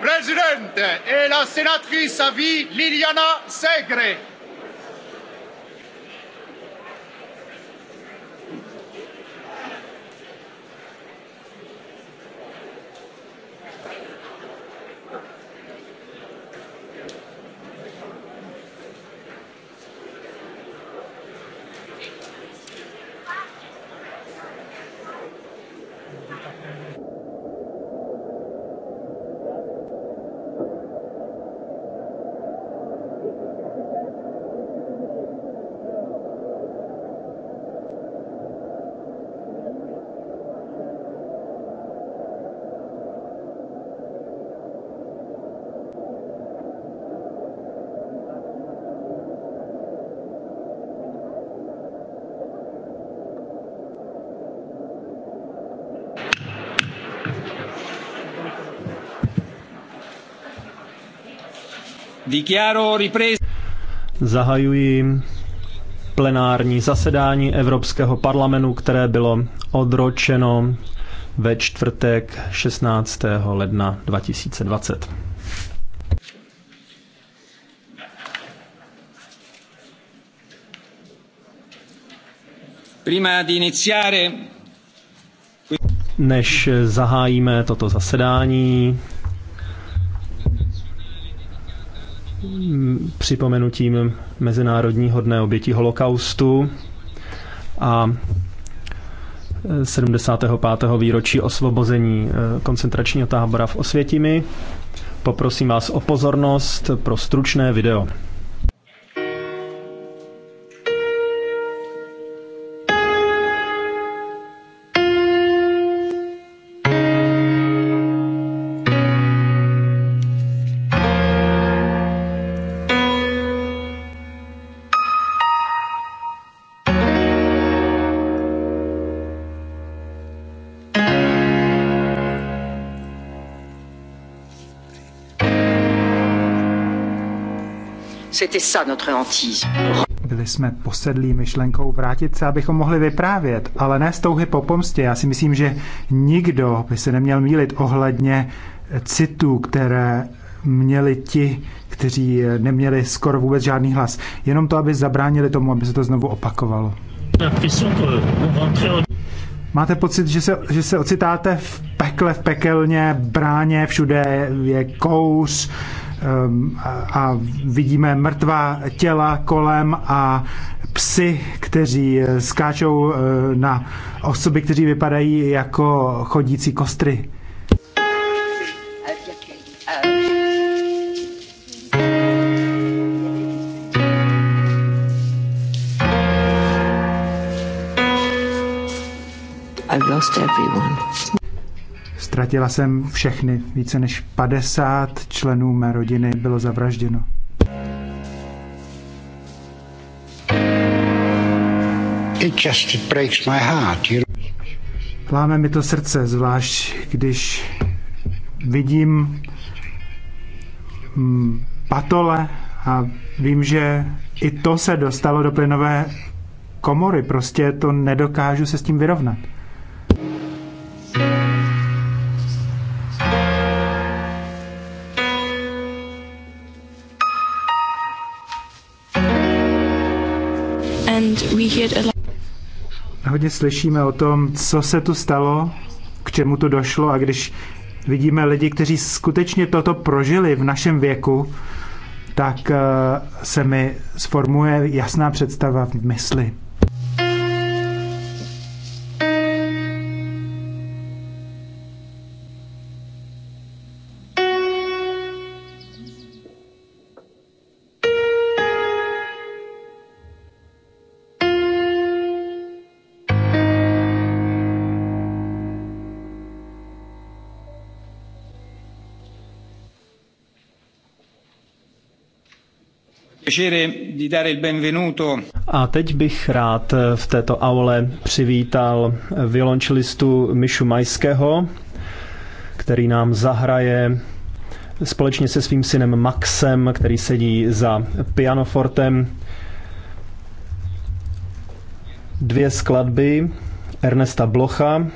presidente e la senatrice a vie Liliana Segre. Zahajuji plenární zasedání Evropského parlamentu, které bylo odročeno ve čtvrtek 16. ledna 2020. Prima di iniziare než zahájíme toto zasedání, připomenutím Mezinárodního dne obětí holokaustu a 75. E, výročí osvobození e, koncentračního tábora v Osvětimi. Poprosím vás o pozornost pro stručné video. C'était ça notre hantise. Byli jsme posedlí myšlenkou vrátit se, abychom mohli vyprávět, ale ne s touhy po pomstě. Já si myslím, že nikdo by se neměl mílit ohledně citů, které měli ti, kteří neměli skoro vůbec žádný hlas. Jenom to, aby zabránili tomu, aby se to znovu opakovalo. Máte pocit, že se, že se ocitáte v pekle, v pekelně, bráně, všude je kouř, Ehm, a vidíme mrtvá těla kolem a psy, kteří eh, skáčou eh, na osoby, kteří vypadají jako chodící kostry. I've lost everyone. Ztratila jsem všechny. Více než 50 členů mé rodiny bylo zavražděno. It just breaks my heart. Láme mi to srdce, zvlášť když vidím mm, patole a vím, že i to se dostalo do plynové komory. Prostě to nedokážu se s tím vyrovnat. and we a lot... Hodně slyšíme o tom, co se tu stalo, k čemu to došlo a když vidíme lidi, kteří skutečně toto prožili v našem věku, tak eh, se mi sformuje jasná představa v mysli. A teď bych rád v této aule přivítal violončelistu Mišu Majského, který nám zahraje společně se svým synem Maxem, který sedí za pianofortem, dvě skladby Ernesta Blocha,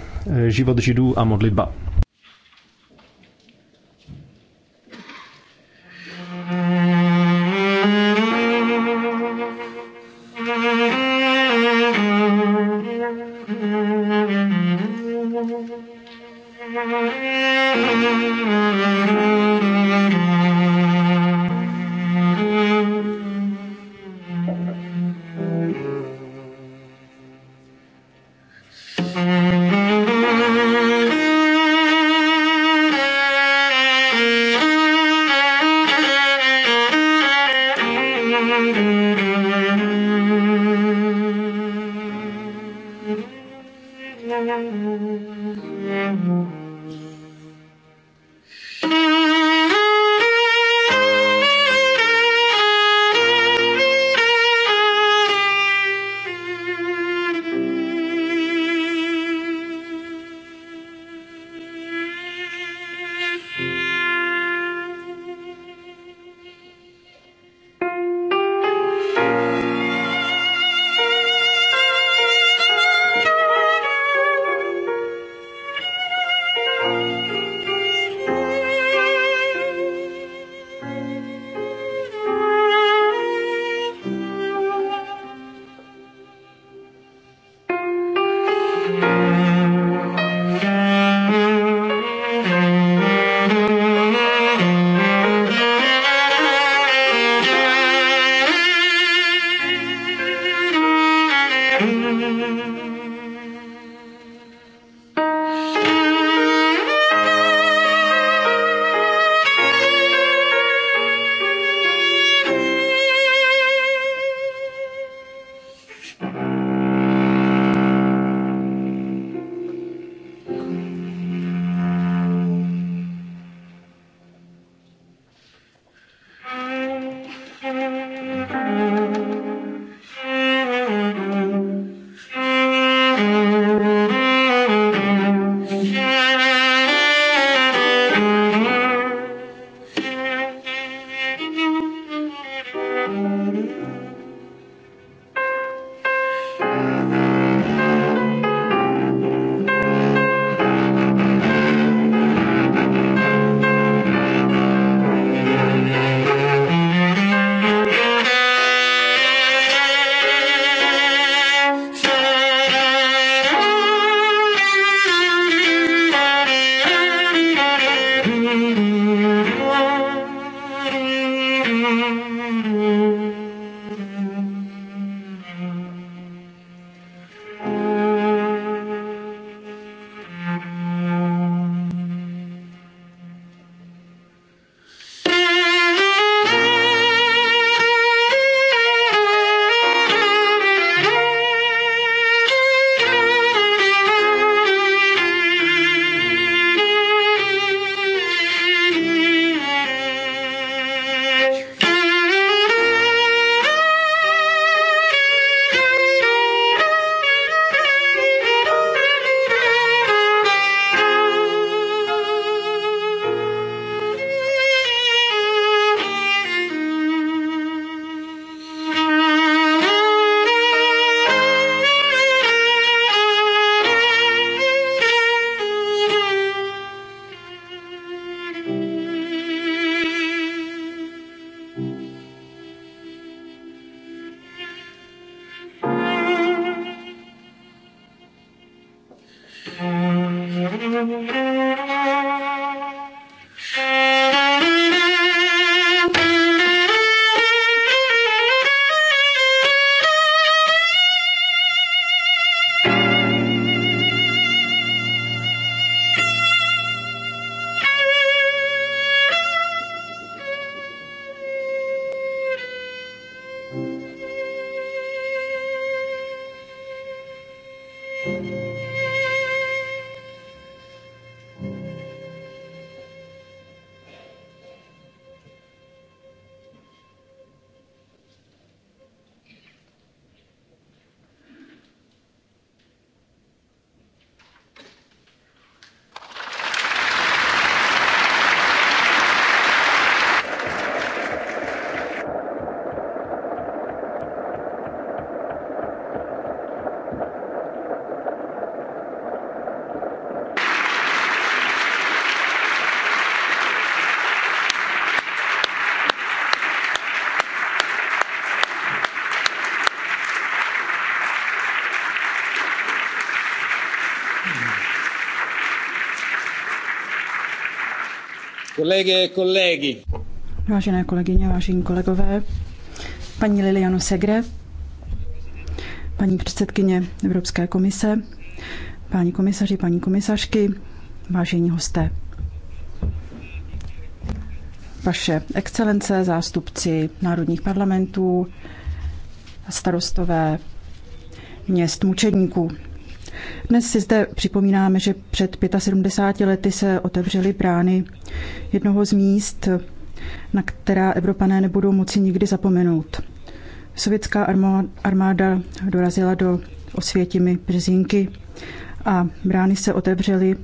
Život židů a modlitba. Kolege, kolegy. Vážené kolegyně, vážení kolegové, paní Liliano Segre, paní předsedkyně Evropské komise, páni komisaři, paní komisařky, vážení hosté. Vaše excelence, zástupci národních parlamentů, starostové měst mučedníků. Dnes si zde připomínáme, že před 75 lety se otevřely brány jednoho z míst, na která Evropané nebudou moci nikdy zapomenout. Sovětská armáda dorazila do Osvětimi Březinky a brány se otevřely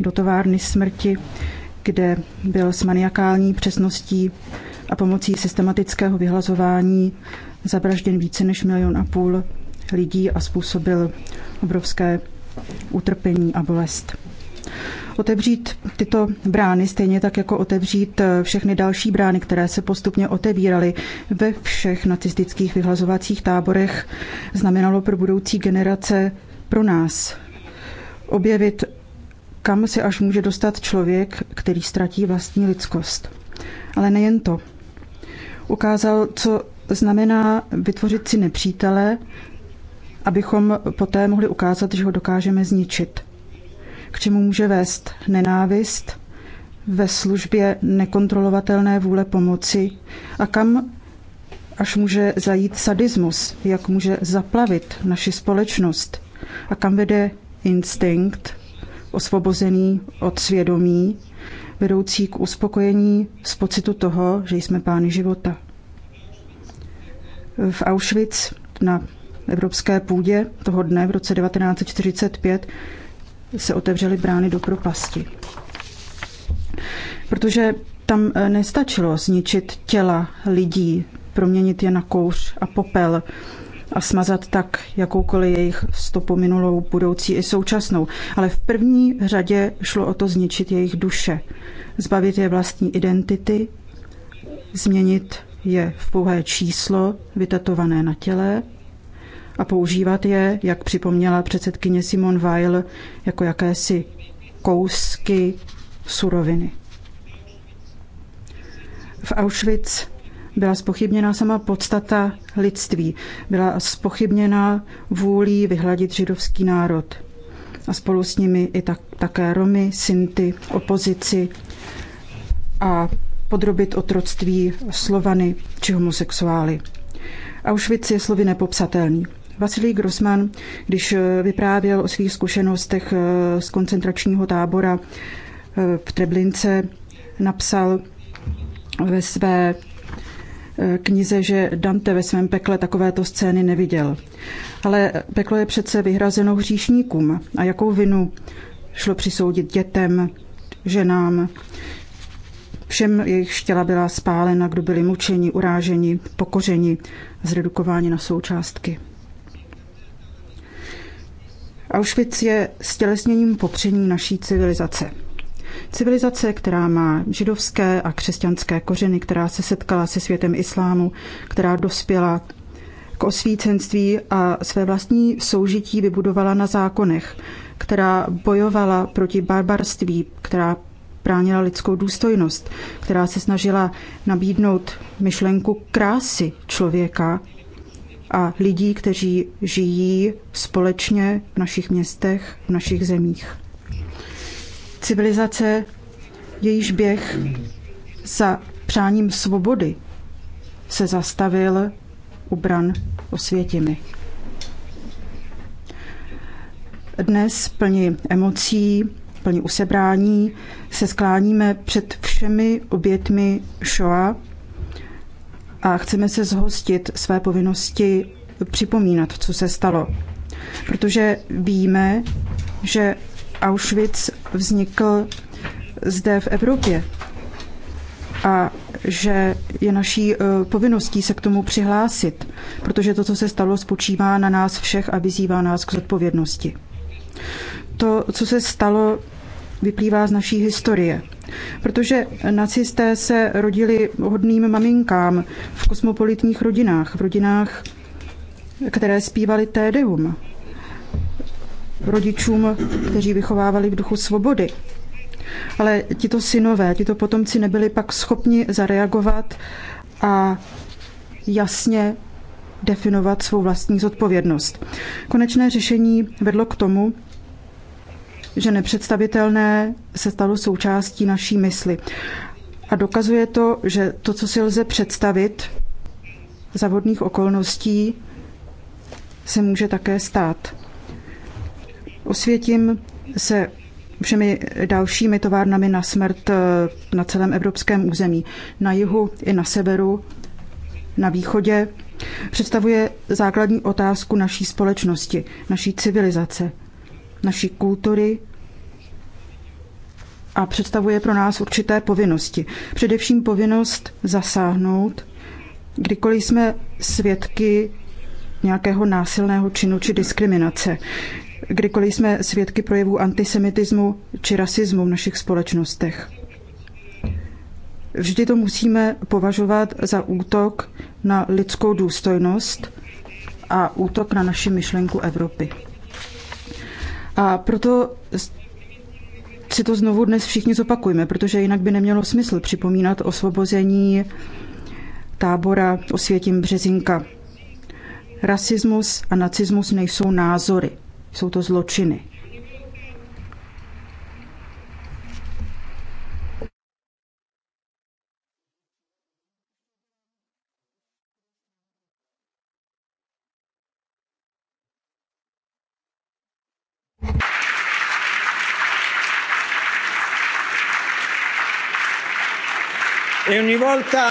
do továrny smrti, kde byl s maniakální přesností a pomocí systematického vyhlazování zabražděn více než milion a půl lidí a způsobil obrovské utrpení a bolest otevřít tyto brány, stejně tak jako otevřít eh, všechny další brány, které se postupně otevíraly ve všech nacistických vyhlazovacích táborech, znamenalo pro budoucí generace, pro nás, objevit, kam se až může dostat člověk, který ztratí vlastní lidskost. Ale nejen to. Ukázal, co znamená vytvořit si nepřítele, abychom poté mohli ukázat, že ho dokážeme zničit k čemu může vést nenávist ve službě nekontrolovatelné vůle pomoci a kam až může zajít sadismus, jak může zaplavit naši společnost a kam vede instinkt osvobozený od svědomí, vedoucí k uspokojení z pocitu toho, že jsme pány života. V Auschwitz na evropské půdě toho dne v roce 1945 se otevřely brány do propasti. Protože tam eh, nestačilo zničit těla lidí, proměnit je na kouř a popel a smazat tak jakoukoliv jejich stopu minulou, budoucí i současnou. Ale v první řadě šlo o to zničit jejich duše, zbavit je vlastní identity, změnit je v pouhé číslo vytatované na těle, a používat je, jak připomněla předsedkyně Simon Weil, jako jakési kousky suroviny. V Auschwitz byla spochybněna sama podstata lidství, byla spochybněna vůlí vyhladit židovský národ a spolu s nimi i tak, také Romy, Sinty, opozici a podrobit otroctví Slovany či homosexuály. Auschwitz je slovy nepopsatelný. Vasilij Grossman, když eh, vyprávěl o svých zkušenostech eh, z koncentračního tábora eh, v Treblince, napsal ve své knize, že Dante ve svém pekle takovéto scény neviděl. Ale peklo je přece vyhrazeno hříšníkům. A jakou vinu šlo přisoudit dětem, ženám, všem jejich těla byla spálena, kdo byli mučeni, uráženi, pokořeni, zredukováni na součástky. Auschwitz je stělesněním popření naší civilizace. Civilizace, která má židovské a křesťanské kořeny, která se setkala se světem islámu, která dospěla k osvícenství a své vlastní soužití vybudovala na zákonech, která bojovala proti barbarství, která bránila lidskou důstojnost, která se snažila nabídnout myšlenku krásy člověka a lidí, kteří žijí společně v našich městech, v našich zemích. Civilizace, jejíž běh za přáním svobody se zastavil u bran osvětimi. Dnes plní emocí, plní usebrání se skláníme před všemi obětmi Shoah a chceme se zhostit své povinnosti připomínat, co se stalo. Protože víme, že Auschwitz vznikl zde v Evropě a že je naší eh, povinností se k tomu přihlásit, protože to, co se stalo, spočívá na nás všech a vyzývá nás k zodpovědnosti. To, co se stalo, vyplývá z naší historie. Protože nacisté se rodili hodným maminkám v kosmopolitních rodinách, v rodinách, které zpívaly tédeum, rodičům, kteří vychovávali v duchu svobody. Ale tito synové, tito potomci nebyli pak schopni zareagovat a jasně definovat svou vlastní zodpovědnost. Konečné řešení vedlo k tomu, že nepředstavitelné se stalo součástí naší mysli. A dokazuje to, že to, co si lze představit za vodných okolností, se může také stát. Osvětím se všemi dalšími továrnami na smrt eh, na celém evropském území. Na jihu i na severu, na východě. Představuje základní otázku naší společnosti, naší civilizace, naší kultury a představuje pro nás určité povinnosti. Především povinnost zasáhnout, kdykoliv jsme svědky nějakého násilného činu či diskriminace, kdykoliv jsme svědky projevů antisemitismu či rasismu v našich společnostech. Vždy to musíme považovat za útok na lidskou důstojnost a útok na naši myšlenku Evropy. A proto si to znovu dnes všichni zopakujme, protože jinak by nemělo smysl připomínat osvobození tábora Osvětím Březinka. Rasismus a nacismus nejsou názory, jsou to zločiny. E ogni volta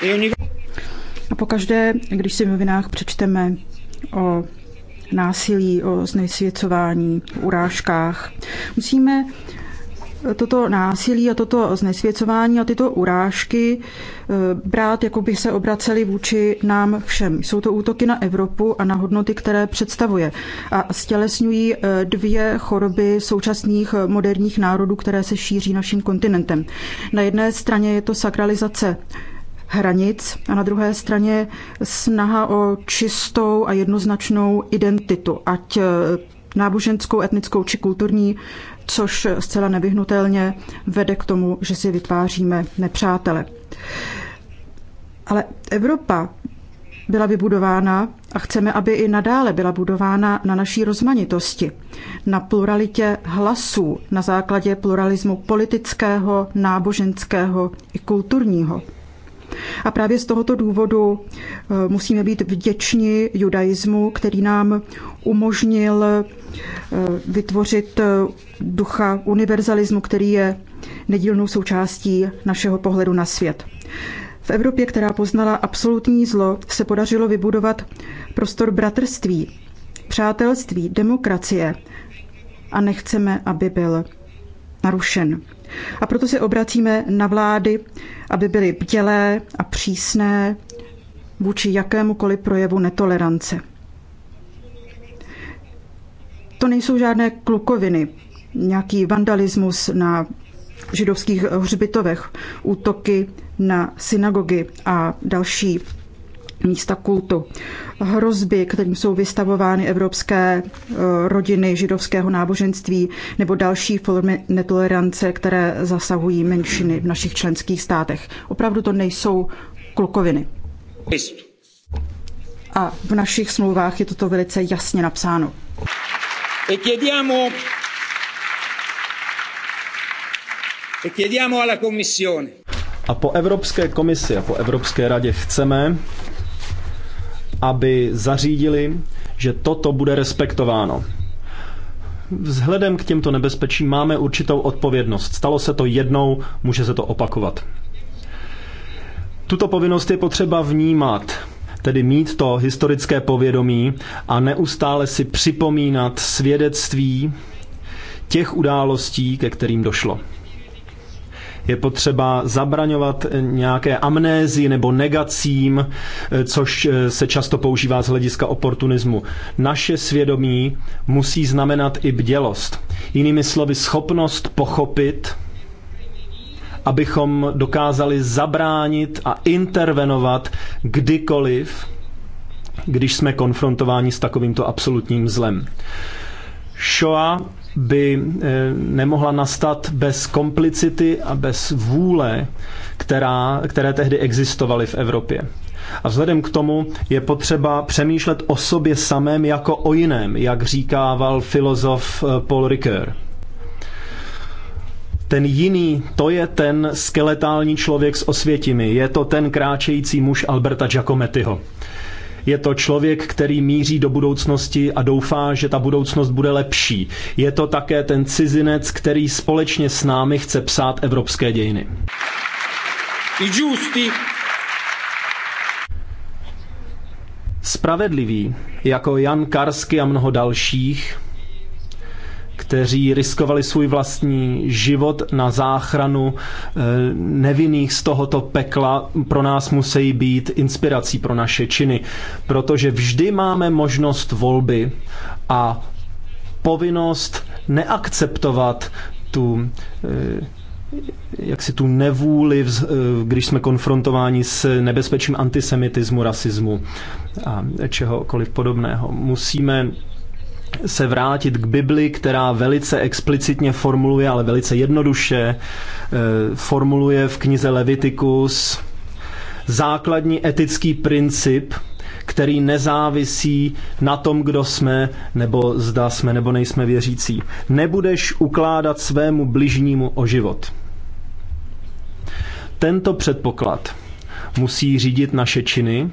e a pokaždé, když si v novinách přečteme o násilí, o znesvěcování, urážkách, musíme toto násilí a toto znesvěcování a tyto urážky eh, brát, jako by se obraceli vůči nám všem. Jsou to útoky na Evropu a na hodnoty, které představuje a stělesňují eh, dvě choroby současných eh, moderních národů, které se šíří naším kontinentem. Na jedné straně je to sakralizace hranic a na druhé straně snaha o čistou a jednoznačnou identitu, ať náboženskou, etnickou či kulturní což zcela nevyhnutelně vede k tomu, že si vytváříme nepřátele. Ale Evropa byla vybudována a chceme, aby i nadále byla budována na naší rozmanitosti, na pluralitě hlasů, na základě pluralismu politického, náboženského i kulturního. A právě z tohoto důvodu eh, musíme být vděční judaismu, který nám umožnil eh, vytvořit eh, ducha univerzalismu, který je nedílnou součástí našeho pohledu na svět. V Evropě, která poznala absolutní zlo, se podařilo vybudovat prostor bratrství, přátelství, demokracie a nechceme, aby byl narušen. A proto se obracíme na vlády, aby byly bdělé a přísné vůči jakémukoliv projevu netolerance. To nejsou žádné klukoviny, nějaký vandalismus na židovských hřbitovech, útoky na synagogy a další místa kultu. Hrozby, kterým jsou vystavovány evropské eh, rodiny židovského náboženství nebo další formy netolerance, které zasahují menšiny v našich členských státech. Opravdu to nejsou klukoviny. A v našich smlouvách je toto velice jasně napsáno. E e a po Evropské komisi a po Evropské radě chceme, aby zařídili, že toto bude respektováno. Vzhledem k těmto nebezpečím máme určitou odpovědnost. Stalo se to jednou, může se to opakovat. Tuto povinnost je potřeba vnímat, tedy mít to historické povědomí a neustále si připomínat svědectví těch událostí, ke kterým došlo. Je potřeba zabraňovat nějaké amnézi nebo negacím, eh, což eh, se často používá z hlediska oportunismu. Naše svědomí musí znamenat i bdělost. Jinými slovy, schopnost pochopit, abychom dokázali zabránit a intervenovat kdykoliv, když jsme konfrontováni s takovýmto absolutním zlem. Shoah by eh, nemohla nastat bez komplicity a bez vůle, která, které tehdy existovaly v Evropě. A vzhledem k tomu je potřeba přemýšlet o sobě samém jako o jiném, jak říkával filozof eh, Paul Ricoeur. Ten jiný, to je ten skeletální člověk s osvětimi, je to ten kráčející muž Alberta Giacomettiho. Je to člověk, který míří do budoucnosti a doufá, že ta budoucnost bude lepší. Je to také ten cizinec, který společně s námi chce psát evropské dějiny. I Spravedlivý, jako Jan Karsky a mnoho dalších, kteří riskovali svůj vlastní život na záchranu eh, nevinných z tohoto pekla, pro nás musí být inspirací pro naše činy, protože vždy máme možnost volby a povinnost neakceptovat tu eh, jak si tu nevůli, eh, když jsme konfrontováni s nebezpečím antisemitismu, rasismu a čehokoliv podobného. Musíme se vrátit k Bibli, která velice explicitně formuluje, ale velice jednoduše eh, formuluje v knize Levitikus základní etický princip, který nezávisí na tom, kdo jsme, nebo zda jsme, nebo nejsme věřící. Nebudeš ukládat svému bližnímu o život. Tento předpoklad musí řídit naše činy,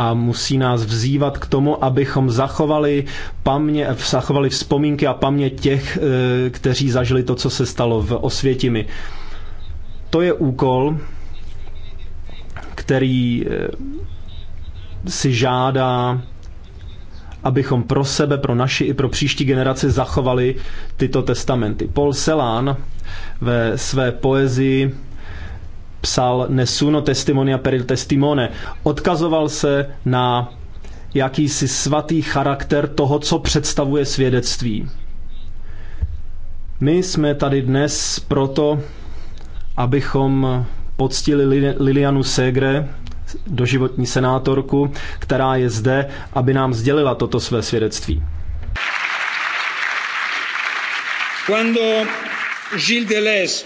a musí nás vzývat k tomu, abychom zachovali, pamě, zachovali vzpomínky a paměť těch, eh, kteří zažili to, co se stalo v Osvětimi. To je úkol, který eh, si žádá abychom pro sebe, pro naši i pro příští generaci zachovali tyto testamenty. Paul Celan ve své poezii psal Nesuno testimonia per il testimone. Odkazoval se na jakýsi svatý charakter toho, co představuje svědectví. My jsme tady dnes proto, abychom poctili Lilianu Segre, doživotní senátorku, která je zde, aby nám sdělila toto své svědectví. Quando Gilles Deleuze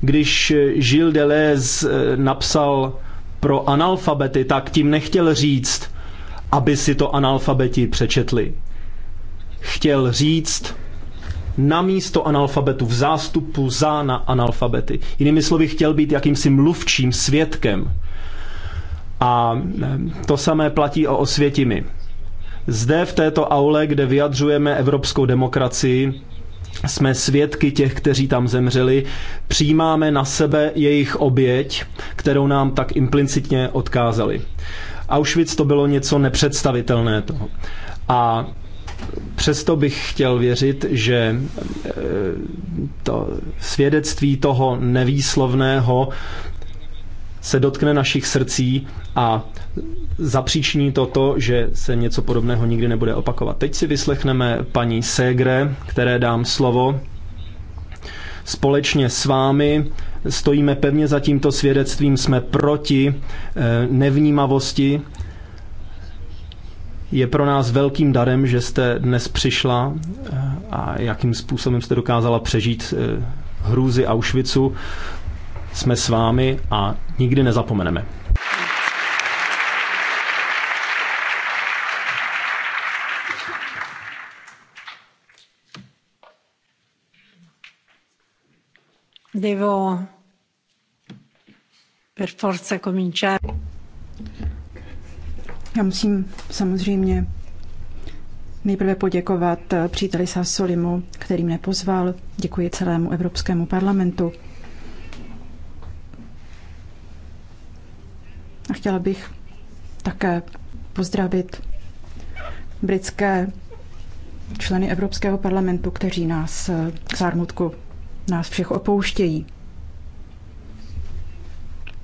když Gilles Deleuze eh, napsal pro analfabety, tak tím nechtěl říct, aby si to analfabeti přečetli. Chtěl říct na místo analfabetu, v zástupu za na analfabety. Jinými slovy, chtěl být jakýmsi mluvčím, svědkem. A eh, to samé platí o Osvětimi. Zde v této aule, kde vyjadřujeme evropskou demokracii, jsme svědky těch, kteří tam zemřeli, přijímáme na sebe jejich oběť, kterou nám tak implicitně odkázali. Auschwitz to bylo něco nepředstavitelné toho. A přesto bych chtěl věřit, že e, to svědectví toho nevýslovného se dotkne našich srdcí a zapříční to to, že se něco podobného nikdy nebude opakovat. Teď si vyslechneme paní Segre, které dám slovo. Společně s vámi stojíme pevně za tímto svědectvím, jsme proti eh, nevnímavosti. Je pro nás velkým darem, že jste dnes přišla eh, a jakým způsobem jste dokázala přežít eh, hrůzy Auschwitzu jsme s vámi a nikdy nezapomeneme. Devo per forza cominciare. Já musím samozřejmě nejprve poděkovat příteli Sassolimu, kterým pozval. Děkuji celému Evropskému parlamentu. A chtěla bych také pozdravit britské členy Evropského parlamentu, kteří nás k eh, zármutku nás všech opouštějí.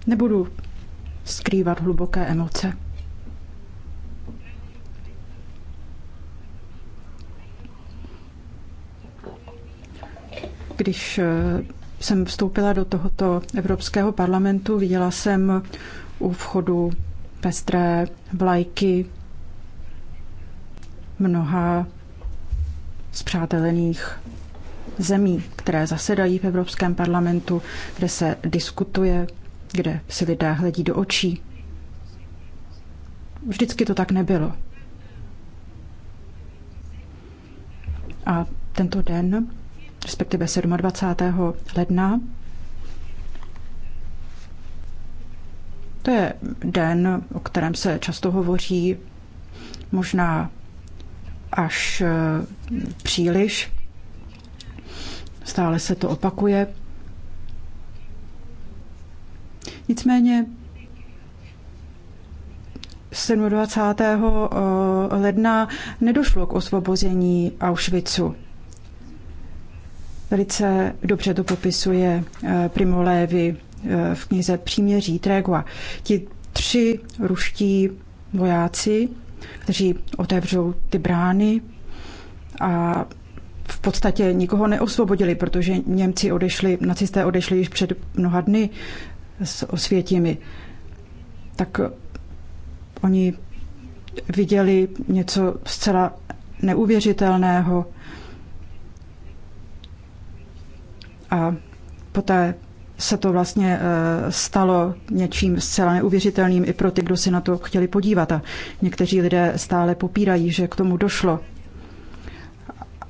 Nebudu skrývat hluboké emoce. Když eh, jsem vstoupila do tohoto Evropského parlamentu, viděla jsem u vchodu pestré vlajky mnoha zpřátelených zemí, které zasedají v Evropském parlamentu, kde se diskutuje, kde si lidé hledí do očí. Vždycky to tak nebylo. A tento den, respektive 27. ledna, To je den, o kterém se často hovoří, možná až eh, příliš. Stále se to opakuje. Nicméně 27. Eh, ledna nedošlo k osvobození Auschwitzu. Velice dobře to popisuje eh, Primo Levi Eh, v knize Příměří Trégua. Ti tři ruští vojáci, kteří otevřou ty brány a v podstatě nikoho neosvobodili, protože Němci odešli, nacisté odešli již před mnoha dny s osvětími. Tak eh, oni viděli něco zcela neuvěřitelného. A poté se to vlastně eh, stalo něčím zcela neuvěřitelným i pro ty, kdo si na to chtěli podívat. A někteří lidé stále popírají, že k tomu došlo.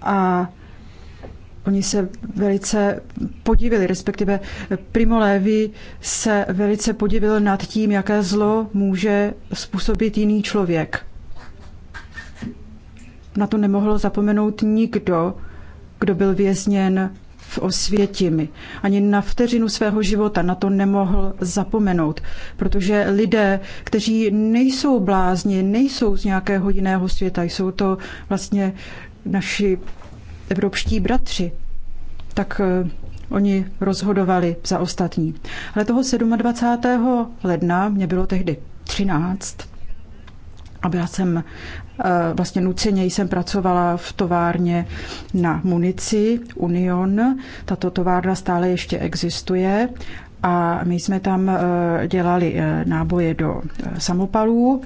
A oni se velice podivili, respektive Primo Levi se velice podivil nad tím, jaké zlo může způsobit jiný člověk. Na to nemohl zapomenout nikdo, kdo byl vězněn v Osvětimi. Ani na vteřinu svého života na to nemohl zapomenout, protože lidé, kteří nejsou blázni, nejsou z nějakého jiného světa, jsou to vlastně naši evropští bratři, tak eh, oni rozhodovali za ostatní. Ale toho 27. ledna mě bylo tehdy 13 a byla jsem Eh, vlastně nuceně jsem pracovala v továrně na munici Union. Tato továrna stále ještě existuje a my jsme tam eh, dělali eh, náboje do samopalů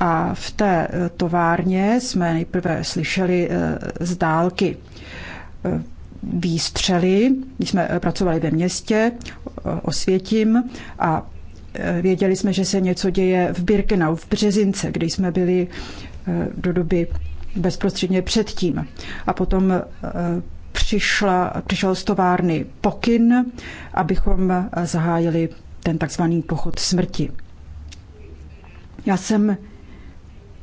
a v té továrně jsme nejprve slyšeli z dálky výstřely, když jsme pracovali ve městě, osvětím a věděli jsme, že se něco děje v Birkenau, v Březince, kde jsme byli Eh, do doby bezprostředně předtím. A potom eh, přišla, přišel z továrny pokyn, abychom eh, zahájili ten takzvaný pochod smrti. Já jsem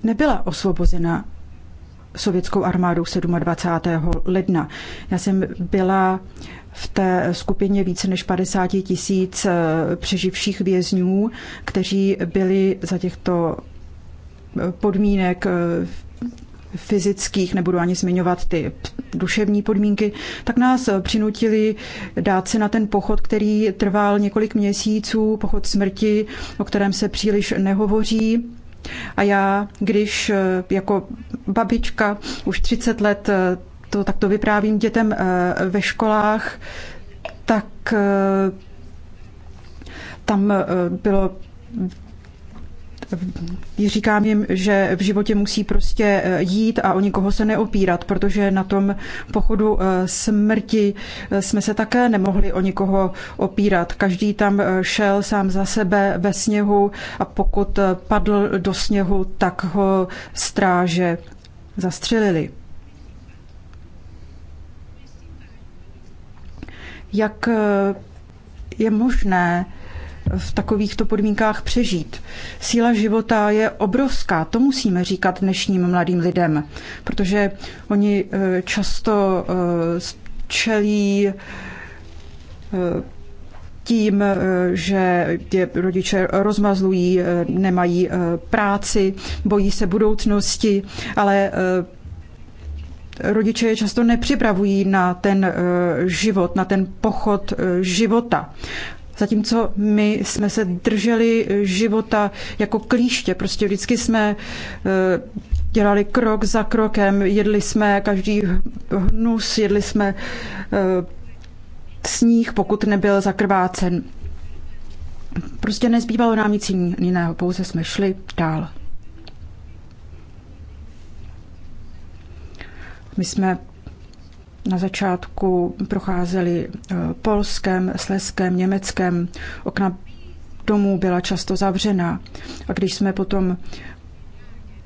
nebyla osvobozena sovětskou armádou 27. ledna. Já jsem byla v té skupině více než 50 tisíc přeživších vězňů, kteří byli za těchto podmínek eh, fyzických, nebudu ani zmiňovat ty duševní podmínky, tak nás eh, přinutili dát se na ten pochod, který trval několik měsíců, pochod smrti, o kterém se příliš nehovoří. A já, když eh, jako babička už 30 let to takto vyprávím dětem ve školách, tak tam bylo Říkám jim, že v životě musí prostě eh, jít a o nikoho se neopírat, protože na tom pochodu eh, smrti eh, jsme se také nemohli o nikoho opírat. Každý tam šel sám za sebe ve sněhu a pokud padl do sněhu, tak ho stráže zastřelili. Jak je možné, v takovýchto podmínkách přežít. Síla života je obrovská, to musíme říkat dnešním mladým lidem, protože oni eh, často eh, čelí eh, tím, že je rodiče rozmazlují, nemají práci, bojí se budoucnosti, ale rodiče je často nepřipravují na ten život, na ten pochod života. Zatímco my jsme se drželi eh, života jako klíště, prostě vždycky jsme eh, dělali krok za krokem, jedli jsme každý hnus, jedli jsme eh, sníh, pokud nebyl zakrvácen. Prostě nezbývalo nám nic jiného, pouze jsme šli dál. My jsme na začátku procházeli eh, Polskem, Slezskem, Německem. Okna domů byla často zavřena. A když jsme potom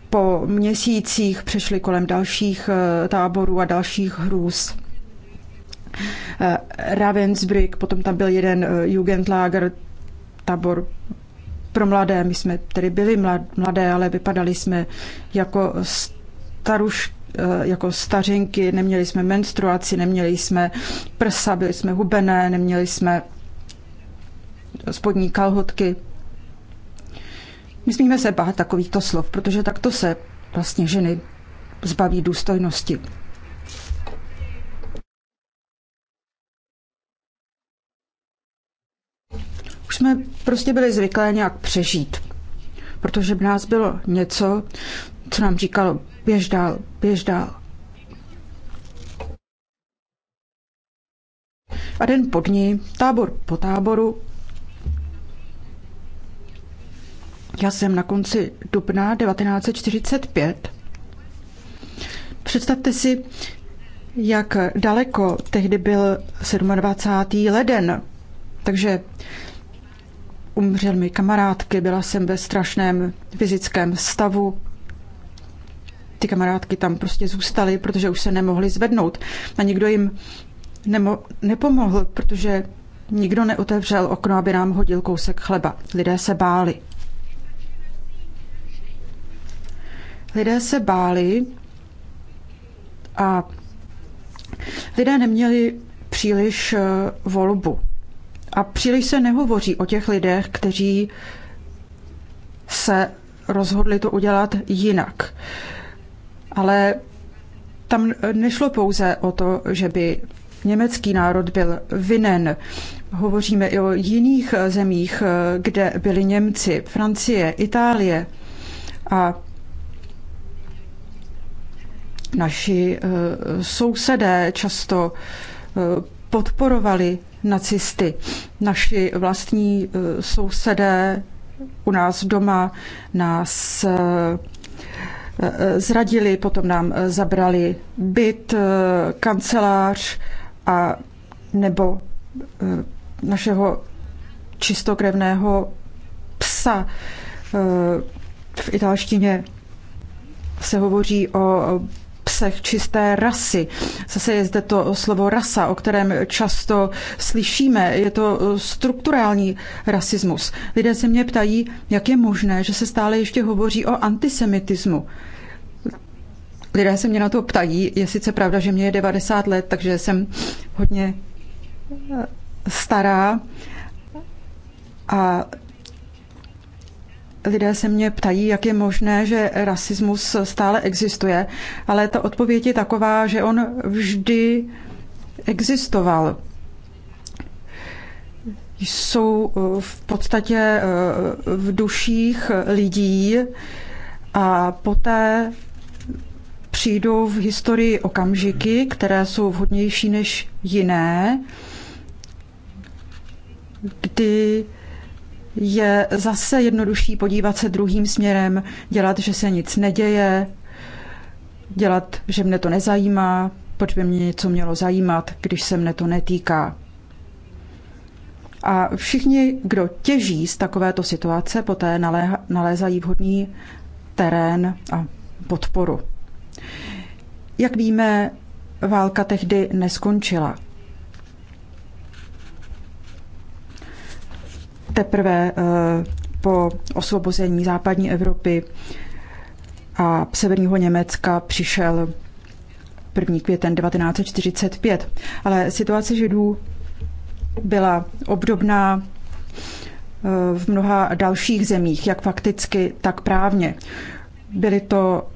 po měsících přešli kolem dalších eh, táborů a dalších hrůz, eh, Ravensbrück, potom tam byl jeden Jugendlager, tábor pro mladé. My jsme tedy byli mladé, ale vypadali jsme jako starušky Eh, jako stařinky, neměli jsme menstruaci, neměli jsme prsa, byli jsme hubené, neměli jsme spodní kalhotky. Nesmíme se bát takovýchto slov, protože takto se vlastně ženy zbaví důstojnosti. Už jsme prostě byli zvyklé nějak přežít, protože v nás bylo něco, co nám říkalo, běž dál, běž dál. A den pod ní, tábor po táboru, já jsem na konci dubna 1945. Představte si, jak daleko tehdy byl 27. leden. Takže umřel mi kamarádky, byla jsem ve strašném fyzickém stavu ty kamarádky tam prostě zůstaly, protože už se nemohly zvednout. A nikdo jim nemo- nepomohl, protože nikdo neotevřel okno, aby nám hodil kousek chleba. Lidé se báli. Lidé se báli a lidé neměli příliš eh, volbu. A příliš se nehovoří o těch lidech, kteří se rozhodli to udělat jinak. Ale tam nešlo pouze o to, že by německý národ byl vinen. Hovoříme i o jiných zemích, kde byli Němci, Francie, Itálie. A naši eh, sousedé často eh, podporovali nacisty. Naši vlastní eh, sousedé u nás doma nás zradili, potom nám eh, zabrali byt, eh, kancelář a nebo eh, našeho čistokrevného psa. V italštině se hovoří o rasech, čisté rasy. Zase je zde to slovo rasa, o kterém často slyšíme. Je to strukturální rasismus. Lidé se mě ptají, jak je možné, že se stále ještě hovoří o antisemitismu. Lidé se mě na to ptají, je sice pravda, že mě je 90 let, takže jsem hodně eh, stará a Lidé se mě ptají, jak je možné, že rasismus stále existuje, ale ta odpověď je taková, že on vždy existoval. Jsou eh, v podstatě eh, v duších lidí a poté přijdou v historii okamžiky, které jsou vhodnější než jiné, kdy je zase jednodušší podívat se druhým směrem, dělat, že se nic neděje, dělat, že mne to nezajímá, proč by mě něco mělo zajímat, když se mne to netýká. A všichni, kdo těží z takovéto situace, poté naléha, nalézají vhodný terén a podporu. Jak víme, válka tehdy neskončila. teprve eh, po osvobození západní Evropy a severního Německa přišel 1. květen 1945. Ale situace židů byla obdobná eh, v mnoha dalších zemích, jak fakticky, tak právně. Byly to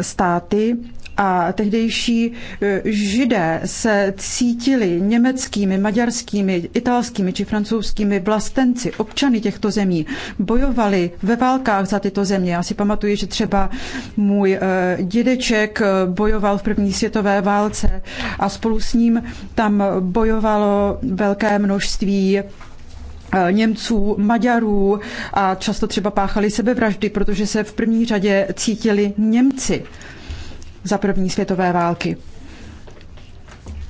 státy, a tehdejší e, židé se cítili německými, maďarskými, italskými či francouzskými vlastenci, občany těchto zemí, bojovali ve válkách za tyto země. Já si pamatuju, že třeba můj e, dědeček e, bojoval v první světové válce a spolu s ním tam bojovalo velké množství Němců, Maďarů a často třeba páchali sebevraždy, protože se v první řadě cítili Němci za první světové války.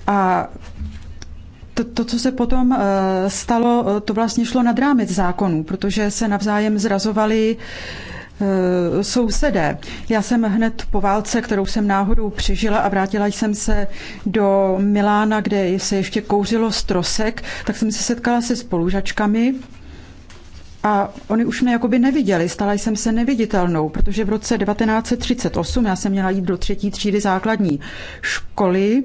A to, to, co se potom eh, stalo, eh, to vlastně šlo nad rámec zákonů, protože se navzájem zrazovali eh, sousedé. Já jsem hned po válce, kterou jsem náhodou přežila a vrátila jsem se do Milána, kde se ještě kouřilo strosek, tak jsem se setkala se spolužačkami a oni už mě jakoby neviděli, stala jsem se neviditelnou, protože v roce 1938 já jsem měla jít do třetí třídy základní školy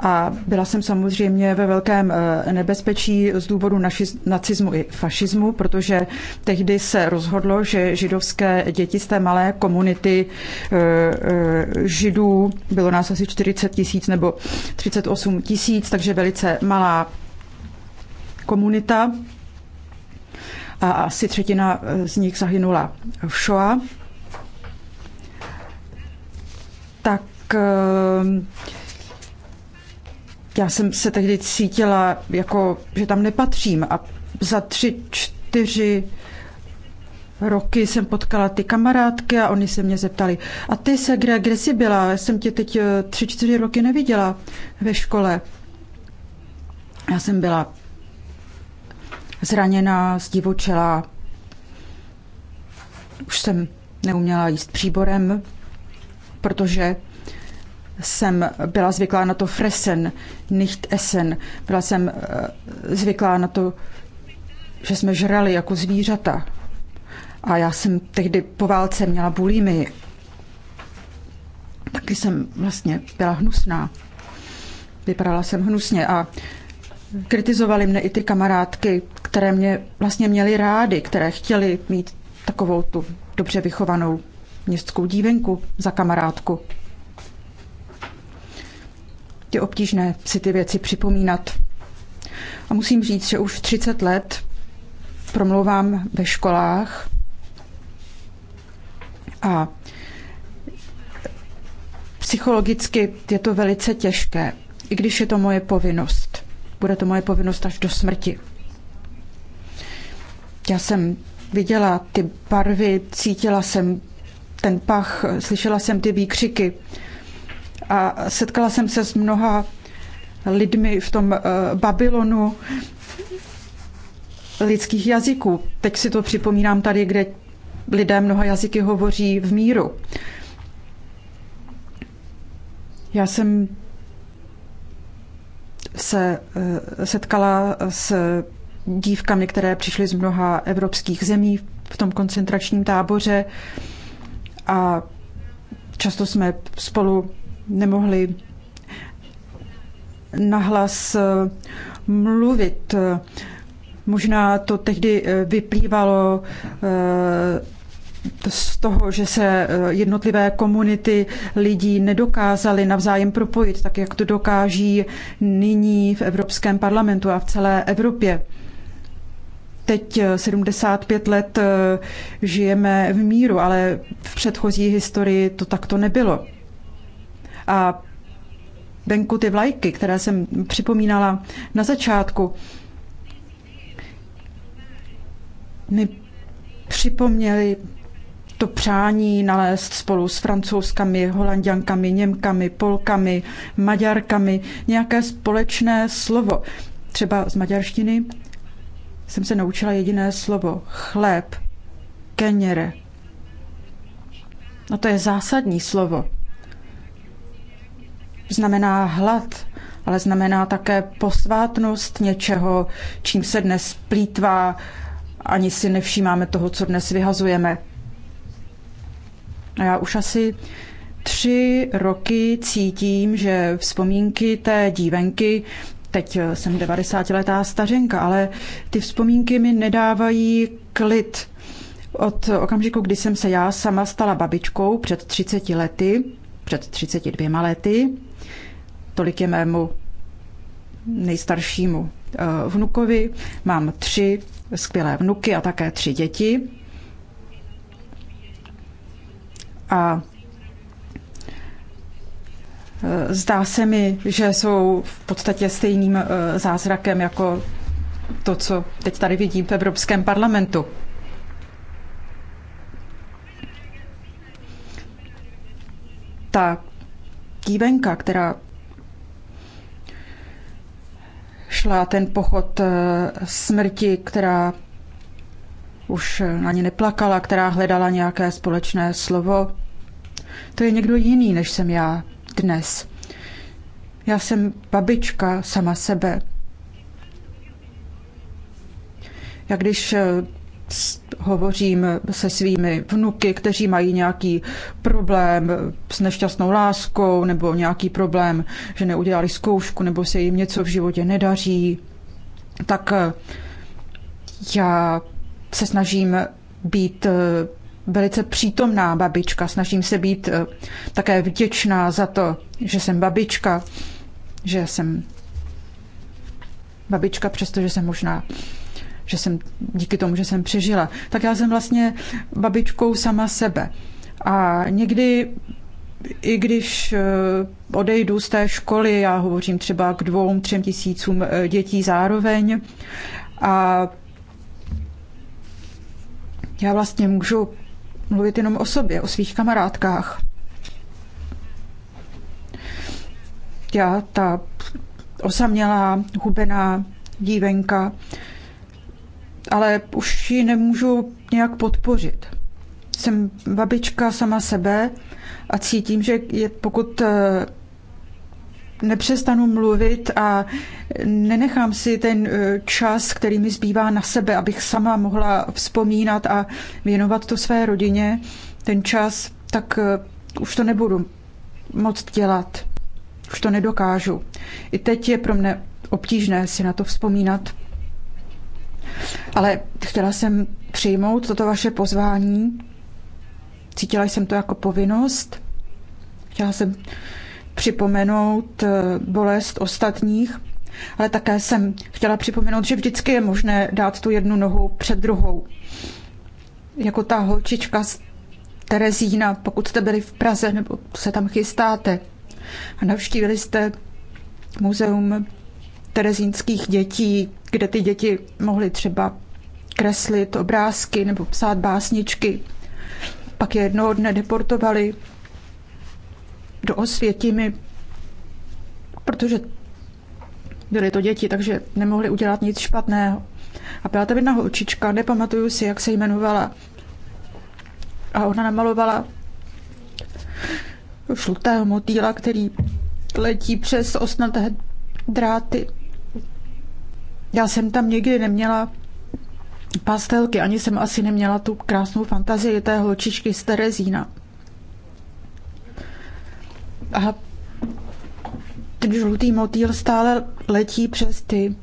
a byla jsem samozřejmě ve velkém eh, nebezpečí z důvodu naši, nacismu i fašismu, protože tehdy se rozhodlo, že židovské děti z té malé komunity eh, eh, židů, bylo nás asi 40 tisíc nebo 38 tisíc, takže velice malá komunita, a asi třetina z nich zahynula v Shoa, tak ehm, já jsem se tehdy cítila, jako, že tam nepatřím a za tři, čtyři roky jsem potkala ty kamarádky a oni se mě zeptali, a ty se kde, kde jsi byla? Já jsem tě teď eh, tři, čtyři roky neviděla ve škole. Já jsem byla zraněná, zdivočela. Už jsem neuměla jíst příborem, protože jsem byla zvyklá na to fresen, nicht essen. Byla jsem eh, zvyklá na to, že jsme žrali jako zvířata. A já jsem tehdy po válce měla bulimy. Taky jsem vlastně byla hnusná. Vypadala jsem hnusně a Kritizovali mne i ty kamarádky, které mě vlastně měly rády, které chtěly mít takovou tu dobře vychovanou městskou dívenku za kamarádku. Je obtížné si ty věci připomínat. A musím říct, že už 30 let promlouvám ve školách a psychologicky je to velice těžké, i když je to moje povinnost. Bude to moje povinnost až do smrti. Já jsem viděla ty barvy, cítila jsem ten pach, slyšela jsem ty výkřiky a setkala jsem se s mnoha lidmi v tom eh, Babylonu lidských jazyků. Teď si to připomínám tady, kde lidé mnoha jazyky hovoří v míru. Já jsem se eh, setkala s dívkami, které přišly z mnoha evropských zemí v tom koncentračním táboře a často jsme spolu nemohli nahlas eh, mluvit. Možná to tehdy eh, vyplývalo z toho, že se eh, jednotlivé komunity lidí nedokázaly navzájem propojit, tak jak to dokáží nyní v Evropském parlamentu a v celé Evropě. Teď 75 eh, let eh, žijeme v míru, ale v předchozí historii to takto nebylo. A venku ty vlajky, které jsem připomínala na začátku, mi připomněli to přání nalézt spolu s francouzskami, holanděnkami, němkami, polkami, maďarkami nějaké společné slovo. Třeba z maďarštiny jsem se naučila jediné slovo. Chléb. Keněre. No to je zásadní slovo. Znamená hlad, ale znamená také posvátnost něčeho, čím se dnes plítvá, ani si nevšímáme toho, co dnes vyhazujeme. A já už asi tři roky cítím, že vzpomínky té dívenky, teď jsem 90-letá stařenka, ale ty vzpomínky mi nedávají klid. Od okamžiku, kdy jsem se já sama stala babičkou před 30 lety, před 32 lety, tolik je mému nejstaršímu eh, vnukovi, mám tři skvělé vnuky a také tři děti. a e, zdá se mi, že jsou v podstatě stejným e, zázrakem jako to, co teď tady vidím v Evropském parlamentu. Ta kývenka, která šla ten pochod e, smrti, která už na ně neplakala, která hledala nějaké společné slovo. To je někdo jiný, než jsem já dnes. Já jsem babička sama sebe. Já když eh, hovořím se svými vnuky, kteří mají nějaký problém eh, s nešťastnou láskou nebo nějaký problém, že neudělali zkoušku nebo se jim něco v životě nedaří, tak eh, já se snažím být eh, velice přítomná babička, snažím se být eh, také vděčná za to, že jsem babička, že jsem babička, přestože jsem možná že jsem díky tomu, že jsem přežila, tak já jsem vlastně babičkou sama sebe. A někdy, i když eh, odejdu z té školy, já hovořím třeba k dvou, třem tisícům dětí zároveň, a já vlastně můžu mluvit jenom o sobě, o svých kamarádkách. Já, ta osamělá, hubená dívenka, ale už ji nemůžu nějak podpořit. Jsem babička sama sebe a cítím, že je, pokud eh, nepřestanu mluvit a nenechám si ten eh, čas, který mi zbývá na sebe, abych sama mohla vzpomínat a věnovat to své rodině, ten čas, tak eh, už to nebudu moc dělat. Už to nedokážu. I teď je pro mne obtížné si na to vzpomínat. Ale chtěla jsem přijmout toto vaše pozvání. Cítila jsem to jako povinnost. Chtěla jsem připomenout eh, bolest ostatních, ale také jsem chtěla připomenout, že vždycky je možné dát tu jednu nohu před druhou. Jako ta holčička z Terezína, pokud jste byli v Praze nebo se tam chystáte a navštívili jste muzeum terezínských dětí, kde ty děti mohly třeba kreslit obrázky nebo psát básničky. Pak je jednoho dne deportovali do Osvětimi, protože byly to děti, takže nemohli udělat nic špatného. A byla tam jedna holčička, nepamatuju si, jak se jmenovala. A ona namalovala žlutého motýla, který letí přes osnaté dráty. Já jsem tam nikdy neměla pastelky, ani jsem asi neměla tu krásnou fantazii té holčičky z Terezína. A ten žlutý motýl stále letí přes ty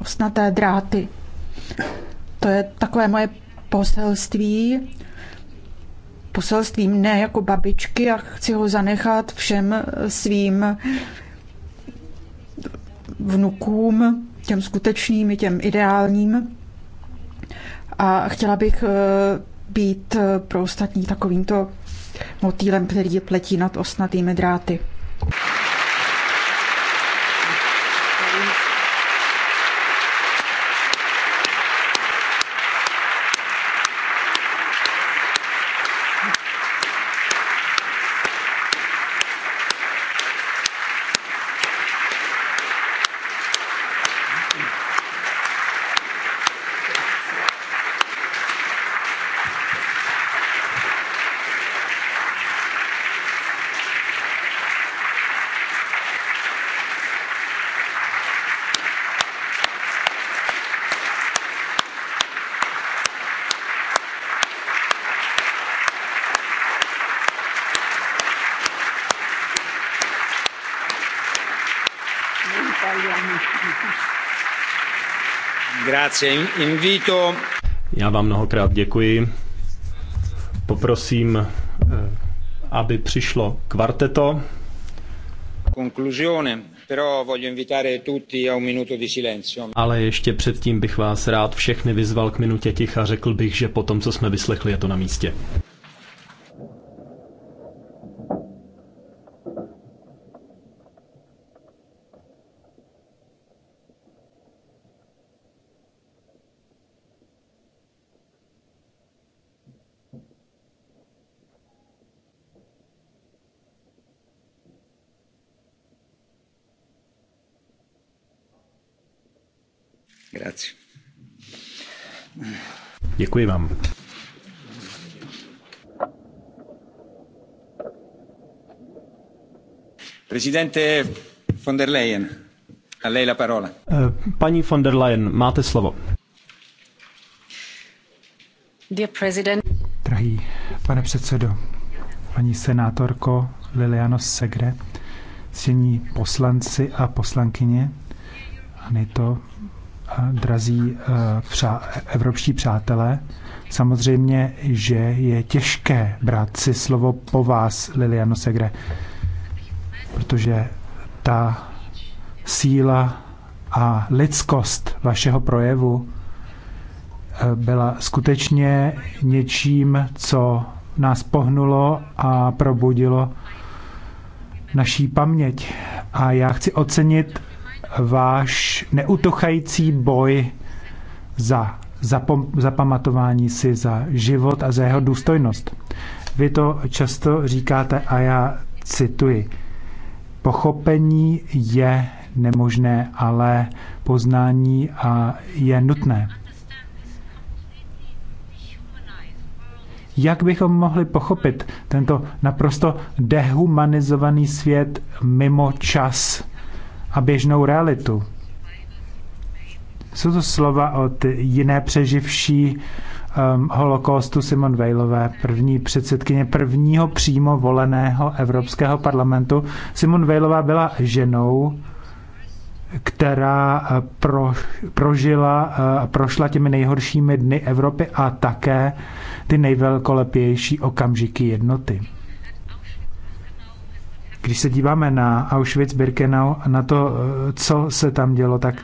osnaté dráty. To je takové moje poselství. poselství, ne jako babičky a chci ho zanechat všem svým vnukům, těm skutečným i těm ideálním. A chtěla bych eh, být eh, pro ostatní takovýmto motýlem, který pletí nad osnatými dráty. Já vám mnohokrát děkuji. Poprosím, eh, aby přišlo kvarteto. Conclusione, Ale ještě předtím bych vás rád všechny vyzval k minutě ticha a řekl bych, že po tom, co jsme vyslechli, je to na místě. Grazie. Děkuji vám. Presidente von der Leyen, a lei la parola. Eh, paní von der Leyen, máte slovo. Dear president. Drahý pane předsedo, paní senátorko Liliano Segre, ctění poslanci a poslankyně, Anito, drazí eh, evropští přátelé. Samozřejmě, že je těžké brát si slovo po vás, Liliano Segre, protože ta síla a lidskost vašeho projevu eh, byla skutečně něčím, co nás pohnulo a probudilo naší paměť. A já chci ocenit váš neutuchající boj za zapamatování si za život a za jeho důstojnost. Vy to často říkáte a já cituji. Pochopení je nemožné, ale poznání a je nutné. Jak bychom mohli pochopit tento naprosto dehumanizovaný svět mimo čas? a běžnou realitu. Jsou to slova od jiné přeživší um, holokaustu Simon Weilové, první předsedkyně prvního přímo voleného Evropského parlamentu. Simon Weilová byla ženou, která eh, pro, prožila a eh, prošla těmi nejhoršími dny Evropy a také ty nejvelkolepější okamžiky jednoty. Když se díváme na Auschwitz-Birkenau a na to, eh, co se tam dělo, tak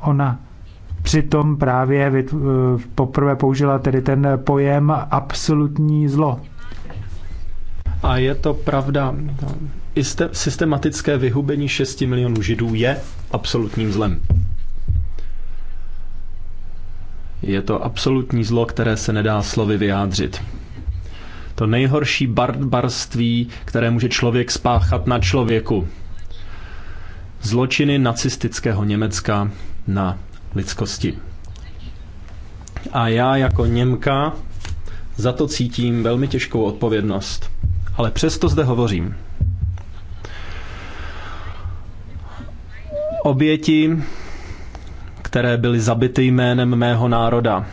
ona přitom právě eh, poprvé použila tedy ten pojem absolutní zlo. A je to pravda. Systematické vyhubení 6 milionů židů je absolutním zlem. Je to absolutní zlo, které se nedá slovy vyjádřit. To nejhorší barbarství, které může člověk spáchat na člověku. Zločiny nacistického Německa na lidskosti. A já jako Němka za to cítím velmi těžkou odpovědnost. Ale přesto zde hovořím. Oběti, které byly zabity jménem mého národa,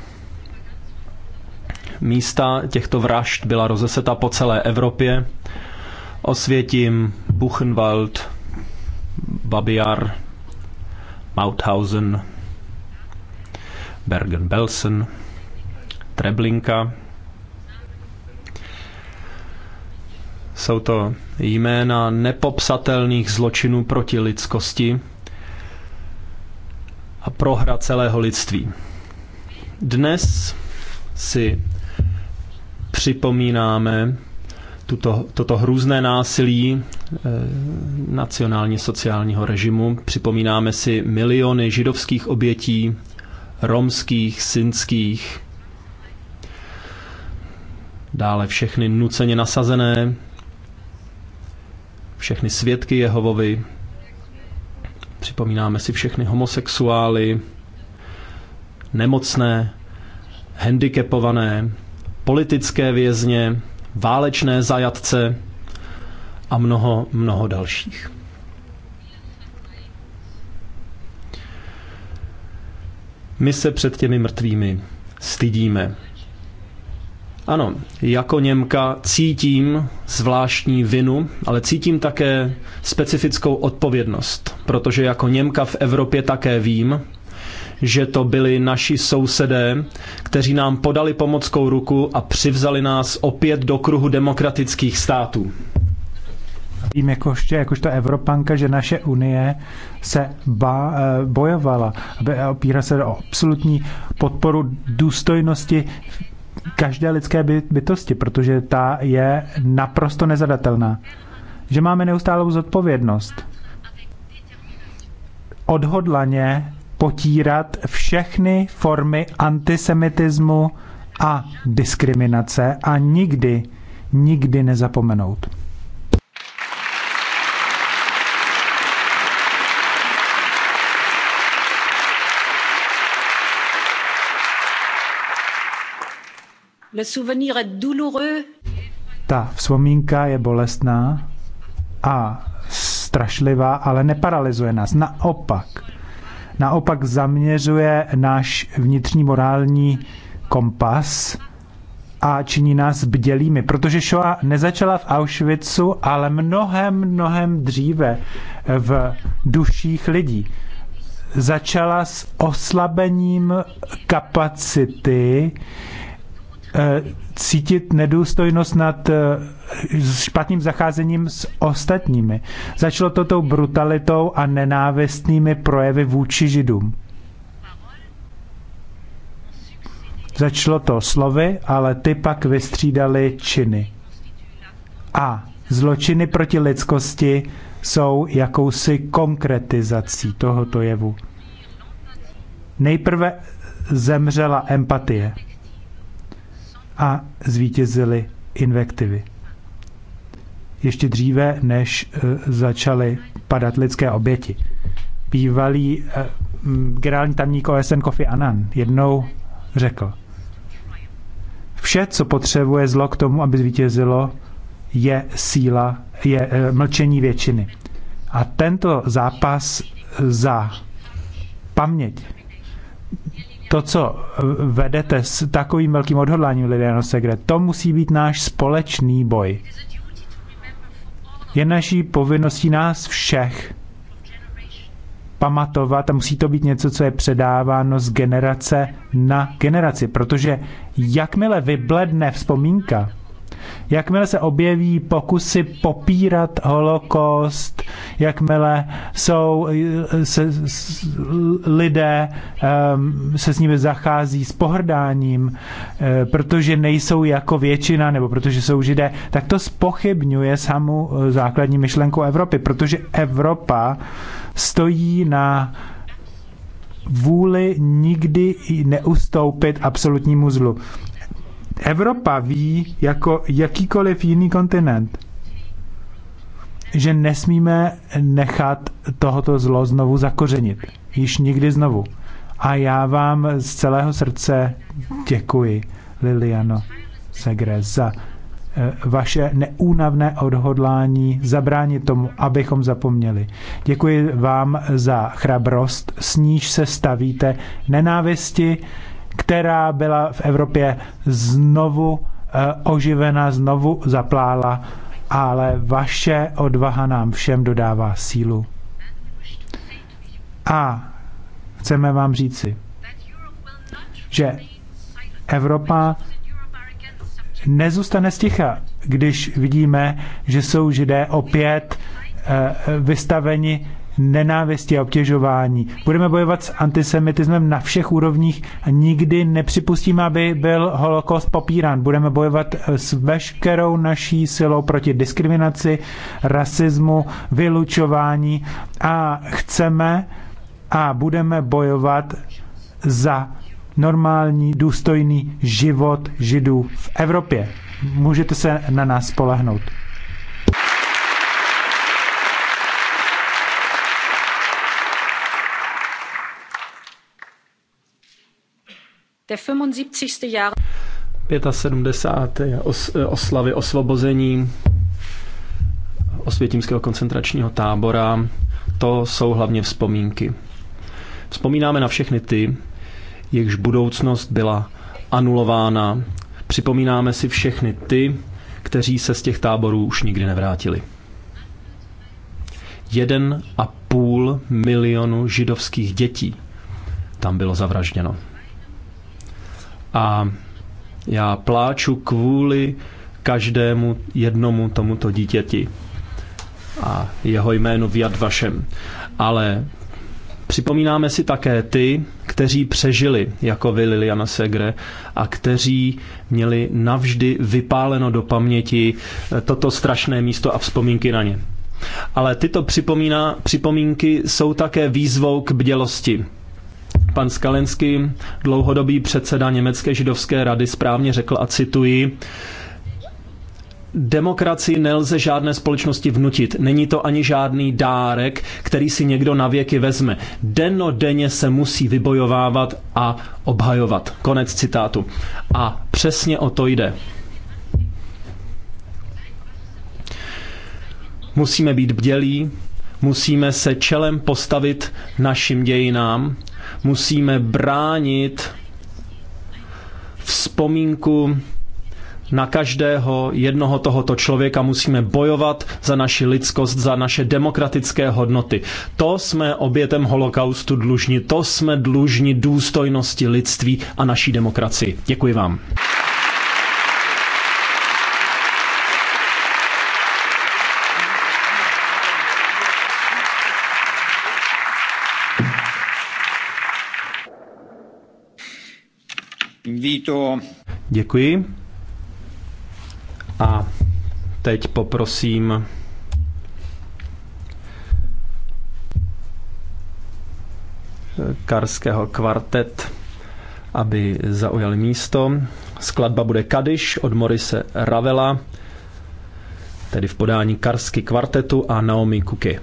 Místa těchto vražd byla rozeseta po celé Evropě. Osvětím, Buchenwald, Babiar, Mauthausen, Bergen-Belsen, Treblinka. Jsou to jména nepopsatelných zločinů proti lidskosti a prohra celého lidství. Dnes si připomínáme tuto, toto hrůzné násilí e, nacionálně sociálního režimu. Připomínáme si miliony židovských obětí, romských, synských, dále všechny nuceně nasazené, všechny svědky Jehovovy, připomínáme si všechny homosexuály, nemocné, handicapované, politické vězně, válečné zajatce a mnoho, mnoho dalších. My se před těmi mrtvými stydíme. Ano, jako Němka cítím zvláštní vinu, ale cítím také specifickou odpovědnost, protože jako Němka v Evropě také vím, že to byli naši sousedé, kteří nám podali pomockou ruku a přivzali nás opět do kruhu demokratických států. Vím jakožto, jakožto Evropanka, že naše unie se ba, eh, bojovala, aby opírá se o absolutní podporu důstojnosti každé lidské bytosti, protože ta je naprosto nezadatelná. Že máme neustálou zodpovědnost odhodlaně potírat všechny formy antisemitismu a diskriminace a nikdy, nikdy nezapomenout. Ta vzpomínka je bolestná a strašlivá, ale neparalizuje nás. Naopak, naopak zaměřuje náš vnitřní morální kompas a činí nás bdělými, protože Shoah nezačala v Auschwitzu, ale mnohem, mnohem dříve v duších lidí. Začala s oslabením kapacity eh, cítit nedůstojnost nad eh, špatným zacházením s ostatními. Začalo to tou brutalitou a nenávistnými projevy vůči židům. Začalo to slovy, ale ty pak vystřídali činy. A zločiny proti lidskosti jsou jakousi konkretizací tohoto jevu. Nejprve zemřela empatie a zvítězily invektivy. Ještě dříve, než eh, začaly padat lidské oběti. Bývalý eh, generální tamník OSN Kofi Annan jednou řekl, vše, co potřebuje zlo k tomu, aby zvítězilo, je síla, je eh, mlčení většiny. A tento zápas za paměť to, co vedete s takovým velkým odhodláním, Liliano Segre, to musí být náš společný boj. Je naší povinností nás všech pamatovat a musí to být něco, co je předáváno z generace na generaci, protože jakmile vybledne vzpomínka, Jakmile se objeví pokusy popírat holokost, jakmile jsou se, s, lidé, um, se s nimi zachází s pohrdáním, uh, protože nejsou jako většina, nebo protože jsou židé, tak to spochybňuje samu eh, základní myšlenku Evropy, protože Evropa stojí na vůli nikdy neustoupit absolutnímu zlu. Evropa ví jako jakýkoliv jiný kontinent, že nesmíme nechat tohoto zlo znovu zakořenit. Již nikdy znovu. A já vám z celého srdce děkuji, Liliano Segres, za eh, vaše neúnavné odhodlání zabránit tomu, abychom zapomněli. Děkuji vám za chrabrost, s níž se stavíte nenávisti, která byla v Evropě znovu eh, oživena, znovu zaplála, ale vaše odvaha nám všem dodává sílu. A chceme vám říci, že Evropa nezůstane sticha, když vidíme, že jsou židé opět eh, vystaveni nenávisti a obtěžování. Budeme bojovat s antisemitismem na všech úrovních a nikdy nepřipustíme, aby byl holokost popírán. Budeme bojovat eh, s veškerou naší silou proti diskriminaci, rasismu, vylučování a chceme a budeme bojovat za normální, důstojný život Židů v Evropě. Můžete se na nás spolehnout. Der 75. Jahre 75. oslavy osvobození osvětímského koncentračního tábora, to jsou hlavně vzpomínky. Vzpomínáme na všechny ty, jejichž budoucnost byla anulována. Připomínáme si všechny ty, kteří se z těch táborů už nikdy nevrátili. Jeden a půl milionu židovských dětí tam bylo zavražděno a já pláču kvůli každému jednomu tomuto dítěti a jeho jméno v vašem. Ale Připomínáme si také ty, kteří přežili, jako vy Liliana Segre, a kteří měli navždy vypáleno do paměti eh, toto strašné místo a vzpomínky na ně. Ale tyto připomíná, připomínky jsou také výzvou k bdělosti. Pan Skalensky, dlouhodobý předseda Německé židovské rady, správně řekl a cituji, Demokracii nelze žádné společnosti vnutit. Není to ani žádný dárek, který si někdo na věky vezme. denně se musí vybojovávat a obhajovat. Konec citátu. A přesně o to jde. Musíme být bdělí, musíme se čelem postavit našim dějinám Musíme bránit vzpomínku na každého jednoho tohoto člověka musíme bojovat za naši lidskost, za naše demokratické hodnoty. To jsme obětem holokaustu dlužni, to jsme dlužni důstojnosti lidství a naší demokracii. Děkuji vám. invito... Děkuji. A teď poprosím Karského kvartet, aby zaujali místo. Skladba bude Kadiš od Morise Ravela, tedy v podání Karsky kvartetu a Naomi Kuky.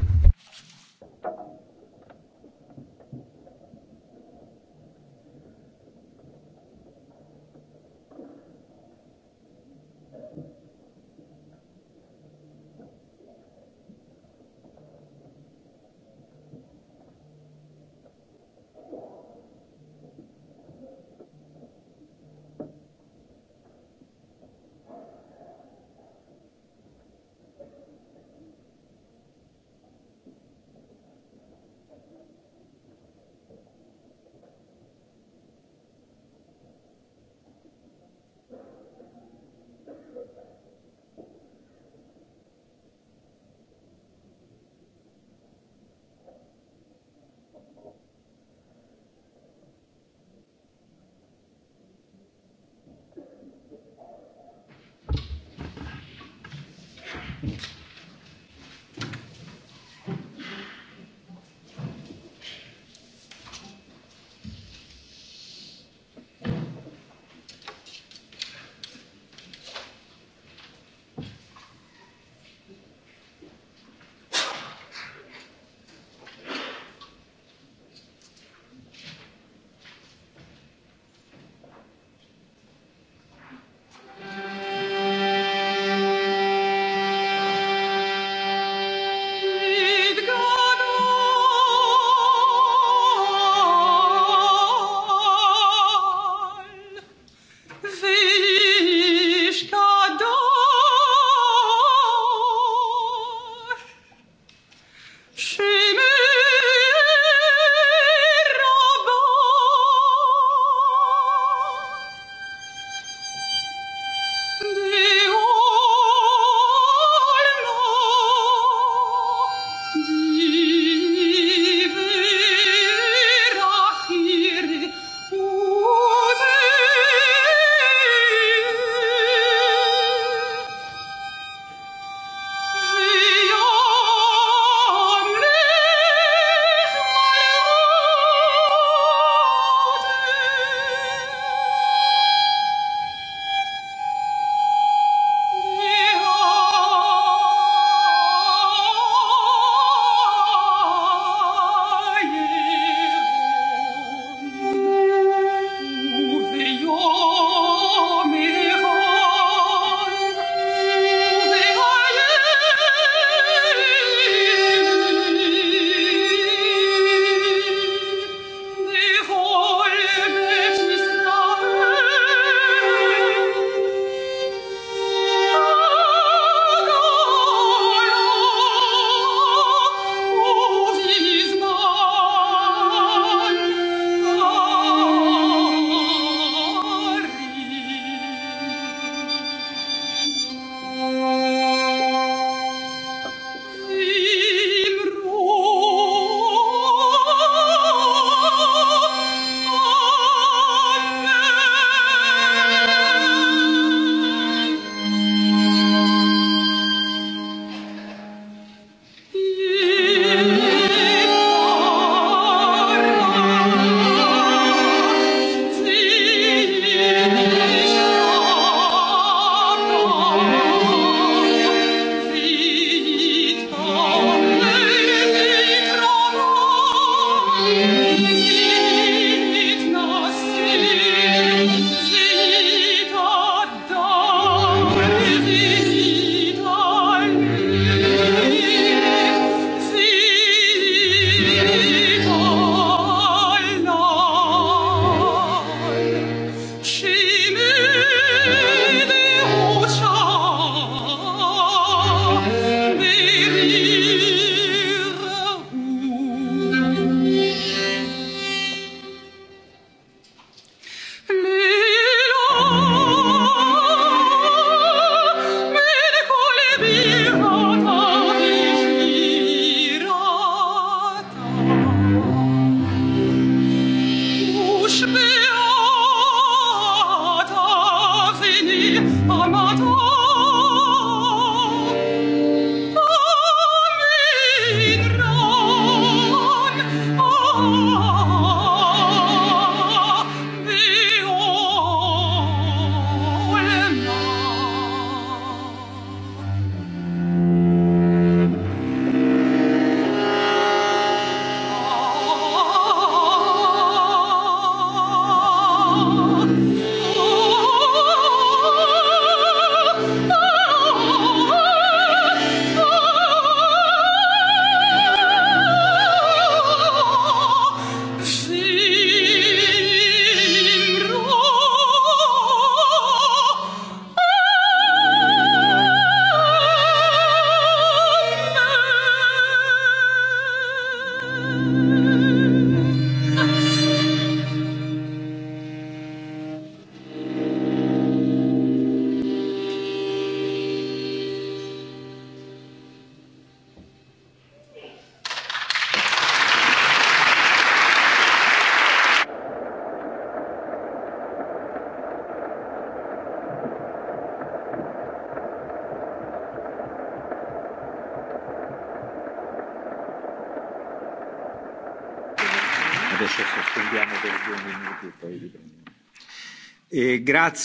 Eh,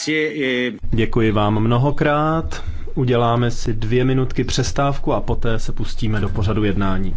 eh. Děkuji vám mnohokrát. Uděláme si dvě minutky přestávku a poté se pustíme do pořadu jednání.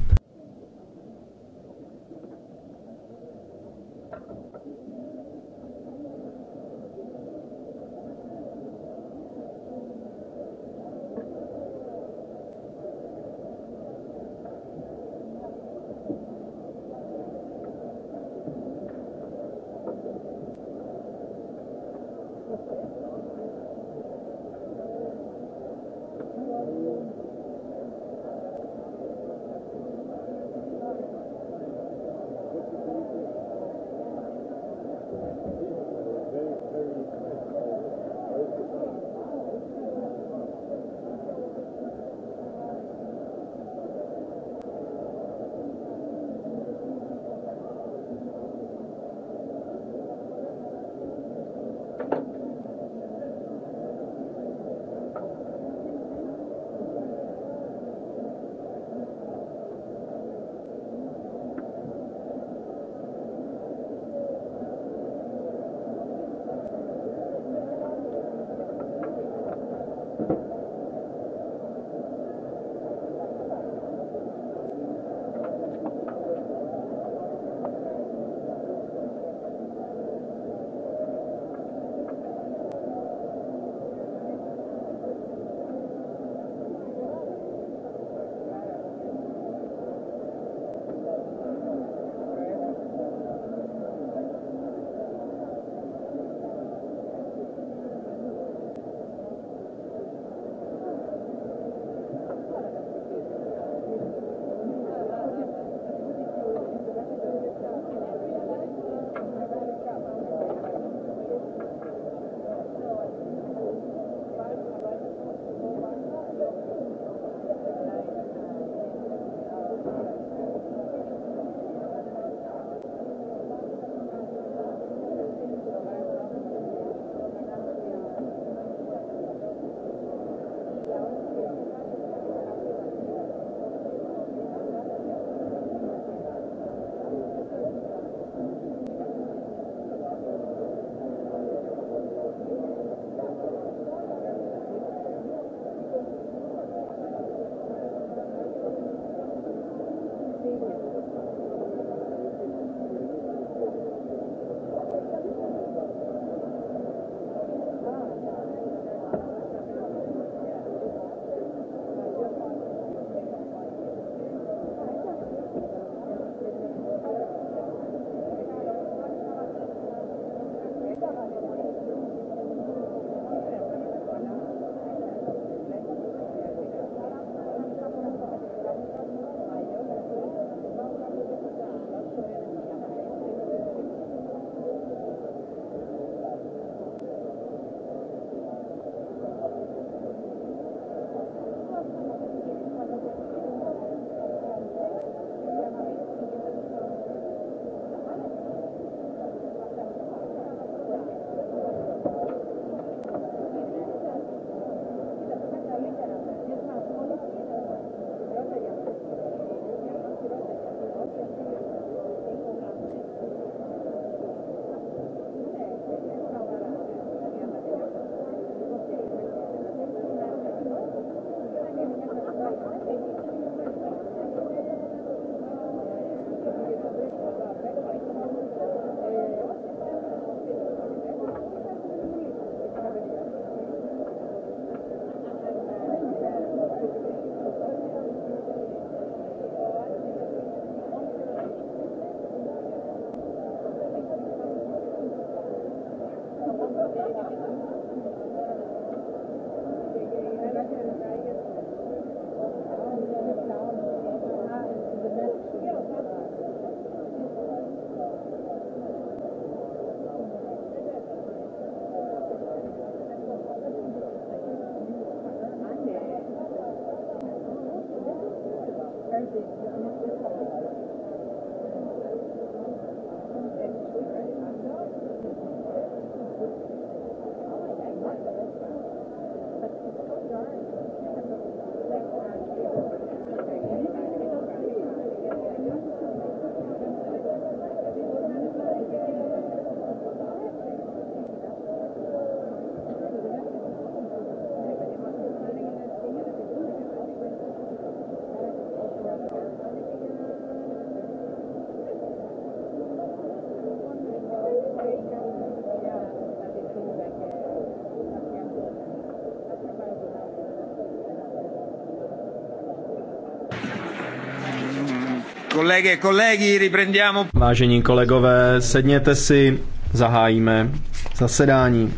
Kolege, kolegi, riprendiamo. Vážení kolegové, sedněte si, zahájíme zasedání.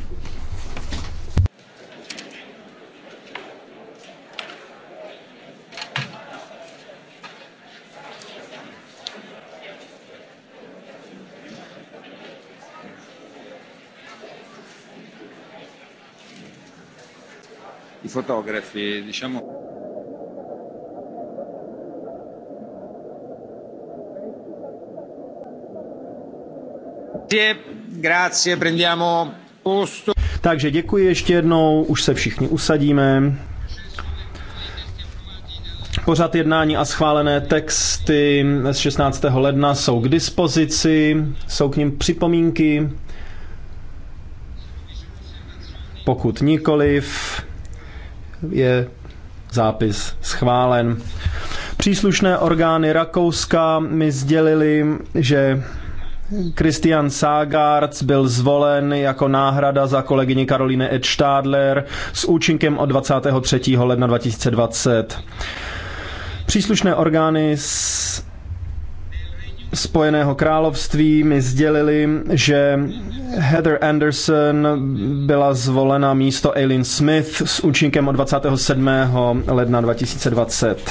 I fotografi, diciamo Grazie, grazie, prendiamo posto. Takže děkuji ještě jednou, už se všichni usadíme. Pořad jednání a schválené texty z 16. ledna jsou k dispozici, jsou k ním připomínky. Pokud nikoliv, je zápis schválen. Příslušné orgány Rakouska mi sdělili, že Christian Sagards byl zvolen jako náhrada za kolegyni Karoline Edstadler s účinkem od 23. ledna 2020. Příslušné orgány s Spojeného království mi sdělili, že Heather Anderson byla zvolena místo Aileen Smith s účinkem od 27. ledna 2020.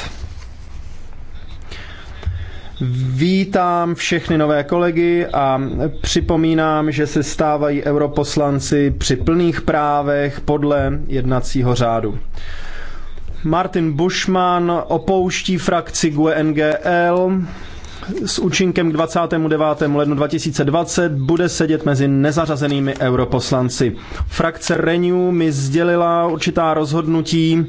Vítám všechny nové kolegy a připomínám, že se stávají europoslanci při plných právech podle jednacího řádu. Martin Bushman opouští frakci GUE NGL s účinkem k 29. lednu 2020 bude sedět mezi nezařazenými europoslanci. Frakce Renew mi sdělila určitá rozhodnutí,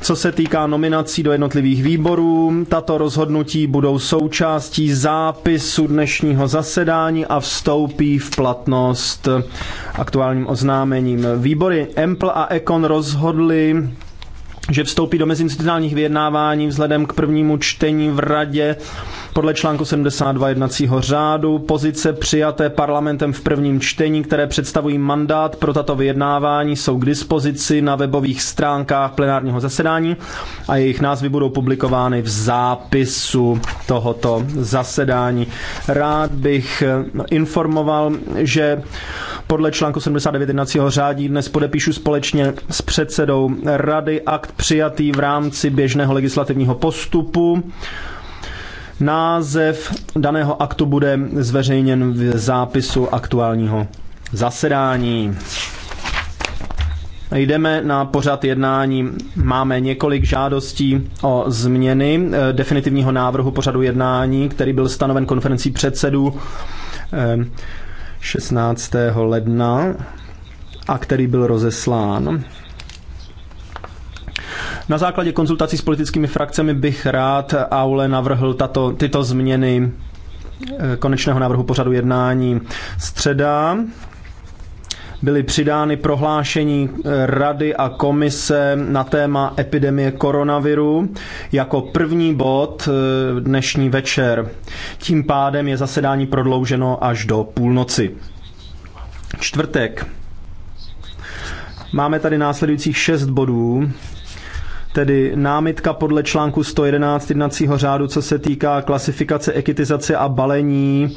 co se týká nominací do jednotlivých výborů. Tato rozhodnutí budou součástí zápisu dnešního zasedání a vstoupí v platnost aktuálním oznámením. Výbory Empl a Econ rozhodly že vstoupí do mezinstitucionálních vyjednávání vzhledem k prvnímu čtení v radě podle článku 72 jednacího řádu. Pozice přijaté parlamentem v prvním čtení, které představují mandát pro tato vyjednávání, jsou k dispozici na webových stránkách plenárního zasedání a jejich názvy budou publikovány v zápisu tohoto zasedání. Rád bych eh, informoval, že podle článku 79 jednacího řádí dnes podepíšu společně s předsedou rady akt přijatý v rámci běžného legislativního postupu. Název daného aktu bude zveřejněn v zápisu aktuálního zasedání. Jdeme na pořad jednání. Máme několik žádostí o změny eh, definitivního návrhu pořadu jednání, který byl stanoven konferencí předsedů eh, 16. ledna a který byl rozeslán. Na základě konzultací s politickými frakcemi bych rád Aule navrhl tato, tyto změny eh, konečného návrhu pořadu jednání. Středa byly přidány prohlášení eh, Rady a komise na téma epidemie koronaviru jako první bod eh, dnešní večer. Tím pádem je zasedání prodlouženo až do půlnoci. Čtvrtek. Máme tady následujících šest bodů tedy námitka podle článku 111 jednacího řádu, co se týká klasifikace, ekitizace a balení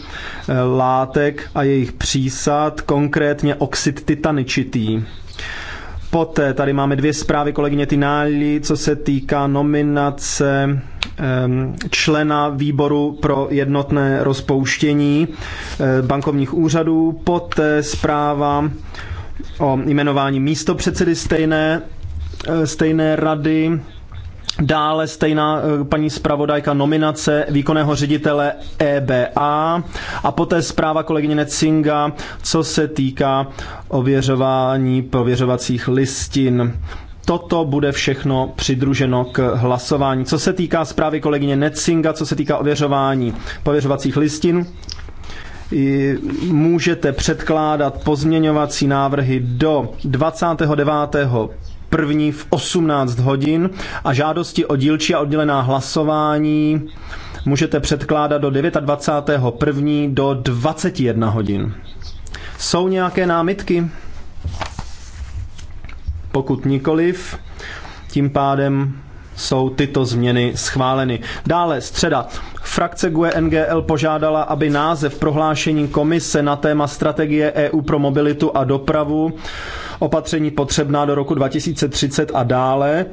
eh, látek a jejich přísad, konkrétně oxid titaničitý. Poté tady máme dvě zprávy kolegyně Tynáli, co se týká nominace ehm, člena výboru pro jednotné rozpouštění eh, bankovních úřadů. Poté zpráva o jmenování místopředsedy stejné Eh, stejné rady, Dále stejná eh, paní zpravodajka nominace výkonného ředitele EBA a poté zpráva kolegyně Necinga, co se týká ověřování prověřovacích listin. Toto bude všechno přidruženo k hlasování. Co se týká zprávy kolegyně Necinga, co se týká ověřování pověřovacích listin, můžete předkládat pozměňovací návrhy do 29 první v 18 hodin a žádosti o dílčí a oddělená hlasování můžete předkládat do 29.1. do 21 hodin. Jsou nějaké námitky? Pokud nikoliv, tím pádem jsou tyto změny schváleny. Dále středa. Frakce GUE NGL požádala, aby název prohlášení komise na téma strategie EU pro mobilitu a dopravu opatření potřebná do roku 2030 a dále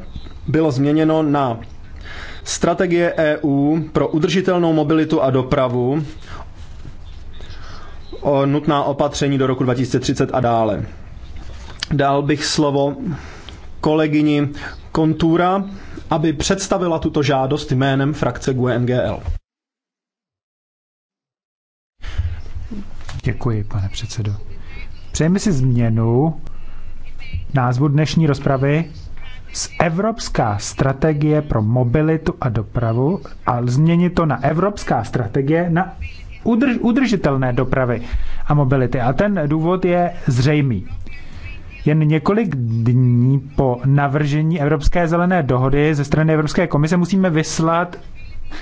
bylo změněno na strategie EU pro udržitelnou mobilitu a dopravu o nutná opatření do roku 2030 a dále. Dal bych slovo kolegyni Kontura, aby představila tuto žádost jménem frakce GUNGL. E Děkuji, pane předsedo. Přejeme si změnu názvu dnešní rozpravy z Evropská strategie pro mobilitu a dopravu a změnit to na Evropská strategie na udrž, udržitelné dopravy a mobility. A ten důvod je zřejmý. Jen několik dní po navržení Evropské zelené dohody ze strany Evropské komise musíme vyslat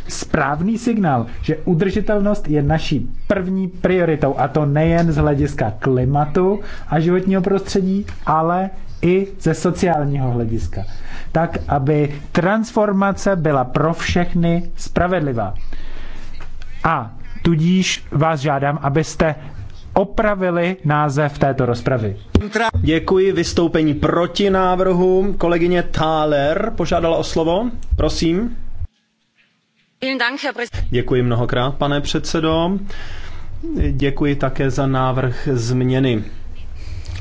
správný signál, že udržitelnost je naší první prioritou a to nejen z hlediska klimatu a životního prostředí, ale i ze sociálního hlediska. Tak, aby transformace byla pro všechny spravedlivá. A tudíž vás žádám, abyste opravili název této rozpravy. Děkuji vystoupení proti návrhu. Kolegyně Thaler požádala o slovo. Prosím. Děkuji mnohokrát, pane předsedo. Děkuji také za návrh změny.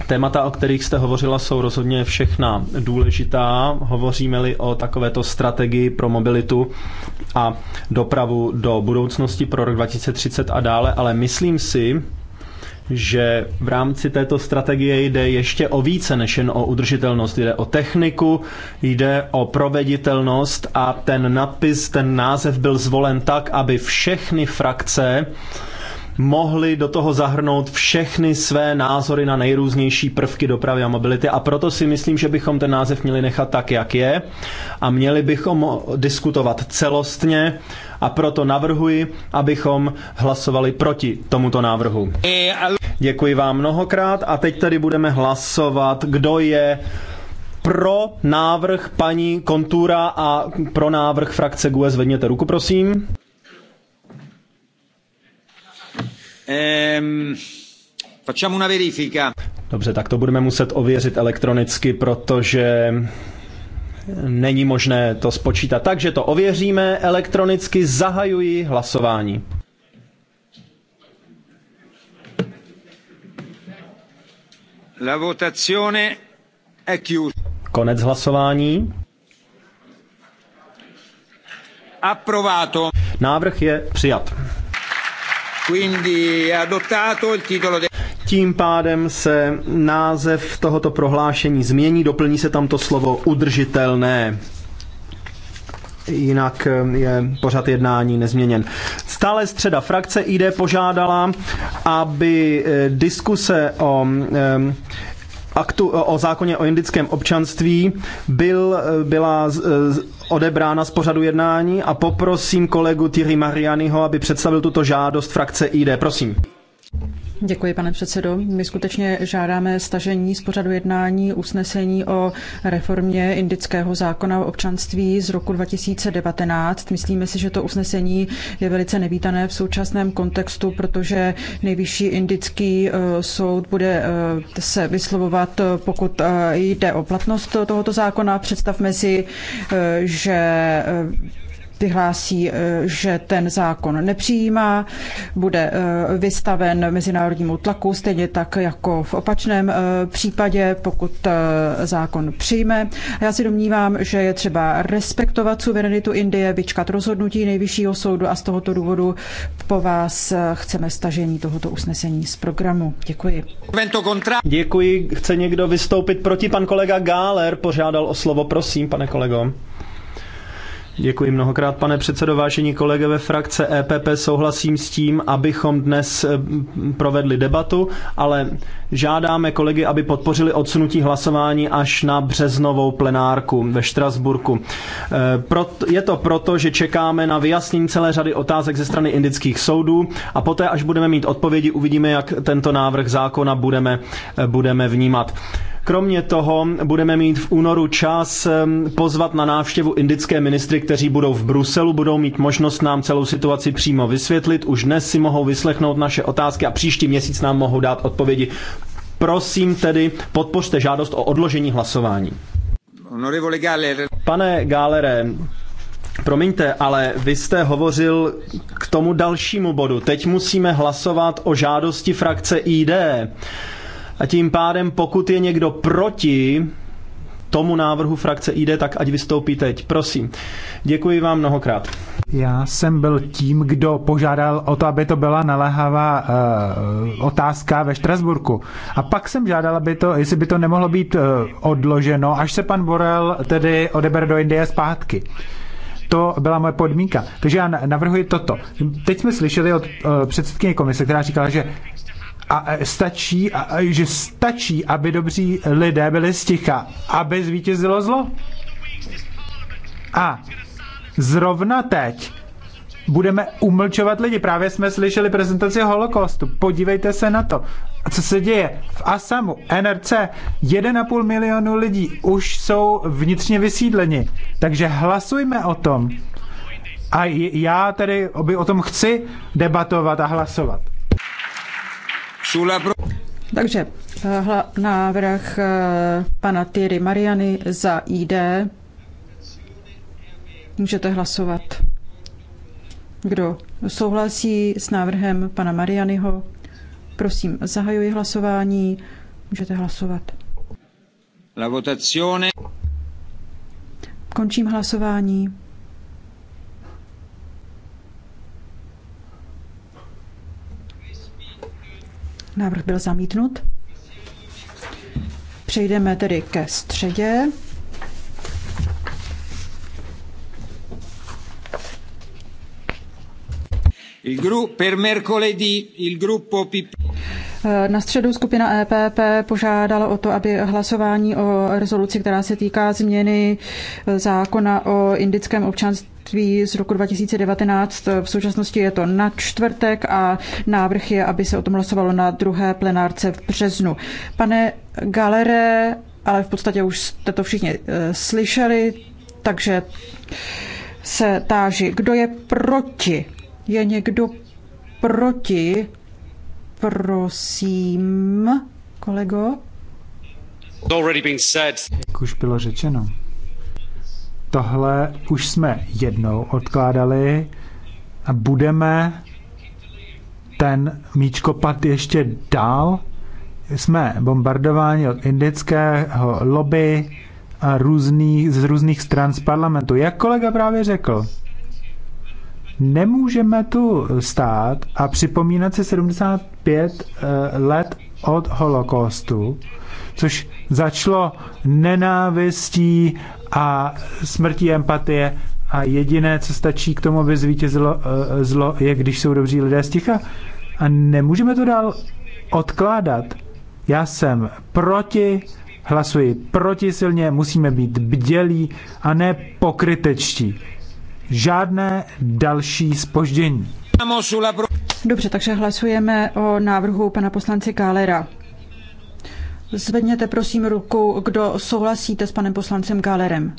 Témata, o kterých jste hovořila, jsou rozhodně všechna důležitá. Hovoříme-li o takovéto strategii pro mobilitu a dopravu do budoucnosti pro rok 2030 a dále, ale myslím si, že v rámci této strategie jde ještě o více než jen o udržitelnost. Jde o techniku, jde o proveditelnost a ten nadpis, ten název byl zvolen tak, aby všechny frakce uh, mohli do toho zahrnout všechny své názory na nejrůznější prvky dopravy a mobility a proto si myslím, že bychom ten název měli nechat tak, jak je a měli bychom diskutovat celostně a proto navrhuji, abychom hlasovali proti tomuto návrhu. Děkuji vám mnohokrát a teď tady budeme hlasovat, kdo je pro návrh paní Kontura a pro návrh frakce GUE zvedněte ruku, prosím. Ehm, facciamo una verifica. Dobře, tak to budeme muset ověřit elektronicky, protože není možné to spočítat. Takže to ověříme elektronicky, zahajuji hlasování. La votazione è chiusa. Konec hlasování. Approvato. Návrh je přijat. Tím pádem se název tohoto prohlášení změní, doplní se tam to slovo udržitelné. Jinak eh, je pořad jednání nezměněn. Stále středa frakce ID požádala, aby eh, diskuse o eh, aktu o zákoně o indickém občanství byl, e, byla e, odebrána z pořadu jednání a poprosím kolegu Thierry Marianiho, aby představil tuto žádost frakce ID. Prosím. Děkuji, pane předsedo. My skutečně žádáme stažení z pořadu jednání usnesení o reformě indického zákona o občanství z roku 2019. Myslíme si, že to usnesení je velice nevítané v současném kontextu, protože nejvyšší indický eh, soud bude eh, se vyslovovat, eh, pokud jde o platnost tohoto zákona. Představme si, že vyhlásí, eh, že ten zákon nepřijímá, bude eh, vystaven mezinárodnímu tlaku, stejně tak jako v opačném eh, případě, pokud zákon přijme. A já si domnívám, že je třeba respektovat suverenitu Indie, vyčkat rozhodnutí nejvyššího soudu a z tohoto důvodu po vás chceme stažení tohoto usnesení z programu. Děkuji. Děkuji. Chce někdo vystoupit proti? Pan kolega Gáler požádal o slovo. Prosím, pane kolego. Děkuji mnohokrát, pane předsedo. Vážení kolegové frakce EPP, souhlasím s tím, abychom dnes eh, provedli debatu, ale žádáme kolegy, aby podpořili odsunutí hlasování až na březnovou plenárku ve Štrasburku. Eh, je to proto, že čekáme na vyjasnění celé řady otázek ze strany indických soudů a poté, až budeme mít odpovědi, uvidíme, jak tento návrh zákona budeme, eh, budeme vnímat. Kromě toho budeme mít v únoru čas pozvat na návštěvu indické ministry, kteří budou v Bruselu, budou mít možnost nám celou situaci přímo vysvětlit. Už dnes si mohou vyslechnout naše otázky a příští měsíc nám mohou dát odpovědi. Prosím tedy, podpořte žádost o odložení hlasování. Pane Gálere, Promiňte, ale vy jste hovořil k tomu dalšímu bodu. Teď musíme hlasovat o žádosti frakce ID. A tím pádem, pokud je někdo proti tomu návrhu frakce ID, tak ať vystoupí teď. Prosím. Děkuji vám mnohokrát. Já jsem byl tím, kdo požádal o to, aby to byla naléhavá uh, otázka ve Štrasburku. A pak jsem žádal, aby to, jestli by to nemohlo být uh, odloženo, až se pan Borel tedy odeber do Indie zpátky. To byla moje podmínka. Takže já navrhuji toto. Teď jsme slyšeli od uh, předsedkyně komise, která říkala, že a e, stačí, a, že stačí, aby dobří lidé byli sticha, aby zvítězilo zlo. A zrovna teď budeme umlčovat lidi. Právě jsme slyšeli prezentaci holokostu. Podívejte se na to. Co se děje? V Asamu, NRC, 1,5 milionu lidí už jsou vnitřně vysídleni. Takže hlasujme o tom. A já tedy o tom chci debatovat a hlasovat. Takže eh, návrh eh, pana Tyry Mariany za ID. Můžete hlasovat. Kdo souhlasí s návrhem pana Marianyho? Prosím, zahajuji hlasování. Můžete hlasovat. La votazione. Končím hlasování. Návrh byl zamítnut. Přejdeme tedy ke středě. Per mercoledì il gruppo Na středu skupina EPP požádala o to, aby hlasování o rezoluci, která se týká změny zákona o indickém občanství, školství z roku 2019. V současnosti je to na čtvrtek a návrh je, aby se o tom hlasovalo na druhé plenárce v březnu. Pane Galere, ale v podstatě už jste to všichni eh, slyšeli, takže se táži, kdo je proti? Je někdo proti? Prosím, kolego. Jak už bylo řečeno, Tohle už jsme jednou odkládali a budeme ten míč kopat ještě dál. Jsme bombardováni od indického lobby a různý, z různých stran z parlamentu. Jak kolega právě řekl, nemůžeme tu stát a připomínat si 75 eh, let od holokostu, což začalo nenávistí a smrtí empatie a jediné, co stačí k tomu, aby zvítězilo eh, zlo, je, když jsou dobří lidé sticha. A nemůžeme to dál odkládat. Já jsem proti, hlasuji proti silně, musíme být bdělí a ne pokrytečtí. Žádné další spoždění. Dobře, takže hlasujeme o návrhu pana poslance Kálera. Zvedněte prosím ruku, kdo souhlasíte s panem poslancem Gálerem.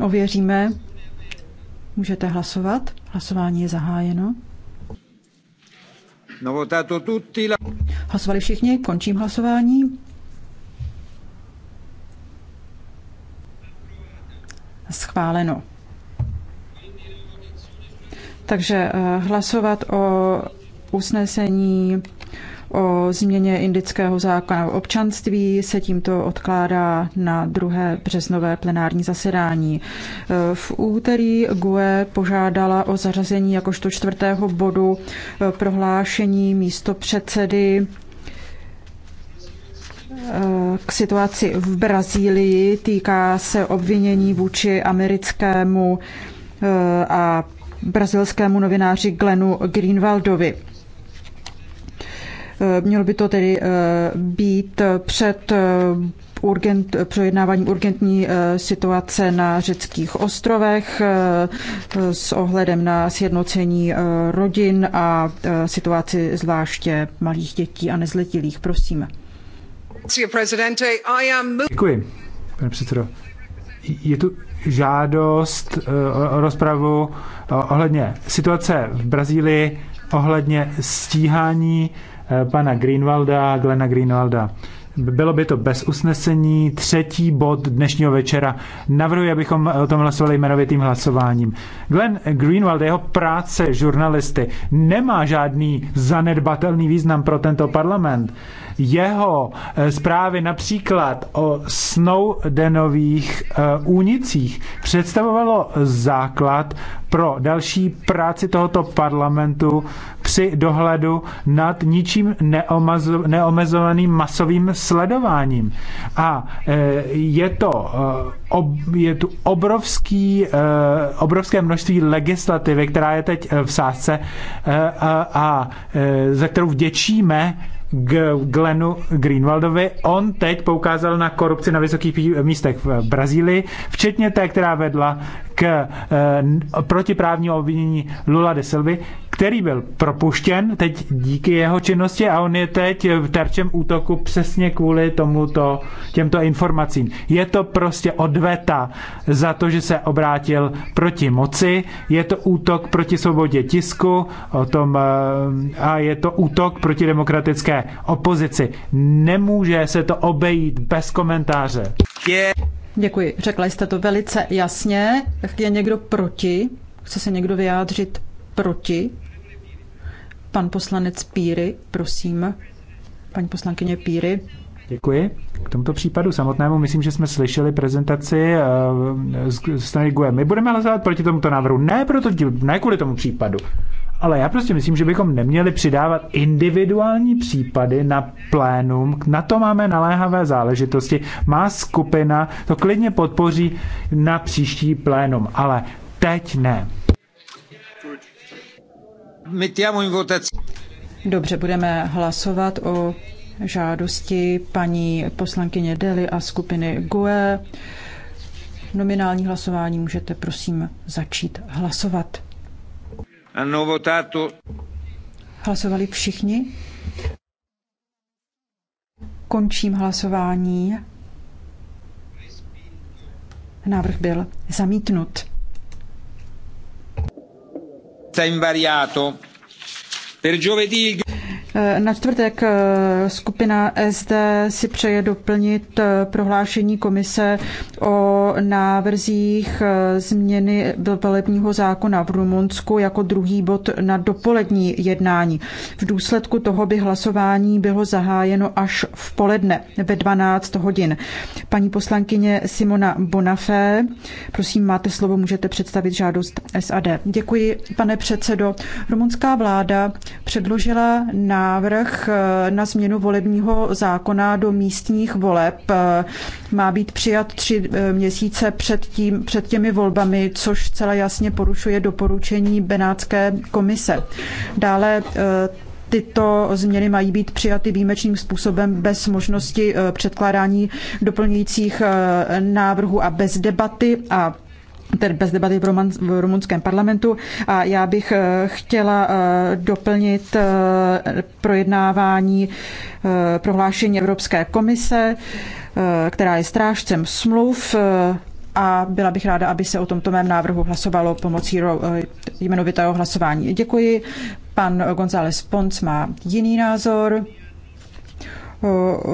Ověříme. Můžete hlasovat. Hlasování je zahájeno. Hlasovali všichni, končím hlasování. Schváleno. Takže eh, hlasovat o usnesení o změně indického zákona o občanství se tímto odkládá na druhé březnové plenární zasedání. Eh, v úterý GUE požádala o zařazení jakožto čtvrtého bodu eh, prohlášení místo předsedy k situaci v Brazílii. Týká se obvinění vůči americkému a brazilskému novináři Glenu Greenwaldovi. Eh, mělo by to tedy eh, být před eh, urgent, projednáváním urgentní situace na řeckých ostrovech s ohledem na sjednocení rodin a situaci zvláště malých dětí a nezletilých. Prosím. Děkuji, pane předsedo. Je tu žádost eh, o rozpravu ohledně situace v Brazílii, ohledně stíhání eh, pana Greenwalda, Glena Greenwalda. Bylo by to bez usnesení. Třetí bod dnešního večera. Navrhuji, abychom o tom hlasovali jmenovitým hlasováním. Glenn Greenwald, jeho práce žurnalisty, nemá žádný zanedbatelný význam pro tento parlament jeho eh, zprávy například o Snowdenových eh, únicích představovalo základ pro další práci tohoto parlamentu při dohledu nad ničím neomezovaným masovým sledováním. A eh, je to je tu obrovský, obrovské množství legislativy, která je teď v sázce a, a za kterou vděčíme G Glenu Greenwaldovi. On teď poukázal na korupci na vysokých místech v Brazílii, včetně té, která vedla k eh, protiprávnímu obvinění Lula de Silvy, který byl propuštěn teď díky jeho činnosti a on je teď v terčem útoku přesně kvůli tomuto, těmto informacím. Je to prostě odveta za to, že se obrátil proti moci, je to útok proti svobodě tisku o tom, eh, a je to útok proti demokratické opozici. Nemůže se to obejít bez komentáře. Yeah. Děkuji. Řekla jste to velice jasně. Je někdo proti? Chce se někdo vyjádřit proti? Pan poslanec Píry, prosím. Paní poslankyně Píry. Děkuji. K tomuto případu samotnému myslím, že jsme slyšeli prezentaci uh, z strany GUE. My budeme hlasovat proti tomuto návrhu. Ne, proto, ne kvůli tomu případu, ale já prostě myslím, že bychom neměli přidávat individuální případy na plénum. Na to máme naléhavé záležitosti. Má skupina to klidně podpoří na příští plénum, ale teď ne. Dobře, budeme hlasovat o žádosti paní poslankyně Deli a skupiny GUE. Nominální hlasování můžete prosím začít hlasovat. Hanno votato. Hlasovali všichni? Končím hlasování. Návrh byl zamítnut. Invariato. Per giovedì na čtvrtek eh, skupina SD si přeje doplnit eh, prohlášení komise o návrzích eh, změny volebního zákona v Rumunsku jako druhý bod na dopolední jednání. V důsledku toho by hlasování bylo zahájeno až v poledne ve 12 hodin. Paní poslankyně Simona Bonafé, prosím, máte slovo, můžete představit žádost SAD. Děkuji, pane předsedo. Rumunská vláda předložila na návrh eh, na změnu volebního zákona do místních voleb eh, má být přijat tři eh, měsíce před, tím, před těmi volbami, což celé jasně porušuje doporučení Benátské komise. Dále tyto změny mají být přijaty výjimečným způsobem bez možnosti předkládání doplňujících návrhů a bez debaty a tedy bez debaty v, Roman, v rumunském parlamentu. A já bych eh, chtěla eh, doplnit eh, projednávání prohlášení Evropské komise, která je strážcem smluv a byla bych ráda, aby se o tomto mém návrhu hlasovalo pomocí jmenovitého hlasování. Děkuji. Pan González Pons má jiný názor.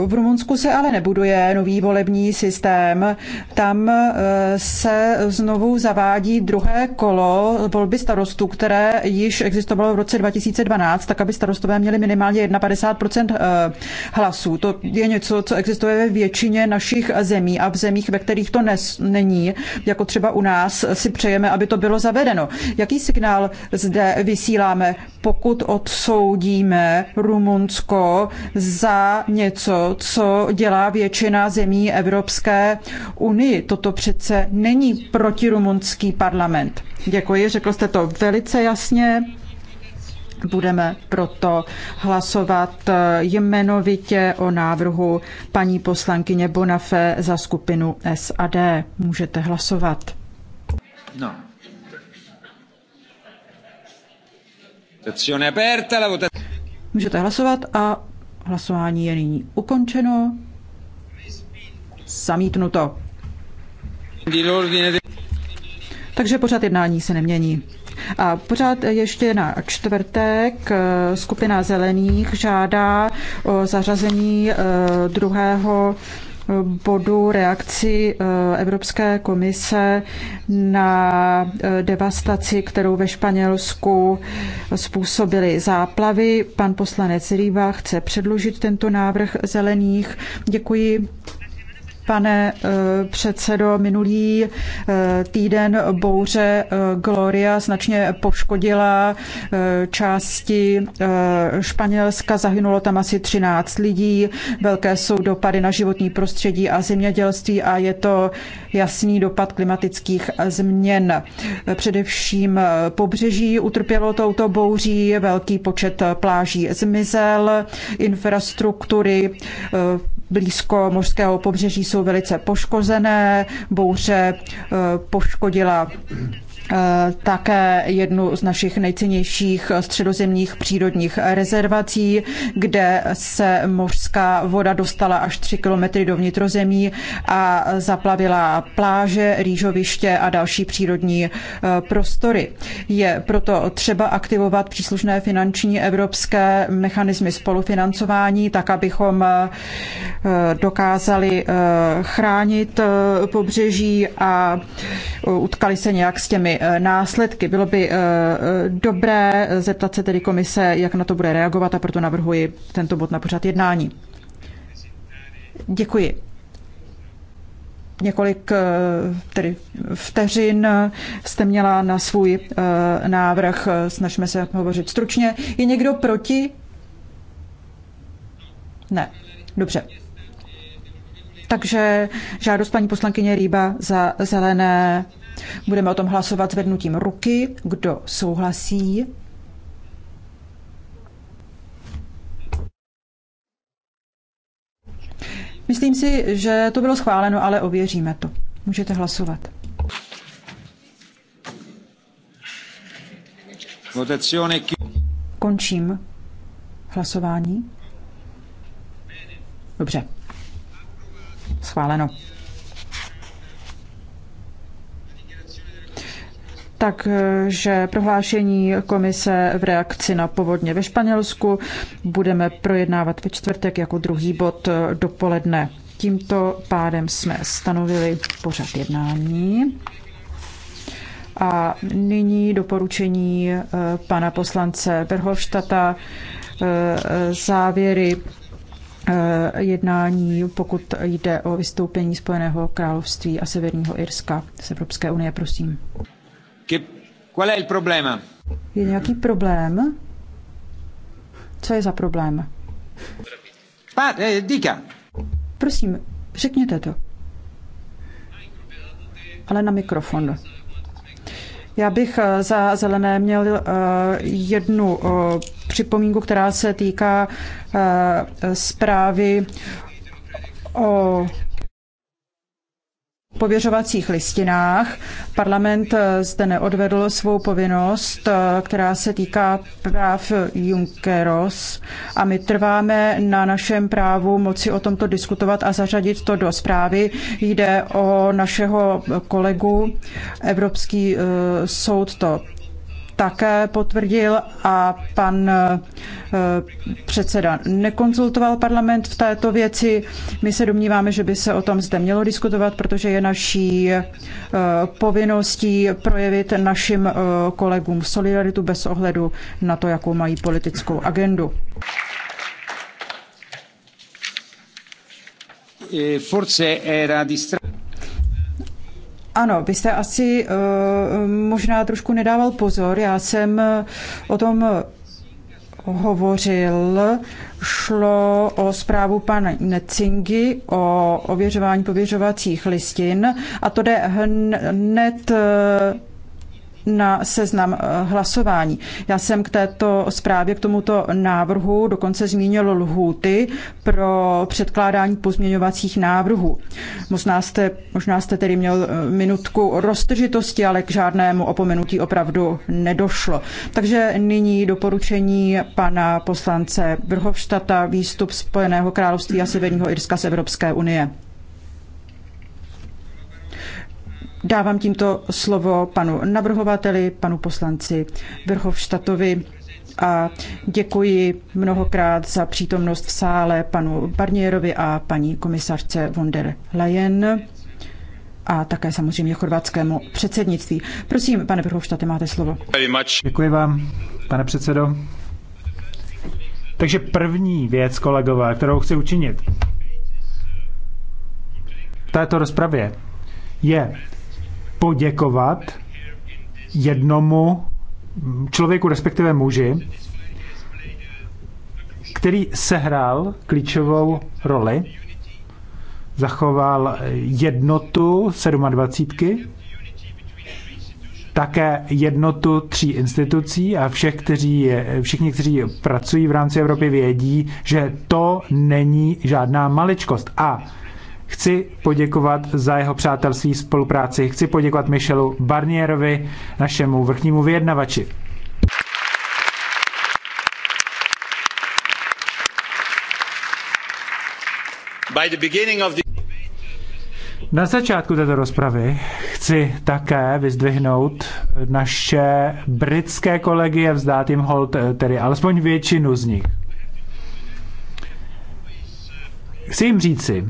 V Rumunsku se ale nebuduje nový volební systém. Tam eh, se znovu zavádí druhé kolo volby starostů, které již existovalo v roce 2012, tak aby starostové měli minimálně 51% eh, hlasů. To je něco, co existuje ve většině našich zemí a v zemích, ve kterých to nes, není, jako třeba u nás, si přejeme, aby to bylo zavedeno. Jaký signál zde vysíláme, pokud odsoudíme Rumunsko za něco, co dělá většina zemí Evropské unie. Toto přece není protirumunský parlament. Děkuji, řekl jste to velice jasně. Budeme proto hlasovat jmenovitě o návrhu paní poslankyně Bonafé za skupinu SAD. Můžete hlasovat. No. Můžete hlasovat a Hlasování je nyní ukončeno. Zamítnuto. Takže pořád jednání se nemění. A pořád ještě na čtvrtek eh, skupina zelených žádá o zařazení eh, druhého bodu reakci eh, Evropské komise na eh, devastaci, kterou ve Španělsku způsobily záplavy. Pan poslanec Rýva chce předložit tento návrh zelených. Děkuji Pane eh, předsedo, minulý eh, týden bouře eh, Gloria značně poškodila části Španělska, zahynulo tam asi 13 lidí, velké jsou dopady na životní prostředí a zemědělství a je to jasný dopad klimatických změn. Především pobřeží utrpělo touto bouří, velký počet pláží zmizel, infrastruktury blízko mořského pobřeží jsou velice poškozené. Bouře eh, poškodila Eh, také jednu z našich nejcennějších středozemních přírodních rezervací, kde se mořská voda dostala až 3 kilometry do vnitrozemí a zaplavila pláže, rýžoviště a další přírodní eh, prostory. Je proto třeba aktivovat příslušné finanční evropské mechanismy spolufinancování, tak abychom eh, dokázali chránit pobřeží a utkali se nějak s těmi Eh, následky. Bylo by eh, eh, dobré zeptat se tedy komise, jak na to bude reagovat a proto navrhuji tento bod na pořad jednání. Děkuji několik tedy vteřin jste měla na svůj návrh. Snažme se hovořit stručně. Je někdo proti? Ne. Dobře. Takže žádost paní poslankyně Rýba za zelené Budeme o tom hlasovat zvednutím ruky. Kdo souhlasí? Myslím si, že to bylo schváleno, ale ověříme to. Můžete hlasovat. Končím hlasování. Dobře. Schváleno. Takže eh, prohlášení komise v reakci na povodně ve Španělsku budeme projednávat ve čtvrtek jako druhý bod eh, dopoledne. Tímto pádem jsme stanovili pořad jednání. A nyní doporučení eh, pana poslance Verhofštata závěry jednání, pokud jde o vystoupení Spojeného království a Severního Irska z Evropské unie, prosím. Qual è il problema? Je nějaký problém? Co je za problém? Pa, eh, dica. Prosím, řekněte to. Ale na mikrofon. Já bych eh, za zelené měl eh, jednu eh, připomínku, která se týká zprávy o pověřovacích listinách. Parlament eh, zde neodvedl svou povinnost, eh, která se týká práv Junkeros a my trváme na našem právu moci o tomto diskutovat a zařadit to do zprávy. Jde o našeho kolegu, Evropský eh, soud to také potvrdil a pan eh, předseda nekonzultoval parlament v této věci. My se domníváme, že by se o tom zde mělo diskutovat, protože je naší eh, povinností projevit našim eh, kolegům solidaritu bez ohledu na to, jakou mají politickou agendu. Forse era distratto. Ano, vy jste asi uh, možná trošku nedával pozor. Já jsem eh, o tom hovořil. Šlo o zprávu pana Necingy o ověřování pověřovacích listin a to jde hned eh, na seznam eh, hlasování. Já jsem k této zprávě, k tomuto návrhu dokonce zmínil lhůty pro předkládání pozměňovacích návrhů. Možná jste, možná jste tedy měl eh, minutku roztržitosti, ale k žádnému opomenutí opravdu nedošlo. Takže nyní doporučení pana poslance Vrhovštata, výstup Spojeného království a Severního Irska z Evropské unie. Dávám tímto slovo panu navrhovateli, panu poslanci Vrchovštatovi a děkuji mnohokrát za přítomnost v sále panu Barnierovi a paní komisařce von der Leyen a také samozřejmě chorvatskému předsednictví. Prosím, pane Vrhovštate, máte slovo. Děkuji vám, pane předsedo. Takže první věc, kolegové, kterou chci učinit v této rozpravě, je poděkovat jednomu člověku, respektive muži, který sehrál klíčovou roli, zachoval jednotu 27, také jednotu tří institucí a všech, kteří, všichni, kteří pracují v rámci Evropy, vědí, že to není žádná maličkost. A Chci poděkovat za jeho přátelství spolupráci. Chci poděkovat Michelu Barnierovi, našemu vrchnímu vyjednavači. Na začátku této rozpravy chci také vyzdvihnout naše britské kolegy a vzdát jim hold, tedy alespoň většinu z nich. Chci jim říci,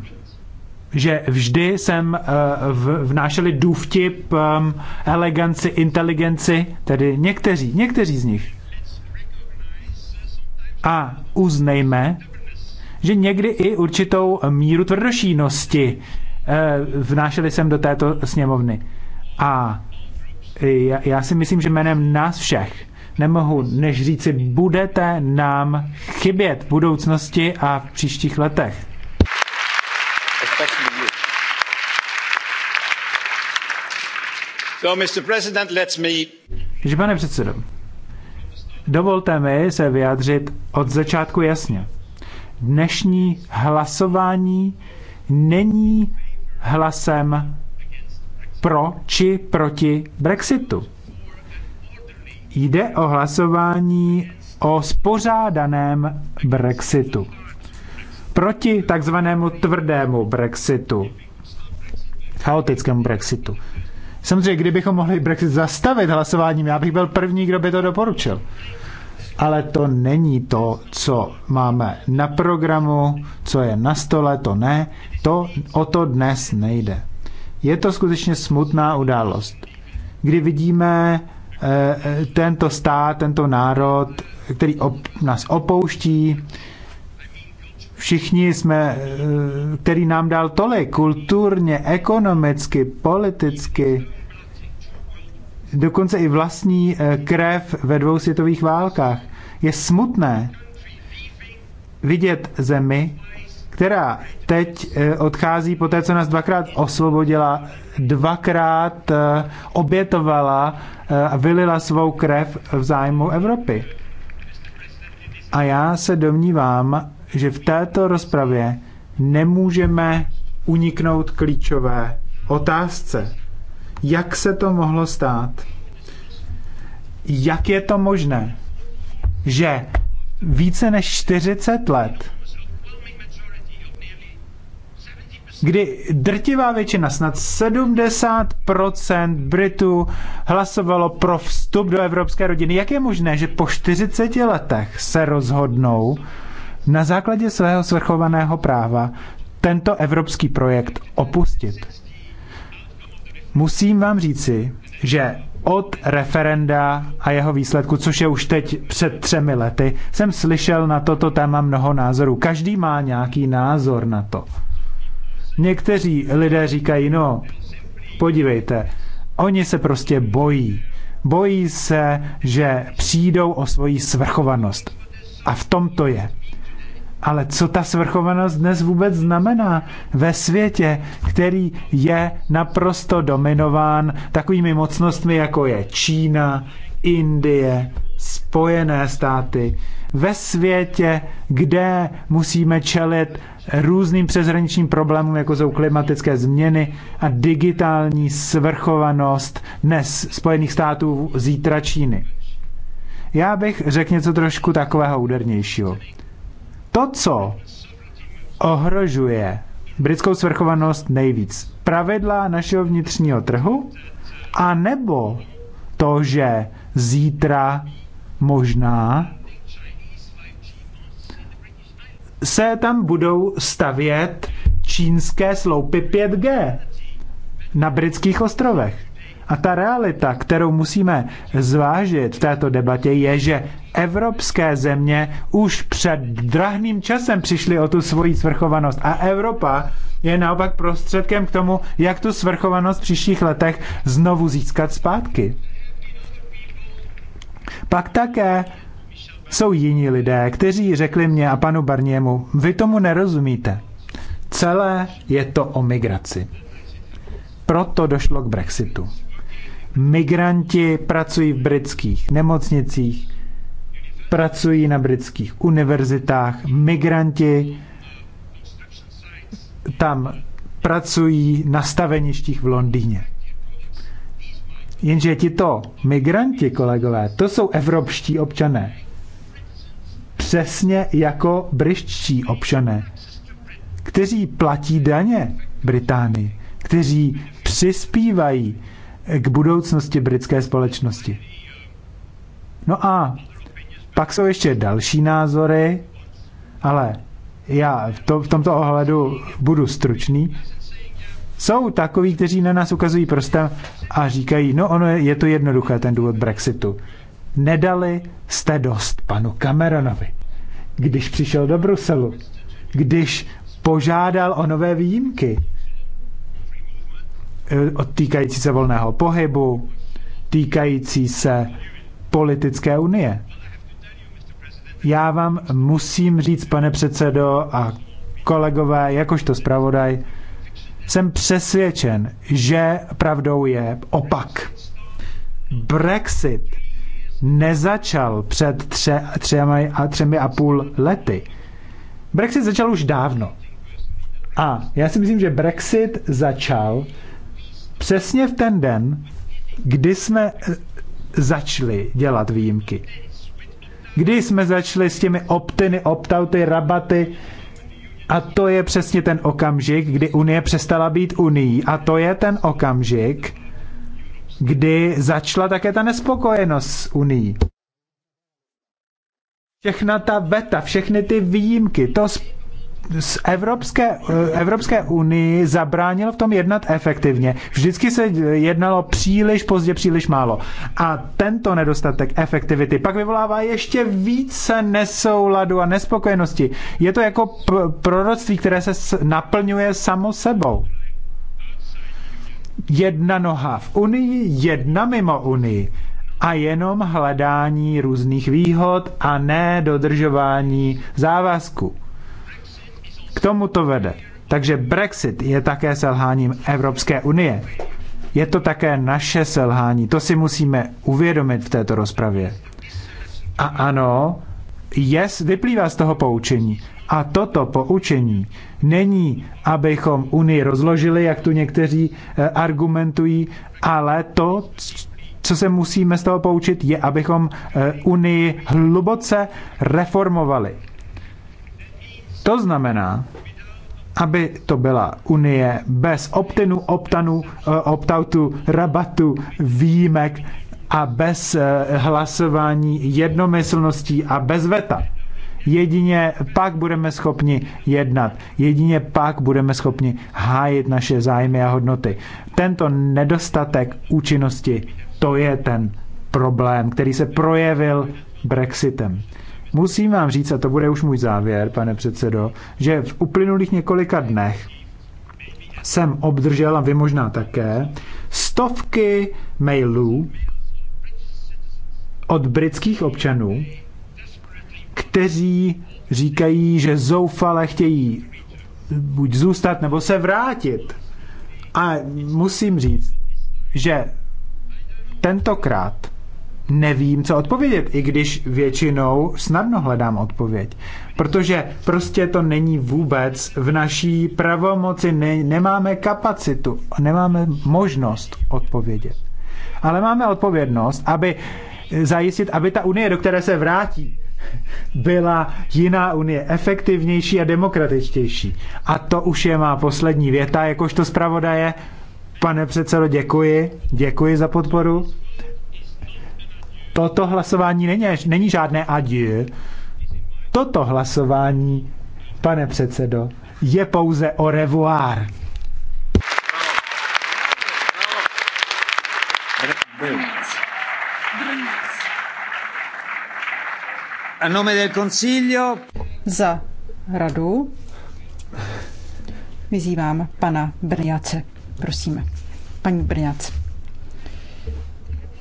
že vždy jsem eh, vnášeli důvtip, ehm, eleganci, inteligenci, tedy někteří, někteří z nich. A uznejme, že někdy i určitou míru tvrdošínosti eh, vnášeli jsem do této sněmovny. A já si myslím, že jménem nás všech nemohu než říci, budete nám chybět v budoucnosti a v příštích letech. Takže pane předsedo, dovolte mi se vyjádřit od začátku jasně. Dnešní hlasování není hlasem pro či proti Brexitu. Jde o hlasování o spořádaném Brexitu. Proti takzvanému tvrdému Brexitu, chaotickému Brexitu. Samozřejmě, kdybychom mohli Brexit zastavit hlasováním, já bych byl první, kdo by to doporučil. Ale to není to, co máme na programu, co je na stole, to ne. To o to dnes nejde. Je to skutečně smutná událost, kdy vidíme eh, eh tento stát, tento národ, který op, nás opouští, všichni jsme, eh, který nám dal tolik, kulturně, ekonomicky, politicky, dokonce i vlastní eh, krev ve dvou světových válkách. Je smutné vidět zemi, která teď eh, odchází po té, co nás dvakrát osvobodila, dvakrát obětovala a vylila svou krev v zájmu Evropy. A já se domnívám, že v této rozpravě nemůžeme uniknout klíčové otázce. Jak se to mohlo stát? Jak je to možné, že více než 40 let, kdy drtivá většina, snad 70% Britů hlasovalo pro vstup do Evropské rodiny, jak je možné, že po 40 letech se rozhodnou, na základě svého svrchovaného práva tento evropský projekt opustit. Musím vám říci, že od referenda a jeho výsledku, což je už teď před třemi lety, jsem slyšel na toto téma mnoho názorů. Každý má nějaký názor na to. Někteří lidé říkají, no, podívejte, oni se prostě bojí. Bojí se, že přijdou o svoji svrchovanost. A v tom to je. Ale co ta svrchovanost dnes vůbec znamená ve světě, který je naprosto dominován takovými mocnostmi, jako je Čína, Indie, Spojené státy, ve světě, kde musíme čelit různým přeshraničním problémům, jako jsou klimatické změny a digitální svrchovanost dnes Spojených států, zítra Číny. Já bych řekl něco trošku takového údernějšího. To, co ohrožuje britskou svrchovanost nejvíc, pravidla našeho vnitřního trhu, a nebo to, že zítra možná se tam budou stavět čínské sloupy 5G na britských ostrovech. A ta realita, kterou musíme zvážit v této debatě, je, že evropské země už před drahným časem přišly o tu svoji svrchovanost a Evropa je naopak prostředkem k tomu, jak tu svrchovanost v příštích letech znovu získat zpátky. Pak také jsou jiní lidé, kteří řekli mě a panu Barniemu, vy tomu nerozumíte. Celé je to o migraci. Proto došlo k Brexitu. Migranti pracují v britských nemocnicích, pracují na britských univerzitách, migranti tam pracují na staveništích v Londýně. Jenže tito migranti, kolegové, to jsou evropští občané. Přesně jako britští občané, kteří platí daně Británii, kteří přispívají k budoucnosti britské společnosti. No a pak jsou ještě další názory, ale já v, to, v tomto ohledu budu stručný. Jsou takoví, kteří na nás ukazují prostě a říkají, no ono je, je to jednoduché, ten důvod Brexitu. Nedali jste dost panu Cameronovi, když přišel do Bruselu, když požádal o nové výjimky, Eh, týkající se volného pohybu, týkající se politické unie. Já vám musím říct, pane předsedo a kolegové, jakožto zpravodaj, jsem přesvědčen, že pravdou je opak. Brexit nezačal před tře, třemi, a třemi a půl lety. Brexit začal už dávno. A já si myslím, že Brexit začal přesně v ten den, kdy jsme eh, začali dělat výjimky. Kdy jsme začali s těmi optiny, optauty, rabaty, a to je přesně ten okamžik, kdy Unie přestala být Unii. A to je ten okamžik, kdy začala také ta nespokojenost s Unii. Všechna ta veta, všechny ty výjimky, to z Evropské, eh, Evropské unii zabránil v tom jednat efektivně. Vždycky se eh, jednalo příliš pozdě, příliš málo. A tento nedostatek efektivity pak vyvolává ještě více nesouladu a nespokojenosti. Je to jako proroctví, které se naplňuje samo sebou. Jedna noha v Unii, jedna mimo Unii. A jenom hledání různých výhod a ne dodržování závazku tomu to vede. Takže Brexit je také selháním Evropské unie. Je to také naše selhání. To si musíme uvědomit v této rozpravě. A ano, yes, vyplývá z toho poučení. A toto poučení není, abychom Unii rozložili, jak tu někteří eh, argumentují, ale to, co se musíme z toho poučit, je, abychom eh, Unii hluboce reformovali. To znamená, aby to byla unie bez optinu, optanu, eh, optautu, rabatu, výjimek a bez eh, hlasování jednomyslností a bez veta. Jedině pak budeme schopni jednat. Jedině pak budeme schopni hájit naše zájmy a hodnoty. Tento nedostatek účinnosti, to je ten problém, který se projevil Brexitem. Musím vám říct, a to bude už můj závěr, pane předsedo, že v uplynulých několika dnech jsem obdržel, a vy možná také, stovky mailů od britských občanů, kteří říkají, že zoufale chtějí buď zůstat nebo se vrátit. A musím říct, že tentokrát nevím, co odpovědět, i když většinou snadno hledám odpověď. Protože prostě to není vůbec v naší pravomoci, ne, nemáme kapacitu, nemáme možnost odpovědět. Ale máme odpovědnost, aby eh, zajistit, aby ta unie, do které se vrátí, byla jiná unie, efektivnější a demokratičtější. A to už je má poslední věta, jakožto zpravodaje. Pane předsedo, děkuji. Děkuji za podporu. Toto hlasování není, není žádné adie. Toto hlasování, pane předsedo, je pouze o revoir. A nome del Consiglio. Za radu vyzývám pana Brňace. Prosíme. Paní Brňace.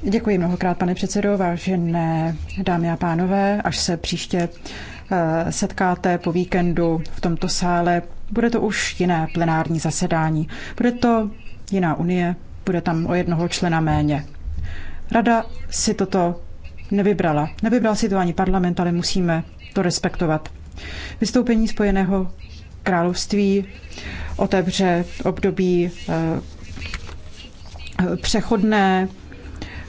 Děkuji mnohokrát, pane předsedo, vážené dámy a pánové. Až se příště eh, setkáte po víkendu v tomto sále, bude to už jiné plenární zasedání. Bude to jiná unie, bude tam o jednoho člena méně. Rada si toto nevybrala. Nevybral si to ani parlament, ale musíme to respektovat. Vystoupení Spojeného království otevře období eh, přechodné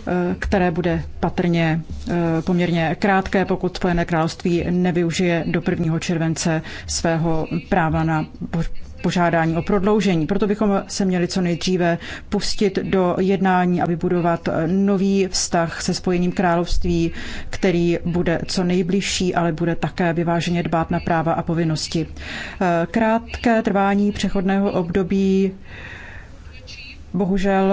Eh, které bude patrně eh, poměrně krátké, pokud Spojené království nevyužije do 1. července svého práva na požádání o prodloužení. Proto bychom se měli co nejdříve pustit do jednání a vybudovat eh, nový vztah se Spojeným království, který bude co nejbližší, ale bude také vyváženě dbát na práva a povinnosti. Krátké trvání přechodného období bohužel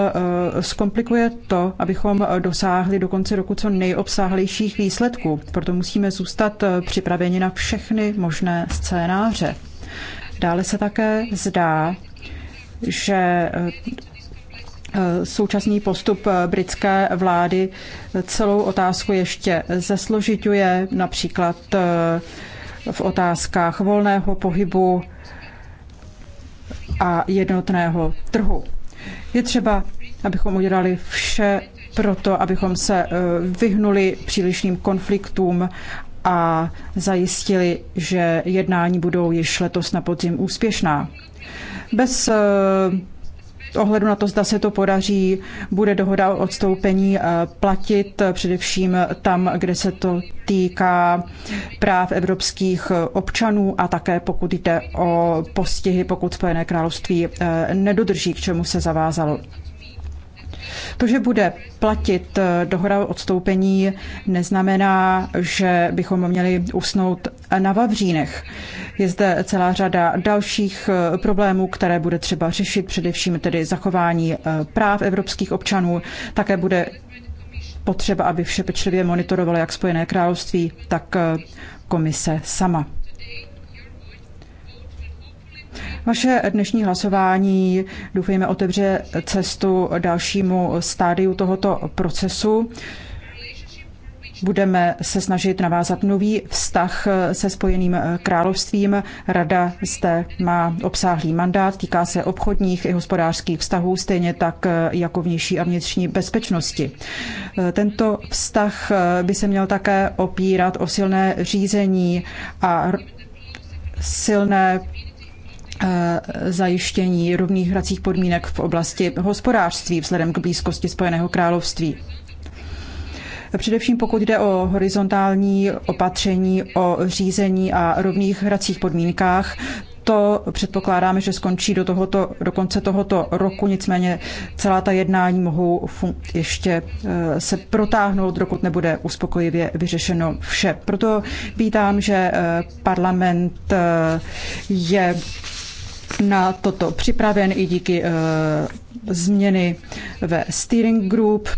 eh, zkomplikuje to, abychom eh, dosáhli do konce roku co nejobsáhlejších výsledků. Proto musíme zůstat eh, připraveni na všechny možné scénáře. Dále se také zdá, že současný postup britské vlády celou otázku ještě zesložituje, například v otázkách volného pohybu a jednotného trhu. Je třeba, abychom udělali vše pro to, abychom se eh, vyhnuli přílišným konfliktům a zajistili, že jednání budou již letos na podzim úspěšná. Bez eh, ohledu na to, zda se to podaří, bude dohoda o odstoupení eh, platit eh, především tam, kde se to týká práv evropských eh, občanů a také pokud jde o postihy, pokud Spojené království nedodrží, k čemu se zavázalo. To, že bude platit eh, dohoda o odstoupení, neznamená, že bychom měli usnout na Vavřínech. Je zde celá řada dalších eh, problémů, které bude třeba řešit, především tedy zachování eh, práv evropských občanů. Také bude potřeba, aby vše pečlivě monitorovalo jak Spojené království, tak komise sama. Vaše dnešní hlasování, doufejme, otevře cestu dalšímu stádiu tohoto procesu. Budeme se snažit navázat nový vztah se Spojeným královstvím. Rada zde má obsáhlý mandát, týká se obchodních i hospodářských vztahů, stejně tak jako vnější a vnitřní bezpečnosti. Tento vztah by se měl také opírat o silné řízení a silné Eh, zajištění rovných hracích podmínek v oblasti hospodářství vzhledem k blízkosti Spojeného království. Především pokud jde o horizontální opatření o řízení a rovných hracích podmínkách, to předpokládáme, že skončí do, tohoto, do konce tohoto roku, nicméně celá ta jednání mohou ještě eh, se protáhnout, dokud nebude uspokojivě vyřešeno vše. Proto vítám, že eh, parlament je na toto připraven i díky eh, změny ve steering group.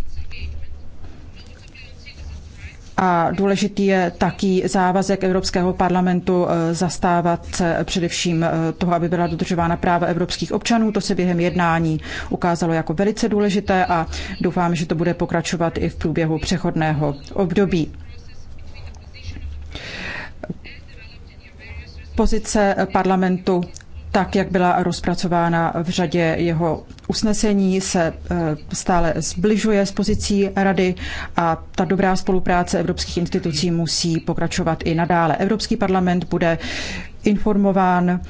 A důležitý je taky závazek Evropského parlamentu eh, zastávat se především eh, toho, aby byla dodržována práva evropských občanů. To se během jednání ukázalo jako velice důležité a doufám, že to bude pokračovat i v průběhu přechodného období. Pozice parlamentu tak, jak byla rozpracována v řadě jeho usnesení, se eh, stále zbližuje s pozicí rady a ta dobrá spolupráce evropských institucí musí pokračovat i nadále. Evropský parlament bude informován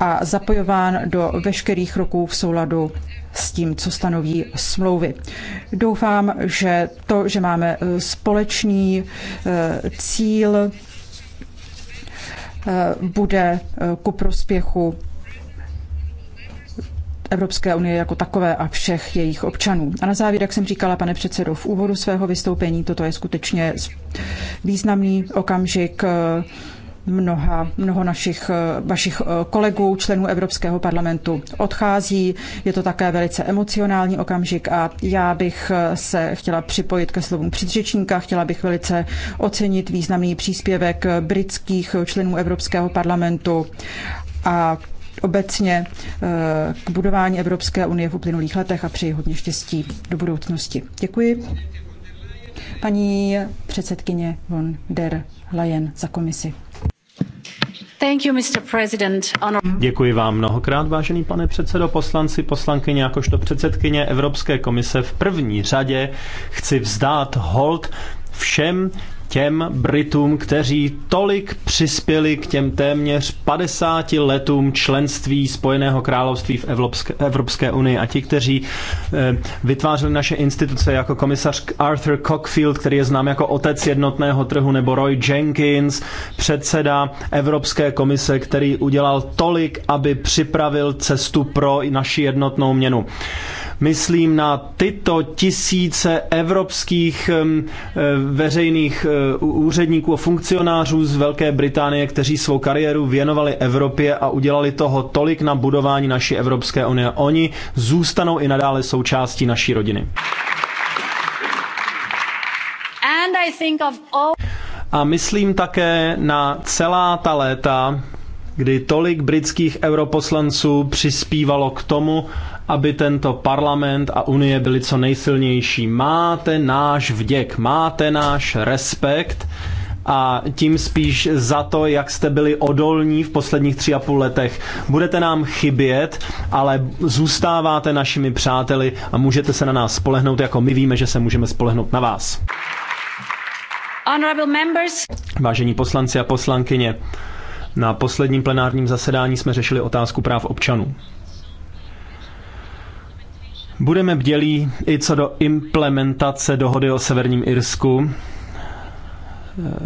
a zapojován do veškerých kroků v souladu s tím, co stanoví smlouvy. Doufám, že to, že máme eh, společný eh, cíl, bude ku prospěchu Evropské unie jako takové a všech jejich občanů. A na závěr, jak jsem říkala, pane předsedo, v úvodu svého vystoupení, toto je skutečně významný okamžik eh, mnoha, mnoho našich, eh, vašich eh, kolegů, členů Evropského parlamentu odchází. Je to také velice emocionální okamžik a já bych se chtěla připojit ke slovům předřečníka. Chtěla bych velice ocenit významný příspěvek britských členů Evropského parlamentu a obecně eh, k budování Evropské unie v uplynulých letech a přeji hodně štěstí do budoucnosti. Děkuji. Paní předsedkyně von der Leyen za komisi. You, Děkuji vám mnohokrát, vážený pane předsedo, poslanci, poslankyně, jakožto předsedkyně Evropské komise. V první řadě chci vzdát hold všem těm Britům, kteří tolik přispěli k těm téměř 50 letům členství Spojeného království v Evropské, Evropské unii a ti, kteří e, vytvářeli naše instituce jako komisař Arthur Cockfield, který je znám jako otec jednotného trhu, nebo Roy Jenkins, předseda Evropské komise, který udělal tolik, aby připravil cestu pro naši jednotnou měnu. Myslím na tyto tisíce evropských e, veřejných Eh, úředníků a funkcionářů z Velké Británie, kteří svou kariéru věnovali Evropě a udělali toho tolik na budování naší Evropské unie. Oni zůstanou i nadále součástí naší rodiny. A myslím také na celá ta léta, kdy tolik britských europoslanců přispívalo k tomu, aby tento parlament a Unie byly co nejsilnější. Máte náš vděk, máte náš respekt a tím spíš za to, jak jste byli odolní v posledních tři a půl letech. Budete nám chybět, ale zůstáváte našimi přáteli a můžete se na nás spolehnout, jako my víme, že se můžeme spolehnout na vás. Vážení poslanci a poslankyně, na posledním plenárním zasedání jsme řešili otázku práv občanů. Budeme bdělí i co do implementace dohody o Severním Irsku. Eh,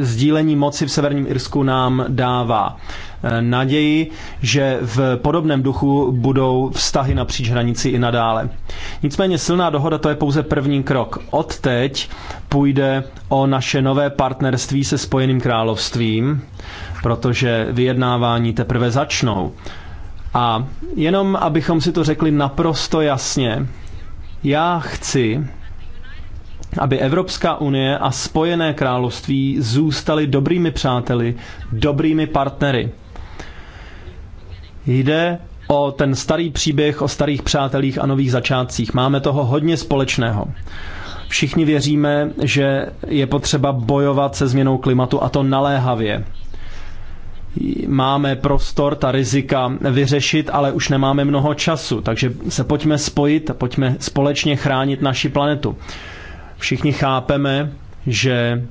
sdílení moci v Severním Irsku nám dává eh, naději, že v podobném duchu budou vztahy napříč hranici i nadále. Nicméně silná dohoda to je pouze první krok. Od teď půjde o naše nové partnerství se Spojeným královstvím, protože vyjednávání teprve začnou. A jenom abychom si to řekli naprosto jasně, já chci, aby Evropská unie a Spojené království zůstaly dobrými přáteli, dobrými partnery. Jde o ten starý příběh o starých přátelích a nových začátcích. Máme toho hodně společného. Všichni věříme, že je potřeba bojovat se změnou klimatu a to naléhavě máme prostor ta rizika vyřešit, ale už nemáme mnoho času, takže se pojďme spojit a pojďme společně chránit naši planetu. Všichni chápeme, že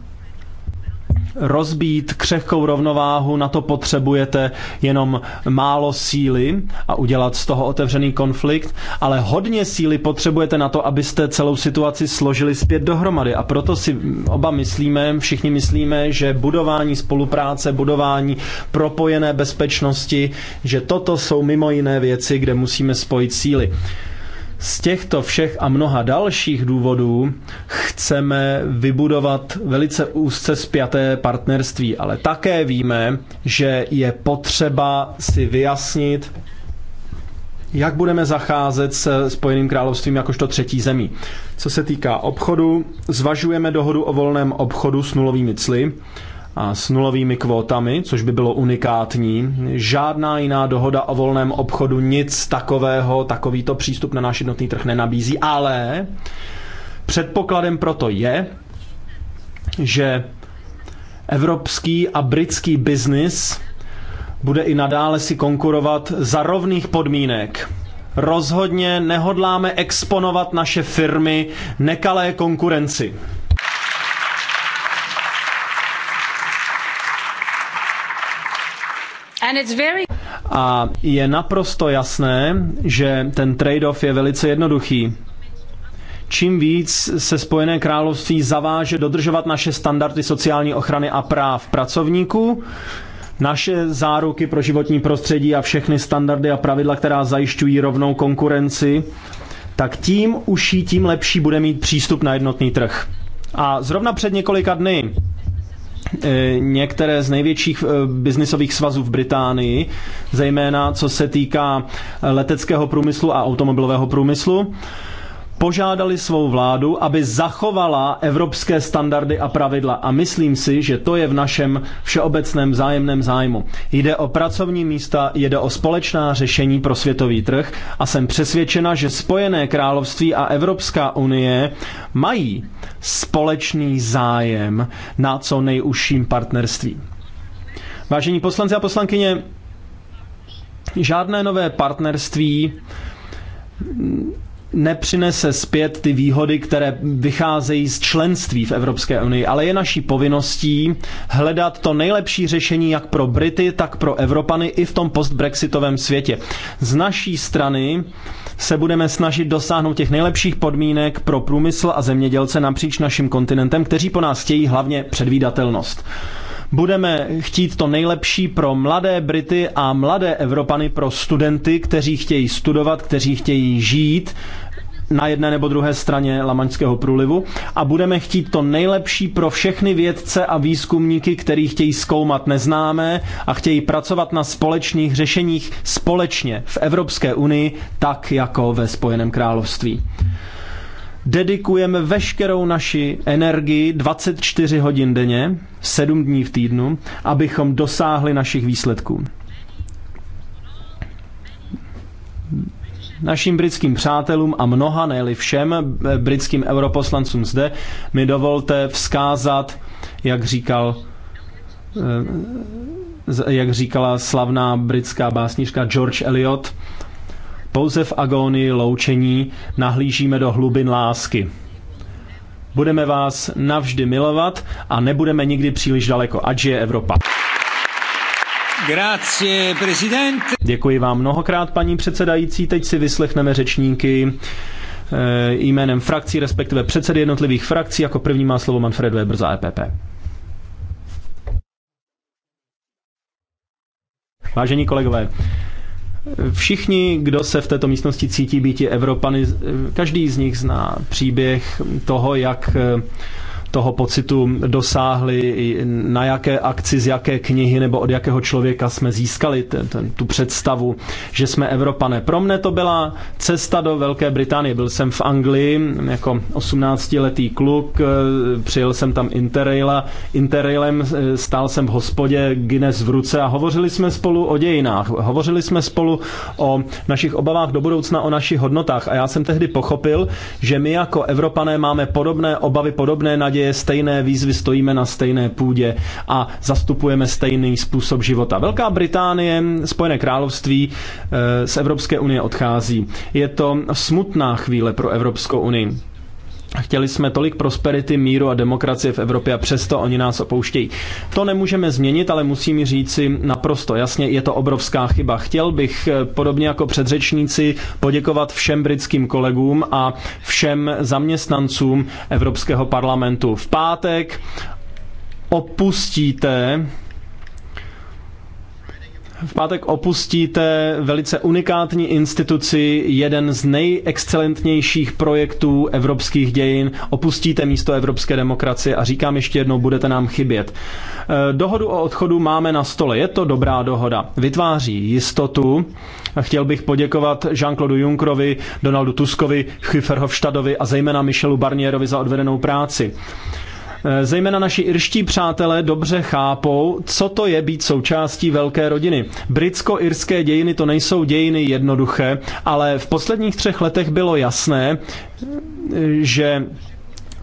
rozbít křehkou rovnováhu, na to potřebujete jenom málo síly a udělat z toho otevřený konflikt, ale hodně síly potřebujete na to, abyste celou situaci složili zpět dohromady. A proto si oba myslíme, všichni myslíme, že budování spolupráce, budování propojené bezpečnosti, že toto jsou mimo jiné věci, kde musíme spojit síly. Z těchto všech a mnoha dalších důvodů chceme vybudovat velice úzce spjaté partnerství, ale také víme, že je potřeba si vyjasnit, jak budeme zacházet s Spojeným královstvím jakožto třetí zemí. Co se týká obchodu, zvažujeme dohodu o volném obchodu s nulovými cly, s nulovými kvótami, což by bylo unikátní. Žádná jiná dohoda o volném obchodu nic takového, takovýto přístup na náš jednotný trh nenabízí, ale předpokladem proto je, že evropský a britský biznis bude i nadále si konkurovat za rovných podmínek. Rozhodně nehodláme exponovat naše firmy nekalé konkurenci. A je naprosto jasné, že ten trade-off je velice jednoduchý. Čím víc se Spojené království zaváže dodržovat naše standardy sociální ochrany a práv pracovníků, naše záruky pro životní prostředí a všechny standardy a pravidla, která zajišťují rovnou konkurenci, tak tím uší, tím lepší bude mít přístup na jednotný trh. A zrovna před několika dny Eh, některé z největších eh, biznisových svazů v Británii, zejména co se týká eh, leteckého průmyslu a automobilového průmyslu požádali svou vládu, aby zachovala evropské standardy a pravidla. A myslím si, že to je v našem všeobecném zájemném zájmu. Jde o pracovní místa, jde o společná řešení pro světový trh a jsem přesvědčena, že Spojené království a Evropská unie mají společný zájem na co nejužším partnerství. Vážení poslanci a poslankyně, žádné nové partnerství nepřinese zpět ty výhody, které vycházejí z členství v Evropské unii, ale je naší povinností hledat to nejlepší řešení jak pro Brity, tak pro Evropany i v tom postbrexitovém světě. Z naší strany se budeme snažit dosáhnout těch nejlepších podmínek pro průmysl a zemědělce napříč naším kontinentem, kteří po nás chtějí hlavně předvídatelnost. Budeme chtít to nejlepší pro mladé Brity a mladé Evropany, pro studenty, kteří chtějí studovat, kteří chtějí žít na jedné nebo druhé straně Lamaňského průlivu a budeme chtít to nejlepší pro všechny vědce a výzkumníky, kteří chtějí zkoumat neznámé a chtějí pracovat na společných řešeních společně v Evropské unii, tak jako ve Spojeném království dedikujeme veškerou naši energii 24 hodin denně, 7 dní v týdnu, abychom dosáhli našich výsledků. Našim britským přátelům a mnoha, ne všem eh, britským europoslancům zde, mi dovolte vzkázat, jak říkal eh, jak říkala slavná britská básnička George Eliot, pouze v agónii loučení nahlížíme do hlubin lásky. Budeme vás navždy milovat a nebudeme nikdy příliš daleko, ať je Evropa. Grazie, prezident. Děkuji vám mnohokrát, paní předsedající. Teď si vyslechneme řečníky eh, jménem frakcí, respektive předsedy jednotlivých frakcí. Jako první má slovo Manfred Weber za EPP. Vážení kolegové, Všichni, kdo se v této místnosti cítí býti Evropany, každý z nich zná příběh toho, jak toho pocitu dosáhli, na jaké akci, z jaké knihy nebo od jakého člověka jsme získali ten, ten, tu představu, že jsme Evropané. Pro mne to byla cesta do Velké Británie. Byl jsem v Anglii jako 18-letý kluk, eh, přijel jsem tam Interraila, Interrailem eh, stál jsem v hospodě Guinness v ruce a hovořili jsme spolu o dějinách, hovořili jsme spolu o našich obavách do budoucna, o našich hodnotách a já jsem tehdy pochopil, že my jako Evropané máme podobné obavy, podobné naděje, naděje, stejné výzvy, stojíme na stejné půdě a zastupujeme stejný způsob života. Velká Británie, Spojené království eh, z Evropské unie odchází. Je to smutná chvíle pro Evropskou unii. Chtěli jsme tolik prosperity, míru a demokracie v Evropě a přesto oni nás opouštějí. To nemůžeme změnit, ale musím říci naprosto jasně, je to obrovská chyba. Chtěl bych eh, podobně jako předřečníci poděkovat všem britským kolegům a všem zaměstnancům Evropského parlamentu. V pátek opustíte v pátek opustíte velice unikátní instituci, jeden z nejexcelentnějších projektů evropských dějin. Opustíte místo evropské demokracie a říkám ještě jednou, budete nám chybět. Eh, dohodu o odchodu máme na stole, je to dobrá dohoda. Vytváří jistotu. Chtěl bych poděkovat Jean-Claude Junckerovi, Donaldu Tuskovi, Schifferhofstadovi a zejména Michelu Barnierovi za odvedenou práci. Eh, zejména naši irští přátelé dobře chápou, co to je být součástí velké rodiny. Britsko-irské dějiny to nejsou dějiny jednoduché, ale v posledních třech letech bylo jasné, eh, že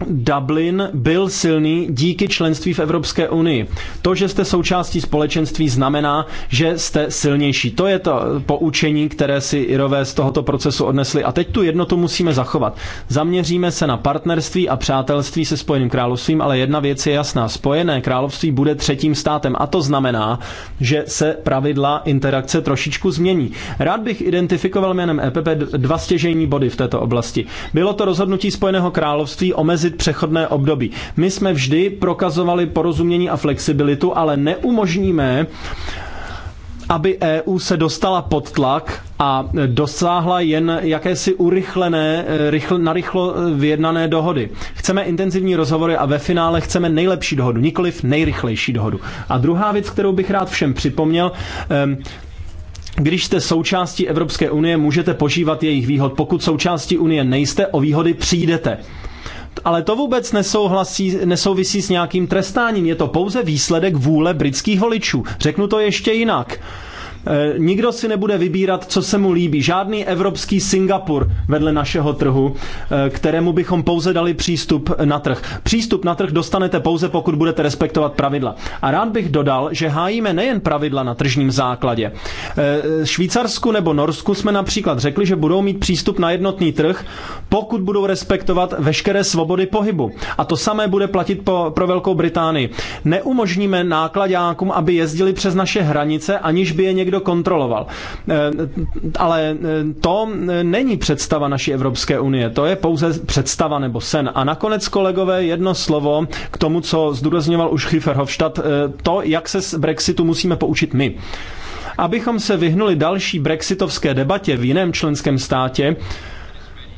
Dublin byl silný díky členství v Evropské unii. To, že jste součástí společenství, znamená, že jste silnější. To je to poučení, které si Irové z tohoto procesu odnesli. A teď tu jednotu musíme zachovat. Zaměříme se na partnerství a přátelství se Spojeným královstvím, ale jedna věc je jasná. Spojené království bude třetím státem a to znamená, že se pravidla interakce trošičku změní. Rád bych identifikoval jménem EPP dva stěžejní body v této oblasti. Bylo to rozhodnutí Spojeného království omezit omezit přechodné období. My jsme vždy prokazovali porozumění a flexibilitu, ale neumožníme aby EU se dostala pod tlak a dosáhla jen jakési urychlené, eh, rychl, narychlo eh, vyjednané dohody. Chceme intenzivní rozhovory a ve finále chceme nejlepší dohodu, nikoliv nejrychlejší dohodu. A druhá věc, kterou bych rád všem připomněl, ehm, když jste součástí Evropské unie, můžete požívat jejich výhod. Pokud součástí unie nejste, o výhody přijdete ale to vůbec nesouhlasí, nesouvisí s nějakým trestáním. Je to pouze výsledek vůle britských voličů. Řeknu to ještě jinak. Eh, nikdo si nebude vybírat, co se mu líbí. Žádný evropský Singapur vedle našeho trhu, eh, kterému bychom pouze dali přístup na trh. Přístup na trh dostanete pouze, pokud budete respektovat pravidla. A rád bych dodal, že hájíme nejen pravidla na tržním základě. Eh, Švýcarsku nebo Norsku jsme například řekli, že budou mít přístup na jednotný trh, pokud budou respektovat veškeré svobody pohybu. A to samé bude platit po, pro Velkou Británii. Neumožníme nákladňákům, aby jezdili přes naše hranice, aniž by je někdo někdo kontroloval. Eh, ale eh, to eh, není představa naší Evropské unie, to je pouze představa nebo sen. A nakonec, kolegové, jedno slovo k tomu, co zdůrazňoval už Schieferhofstadt, to, jak se z Brexitu musíme poučit my. Abychom se vyhnuli další brexitovské debatě v jiném členském státě,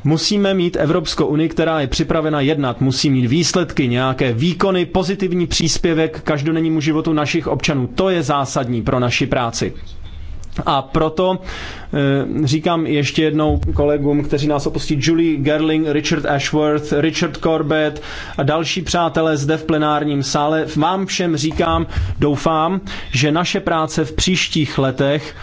Musíme mít Evropskou unii, která je připravena jednat, musí mít výsledky, nějaké výkony, pozitivní příspěvek k každodennímu životu našich občanů. To je zásadní pro naši práci. A proto eh, říkám ještě jednou kolegům, kteří nás opustí, Julie Gerling, Richard Ashworth, Richard Corbett a další přátelé zde v plenárním sále, vám všem říkám, doufám, že naše práce v příštích letech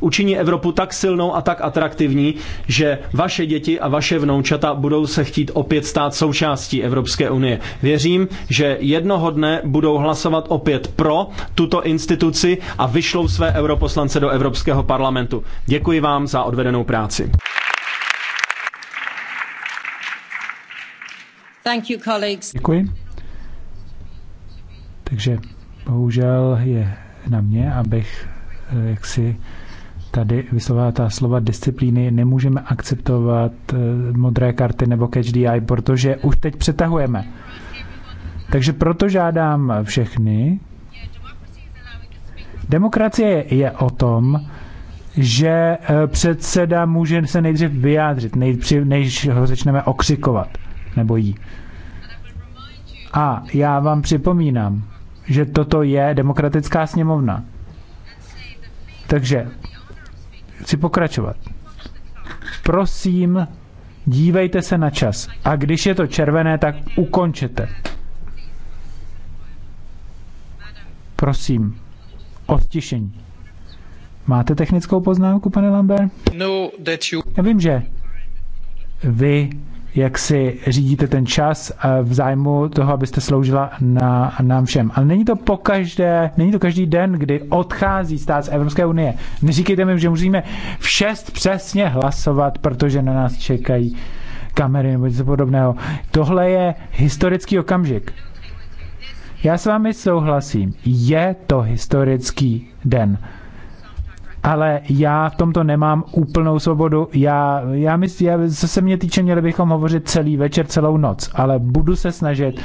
učiní Evropu tak silnou a tak atraktivní, že vaše děti a vaše vnoučata budou se chtít opět stát součástí Evropské unie. Věřím, že jednoho dne budou hlasovat opět pro tuto instituci a vyšlou své europoslance do Evropského parlamentu. Děkuji vám za odvedenou práci. Děkuji. Takže bohužel je na mě, abych eh, jaksi tady vyslovila ta slova disciplíny, nemůžeme akceptovat eh, modré karty nebo catch the eye, protože už teď přetahujeme. Takže proto žádám všechny. Demokracie je o tom, že eh, předseda může se nejdřív vyjádřit, nejdřív, než ho začneme okřikovat, nebo jí. A já vám připomínám, že toto je demokratická sněmovna. Takže chci pokračovat. Prosím, dívejte se na čas. A když je to červené, tak ukončete. Prosím, o stišení. Máte technickou poznámku, pane Lambert? No, that you... Já vím, že vy jak si řídíte ten čas v zájmu toho, abyste sloužila na, nám všem. Ale není to po každé, není to každý den, kdy odchází stát z Evropské unie. Neříkejte mi, že musíme v šest přesně hlasovat, protože na nás čekají kamery nebo něco podobného. Tohle je historický okamžik. Já s vámi souhlasím. Je to historický den ale já v tomto nemám úplnou svobodu. Já, já myslím, já, co se mě týče, měli bychom hovořit celý večer, celou noc, ale budu se snažit,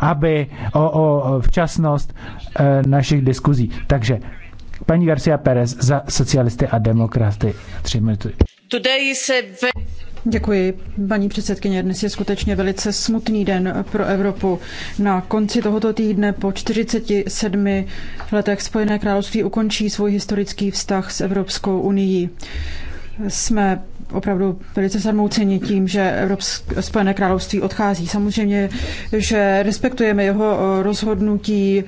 aby o, o včasnost e, našich diskuzí. Takže paní Garcia Perez za socialisty a demokraty. Tři minuty. Today is a Děkuji, paní předsedkyně. Dnes je skutečně velice smutný den pro Evropu. Na konci tohoto týdne po 47 letech Spojené království ukončí svůj historický vztah s Evropskou unii. Jsme opravdu velice zarmouceni tím, že Evropské Spojené království odchází. Samozřejmě, že respektujeme jeho eh, rozhodnutí,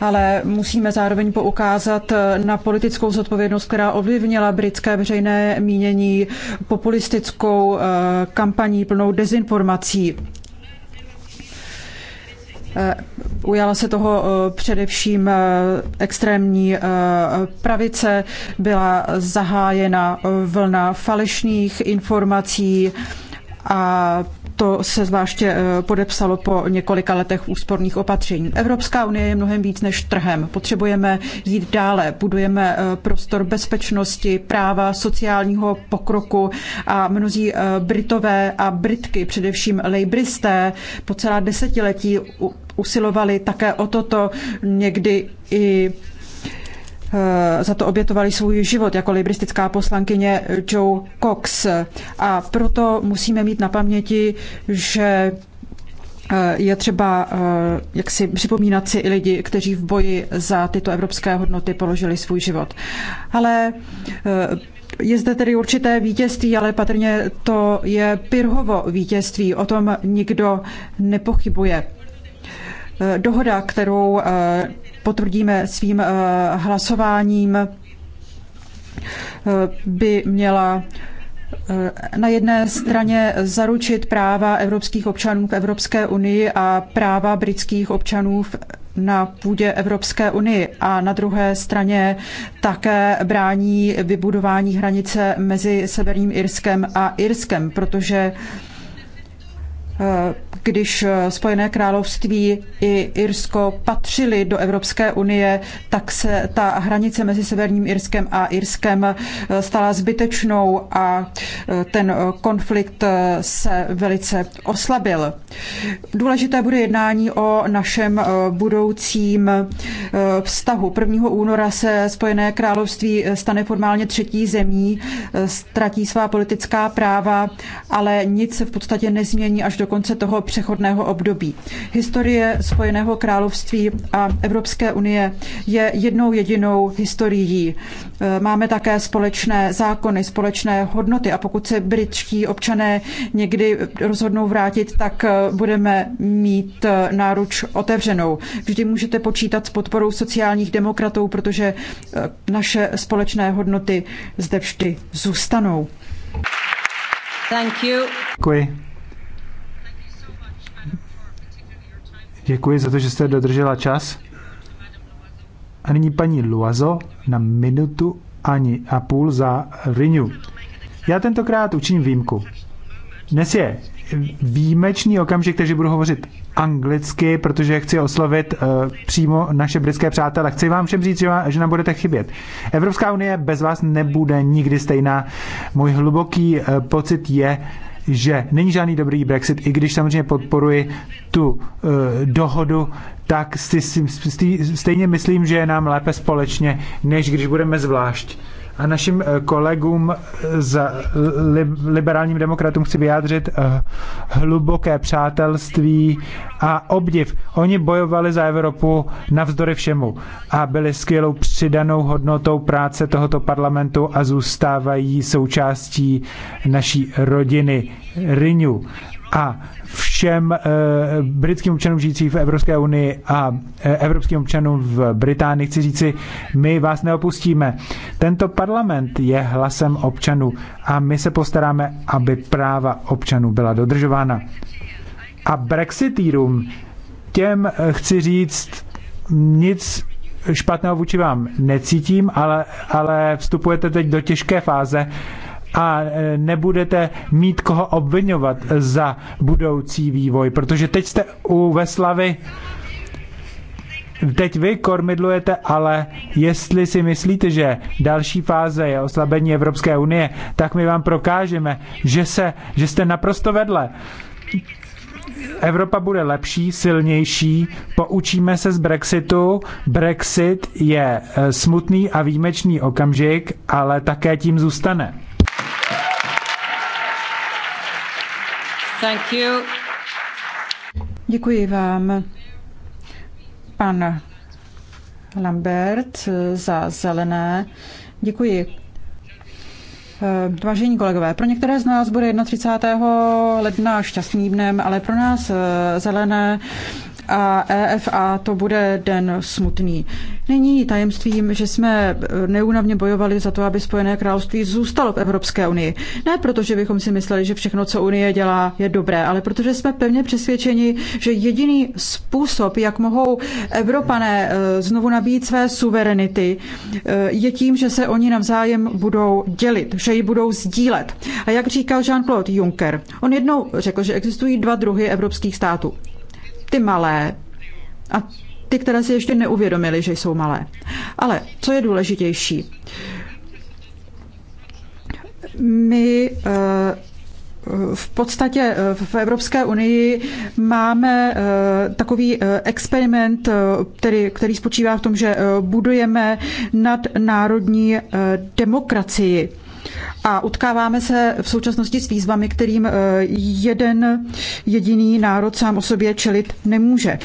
ale musíme zároveň poukázat eh, na politickou zodpovědnost, která ovlivnila britské veřejné mínění populistickou eh, kampaní plnou dezinformací. Eh, ujala se toho eh, především eh, extrémní pravice, byla zahájena vlna falešných informací a to se zvláště eh, podepsalo po několika letech úsporných opatření. Evropská unie je mnohem víc než trhem. Potřebujeme jít dále. Budujeme eh, prostor bezpečnosti, práva, sociálního pokroku a mnozí eh, Britové a Britky, především lejbristé, po celá desetiletí usilovali také o toto někdy i Eh, za to obětovali svůj život jako libristická poslankyně Joe Cox. A proto musíme mít na paměti, že eh, je třeba eh, jak si připomínat si i lidi, kteří v boji za tyto evropské hodnoty položili svůj život. Ale je zde tedy určité vítězství, ale patrně to je Pirhovo vítězství, o tom nikdo nepochybuje. Dohoda, kterou potvrdíme svým eh, hlasováním, eh, by měla eh, na jedné straně zaručit práva evropských občanů v Evropské unii a práva britských občanů v na půdě Evropské unie a na druhé straně také brání vybudování hranice mezi Severním Irskem a Irskem, protože když eh, Spojené království i Irsko patřili do Evropské unie, tak se ta hranice mezi Severním Irskem a Irskem eh, stala zbytečnou a eh, ten konflikt se velice oslabil. Důležité bude jednání o našem budoucím vztahu. 1. února se Spojené království stane formálně třetí zemí, ztratí svá politická práva, ale nic se v podstatě nezmění až do konce toho přechodného období. Historie Spojeného království a Evropské unie je jednou jedinou historií. E, máme také společné zákony, společné hodnoty a pokud se britští občané někdy rozhodnou vrátit, tak e, budeme mít e, náruč otevřenou. Vždy můžete počítat s podporou sociálních demokratů, protože naše společné hodnoty zde vždy zůstanou. Thank you. Děkuji. Děkuji za to, že jste dodržela čas. A nyní paní Luazo na minutu ani a půl za Rinu. Já tentokrát učiním výjimku. Dnes je výjimečný okamžik, takže budu hovořit anglicky, protože chci oslovit uh, přímo naše britské přátelé. Chci vám všem říct, že, vám, že nám budete chybět. Evropská unie bez vás nebude nikdy stejná. Můj hluboký uh, pocit je, uh, že není žádný dobrý Brexit, i když samozřejmě podporuji tu uh, dohodu, tak si, si, stejně myslím, že je nám lépe společně, než když budeme zvlášť. A našim eh, kolegům z liberálním demokratům chci vyjádřit eh, hluboké přátelství a obdiv. Oni bojovali za Evropu navzdory všemu a byli skvělou přidanou hodnotou práce tohoto parlamentu a zůstávají součástí naší rodiny Rinu a všem e, britským občanům žijící v Evropské unii a e, evropským občanům v Británii chci říci, my vás neopustíme. Tento parlament je hlasem občanů a my se postaráme, aby práva občanů byla dodržována. A brexitýrům, těm eh, chci říct, nic špatného vůči vám necítím, ale, ale vstupujete teď do těžké fáze a e, nebudete mít koho obvinovat za budoucí vývoj, protože teď jste u Veslavy Teď vy kormidlujete, ale jestli si myslíte, že další fáze je oslabení Evropské unie, tak my vám prokážeme, že, se, že jste naprosto vedle. Evropa bude lepší, silnější, poučíme se z Brexitu. Brexit je e, smutný a výjimečný okamžik, ale také tím zůstane. Děkuji vám, pan Lambert, za zelené. Děkuji. Eh, vážení kolegové, pro některé z nás bude 31. ledna šťastným dnem, ale pro nás eh, zelené a EFA to bude den smutný. Není tajemstvím, že jsme neúnavně bojovali za to, aby Spojené království zůstalo v Evropské unii. Ne proto, že bychom si mysleli, že všechno, co Unie dělá, je dobré, ale protože jsme pevně přesvědčeni, že jediný způsob, jak mohou Evropané eh, znovu nabít své suverenity, eh, je tím, že se oni navzájem budou dělit, že ji budou sdílet. A jak říkal Jean-Claude Juncker, on jednou řekl, že existují dva druhy evropských států ty malé a ty, které si ještě neuvědomili, že jsou malé. Ale co je důležitější? My eh, v podstatě eh, v Evropské unii máme eh, takový experiment, který, který spočívá v tom, že budujeme nadnárodní demokracii. A utkáváme se v současnosti s výzvami, kterým eh, jeden jediný národ sám o sobě čelit nemůže.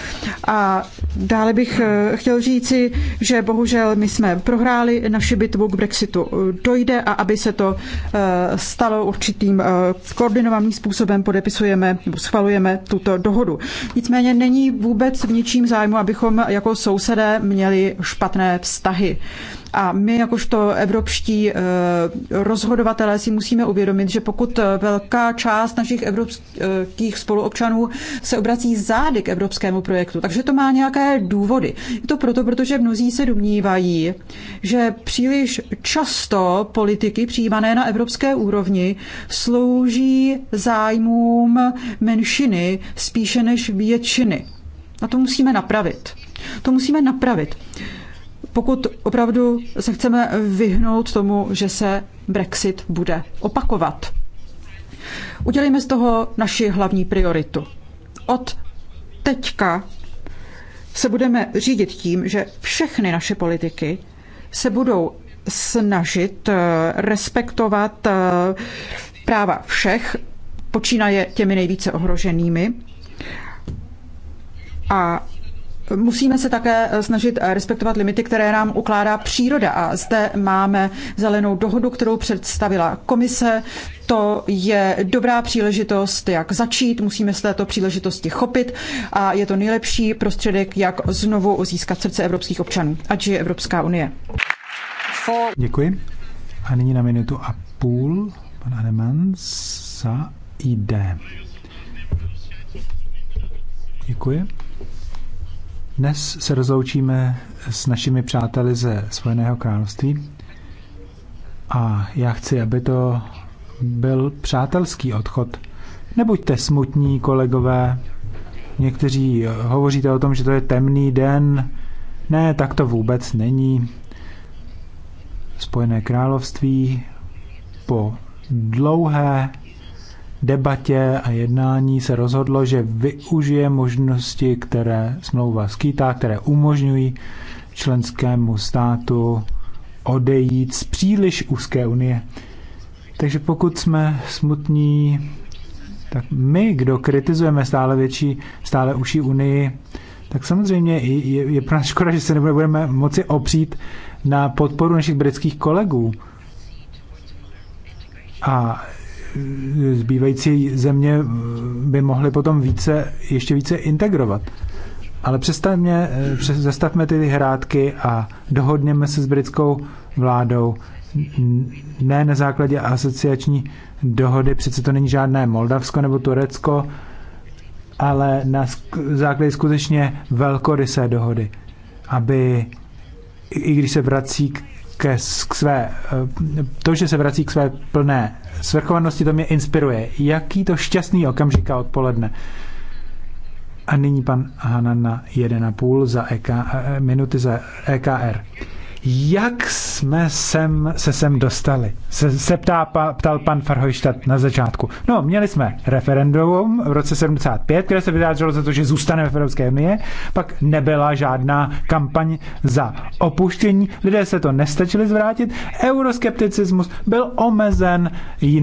A dále bych eh, chtěl říci, že bohužel my jsme prohráli naši bitvu k Brexitu. Eh, dojde a aby se to stalo určitým koordinovaným způsobem, podepisujeme nebo schvalujeme tuto dohodu. Nicméně není vůbec v ničím zájmu, abychom jako sousedé měli špatné vztahy. A my, jakožto evropští eh, rozhodovatelé, si musíme uvědomit, že pokud eh, velká část našich evropských spoluobčanů se obrací zády k evropskému projektu, takže to má nějaké důvody. Je to proto, protože mnozí se domnívají, že příliš často politiky přijímané na evropské úrovni slouží zájmům menšiny spíše než většiny. A to musíme napravit. To musíme napravit pokud opravdu se chceme vyhnout tomu, že se Brexit bude opakovat. Udělejme z toho naši hlavní prioritu. Od teďka se budeme řídit tím, že všechny naše politiky se budou snažit eh, respektovat eh, práva všech, počínaje těmi nejvíce ohroženými. A Musíme se také eh, snažit eh, respektovat limity, které nám ukládá příroda a zde máme zelenou dohodu, kterou představila komise. To je dobrá příležitost, jak začít, musíme se této příležitosti chopit a je to nejlepší prostředek, jak znovu získat srdce evropských občanů. Ať je Evropská unie. Děkuji. A nyní na minutu a půl pan Aneman za ID. Děkuji. Dnes se rozloučíme s našimi přáteli ze Spojeného království a já chci, aby to byl přátelský odchod. Nebuďte smutní, kolegové. Někteří eh, hovoříte o tom, že to je temný den. Ne, tak to vůbec není. Spojené království po dlouhé debatě a jednání se rozhodlo, že využije možnosti, které smlouva skýtá, které umožňují členskému státu odejít z příliš úzké unie. Takže pokud jsme smutní, tak my, kdo kritizujeme stále větší, stále užší unii, tak samozřejmě je, je pro nás škoda, že se nebudeme moci opřít na podporu našich britských kolegů. A zbývající země eh, by mohly potom více, ještě více integrovat. Ale přestavme, eh, zastavme ty hrádky a dohodněme se s britskou vládou. Ne na základě asociační dohody, přece to není žádné Moldavsko nebo Turecko, ale na základě skutečně velkorysé dohody, aby i když se vrací k ke, k své, eh, to, že se vrací k své plné svrchovanosti, to mě inspiruje. Jaký to šťastný okamžik a odpoledne. A nyní pan Hanan na 1,5 za EK, eh, minuty za EKR. Jak jsme sem, se sem dostali? Se, se ptá, pa, ptal pan Farhojštat na začátku. No, měli jsme referendum v roce 75, které se vyjádřilo za to, že zůstaneme v Evropské unii. Pak nebyla žádná kampaň za opuštění. Lidé se to nestačili zvrátit. Euroskepticismus byl omezen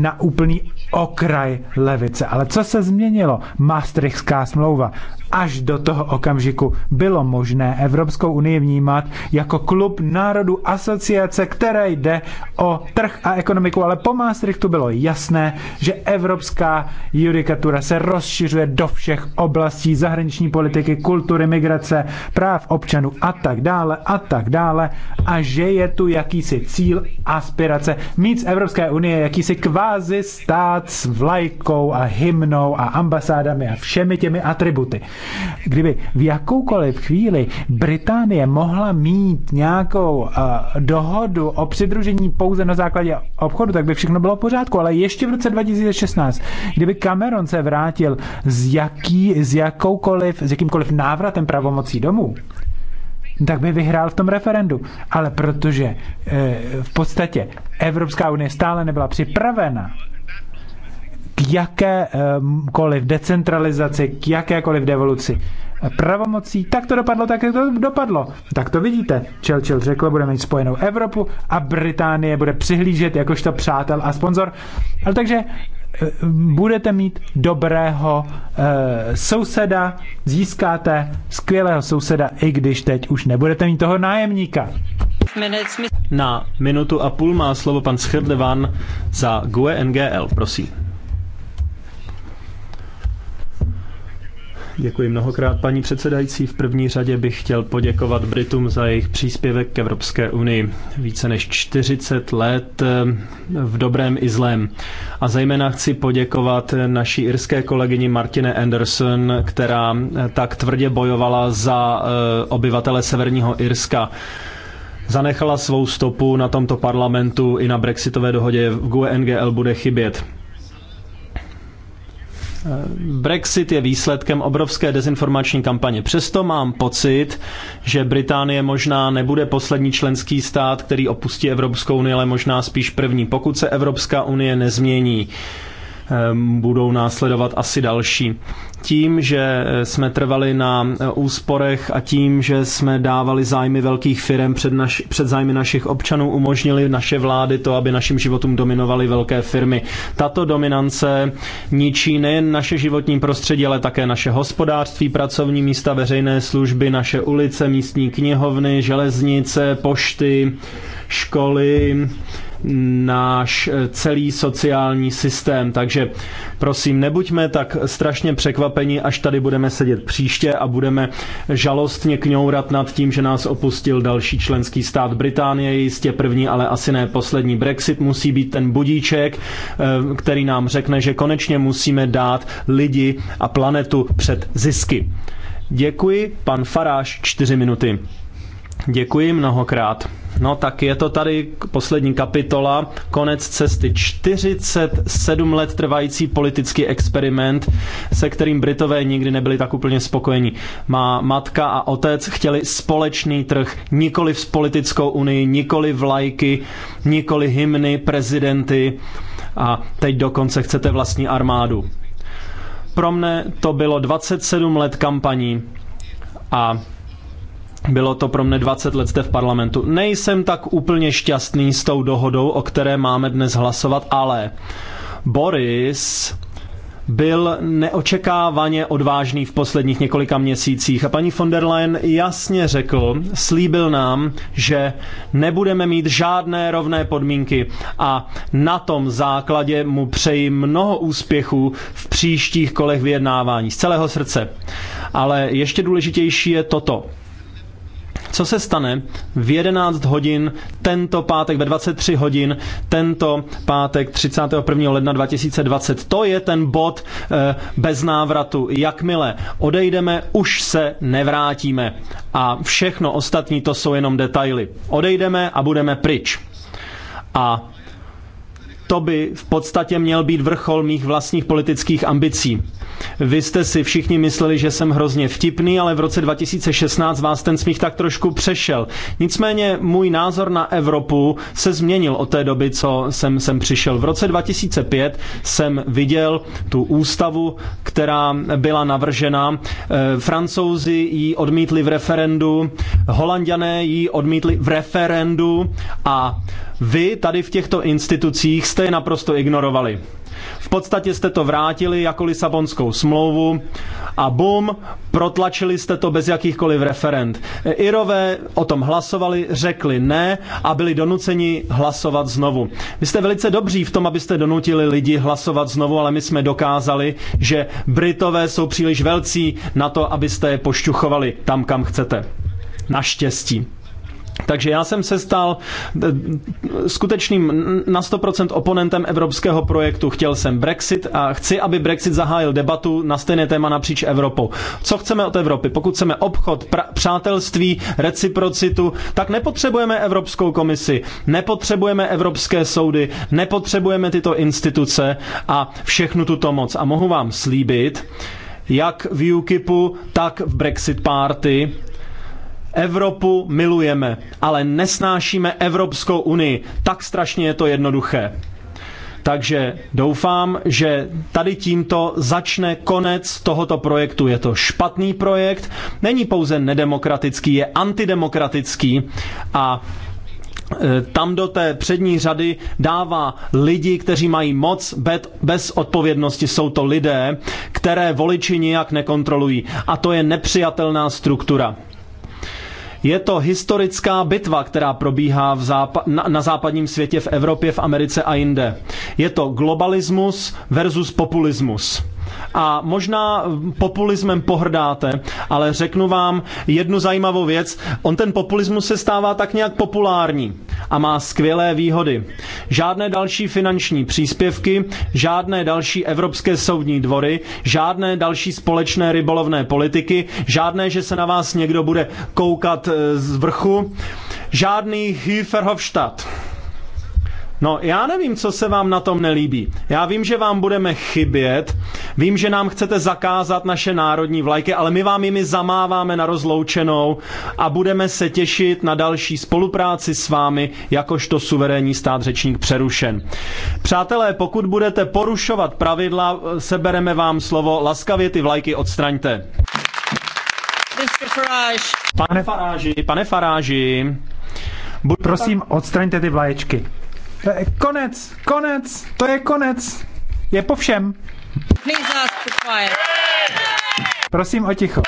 na úplný okraj levice. Ale co se změnilo? Maastrichtská smlouva. Až do toho okamžiku bylo možné Evropskou unii vnímat jako klub na národů asociace, které jde o trh a ekonomiku, ale po Maastrichtu bylo jasné, že evropská judikatura se rozšiřuje do všech oblastí zahraniční politiky, kultury, migrace, práv občanů a tak dále a tak dále a že je tu jakýsi cíl, aspirace mít z Evropské unie jakýsi kvázi stát s vlajkou a hymnou a ambasádami a všemi těmi atributy. Kdyby v jakoukoliv chvíli Británie mohla mít nějakou uh, dohodu o přidružení pouze na základě obchodu, tak by všechno bylo v pořádku. Ale ještě v roce 2016, kdyby Cameron se vrátil s, jaký, s, jakoukoliv, s jakýmkoliv návratem pravomocí domů, tak by vyhrál v tom referendu. Ale protože e, v podstatě Evropská unie stále nebyla připravena k jakékoliv decentralizaci, k jakékoliv devoluci, pravomocí, tak to dopadlo, tak to dopadlo. Tak to vidíte. Churchill řekl, bude mít spojenou Evropu a Británie bude přihlížet jakožto přátel a sponzor. Ale takže eh, budete mít dobrého e, souseda, získáte skvělého souseda, i když teď už nebudete mít toho nájemníka. Na minutu a půl má slovo pan Schirdevan za GUE NGL, prosím. Děkuji mnohokrát, paní předsedající. V první řadě bych chtěl poděkovat Britům za jejich příspěvek k Evropské unii. Více než 40 let eh, v dobrém i zlém. A zejména chci poděkovat naší irské kolegyni Martine Anderson, která eh, tak tvrdě bojovala za eh, obyvatele Severního Irska zanechala svou stopu na tomto parlamentu i na brexitové dohodě v GUE NGL bude chybět. Brexit je výsledkem obrovské dezinformační kampaně. Přesto mám pocit, že Británie možná nebude poslední členský stát, který opustí Evropskou unii, ale možná spíš první, pokud se Evropská unie nezmění. Uh, Ehm, budou následovat asi další. Tím, že eh, jsme trvali na eh, úsporech a tím, že jsme dávali zájmy velkých firm před, naš, před zájmy našich občanů, umožnili naše vlády to, aby našim životům dominovaly velké firmy. Tato dominance ničí nejen naše životní prostředí, ale také naše hospodářství, pracovní místa, veřejné služby, naše ulice, místní knihovny, železnice, pošty, školy, náš eh, celý sociální systém. Takže prosím, nebuďme tak strašně překvapeni, až tady budeme sedět příště a budeme žalostně kňourat nad tím, že nás opustil další členský stát. Británie jistě první, ale asi ne poslední. Brexit musí být ten budíček, eh, který nám řekne, že konečně musíme dát lidi a planetu před zisky. Děkuji, pan Faráš, čtyři minuty. Děkuji mnohokrát. No tak je to tady poslední kapitola, konec cesty. 47 let trvající politický experiment, se kterým Britové nikdy nebyli tak úplně spokojeni. Má matka a otec chtěli společný trh, nikoli v politickou unii, nikoli vlajky, nikoli hymny, prezidenty a teď dokonce chcete vlastní armádu. Pro mne to bylo 27 let kampaní a bylo to pro mě 20 let zde v parlamentu. Nejsem tak úplně šťastný s tou dohodou, o které máme dnes hlasovat, ale Boris byl neočekávaně odvážný v posledních několika měsících a paní von der Leyen jasně řekl, slíbil nám, že nebudeme mít žádné rovné podmínky a na tom základě mu přeji mnoho úspěchů v příštích kolech vyjednávání z celého srdce. Ale ještě důležitější je toto. Co se stane v 11 hodin tento pátek, ve 23 hodin tento pátek 31. ledna 2020? To je ten bod eh, bez návratu. Jakmile odejdeme, už se nevrátíme. A všechno ostatní to jsou jenom detaily. Odejdeme a budeme pryč. A to by v podstatě měl být vrchol mých vlastních politických ambicí. Vy jste si všichni mysleli, že jsem hrozně vtipný, ale v roce 2016 vás ten smích tak trošku přešel. Nicméně můj názor na Evropu se změnil od té doby, co jsem sem přišel. V roce 2005 jsem viděl tu ústavu, která byla navržena. Eh, Francouzi ji odmítli v referendu, Holandiané ji odmítli v referendu a vy tady v těchto institucích jste je naprosto ignorovali. V podstatě jste to vrátili jako Lisabonskou smlouvu a bum, protlačili jste to bez jakýchkoliv referent. Irové o tom hlasovali, řekli ne a byli donuceni hlasovat znovu. Vy jste velice dobří v tom, abyste donutili lidi hlasovat znovu, ale my jsme dokázali, že Britové jsou příliš velcí na to, abyste je pošťuchovali tam, kam chcete. Naštěstí. Takže já jsem se stal eh, skutečným na 100% oponentem evropského projektu. Chtěl jsem Brexit a chci, aby Brexit zahájil debatu na stejné téma napříč Evropou. Co chceme od Evropy? Pokud chceme obchod, přátelství, reciprocitu, tak nepotřebujeme Evropskou komisi, nepotřebujeme evropské soudy, nepotřebujeme tyto instituce a všechnu tuto moc. A mohu vám slíbit, jak v UKIPu, tak v Brexit Party Evropu milujeme, ale nesnášíme Evropskou unii. Tak strašně je to jednoduché. Takže doufám, že tady tímto začne konec tohoto projektu. Je to špatný projekt, není pouze nedemokratický, je antidemokratický a e, tam do té přední řady dává lidi, kteří mají moc bez odpovědnosti. Jsou to lidé, které voliči nijak nekontrolují. A to je nepřijatelná struktura. Je to historická bitva, která probíhá v zápa- na, na západním světě, v Evropě, v Americe a jinde. Je to globalismus versus populismus a možná populismem pohrdáte, ale řeknu vám jednu zajímavou věc. On ten populismus se stává tak nějak populární a má skvělé výhody. Žádné další finanční příspěvky, žádné další evropské soudní dvory, žádné další společné rybolovné politiky, žádné, že se na vás někdo bude koukat eh, z vrchu, žádný Hüferhofstadt. No, já nevím, co se vám na tom nelíbí. Já vím, že vám budeme chybět, vím, že nám chcete zakázat naše národní vlajky, ale my vám jimi zamáváme na rozloučenou a budeme se těšit na další spolupráci s vámi, jakožto suverénní stát řečník přerušen. Přátelé, pokud budete porušovat pravidla, sebereme vám slovo, laskavě ty vlajky odstraňte. Pane Faráži, pane Faráži, Buď prosím, odstraňte ty vlaječky. To je konec, konec, to je konec. Je po všem. Prosím o ticho.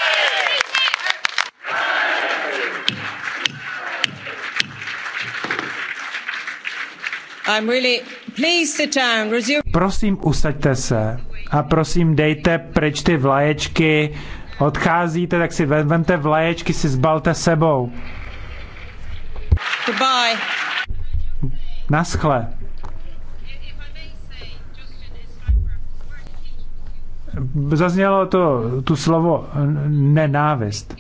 I'm really... pleased to turn. Resume... Prosím, usaďte se a prosím, dejte pryč ty vlaječky. Odcházíte, tak si vemte vlaječky, si zbalte sebou. Goodbye. Naschle. Zaznělo to tu slovo nenávist.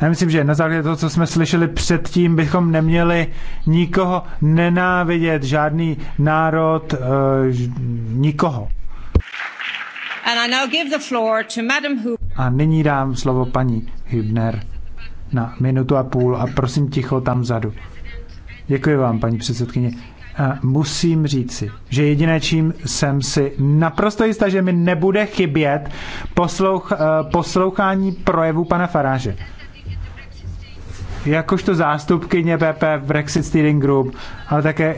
Já myslím, že na základě toho, co jsme slyšeli předtím, bychom neměli nikoho nenávidět, žádný národ, nikoho. A nyní dám slovo paní Hübner na minutu a půl a prosím ticho tam vzadu. Děkuji vám, paní předsedkyně. A musím říci, že jediné, čím jsem si naprosto jistá, že mi nebude chybět poslouch, eh, poslouchání projevu pana Faráže. Jakožto zástupkyně PP v Brexit Steering Group, ale také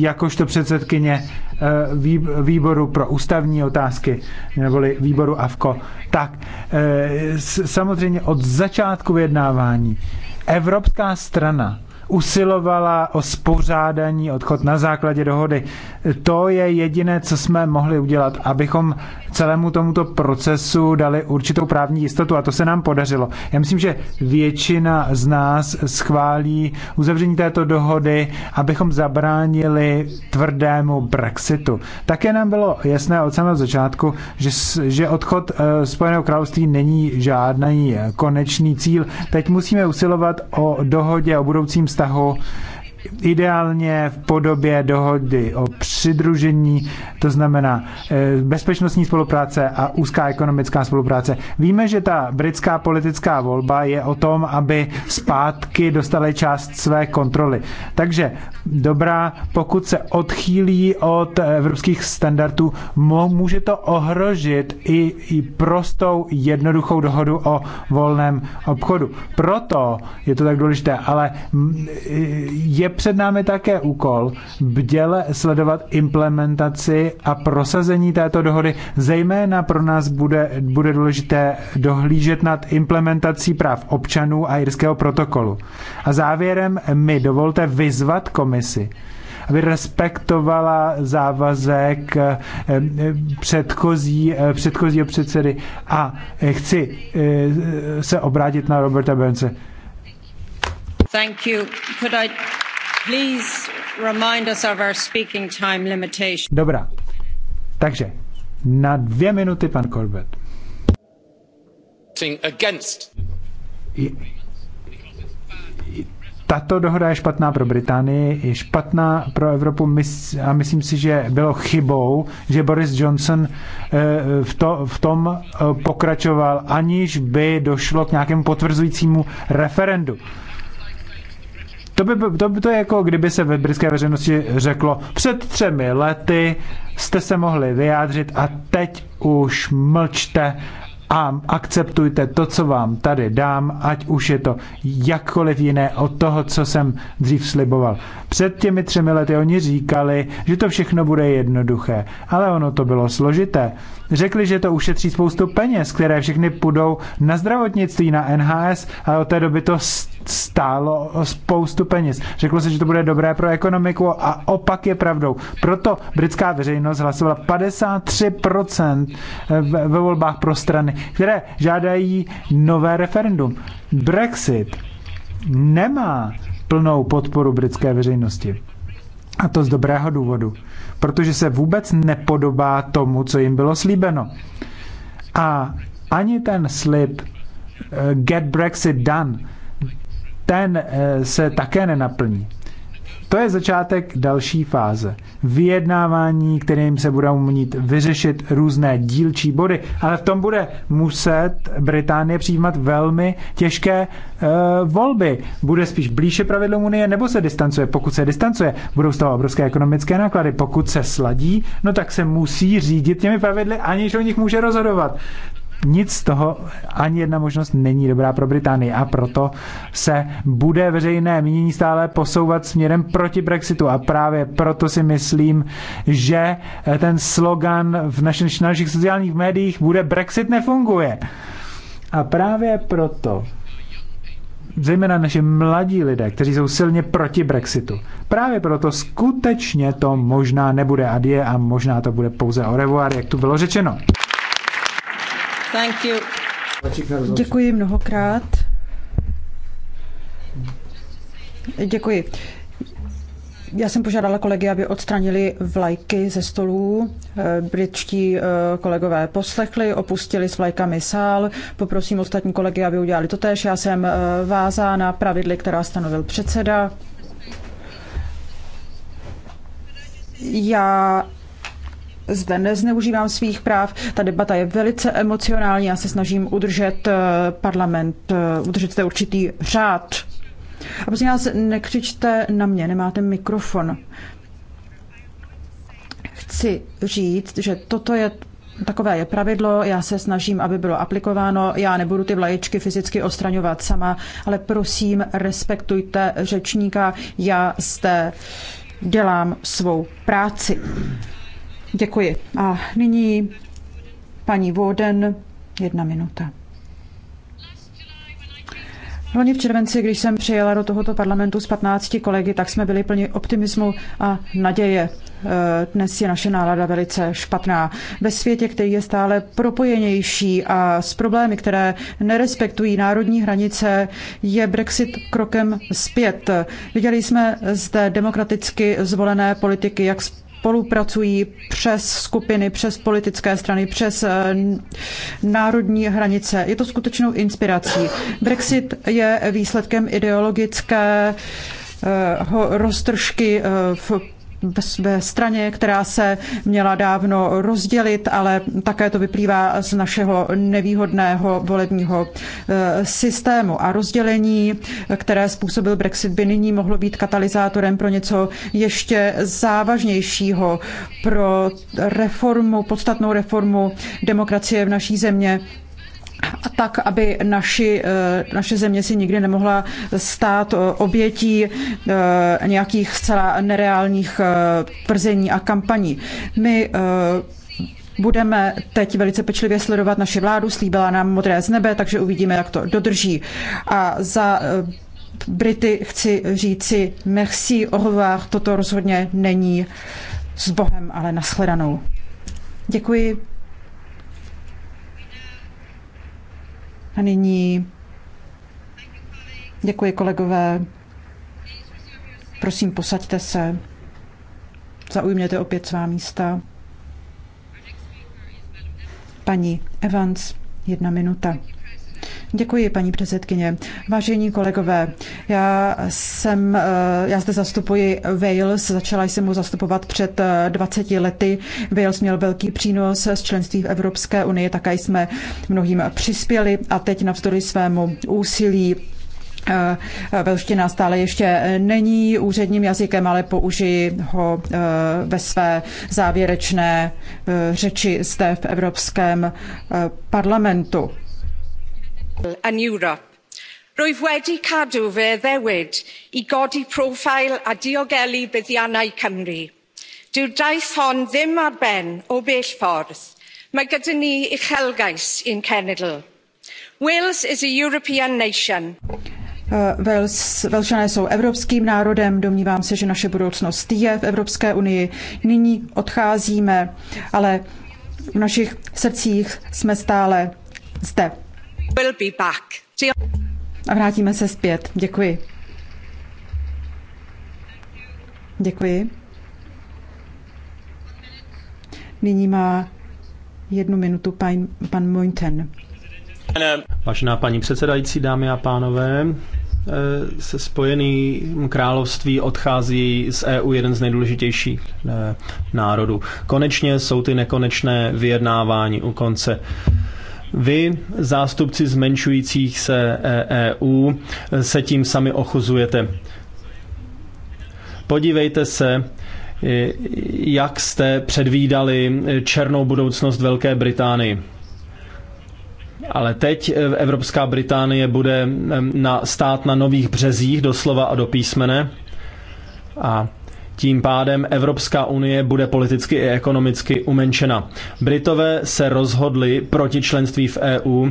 jakožto předsedkyně eh, výboru pro ústavní otázky, neboli výboru AVKO. Tak, eh, samozřejmě od začátku vyjednávání Evropská strana usilovala o spořádání odchod na základě dohody. To je jediné, co jsme mohli udělat, abychom celému tomuto procesu dali určitou právní jistotu a to se nám podařilo. Já myslím, že většina z nás schválí uzavření této dohody, abychom zabránili tvrdému Brexitu. Také nám bylo jasné od samého začátku, že, že odchod eh, Spojeného království není žádný konečný cíl. Teď musíme usilovat o dohodě o budoucím vztahu ideálně v podobě dohody o přidružení, to znamená eh, bezpečnostní spolupráce a úzká ekonomická spolupráce. Víme, že ta britská politická volba je o tom, aby zpátky dostali část své kontroly. Takže dobrá, pokud se odchýlí od evropských standardů, může to ohrožit i, i prostou jednoduchou dohodu o volném obchodu. Proto je to tak důležité, ale je před námi také úkol bděle sledovat implementaci a prosazení této dohody. Zejména pro nás bude, bude důležité dohlížet nad implementací práv občanů a jirského protokolu. A závěrem mi dovolte vyzvat komisi, aby respektovala závazek eh, eh, předchozí, eh, předchozího předsedy. A chci se obrátit na Roberta Bence. Thank you. Could I... Dobrá. Takže na dvě minuty pan Corbett. Against. Tato dohoda je špatná pro Británii, je špatná pro Evropu a myslím si, že bylo chybou, že Boris Johnson eh, v, to, v tom eh, pokračoval, aniž by došlo k nějakému potvrzujícímu referendu to, by, to, by to je jako kdyby se ve britské veřejnosti řeklo, před třemi lety jste se mohli vyjádřit a teď už mlčte a akceptujte to, co vám tady dám, ať už je to jakkoliv jiné od toho, co jsem dřív sliboval. Před těmi třemi lety oni říkali, že to všechno bude jednoduché, ale ono to bylo složité. Řekli, že to ušetří spoustu peněz, které všechny půjdou na zdravotnictví, na NHS, ale od té doby to stálo spoustu peněz. Řeklo se, že to bude dobré pro ekonomiku a opak je pravdou. Proto britská veřejnost hlasovala 53% eh, ve volbách pro strany, které žádají nové referendum. Brexit nemá plnou podporu britské veřejnosti. A to z dobrého důvodu protože se vůbec nepodobá tomu, co jim bylo slíbeno. A ani ten slib eh, Get Brexit Done, ten eh, se také nenaplní. To je začátek další fáze. Vyjednávání, kterým se budou mít vyřešit různé dílčí body, ale v tom bude muset Británie přijímat velmi těžké e, volby. Bude spíš blíže pravidlům Unie nebo se distancuje? Pokud se distancuje, budou z toho obrovské ekonomické náklady. Pokud se sladí, no tak se musí řídit těmi pravidly, aniž o nich může rozhodovat nic z toho, ani jedna možnost není dobrá pro Británii a proto se bude veřejné mínění stále posouvat směrem proti Brexitu a právě proto si myslím, že eh, ten slogan v našich, našich sociálních médiích bude Brexit nefunguje. A právě proto zejména naši mladí lidé, kteří jsou silně proti Brexitu. Právě proto skutečně to možná nebude a a možná to bude pouze o revoir, jak tu bylo řečeno. Thank you. Děkuji mnohokrát. Děkuji. Já jsem požádala kolegy, aby odstranili vlajky ze stolů. Eh, britští eh, kolegové poslechli, opustili s vlajkami sál. Poprosím ostatní kolegy, aby udělali to tež. Já jsem eh, vázána pravidly, která stanovil předseda. Já zde nezneužívám svých práv. Ta debata je velice emocionální. Já se snažím udržet eh, parlament, eh, udržet zde určitý řád. A prosím vás, nekřičte na mě, nemáte mikrofon. Chci říct, že toto je Takové je pravidlo, já se snažím, aby bylo aplikováno. Já nebudu ty vlaječky fyzicky ostraňovat sama, ale prosím, respektujte řečníka, já zde dělám svou práci. Děkuji. A nyní paní Voden jedna minuta. Loni v červenci, když jsem přijela do tohoto parlamentu s 15 kolegy, tak jsme byli plni optimismu a naděje. E, dnes je naše nálada velice špatná. Ve světě, který je stále propojenější a s problémy, které nerespektují národní hranice, je Brexit krokem zpět. Viděli jsme zde demokraticky zvolené politiky, jak spolupracují přes skupiny, přes politické strany, přes eh, národní hranice. Je to skutečnou inspirací. Brexit je výsledkem ideologické eh, roztržky eh, v ve straně, která se měla dávno rozdělit, ale také to vyplývá z našeho nevýhodného volebního e, systému. A rozdělení, které způsobil Brexit, by nyní mohlo být katalyzátorem pro něco ještě závažnějšího, pro reformu, podstatnou reformu demokracie v naší země tak, aby naši, eh, naše země si nikdy nemohla stát eh, obětí eh, nějakých celá nereálních tvrzení a kampaní. My Budeme teď velice pečlivě sledovat naši vládu, slíbila nám modré z nebe, takže uvidíme, jak to dodrží. A za Brity chci říci merci, au revoir, toto rozhodně není s Bohem, ale nashledanou. Děkuji. A nyní děkuji kolegové. Prosím, posaďte se. Zaujměte opět svá místa. Paní Evans, jedna minuta. Děkuji, paní předsedkyně. Vážení kolegové, já jsem, eh, já zde zastupuji Wales, začala jsem ho zastupovat před 20 eh, lety. Wales měl velký přínos s členství v Evropské unii, také jsme mnohým přispěli a teď navzdory svému úsilí eh, Velština stále ještě není úředním jazykem, ale použiji ho ve své závěrečné řeči zde v Evropském parlamentu yn ewrop. rwyf wedi cadw fy addewid i godi proffeil a diogelu buddiannau cymru. dyw'r daith hon ddim ar ben o bell ffordd. mae gyda ni uchelgais i'n cenedl. wales is a european nation. Velšané eh, jsou evropským národem, domnívám se, že naše budoucnost je v Evropské unii. Nyní odcházíme, ale v našich srdcích jsme stále zde. Will be back. A vrátíme se zpět. Děkuji. Děkuji. Nyní má jednu minutu pan, pan Mointen. Vážená paní předsedající, dámy a pánové, e, se Spojeným království odchází z EU jeden z nejdůležitějších e, národů. Konečně jsou ty nekonečné vyjednávání u konce. Vy, zástupci zmenšujících se EU, e se tím sami ochuzujete. Podívejte se, e, jak jste předvídali černou budoucnost Velké Británii. Ale teď e, Evropská Británie bude na, stát na nových březích, doslova a do písmene. A tím pádem Evropská unie bude politicky i ekonomicky umenšena. Britové se rozhodli proti členství v EU. E,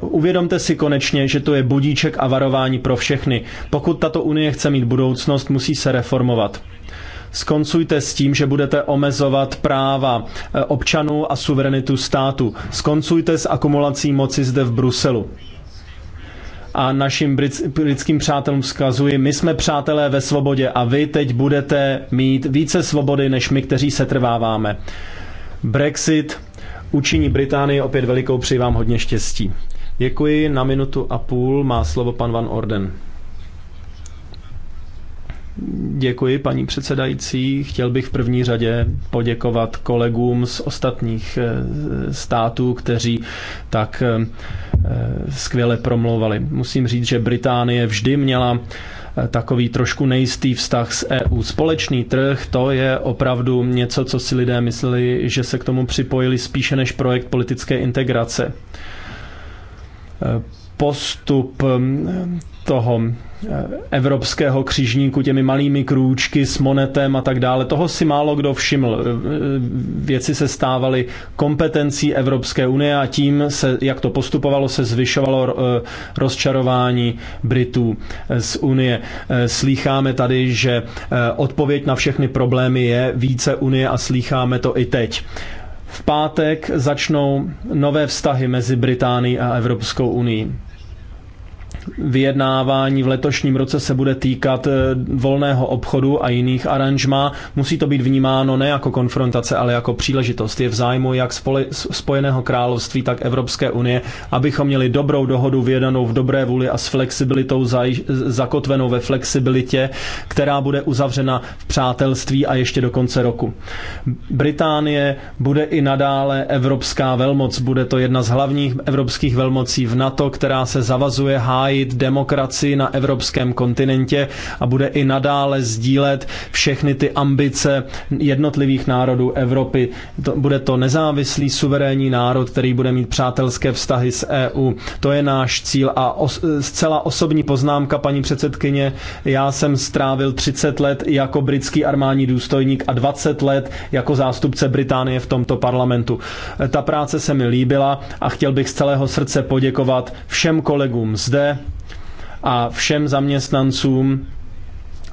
uvědomte si konečně, že to je budíček a varování pro všechny. Pokud tato unie chce mít budoucnost, musí se reformovat skoncujte s tím, že budete omezovat práva e, občanů a suverenitu státu. Skoncujte s akumulací moci zde v Bruselu a našim britským přátelům vzkazuji, my jsme přátelé ve svobodě a vy teď budete mít více svobody než my, kteří se trváváme. Brexit učiní Británii opět velikou, přeji vám hodně štěstí. Děkuji, na minutu a půl má slovo pan Van Orden. Děkuji, paní předsedající. Chtěl bych v první řadě poděkovat kolegům z ostatních eh, států, kteří tak eh, eh, skvěle promlouvali. Musím říct, že Británie vždy měla takový trošku nejistý vztah s EU. Společný trh, to je opravdu něco, co si lidé mysleli, že se k tomu připojili spíše než projekt politické integrace postup toho eh, evropského křižníku těmi malými krůčky s monetem a tak dále. Toho si málo kdo všiml. Eh, věci se stávaly kompetencí Evropské unie a tím, se, jak to postupovalo, se zvyšovalo eh, rozčarování Britů z unie. Slýcháme tady, že odpověď na všechny problémy je více unie a slýcháme to i teď. V pátek začnou nové vztahy mezi Británií a Evropskou unii vyjednávání v letošním roce se bude týkat eh, volného obchodu a jiných aranžmá, musí to být vnímáno ne jako konfrontace, ale jako příležitost. Je v zájmu jak spole- Spojeného království, tak Evropské unie, abychom měli dobrou dohodu vyjednanou v dobré vůli a s flexibilitou zaj- zakotvenou ve flexibilitě, která bude uzavřena v přátelství a ještě do konce roku. Británie bude i nadále evropská velmoc, bude to jedna z hlavních evropských velmocí v NATO, která se zavazuje hájit hájit demokracii na evropském kontinentě a bude i nadále sdílet všechny ty ambice jednotlivých národů Evropy. To, bude to nezávislý suverénní národ, který bude mít přátelské vztahy s EU. To je náš cíl a os, zcela osobní poznámka, paní předsedkyně, já jsem strávil 30 let jako britský armádní důstojník a 20 let jako zástupce Británie v tomto parlamentu. Ta práce se mi líbila a chtěl bych z celého srdce poděkovat všem kolegům zde, a všem zaměstnancům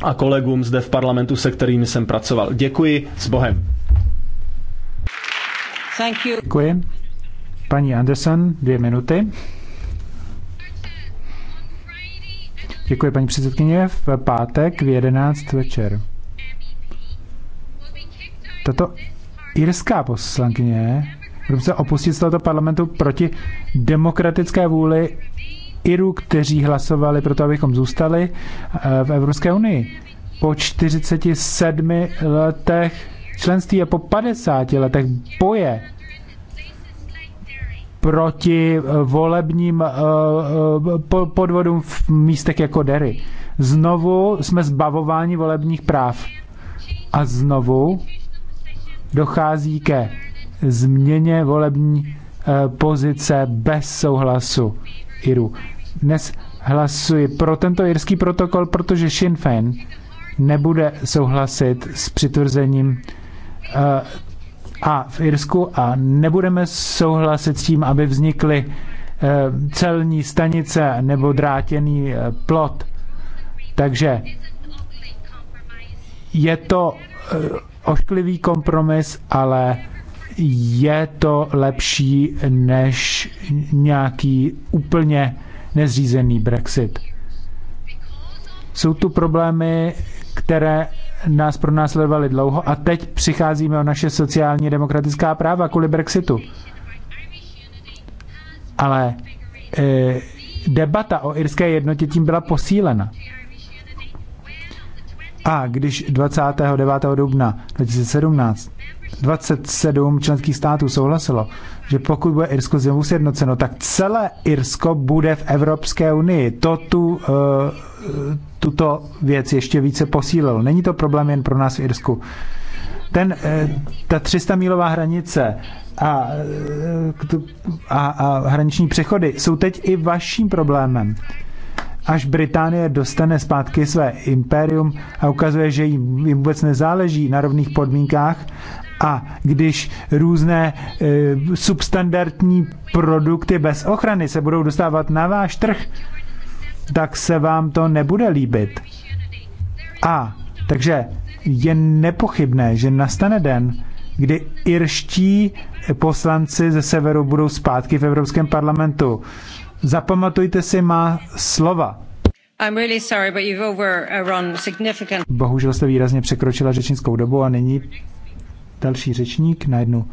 a kolegům zde v parlamentu, se kterými jsem pracoval. Děkuji, s Bohem. Děkuji. Paní Anderson, dvě minuty. Děkuji, paní předsedkyně. V pátek v 11 večer. Tato irská poslankyně se opustit z tohoto parlamentu proti demokratické vůli Irů, kteří hlasovali pro to, abychom zůstali eh, v Evropské unii. Po 47 letech členství a po 50 letech boje proti eh, volebním eh, podvodům v místech jako Derry. Znovu jsme zbavováni volebních práv. A znovu dochází ke změně volební pozice bez souhlasu Iru. Dnes hlasuji pro tento irský protokol, protože Sinn Féin nebude souhlasit s přitvrzením eh, a v Irsku a nebudeme souhlasit s tím, aby vznikly eh, celní stanice nebo drátěný eh, plot. Takže je to ošklivý kompromis, ale je to lepší než nějaký úplně nezřízený Brexit. Jsou tu problémy, které nás pronásledovaly dlouho a teď přicházíme o naše sociální demokratická práva kvůli Brexitu. Ale e, debata o irské jednotě tím byla posílena. A když 29. dubna 2017 27 členských států souhlasilo, že pokud bude Irsko znovu sjednoceno, tak celé Irsko bude v Evropské unii. To tu, eh, tuto věc ještě více posílilo. Není to problém jen pro nás v Irsku. Ten, eh, ta 300-mílová hranice a, eh, a, a hraniční přechody jsou teď i vaším problémem až Británie dostane zpátky své impérium a ukazuje, že jim vůbec nezáleží na rovných podmínkách a když různé e, substandardní produkty bez ochrany se budou dostávat na váš trh, tak se vám to nebude líbit. A takže je nepochybné, že nastane den, kdy irští poslanci ze severu budou zpátky v Evropském parlamentu. Zapamatujte si má slova. I'm really sorry, but you've overrun uh, significant... Bohužel jste výrazně překročila řečnickou dobu a nyní Další řečník na jednu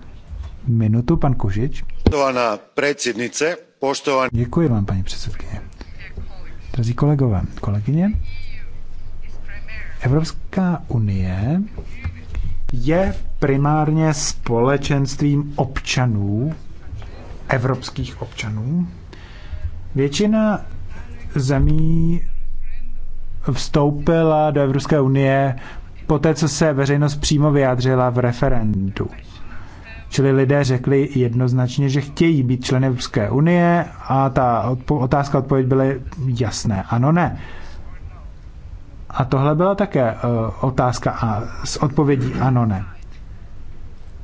minutu, pan Kožič. Předsednice, poštovan... Děkuji vám, paní předsedkyně. Drazí kolegové, kolegyně, Evropská unie je primárně společenstvím občanů, evropských občanů. Většina zemí vstoupila do Evropské unie poté, co se veřejnost přímo vyjádřila v referendu. Čili lidé řekli jednoznačně, že chtějí být členy Evropské unie a ta odpo- otázka odpověď byly jasné. Ano, ne. A tohle byla také uh, otázka a s odpovědí ano, ne.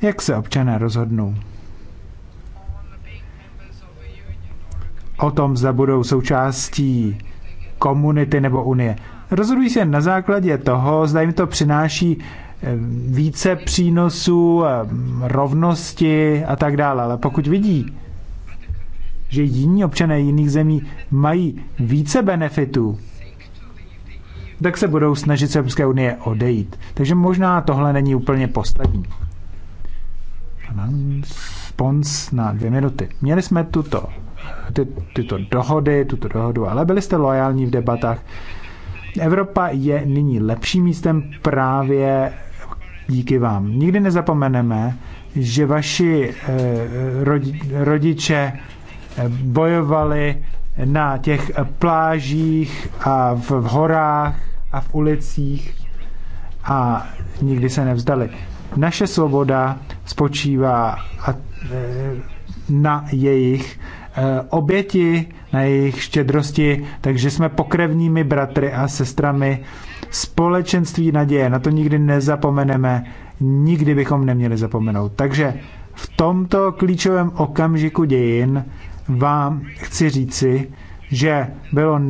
Jak se občané rozhodnou? O tom, zda budou součástí komunity nebo unie. Rozhodují se na základě toho, zda jim to přináší eh, více přínosů, eh, rovnosti a tak dále. Ale pokud vidí, že jiní občané jiných zemí mají více benefitů, tak se budou snažit z Evropské unie odejít. Takže možná tohle není úplně poslední. Spons na dvě minuty. Měli jsme tuto, ty, tyto dohody, tuto dohodu, ale byli jste loajální v debatách Evropa je nyní lepším místem právě díky vám. Nikdy nezapomeneme, že vaši eh, rodiče eh, bojovali na těch plážích a v horách a v ulicích a nikdy se nevzdali. Naše svoboda spočívá eh, na jejich Eh, oběti, na jejich štědrosti, takže jsme pokrevními bratry a sestrami společenství naděje. Na to nikdy nezapomeneme, nikdy bychom neměli zapomenout. Takže v tomto klíčovém okamžiku dějin vám chci říci, že bylo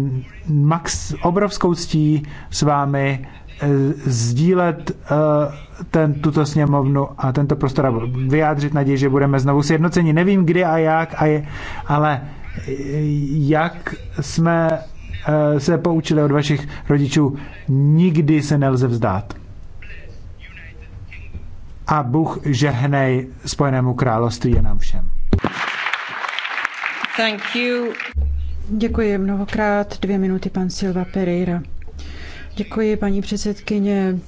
max obrovskou ctí s vámi Eh, sdílet eh, ten, tuto sněmovnu a tento prostor a vyjádřit naději, že budeme znovu sjednoceni. Nevím kdy a jak, a je, ale eh, jak jsme se poučili od vašich rodičů, nikdy se nelze vzdát. A Bůh žehnej Spojenému království je nám všem. Thank you. Děkuji mnohokrát. Dvě minuty, pan Silva Pereira. Děkuji, paní předsedkyně.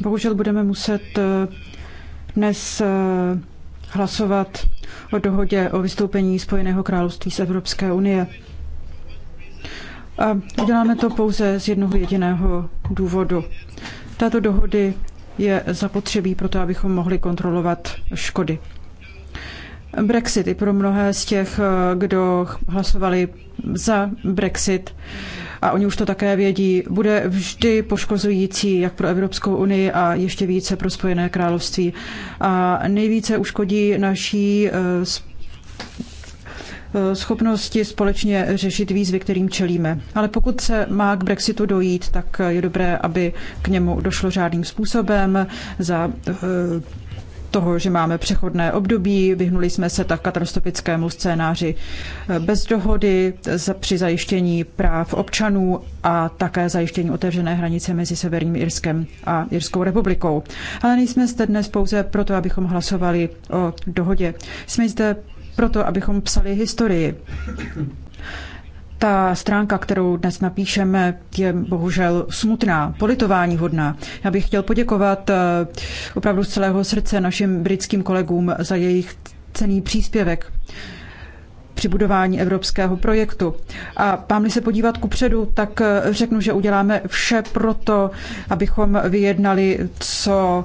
Bohužel budeme muset eh, dnes eh, hlasovat o dohodě o vystoupení Spojeného království z Evropské unie. A uděláme to pouze z jednoho jediného důvodu. Tato dohody je zapotřebí proto, abychom mohli kontrolovat škody. Brexit i pro mnohé z těch, eh, kdo hlasovali za Brexit, a oni už to také vědí, bude vždy poškozující jak pro Evropskou unii a ještě více pro Spojené království. A nejvíce uškodí naší eh, eh, schopnosti společně řešit výzvy, kterým čelíme. Ale pokud se má k Brexitu dojít, tak je dobré, aby k němu došlo řádným způsobem za eh, toho, že máme přechodné období, vyhnuli jsme se tak katastrofickému scénáři eh, bez dohody při zajištění práv občanů a také zajištění otevřené hranice mezi Severním Irskem a Irskou republikou. Ale nejsme zde dnes pouze proto, abychom hlasovali o dohodě. Jsme zde proto, abychom psali historii. Ta stránka, kterou dnes napíšeme, je bohužel smutná, politování hodná. Já bych chtěl poděkovat eh, opravdu z celého srdce našim britským kolegům za jejich cený příspěvek při budování evropského projektu. A mám se podívat kupředu, tak eh, řeknu, že uděláme vše proto, abychom vyjednali co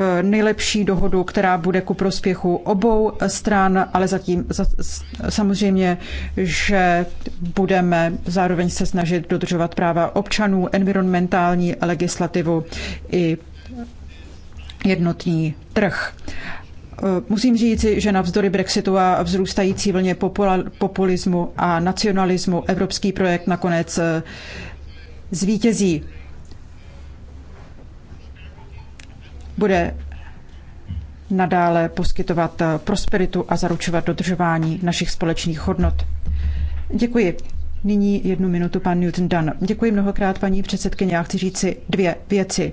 Eh, nejlepší dohodu, která bude ku prospěchu obou stran, ale zatím samozřejmě, že budeme zároveň se snažit dodržovat práva občanů, environmentální legislativu i jednotný trh. Eh, musím říci, že navzdory Brexitu a vzrůstající vlně populismu a nacionalismu evropský projekt nakonec eh, zvítězí. bude nadále poskytovat eh, prosperitu a zaručovat dodržování našich společných hodnot. Děkuji. Nyní jednu minutu pan Newton Dunn. Děkuji mnohokrát, paní předsedkyně. Já chci říci dvě věci.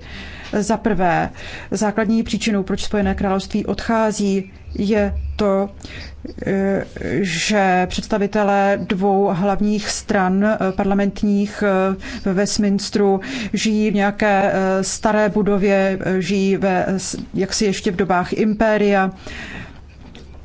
Za prvé, základní příčinou, proč Spojené království odchází, je to, eh, že představitelé dvou hlavních stran eh, parlamentních eh, ve Westminsteru žijí v nějaké staré budově, žijí ve, jaksi ještě v dobách impéria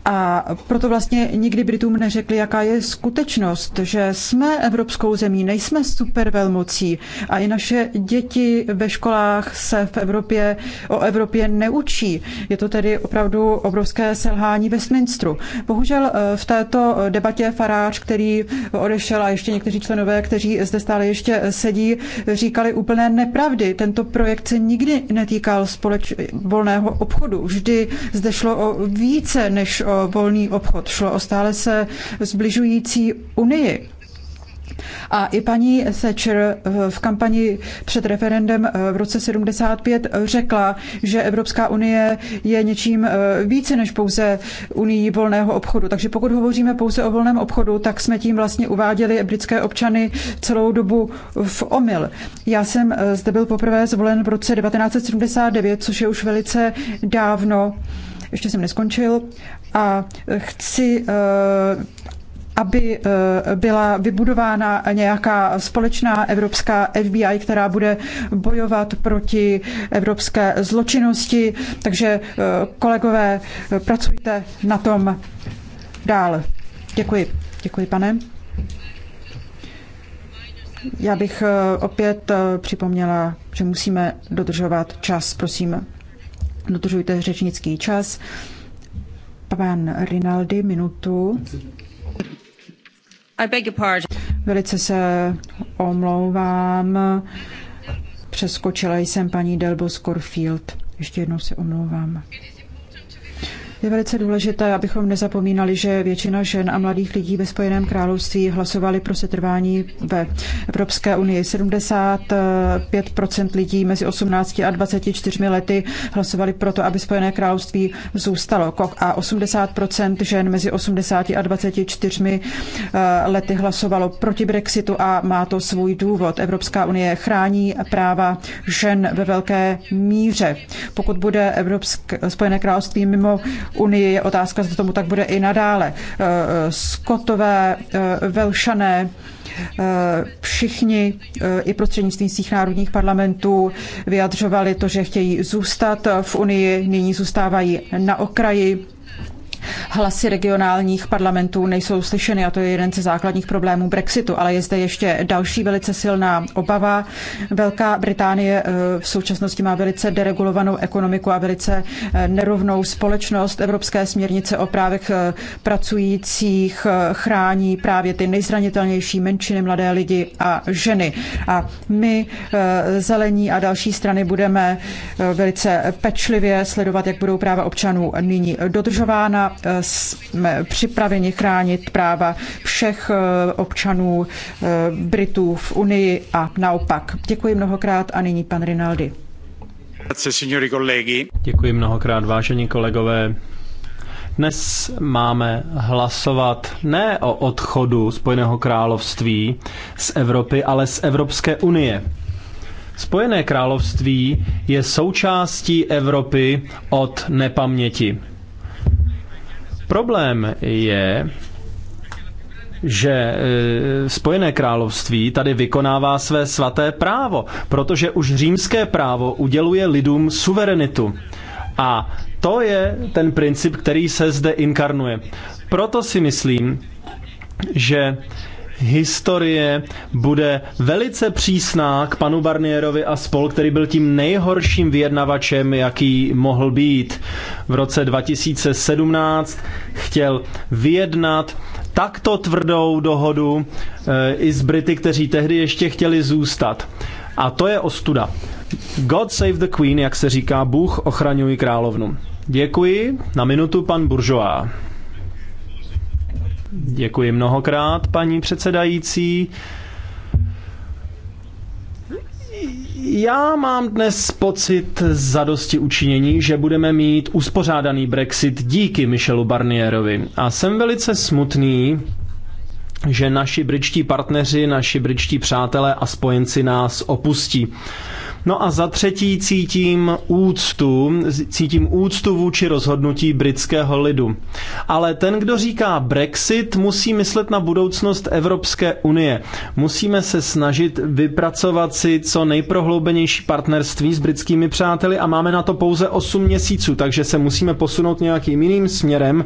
a proto vlastně nikdy Britům neřekli, jaká je skutečnost, že jsme evropskou zemí, nejsme supervelmocí a i naše děti ve školách se v Evropě o Evropě neučí. Je to tedy opravdu obrovské selhání Westminsteru. Bohužel eh, v této debatě Farář, který odešel a ještě někteří členové, kteří zde stále ještě sedí, říkali úplné nepravdy. Tento projekt se nikdy netýkal společ- volného obchodu. Vždy zde šlo o více než o volný obchod, šlo o stále se zbližující unii. A i paní Thatcher v kampani před referendem eh, v roce 75 řekla, že Evropská unie je něčím eh, více než pouze unii volného obchodu. Takže pokud hovoříme pouze o volném obchodu, tak jsme tím vlastně uváděli britské občany celou dobu v omyl. Já jsem eh, zde byl poprvé zvolen v roce 1979, což je už velice dávno ještě jsem neskončil, a e, chci e, aby e, byla vybudována nějaká společná evropská FBI, která bude bojovat proti evropské zločinnosti. Takže kolegové, pracujte na tom dál. Děkuji. Děkuji, pane. Já bych opět připomněla, že musíme dodržovat čas. Prosím, Dodržujte řečnický čas. Pan Rinaldi, minutu. I beg your pardon. Velice se omlouvám. Přeskočila jsem paní Delbo Scorfield. Ještě jednou se omlouvám. Je velice důležité, abychom nezapomínali, že většina žen a mladých lidí ve Spojeném království hlasovali pro setrvání ve Evropské unii. 75% lidí mezi 18 a 24 lety hlasovali pro to, aby Spojené království zůstalo. A 80% žen mezi 80 a 24 eh, lety hlasovalo proti Brexitu a má to svůj důvod. Evropská unie chrání práva žen ve velké míře. Pokud bude Evropské, Spojené království mimo unii. Je otázka, zda tomu tak bude i nadále. Eh, Skotové, eh, Velšané, eh, všichni i prostřednictvím svých národních parlamentů vyjadřovali to, že chtějí zůstat v Unii, nyní zůstávají na okraji hlasy regionálních parlamentů nejsou slyšeny a to je jeden ze základních problémů Brexitu. Ale je zde ještě další velice silná obava. Velká Británie eh, v současnosti má velice deregulovanou ekonomiku a velice eh, nerovnou společnost. Evropské směrnice o právech eh, pracujících chrání právě ty nejzranitelnější menšiny, mladé lidi a ženy. A my, zelení a další strany, budeme velice pečlivě sledovat, jak budou práva občanů nyní dodržována E, jsme připraveni chránit práva všech e, občanů e, Britů v Unii a naopak. Děkuji mnohokrát a nyní pan Rinaldi. Děkuji mnohokrát, vážení kolegové. Dnes máme hlasovat ne o odchodu Spojeného království z Evropy, ale z Evropské unie. Spojené království je součástí Evropy od nepaměti. Problém je, že e, Spojené království tady vykonává své svaté právo, protože už římské právo uděluje lidům suverenitu. A to je ten princip, který se zde inkarnuje. Proto si myslím, že historie bude velice přísná k panu Barnierovi a spol, který byl tím nejhorším vyjednavačem, jaký mohl být. V roce 2017 chtěl vyjednat takto tvrdou dohodu e, i s Brity, kteří tehdy ještě chtěli zůstat. A to je ostuda. God save the Queen, jak se říká, Bůh ochraňuj královnu. Děkuji. Na minutu pan Buržoá. Děkuji mnohokrát, paní předsedající. Já mám dnes pocit zadosti učinění, že budeme mít uspořádaný Brexit díky Michelu Barnierovi. A jsem velice smutný, že naši britští partneři, naši britští přátelé a spojenci nás opustí. No a za třetí cítím úctu, cítím úctu vůči rozhodnutí britského lidu. Ale ten, kdo říká Brexit, musí myslet na budoucnost Evropské unie. Musíme se snažit vypracovat si co nejprohloubenější partnerství s britskými přáteli a máme na to pouze 8 měsíců, takže se musíme posunout nějakým jiným směrem,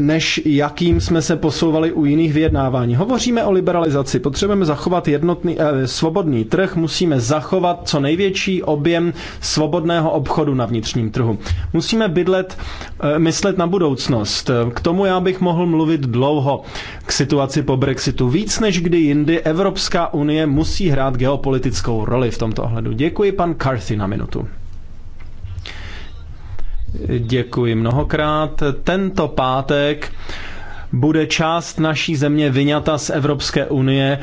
než jakým jsme se posouvali u jiných vyjednávání. Hovoříme o liberalizaci, potřebujeme zachovat jednotný, eh, svobodný trh, musíme zachovat co největší objem svobodného obchodu na vnitřním trhu. Musíme bydlet, eh, myslet na budoucnost. K tomu já bych mohl mluvit dlouho k situaci po Brexitu. Víc než kdy jindy Evropská unie musí hrát geopolitickou roli v tomto ohledu. Děkuji pan Carthy na minutu. Děkuji mnohokrát. Tento pátek bude část naší země vyňata z Evropské unie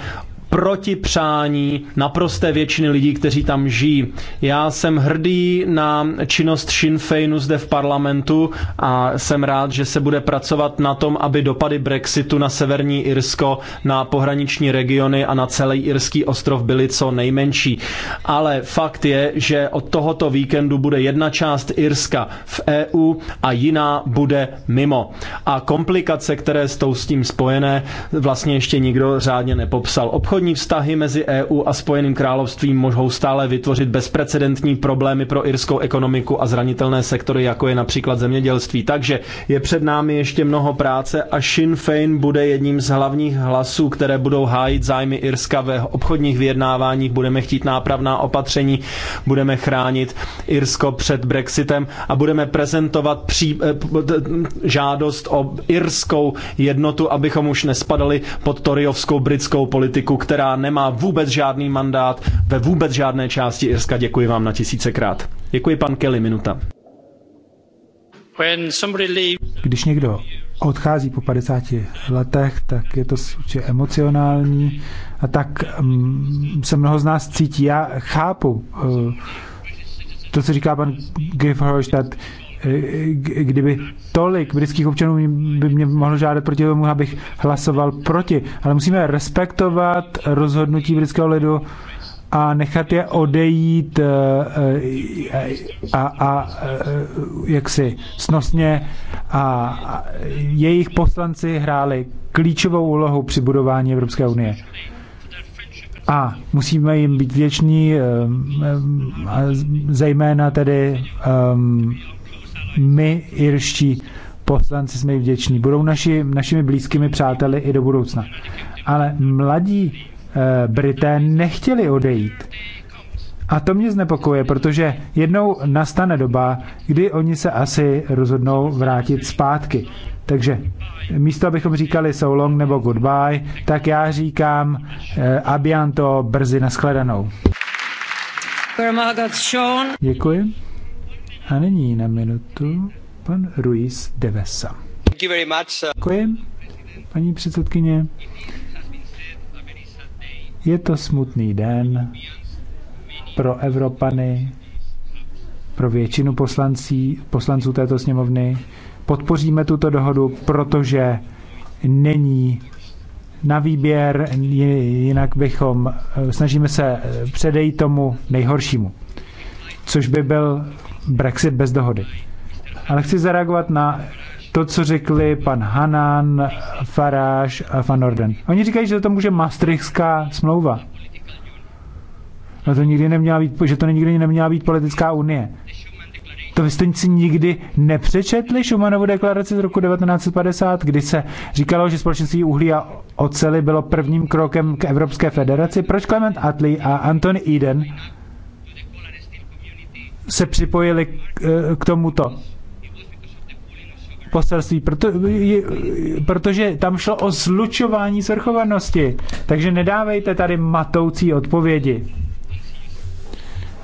proti přání naprosté většiny lidí, kteří tam žijí. Já jsem hrdý na činnost Sinn Féinu zde v parlamentu a jsem rád, že se bude pracovat na tom, aby dopady Brexitu na severní Irsko, na pohraniční regiony a na celý irský ostrov byly co nejmenší. Ale fakt je, že od tohoto víkendu bude jedna část Irska v EU a jiná bude mimo. A komplikace, které jsou s tím spojené, vlastně ještě nikdo řádně nepopsal. Obchod Obchodní vztahy mezi EU a Spojeným královstvím mohou stále vytvořit bezprecedentní problémy pro irskou ekonomiku a zranitelné sektory, jako je například zemědělství. Takže je před námi ještě mnoho práce a Sinn Fein bude jedním z hlavních hlasů, které budou hájit zájmy Irska ve obchodních vyjednáváních. Budeme chtít nápravná opatření, budeme chránit Irsko před Brexitem a budeme prezentovat pří, eh, žádost o irskou jednotu, abychom už nespadali pod toriovskou britskou politiku, která nemá vůbec žádný mandát ve vůbec žádné části Irska. Děkuji vám na tisícekrát. Děkuji, pan Kelly, minuta. Když někdo odchází po 50 letech, tak je to určitě emocionální a tak mm, se mnoho z nás cítí. Já chápu eh, to, co říká pan Giffhorst, Eh, kdyby tolik britských občanů by mě mohlo žádat proti tomu, abych hlasoval proti. Ale musíme respektovat rozhodnutí britského lidu a nechat je odejít eh, eh, a, a, a jaksi snosně a jejich poslanci hráli klíčovou úlohu při budování Evropské unie. A musíme jim být věční, zejména tedy um, my, irští poslanci, jsme jim vděční. Budou naši, našimi blízkými přáteli i do budoucna. Ale mladí eh, Brité nechtěli odejít. A to mě znepokuje, protože jednou nastane doba, kdy oni se asi rozhodnou vrátit zpátky. Takže místo, abychom říkali so long nebo goodbye, tak já říkám eh, abianto brzy naschledanou. Děkuji. A nyní na minutu pan Ruiz de Vesa. Děkuji, paní předsedkyně. Je to smutný den pro Evropany, pro většinu poslancí, poslanců této sněmovny. Podpoříme tuto dohodu, protože není na výběr, jinak bychom, eh, snažíme se eh, předejít tomu nejhoršímu, což by byl Brexit bez dohody. Ale chci zareagovat na to, co řekli pan Hanan, Faráš a Van Orden. Oni říkají, že to může Maastrichtská smlouva. No to nikdy neměla být, že to nikdy neměla být politická unie. To vy jste si nikdy nepřečetli Šumanovu deklaraci z roku 1950, kdy se říkalo, že společenství uhlí a oceli bylo prvním krokem k Evropské federaci. Proč Clement Attlee a Anton Eden se připojili k, eh, k tomuto poselství, proto, je, protože tam šlo o zlučování svrchovanosti. Takže nedávejte tady matoucí odpovědi.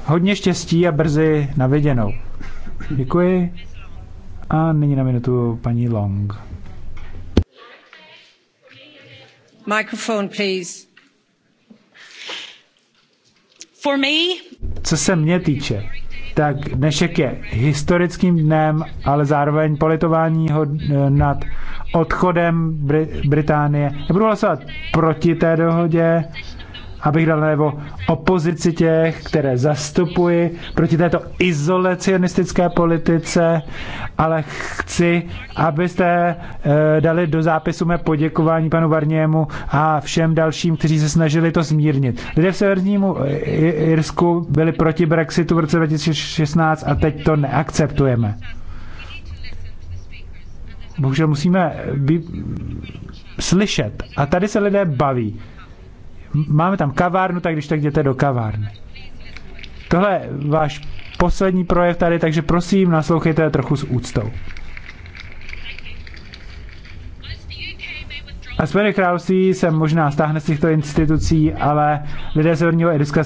Hodně štěstí a brzy na viděnou. Děkuji. A nyní na minutu paní Long. Microphone, please. For me... Co se mě týče, tak dnešek je historickým dnem, ale zároveň politování ho eh, nad odchodem Bri- Británie. Já budu hlasovat proti té dohodě, abych dal najevo opozici těch, které zastupuji proti této izolacionistické politice, ale chci, abyste e, dali do zápisu mé poděkování panu Varněmu a všem dalším, kteří se snažili to zmírnit. Lidé v Severnímu eh, Irsku byli proti Brexitu v roce 2016 a teď to neakceptujeme. Bohužel musíme být, slyšet. A tady se lidé baví máme tam kavárnu, tak když tak jděte do kavárny. Tohle je váš poslední projev tady, takže prosím, naslouchejte trochu s úctou. A Spojené království se možná stáhne z těchto institucí, ale lidé Severního Irska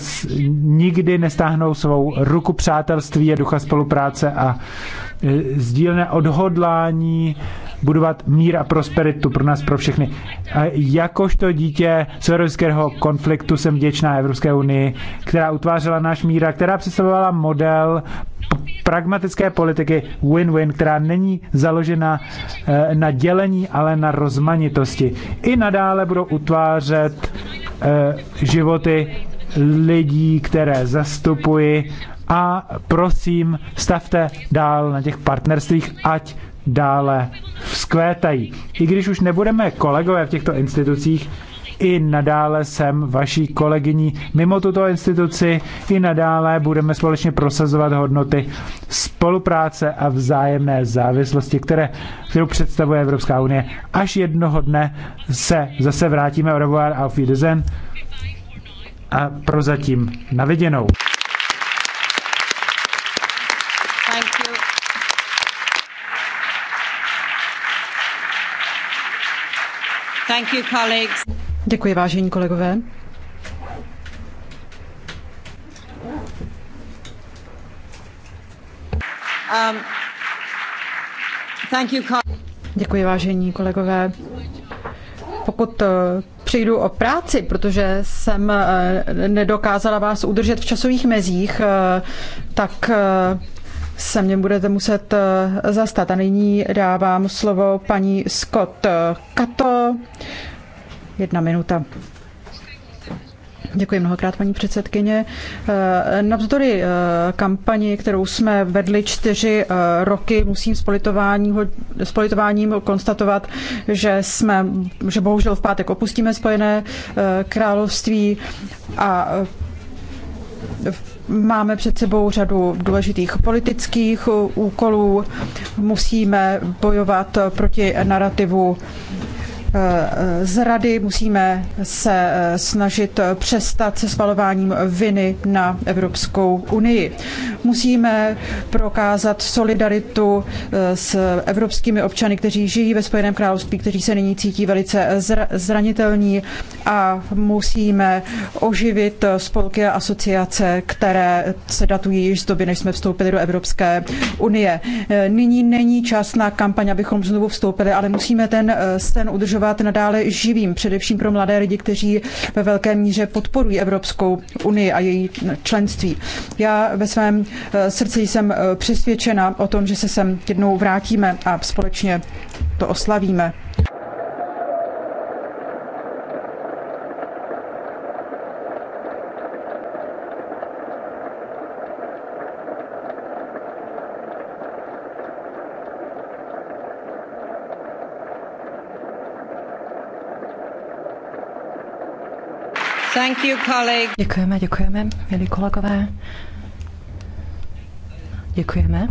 nikdy nestáhnou svou ruku přátelství a ducha spolupráce a sdílné odhodlání budovat mír a prosperitu pro nás, pro všechny. A jakožto dítě severovského konfliktu jsem vděčná Evropské unii, která utvářela náš mír a která představovala model pragmatické politiky win-win, která není založena eh, na dělení, ale na rozmanitosti. I nadále budou utvářet eh, životy lidí, které zastupuji a prosím, stavte dál na těch partnerstvích, ať dále vzkvétají. I když už nebudeme kolegové v těchto institucích, i nadále jsem vaší kolegyní mimo tuto instituci, i nadále budeme společně prosazovat hodnoty spolupráce a vzájemné závislosti, které, kterou představuje Evropská unie. Až jednoho dne se zase vrátíme, au revoir, auf Wiedersehen a prozatím naviděnou. Děkuji, vážení kolegové. Um, Děkuji, vážení kolegové. Pokud eh, přijdu o práci, protože jsem eh, nedokázala vás udržet v časových mezích, eh, tak se mě budete muset eh, zastat. A nyní dávám slovo paní Scott Kato. Jedna minuta. Děkuji mnohokrát, paní předsedkyně. Eh, navzdory eh, kampani, kterou jsme vedli čtyři roky, musím s, politování, s politováním konstatovat, že jsme, že bohužel v pátek opustíme Spojené království a Máme před sebou řadu důležitých politických úkolů. Musíme bojovat proti narrativu Eh, z rady, musíme se eh, snažit přestat se svalováním viny na Evropskou unii. Musíme prokázat solidaritu eh, s evropskými občany, kteří žijí ve Spojeném království, kteří se nyní cítí velice zranitelní a musíme oživit spolky a asociace, které se datují již z doby, než jsme vstoupili do Evropské unie. Nyní není čas na kampaň, abychom znovu vstoupili, ale musíme ten sen udržovat zůstávat nadále živým, především pro mladé lidi, kteří ve velké míře podporují Evropskou unii a její členství. Já ve svém eh, srdci jsem eh, přesvědčena o tom, že se sem jednou vrátíme a společně to oslavíme. Thank you, colleague. Děkujeme, děkujeme, milí kolegové. Děkujeme.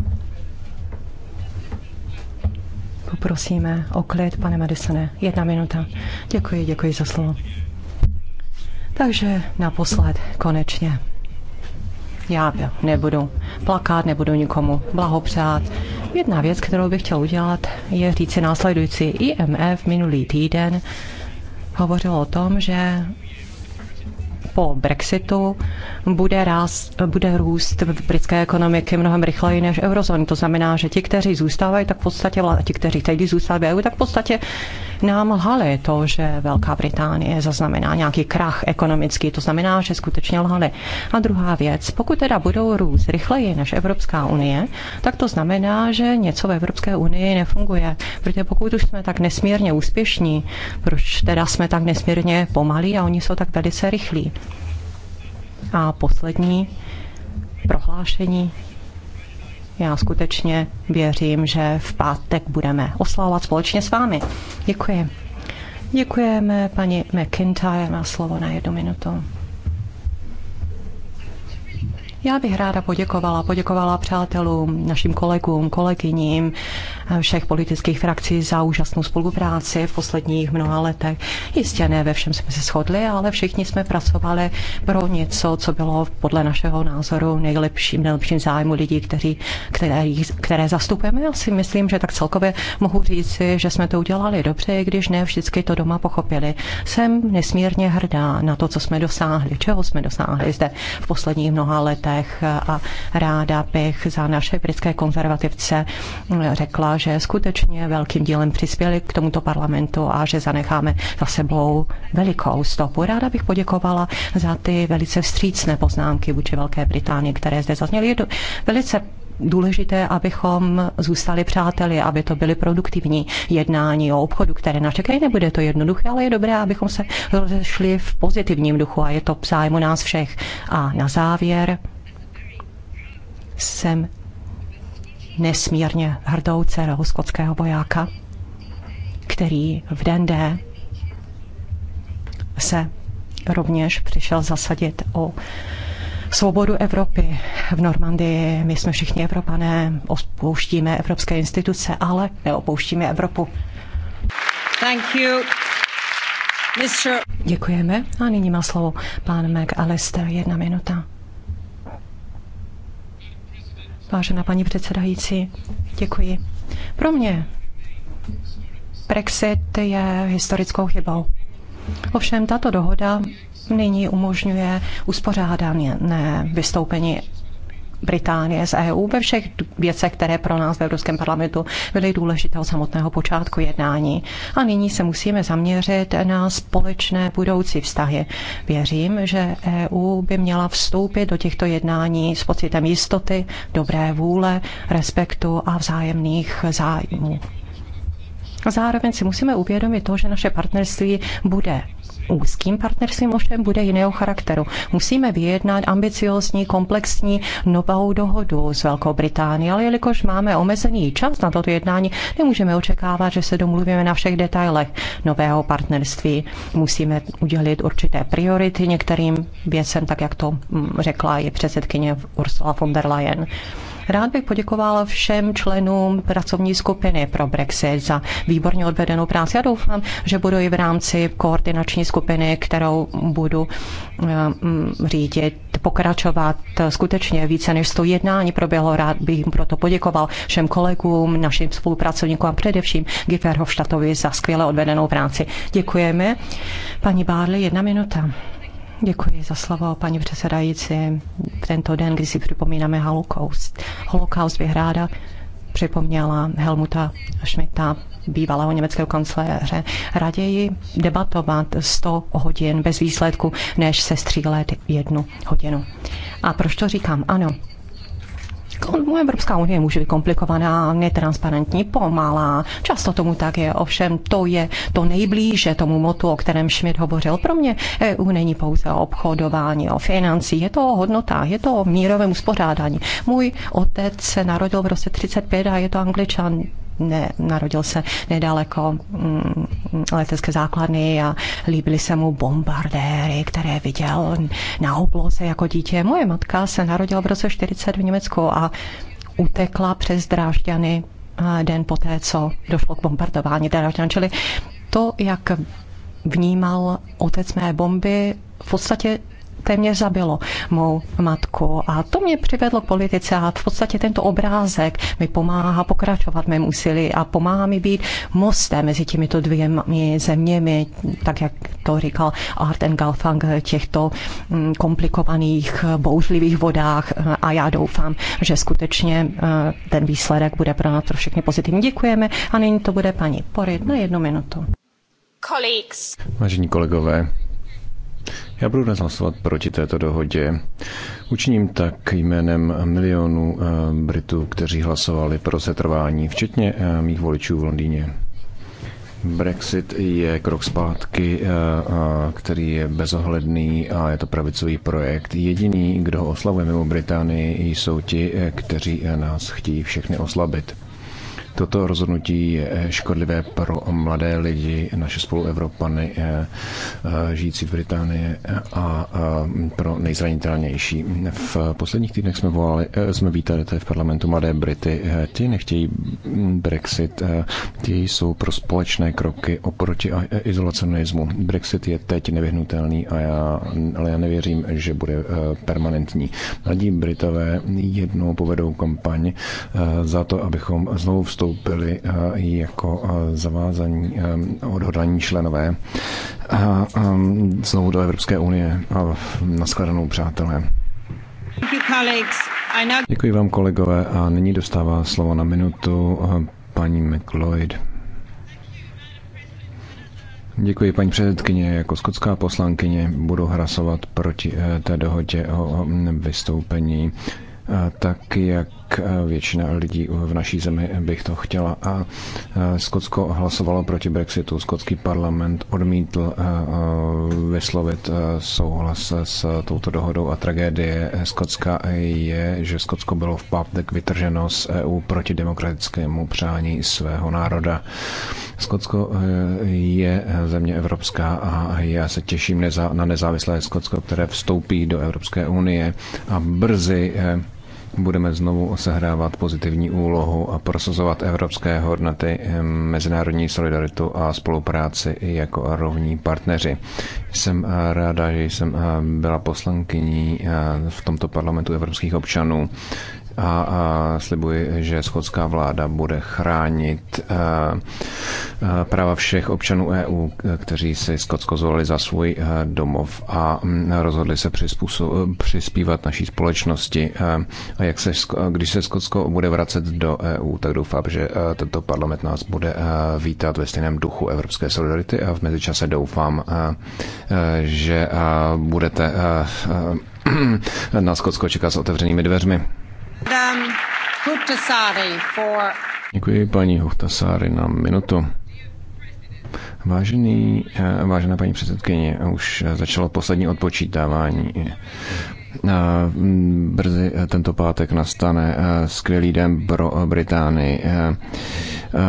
Poprosíme o klid, pane Madisone. Jedna minuta. Děkuji, děkuji za slovo. Takže naposled, konečně. Já nebudu plakat, nebudu nikomu blahopřát. Jedna věc, kterou bych chtěl udělat, je říci následující. IMF minulý týden hovořil o tom, že po Brexitu bude, ráz, bude růst v britské ekonomiky mnohem rychleji než eurozóny. To znamená, že ti, kteří zůstávají, tak v podstatě, ti, kteří tady zůstávají, tak v podstatě nám lhali to, že Velká Británie zaznamená nějaký krach ekonomický. To znamená, že skutečně lhali. A druhá věc, pokud teda budou růst rychleji než Evropská unie, tak to znamená, že něco v Evropské unii nefunguje. Protože pokud už jsme tak nesmírně úspěšní, proč teda jsme tak nesmírně pomalí a oni jsou tak velice rychlí? A poslední prohlášení. Já skutečně věřím, že v pátek budeme oslávat společně s vámi. Děkuji. Děkujeme paní McIntyre. Má slovo na jednu minutu. Já bych ráda poděkovala, poděkovala přátelům, našim kolegům, kolegyním všech politických frakcí za úžasnou spolupráci v posledních mnoha letech. Jistě ne ve všem jsme se shodli, ale všichni jsme pracovali pro něco, co bylo podle našeho názoru nejlepším, nejlepším zájmu lidí, kteří, které, které zastupujeme. Já si myslím, že tak celkově mohu říci, že jsme to udělali dobře, i když ne vždycky to doma pochopili. Jsem nesmírně hrdá na to, co jsme dosáhli, čeho jsme dosáhli zde v posledních mnoha letech letech a ráda bych za naše britské konzervativce mm, řekla, že skutečně velkým dílem přispěli k tomuto parlamentu a že zanecháme za sebou velikou stopu. Ráda bych poděkovala za ty velice vstřícné poznámky vůči Velké Británii, které zde zazněly. Je velice důležité, abychom zůstali přáteli, aby to byly produktivní jednání o obchodu, které nás čekají. Nebude to jednoduché, ale je dobré, abychom se rozešli v pozitivním duchu a je to zájmu nás všech. A na závěr jsem nesmírně hrdou dcerou skotského vojáka, který v den D se rovněž přišel zasadit o svobodu Evropy. V Normandii my jsme všichni Evropané, opouštíme evropské instituce, ale neopouštíme Evropu. Thank you. Mr. Děkujeme. A nyní má slovo pán McAllister. Jedna minuta. Vážená paní předsedající, děkuji. Pro mě Brexit je historickou chybou. Ovšem tato dohoda nyní umožňuje uspořádané vystoupení Británie z EU ve všech věcech, které pro nás v Evropském parlamentu byly důležité od samotného počátku jednání. A nyní se musíme zaměřit na společné budoucí vztahy. Věřím, že EU by měla vstoupit do těchto jednání s pocitem jistoty, dobré vůle, respektu a vzájemných zájmů. Zároveň si musíme uvědomit to, že naše partnerství bude úzkým partnerstvím ovšem bude jiného charakteru. Musíme vyjednat ambiciozní, komplexní novou dohodu s Velkou Británií, ale jelikož máme omezený čas na toto jednání, nemůžeme očekávat, že se domluvíme na všech detailech nového partnerství. Musíme udělit určité priority některým věcem, tak jak to mm, řekla i předsedkyně Ursula von der Leyen. Rád bych poděkoval všem členům pracovní skupiny pro Brexit za výborně odvedenou práci. Já doufám, že budu i v rámci koordinační skupiny, kterou budu eh, řídit, pokračovat skutečně více než 100 jednání proběhlo. Rád bych jim proto poděkoval všem kolegům, našim spolupracovníkům a především Giferhofštatovi za skvěle odvedenou práci. Děkujeme. Paní Bárli, jedna minuta. Děkuji za slovo, paní předsedající. V tento den, kdy si připomínáme holokaust, holokaust bych ráda připomněla Helmuta Schmidta, bývalého německého kancléře, raději debatovat 100 hodin bez výsledku, než se střílet jednu hodinu. A proč to říkám? Ano, Evropská unie může být komplikovaná, netransparentní, pomalá. Často tomu tak je, ovšem to je to nejblíže tomu motu, o kterém Schmidt hovořil. Pro mě EU není pouze o obchodování, o financí, je to o hodnotách, je to o mírovém uspořádání. Můj otec se narodil v roce 35 a je to angličan ne, narodil se nedaleko mm, letecké základny a líbily se mu bombardéry, které viděl na obloze jako dítě. Moje matka se narodila v roce 40 v Německu a utekla přes Drážďany eh, den poté, co došlo k bombardování Drážďan. Čili to, jak vnímal otec mé bomby, v podstatě téměř zabilo mou matku. A to mě přivedlo k politice a v podstatě tento obrázek mi pomáhá pokračovat v mém úsilí a pomáhá mi být mostem mezi těmito dvěmi zeměmi, tak jak to říkal Art and Galfang, těchto mm, komplikovaných, bouřlivých vodách a já doufám, že skutečně eh, ten výsledek bude pro nás pro všechny pozitivní. Děkujeme a nyní to bude paní Porit na jednu minutu. Colleagues. Vážení kolegové, já budu dnes hlasovat proti této dohodě. Učiním tak jménem milionů eh, Britů, kteří hlasovali pro setrvání, včetně eh, mých voličů v Londýně. Brexit je krok zpátky, eh, který je bezohledný a je to pravicový projekt. Jediný, kdo ho oslavuje mimo Británii, jsou ti, kteří nás chtějí všechny oslabit. Toto rozhodnutí je eh, škodlivé pro mladé lidi, naše spoluevropany eh, eh, žijící v Británii a pro nejzranitelnější. V posledních týdnech jsme, volali, jsme vítali v parlamentu mladé Brity. Ti nechtějí Brexit, ti jsou pro společné kroky oproti izolacionismu. Brexit je teď nevyhnutelný, a já, ale já nevěřím, že bude permanentní. Mladí Britové jednou povedou kampaň za to, abychom znovu vstoupili vystoupili eh, jako eh, zavázaní eh, odhodlaní členové a ehm, znovu do Evropské unie a nashledanou přátelé. Děkuji vám kolegové a nyní dostává slovo na minutu paní McLeod. Děkuji, paní předsedkyně. Jako skotská poslankyně budu hlasovat proti té dohodě o vystoupení, tak jak jak eh, většina lidí v naší zemi bych to chtěla. A eh, Skotsko hlasovalo proti Brexitu. Skotský parlament odmítl eh, vyslovit souhlas s touto dohodou a tragédie Skotska je, že Skotsko bylo v pátek vytrženo z EU proti demokratickému přání svého národa. Skotsko je země evropská a já se těším na nezávislé Skotsko, které vstoupí do Evropské unie a brzy budeme znovu sehrávat pozitivní úlohu a prosazovat evropské hodnoty, eh, mezinárodní solidaritu a spolupráci jako rovní partneři. Jsem eh, ráda, že jsem eh, byla poslankyní v tomto parlamentu evropských občanů a, a slibuji, že schodská vláda bude chránit a, eh, a eh, práva všech občanů EU, kteří si Skotsko zvolili za svůj eh, domov a mm, rozhodli se přispívat naší společnosti. A jak se, když se Skotsko bude vracet do EU, tak doufám, že tento parlament nás bude vítat ve stejném duchu evropské solidarity a v mezičase doufám, že budete na Skotsko čekat s otevřenými dveřmi. Děkuji paní Huhtasáry na minutu. Vážený, eh, vážená paní předsedkyně, už začalo poslední odpočítávání. Eh, mm, brzy eh, tento pátek nastane skvělý den pro Británii.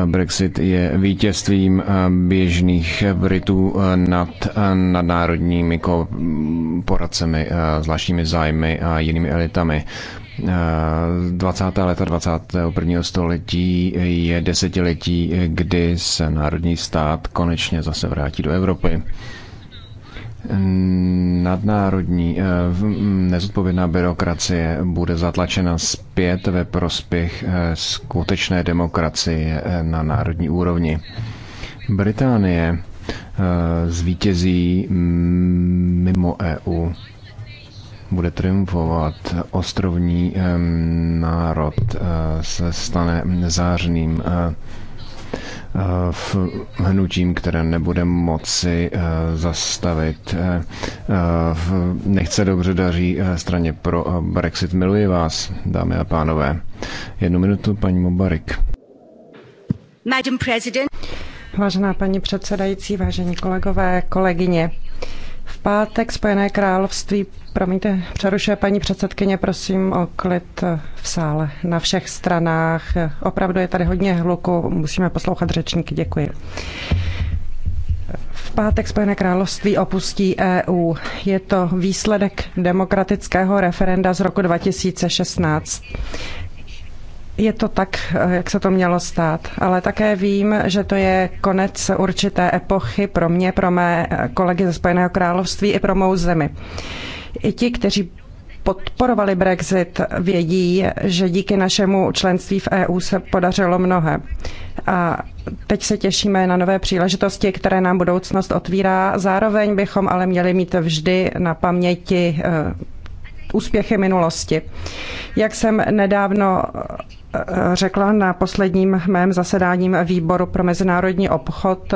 Brexit je vítězstvím běžných Britů nad nadnárodními poradcemi, zvláštními zájmy a jinými elitami. 20. leta 21. století je desetiletí, kdy se národní stát konečně zase vrátí do Evropy nadnárodní eh, nezodpovědná byrokracie bude zatlačena zpět ve prospěch eh, skutečné demokracie eh, na národní úrovni. Británie zvítězí mimo EU bude triumfovat. Ostrovní národ eh, se stane zářným eh, eh, v hnutím, které nebude moci zastavit. Nechce dobře daří straně pro Brexit. Miluji vás, dámy a pánové. Jednu minutu, paní Mubarik. Madam President. Vážená paní předsedající, vážení kolegové, kolegyně, v pátek Spojené království, promiňte, přerušuje paní předsedkyně, prosím o klid v sále na všech stranách. Opravdu je tady hodně hluku, musíme poslouchat řečníky, děkuji. V pátek Spojené království opustí EU. Je to výsledek demokratického referenda z roku 2016 je to tak, eh, jak se to mělo stát, ale také vím, že to je konec určité epochy pro mě, pro mé eh, kolegy ze Spojeného království i pro mou zemi. I ti, kteří podporovali Brexit, vědí, že díky našemu členství v EU se podařilo mnohé. A teď se těšíme na nové příležitosti, které nám budoucnost otvírá. Zároveň bychom ale měli mít vždy na paměti eh, úspěchy minulosti. Jak jsem nedávno řekla na posledním mém zasedáním výboru pro mezinárodní obchod,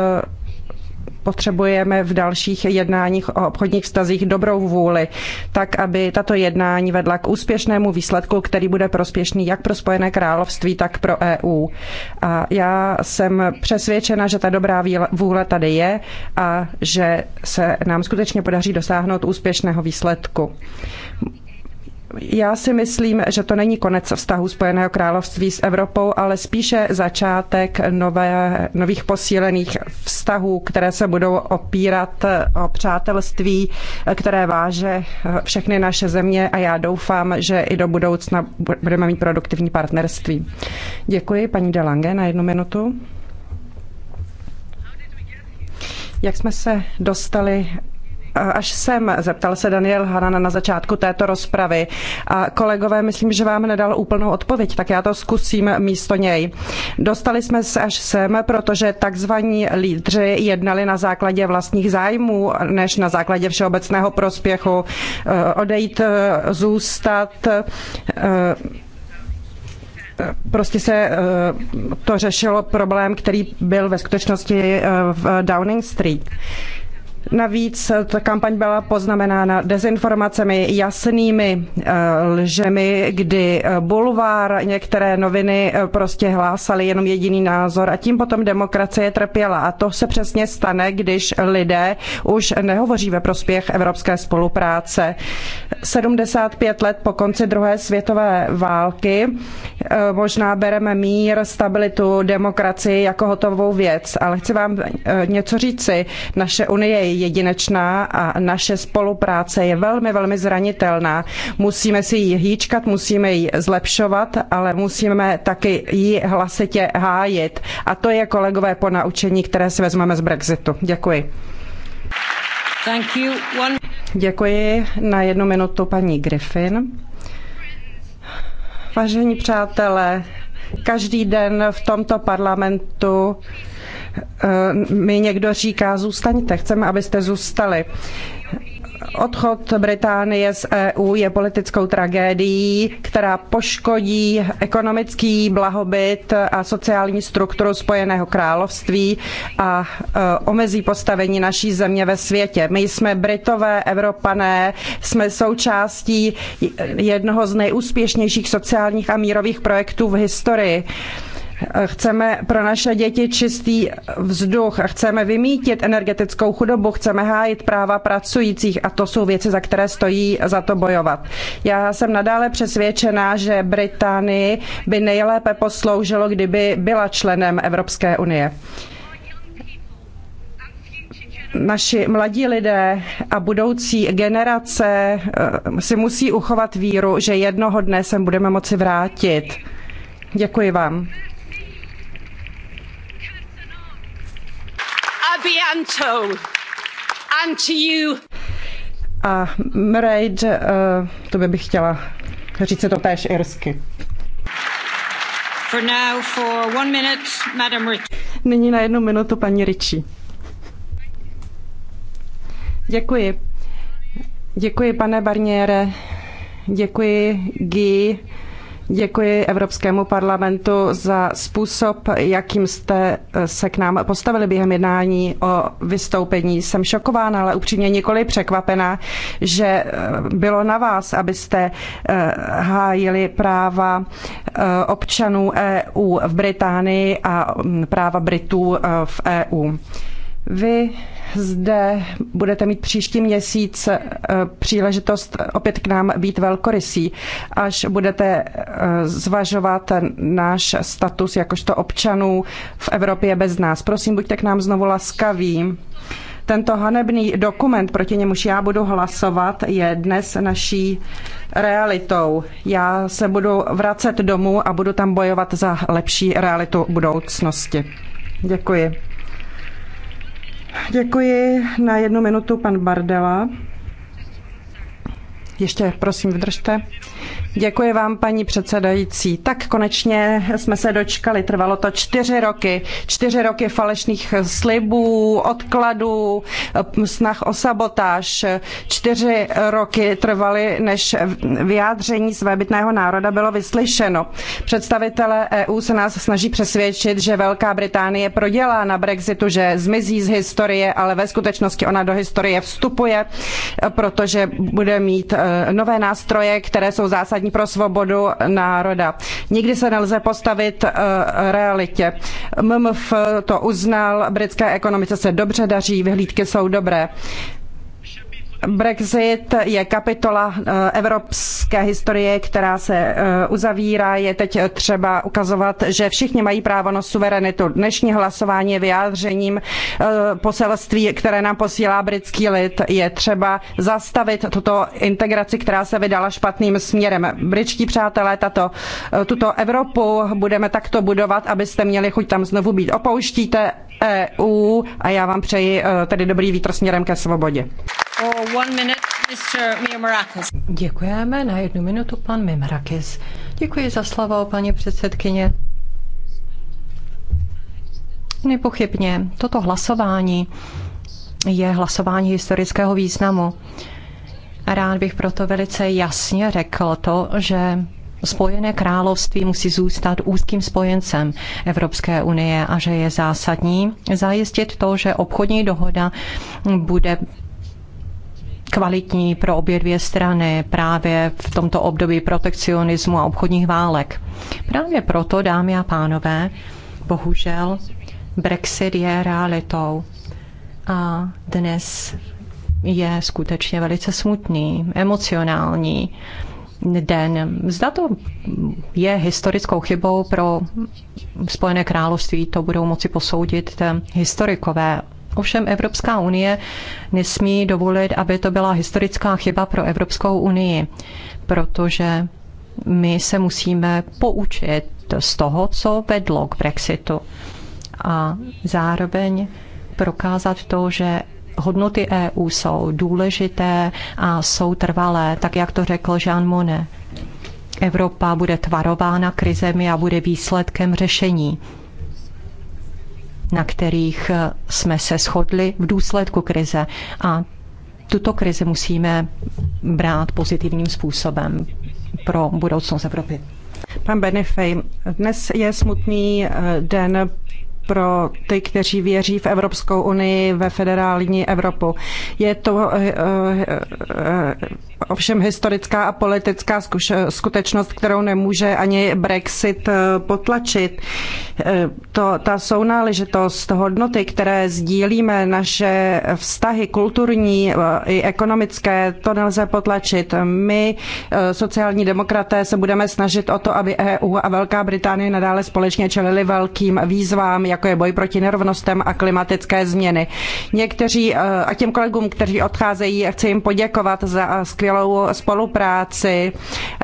potřebujeme v dalších jednáních o obchodních vztazích dobrou vůli, tak aby tato jednání vedla k úspěšnému výsledku, který bude prospěšný jak pro Spojené království, tak pro EU. A já jsem přesvědčena, že ta dobrá vůle tady je a že se nám skutečně podaří dosáhnout úspěšného výsledku já si myslím, že to není konec vztahu Spojeného království s Evropou, ale spíše začátek nové, nových posílených vztahů, které se budou opírat o přátelství, které váže všechny naše země a já doufám, že i do budoucna budeme mít produktivní partnerství. Děkuji, paní Delange, na jednu minutu. Jak jsme se dostali až sem, zeptal se Daniel Hanan na začátku této rozpravy. A kolegové, myslím, že vám nedal úplnou odpověď, tak já to zkusím místo něj. Dostali jsme se až sem, protože takzvaní lídři jednali na základě vlastních zájmů, než na základě všeobecného prospěchu eh, odejít, eh, zůstat, eh, prostě se to řešilo problém, který byl ve skutečnosti v Downing Street. Navíc eh, ta kampaň byla poznamenána dezinformacemi, jasnými eh, lžemi, kdy eh, bulvár, některé noviny prostě hlásaly jenom jediný názor a tím potom demokracie trpěla. A to se přesně stane, když lidé už nehovoří ve prospěch evropské spolupráce. 75 let po konci druhé světové války možná bereme mír, stabilitu, demokracii jako hotovou věc, ale chci vám něco říci. Naše unie je jedinečná a naše spolupráce je velmi, velmi zranitelná. Musíme si ji hýčkat, musíme ji zlepšovat, ale musíme taky ji hlasitě hájit. A to je, kolegové, po naučení, které si vezmeme z Brexitu. Děkuji. Thank you. One... Děkuji. Na jednu minutu paní Griffin. Vážení přátelé, každý den v tomto parlamentu Eh, mi někdo říká, zůstaňte, chceme, abyste zůstali. Odchod Británie z EU je politickou tragédií, která poškodí ekonomický blahobyt a sociální strukturu Spojeného království a eh, omezí postavení naší země ve světě. My jsme Britové, Evropané, jsme součástí jednoho z nejúspěšnějších sociálních a mírových projektů v historii. Chceme pro naše děti čistý vzduch, chceme vymítit energetickou chudobu, chceme hájit práva pracujících a to jsou věci, za které stojí za to bojovat. Já jsem nadále přesvědčená, že Británii by nejlépe posloužilo, kdyby byla členem Evropské unie naši mladí lidé a budoucí generace eh, si musí uchovat víru, že jednoho dne sem budeme moci vrátit. Děkuji vám. Abianto. And to you. A Mraid, uh, eh, to by bych chtěla říct se to též irsky. For now, for one minute, Madam Rich. Nyní na jednu minutu paní Ričí. Děkuji. Děkuji, pane Barniere. Děkuji, Guy Děkuji Evropskému parlamentu za způsob, jakým jste eh, se k nám postavili během jednání o vystoupení. Jsem šokována, ale upřímně nikoli překvapená, že eh, bylo na vás, abyste eh, hájili práva občanů EU v Británii a mm, práva Britů v EU. Vy zde budete mít příští měsíc eh, příležitost opět k nám být velkorysí, až budete eh, zvažovat náš status jakožto občanů v Evropě bez nás. Prosím, buďte k nám znovu laskaví. Tento hanebný dokument, proti němuž já budu hlasovat, je dnes naší realitou. Já se budu vracet domů a budu tam bojovat za lepší realitu budoucnosti. Děkuji. Děkuji. Na jednu minutu pan Bardela. Ještě prosím vydržte. Děkuji vám, paní předsedající. Tak konečně jsme se dočkali. Trvalo to čtyři roky. Čtyři roky falešných slibů, odkladů, snah o sabotáž. Čtyři roky trvaly, než vyjádření svébytného národa bylo vyslyšeno. Představitelé EU se nás snaží přesvědčit, že Velká Británie prodělá na Brexitu, že zmizí z historie, ale ve skutečnosti ona do historie vstupuje, protože bude mít Eh, nové nástroje, které jsou zásadní pro svobodu národa. Nikdy se nelze postavit eh, realitě. MMF to uznal, britské ekonomice se dobře daří, vyhlídky jsou dobré. Brexit je kapitola eh, evropské historie, která se eh, uzavírá. Je teď eh, třeba ukazovat, že všichni mají právo na suverenitu. Dnešní hlasování je vyjádřením poselství, které nám posílá britský lid. Je třeba zastavit tuto integraci, která se vydala špatným směrem. Britští přátelé, tato, tuto Evropu budeme takto budovat, abyste měli chuť tam znovu být. Opouštíte EU a já vám přeji e, tedy dobrý vítr směrem ke svobodě. Děkujeme. Na jednu minutu pan Mimrakis. Děkuji za slovo, paní předsedkyně. Nepochybně, toto hlasování je hlasování historického významu. Rád bych proto velice jasně řekl to, že Spojené království musí zůstat úzkým spojencem Evropské unie a že je zásadní zajistit to, že obchodní dohoda bude kvalitní pro obě dvě strany právě v tomto období protekcionismu a obchodních válek. Právě proto, dámy a pánové, bohužel Brexit je realitou a dnes je skutečně velice smutný, emocionální den. Zda to je historickou chybou pro Spojené království, to budou moci posoudit historikové. Ovšem Evropská unie nesmí dovolit, aby to byla historická chyba pro Evropskou unii, protože my se musíme poučit z toho, co vedlo k Brexitu. A zároveň prokázat to, že hodnoty EU jsou důležité a jsou trvalé, tak jak to řekl Jean Monnet. Evropa bude tvarována krizemi a bude výsledkem řešení, na kterých jsme se shodli v důsledku krize. A tuto krizi musíme brát pozitivním způsobem pro budoucnost Evropy. Pan Benefej, dnes je smutný eh, den pro ty, kteří věří v Evropskou unii, ve federální Evropu. Je to eh, eh, ovšem historická a politická skutečnost, kterou nemůže ani Brexit eh, potlačit. Eh, to, ta sounáležitost hodnoty, které sdílíme, naše vztahy kulturní eh, i ekonomické, to nelze potlačit. My, sociální demokraté, se budeme snažit o to, aby EU a Velká Británie nadále společně čelili velkým výzvám, jako je boj proti nerovnostem a klimatické změny. Někteří a těm kolegům, kteří odcházejí, chci jim poděkovat za skvělé skvělou spolupráci.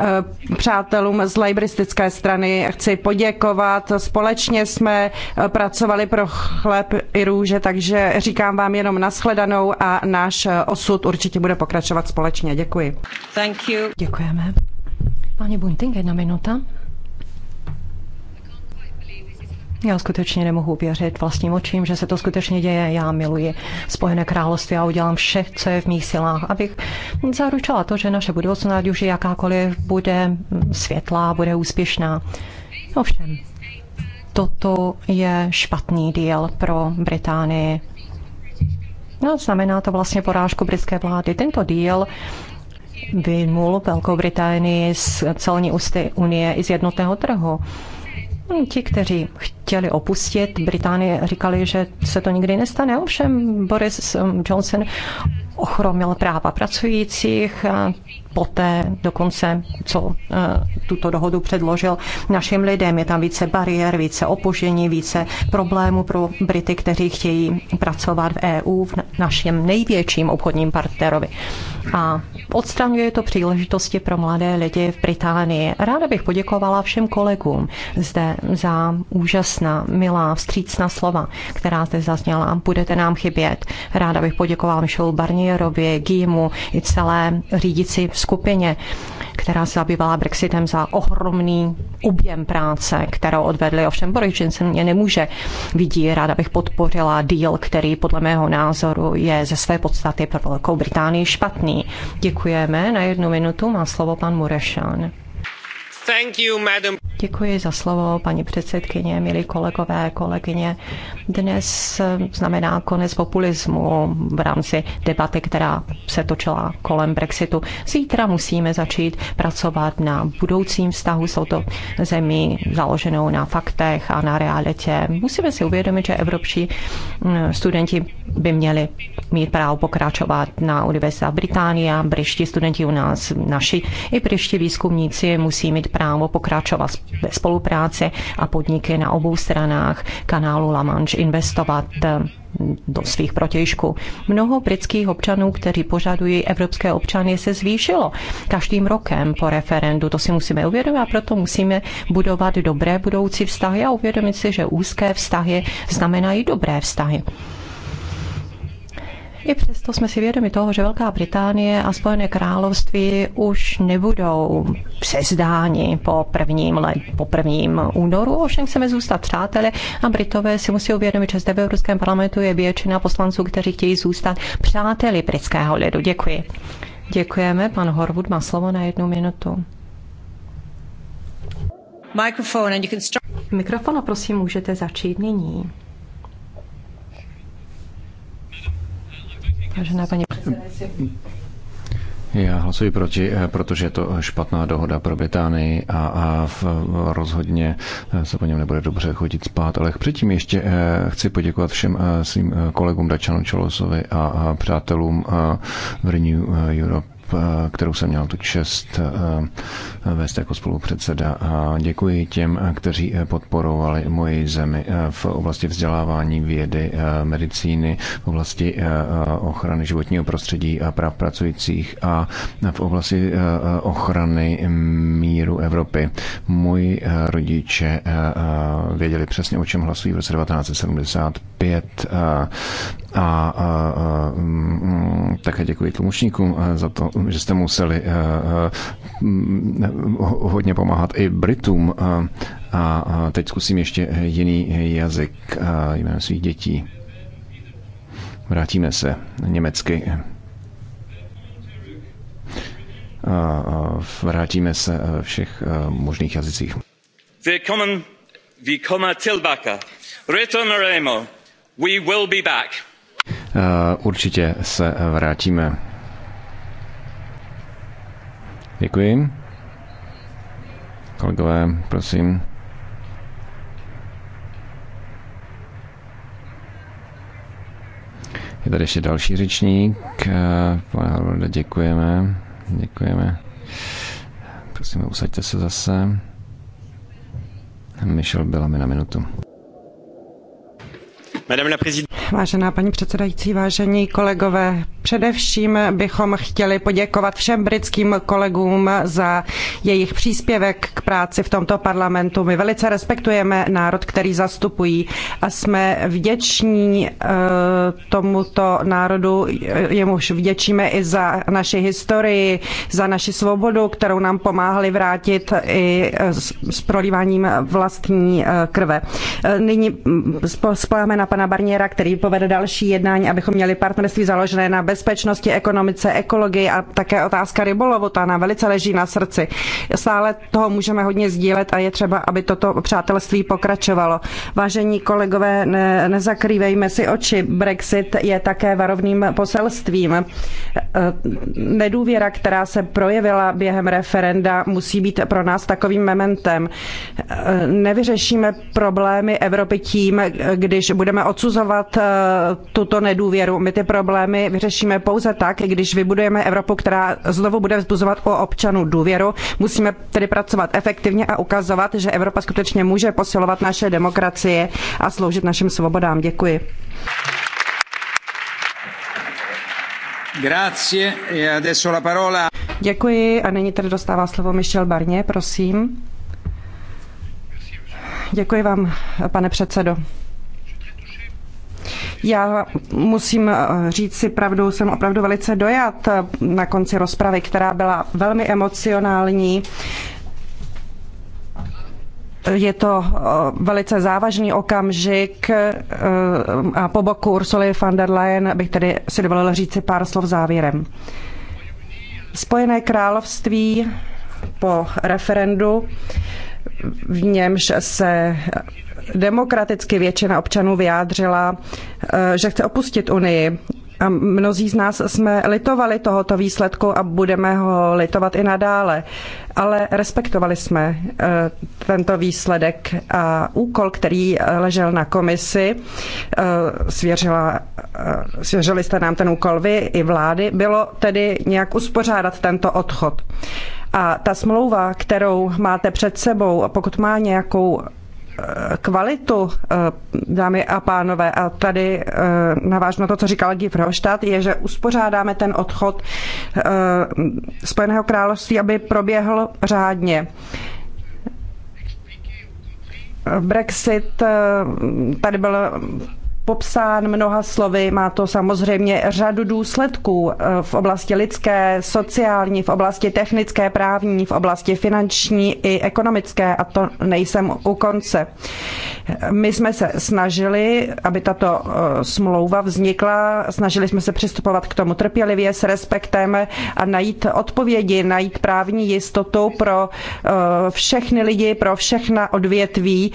Eh, přátelům z lejbristické strany chci poděkovat. Společně jsme eh, pracovali pro chleb i růže, takže říkám vám jenom nashledanou a náš eh, osud určitě bude pokračovat společně. Děkuji. Thank you. Děkujeme. Pani Bunting, jedna minuta. Já skutečně nemohu věřit vlastním očím, že se to skutečně děje. Já miluji Spojené království a udělám vše, co je v mých silách, abych zaručila to, že naše budoucnost, ať už jakákoliv, bude světlá, bude úspěšná. Ovšem, toto je špatný díl pro Británii. No, znamená to vlastně porážku britské vlády. Tento díl vynul Velkou Británii z celní ústy Unie i z jednotného trhu. Ti, kteří chtěli opustit Británii, říkali, že se to nikdy nestane. Ovšem Boris eh, Johnson ochromil práva pracujících, eh, poté dokonce, co eh, tuto dohodu předložil našim lidem. Je tam více bariér, více opožení, více problémů pro Brity, kteří chtějí pracovat v EU, v našem největším obchodním partnerovi. A odstraňuje to příležitosti pro mladé lidi v Británii. Ráda bych poděkovala všem kolegům zde za úžasná, milá, vstřícná slova, která zde zazněla. Budete nám chybět. Ráda bych poděkovala Michelu Barnierovi, Gimu i celé řídici skupině, která se zabývala Brexitem za ohromný objem práce, kterou odvedli. Ovšem Boris Johnson mě nemůže vydírat, abych podpořila deal, který podle mého názoru je ze své podstaty pro Velkou Británii špatný. Děkujeme. Na jednu minutu má slovo pan Murešan. Děkuji za slovo, paní předsedkyně, milí kolegové, kolegyně. Dnes znamená konec populismu v rámci debaty, která se točila kolem Brexitu. Zítra musíme začít pracovat na budoucím vztahu s touto zemí, založenou na faktech a na realitě. Musíme si uvědomit, že evropští mm, studenti by měli mít právo pokračovat na univerzitách Británie, britští studenti u nás, naši i britští výzkumníci musí mít právo pokračovat ve spolupráci a podniky na obou stranách kanálu La Manche investovat eh, do svých protějšků. Mnoho britských občanů, kteří požadují evropské občany, se zvýšilo každým rokem po referendu. To si musíme uvědomit a proto musíme budovat dobré budoucí vztahy a uvědomit si, že úzké vztahy znamenají dobré vztahy. I přesto jsme si vědomi toho, že Velká Británie a Spojené království už nebudou přezdáni po prvním, let, po prvním únoru, ovšem chceme zůstat přáteli a Britové si musí uvědomit, že zde v Evropském parlamentu je většina poslanců, kteří chtějí zůstat přáteli britského lidu. Děkuji. Děkujeme. Pan Horwood. má slovo na jednu minutu. Mikrofon a prosím můžete začít nyní. Vážená paní předsedající. Já hlasuji proti, eh, protože je to špatná dohoda pro Británii a, a v, rozhodně eh, se po něm nebude dobře chodit spát. Ale předtím ještě eh, chci poděkovat všem svým kolegům Dačanu Čolosovi a přátelům v Renew Europe Eh, kterou jsem měl tu čest eh, vést jako spolupředseda. A děkuji těm, eh, kteří podporovali moji zemi v oblasti vzdělávání, vědy, medicíny, v oblasti ochrany životního prostředí a práv pracujících a v oblasti ochrany míru Evropy. Moji rodiče věděli přesně, o čem hlasují v roce 1975 a, a, a, a také děkuji tlumočníkům za to, že jste museli eh, eh, hodně pomáhat i Britům. Eh, a teď zkusím ještě jiný jazyk jménem svých dětí. Vrátíme se německy. Vrátíme se všech možných jazycích. Willkommen, willkommen tilbaka. Retornaremo. We will be back. Určitě se vrátíme. Děkuji. Kolegové, prosím. Je tady ještě další řečník. Eh, pane Harvarde, děkujeme. Děkujeme. Prosím, usaďte se zase. Michel byla mi na minutu. Vážená paní předsedající, vážení kolegové, především bychom chtěli poděkovat všem britským kolegům za jejich příspěvek k práci v tomto parlamentu. My velice respektujeme národ, který zastupují a jsme vděční eh, tomuto národu, eh, jemuž vděčíme i za naši historii, za naši svobodu, kterou nám pomáhali vrátit i eh, s prolíváním vlastní krve. Nyní mm, spoláme na pana pana Barniera, který povede další jednání, abychom měli partnerství založené na bezpečnosti, ekonomice, ekologii a také otázka rybolovu, ta nám velice leží na srdci. Stále toho můžeme hodně sdílet a je třeba, aby toto přátelství pokračovalo. Vážení kolegové, ne, nezakrývejme si oči. Brexit je také varovným poselstvím. E, nedůvěra, která se projevila během referenda, musí být pro nás takovým mementem. E, nevyřešíme problémy Evropy tím, když budeme odsuzovat eh, tuto nedůvěru. My ty problémy vyřešíme pouze tak, když vybudujeme Evropu, která znovu bude vzbuzovat o občanů důvěru. Musíme tedy pracovat efektivně a ukazovat, že Evropa skutečně může posilovat naše demokracie a sloužit našim svobodám. Děkuji. Grazie. E adesso la parola... Děkuji a nyní tedy dostává slovo Michel Barnier, prosím. Děkuji vám, pane předsedo. Já musím eh, říct si pravdu, jsem opravdu velice dojat eh, na konci rozpravy, která byla velmi emocionální. Je to eh, velice závažný okamžik a po boku Ursuly von der Leyen bych tedy si dovolil říct si pár slov závěrem. Spojené království po referendu, v němž se demokraticky většina občanů vyjádřila, eh, že chce opustit Unii. A mnozí z nás jsme litovali tohoto výsledku a budeme ho litovat i nadále. Ale respektovali jsme eh, tento výsledek a úkol, který eh, ležel na komisi, svěřila, svěřili jste nám ten úkol vy i vlády, bylo tedy nějak uspořádat tento odchod. A ta smlouva, kterou máte před sebou, pokud má nějakou kvalitu, eh, dámy a pánové, a tady eh, navážu na to, co říkal Guy Rostad, je, že uspořádáme ten odchod eh, Spojeného království, aby proběhl řádně. Brexit tady byl popsán mnoha slovy. Má to samozřejmě řadu důsledků eh, v oblasti lidské, sociální, v oblasti technické, právní, v oblasti finanční i ekonomické a to nejsem u konce. My jsme se snažili, aby tato eh, smlouva vznikla, snažili jsme se přistupovat k tomu trpělivě, s respektem a najít odpovědi, najít právní jistotu pro eh, všechny lidi, pro všechna odvětví,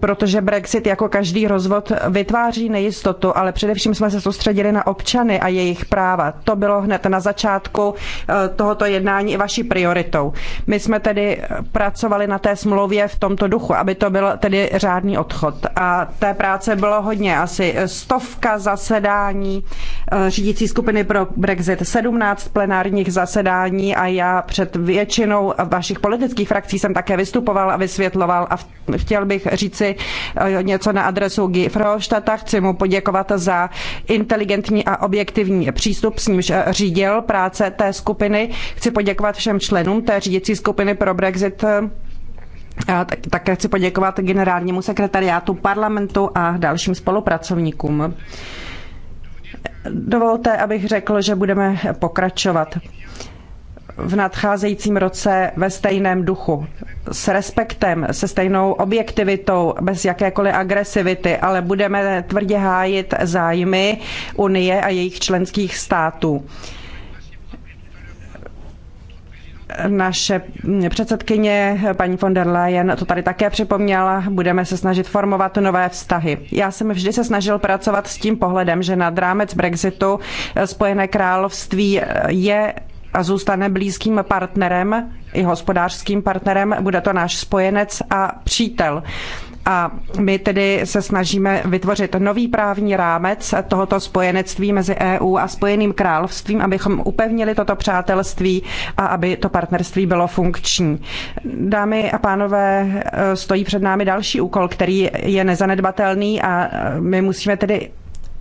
protože Brexit jako každý rozvod vytváří nejistotu, ale především jsme se soustředili na občany a jejich práva. To bylo hned na začátku eh, tohoto jednání i vaší prioritou. My jsme tedy pracovali na té smlouvě v tomto duchu, aby to byl tedy řádný odchod. A té práce bylo hodně, asi stovka zasedání eh, řídící skupiny pro Brexit, 17 plenárních zasedání a já před většinou vašich politických frakcí jsem také vystupoval a vysvětloval a chtěl bych říci eh, něco na adresu Guy Frohoštata. Chci mu poděkovat za inteligentní a objektivní přístup, s nímž eh, řídil práce té skupiny. Chci poděkovat všem členům té řídící skupiny pro Brexit eh, a tak, také chci poděkovat generálnímu sekretariátu parlamentu a dalším spolupracovníkům. Dovolte, abych řekl, že budeme pokračovat v nadcházejícím roce ve stejném duchu. S respektem, se stejnou objektivitou, bez jakékoliv agresivity, ale budeme tvrdě hájit zájmy Unie a jejich členských států naše předsedkyně paní von der Leyen to tady také připomněla, budeme se snažit formovat nové vztahy. Já jsem vždy se snažil pracovat s tím pohledem, že nad rámec Brexitu Spojené království je a zůstane blízkým partnerem i hospodářským partnerem, bude to náš spojenec a přítel. A my tedy se snažíme vytvořit nový právní rámec tohoto spojenectví mezi EU a Spojeným královstvím, abychom upevnili toto přátelství a aby to partnerství bylo funkční. Dámy a pánové, stojí před námi další úkol, který je nezanedbatelný a my musíme tedy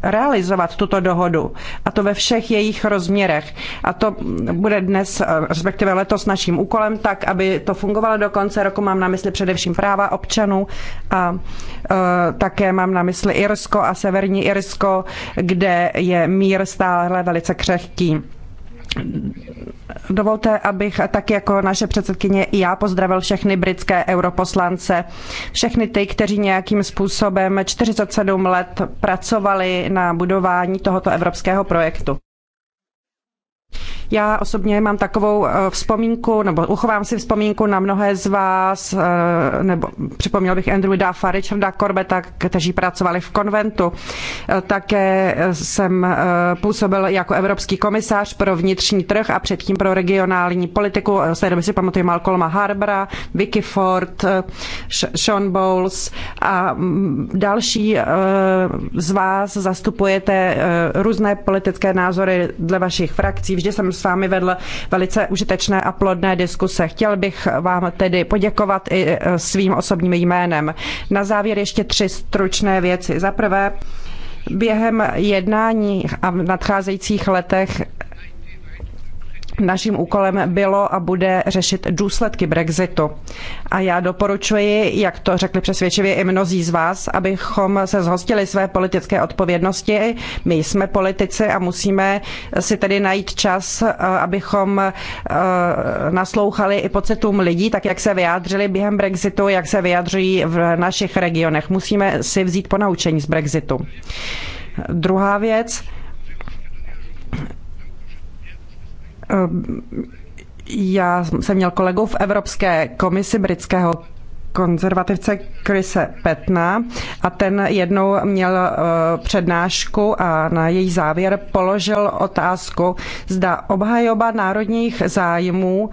realizovat tuto dohodu, a to ve všech jejich rozměrech. A to bude dnes, eh, respektive letos, naším úkolem, tak, aby to fungovalo do konce roku. Mám na mysli především práva občanů a e, také mám na mysli Irsko a Severní Irsko, kde je mír stále velice křehký. Dovolte, abych tak jako naše předsedkyně i já pozdravil všechny britské europoslance, všechny ty, kteří nějakým způsobem 47 let pracovali na budování tohoto evropského projektu. Já osobně mám takovou eh, vzpomínku, nebo uchovám si vzpomínku na mnohé z vás, eh, nebo připomněl bych Andrew Duffa, Richarda Corbeta, kteří pracovali v konventu. Eh, také jsem působil jako evropský komisář pro vnitřní trh a předtím pro regionální politiku. Z té doby si pamatuju Malcolma Harbra, Vicky Ford, Sean Bowles a mm, další z vás zastupujete různé politické názory dle vašich frakcí. Vždy jsem s vámi vedl velice užitečné a plodné diskuse. Chtěl bych vám tedy poděkovat i e, svým osobním jménem. Na závěr ještě tři stručné věci. Za prvé, během jednání a v nadcházejících letech Naším úkolem bylo a bude řešit důsledky Brexitu. A já doporučuji, jak to řekli přesvědčivě i mnozí z vás, abychom se zhostili své politické odpovědnosti. My jsme politici a musíme si tedy najít čas, eh, abychom eh, naslouchali i pocitům lidí, tak jak se vyjádřili během Brexitu, jak se vyjadřují v našich regionech. Musíme si vzít ponaučení z Brexitu. Druhá věc, Ehm, já jsem měl kolegu v Evropské komisi britského konzervativce Krise Petna a ten jednou měl eh, přednášku a na její závěr položil otázku, zda obhajoba národních zájmů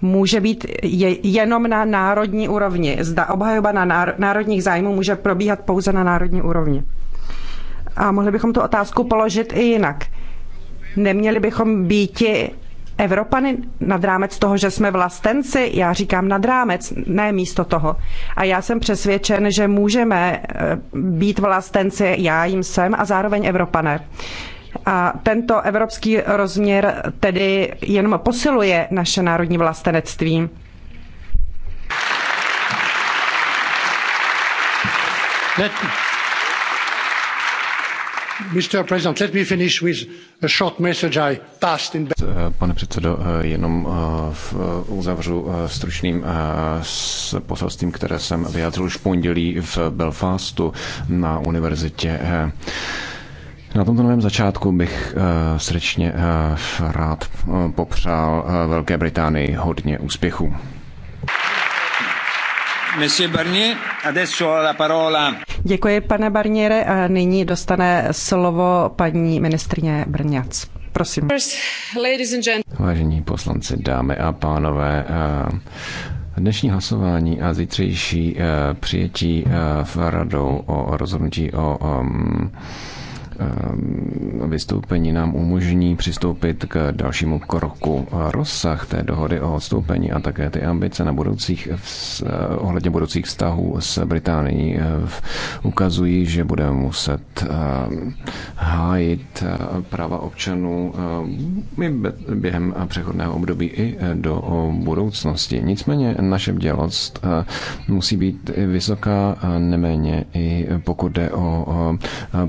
může být je, jenom na národní úrovni. Zda obhajoba na národních zájmů může probíhat pouze na národní úrovni. A mohli bychom tu otázku položit i jinak. Neměli bychom být Evropany nad rámec toho, že jsme vlastenci, já říkám nad rámec, ne místo toho. A já jsem přesvědčen, že můžeme eh, být vlastenci, já jim jsem a zároveň Evropané. A tento evropský rozměr tedy jenom posiluje naše národní vlastenectví. Let, Pane předsedo, eh, jenom eh, eh, uzavřu stručným poselstvím, které jsem vyjádřil už v pondělí v Belfastu na univerzitě. Na tomto novém začátku bych srdečně rád popřál Velké Británii hodně úspěchů. Děkuji, pane Barniere, a nyní dostane slovo paní ministrině Brňac. Prosím. Vážení poslanci, dámy a pánové, eh, Dnešní hlasování a zítřejší eh, přijetí eh, v radou o rozhodnutí o Ehm, vystoupení nám umožní přistoupit k dalšímu kroku. Rozsah té dohody o odstoupení a také ty ambice na budoucích, eh, ohledně budoucích vztahů s Británií eh, ukazují, že budeme muset ehm, hájit eh, práva občanů ehm, během přechodného období i do budoucnosti. Nicméně naše bdělost musí být vysoká, neméně i pokud jde o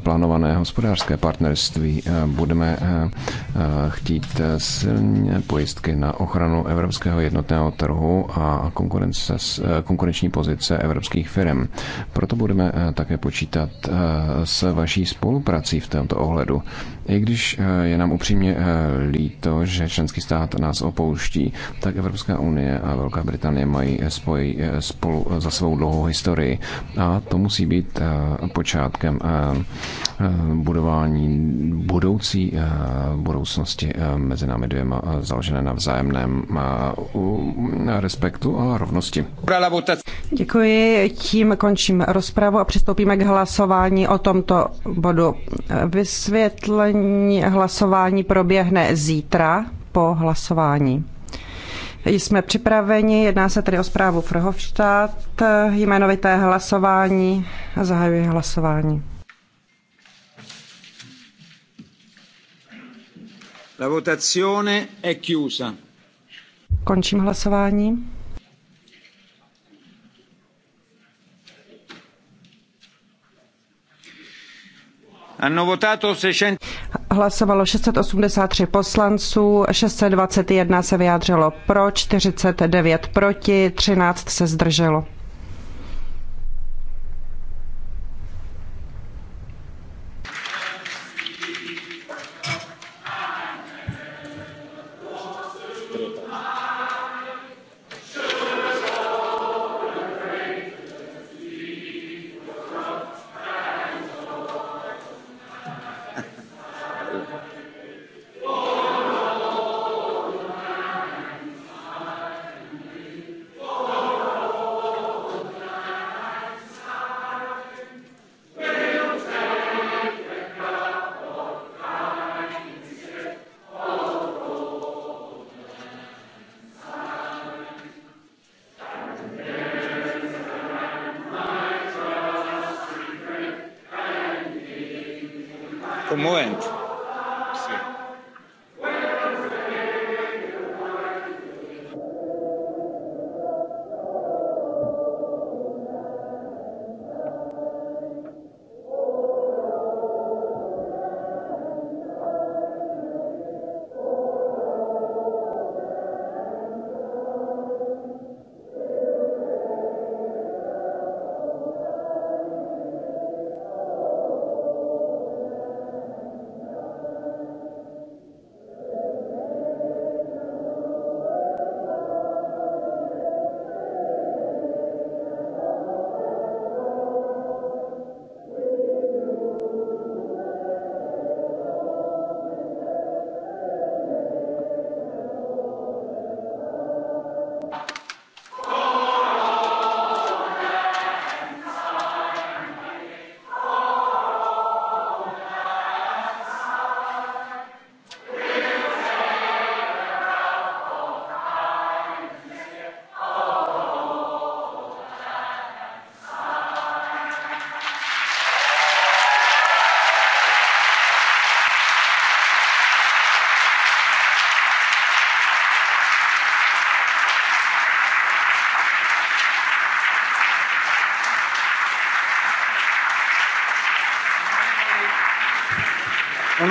plánované hospodářství hospodářské partnerství. Eh, budeme eh, eh, chtít silně pojistky na ochranu evropského jednotného trhu a konkurence, konkurenční pozice evropských firm. Proto budeme také počítat s vaší spoluprací v tomto ohledu. I když eh, je nám upřímně eh, líto, že členský stát nás opouští, tak Evropská unie a Velká Británie mají eh, spoj spolu za svou dlouhou historii a to musí být počátkem budování budoucí budoucnosti mezi námi dvěma založené na vzájemném respektu a rovnosti. Děkuji, tím končím rozpravu a přistoupíme k hlasování o tomto bodu. Vysvětlení Poslední hlasování proběhne zítra po hlasování. Jsme připraveni, jedná se tedy o zprávu Frhovštát, jmenovité hlasování a zahajuji hlasování. La votazione è chiusa. Končím hlasování. Hlasovalo 683 poslanců, 621 se vyjádřilo pro, 49 proti, 13 se zdrželo.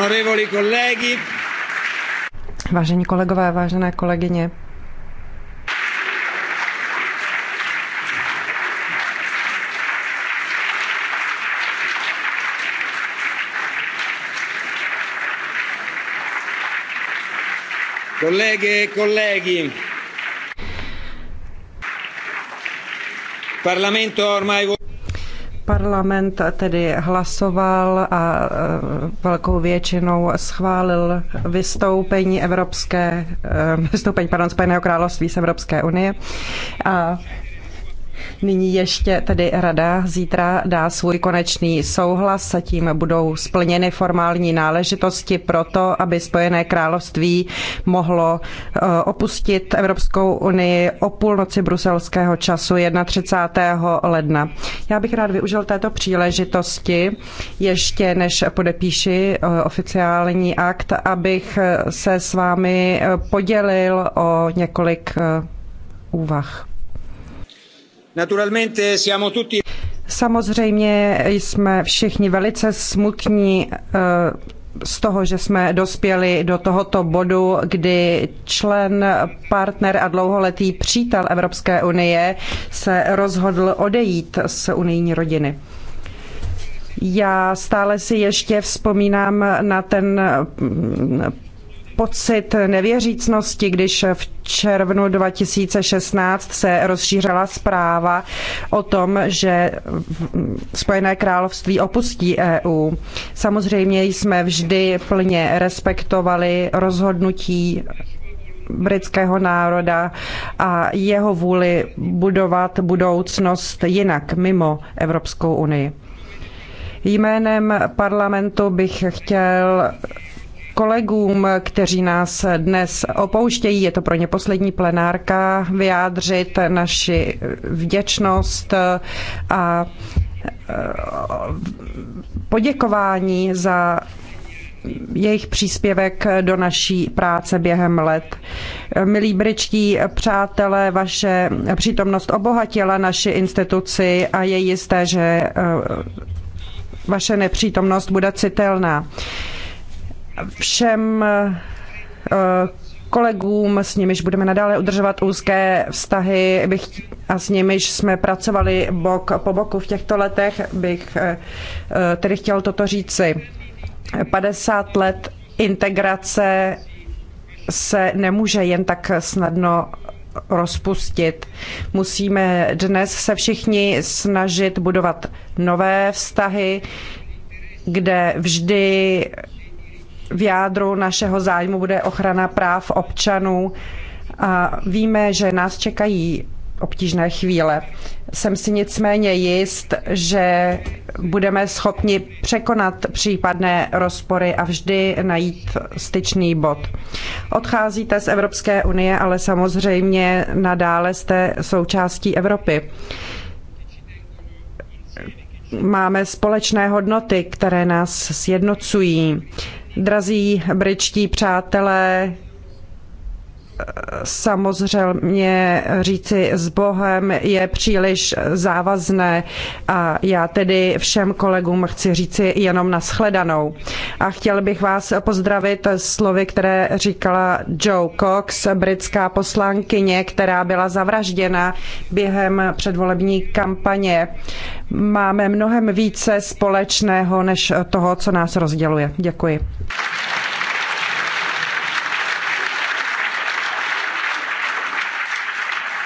Onorevoli colleghi. Vážení kolegové, vážené kolegyně. Kolege, kolegy, Parlamento ormai Parlament tedy hlasoval a e, velkou většinou schválil vystoupení Evropské, e, vystoupení pardon, Spojeného království z Evropské unie. A Nyní ještě tedy rada zítra dá svůj konečný souhlas a tím budou splněny formální náležitosti pro to, aby Spojené království mohlo eh, opustit Evropskou unii o půlnoci bruselského času 31. ledna. Já bych rád využil této příležitosti ještě než podepíši eh, oficiální akt, abych eh, se s vámi podělil o několik úvah. Samozřejmě jsme všichni velice smutní eh, z toho, že jsme dospěli do tohoto bodu, kdy člen, partner a dlouholetý přítel Evropské unie se rozhodl odejít z unijní rodiny. Já stále si ještě vzpomínám na ten pocit nevěřícnosti, když v červnu 2016 se rozšířila zpráva o tom, že Spojené království opustí EU. Samozřejmě jsme vždy plně respektovali rozhodnutí britského národa a jeho vůli budovat budoucnost jinak mimo Evropskou unii. Jménem parlamentu bych chtěl kolegům, kteří nás dnes opouštějí. Je to pro ně poslední plenárka vyjádřit naši vděčnost a e, poděkování za jejich příspěvek do naší práce během let. Milí britští přátelé, vaše přítomnost obohatila naši instituci a je jisté, že e, vaše nepřítomnost bude citelná všem eh, kolegům, s nimiž budeme nadále udržovat úzké vztahy bych, a s nimiž jsme pracovali bok po boku v těchto letech, bych eh, eh, tedy chtěl toto říci. 50 let integrace se nemůže jen tak snadno rozpustit. Musíme dnes se všichni snažit budovat nové vztahy, kde vždy v jádru našeho zájmu bude ochrana práv občanů a víme, že nás čekají obtížné chvíle. Jsem si nicméně jist, že budeme schopni překonat případné rozpory a vždy najít styčný bod. Odcházíte z Evropské unie, ale samozřejmě nadále jste součástí Evropy. Máme společné hodnoty, které nás sjednocují. Drazí britští přátelé, samozřejmě říci s Bohem je příliš závazné a já tedy všem kolegům chci říci jenom nashledanou. A chtěl bych vás pozdravit slovy, které říkala Joe Cox, britská poslankyně, která byla zavražděna během předvolební kampaně. Máme mnohem více společného než toho, co nás rozděluje. Děkuji.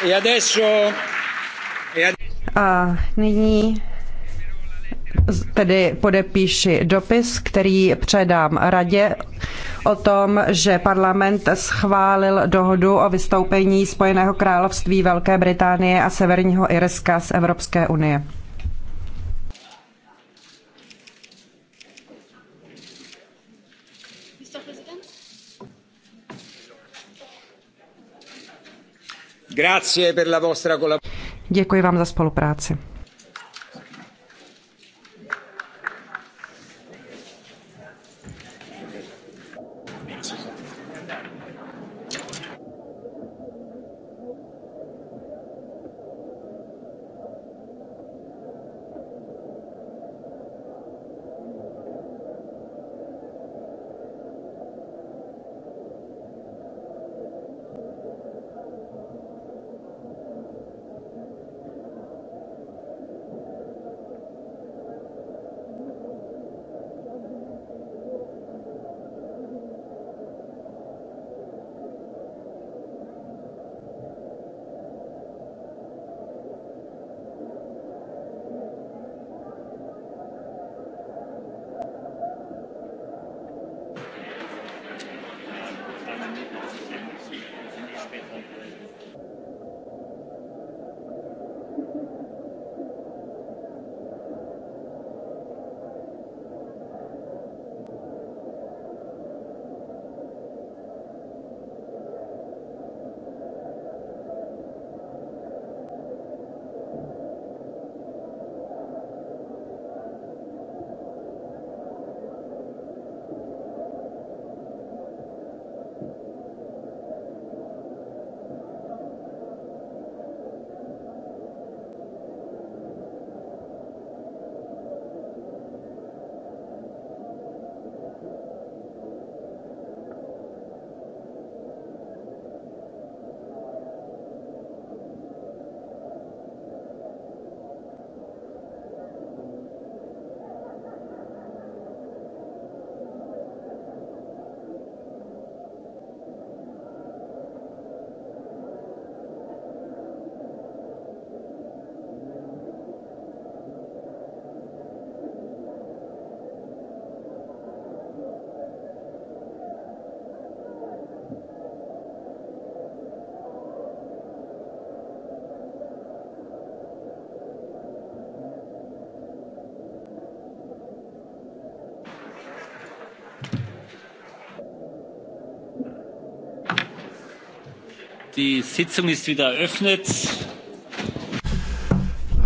E e a nyní tedy podepíši dopis, který předám radě o tom, že parlament schválil dohodu o vystoupení Spojeného království Velké Británie a Severního Irska z Evropské unie. Děkuji vám za spolupráci.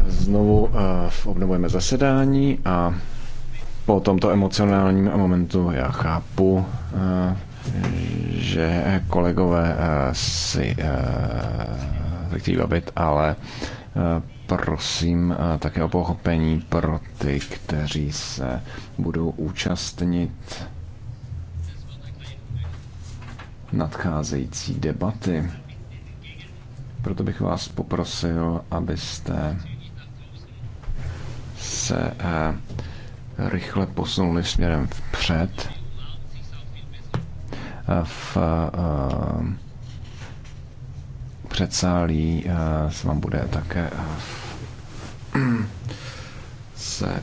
Znovu uh, obnovujeme zasedání a po tomto emocionálním momentu já chápu, uh, že kolegové uh, si uh, chtějí bavit, ale uh, prosím také o pochopení pro ty, kteří se budou účastnit nadcházející debaty. Proto bych vás poprosil, abyste se eh, rychle posunuli směrem vpřed eh, v eh, předsálí se vám bude také se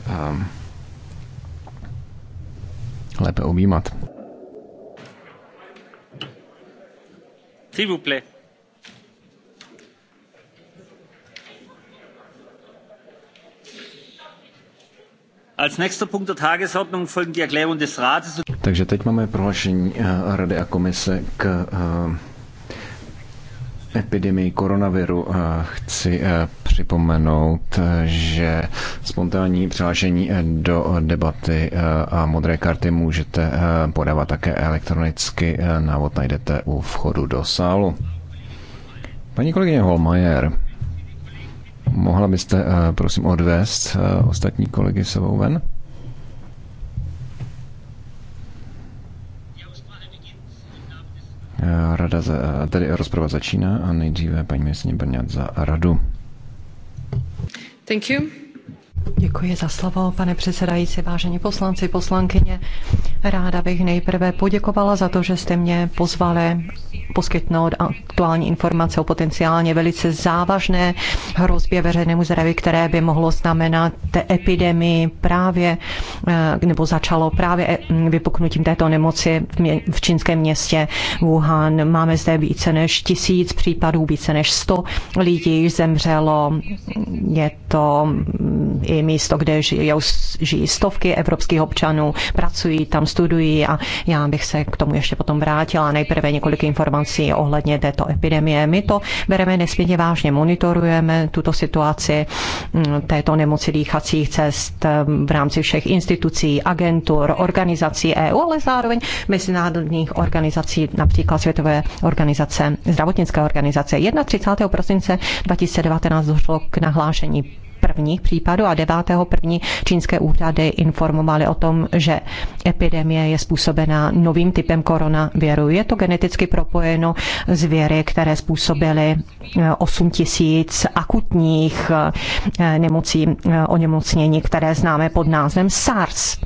lépe objímat. S'il vous plaît. Takže teď máme prohlášení eh, Rady a komise k eh, epidemii koronaviru eh, chci připomenout, že spontánní přihlášení do debaty a modré karty můžete podávat také elektronicky. Návod najdete u vchodu do sálu. Paní kolegyně Holmajer, Mohla byste, eh, prosím, odvést eh, ostatní kolegy sebou ven? Eh, rada za, tedy rozprava začíná a nejdříve paní ministrině Brňat za radu. Thank you. Děkuji za slovo, pane předsedající, vážení poslanci, poslankyně. Ráda bych nejprve poděkovala za to, že jste mě pozvali poskytnout aktuální informace o potenciálně velice závažné hrozbě veřejnému zdraví, které by mohlo znamenat epidemii právě, eh, nebo začalo právě eh, vypuknutím této nemoci v čínském městě Wuhan. Máme zde více než tisíc případů, více než sto lidí zemřelo. Je to mm, i místo, kde žijou, žijí stovky evropských občanů, pracují tam, studují a já bych se k tomu ještě potom vrátila. Nejprve několik informací ohledně této epidemie. My to bereme nesmírně vážně, monitorujeme tuto situaci mm, této nemoci dýchacích cest mm, v rámci všech institucí, agentur, organizací EU, ale zároveň mezinárodních organizací, například Světové organizace, zdravotnické organizace. 31. prosince 2019 došlo k nahlášení prvních případů a 9. první čínské úřady informovaly o tom, že epidemie je způsobená novým typem koronaviru. Je to geneticky propojeno s věry, které způsobily 8 eh, tisíc akutních eh, nemocí, eh, onemocnění, které známe pod názvem SARS.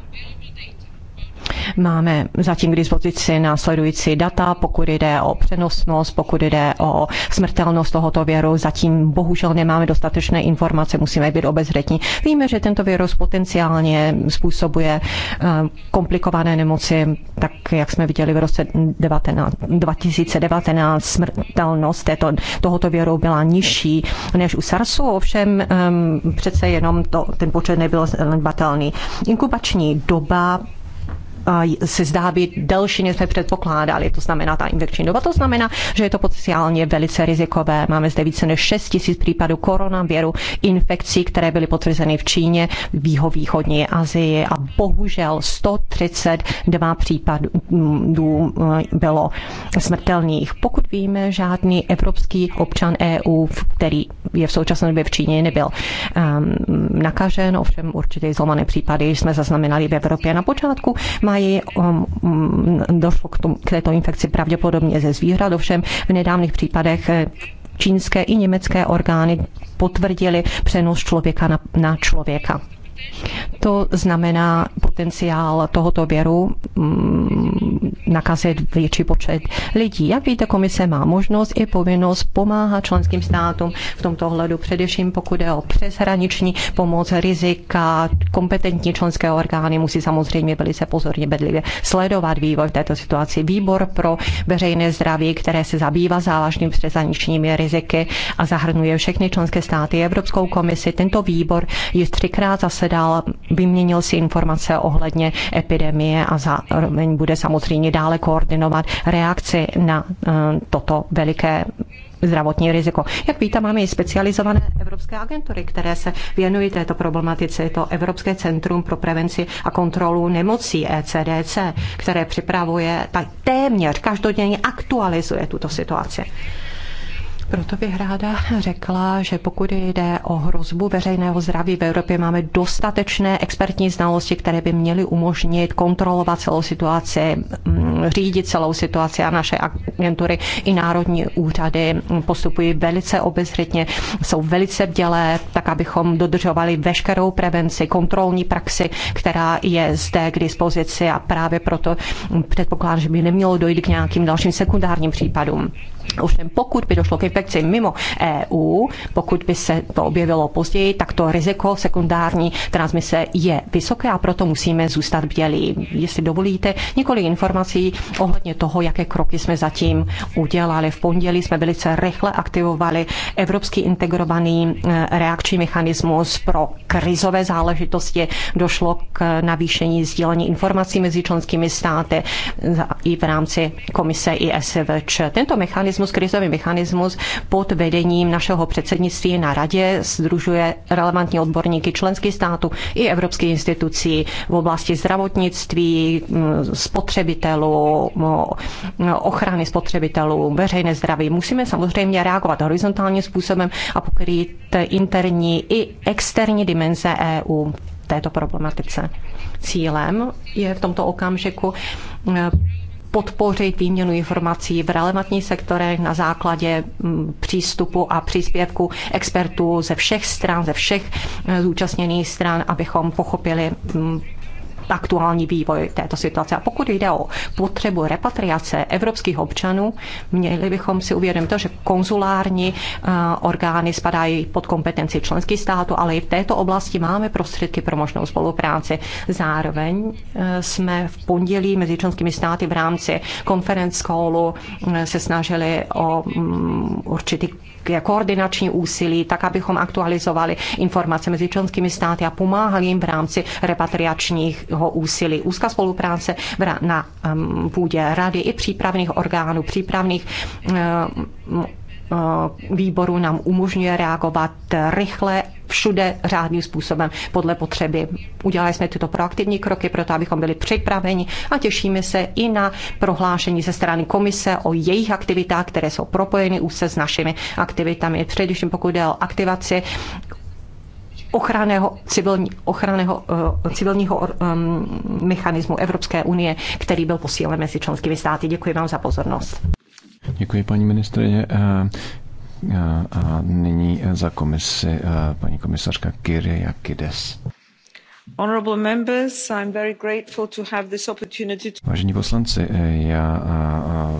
Máme zatím k dispozici následující data, pokud jde o přenosnost, pokud jde o smrtelnost tohoto věru. Zatím bohužel nemáme dostatečné informace, musíme být obezřetní. Víme, že tento virus potenciálně způsobuje eh, komplikované nemoci, tak jak jsme viděli v roce 19, 2019, smrtelnost této, tohoto věru byla nižší než u SARSu, ovšem ehm, přece jenom to, ten počet nebyl zanedbatelný. Inkubační doba se zdá být delší, než jsme předpokládali. To znamená, ta infekční doba, to znamená, že je to potenciálně velice rizikové. Máme zde více než 6 000 případů koronaviru, infekcí, které byly potvrzeny v Číně, v jihovýchodní Azii a bohužel 132 případů mm, bylo smrtelných. Pokud víme, žádný evropský občan EU, který je v současné době v Číně, nebyl um, nakažen, ovšem určitě zlomané případy jsme zaznamenali v Evropě na počátku. Má mají, um, mm, došlo k, tomu, k této infekci pravděpodobně ze zvířat, ovšem v nedávných případech eh, čínské i německé orgány potvrdili přenos člověka na, na člověka. To znamená potenciál tohoto věru mm, nakazit větší počet lidí. Jak víte, komise má možnost i povinnost pomáhat členským státům v tomto ohledu, především pokud je o přeshraniční pomoc, rizika, kompetentní členské orgány musí samozřejmě velice pozorně bedlivě sledovat vývoj v této situaci. Výbor pro veřejné zdraví, které se zabývá závažným přeshraničními riziky a zahrnuje všechny členské státy Evropskou komisi, tento výbor již třikrát zasedá předal, vyměnil si informace ohledně epidemie a zároveň bude samozřejmě dále koordinovat reakci na eh, toto veliké zdravotní riziko. Jak víte, máme i specializované evropské agentury, které se věnují této problematice. Je to Evropské centrum pro prevenci a kontrolu nemocí ECDC, které připravuje, tak téměř každodenně aktualizuje tuto situaci. Proto bych ráda řekla, že pokud jde o hrozbu veřejného zdraví v Evropě, máme dostatečné expertní znalosti, které by měly umožnit kontrolovat celou situaci, mm, řídit celou situaci a naše agentury i národní úřady postupují velice obezřetně, jsou velice bdělé, tak abychom dodržovali veškerou prevenci, kontrolní praxi, která je zde k dispozici a právě proto předpokládám, že by nemělo dojít k nějakým dalším sekundárním případům. Ovšem pokud by došlo k infekci mimo EU, pokud by se to objevilo později, tak to riziko sekundární transmise je vysoké a proto musíme zůstat bdělí. Jestli dovolíte, několik informací ohledně toho, jaké kroky jsme zatím udělali. V pondělí jsme velice rychle aktivovali Evropský integrovaný eh, reakční mechanismus pro krizové záležitosti. Došlo k navýšení sdílení informací mezi členskými státy i v rámci komise ISVČ. Tento mechanismus mechanismus, krizový mechanismus pod vedením našeho předsednictví na radě združuje relevantní odborníky členských států i evropských institucí v oblasti zdravotnictví, mm, spotřebitelů, mm, ochrany spotřebitelů, veřejné zdraví. Musíme samozřejmě reagovat horizontálním způsobem a pokrýt interní i externí dimenze EU této problematice. Cílem je v tomto okamžiku mm, podpořit výměnu informací v relevantních sektorech na základě mm, přístupu a příspěvku expertů ze všech stran, ze všech eh, zúčastněných stran, abychom pochopili mm, aktuální vývoj této situace. A pokud jde o potřebu repatriace evropských občanů, měli bychom si uvědomit to, že konzulární eh, orgány spadají pod kompetenci členských států, ale i v této oblasti máme prostředky pro možnou spolupráci. Zároveň eh, jsme v pondělí mezi členskými státy v rámci konference eh, se snažili o mm, určitý koordinační úsilí, tak abychom aktualizovali informace mezi členskými státy a pomáhali jim v rámci repatriačního úsilí. Úzká spolupráce na um, půdě rady i přípravných orgánů, přípravných eh, Eh, výboru nám umožňuje reagovat rychle všude řádným způsobem podle potřeby. Udělali jsme tyto proaktivní kroky proto, abychom byli připraveni a těšíme se i na prohlášení ze strany komise o jejich aktivitách, které jsou propojeny už se s našimi aktivitami, především pokud jde o aktivaci ochranného, civilní, ochranného eh, civilního um, mechanismu Evropské unie, který byl posílen mezi členskými státy. Děkuji vám za pozornost. Děkuji, paní ministrině. A nyní za komisi paní komisařka Kyrie Jakides. Vážení poslanci, já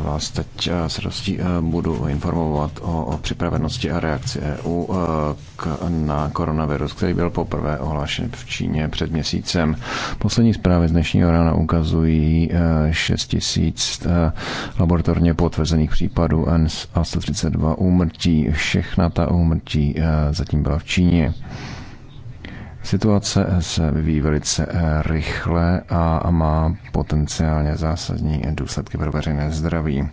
vás teď s radostí budu informovat o připravenosti a reakci EU na koronavirus, který byl poprvé ohlášen v Číně před měsícem. Poslední zprávy z dnešního rána ukazují 6 000 laboratorně potvrzených případů a 132 úmrtí. Všechna ta úmrtí zatím byla v Číně. Situace se vyvíjí velice eh, rychle a má potenciálně zásadní důsledky pro veřejné zdraví.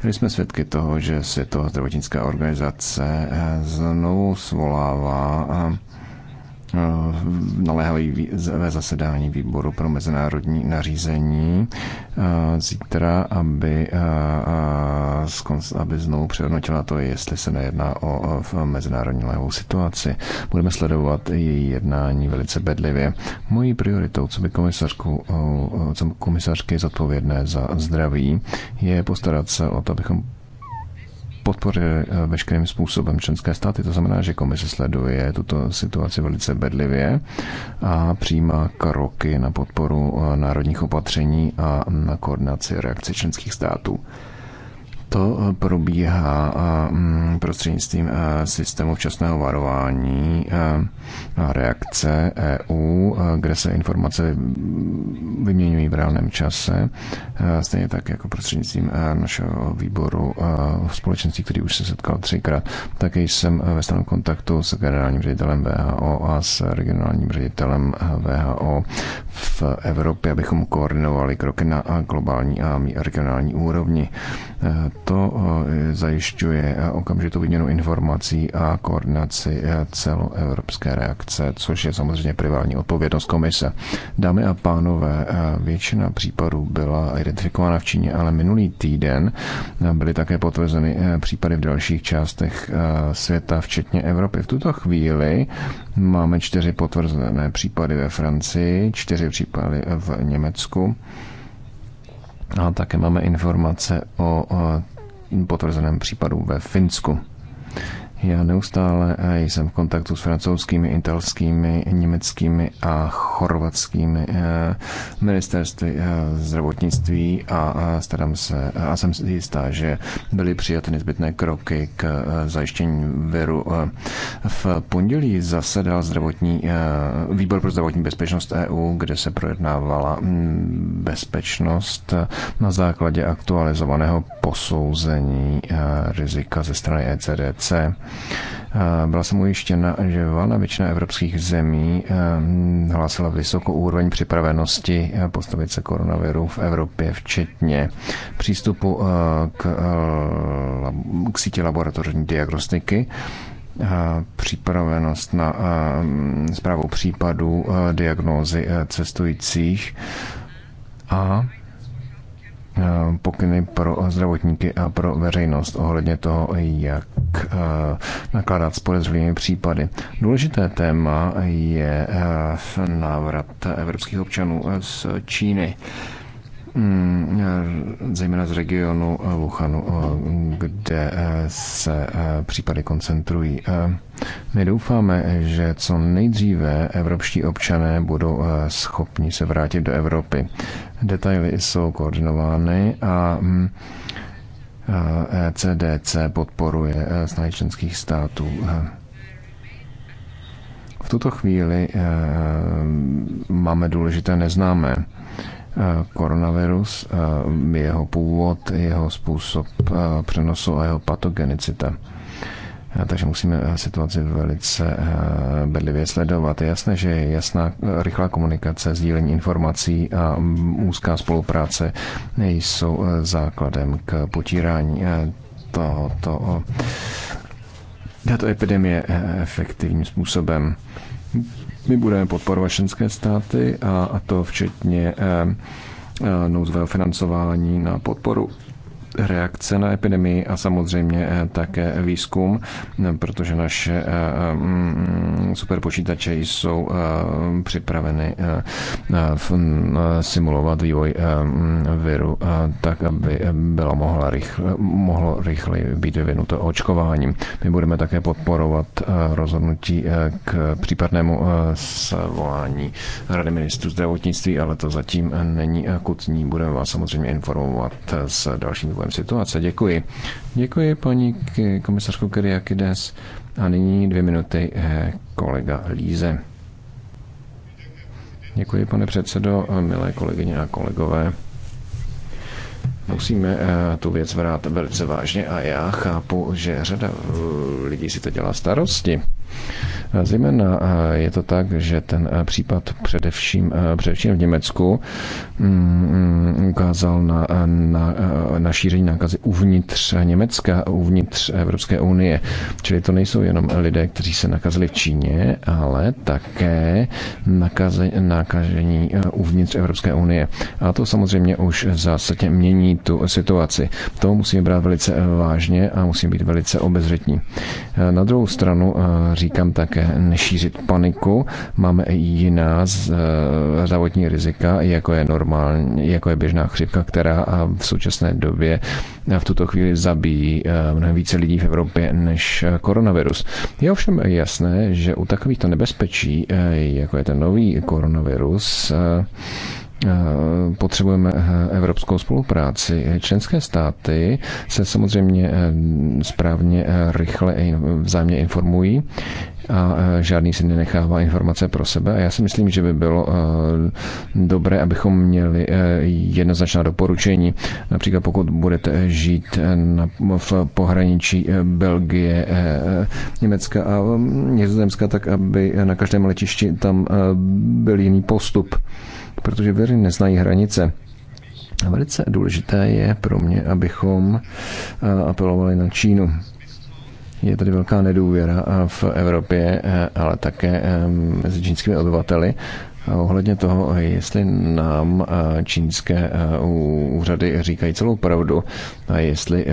Tady jsme svědky toho, že Světová zdravotnická organizace eh, znovu svolává eh, Eh, naléhavé zasedání výboru pro mezinárodní nařízení eh, zítra, aby, eh, aby znovu přehodnotila to, jestli se nejedná o mezinárodní lehou situaci. Budeme sledovat její jednání velice bedlivě. Mojí prioritou, co by komisařku, co komisařky zodpovědné za zdraví, je postarat se o to, abychom podpořily eh, veškerým způsobem členské státy. To znamená, že komise sleduje tuto situaci velice bedlivě a přijímá kroky na podporu eh, národních opatření a na koordinaci reakce členských států. To eh, probíhá eh, mm, prostřednictvím eh, systému včasného varování a reakce EU, kde se informace mm, vyměňují v reálném čase, stejně tak jako prostřednictvím našeho výboru v společenství, který už se setkal třikrát. Také jsem ve stranu kontaktu s generálním ředitelem VHO a s regionálním ředitelem VHO v Evropě, abychom koordinovali kroky na globální a regionální úrovni to eh, zajišťuje eh, okamžitou výměnu informací a koordinaci eh, celoevropské reakce, což je samozřejmě privátní odpovědnost komise. Dámy a pánové, většina případů byla identifikována v Číně, ale minulý týden byly také potvrzeny případy v dalších částech světa, včetně Evropy. V tuto chvíli máme čtyři potvrzené případy ve Francii, čtyři případy v Německu. A také máme informace o potvrzeném případu ve Finsku. Já neustále eh, jsem v kontaktu s francouzskými, italskými, německými a chorvatskými eh, ministerstvy eh, zdravotnictví a starám se a jsem si jistá, že byly přijaty nezbytné kroky k zajištění viru. V pondělí zasedal zdravotní, výbor pro zdravotní bezpečnost EU, kde se projednávala mm, bezpečnost na základě aktualizovaného posouzení rizika ze strany ECDC. Eh, byla jsem ujištěna, že valná většina evropských zemí eh, hlásila vysokou úroveň připravenosti eh, postavit se koronaviru v Evropě, včetně přístupu k, k síti laboratorní diagnostiky, připravenost na zprávu případů diagnózy cestujících a Eh, pokyny pro zdravotníky a pro veřejnost ohledně toho, jak eh, nakládat s podezřelými případy. Důležité téma je eh, návrat evropských občanů z Číny. Hmm, eh, zejména z regionu eh, Wuhanu, eh, kde se případy koncentrují. My doufáme, že co nejdříve evropští občané budou schopni se vrátit do Evropy. Detaily jsou koordinovány a hm, ECDC e podporuje snahy členských států. V tuto chvíli máme důležité neznámé. Eh, koronavirus, eh, jeho původ, jeho způsob eh, přenosu a jeho patogenicita. Takže musíme situaci velice bedlivě sledovat. Je jasné, že je jasná rychlá komunikace, sdílení informací a mm, úzká spolupráce jsou základem k potírání tohoto, to epidemie efektivním způsobem. My budeme podporovat členské státy a, a to včetně eh, eh, nouzového financování na podporu reakce na epidemii a samozřejmě eh, také výzkum, protože naše eh, mm, superpočítače jsou eh, připraveny simulovat vývoj mm, viru tak, aby bylo mohlo, rychle, mohlo rychle být vyvinuto očkování. My budeme také podporovat rozhodnutí k případnému svolání Rady ministrů zdravotnictví, ale to zatím není akutní. Budeme vás samozřejmě informovat s dalšími celkovém situace. Děkuji. Děkuji paní komisařku Kyriakides a nyní dvě minuty eh, kolega Líze. Děkuji, pane předsedo, milé kolegyně a kolegové. Musíme eh, tu věc vrát velice vážně a já chápu, že řada eh, lidí si to dělá starosti. Zejména je to tak, že ten případ především, především v Německu mm, mm, ukázal na, na, na šíření nákazy uvnitř Německa, uvnitř Evropské unie. Čili to nejsou jenom lidé, kteří se nakazili v Číně, ale také nakaze, nakažení uvnitř Evropské unie. A to samozřejmě už v zásadě mění tu situaci. To musíme brát velice vážně a musíme být velice obezřetní. Na druhou stranu říkám také, nešířit paniku. Máme i jiná eh, zdravotní rizika, jako je normální, jako je běžná chřipka, která eh, v současné době eh, v tuto chvíli zabíjí mnohem více lidí v Evropě než koronavirus. Je ovšem jasné, že u takovýchto nebezpečí, jako je ten nový koronavirus, Eh, potřebujeme eh, evropskou spolupráci. Členské státy se samozřejmě eh, správně, rychle vzájemně informují a žádný si nenechává informace pro sebe. A já si myslím, že by bylo dobré, abychom měli jednoznačná doporučení. Například pokud budete žít na, v pohraničí Belgie, Německa a mm, Nizozemska, tak aby na každém letišti tam byl jiný postup protože věry neznají hranice. Velice důležité je pro mě, abychom eh, apelovali na Čínu. Je tady velká nedůvěra eh, v Evropě, eh, ale také mezi čínskými obyvateli ohledně toho, jestli nám čínské úřady říkají celou pravdu a jestli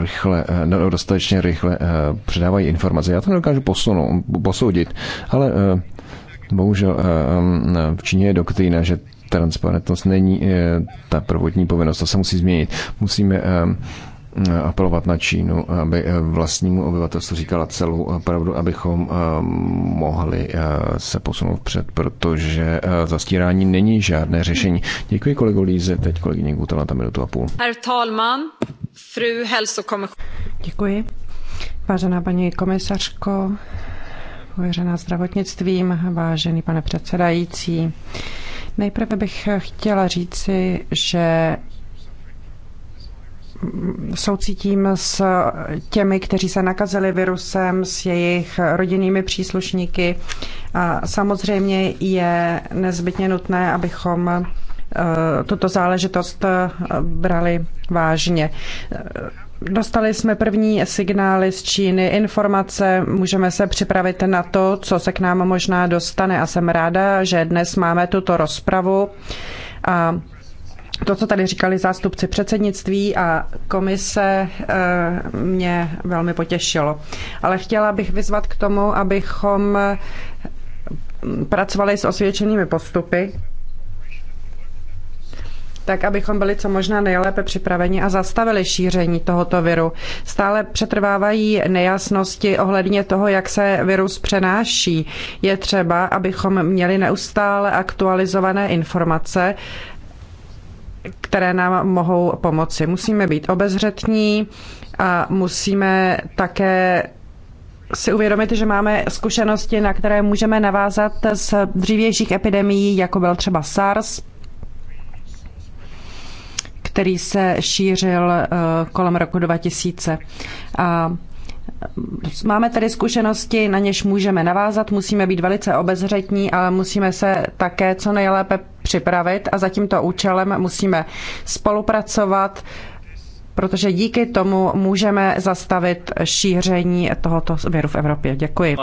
rychle, no, dostatečně rychle předávají informace. Já to nedokážu posunout, posoudit, ale Bohužel eh, eh, v Číně je doktrína, že transparentnost není eh, ta prvotní povinnost, to se musí změnit. Musíme apelovat na Čínu, aby vlastnímu obyvatelstvu říkala celou pravdu, abychom mohli se posunout před, protože zastírání není žádné řešení. Děkuji kolego Líze, teď kolegyně Gutela na minutu a půl. Herr talman, fru Děkuji. Vážená paní komisařko, pověřená zdravotnictvím, vážený pane předsedající. Nejprve bych chtěla říci, že soucítím s těmi, kteří se nakazili virusem, s jejich rodinnými příslušníky. A samozřejmě je nezbytně nutné, abychom eh, tuto záležitost eh, brali vážně. Dostali jsme první signály z Číny, informace, můžeme se připravit na to, co se k nám možná dostane a jsem ráda, že dnes máme tuto rozpravu a to, co tady říkali zástupci předsednictví a komise, eh, mě velmi potěšilo. Ale chtěla bych vyzvat k tomu, abychom pracovali s osvědčenými postupy, tak abychom byli co možná nejlépe připraveni a zastavili šíření tohoto viru. Stále přetrvávají nejasnosti ohledně toho, jak se virus přenáší. Je třeba, abychom měli neustále aktualizované informace, které nám mohou pomoci. Musíme být obezřetní a musíme také si uvědomit, že máme zkušenosti, na které můžeme navázat z dřívějších epidemií, jako byl třeba SARS, který se šířil eh, kolem roku 2000. A Máme tady zkušenosti, na něž můžeme navázat, musíme být velice obezřetní, ale musíme se také co nejlépe připravit a za tímto účelem musíme spolupracovat protože díky tomu můžeme zastavit šíření tohoto viru v Evropě. Děkuji.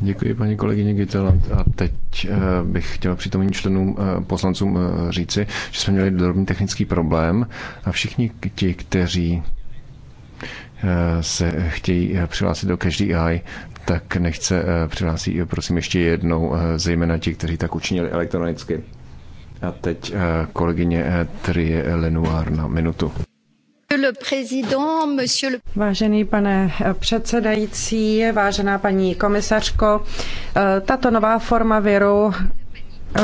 Děkuji paní kolegyně Gytelant. A teď eh, bych chtěl přítomným členům eh, poslancům eh, říci, že jsme měli drobný technický problém a všichni ti, kteří se chtějí přihlásit do každý AI, tak nechce přihlásit, prosím, ještě jednou, zejména ti, kteří tak učinili elektronicky. A teď kolegyně Trie Lenoir na minutu. Vážený pane předsedající, vážená paní komisařko, eh, tato nová forma viru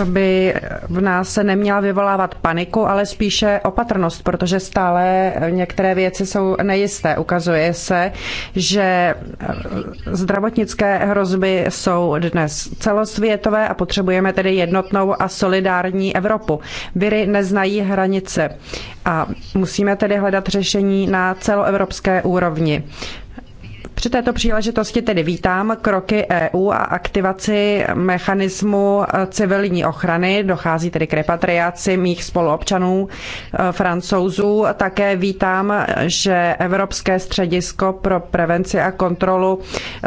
by v nás se neměla vyvolávat paniku, ale spíše opatrnost, protože stále některé věci jsou nejisté. Ukazuje se, že eh, zdravotnické hrozby jsou dnes celosvětové a potřebujeme tedy jednotnou a solidární Evropu. Viry neznají hranice a musíme tedy hledat řešení na celoevropské úrovni. Při této příležitosti tedy vítám kroky EU a aktivaci mechanismu civilní ochrany. Dochází tedy k repatriaci mých spoluobčanů e, francouzů. Také vítám, že Evropské středisko pro prevenci a kontrolu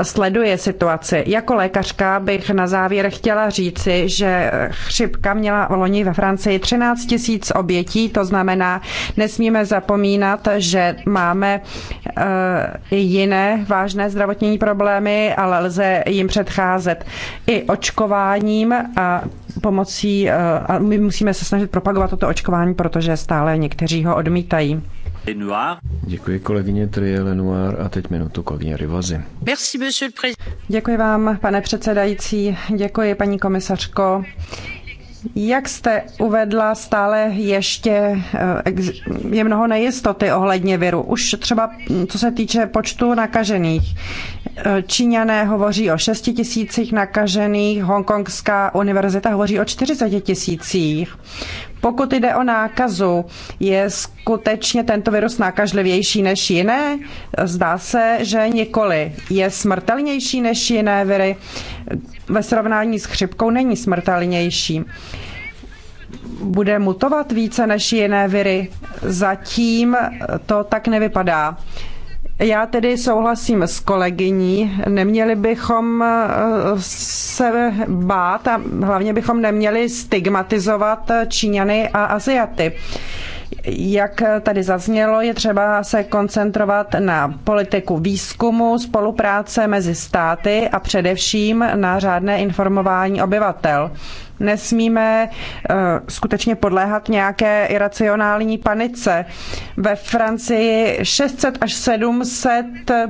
sleduje situaci. Jako lékařka bych na závěr chtěla říci, že chřipka měla v loni ve Francii 13 tisíc obětí, to znamená, nesmíme zapomínat, že máme e, jiné vážné vážné zdravotní problémy, ale lze jim předcházet i očkováním a pomocí, eh, a my musíme se snažit propagovat toto očkování, protože stále někteří ho odmítají. Děkuji kolegyně Trie Lenoir a teď minutu kolegyně Rivazy. Děkuji vám, pane předsedající, děkuji paní komisařko. Jak jste uvedla, stále ještě eh, je mnoho nejistoty ohledně viru. Už třeba co se týče počtu nakažených. Eh, Číňané hovoří o 6 tisících nakažených, Hongkongská univerzita hovoří o 40 tisících. Pokud jde o nákazu, je skutečně tento virus nákažlivější než jiné? Zdá se, že nikoli. Je smrtelnější než jiné viry? Ve srovnání s chřipkou není smrtelnější bude mutovat více než jiné viry. Zatím to tak nevypadá. Já tedy souhlasím s kolegyní, neměli bychom eh, se bát a hlavně bychom neměli stigmatizovat Číňany a Aziaty jak tady zaznělo, je třeba se koncentrovat na politiku výzkumu, spolupráce mezi státy a především na řádné informování obyvatel. Nesmíme eh, skutečně podléhat nějaké iracionální panice. Ve Francii 600 až 700 eh,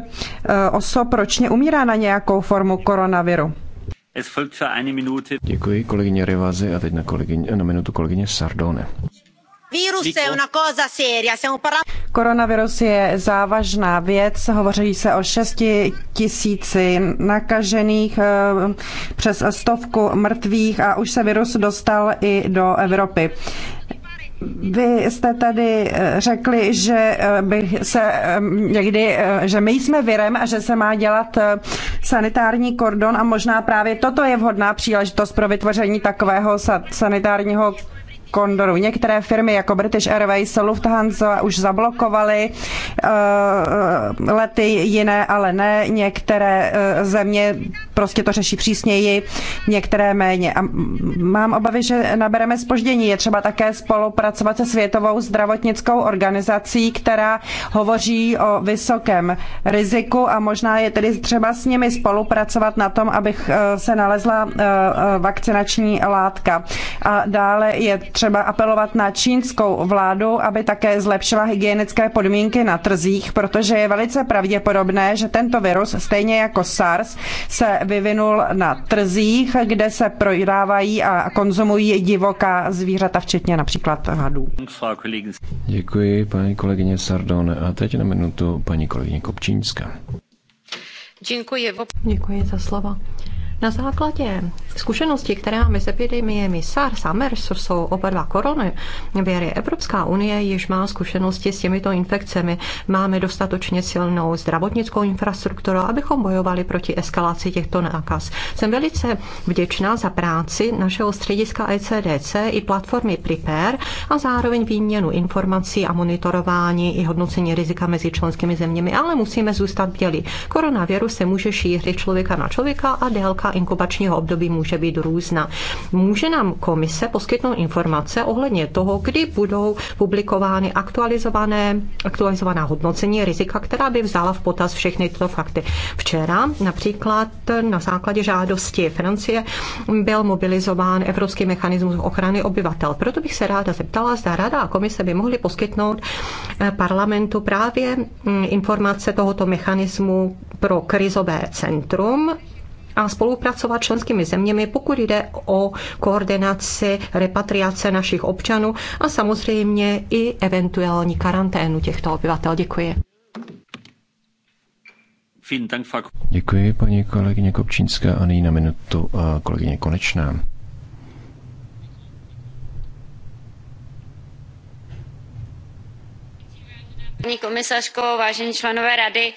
osob ročně umírá na nějakou formu koronaviru. Děkuji kolegyně Rivazi a teď na, kolegyně, na minutu kolegyně Sardone. Koronavirus je závažná věc. Hovoří se o šesti tisíci nakažených, eh, přes stovku mrtvých a už se virus dostal i do Evropy. Vy jste tady eh, řekli, že eh, by se někdy, že my jsme virem a že se má dělat sanitární kordon a možná právě toto je vhodná příležitost pro vytvoření takového sanitárního Condoru. Některé firmy jako British Airways, Lufthansa už zablokovaly uh, lety, jiné ale ne. Některé uh, země prostě to řeší přísněji, některé méně. A mám obavy, že nabereme spoždění. Je třeba také spolupracovat se Světovou zdravotnickou organizací, která hovoří o vysokém riziku a možná je tedy třeba s nimi spolupracovat na tom, abych eh, se nalezla vakcinační látka. A dále je třeba apelovat na čínskou vládu, aby také zlepšila hygienické podmínky na trzích, protože je velice pravděpodobné, že tento virus, stejně jako SARS, se vyvinul na trzích, kde se prodávají a konzumují divoká zvířata, včetně například hadů. Děkuji, paní kolegyně Sardone. A teď na minutu paní kolegyně Kopčínská. Děkuji. Děkuji za slovo. Na základě zkušeností, které máme s epidemiemi SARS a MERS, jsou oba dva korony, věry Evropská unie již má zkušenosti s těmito infekcemi. Máme dostatečně silnou zdravotnickou infrastrukturu, abychom bojovali proti eskalaci těchto nákaz. Jsem velice vděčná za práci našeho střediska ECDC i platformy Prepare a zároveň výměnu informací a monitorování i hodnocení rizika mezi členskými zeměmi, ale musíme zůstat bdělí. Koronavirus se může šířit člověka na člověka a délka délka inkubačního období může být různá. Může nám komise poskytnout informace ohledně toho, kdy budou publikovány aktualizované, aktualizovaná hodnocení rizika, která by vzala v potaz všechny tyto fakty. Včera například na základě žádosti Francie byl mobilizován Evropský mechanismus ochrany obyvatel. Proto bych se ráda zeptala, zda Rada a komise by mohly poskytnout eh, parlamentu právě hm, informace tohoto mechanismu pro krizové centrum a spolupracovat členskými zeměmi, pokud jde o koordinaci repatriace našich občanů a samozřejmě i eventuální karanténu těchto obyvatel. Děkuji. Děkuji paní kolegyně Kopčínská a nyní na minutu a eh, kolegyně Konečná. Paní komisařko, vážení členové rady,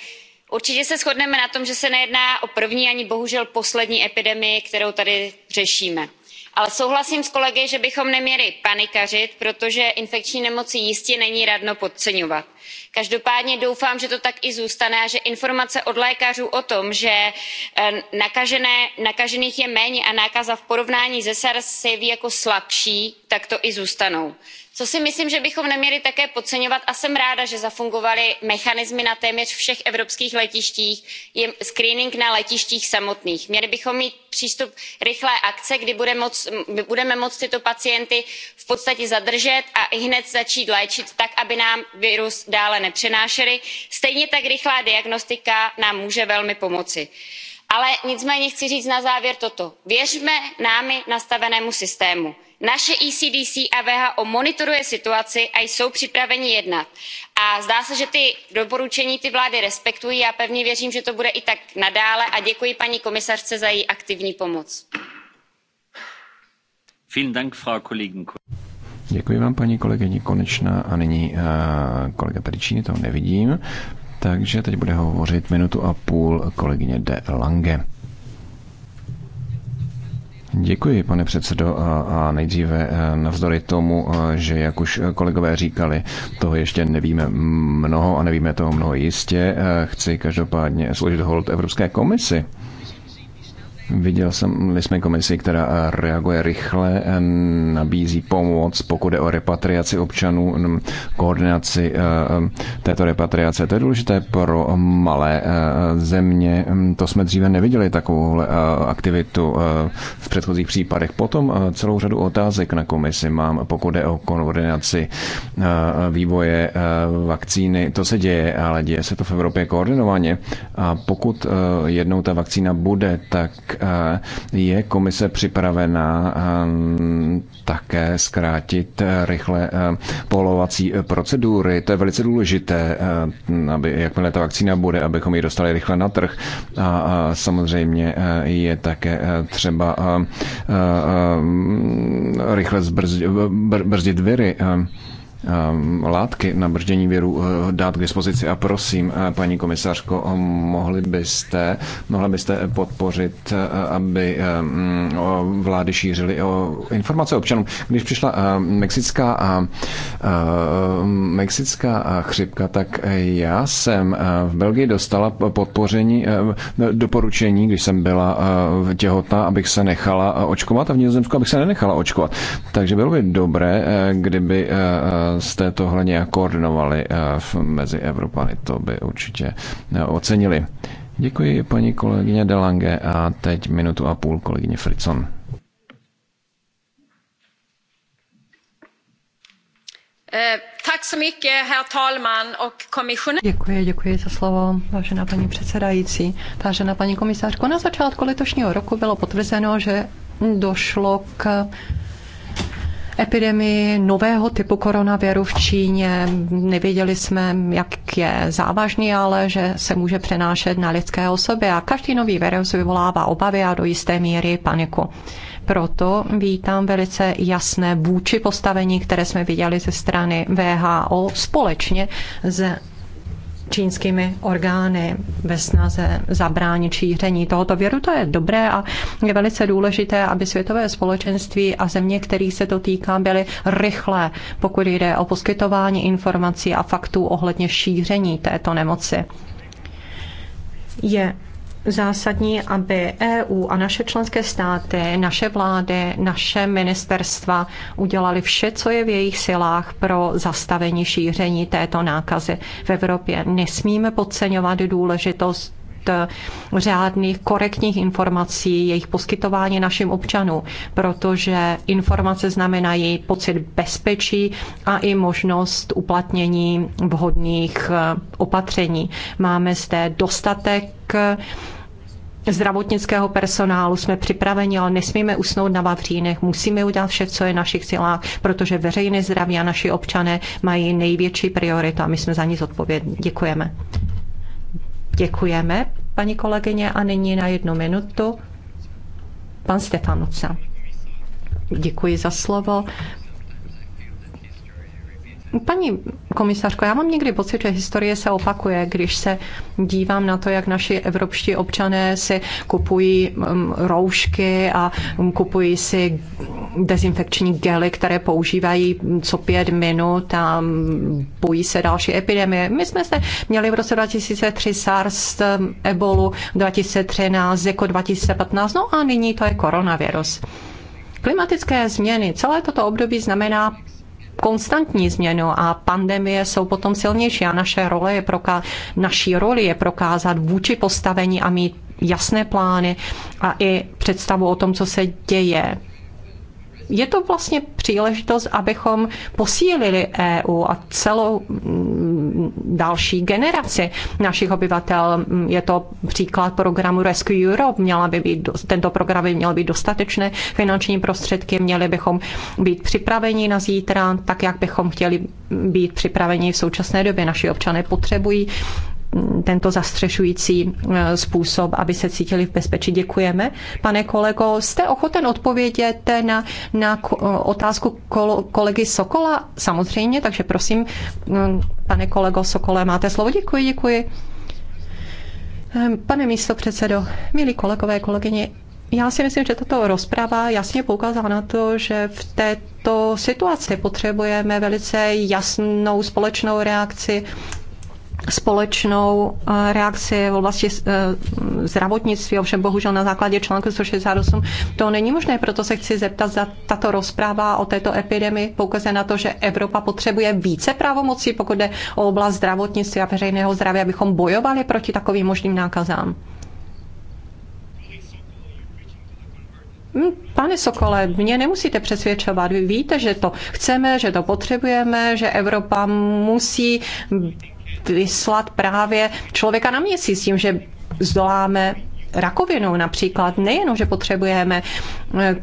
určitě se shodneme na tom že se nejedná o první ani bohužel poslední epidemii kterou tady řešíme ale souhlasím s kolegy že bychom neměli panikařit protože infekční nemoci jistě není radno podceňovat. každopádně doufám že to tak i zůstane a že informace od lékařů o tom že eh, nakažených je méně a nákaza v porovnání se sars se jeví jako slabší tak to i zůstane co si myslím že bychom neměli také podceňovat a jsem ráda že zafungovaly mechanismy na téměř všech evropských letištích je screening na letištích samotných. měli bychom mít přístup rychlé akce kdy budeme moci tyto pacienty v podstatě zadržet a ihned začít léčit tak aby nám virus dále nepřenášeli stejně tak rychlá diagnostika nám může velmi pomoci. ale nicméně chci říct na závěr toto věřme námi nastavenému systému naše ecdc a who monitoruje situaci a jsou připraveny jednat a zdá se že ta doporučení ty vlády respektují. já pevně věřím že to bude i tak nadále a děkuji paní komisařce za její aktivní pomoc. Děkuji vám, paní kolegyně Konečná. A nyní uh, kolega Peričíny, toho nevidím. Takže teď bude hovořit minutu a půl kolegyně De Lange. Děkuji, pane předsedo. A, a nejdříve eh, navzdory tomu, eh, že jak už kolegové říkali, toho ještě nevíme mnoho a nevíme toho mnoho jistě, eh, chci každopádně složit hold Evropské komisi Viděl jsem, my jsme komisi, která eh, reaguje rychle, eh, nabízí pomoc, pokud je o repatriaci občanů, koordinaci eh, této repatriace. To je důležité pro malé země. Mm, to jsme dříve neviděli takovou aktivitu v předchozích případech. Potom celou řadu otázek na komisi mám, pokud je o koordinaci vývoje vakcíny. To se děje, ale děje se to v Evropě koordinovaně. A pokud jednou ta vakcína bude, tak Eh, je komise připravená eh, také zkrátit eh, rychle polovací procedury. To je velice důležité, aby jakmile ta vakcína bude, abychom ji dostali rychle na trh. A samozřejmě je také třeba rychle zbrzdit viry. Ehm, látky na brždění věru eh, dát k dispozici. A prosím, eh, paní komisařko, mohli byste, mohli byste podpořit, eh, aby ehm, vlády šířily o informace občanům. Když přišla ehm, mexická, mexická chřipka, tak já jsem v Belgii dostala podpoření, doporučení, když jsem byla těhotná, abych se nechala očkovat a v Nizozemsku, abych se nenechala očkovat. Takže bylo by dobré, kdyby jste tohle nějak koordinovali eh, mezi Evropany, to by určitě eh, ocenili. Děkuji paní kolegyně Delange a teď minutu a půl kolegyně Fritson. Eh, děkuji, děkuji za slovo, vážená paní předsedající. Vážená paní komisářko, na začátku letošního roku bylo potvrzeno, že došlo k epidemii nového typu koronaviru v Číně. Nevěděli jsme, jak je závažný, ale že se může přenášet na lidské osoby a každý nový virus vyvolává obavy a do jisté míry paniku. Proto vítám velice jasné vůči postavení, které jsme viděli ze strany VHO společně s čínskými orgány ve snaze zabránit šíření tohoto věru. To je dobré a je velice důležité, aby světové společenství a země, kterých se to týká, byly rychlé, pokud jde o poskytování informací a faktů ohledně šíření této nemoci. Je zásadní, aby EU a naše členské státy, naše vlády, naše ministerstva udělali vše, co je v jejich silách pro zastavení šíření této nákazy v Evropě. Nesmíme podceňovat důležitost Eh, řádných, korektních informací, jejich poskytování našim občanům, protože informace znamenají pocit bezpečí a i možnost uplatnění vhodných eh, opatření. Máme zde dostatek eh, zdravotnického personálu, jsme připraveni, ale nesmíme usnout na vavřínech, musíme udělat vše, co je v našich silách, protože veřejné zdraví a naši občané mají největší prioritu a my jsme za ní zodpovědní. Děkujeme. Děkujeme, paní kolegyně, a nyní na jednu minutu pan Stefanuca. Děkuji za slovo, Paní komisařko, já mám někdy pocit, že historie se opakuje, když se dívám na to, jak naši evropští občané si kupují um, roušky a um, kupují si dezinfekční gely, které používají um, co pět minut a bojí se další epidemie. My jsme se měli v roce 2003 SARS, ebolu 2013, Zeko 2015, no a nyní to je koronavirus. Klimatické změny, celé toto období znamená konstantní změnu a pandemie jsou potom silnější a naše role je proká- naší roli je prokázat vůči postavení a mít jasné plány a i představu o tom, co se děje je to vlastně příležitost, abychom posílili EU a celou mm, další generaci našich obyvatel. Mm, je to příklad programu Rescue Europe. Měla by být, tento program by měl být dostatečné finanční prostředky, měli bychom být připraveni na zítra, tak jak bychom chtěli být připraveni v současné době. Naši občané potřebují tento zastřešující eh, způsob, aby se cítili v bezpečí. Děkujeme. Pane kolego, jste ochoten odpovědět na, na otázku kolegy Sokola? Samozřejmě, takže prosím, mm, pane kolego Sokole, máte slovo. Děkuji, děkuji. Eh, pane místo předsedo, milí kolegové, kolegyně, já si myslím, že tato rozprava jasně poukázala na to, že v této situaci potřebujeme velice jasnou společnou reakci společnou eh, reakci v oblasti eh, zdravotnictví, ovšem bohužel na základě článku 168 to není možné, proto se chci zeptat, za tato rozpráva o této epidemii poukazuje na to, že Evropa potřebuje více pravomocí, pokud jde o oblast zdravotnictví a veřejného zdraví, abychom bojovali proti takovým možným nákazám. Hm, pane Sokole, mě nemusíte přesvědčovat. Vy víte, že to chceme, že to potřebujeme, že Evropa musí vyslat právě člověka na měsíc s tím, že zdoláme rakovinou například, nejenom, že potřebujeme eh,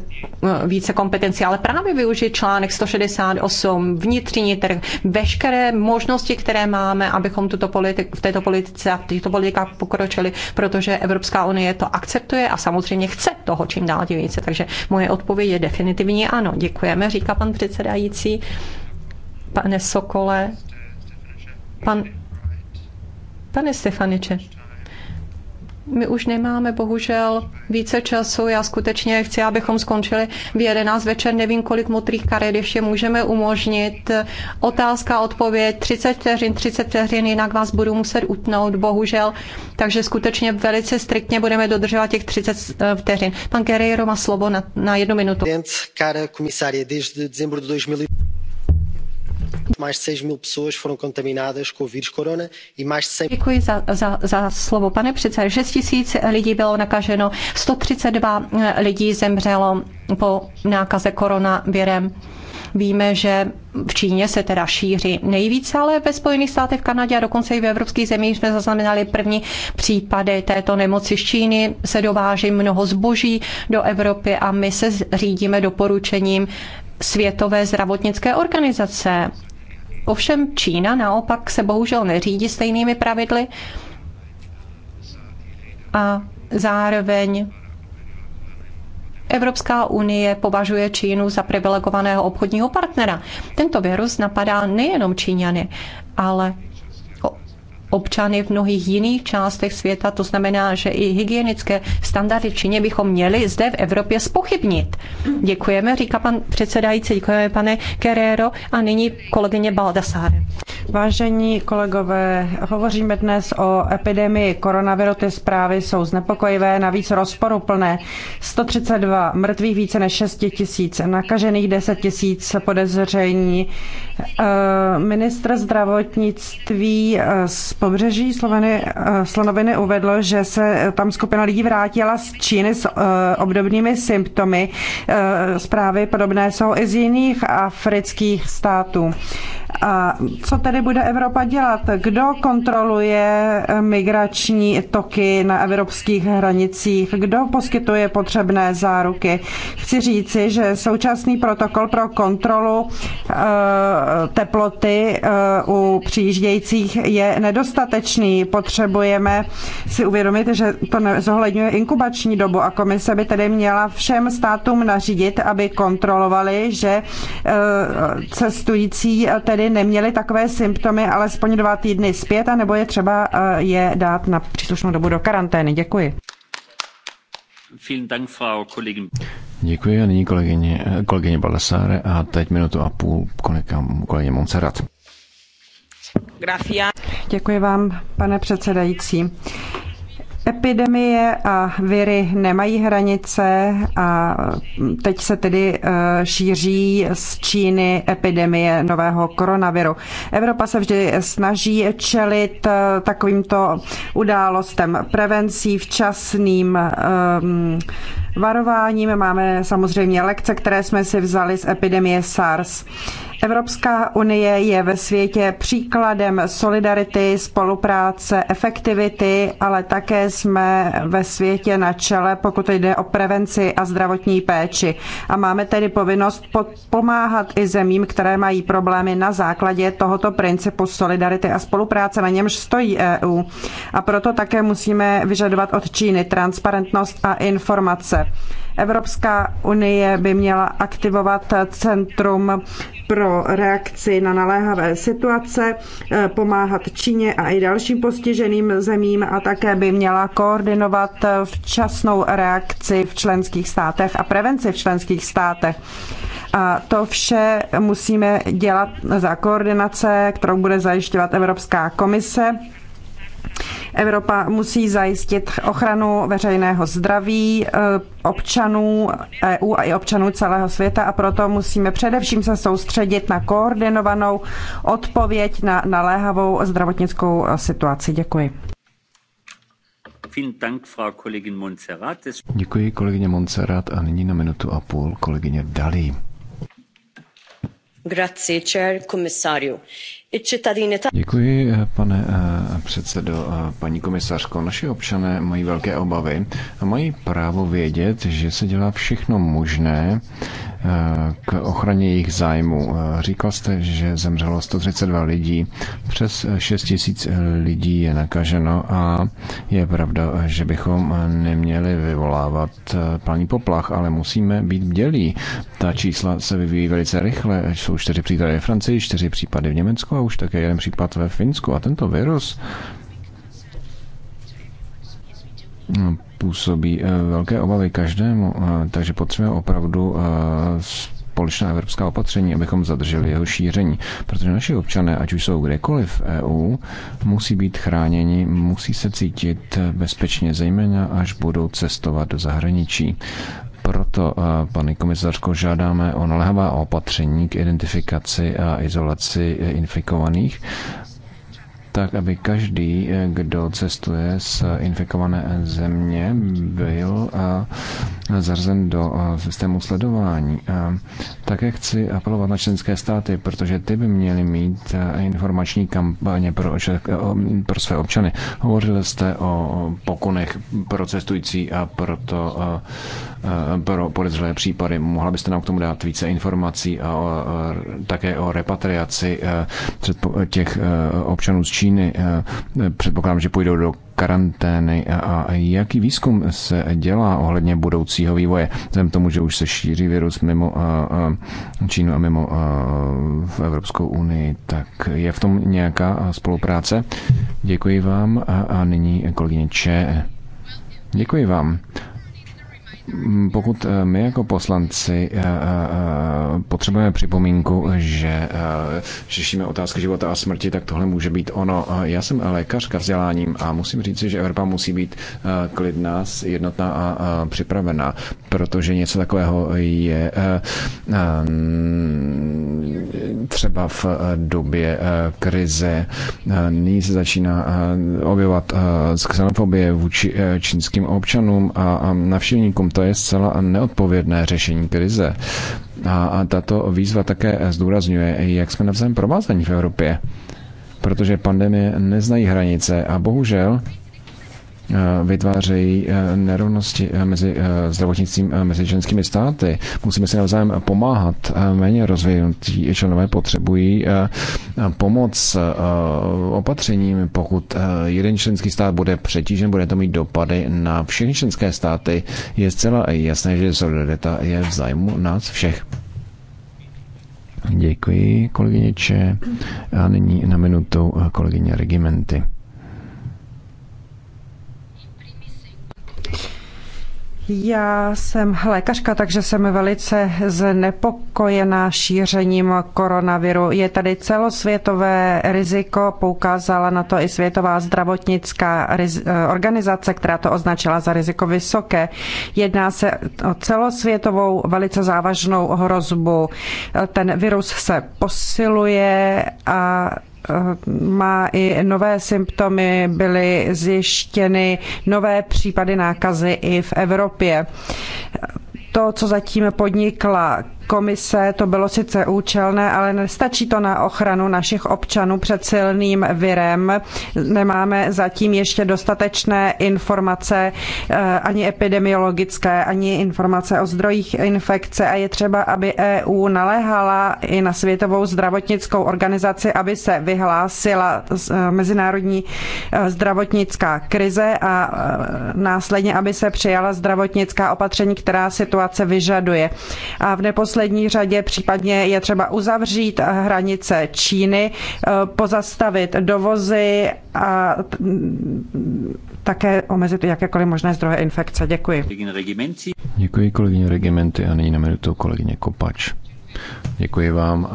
více kompetencí, ale právě využít článek 168, vnitřní trh, veškeré možnosti, které máme, abychom tuto politik, v této politice a v těchto politikách pokročili, protože Evropská unie to akceptuje a samozřejmě chce toho čím dál tím více. Takže moje odpověď je definitivně ano. Děkujeme, říká pan předsedající. Pane Sokole, pan Pane Stefaniče, my už nemáme bohužel více času. Já skutečně chci, abychom skončili v 11 večer. Nevím, kolik motrých karet ještě můžeme umožnit. Otázka, odpověď, 30 vteřin, 30 vteřin, jinak vás budu muset utnout, bohužel. Takže skutečně velice striktně budeme dodržovat těch 30 eh, vteřin. Pan Guerreiro má slovo na, na jednu minutu. Děkuji za, za, za slovo, pane předsedo. 6 tisíc lidí bylo nakaženo, 132 eh, lidí zemřelo po nákaze koronavirem. Víme, že v Číně se teda šíří nejvíce, ale ve Spojených státech, v Kanadě a dokonce i v evropských zemích jsme zaznamenali první případy této nemoci z Číny. Se dováží mnoho zboží do Evropy a my se řídíme doporučením Světové zdravotnické organizace Ovšem Čína naopak se bohužel neřídí stejnými pravidly a zároveň Evropská unie považuje Čínu za privilegovaného obchodního partnera. Tento virus napadá nejenom Číňany, ale občany v mnohých jiných částech světa. To znamená, že i hygienické standardy v Číně bychom měli zde v Evropě spochybnit. Děkujeme, říká pan předsedající, děkujeme pane Kerero a nyní kolegyně Baldasáre. Vážení kolegové, hovoříme dnes o epidemii koronaviru. Ty zprávy jsou znepokojivé, navíc rozporuplné. 132 mrtvých, více než 6 tisíc nakažených, 10 tisíc podezření. Eh, ministr zdravotnictví s eh, pobřeží Sloveny, eh, Slonoviny uvedl, že se tam skupina lidí vrátila z Číny s eh, obdobnými symptomy. Eh, zprávy podobné jsou i z jiných afrických států. A co tedy bude Evropa dělat? Kdo kontroluje migrační toky na evropských hranicích? Kdo poskytuje potřebné záruky? Chci říci, že současný protokol pro kontrolu eh, teploty eh, u přijíždějících je nedostatečný. Potřebujeme si uvědomit, že to zohledňuje inkubační dobu a komise by tedy měla všem státům nařídit, aby kontrolovali, že eh, cestující tedy tedy neměli takové symptomy alespoň dva týdny zpět, anebo je třeba eh, je dát na příslušnou dobu do karantény. Děkuji. Děkuji a nyní kolegyně, eh, kolegyně Balesáre a teď minutu a půl kolega, kolegyně Monserrat. Děkuji vám, pane předsedající. Epidemie a viry nemají hranice a teď se tedy eh, šíří z Číny epidemie nového koronaviru. Evropa se vždy snaží čelit eh, takovýmto událostem prevencí včasným um, varováním, máme samozřejmě lekce, které jsme si vzali z epidemie SARS. Evropská unie je ve světě příkladem solidarity, spolupráce, efektivity, ale také jsme ve světě na čele, pokud jde o prevenci a zdravotní péči. A máme tedy povinnost pomáhat i zemím, které mají problémy na základě tohoto principu solidarity a spolupráce, na němž stojí EU. A proto také musíme vyžadovat od Číny transparentnost a informace. Evropská unie by měla aktivovat Centrum pro reakci na naléhavé situace, eh, pomáhat Číně a i dalším postiženým zemím a také by měla koordinovat včasnou reakci v členských státech a prevenci v členských státech. A to vše musíme dělat za koordinace, kterou bude zajišťovat Evropská komise Evropa musí zajistit ochranu veřejného zdraví eh, občanů EU a i občanů celého světa a proto musíme především se soustředit na koordinovanou odpověď na naléhavou zdravotnickou eh, situaci. Děkuji. Děkuji kolegyně Montserrat a nyní na minutu a půl kolegyně Dalí. Grazie, chair, komisario. Děkuji, eh, pane eh, předsedo. Eh, paní komisařko, naši občané mají velké obavy a mají právo vědět, že se dělá všechno možné, k ochraně jejich zájmu. Říkal jste, že zemřelo 132 lidí, přes 6 tisíc lidí je nakaženo a je pravda, že bychom neměli vyvolávat eh, paní poplach, ale musíme být bdělí. Ta čísla se vyvíjí velice rychle, jsou čtyři případy ve Francii, čtyři případy v Německu a už také jeden případ ve Finsku a tento virus působí eh, velké obavy každému, eh, takže potřebujeme opravdu eh, společná evropská opatření, abychom zadrželi jeho šíření. Protože naši občané, ať už jsou kdekoliv v EU, musí být chráněni, musí se cítit bezpečně, zejména až budou cestovat do zahraničí. Proto, paní komisařko, žádáme o naléhavá opatření k identifikaci a izolaci infikovaných tak aby každý, eh, kdo cestuje z infikované země, byl eh, zařazen do eh, systému sledování. Také chci apelovat na členské státy, protože ty by měly mít informační kampaně pro, pro své občany. Hovořili jste o pokunech pro cestující a proto Eh, pro podezřelé případy. Mohla byste nám k tomu dát více informací a o, také o repatriaci eh, těch eh, občanů z Číny. Předpokládám, že půjdou do karantény a jaký výzkum se dělá ohledně budoucího vývoje, vzhledem tomu, že už se šíří virus mimo Čínu a mimo v Evropskou unii, tak je v tom nějaká spolupráce? Děkuji vám a nyní kolegyně Če. Děkuji vám. Mm, pokud eh, my jako poslanci eh, eh, potřebujeme připomínku, že řešíme otázky života a smrti, tak tohle může být ono. Já jsem lékařka vzděláním a musím říct, že Evropa musí být klidná, jednotná a připravená, protože něco takového je třeba v době krize. Nyní se začíná objevovat xenofobie vůči čínským občanům a navštěvníkům to je zcela neodpovědné řešení krize. A, a tato výzva také zdůrazňuje, jak jsme navzájem provázaní v Evropě, protože pandemie neznají hranice a bohužel Eh, vytvářejí eh, nerovnosti eh, mezi zdravotnictvím a mezi členskými státy. Musíme si navzájem pomáhat. Méně rozvinutí členové potřebují pomoc opatřením. Pokud jeden členský stát bude přetížen, bude to mít dopady na všechny členské státy. Je zcela jasné, že solidarita je v zájmu nás všech. Děkuji, kolegyně Če. A nyní na minutu kolegyně Regimenty. Já jsem lékařka, takže jsem velice znepokojená šířením koronaviru. Je tady celosvětové riziko, poukázala na to i Světová zdravotnická eh, organizace, která to označila za riziko vysoké. Jedná se o celosvětovou velice závažnou hrozbu. Ten virus se posiluje a má i nové symptomy, byly zjištěny nové případy nákazy i v Evropě. To, co zatím podnikla komise, to bylo sice účelné, ale nestačí to na ochranu našich občanů před silným virem. Nemáme zatím ještě dostatečné informace, eh, ani epidemiologické, ani informace o zdrojích infekce a je třeba, aby EU naléhala i na Světovou zdravotnickou organizaci, aby se vyhlásila eh, mezinárodní eh, zdravotnická krize a následně, aby se přijala zdravotnická opatření, která situace vyžaduje. A v neposlední neposlední řadě případně je třeba uzavřít hranice Číny, eh, pozastavit dovozy a také omezit jakékoliv možné zdroje infekce. Děkuji. Děkuji kolegyně Regimenty a nyní na minutu kolegyně Kopač. Děkuji vám,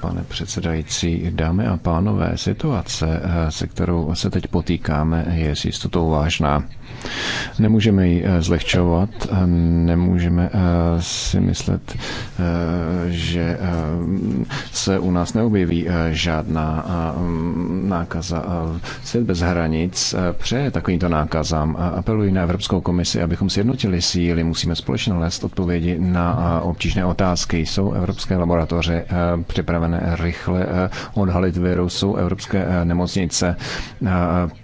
pane předsedající. Dámy a pánové, situace, eh, se kterou se teď potýkáme, je s jistotou vážná. Nemůžeme ji eh, zlehčovat, nemůžeme eh, si myslet, že se u nás neobjeví žádná mm, nákaza. Svět bez hranic přeje takovýmto nákazám. Apeluji na Evropskou komisi, abychom sjednotili síly, musíme společně nalézt odpovědi na obtížné otázky. Jsou evropské laboratoře laboratoře eh, připravené rychle eh, odhalit virus. Jsou evropské eh, nemocnice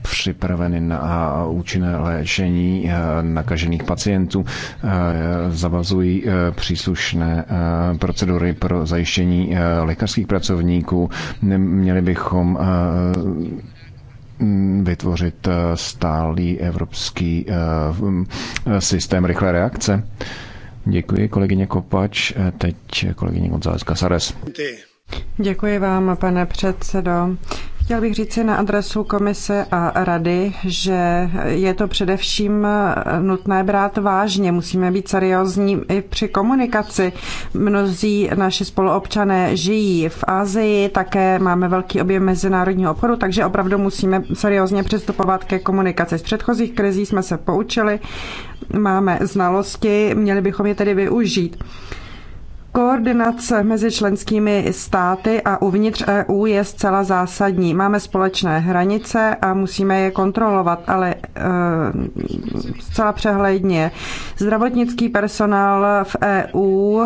připraveny na účinné léčení nakažených pacientů. Zavazují příslušné procedury pro zajištění lékařských pracovníků. Měli bychom vytvořit stálý evropský systém rychlé reakce. Děkuji kolegyně Kopač, eh, teď kolegyně González Casares. Děkuji vám, pane předsedo. Chtěl bych říci na adresu komise a rady, že je to především nutné brát vážně. Musíme být seriózní i při komunikaci. Mnozí naši spoluobčané žijí v Asii, také máme velký objem mezinárodního obchodu, takže opravdu musíme seriózně přistupovat ke komunikaci. Z předchozích krizí jsme se poučili, máme znalosti, měli bychom je tedy využít. Koordinace mezi členskými státy a uvnitř EU je zcela zásadní. Máme společné hranice a musíme je kontrolovat, ale eh, zcela přehledně. Zdravotnický personál v EU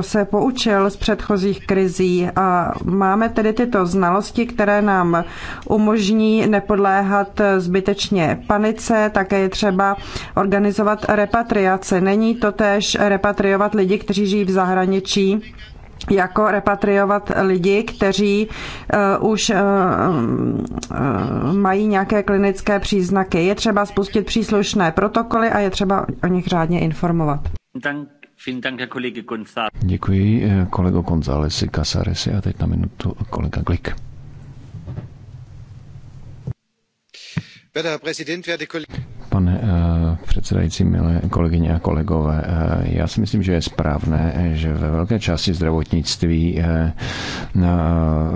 se poučil z předchozích krizí a máme tedy tyto znalosti, které nám umožní nepodléhat zbytečně panice, také je třeba organizovat repatriace. Není to též repatriovat lidi, kteří žijí v zahraničí, jako repatriovat lidi, kteří uh, už uh, uh, mají nějaké klinické příznaky. Je třeba spustit příslušné protokoly a je třeba o nich řádně informovat. Dank. Děkuji eh, kolego Gonzálesi Casaresi a teď na minutu kolega Glik. Pane eh, předsedající, milé kolegyně a kolegové, eh, já si myslím, že je správné, že ve velké části zdravotnictví eh,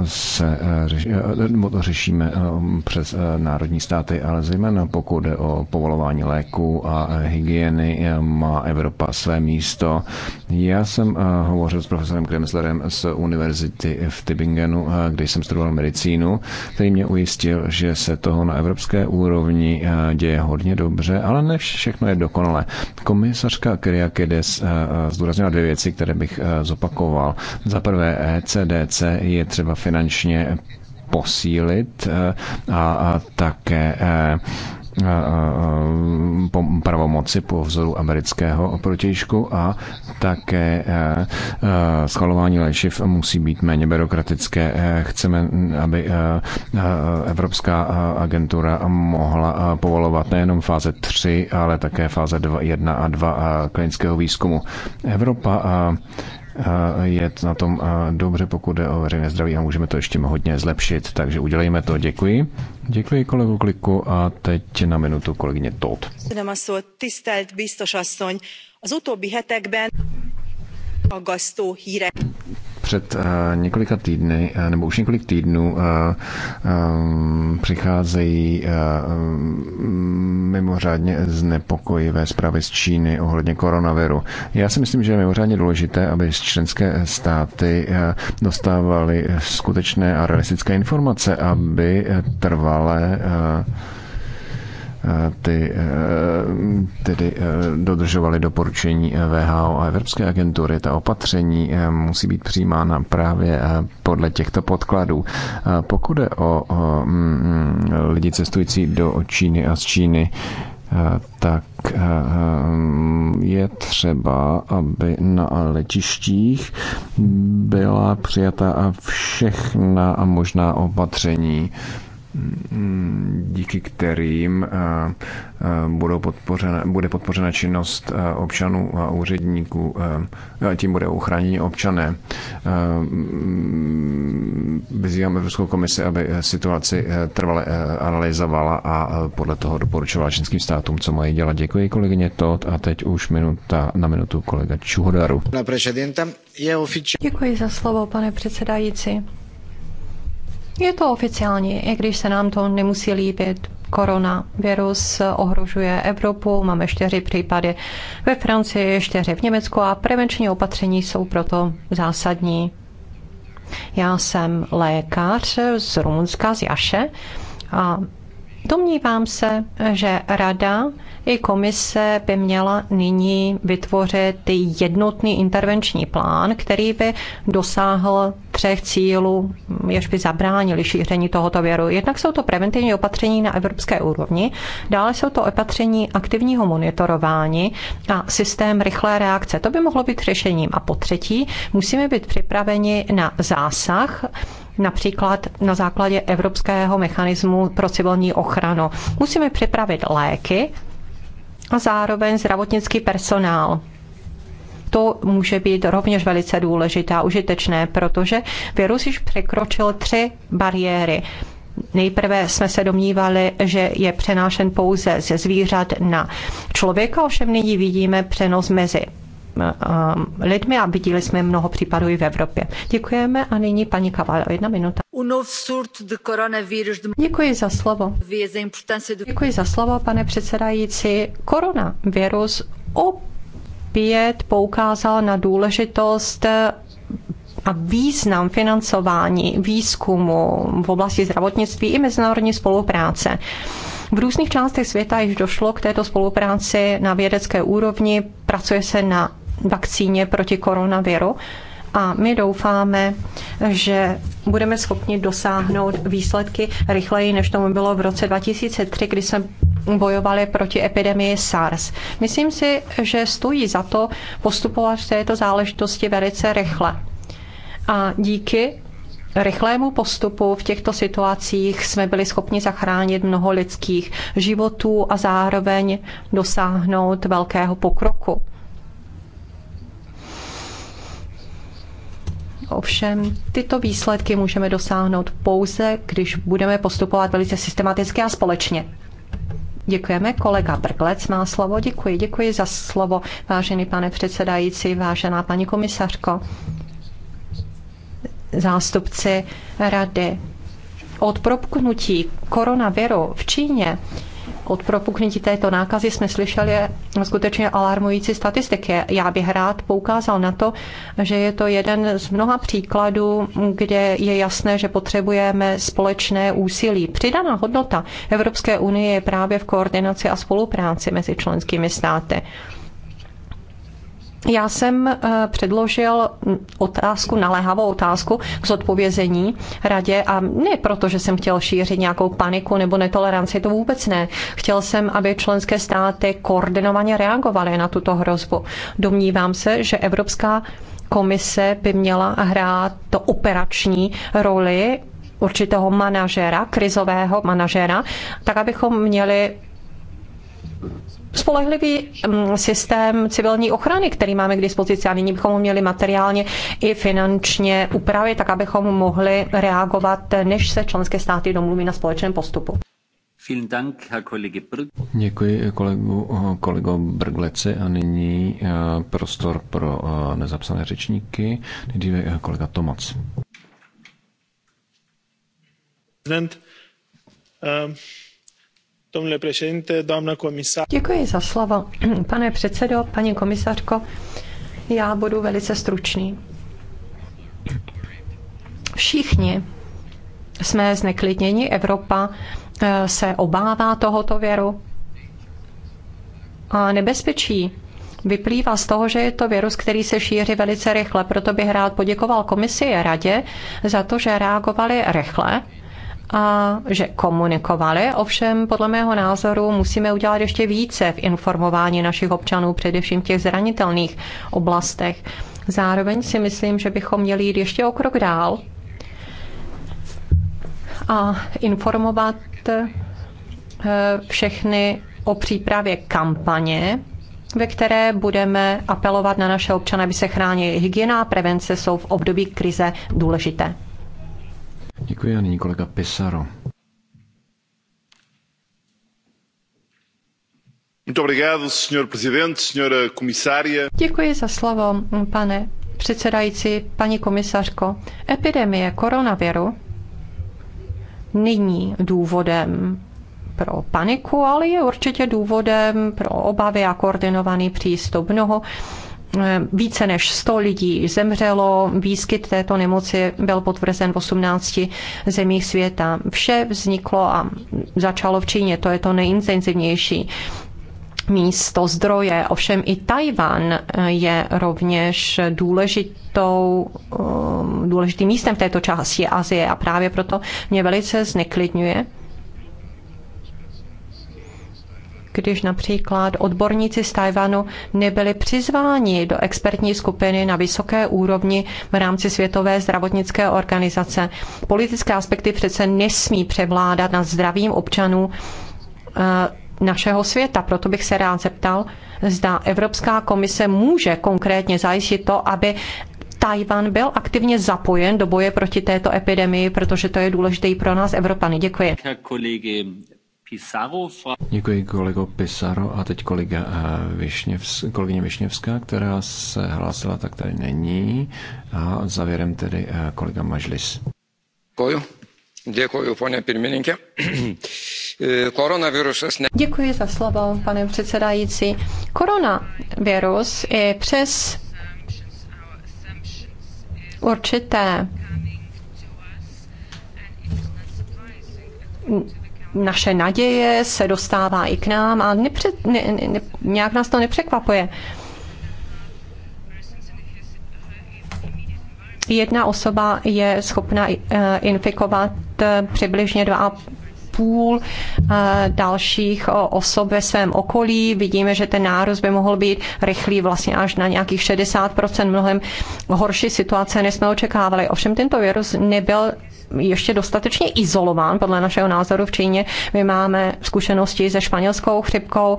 se řešíme přes národní státy, ale zejména pokud jde o povolování léků a hygieny, má Evropa své místo. Já jsem hovořil s profesorem Kremslerem z univerzity v Tübingenu, kde jsem studoval medicínu, který mě ujistil, že se toho na evropské úrovni úrovni eh, děje hodně dobře, ale ne všechno je dokonalé. Komisařka Kyriakides eh, eh, zdůraznila dvě věci, které bych zopakoval. Za prvé, ECDC je třeba finančně posílit a také pravomoci po vzoru amerického protějšku a také schvalování léčiv musí být méně byrokratické. Chceme, aby Evropská agentura mohla povolovat nejenom fáze 3, ale také fáze 1 a 2 klinického výzkumu. Evropa Eh, je na tom eh, dobře, pokud jde o veřejné zdraví a můžeme to ještě hodně zlepšit, takže udělejme to. Děkuji. Děkuji kolegu Kliku a teď na minutu kolegyně Tot. Tisztelt aggasztó hírek. Před eh, několika týdny, eh, nebo už několik týdnů, eh, přicházejí mm, mimořádně znepokojivé zprávy z Číny ohledně koronaviru. Já si myslím, že je mimořádně důležité, aby členské státy dostávaly skutečné a realistické informace, aby trvalé Eh, ty eh, tedy eh, dodržovaly doporučení VHO a Evropské agentury. Ta opatření musí být přijímána právě podle těchto podkladů. Pokud jde o mm, mm, lidi cestující do Číny a z Číny, tak je třeba, aby na letištích byla přijata všechna možná opatření Mm, díky kterým eh, eh, budou podpořena, bude podpořena činnost eh, občanů a úředníků, tím bude ochráněni občané. Mm, vyzývám Evropskou komisi, aby situaci trvale analyzovala a podle toho doporučovala členským státům, co mají dělat. Děkuji kolegyně Tot a teď už minuta na minutu kolega Čuhodaru. Děkuji za slovo, pane předsedající. Je to oficiálně, i když se nám to nemusí líbit. Koronavirus ohrožuje Evropu, máme čtyři případy ve Francii, čtyři v Německu a prevenční opatření jsou proto zásadní. Já jsem lékař z Rumunska, z Jaše, a Domnívám se, že Rada i komise by měla nyní vytvořit jednotný intervenční plán, který by dosáhl třech cílů, jež by zabránili šíření tohoto věru. Jednak jsou to preventivní opatření na evropské úrovni, dále jsou to opatření aktivního monitorování a systém rychlé reakce. To by mohlo být řešením. A po třetí, musíme být připraveni na zásah například na základě Evropského mechanismu pro civilní ochranu. Musíme připravit léky a zároveň zdravotnický personál. To může být rovněž velice důležité a užitečné, protože virus již překročil tři bariéry. Nejprve jsme se domnívali, že je přenášen pouze ze zvířat na člověka, ovšem nyní vidíme přenos mezi Um, lidmi a viděli jsme mnoho případů i v Evropě. Děkujeme a nyní paní Kavala, jedna minuta. Děkuji za slovo. Děkuji za slovo, pane předsedající. Koronavirus opět poukázal na důležitost a význam financování výzkumu v oblasti zdravotnictví i mezinárodní spolupráce. V různých částech světa již došlo k této spolupráci na vědecké úrovni, pracuje se na vakcíně proti koronaviru a my doufáme, že budeme schopni dosáhnout výsledky rychleji, než tomu bylo v roce 2003, kdy jsme bojovali proti epidemii SARS. Myslím si, že stojí za to postupovat v této záležitosti velice rychle. A díky rychlému postupu v těchto situacích jsme byli schopni zachránit mnoho lidských životů a zároveň dosáhnout velkého pokroku. Ovšem tyto výsledky můžeme dosáhnout pouze, když budeme postupovat velice systematicky a společně. Děkujeme. Kolega Brklec má slovo. Děkuji, děkuji za slovo, vážený pane předsedající, vážená paní komisařko, zástupci rady. Od propknutí koronaviru v Číně od propuknutí této nákazy jsme slyšeli skutečně alarmující statistiky. Já bych rád poukázal na to, že je to jeden z mnoha příkladů, kde je jasné, že potřebujeme společné úsilí. Přidaná hodnota Evropské unie je právě v koordinaci a spolupráci mezi členskými státy. Já jsem eh, předložil otázku, naléhavou otázku k zodpovězení radě a ne proto, že jsem chtěl šířit nějakou paniku nebo netoleranci, to vůbec ne. Chtěl jsem, aby členské státy koordinovaně reagovaly na tuto hrozbu. Domnívám se, že Evropská komise by měla hrát to operační roli určitého manažera, krizového manažera, tak abychom měli spolehlivý mm, systém civilní ochrany, který máme k dispozici a nyní bychom ho měli materiálně i finančně upravit, tak abychom mohli reagovat, než se členské státy domluví na společném postupu. Děkuji kolegu, kolego Brgleci a nyní eh, prostor pro eh, nezapsané řečníky. Nejdříve eh, kolega Tomac. Prezident, Děkuji za slovo. Pane předsedo, paní komisařko, já budu velice stručný. Všichni jsme zneklidněni. Evropa eh, se obává tohoto věru. A nebezpečí vyplývá z toho, že je to virus, který se šíří velice rychle. Proto bych rád poděkoval komisi a radě za to, že reagovali rychle a že komunikovali. Ovšem, podle mého názoru, musíme udělat ještě více v informování našich občanů, především v těch zranitelných oblastech. Zároveň si myslím, že bychom měli jít ještě o krok dál a informovat eh, všechny o přípravě kampaně, ve které budeme apelovat na naše občany, aby se chránili. Hygiena a prevence jsou v období krize důležité. Děkuji a nyní kolega Pisaro. Děkuji za slovo, pane předsedající, paní komisařko. Epidemie koronaviru není důvodem pro paniku, ale je určitě důvodem pro obavy a koordinovaný přístup. Mnoho Eh, více než 100 lidí zemřelo, výskyt této nemoci byl potvrzen v 18 zemích světa. Vše vzniklo a začalo v Číně, to je to nejintenzivnější místo zdroje. Ovšem i Tajvan eh, je rovněž důležitou, eh, důležitým místem v této části Asie a právě proto mě velice zneklidňuje, když například odborníci z Tajvanu nebyli přizváni do expertní skupiny na vysoké úrovni v rámci Světové zdravotnické organizace. Politické aspekty přece nesmí převládat nad zdravím občanů eh, našeho světa. Proto bych se rád zeptal, zda Evropská komise může konkrétně zajistit to, aby Tajvan byl aktivně zapojen do boje proti této epidemii, protože to je důležité i pro nás, Evropany. Děkuji. Děkuji kolego Pisaro a teď kolega eh, Višněvs, kolegyně Višněvská, která se hlásila, tak tady není. A závěrem tedy eh, kolega Mažlis. Děkuji. Děkuji, pane pirmininke. Eh, Koronavirus... Ne... Děkuji za slovo, pane předsedající. Koronavirus i přes určité naše naděje se dostává i k nám a nepřed, ne, ne, nějak nás to nepřekvapuje. Jedna osoba je schopna eh, infikovat eh, přibližně 2 půl eh, dalších osob ve svém okolí. Vidíme, že ten nárůst by mohl být rychlý vlastně až na nějakých 60%, mnohem horší situace, než jsme očekávali. Ovšem tento virus nebyl ještě dostatečně izolován, podle našeho názoru v Číně. My máme zkušenosti se španělskou chřipkou,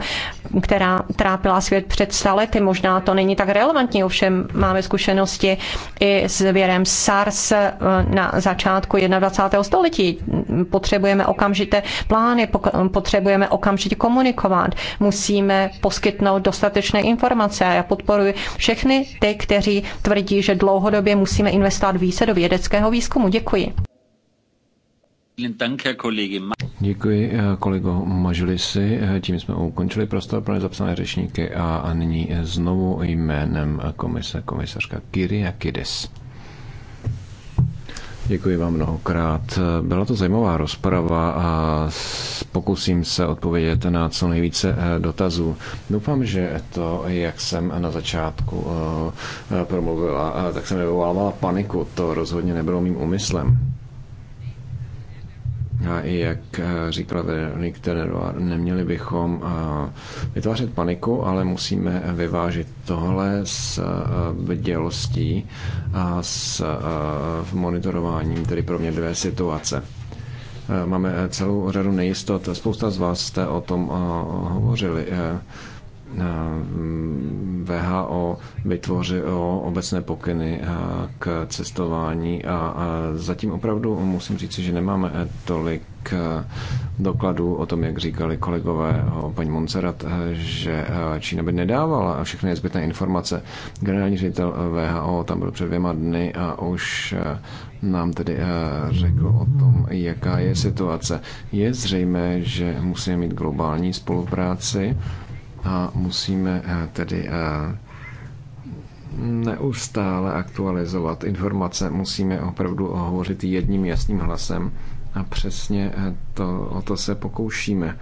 která trápila svět před lety. Možná to není tak relevantní, ovšem máme zkušenosti i s věrem SARS eh, na začátku 21. století. Potřebujeme okamžité plány, potřebujeme okamžitě komunikovat, musíme poskytnout dostatečné informace a já podporuji všechny ty, kteří tvrdí, že dlouhodobě musíme investovat více do vědeckého výzkumu. Děkuji. Děkuji eh, kolego Mažulisi. Eh, tím jsme ukončili prostor pro nezapsané řečníky a, a nyní znovu jménem komise komisařka Kides. Děkuji vám mnohokrát. Byla to zajímavá rozprava a pokusím se odpovědět na co nejvíce eh, dotazů. Doufám, že to, jak jsem na začátku promluvila, tak jsem vyvolávala paniku. To rozhodně nebylo mým úmyslem. A jak eh, říkala Veronik Tenerová, neměli bychom eh, vytvářet paniku, ale musíme vyvážit tohle s eh, bdělostí a s monitorováním, tedy pro mě dvě situace. Máme celou řadu nejistot. Spousta z vás jste o tom hovořili. Mm, VHO vytvořilo obecné pokyny eh, k cestování a zatím opravdu musím říct, že nemáme eh, tolik eh, dokladů o tom, jak říkali kolegové o paní Monserrat, že Čína by nedávala všechny zbytné informace. Generální ředitel VHO tam byl před dvěma dny a už nám tedy řekl o tom, jaká je situace. Je zřejmé, že musíme mít globální spolupráci a musíme eh, tedy eh, neustále aktualizovat informace, musíme opravdu hovořit jedním jasným hlasem a přesně eh, to, o to se pokoušíme.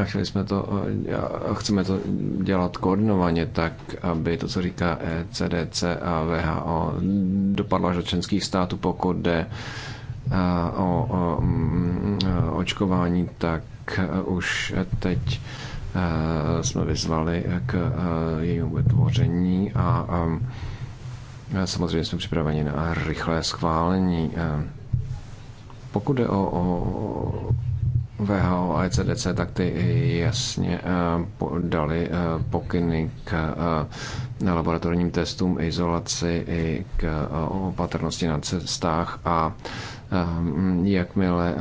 A chtěli jsme to, chceme to dělat koordinovaně tak, aby to, co říká CDC e a VHO, dopadlo až do členských států, pokud jde o, o, o mm, očkování, tak Eh, už teď eh, jsme vyzvali k eh, jejímu vytvoření a samozřejmě jsme připraveni na rychlé schválení. Pokud jde o, o VHO a ECDC, tak ty jasně eh, dali eh, pokyny k eh, laboratorním testům, izolaci i k opatrnosti na cestách a jakmile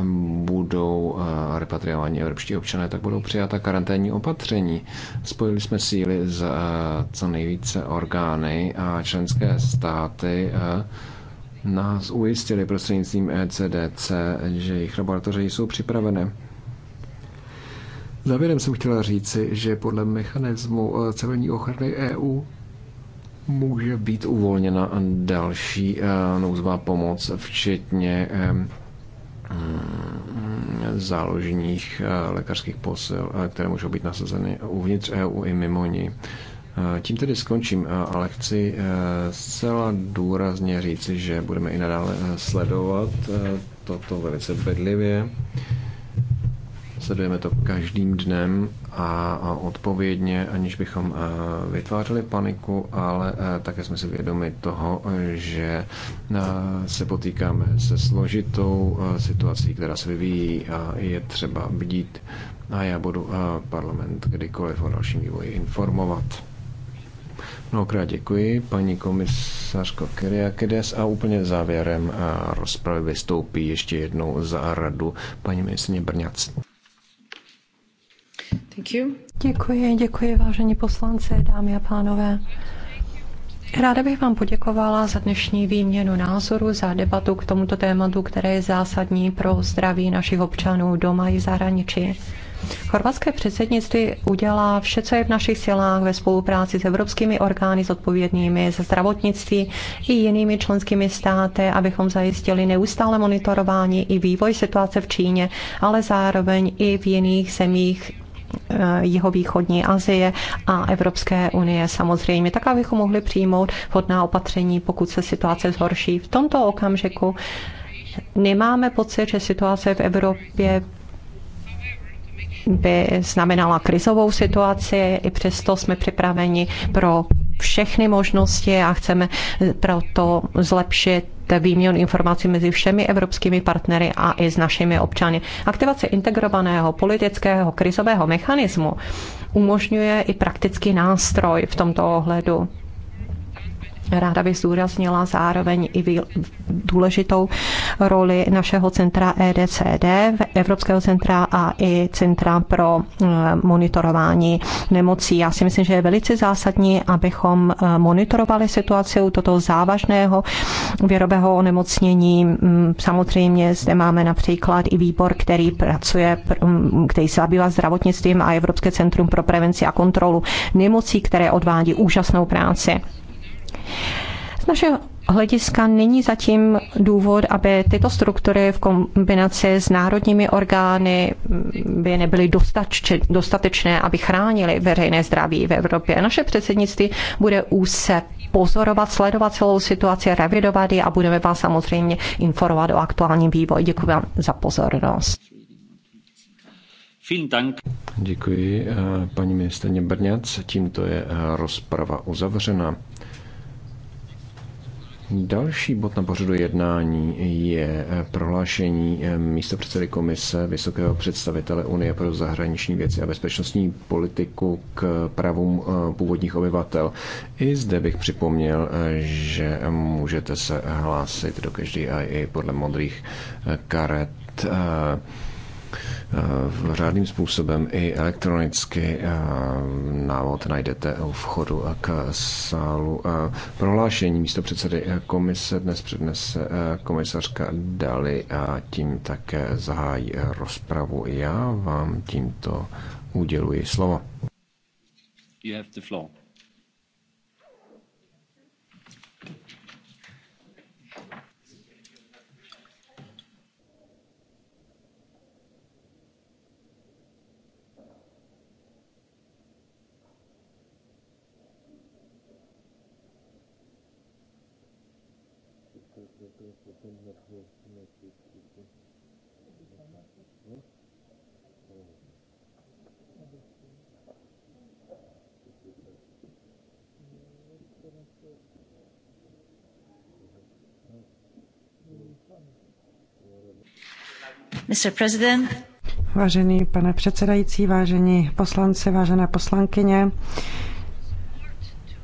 budou repatriovaní evropští občané, tak budou přijata karanténní opatření. Spojili jsme síly s co nejvíce orgány a členské státy nás ujistili prostřednictvím ECDC, že jejich laboratoře jsou připravené. Závěrem jsem chtěla říci, že podle mechanismu eh, celní ochrany EU může být uvolněna další eh, nouzová pomoc, včetně mm, záložních eh, lékařských posil, které můžou být nasazeny uvnitř EU i mimo ní. Eh, tím tedy skončím, eh, ale chci eh, zcela důrazně říci, že budeme i nadále sledovat toto velice bedlivě. Sledujeme to každým dnem a odpovědně, aniž bychom vytvářeli paniku, ale také jsme si vědomi toho, že se potýkáme se složitou situací, která se vyvíjí a je třeba bdít. A já budu parlament kdykoliv o dalším vývoji informovat. Mnohokrát děkuji, paní komisařko Kyriakides. A úplně závěrem rozpravy vystoupí ještě jednou za radu paní ministrině Brňac. Thank you. Děkuji, děkuji, vážení poslanci, dámy a pánové. Ráda bych vám poděkovala za dnešní výměnu názoru, za debatu k tomuto tématu, které je zásadní pro zdraví našich občanů doma i zahraničí. Chorvatské předsednictví udělá vše, co je v našich silách ve spolupráci s evropskými orgány zodpovědnými za zdravotnictví i jinými členskými státy, abychom zajistili neustále monitorování i vývoj situace v Číně, ale zároveň i v jiných zemích eh, jihovýchodní Asie a Evropské unie samozřejmě, tak abychom mohli přijmout hodná opatření, pokud se situace zhorší. V tomto okamžiku nemáme pocit, že situace v Evropě by znamenala krizovou situaci, i přesto jsme připraveni pro všechny možnosti a chceme proto zlepšit výměnu informací mezi všemi evropskými partnery a i s našimi občany. Aktivace integrovaného politického krizového mechanismu umožňuje i praktický nástroj v tomto ohledu. Ráda bych zdůraznila zároveň i důležitou roli našeho centra EDCD, Evropského centra a i centra pro eh, monitorování nemocí. Já si myslím, že je velice zásadní, abychom eh, monitorovali situaci u toto závažného věrového onemocnění. Mm, samozřejmě zde máme například i výbor, který pracuje, mm, který se zabývá zdravotnictvím a Evropské centrum pro prevenci a kontrolu nemocí, které odvádí úžasnou práci. Z našeho hlediska není zatím důvod, aby tyto struktury v kombinaci s národními orgány mm, by nebyly dostatečné, aby chránily veřejné zdraví v Evropě. Naše předsednictví bude úse pozorovat, sledovat celou situaci, revidovat ji a budeme vás samozřejmě informovat o aktuálním vývoji. Děkuji vám za pozornost. Děkuji eh, paní ministrně Brňac. Tímto je eh, rozprava uzavřena. Další bod na pořadu jednání je eh, prohlášení eh, místopředsedy komise Vysokého představitele Unie pro zahraniční věci a bezpečnostní politiku k právům eh, původních obyvatel. I zde bych připomněl, že můžete se hlásit do každé i podle modrých karet v řádným způsobem i elektronicky. Eh, návod najdete u vchodu k sálu. Eh, prohlášení místo předsedy komise dnes přednese eh, komisařka Dali a tím také zahájí rozpravu. Já vám tímto uděluji slovo. You have the floor. Vážený pane předsedající, vážení poslanci, vážené poslankyně,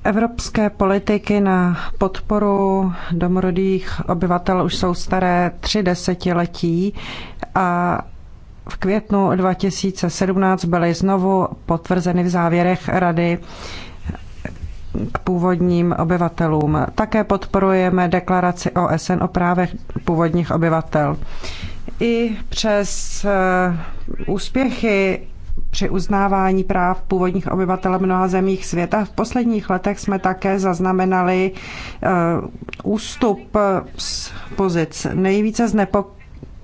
Evropské politiky na podporu domorodých obyvatel už jsou staré tři desetiletí a v květnu 2017 byly znovu potvrzeny v závěrech Rady k původním obyvatelům. Také podporujeme deklaraci OSN o právech původních obyvatel. I přes eh, úspěchy při uznávání práv původních obyvatel mnoha zemích světa. V posledních letech jsme také zaznamenali eh, ústup z pozic. Nejvíce znepoko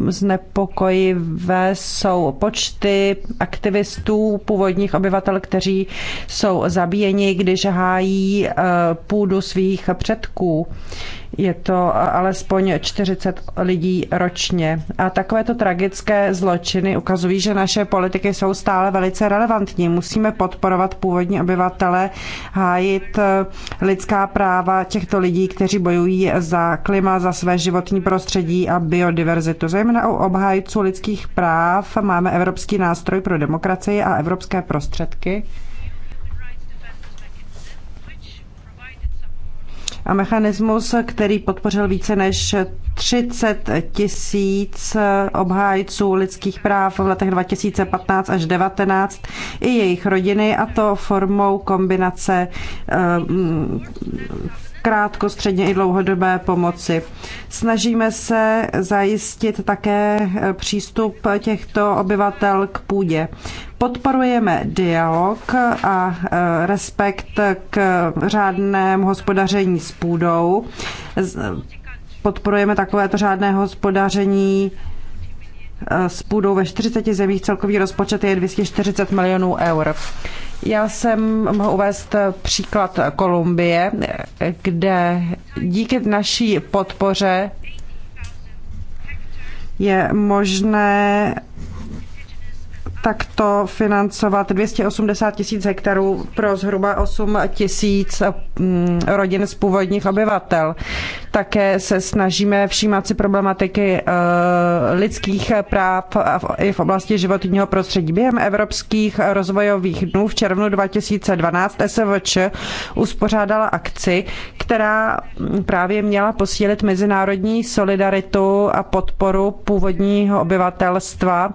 znepokojivé jsou počty aktivistů, původních obyvatel, kteří jsou zabíjeni, když hájí eh, půdu svých předků. Je to alespoň 40 lidí ročně. A takovéto tragické zločiny ukazují, že naše politiky jsou stále velice relevantní. Musíme podporovat původní obyvatele, hájit e, lidská práva těchto lidí, kteří bojují za klima, za své životní prostředí a biodiverzitu. Zejména u obhájců lidských práv máme Evropský nástroj pro demokracii a evropské prostředky. a mechanismus, který podpořil více než 30 tisíc obhájců lidských práv v letech 2015 až 2019 i jejich rodiny, a to formou kombinace eh, krátko, středně i dlouhodobé pomoci. Snažíme se zajistit také eh, přístup těchto obyvatel k půdě. Podporujeme dialog a eh, respekt k řádnému hospodaření s půdou. Podporujeme takovéto řádné hospodaření eh, s půdou ve 40 zemích. Celkový rozpočet je 240 milionů eur. Já jsem mohu uvést příklad Kolumbie, kde díky naší podpoře je možné takto financovat 280 tisíc hektarů pro zhruba 8 tisíc mm, rodin z původních obyvatel. Také se snažíme všímat si problematiky eh, lidských práv i v oblasti životního prostředí. Během Evropských rozvojových dnů v červnu 2012 SVČ uspořádala akci, která mm, právě měla posílit mezinárodní solidaritu a podporu původního obyvatelstva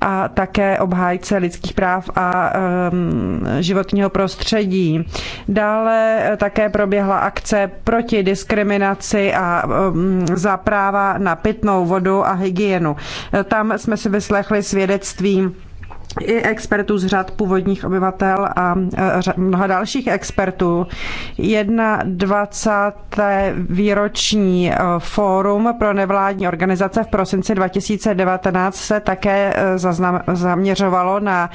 a také obhájce lidských práv a um, životního prostředí. Dále eh, také proběhla akce proti diskriminaci práci a um, za práva na pitnou vodu a hygienu. Tam jsme si vyslechli svědectví i expertů z řad původních obyvatel a e, mnoha dalších expertů. 21. výroční e, fórum pro nevládní organizace v prosinci 2019 se také e, zaměřovalo na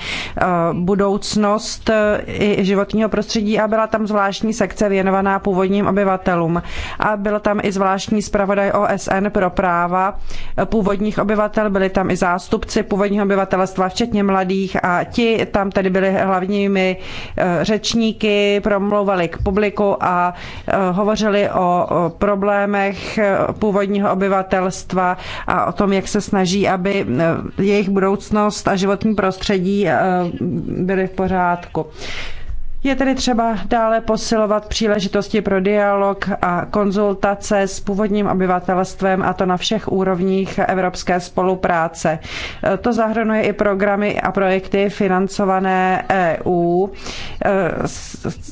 budoucnost i životního prostředí a byla tam zvláštní sekce věnovaná původním obyvatelům. A byl tam i zvláštní zpravodaj OSN pro práva původních obyvatel, byli tam i zástupci původního obyvatelstva, včetně mladých mladých a ti tam tedy byli hlavními eh, řečníky, promlouvali k publiku a eh, hovořili o problémech eh, původního obyvatelstva a o tom, jak se snaží, aby jejich budoucnost a životní prostředí byly v pořádku. Je tedy třeba dále posilovat příležitosti pro dialog a konzultace s původním obyvatelstvem a to na všech úrovních evropské spolupráce. To zahrnuje i programy a projekty financované EU.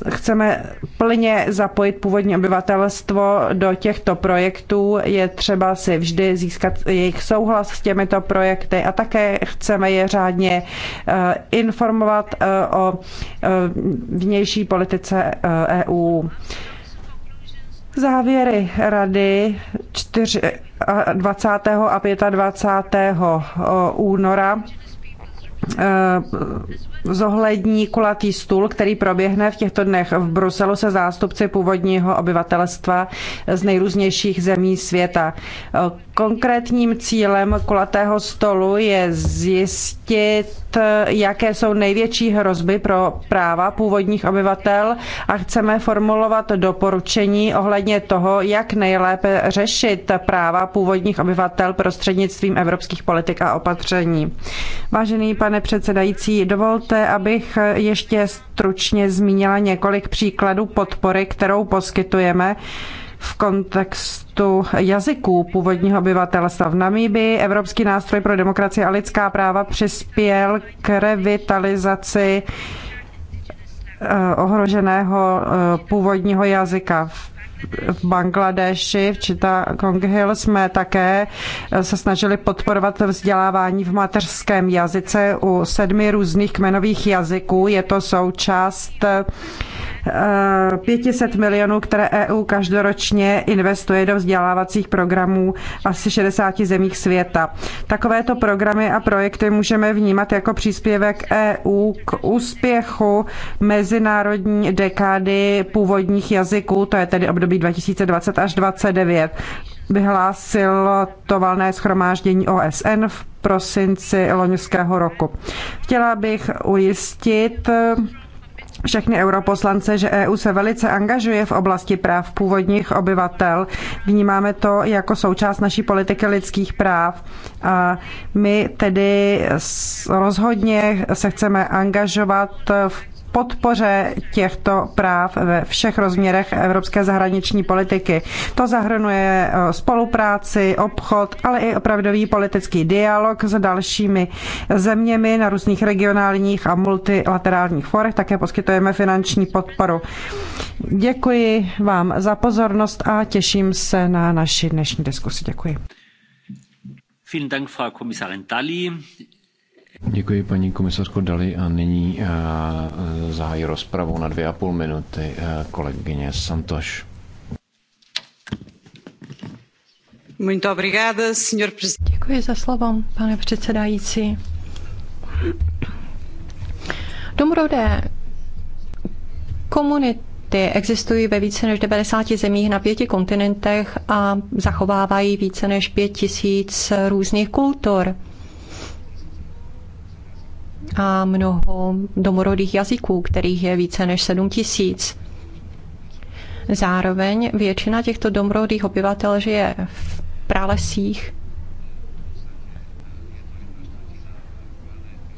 Chceme plně zapojit původní obyvatelstvo do těchto projektů. Je třeba si vždy získat jejich souhlas s těmito projekty a také chceme je řádně eh, informovat eh, o eh, vnější politice EU. Eh, e Závěry rady 20. Eh, a 25. Eh, února zohlední kulatý stůl, který proběhne v těchto dnech v Bruselu se zástupci původního obyvatelstva z nejrůznějších zemí světa. Konkrétním cílem kulatého stolu je zjistit, jaké jsou největší hrozby pro práva původních obyvatel a chceme formulovat doporučení ohledně toho, jak nejlépe řešit práva původních obyvatel prostřednictvím evropských politik a opatření. Vážený pane předsedající, dovolte, abych ještě stručně zmínila několik příkladů podpory, kterou poskytujeme v kontextu jazyků původního obyvatelstva. V Namíbii Evropský nástroj pro demokracii a lidská práva přispěl k revitalizaci eh, ohroženého eh, původního jazyka v Bangladeši, v Chittagong Hill jsme také eh, se snažili podporovat vzdělávání v mateřském jazyce u sedmi různých kmenových jazyků. Je to součást 500 milionů, které EU každoročně investuje do vzdělávacích programů asi 60 zemích světa. Takovéto programy a projekty můžeme vnímat jako příspěvek EU k úspěchu mezinárodní dekády původních jazyků, to je tedy období 2020 až 2029 vyhlásilo to valné schromáždění OSN v prosinci loňského roku. Chtěla bych ujistit všechny europoslance, že EU se velice angažuje v oblasti práv původních obyvatel. Vnímáme to jako součást naší politiky lidských práv. A my tedy rozhodně se chceme angažovat v podpoře těchto práv ve všech rozměrech evropské zahraniční politiky. To zahrnuje eh, spolupráci, obchod, ale i opravdový politický dialog s dalšími zeměmi na různých regionálních a multilaterálních forech. Také poskytujeme finanční podporu. Děkuji vám za pozornost a těším se na naši dnešní diskusi. Děkuji. Vielen Dank, Frau Kommissarin Dalli. Děkuji paní komisařko Dali a nyní eh, zahájí rozpravu na dvě a půl minuty eh, kolegyně Santoš. Děkuji za slovo, pane předsedající. Domorodé komunity existují ve více než 90 zemích na pěti kontinentech a zachovávají více než pět tisíc různých kultur a mnoho domorodých jazyků, kterých je více než 7 tisíc. Zároveň většina těchto domorodých obyvatel žije v pralesích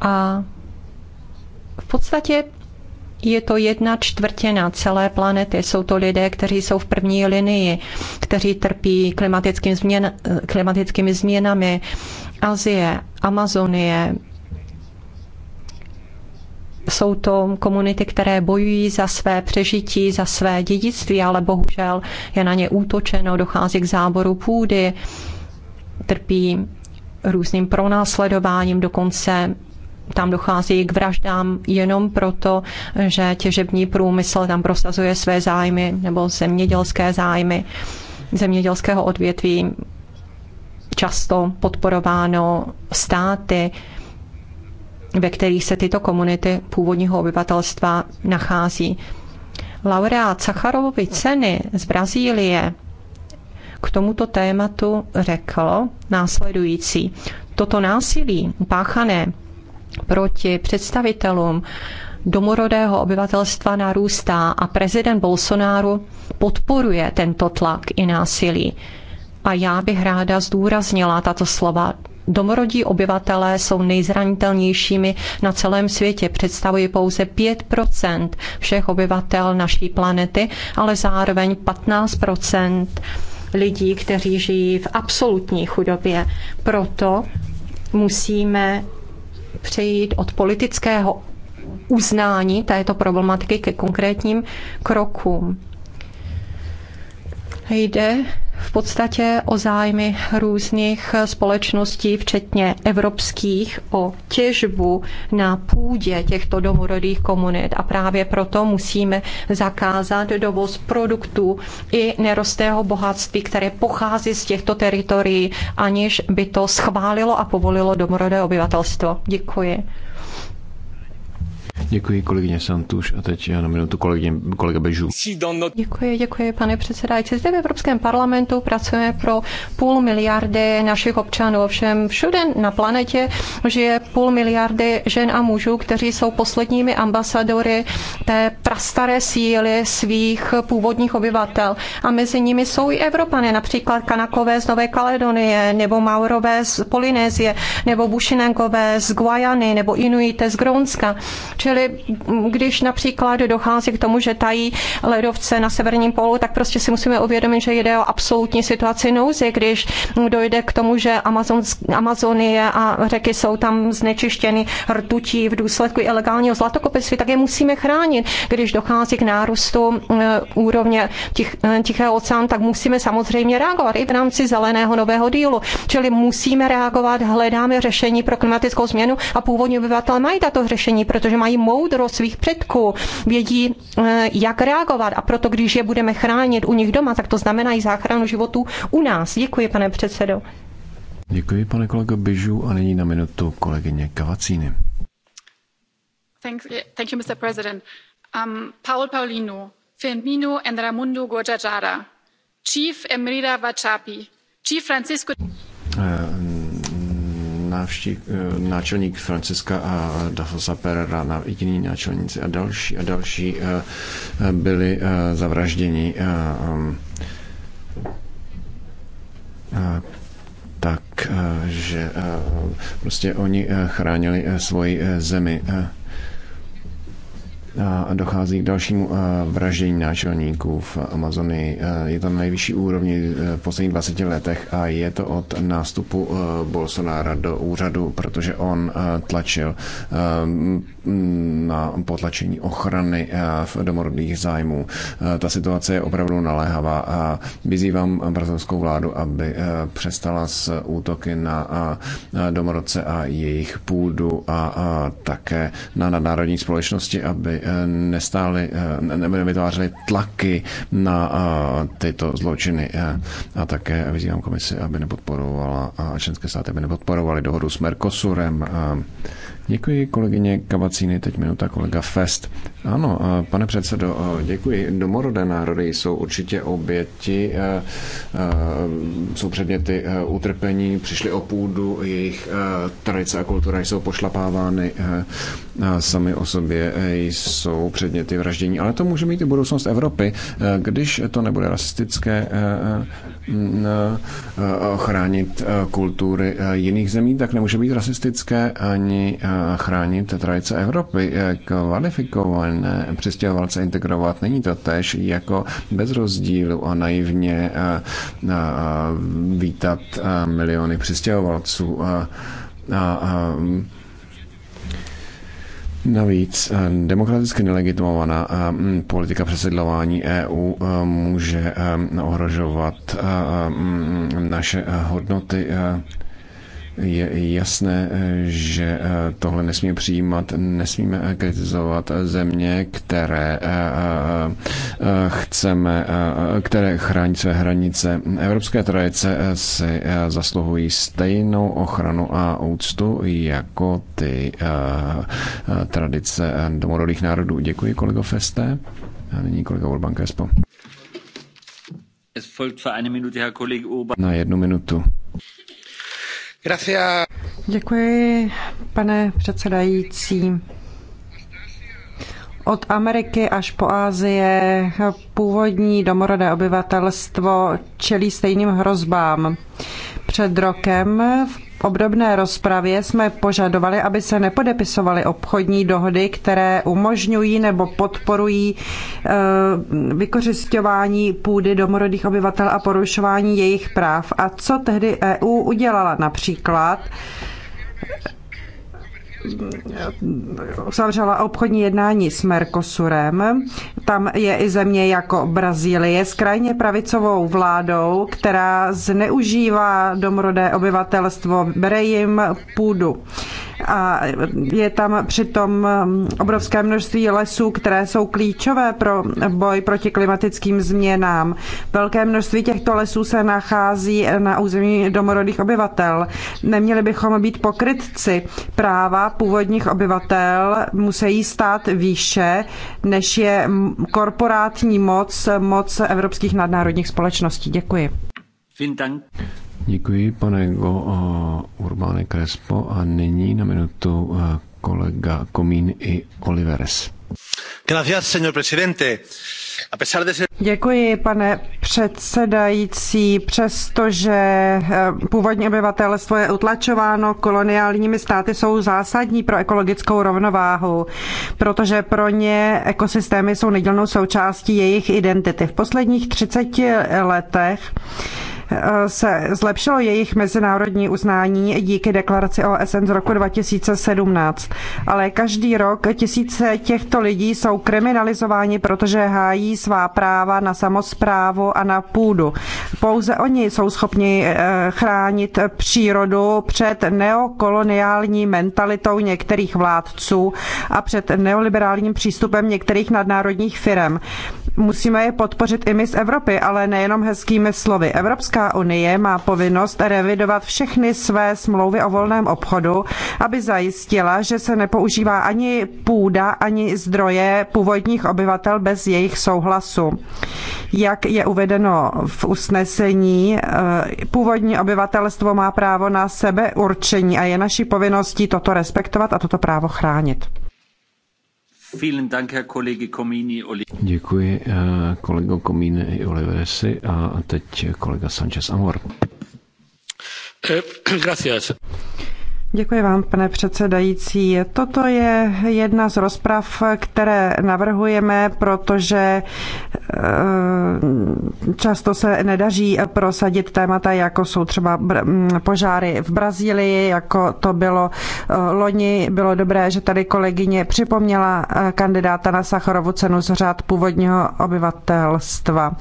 a v podstatě je to jedna čtvrtina celé planety. Jsou to lidé, kteří jsou v první linii, kteří trpí klimatickým změn, klimatickými změnami. Azie, Amazonie, jsou to komunity, které bojují za své přežití, za své dědictví, ale bohužel je na ně útočeno, dochází k záboru půdy, trpí různým pronásledováním, dokonce tam dochází k vraždám jenom proto, že těžební průmysl tam prosazuje své zájmy nebo zemědělské zájmy zemědělského odvětví, často podporováno státy, ve kterých se tyto komunity původního obyvatelstva nachází. Laureát Sacharovovy ceny z Brazílie k tomuto tématu řekl následující. Toto násilí páchané proti představitelům domorodého obyvatelstva narůstá a prezident Bolsonaro podporuje tento tlak i násilí. A já bych ráda zdůraznila tato slova domorodí obyvatelé jsou nejzranitelnějšími na celém světě. Představují pouze 5 všech obyvatel naší planety, ale zároveň 15 lidí, kteří žijí v absolutní chudobě. Proto musíme přejít od politického uznání této problematiky ke konkrétním krokům. Jde v podstatě o zájmy různých společností, včetně evropských, o těžbu na půdě těchto domorodých komunit. A právě proto musíme zakázat dovoz produktů i nerostého bohatství, které pochází z těchto teritorií, aniž by to schválilo a povolilo domorodé obyvatelstvo. Děkuji. Děkuji kolegyně Santuš a teď já na minutu kolegyně, kolega Bežů. Děkuji, děkuji pane předsedající. Zde v Evropském parlamentu pracujeme pro půl miliardy našich občanů. Ovšem všude na planetě žije půl miliardy žen a mužů, kteří jsou posledními ambasadory té prastaré síly svých původních obyvatel. A mezi nimi jsou i Evropané, například Kanakové z Nové Kaledonie, nebo Maurové z Polynézie, nebo Bušinenkové z Guajany, nebo Inuité z Grónska. Čili čili když například dochází k tomu, že tají ledovce na severním polu, tak prostě si musíme uvědomit, že jde o absolutní situaci nouze, když dojde k tomu, že Amazon, Amazonie a řeky jsou tam znečištěny rtutí v důsledku ilegálního zlatokopectví, tak je musíme chránit. Když dochází k nárůstu eh, úrovně tich, eh, Tichého oceánu, tak musíme samozřejmě reagovat i v rámci zeleného nového dílu. Čili musíme reagovat, hledáme řešení pro klimatickou změnu a původní obyvatel mají tato řešení, protože mají moudrost svých předků, vědí, eh, jak reagovat a proto, když je budeme chránit u nich doma, tak to znamená i záchranu životů u nás. Děkuji, pane předsedo. Děkuji, pane kolego Bižu, a nyní na minutu kolegyně Kavacíny. Thank, thank you, Mr. President. Um, Paul Paulino, Firmino and Ramundo Gojajara, Chief Emrida Vachapi, Chief Francisco... Uh, návštěv, eh, náčelník Franciska a Dafosa Perera, na jiní náčelníci a další a další eh, eh, byli zavražděni. Takže prostě oni chránili svoji zemi a dochází k dalšímu vraždění náčelníků v Amazonii. Je to na nejvyšší úrovni e, v posledních 20 letech a je to od nástupu e, Bolsonára do úřadu, protože on e, tlačil na potlačení ochrany v domorodých zájmů. Ta situace je opravdu naléhavá a vyzývám brazilskou vládu, aby přestala s útoky na domorodce a jejich půdu a také na nadnárodní společnosti, aby Eh, nestáli, eh, nebo nevytvářely tlaky na eh, tyto zločiny. A také vyzývám komisi, aby nepodporovala a členské státy, aby nepodporovaly dohodu s Mercosurem. Děkuji kolegyně Kavacíny, teď minuta kolega Fest. Ano, pane předsedo, děkuji. Domorodé národy jsou určitě oběti, jsou předměty utrpení, přišly o půdu, jejich tradice a kultura jsou pošlapávány sami o sobě, jsou předměty vraždění. Ale to může mít i budoucnost Evropy, když to nebude rasistické chránit kultury jiných zemí, tak nemůže být rasistické ani chránit tradice Evropy. Kvalifikované schopné přistěhovalce integrovat. Není to tež jako bez rozdílu a naivně eh, eh, vítat eh, miliony přistěhovalců. A, a, Navíc demokraticky nelegitimovaná politika přesedlování EU může ohrožovat naše hodnoty je jasné, eh, že eh, tohle nesmí přijímat, nesmíme eh, kritizovat země, které chceme, které chrání své hranice. Evropské tradice si zasluhují stejnou ochranu a úctu jako ty tradice domorodých národů. Děkuji, kolego Feste. A nyní kolega Urban Crespo. Na jednu minutu. Děkuji, pane předsedající. Od Ameriky až po Asie původní domorodé obyvatelstvo čelí stejným hrozbám. Před rokem v obdobné rozpravě jsme požadovali, aby se nepodepisovaly obchodní dohody, které umožňují nebo podporují e, vykořišťování půdy domorodých obyvatel a porušování jejich práv. A co tehdy EU udělala například? uzavřela obchodní jednání s Mercosurem. Tam je i země jako Brazílie s krajně pravicovou vládou, která zneužívá domorodé obyvatelstvo, bere jim půdu. A je tam přitom obrovské množství lesů, které jsou klíčové pro boj proti klimatickým změnám. Velké množství těchto lesů se nachází na území domorodých obyvatel. Neměli bychom být pokrytci práva původních obyvatel musí stát výše, než je korporátní moc, moc evropských nadnárodních společností. Děkuji. Děkuji, pane Go eh, Urbane Crespo. A nyní na minutu eh, kolega Komín i Oliveres. Gracias, señor presidente. Děkuji, pane předsedající. Přestože eh, původní obyvatelstvo je utlačováno koloniálními státy, jsou zásadní pro ekologickou rovnováhu, protože pro ně ekosystémy jsou nedělnou součástí jejich identity. V posledních 30 letech se zlepšilo jejich mezinárodní uznání díky deklaraci OSN z roku 2017. Ale každý rok tisíce těchto lidí jsou kriminalizováni, protože hájí svá práva na samozprávu a na půdu. Pouze oni jsou schopni eh, chránit přírodu před neokoloniální mentalitou některých vládců a před neoliberálním přístupem některých nadnárodních firm musíme je podpořit i my z Evropy, ale nejenom hezkými slovy. Evropská unie má povinnost revidovat všechny své smlouvy o volném obchodu, aby zajistila, že se nepoužívá ani půda, ani zdroje původních obyvatel bez jejich souhlasu. Jak je uvedeno v usnesení, eh, původní obyvatelstvo má právo na sebe určení a je naší povinností toto respektovat a toto právo chránit. Děkuji eh, kolego Komíny i Oliveresi a teď kolega Sanchez Amor. Eh, gracias. Děkuji vám, pane předsedající. Toto je jedna z rozprav, které navrhujeme, protože eh, často se nedaří prosadit témata, jako jsou třeba hm, požáry v Brazílii, jako to bylo eh, loni. Bylo dobré, že tady kolegyně připomněla eh, kandidáta na Sacharovu cenu z řád původního obyvatelstva.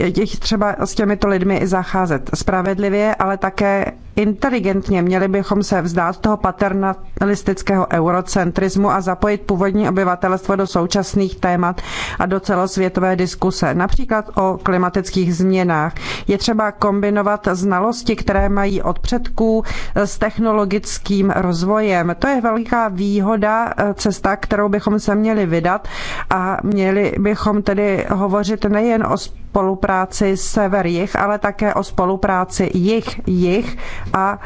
Je třeba s těmito lidmi zacházet spravedlivě, ale také inteligentně. Měli bychom se vzdát toho paternalistického eurocentrismu a zapojit původní obyvatelstvo do současných témat a do celosvětové diskuse, například o klimatických změnách. Je třeba kombinovat znalosti, které mají od předků s technologickým rozvojem. To je velká výhoda, eh, cesta, kterou bychom se měli vydat a měli bychom tedy hovořit nejen o spolupráci sever-jih, ale také o spolupráci jich, jich a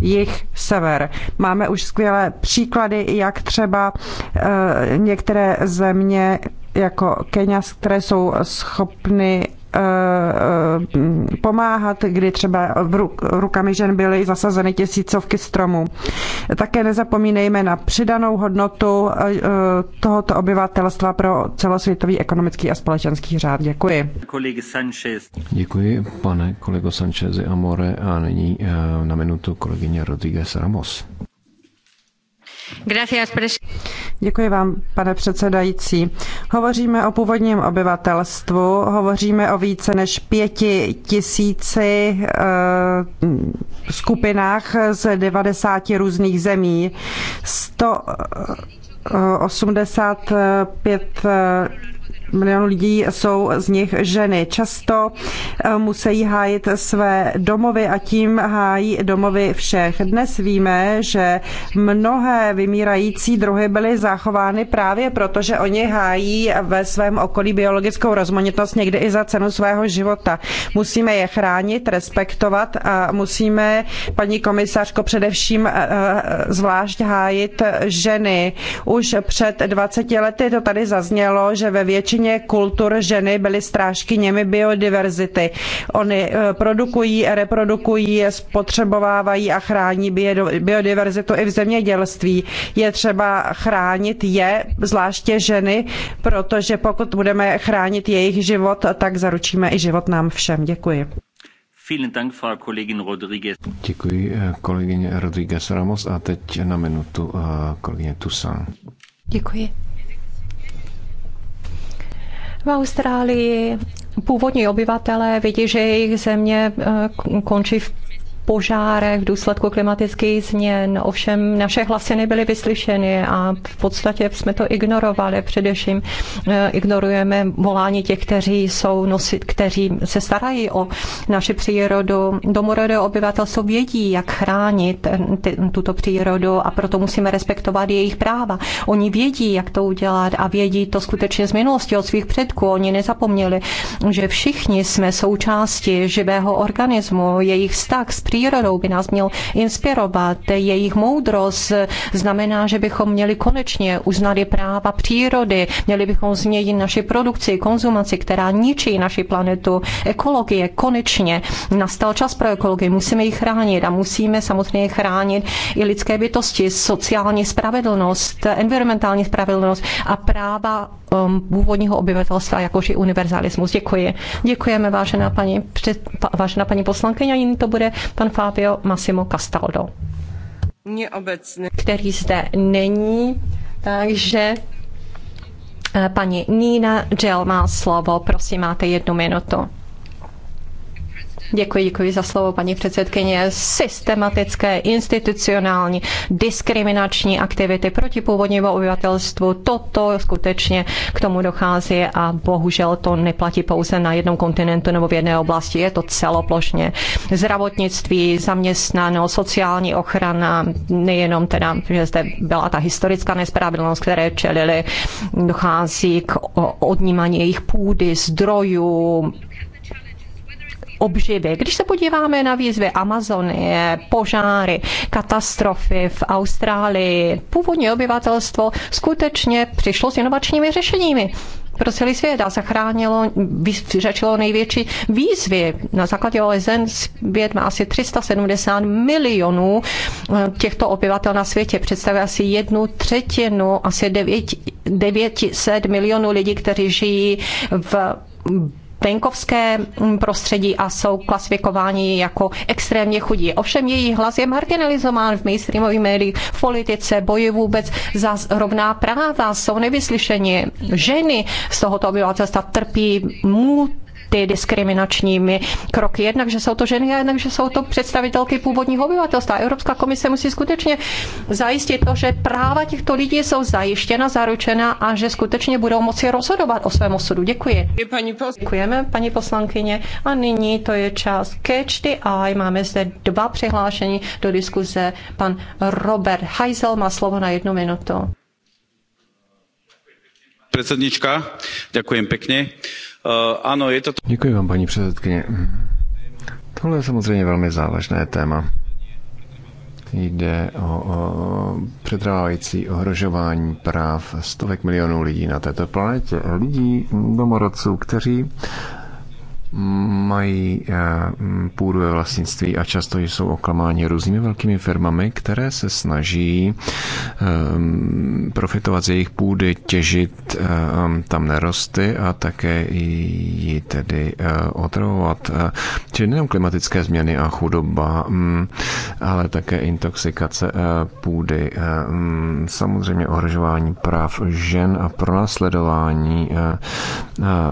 jich sever. Máme už skvělé příklady, jak třeba eh, některé země jako Kenia, které jsou schopny Eh, eh, pomáhat, kdy třeba rukami žen byly zasazeny tisícovky stromů. Také nezapomínejme na přidanou hodnotu eh, tohoto obyvatelstva pro celosvětový ekonomický a společenský řád. Děkuji. Děkuji, pane kolego Sanchez Amore. A nyní na minutu kolegyně Rodríguez Ramos. Děkuji vám, pane předsedající. Hovoříme o původním obyvatelstvu, hovoříme o více než pěti tisíci uh, skupinách z 90 různých zemí. 185 milionů lidí jsou z nich ženy. Často eh, musí hájit své domovy a tím hájí domovy všech. Dnes víme, že mnohé vymírající druhy byly zachovány právě proto, že oni hájí ve svém okolí biologickou rozmanitost někdy i za cenu svého života. Musíme je chránit, respektovat a musíme, paní komisařko, především eh, eh, zvlášť hájit ženy. Už před 20 lety to tady zaznělo, že ve většině většině kultur ženy byly strážkyněmi biodiverzity. Oni eh, produkují, reprodukují, spotřebovávají a chrání biodiverzitu i v zemědělství. Je třeba chránit je, zvláště ženy, protože pokud budeme chránit jejich život, tak zaručíme i život nám všem. Děkuji. Děkuji eh, kolegyně Rodriguez Ramos a teď na minutu eh, kolegyně Tusan. Děkuji. V Austrálii původní obyvatelé vidí, že jejich země eh, končí v požárech v důsledku klimatických změn. Ovšem naše hlasy nebyly vyslyšeny a v podstatě jsme to ignorovali. Především eh, ignorujeme volání těch, kteří, jsou nosit, kteří se starají o naši přírodu. Domorodé obyvatelstvo vědí, jak chránit eh, tuto přírodu a proto musíme respektovat jejich práva. Oni vědí, jak to udělat a vědí to skutečně z minulosti od svých předků. Oni nezapomněli, že všichni jsme součástí živého organismu. Jejich vztah s přírodou přírodou by nás měl inspirovat. Jejich moudrost znamená, že bychom měli konečně uznat i práva přírody, měli bychom změnit naši produkci, konzumaci, která ničí naši planetu, ekologie. Konečně nastal čas pro ekologii, musíme ji chránit a musíme samozřejmě chránit i lidské bytosti, sociální spravedlnost, environmentální spravedlnost a práva um, původního obyvatelstva, jakož i univerzalismus. Děkuji. Děkujeme, vážená paní, před, vážená paní poslankyně, a jiný to bude pan Fabio Massimo Castaldo. Neobecný. Který zde není, takže eh, paní Nina Gel má slovo. Prosím, máte jednu minutu. Děkuji, děkuji za slovo, paní předsedkyně. Systematické, institucionální, diskriminační aktivity proti původnímu obyvatelstvu, toto skutečně k tomu dochází a bohužel to neplatí pouze na jednom kontinentu nebo v jedné oblasti, je to celoplošně. Zdravotnictví, zaměstnanost, sociální ochrana, nejenom teda, že zde byla ta historická nespravedlnost, které čelili, dochází k odnímání jejich půdy, zdrojů, obživy. Když se podíváme na výzvy Amazonie, požáry, katastrofy v Austrálii, původní obyvatelstvo skutečně přišlo s inovačními řešeními pro celý svět a zachránilo, vyřešilo největší výzvy. Na základě OSN svět má asi 370 milionů eh, těchto obyvatel na světě. Představuje asi jednu třetinu, asi 9, 900 milionů lidí, kteří žijí v venkovské mm, prostředí a jsou klasifikováni jako extrémně chudí. Ovšem jejich hlas je marginalizován v mainstreamových médiích, v politice, boji vůbec za rovná práva, jsou nevyslyšeni. Ženy z tohoto obyvatelstva trpí mu ty diskriminačními kroky. Jednak, že jsou to ženy a jednak, že jsou to představitelky původního obyvatelstva. Evropská komise musí skutečně zajistit to, že práva těchto lidí jsou zajištěna, zaručena a že skutečně budou moci rozhodovat o svém osudu. Děkuji. Děkujeme, paní poslankyně. A nyní to je čas Catch the Eye. Máme zde dva přihlášení do diskuze. Pan Robert Heisel má slovo na jednu minutu. Předsednička, děkuji pěkně Eh, ano, je to... Děkuji vám, paní předsedkyně. Tohle je samozřejmě velmi závažné téma. Jde o, o přetrvávající ohrožování práv stovek milionů lidí na této planetě. Lidí, domorodců, kteří mají eh, půdu ve vlastnictví a často jsou oklamáni různými velkými firmami, které se snaží eh, profitovat z jejich půdy, těžit eh, tam nerosty a také ji tedy otravovat. Čili nejen klimatické změny a chudoba, mm, ale také intoxikace půdy, mm, samozřejmě ohrožování práv žen a pronásledování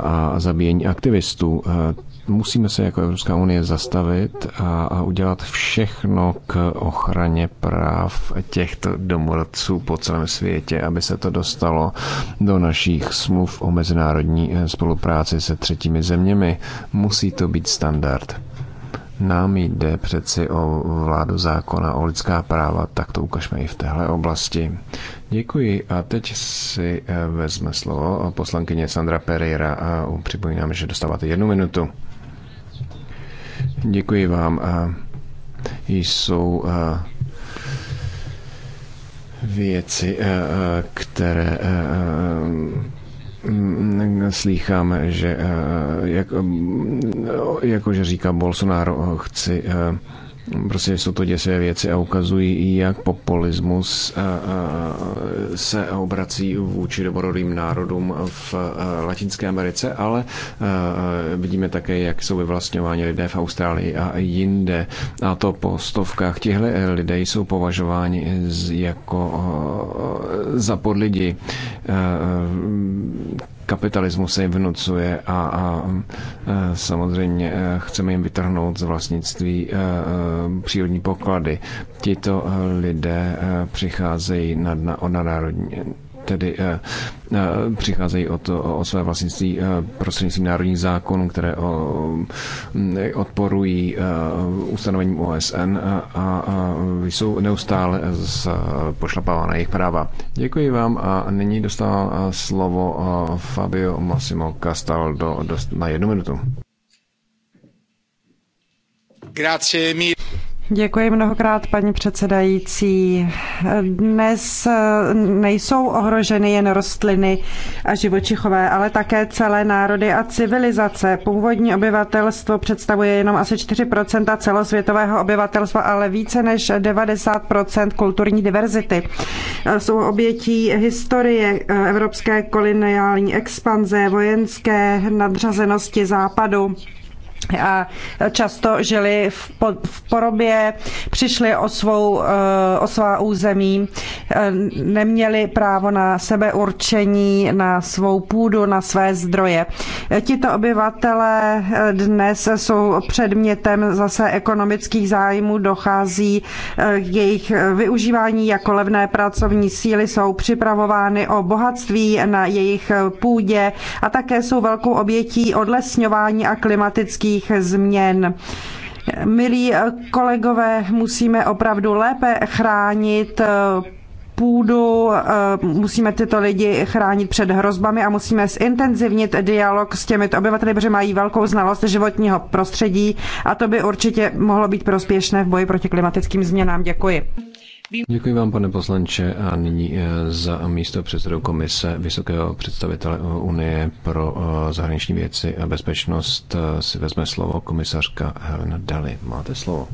a zabíjení aktivistů musíme se jako Evropská unie zastavit a, a udělat všechno k ochraně práv těchto domorodců po celém světě, aby se to dostalo do našich smluv o mezinárodní eh, spolupráci se třetími zeměmi. Musí to být standard. Nám jde přeci o vládu zákona, o lidská práva, tak to ukažme i v téhle oblasti. Děkuji a teď si eh, vezme slovo poslankyně Sandra Pereira a připomínám, že dostáváte jednu minutu. Děkuji vám. Jsou věci, které slýcháme, že jak, jako, říká Bolsonaro, chci Prostě jsou to děsivé věci a ukazují, jak populismus eh, eh, se obrací vůči domorodým národům v eh, Latinské Americe, ale vidíme také, jak jsou vyvlastňováni lidé v Austrálii a jinde. A to po stovkách. Tihle lidé jsou považováni jako za podlidi kapitalismu se jim vnucuje a, a e, samozřejmě e, chceme jim vytrhnout z vlastnictví e, přírodní poklady. Tito lidé přicházejí na, na, o nadnárodní tedy eh, eh, přicházejí o, to, o své vlastnictví eh, prostřednictvím národních zákonů, které mm, odporují ustanovením OSN a jsou neustále pošlapávána jejich práva. Děkuji vám a nyní dostal slovo Fabio Massimo Castaldo na jednu minutu. Grazie mille. Děkuji mnohokrát, paní předsedající. Dnes eh, nejsou ohroženy jen rostliny a živočichové, ale také celé národy a civilizace. Původní obyvatelstvo představuje jenom asi 4 celosvětového obyvatelstva, ale více než 90 kulturní diverzity. Eh, jsou obětí historie eh, evropské koloniální expanze, vojenské nadřazenosti západu a často žili v, po, v porobě, přišli o, svou, eh, o svá území, eh, neměli právo na sebeurčení, na svou půdu, na své zdroje. Tito obyvatelé eh, dnes jsou předmětem zase ekonomických zájmů, dochází k jejich využívání jako levné pracovní síly, jsou připravovány o bohatství na jejich půdě a také jsou velkou obětí odlesňování a klimatických klimatických změn. Milí kolegové, musíme opravdu lépe chránit eh, půdu, eh, musíme tyto lidi chránit před hrozbami a musíme zintenzivnit dialog s těmito obyvateli, protože mají velkou znalost životního prostředí a to by určitě mohlo být prospěšné v boji proti klimatickým změnám. Děkuji. Děkuji vám, pane poslanče, a nyní eh, za místo předsedou komise Vysokého představitele Unie pro eh, zahraniční věci a bezpečnost eh, si vezme slovo komisařka Helena Dali. Máte slovo.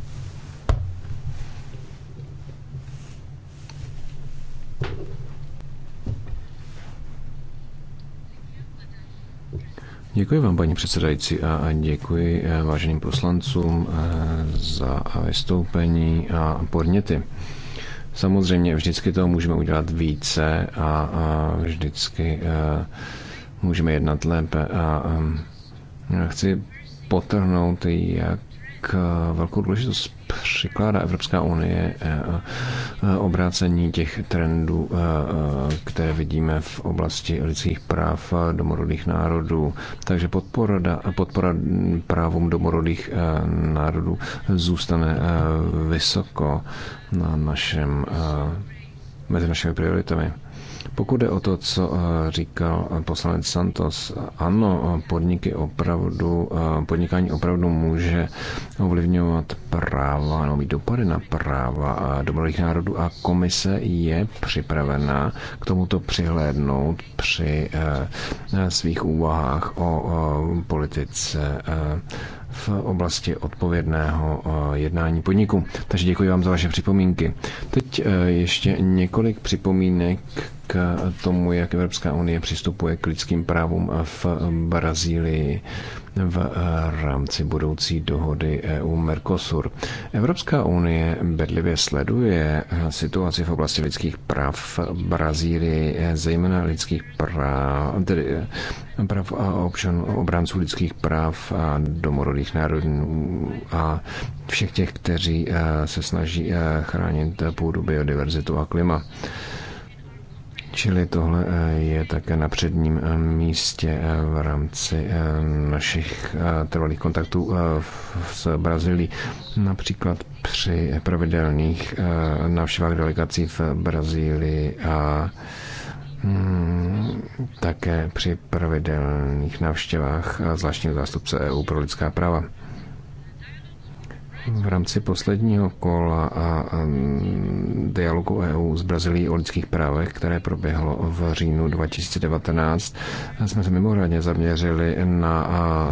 Děkuji vám, paní předsedající, a děkuji váženým poslancům za vystoupení a podněty. Samozřejmě vždycky toho můžeme udělat více a, a vždycky a, eh, můžeme jednat lépe. A, a ehm, chci potrhnout, jak eh, velkou důležitost přikládá Evropská unie eh, eh, obrácení těch trendů, eh, které vidíme v oblasti lidských práv domorodých národů. Takže podpora, podpora právům domorodých národů zůstane vysoko na našem, mezi našimi prioritami. Pokud je o to, co eh, říkal eh, poslanec Santos, ano, podniky opravdu, eh, podnikání opravdu může ovlivňovat práva, nebo mít dopady na práva dobrých národů a komise je připravena k tomuto přihlédnout při svých úvahách o politice v oblasti odpovědného eh, jednání podniku. Takže děkuji vám za vaše připomínky. Teď eh, ještě několik připomínek k tomu, jak Evropská unie přistupuje k lidským právům v Brazílii v eh, rámci budoucí dohody EU-Mercosur. Evropská unie bedlivě sleduje eh, situaci v oblasti lidských práv v Brazílii, eh, zejména lidských práv, tedy práv a občan, obránců lidských práv a domorodých národů a všech těch, kteří se snaží chránit půdu, biodiverzitu a klima. Čili tohle eh, je také na předním eh, místě eh, v rámci našich trvalých kontaktů s Brazílií. Například při pravidelných návštěvách delegací v Brazílii a mm, také při pravidelných návštěvách zvláštního zástupce EU pro lidská práva v rámci posledního kola a dialogu EU s Brazílií o lidských právech, které proběhlo v říjnu 2019, jsme se mimořádně zaměřili na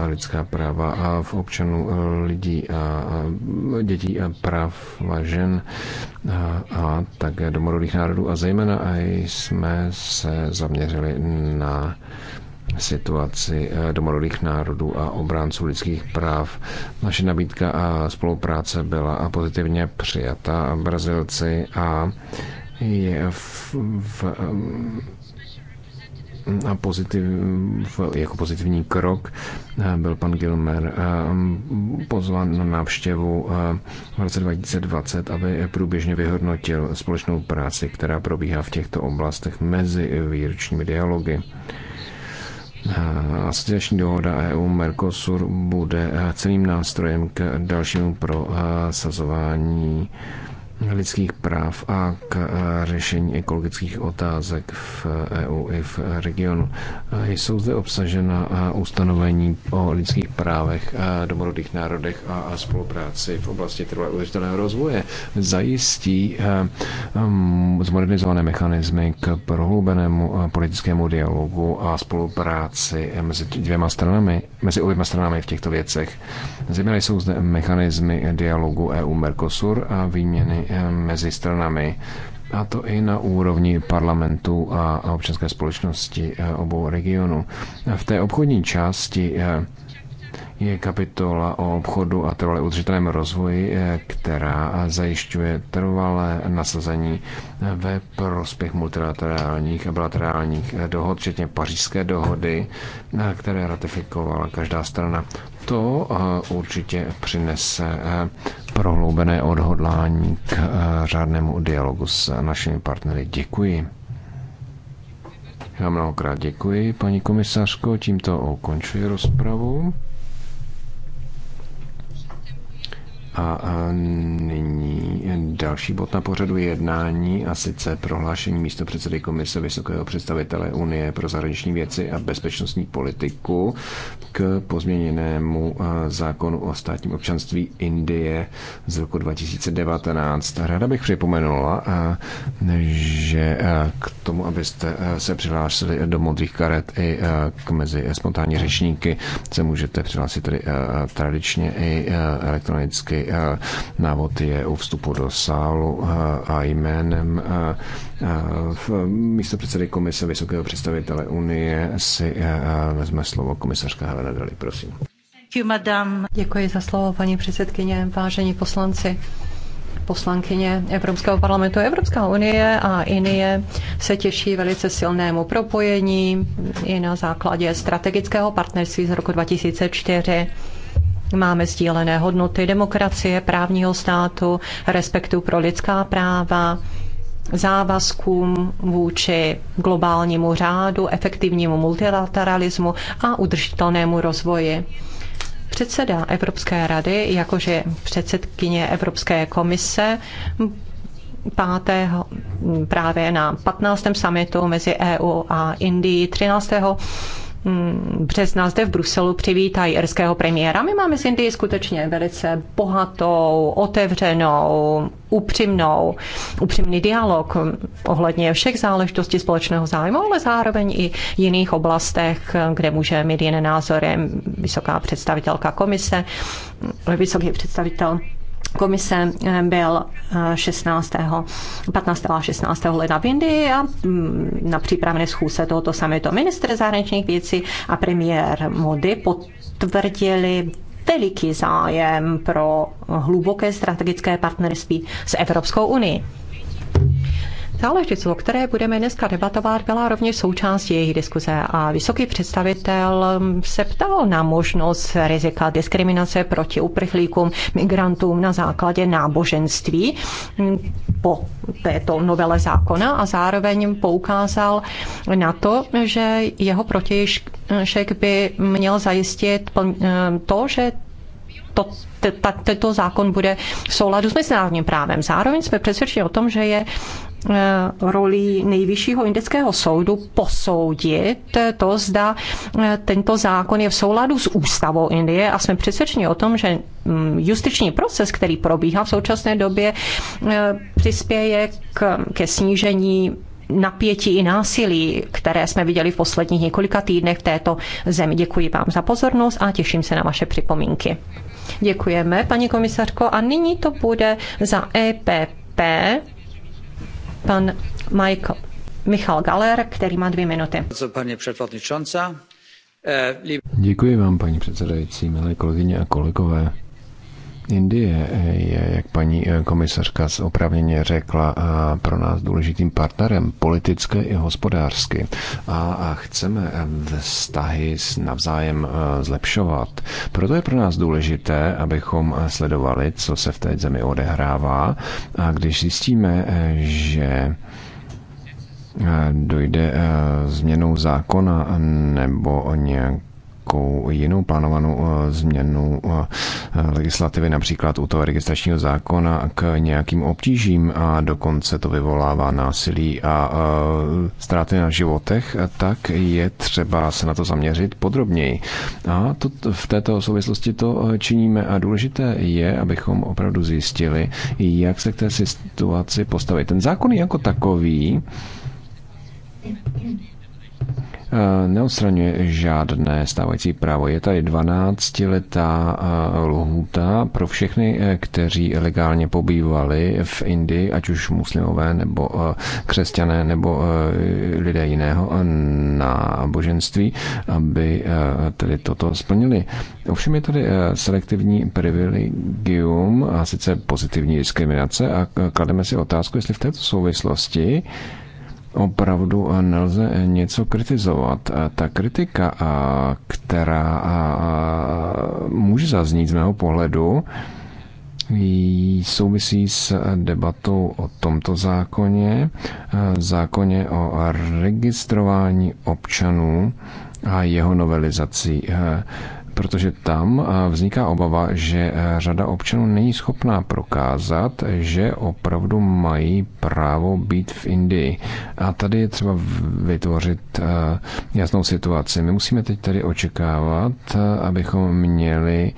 lidská práva a v občanů lidí a dětí a práv žen a, a také domorodých národů a zejména a jsme se zaměřili na situaci eh, domorodých národů a obránců lidských práv. Naše nabídka a spolupráce byla pozitivně přijata Brazilci a je v, v, eh, a pozitiv, jako pozitivní krok eh, byl pan Gilmer pozván na návštěvu v roce 2020, aby průběžně vyhodnotil společnou práci, která probíhá v těchto oblastech mezi výročními dialogy. Asociační dohoda EU-Mercosur bude celým nástrojem k dalšímu prosazování lidských práv a k eh, řešení ekologických otázek v EU eh, e i v regionu. Eh, jsou zde obsažena ustanovení o lidských právech, domorodých národech a spolupráci v oblasti trvalé udržitelného rozvoje. Zajistí zmodernizované mechanismy k prohloubenému politickému dialogu a spolupráci mezi dvěma stranami, mezi oběma stranami v těchto věcech. Zejména jsou zde mechanismy dialogu EU-Mercosur a výměny mezi stranami, a to i na úrovni parlamentu a občanské společnosti eh, obou regionů. V té obchodní části eh, je kapitola o obchodu a trvalé udržitelném rozvoji, eh, která zajišťuje trvalé nasazení ve prospěch multilaterálních a bilaterálních dohod, včetně pařížské dohody, které ratifikovala každá strana to eh, určitě přinese eh, prohloubené odhodlání k eh, řádnému dialogu s našimi partnery. Děkuji. Já mnohokrát děkuji, paní komisařko, tímto ukončuji rozpravu. A nyní další bod na pořadu jednání a sice prohlášení místo předsedy Komise Vysokého představitele Unie pro zahraniční věci a bezpečnostní politiku k pozměněnému zákonu o státním občanství Indie z roku 2019. Ráda bych připomenula, že k tomu, abyste se přihlásili do modrých karet i k mezi spontánní řečníky, se můžete přihlásit tedy tradičně i elektronicky Eh, návod je u vstupu do sálu eh, a jménem eh, místo předsedy komise Vysokého představitele Unie si vezme slovo komisařka Helena Dali, prosím. Děkuji za slovo, paní předsedkyně, vážení poslanci poslankyně Evropského parlamentu. Evropská unie a Inie se těší velice silnému propojení i na základě strategického partnerství z roku 2004. Máme sdílené hodnoty demokracie, právního státu, respektu pro lidská práva, závazkům vůči globálnímu řádu, efektivnímu multilateralismu a udržitelnému rozvoji. Předseda Evropské rady, jakože předsedkyně Evropské komise, 5. právě na 15. summitu mezi EU a Indií 13 března mm, zde v Bruselu přivítají irského premiéra. My máme s Indii skutečně velice bohatou, otevřenou, upřímnou, upřímný dialog ohledně všech záležitostí společného zájmu, ale zároveň i jiných oblastech, kde může mít jiné názory vysoká představitelka komise, vysoký představitel komise eh, byl 16. Eh, 15. a 16. ledna v Indii a mm, na přípravné schůze tohoto samitu minister zahraničních věcí a premiér Modi potvrdili veliký zájem pro hluboké strategické partnerství s Evropskou unii. Záležitost, o které budeme dneska debatovat, byla rovněž součástí jejich diskuze a vysoký představitel se ptal na možnost rizika diskriminace proti uprchlíkům, migrantům na základě náboženství po této novele zákona a zároveň poukázal na to, že jeho protějšek by měl zajistit to, že to, t, t, tento zákon bude v souladu s mezinárodním právem. Zároveň jsme přesvědčeni o tom, že je Eh, rolí nejvyššího indického soudu posoudit to, zda eh, tento zákon je v souladu s ústavou Indie a jsme přesvědčeni o tom, že mm, justiční proces, který probíhá v současné době, eh, přispěje k, ke snížení napětí i násilí, které jsme viděli v posledních několika týdnech v této zemi. Děkuji vám za pozornost a těším se na vaše připomínky. Děkujeme, paní komisařko. A nyní to bude za EPP pan Michael, Michal Galer, který má dvě minuty. Eh, Děkuji vám, paní předsedající, milé kolegyně a kolegové. Indie je, jak paní eh, komisařka opravněně řekla, eh, pro nás důležitým partnerem politicky i hospodářsky. A chceme eh, vztahy navzájem zlepšovat. Proto je pro nás důležité, abychom sledovali, co se v té zemi odehrává. A když zjistíme, že dojde změnou zákona nebo nějak nějakou jinou plánovanou eh, změnu eh, legislativy, například u toho registračního zákona, k nějakým obtížím a dokonce to vyvolává násilí a eh, ztráty na životech, tak je třeba se na to zaměřit podrobněji. A to, v této souvislosti to činíme a důležité je, abychom opravdu zjistili, jak se k té situaci postavit. Ten zákon je jako takový Eh, neodstraňuje žádné stávající právo. Je tady 12-letá eh, lhůta pro všechny, eh, kteří legálně pobývali v Indii, ať už muslimové nebo křesťané nebo lidé jiného na boženství, aby tedy toto splnili. Ovšem je tady selektivní privilegium a sice pozitivní diskriminace a klademe si otázku, jestli v této souvislosti opravdu eh, nelze eh, něco kritizovat. Eh, ta kritika, která může zaznít z mého pohledu, souvisí s debatou o tomto zákoně, zákoně o registrování občanů a jeho novelizací protože tam eh, vzniká obava, že eh, řada občanů není schopná prokázat, že opravdu mají právo být v Indii. A tady je třeba vytvořit eh, jasnou situaci. My musíme teď tady očekávat, abychom měli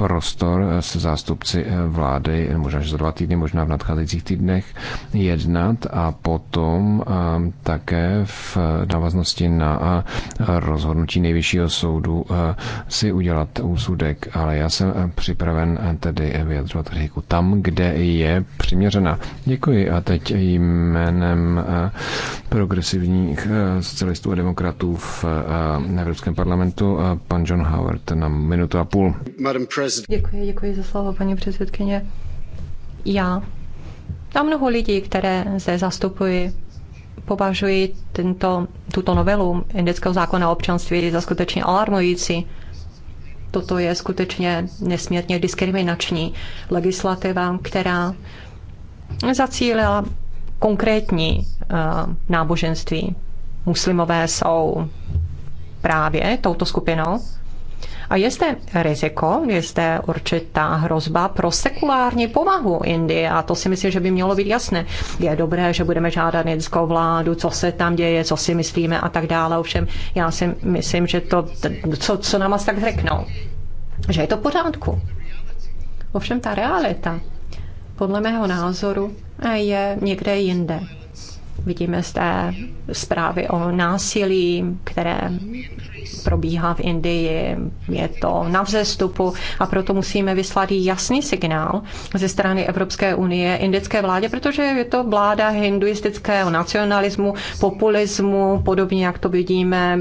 prostor eh, se zástupci eh, vlády, eh, možná až za dva týdny, možná v nadcházejících týdnech, jednat a potom ehm, také v návaznosti na rozhodnutí nejvyššího soudu si udělat úsudek. Ale já jsem připraven tedy vyjadřovat kritiku tam, kde je přiměřena. Děkuji a teď jménem progresivních socialistů a demokratů v Evropském parlamentu pan John Howard na minutu a půl. Madam President. Děkuji, děkuji za slovo, paní předsedkyně. Já a mnoho lidí, které zde zastupuji, považuji tento, tuto novelu indického zákona o občanství za skutečně alarmující. Toto je skutečně nesmírně diskriminační legislativa, která zacílila konkrétní uh, náboženství. Muslimové jsou právě touto skupinou a jestli riziko, jestli určitá hrozba pro sekulární povahu Indie a to si myslím, že by mělo být jasné. Je dobré, že budeme žádat indickou vládu, co se tam děje, co si myslíme a tak dále. Ovšem, já si myslím, že to, co, co nám asi tak řeknou, že je to v pořádku. Ovšem ta realita, podle mého názoru, je někde jinde. Vidíme zde zprávy o násilí, které probíhá v Indii, je to na vzestupu a proto musíme vyslat jasný signál ze strany Evropské unie indické vládě, protože je to vláda hinduistického nacionalismu, populismu, podobně jak to vidíme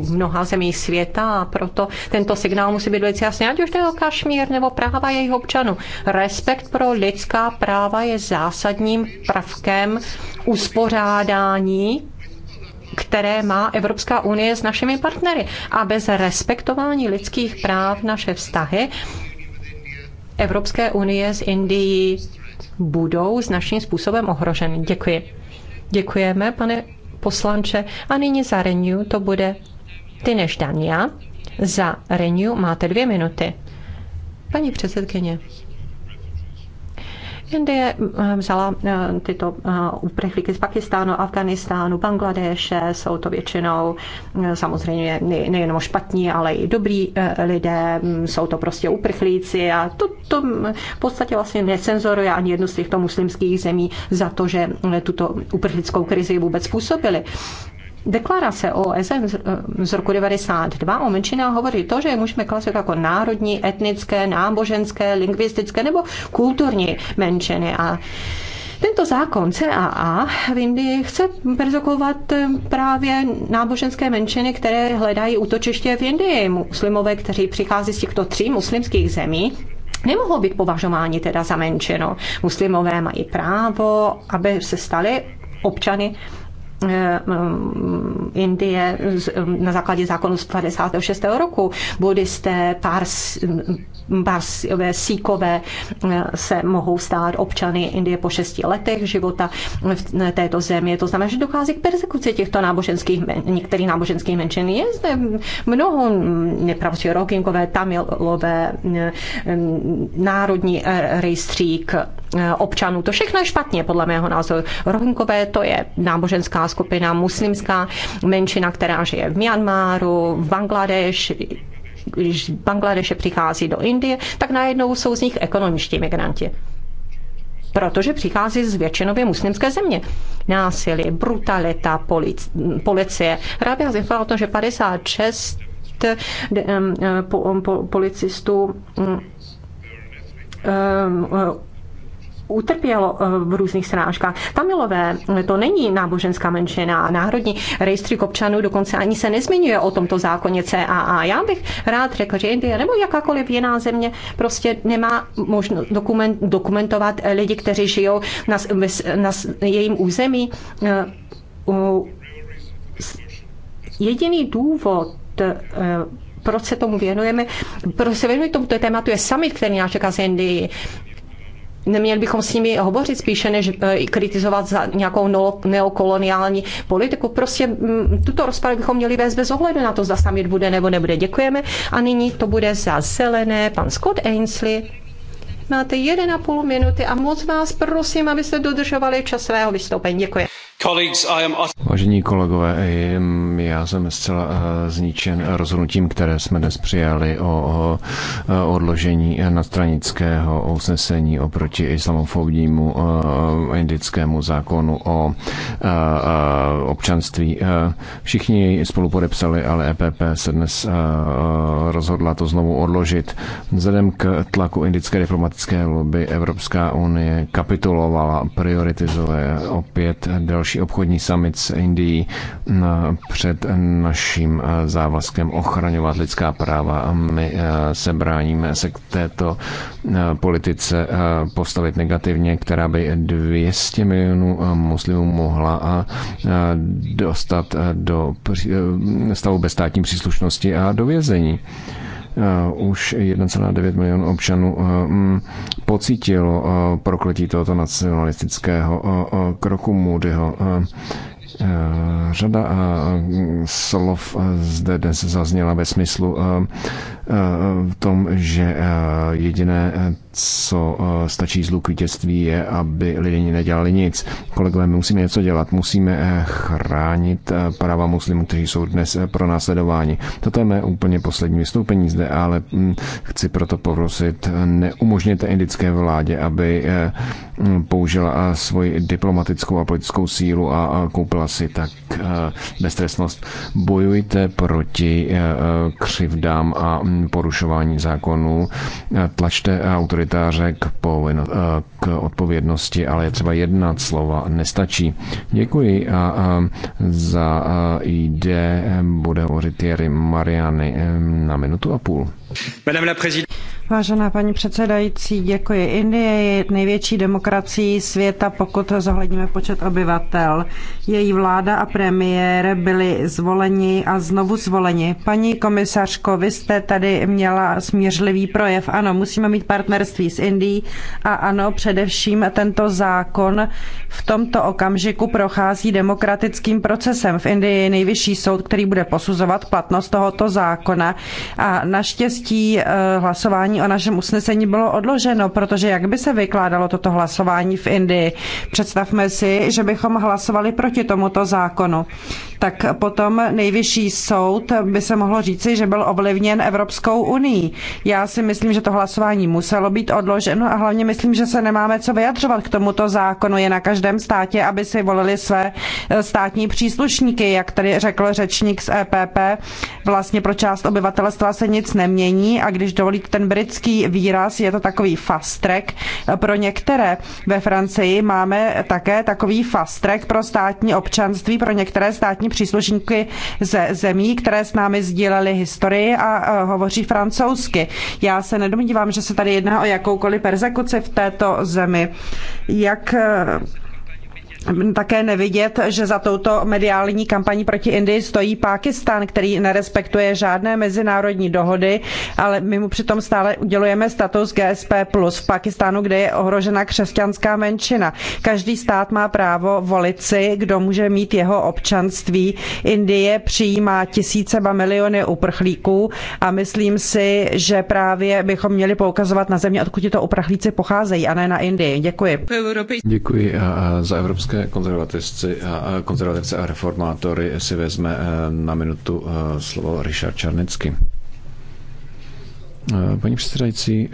v mnoha zemích světa a proto tento signál musí být velice jasný, ať už jde o Kašmír nebo práva jejich občanů. Respekt pro lidská práva je zásadním prvkem uspořádání které má Evropská unie s našimi partnery. A bez respektování lidských práv naše vztahy Evropské unie s Indií budou naším způsobem ohroženy. Děkuji. Děkujeme, pane poslanče. A nyní za Renew to bude Tyneš Dania. Za Renew máte dvě minuty. Paní předsedkyně, Indie eh, vzala eh, tyto eh, uprchlíky z Pakistánu, Afganistánu, Bangladeše, jsou to většinou samozřejmě nejenom špatní, ale i dobrý lidé, hm, jsou to prostě uprchlíci a to, to hm, v podstatě vlastně necenzoruje ani jednu z těchto muslimských zemí za to, že tuto uprchlickou krizi vůbec způsobili. Deklarace OSN eh, z roku 92 o menšinách hovorí to, že je můžeme klasit jako národní, etnické, náboženské, lingvistické nebo kulturní menšiny. A tento zákon CAA v Indii chce perzokovat eh, právě náboženské menšiny, které hledají útočiště v Indii. Muslimové, kteří přichází z těchto tří muslimských zemí, nemohou být považováni teda za menšinu. Muslimové mají právo, aby se stali občany Eh, Indie na základě zákonu z 56. roku. Buddhisté, pars, parsové, síkové eh, se mohou stát občany Indie po šesti letech života v této zemi. To znamená, že dochází k persekuci těchto náboženských, některých náboženských menšin. Je zde mnoho nepravdě rokinkové, tamilové, eh, národní rejstřík, Eh, občanů. To všechno je špatně, podle mého názoru. Rohinkové to je náboženská skupina, muslimská menšina, která žije v Myanmaru, v Bangladeš, když Bangladeše přichází do Indie, tak najednou jsou z nich ekonomičtí migranti protože přichází z většinově muslimské země. Násilí, brutalita, polic, policie. Rábia zjistila o tom, že 56 eh, eh, policistů mm, utrpělo eh, v různých srážkách. Tamilové, eh, to není náboženská menšina, národní rejstřík občanů dokonce ani se nezmiňuje o tomto zákoně CAA. Já bych rád řekl, že Indie nebo jakákoliv jiná země prostě nemá možnost dokument, dokumentovat eh, lidi, kteří žijou na, na jejím území. Jediný důvod, proč se tomu věnujeme, proč se věnujeme tomuto tématu, je summit, který nás čeká z Indii neměli bychom s nimi hovořit spíše, než e, kritizovat za nějakou neokoloniální politiku. Prostě mm, tuto rozpravu bychom měli vést bez ohledu na to, zda summit bude nebo nebude. Děkujeme. A nyní to bude za zelené pan Scott Ainsley. Máte půl minuty a moc vás prosím, abyste dodržovali čas svého vystoupení. Děkuji. Vážení kolegové, já jsem zcela eh, zničen rozhodnutím, které jsme dnes přijali o eh, odložení nadstranického usnesení oproti islamofobnímu eh, indickému zákonu o občanství. Všichni spolupodepsali, spolu podepsali, ale EPP se dnes rozhodla to znovu odložit. Vzhledem k tlaku indické diplomatické lobby Evropská unie kapitulovala prioritizuje opět další další obchodní summit s Indií mm, před naším eh, závazkem ochraňovat lidská práva a my eh, se bráníme se k této eh, politice postavit negativně, která by 200 milionů muslimů mohla dostat do stavu bezstátní příslušnosti a do vězení. Eh, už 1,9 milionů občanů eh, mm, pocítilo eh, prokletí tohoto nacionalistického kroku Moodyho. Řada slov zde dnes zazněla ve smyslu v tom, že jediné co eh, stačí zlu k vítězství, je, aby lidé nedělali nic. Kolegové, my musíme něco dělat. Musíme eh, chránit eh, práva muslimů, kteří jsou dnes pro následování. Toto je mé úplně poslední vystoupení zde, ale hm, chci proto poprosit, neumožněte indické vládě, aby hm, použila svoji diplomatickou a politickou sílu a koupila si tak beztrestnost. Bojujte proti křivdám a hm, porušování zákonů. Tlačte autory sekretáře k, eh, k odpovědnosti, ale je třeba jednat slova, nestačí. Děkuji a, a za ID eh, bude hovořit Jerry Mariany eh, na minutu a půl. Vážená paní předsedající, děkuji. Jako Indie je největší demokracií světa, pokud zohledníme počet obyvatel. Její vláda a premiér byli zvoleni a znovu zvoleni. Paní komisařko, vy jste tady měla smířlivý projev. Ano, musíme mít partnerství s Indií a ano, především tento zákon v tomto okamžiku prochází demokratickým procesem. V Indii je nejvyšší soud, který bude posuzovat platnost tohoto zákona a naštěstí neštěstí eh, hlasování o našem usnesení bylo odloženo, protože jak by se vykládalo toto hlasování v Indii? Představme si, že bychom hlasovali proti tomuto zákonu. Tak potom nejvyšší soud by se mohlo říci, že byl ovlivněn Evropskou unii. Já si myslím, že to hlasování muselo být odloženo a hlavně myslím, že se nemáme co vyjadřovat k tomuto zákonu. Je na každém státě, aby si volili své eh, státní příslušníky, jak tady řekl řečník z EPP. Vlastně pro část obyvatelstva se nic nemění není a když dovolíte ten britský výraz, je to takový fast track pro některé. Ve Francii máme také takový fast track pro státní občanství, pro některé státní příslušníky ze zemí, které s námi sdílely historii a e, hovoří francouzsky. Já se nedomnívám, že se tady jedná o jakoukoliv persekuci v této zemi. Jak e, také nevidět, že za touto mediální kampaní proti Indii stojí Pákistán, který nerespektuje žádné mezinárodní dohody, ale my mu přitom stále udělujeme status GSP+. V Pákistánu, kde je ohrožena křesťanská menšina. Každý stát má právo volit si, kdo může mít jeho občanství. Indie přijímá tisíce ba miliony uprchlíků a myslím si, že právě bychom měli poukazovat na země, odkud tito uprchlíci pocházejí, a ne na Indii. Děkuji. Děkuji a za Evropské Evropské konzervativce a reformátory si vezme eh, na minutu eh, slovo Richard Čarnecky. Eh, paní předsedající,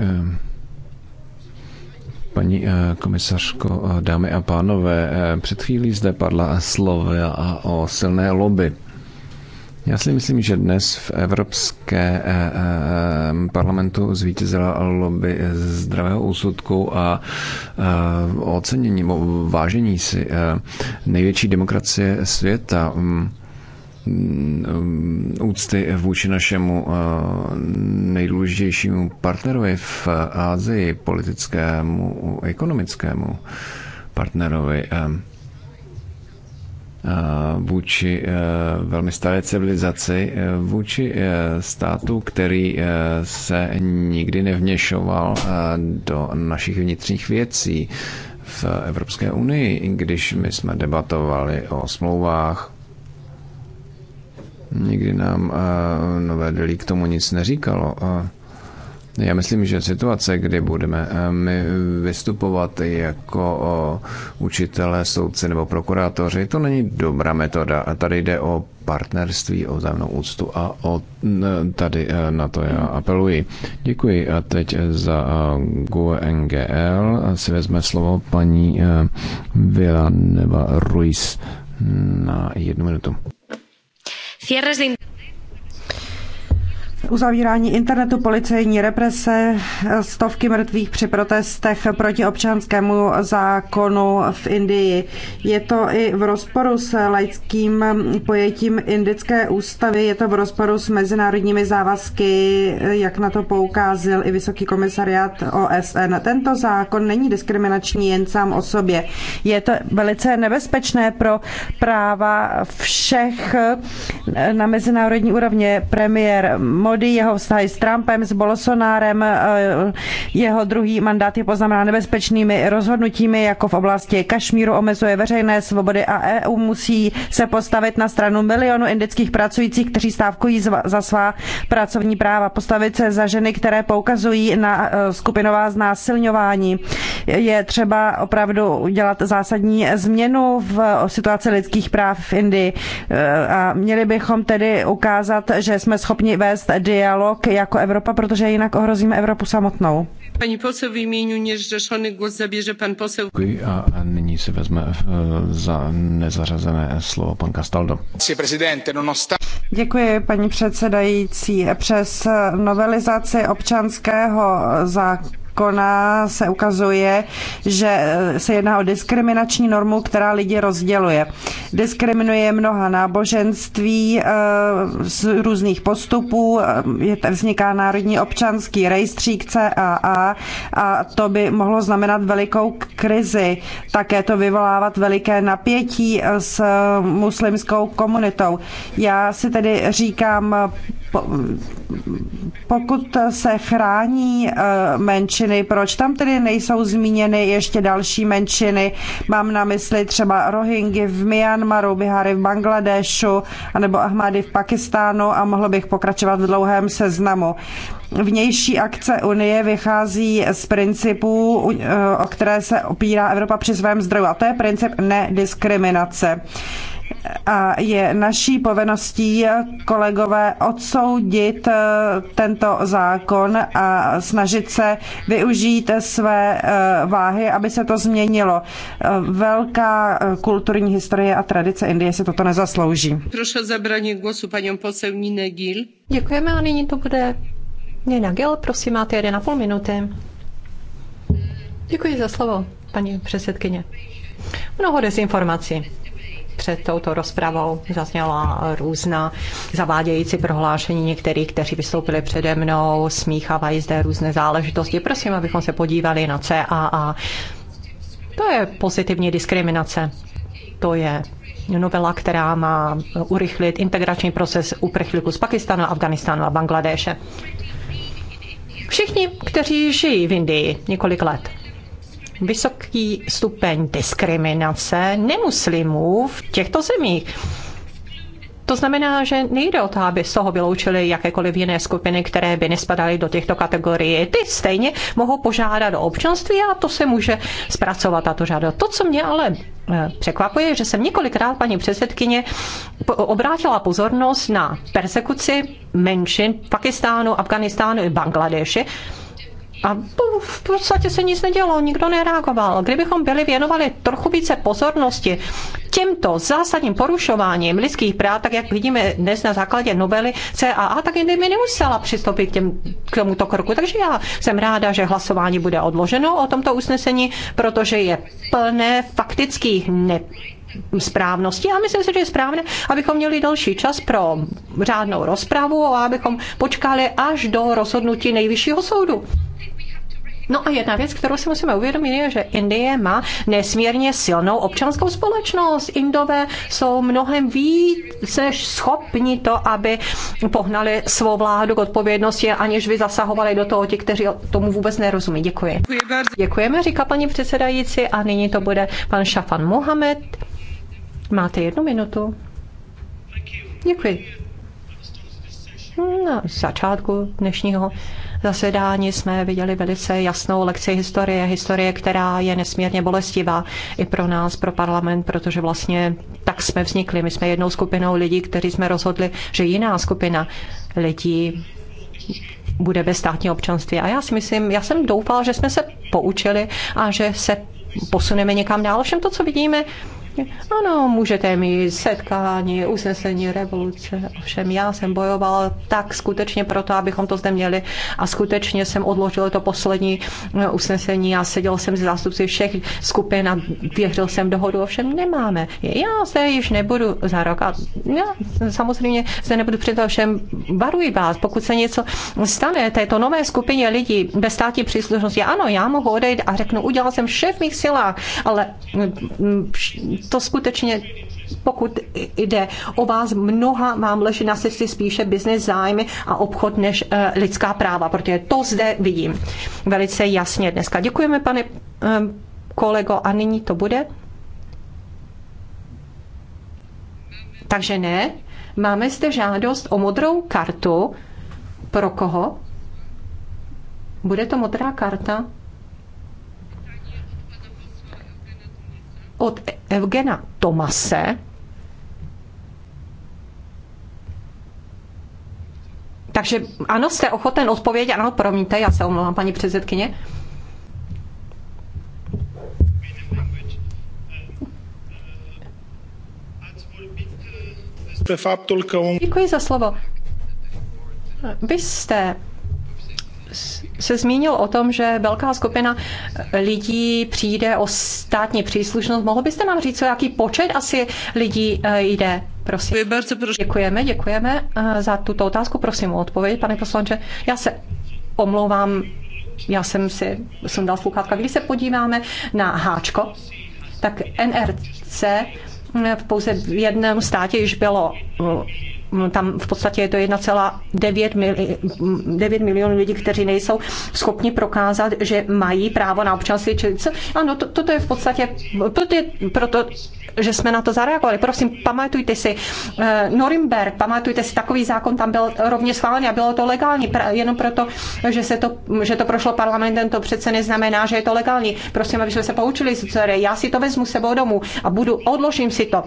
paní komisařko, dámy a pánové, před chvílí zde padla slova o silné lobby já si myslím, že dnes v Evropské eh, eh, parlamentu zvítězila lobby zdravého úsudku a eh, ocenění, vážení si největší demokracie světa mm, mm, úcty vůči našemu nejdůležitějšímu partnerovi v Ázii, politickému, ekonomickému partnerovi. Eh, vůči eh, velmi staré civilizaci, eh, vůči státu, který se nikdy nevněšoval do našich vnitřních věcí v Evropské unii, když my jsme debatovali o smlouvách. Nikdy nám nové delí k tomu nic neříkalo. Já myslím, že situace, kdy budeme eh, my vystupovat jako učitelé, soudci nebo prokurátoři, to není dobrá metoda. A Tady jde o partnerství, o vzájemnou úctu a o, tady eh, na to já apeluji. Děkuji a teď za eh, GUNGL e si vezme slovo paní Neva Ruiz na jednu minutu uzavírání internetu, policejní represe, stovky mrtvých při protestech proti občanskému zákonu v Indii. Je to i v rozporu s laickým pojetím indické ústavy, je to v rozporu s mezinárodními závazky, jak na to poukázil i Vysoký komisariát OSN. Tento zákon není diskriminační jen sám o sobě. Je to velice nebezpečné pro práva všech na mezinárodní úrovně. Premiér Modi Prody, jeho vztahy s Trumpem, s Bolsonárem. Eh, jeho druhý mandát je poznamenán nebezpečnými rozhodnutími, jako v oblasti Kašmíru omezuje veřejné svobody a EU musí se postavit na stranu milionu indických pracujících, kteří stávkují za svá pracovní práva, postavit se za ženy, které poukazují na eh, skupinová znásilňování. Je třeba opravdu udělat zásadní změnu v situaci lidských práv v Indii eh, a měli bychom tedy ukázat, že jsme schopni vést dialog jako Evropa, protože jinak ohrozíme Evropu samotnou. Paní poseł w imieniu niezrzeszonych głos zabierze pan poseł. Děkuji a, a nyní si vezme eh, za nezařazené slovo pan Castaldo. Děkuji, paní předsedající. Přes novelizaci občanského zákona zákona se ukazuje, že eh, se jedná o diskriminační normu, která lidi rozděluje. Diskriminuje mnoha náboženství eh, z různých postupů, eh, vzniká národní občanský rejstřík CAA a to by mohlo znamenat velikou krizi. Také to vyvolávat veliké napětí s muslimskou komunitou. Já si tedy říkám, pokud se chrání eh, menšiny, proč tam tedy nejsou zmíněny ještě další menšiny? Mám na mysli třeba Rohingy v Myanmaru, Bihary v Bangladešu, anebo Ahmady v Pakistánu a mohl bych pokračovat v dlouhém seznamu. Vnější akce Unie vychází z principů, eh, o které se opírá Evropa při svém zdroju, a to je princip nediskriminace a je naší povinností, kolegové, odsoudit eh, tento zákon a snažit se využít své eh, váhy, aby se to změnilo. Eh, velká kulturní historie a tradice Indie se toto nezaslouží. Prosím zabraně głosu paní poseł Nine Gil. Děkujeme a nyní to bude Nina Gil. Prosím, máte půl minuty. Děkuji za slovo, paní předsedkyně. Mnoho dezinformací před touto rozpravou zazněla různá zavádějící prohlášení některých, kteří vystoupili přede mnou, smíchávají zde různé záležitosti. Prosím, abychom se podívali na CAA. To je pozitivní diskriminace. To je novela, která má urychlit integrační proces uprchlíků z Pakistanu, Afganistánu a Bangladéše. Všichni, kteří žijí v Indii několik let, vysoký stupeň diskriminace nemuslimů v těchto zemích. To znamená, že nejde o to, aby z toho vyloučili jakékoliv jiné skupiny, které by nespadaly do těchto kategorií. Ty stejně mohou požádat o občanství a to se může zpracovat tato žádost. To, co mě ale eh, překvapuje, že jsem několikrát paní předsedkyně obrátila pozornost na persekuci menšin v Pakistánu, Afganistánu i Bangladeši, a v podstatě se nic nedělo, nikdo nereagoval. Kdybychom byli věnovali trochu více pozornosti těmto zásadním porušováním lidských práv, tak jak vidíme dnes na základě novely CAA, tak mi nemusela přistoupit k, těm, k tomuto kroku. Takže já jsem ráda, že hlasování bude odloženo o tomto usnesení, protože je plné faktických ne správnosti. Já myslím si, že je správné, abychom měli další čas pro řádnou rozpravu a abychom počkali až do rozhodnutí nejvyššího soudu. No a jedna věc, kterou si musíme uvědomit, je, že Indie má nesmírně silnou občanskou společnost. Indové jsou mnohem více schopni to, aby pohnali svou vládu k odpovědnosti, aniž by zasahovali do toho ti, kteří tomu vůbec nerozumí. Děkuji. Děkujeme, říká paní předsedající, a nyní to bude pan Šafan Mohamed. Máte jednu minutu. Děkuji. Na začátku dnešního zasedání jsme viděli velice jasnou lekci historie, historie, která je nesmírně bolestivá i pro nás, pro parlament, protože vlastně tak jsme vznikli. My jsme jednou skupinou lidí, kteří jsme rozhodli, že jiná skupina lidí bude bez státního občanství. A já si myslím, já jsem doufala, že jsme se poučili a že se posuneme někam dál. Všem to, co vidíme, Vlastně, ano, můžete mít setkání, usnesení revoluce. Ovšem já jsem bojoval tak skutečně proto, abychom to zde měli a skutečně jsem odložil to poslední eh, usnesení a seděl jsem s zástupci všech skupin a věřil jsem dohodu, ovšem nemáme. Já se již nebudu za rok a já samozřejmě se nebudu před všem varuji vás, pokud se něco stane této nové skupině lidí bez státní příslušnosti, ano, já mohu odejít a řeknu, udělal jsem vše v mých silách, ale mm, to skutečně pokud jde o vás, mnoha vám leží na srdci spíše biznes zájmy a obchod než eh, lidská práva, protože to zde vidím velice jasně dneska. Děkujeme, pane eh, kolego, a nyní to bude? Takže ne, máme zde žádost o modrou kartu. Pro koho? Bude to modrá karta? od Evgena Tomase. Takže ano, jste ochoten odpovědět? Ano, promiňte, já se omlouvám, paní předsedkyně. Děkuji za slovo. Vy jste se zmínil o tom, že velká skupina lidí přijde o státní příslušnost. Mohl byste nám říct, o jaký počet asi lidí eh, jde? Prosím. Děkujeme, děkujeme eh, za tuto otázku. Prosím o odpověď, pane poslanče. Já se omlouvám, já jsem si jsem dal sluchátka. Když se podíváme na háčko, tak NRC eh, pouze v jednom státě již bylo mm, tam v podstatě je to 1,9 mili, 9 milionů lidí, kteří nejsou schopni prokázat, že mají právo na občanství. Čili, ano, to, toto je v podstatě, proto, je, proto že jsme na to zareagovali. Prosím, pamatujte si eh, Norimberg, pamatujte si, takový zákon tam byl rovně schválený a bylo to legální. Jenom proto, že, se to, že to prošlo parlamentem, to přece neznamená, že je to legální. Prosím, jsme se poučili z dcery. Já si to vezmu sebou domů a budu, odložím si to.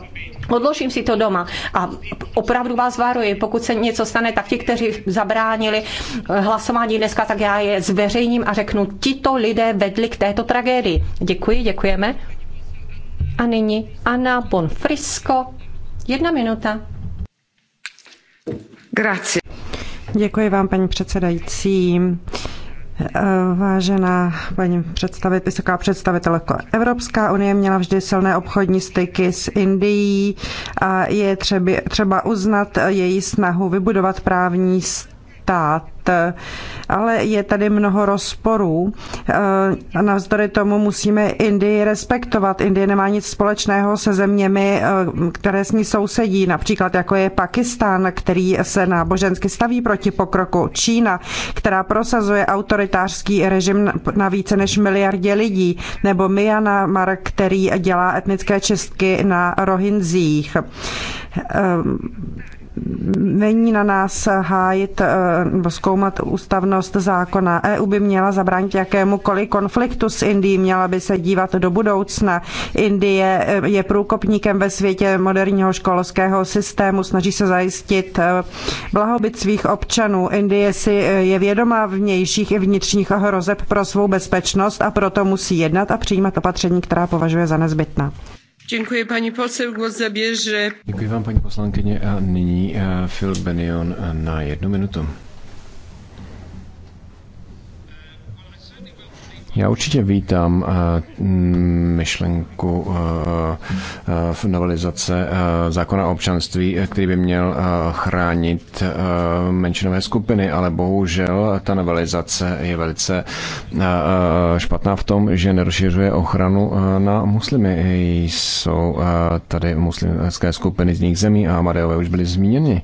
Odložím si to doma a opravdu vás varuji, pokud se něco stane, tak ti, kteří zabránili eh, hlasování dneska, tak já je zveřejním a řeknu, tito lidé vedli k této tragédii. Děkuji, děkujeme. A nyní Anna Bonfrisco. Jedna minuta. Grazie. Děkuji vám, paní předsedající. Vážená paní představit, vysoká představitelko, Evropská unie měla vždy silné obchodní styky s Indií a je třeba, třeba uznat její snahu vybudovat právní stát stát, ale je tady mnoho rozporů. Eh, navzdory tomu musíme Indii respektovat. Indie nemá nic společného se zeměmi, eh, které s ní sousedí, například jako je Pakistán, který se nábožensky staví proti pokroku. Čína, která prosazuje autoritářský režim na více než miliardě lidí, nebo Myanmar, který dělá etnické čistky na Rohinzích eh, není na nás hájit eh, nebo zkoumat ústavnost zákona. EU by měla zabránit jakémukoliv konfliktu s Indií, měla by se dívat do budoucna. Indie eh, je průkopníkem ve světě moderního školského systému, snaží se zajistit eh, blahobyt svých občanů. Indie si je vědomá vnějších i vnitřních hrozeb pro svou bezpečnost a proto musí jednat a přijímat opatření, která považuje za nezbytná. Děkuji, paní posel, głos zabierze. Děkuji vám, paní poslankyně, a nyní e, Phil Benion e, na jednu minutu. Já určitě vítám eh, myšlenku eh, eh, novelizace zákona o občanství, který by měl chránit menšinové skupiny, ale bohužel ta novelizace je velice špatná v tom, že nerozšiřuje ochranu na muslimy. Jsou tady muslimské skupiny z nich zemí a Amadeové už byly zmíněny.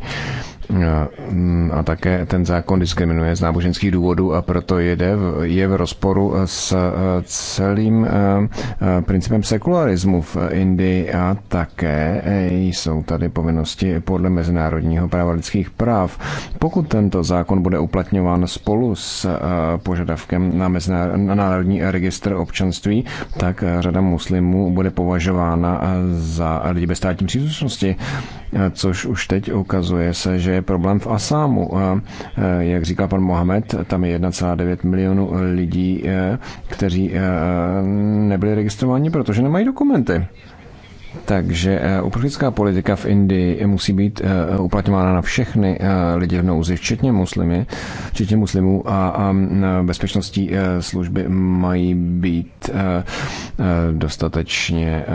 A také ten zákon diskriminuje z náboženských důvodů a proto jede v, je v rozporu s eh, celým eh, eh, principem sekularismu v Indii a také jsou tady povinnosti podle mezinárodního práva lidských práv. Pokud tento zákon bude uplatňován spolu s požadavkem na, mezinárodní, na Národní registr občanství, tak řada muslimů bude považována za lidi bez státní příslušnosti což už teď ukazuje se, že je problém v Asámu. E, jak říká pan Mohamed, tam je 1,9 milionu lidí, e, kteří e, nebyli registrováni, protože nemají dokumenty. Takže eh, uprchlická politika v Indii musí být eh, uplatňována na všechny eh, lidi v nouzi, včetně muslimy, včetně muslimů a bezpečnostní služby mají být dostatečně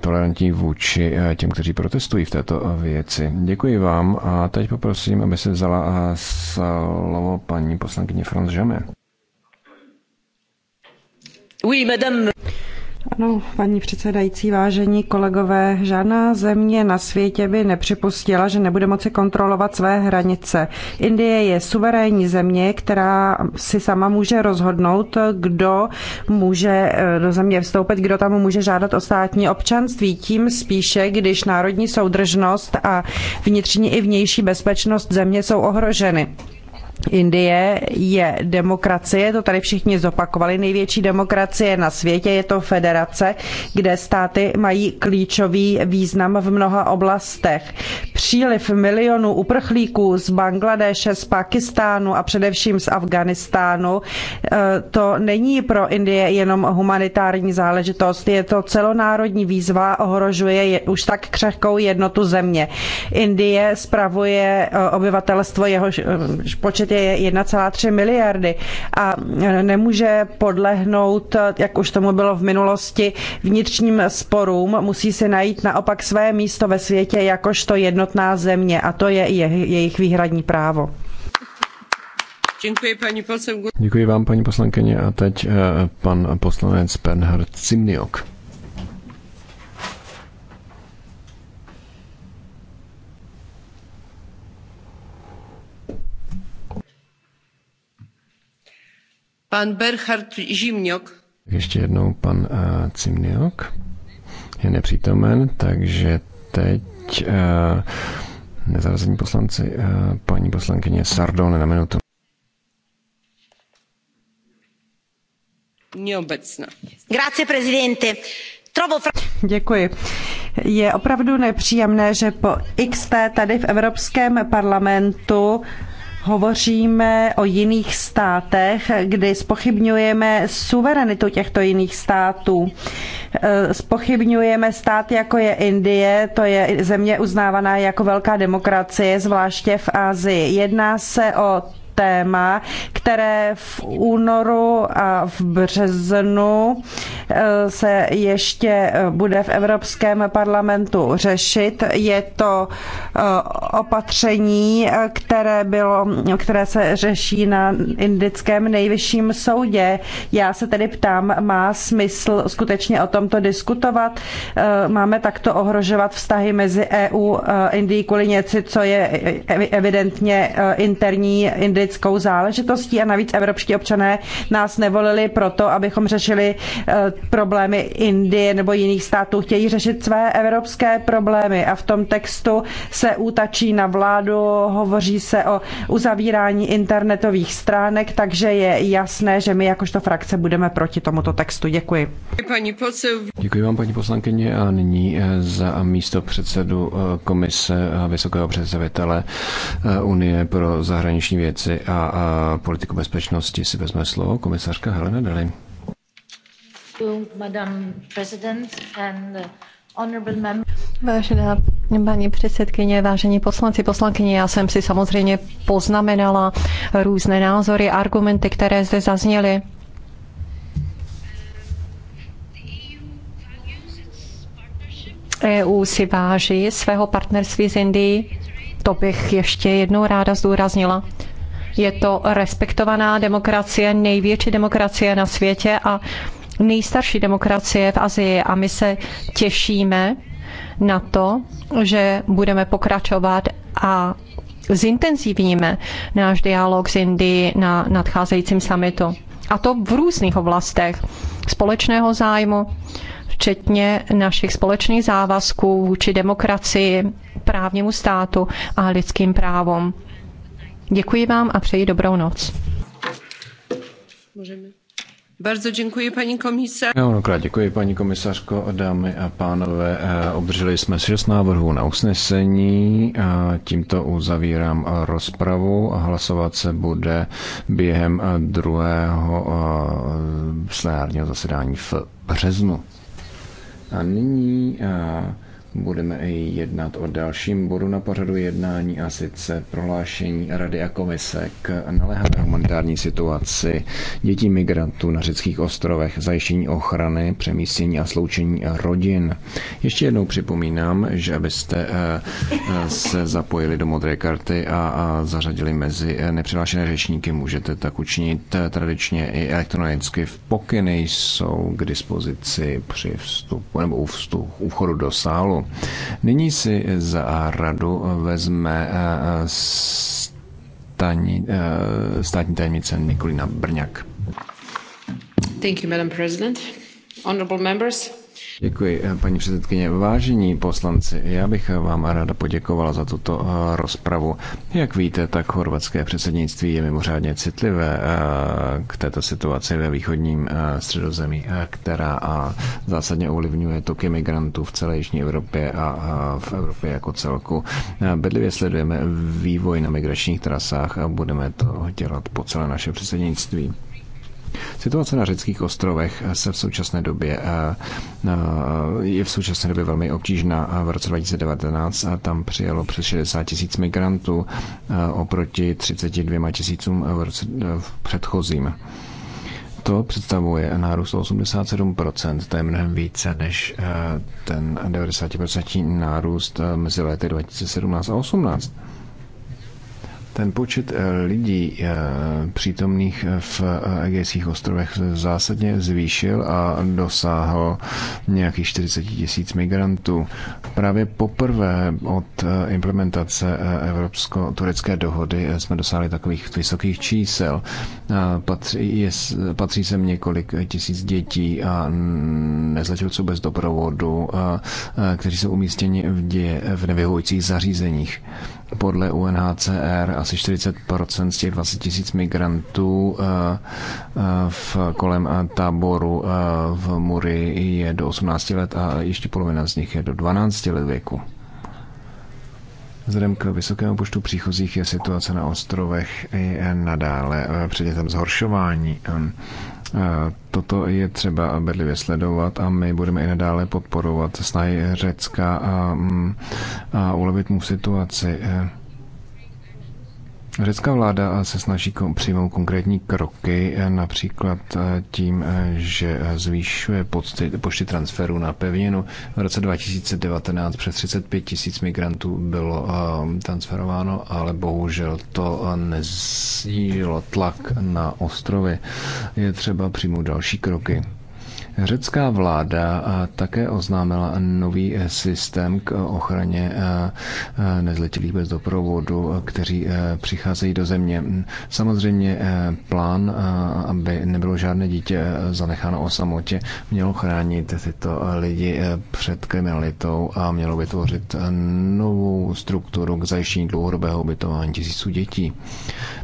tolerantní vůči těm, kteří protestují v této věci. Děkuji vám a teď poprosím, aby se vzala slovo paní poslankyně Franz Žame. Oui, madame. Ano, paní předsedající, vážení kolegové, žádná země na světě by nepřipustila, že nebude moci kontrolovat své hranice. Indie je suverénní země, která si sama může rozhodnout, kdo může eh, do země vstoupit, kdo tam může žádat o státní občanství. Tím spíše, když národní soudržnost a vnitřní i vnější bezpečnost země jsou ohroženy. Indie je demokracie, to tady všichni zopakovali, největší demokracie na světě, je to federace, kde státy mají klíčový význam v mnoha oblastech. Příliv milionů uprchlíků z Bangladeše, z Pakistánu a především z Afganistánu, eh, to není pro Indie jenom humanitární záležitost, je to celonárodní výzva, ohrožuje už tak křehkou jednotu země. Indie spravuje eh, obyvatelstvo, jehož eh, počet kde je 1,3 miliardy a nemůže podlehnout, jak už tomu bylo v minulosti, vnitřním sporům, musí si najít naopak své místo ve světě jakožto jednotná země a to je jejich výhradní právo. Děkuji, paní Děkuji vám, paní poslankyně. A teď eh, pan poslanec Bernhard Cimniok. Pan Berhard Žimňok. Ještě jednou pan uh, Cimniok je nepřítomen, takže teď uh, eh, nezarazení poslanci, uh, paní poslankyně Sardone na minutu. Neobecná. Grazie, prezidente. Děkuji. Je opravdu nepříjemné, že po XT tady v Evropském parlamentu hovoříme o jiných státech, kdy spochybňujeme suverenitu těchto jiných států. E, spochybňujeme stát, jako je Indie, to je země uznávaná jako velká demokracie, zvláště v Asii. Jedná se o téma, které v únoru a v březnu eh, se ještě eh, bude v Evropském parlamentu řešit. Je to eh, opatření, které, bylo, které se řeší na indickém nejvyšším soudě. Já se tedy ptám, má smysl skutečně o tomto diskutovat? Máme takto ohrožovat vztahy mezi EU a Indií kvůli něco, co je evidentně interní indický politickou záležitostí a navíc evropští občané nás nevolili proto, abychom řešili eh, problémy Indie nebo jiných států. Chtějí řešit své evropské problémy a v tom textu se útačí na vládu, hovoří se o uzavírání internetových stránek, takže je jasné, že my jakožto frakce budeme proti tomuto textu. Děkuji. Děkuji vám, paní poslankyně, a nyní eh, za místo předsedu eh, komise a vysokého představitele Unie pro zahraniční věci a, a politiku bezpečnosti si vezme slovo komisařka Helena Deli. Uh, Vážená paní předsedkyně, vážení poslanci, poslankyně, já jsem si samozřejmě poznamenala různé názory, argumenty, které zde zazněly. EU si váží svého partnerství s Indií. To bych ještě jednou ráda zdůraznila. Je to respektovaná demokracie, největší demokracie na světě a nejstarší demokracie v Asii a my se těšíme na to, že budeme pokračovat a zintenzivníme náš dialog s Indií na nadcházejícím summitu. A to v různých oblastech společného zájmu, včetně našich společných závazků vůči demokracii, právnímu státu a lidským právům. Děkuji vám a přeji dobrou noc. Můžeme. Bardzo děkuji, paní No, krát děkuji, paní komisařko, dámy a pánové. Eh, obdrželi jsme šest návrhů na usnesení. A eh, tímto uzavírám eh, rozpravu a hlasovat se bude během druhého plenárního zasedání v březnu. A nyní budeme jednat o dalším bodu na pořadu jednání a sice prohlášení Rady a komise k naléhavé humanitární situaci dětí migrantů na řeckých ostrovech, zajištění ochrany, přemístění a sloučení rodin. Ještě jednou připomínám, že abyste eh, se zapojili do modré karty a zařadili mezi eh, nepřihlášené řečníky, můžete tak učinit tradičně i elektronicky. V pokyny jsou k dispozici při vstupu nebo u, vstupu, u vchodu do sálu. Nyní si za radu vezme eh, stání, eh, státní tajemnice Nikolina Brňák. Thank you, Madam President. Honorable members, Děkuji, eh, paní předsedkyně. Vážení poslanci, já bych eh, vám ráda poděkovala za tuto eh, rozpravu. Jak víte, tak chorvatské předsednictví je mimořádně citlivé k této situaci ve východním středozemí, která zásadně ovlivňuje toky migrantů v celé Jižní Evropě a v Evropě jako celku. Bedlivě sledujeme vývoj na migračních trasách a budeme to dělat po celé naše předsednictví. Situace na řeckých ostrovech se v současné době eh, eh, je v současné době velmi obtížná. V roce 2019 tam přijelo přes 60 tisíc migrantů eh, oproti 32 tisícům v roce v předchozím. To představuje nárůst 87%, to je mnohem více než ten 90% nárůst mezi lety 2017 a 2018 ten počet eh, lidí eh, přítomných eh, v Egejských ostrovech zásadně zvýšil a dosáhl nějakých 40 tisíc migrantů. Právě poprvé od implementace evropsko-turecké dohody jsme dosáhli takových vysokých čísel. Patří, je, patří sem několik tisíc dětí a nezletilců bez doprovodu, kteří jsou umístěni v, dě, v nevyhovujících zařízeních podle UNHCR asi 40% z těch 20 tisíc migrantů eh, eh, v kolem eh, táboru v Muri je do 18 let a ještě polovina z nich je do 12 let věku. Vzhledem k vysokému počtu příchozích je situace na ostrovech i nadále předmětem zhoršování. Eh, toto je třeba bedlivě sledovat a my budeme i nadále podporovat snahy Řecka a, mm, a ulevit mu situaci. Eh, Řecká vláda se snaží přijmout konkrétní kroky, eh, například eh, tím, eh, že zvýšuje počty, transferu transferů na pevninu. V roce 2019 přes 35 tisíc migrantů bylo transferováno, ale bohužel to nezjížilo tlak na ostrovy. Je třeba přijmout další kroky. Řecká vláda také oznámila nový eh, systém k eh, ochraně eh, nezletilých bez doprovodu, kteří přicházejí do země. Samozřejmě plán, aby nebylo žádné dítě zanecháno o samotě, mělo chránit tyto lidi před kriminalitou a mělo vytvořit novou strukturu k zajištění dlouhodobého ubytování tisíců dětí.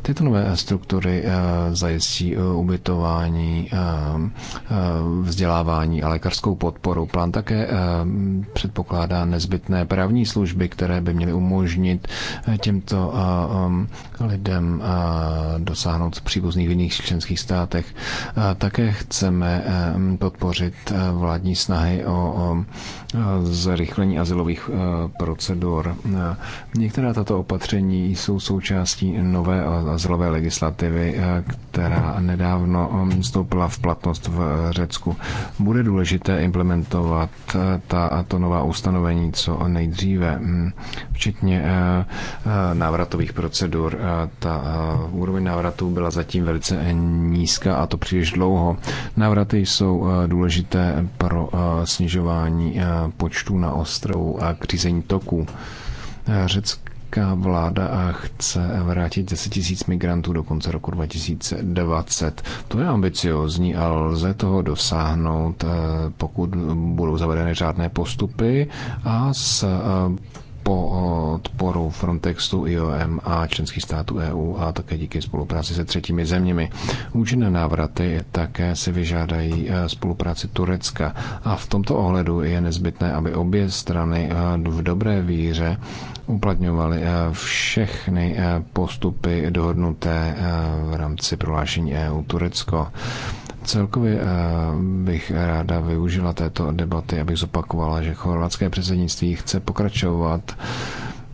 Tyto nové struktury zajistí ubytování vzdělání vzdělávání a lékařskou podporu. Plán také eh, předpokládá nezbytné právní služby, které by měly umožnit eh, těmto eh, lidem dosáhnout příbuzných v jiných členských státech. Také chceme podpořit vládní snahy o zrychlení asilových procedur. Některá tato opatření jsou součástí nové asilové legislativy, která nedávno um, vstoupila v platnost v eh, Řecku. Bude důležité implementovat eh, ta, to nová ustanovení co nejdříve, hm, včetně eh, návratových procedur. Ta úroveň návratů byla zatím velice nízká a to příliš dlouho. Návraty jsou důležité pro snižování počtu na ostrovu a k řízení toků. Řecko Britská vláda a chce vrátit 10 tisíc migrantů do konce roku 2020. To je ambiciozní a lze toho dosáhnout, eh, pokud budou zavedeny řádné postupy a s eh, po odporu Frontexu, IOM a členských států EU a také díky spolupráci se třetími zeměmi. Účinné návraty také si vyžádají eh, spolupráci Turecka a v tomto ohledu je nezbytné, aby obě strany eh, v dobré víře uplatňovaly eh, všechny postupy dohodnuté v rámci prohlášení EU Turecko. Celkově eh, bych ráda využila této debaty, abych zopakovala, že chorvatské předsednictví chce pokračovat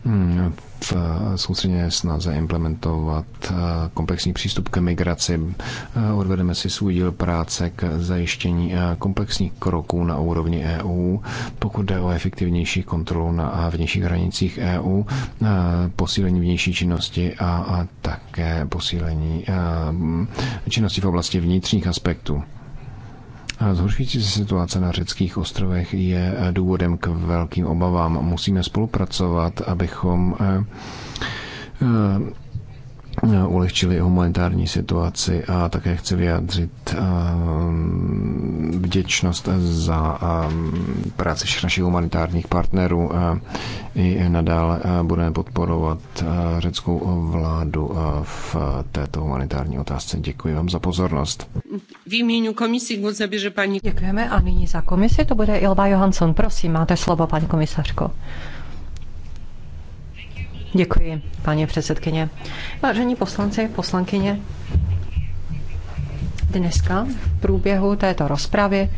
hm, v eh, soustředěné snaze implementovat eh, komplexní přístup k migraci. Eh, odvedeme si svůj díl práce k zajištění komplexních kroků na úrovni EU, pokud jde o efektivnější kontrolu na vnějších hranicích EU, posílení vnější činnosti a také posílení činnosti v oblasti vnitřních aspektů. Zhoršující se situace na řeckých ostrovech je eh, důvodem k velkým obavám. Musíme spolupracovat, abychom eh, eh, ulehčili humanitární situaci a také chci vyjádřit ehm, vděčnost za ehm, práci všech našich humanitárních partnerů. I nadále e, budeme podporovat e, řeckou vládu e, v této humanitární otázce. Děkuji vám za pozornost. V jménu komisí głos paní. Děkujeme a nyní za komisi to bude Ilva Johansson. Prosím, máte slovo, paní komisařko. Děkuji, paní předsedkyně. Vážení poslanci, poslankyně, dneska v průběhu této rozpravy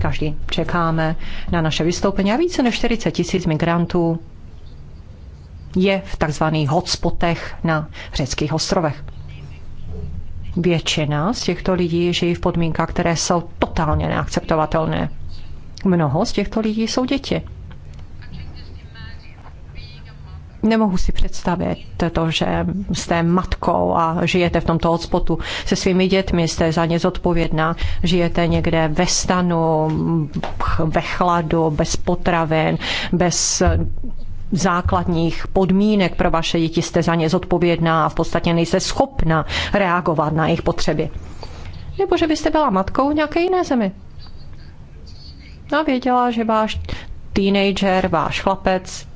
každý čekáme na naše vystoupení a více než 40 tisíc migrantů je v takzvaných hotspotech na řeckých ostrovech. Většina z těchto lidí žijí v podmínkách, které jsou totálně neakceptovatelné. Mnoho z těchto lidí jsou děti. Nemohu si představit to, že jste matkou a žijete v tomto hotspotu se svými dětmi, jste za ně zodpovědná, žijete někde ve stanu, ve chladu, bez potravin, bez základních podmínek pro vaše děti, jste za ně zodpovědná a v podstatě nejste schopna reagovat na jejich potřeby. Nebo že byste byla matkou nějaké jiné zemi. A no, věděla, že váš teenager, váš chlapec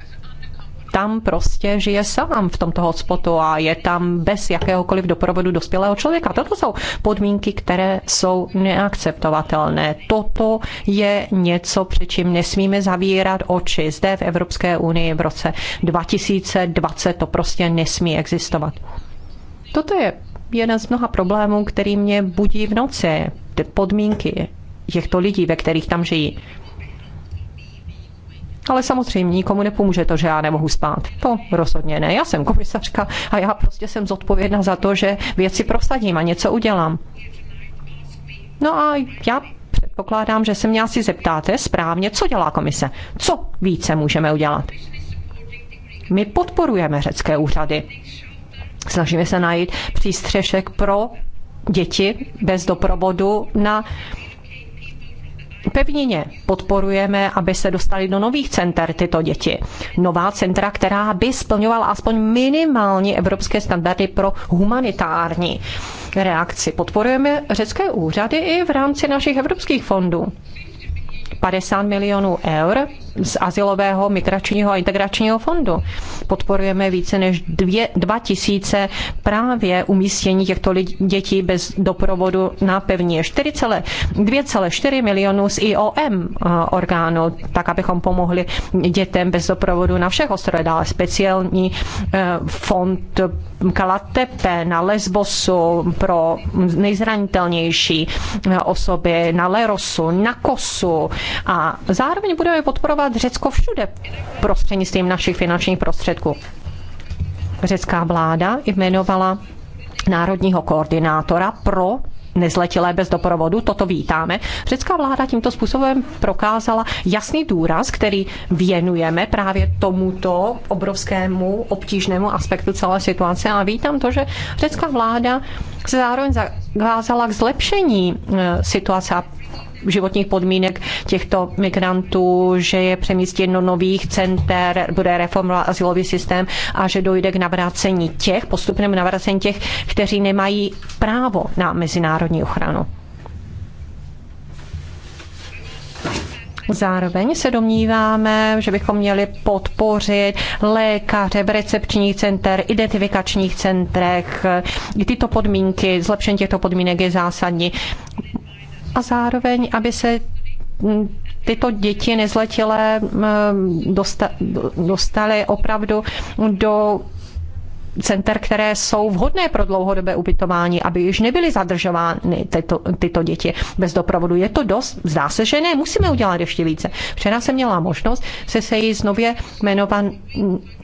tam prostě žije sám v tomto hotspotu a je tam bez jakéhokoliv doprovodu dospělého člověka. Toto jsou podmínky, které jsou neakceptovatelné. Toto je něco, před čím nesmíme zavírat oči. Zde v Evropské unii v roce 2020 to prostě nesmí existovat. Toto je jeden z mnoha problémů, který mě budí v noci. Ty podmínky těchto lidí, ve kterých tam žijí. Ale samozřejmě nikomu nepomůže to, že já nemohu spát. To rozhodně ne. Já jsem komisařka a já prostě jsem zodpovědná za to, že věci prosadím a něco udělám. No a já předpokládám, že se mě asi zeptáte správně, co dělá komise. Co více můžeme udělat? My podporujeme řecké úřady. Snažíme se najít přístřešek pro děti bez doprovodu na pevnině podporujeme, aby se dostali do nových center tyto děti. Nová centra, která by splňovala aspoň minimální evropské standardy pro humanitární reakci. Podporujeme řecké úřady i v rámci našich evropských fondů. 50 milionů eur z Azylového migračního a integračního fondu. Podporujeme více než dvě, 2 tisíce právě umístění těchto dětí bez doprovodu na pevně 2,4 milionů z IOM eh, orgánu, tak abychom pomohli dětem bez doprovodu na všech ostrovech. Dále speciální eh, fond Kalatepe, na Lesbosu pro nejzranitelnější osoby, na Lerosu, na Kosu a zároveň budeme podporovat Řecko všude prostřednictvím našich finančních prostředků. Řecká vláda jmenovala národního koordinátora pro nezletilé bez doprovodu, toto vítáme. Řecká vláda tímto způsobem prokázala jasný důraz, který věnujeme právě tomuto obrovskému obtížnému aspektu celé situace a vítám to, že řecká vláda se zároveň zavázala k zlepšení e, situace a životních podmínek těchto migrantů, že je přemístěno nových center, bude reformovat asilový systém a že dojde k navrácení těch, postupnému navrácení těch, kteří nemají právo na mezinárodní ochranu. Zároveň se domníváme, že bychom měli podpořit lékaře v recepčních center, identifikačních centrech. tyto podmínky, zlepšení těchto podmínek je zásadní a zároveň, aby se mm, tyto děti nezletilé mm, dostaly opravdu do center, které jsou vhodné pro dlouhodobé ubytování, aby již nebyly zadržovány tyto, tyto děti bez doprovodu. Je to dost? Zdá se, že ne. Musíme udělat ještě více. Včera jsem měla možnost se se jí znově jmenovat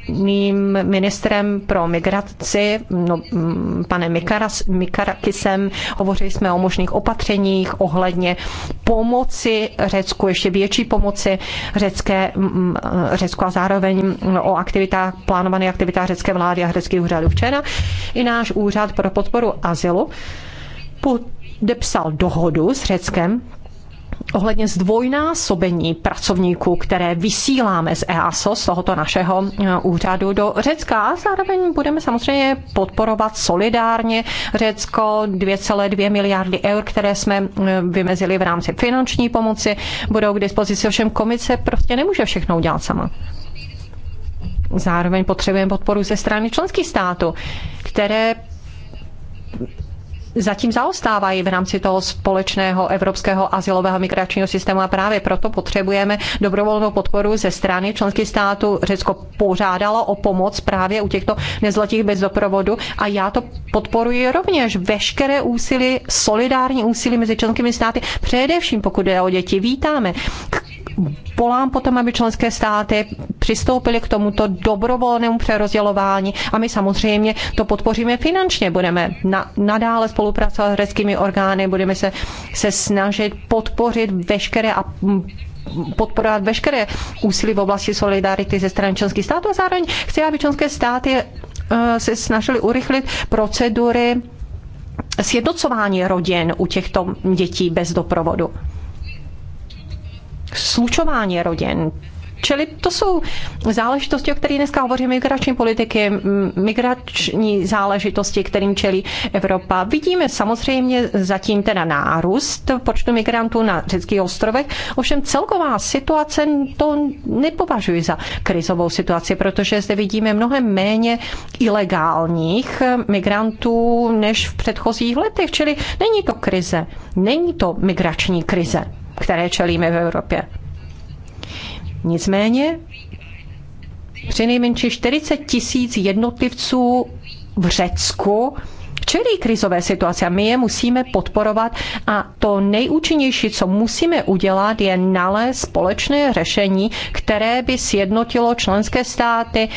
zodpovědným ministrem pro migraci, no, mm, panem Mikaras, Mikarakisem. Hovořili jsme o možných opatřeních ohledně pomoci Řecku, ještě větší pomoci řecké, mm, Řecku a zároveň o aktivitách, plánované aktivitách řecké vlády a řeckých úřadů včera. I náš úřad pro podporu azylu podepsal dohodu s Řeckem, ohledně zdvojnásobení pracovníků, které vysíláme z EASO, z tohoto našeho e, úřadu do Řecka. A zároveň budeme samozřejmě podporovat solidárně Řecko 2,2 miliardy eur, které jsme e, vymezili v rámci finanční pomoci, budou k dispozici. Ovšem komice prostě nemůže všechno udělat sama. Zároveň potřebujeme podporu ze strany členských států, které zatím zaostávají v rámci toho společného evropského asilového migračního systému a právě proto potřebujeme dobrovolnou podporu ze strany členských států. Řecko požádalo o pomoc právě u těchto nezletých bez doprovodu a já to podporuji rovněž veškeré úsilí, solidární úsilí mezi členskými státy, především pokud jde o děti. Vítáme volám potom, aby členské státy přistoupily k tomuto dobrovolnému přerozdělování a my samozřejmě to podpoříme finančně. Budeme na, nadále spolupracovat s řeckými orgány, budeme se, se snažit podpořit veškeré a podporovat veškeré úsilí v oblasti solidarity ze strany členských států a zároveň chci, aby členské státy eh, se snažili urychlit procedury sjednocování rodin u těchto dětí bez doprovodu slučování rodin, Čili to jsou záležitosti, o kterých dneska hovoří migrační politiky, migrační záležitosti, kterým čelí Evropa. Vidíme samozřejmě zatím teda nárůst počtu migrantů na řeckých ostrovech, ovšem celková situace to nepovažuji za krizovou situaci, protože zde vidíme mnohem méně ilegálních migrantů než v předchozích letech, čili není to krize, není to migrační krize které čelíme v Evropě. Nicméně přinejmenším 40 tisíc jednotlivců v Řecku čelí krizové situace a my je musíme podporovat a to nejúčinnější, co musíme udělat, je nalézt společné řešení, které by sjednotilo členské státy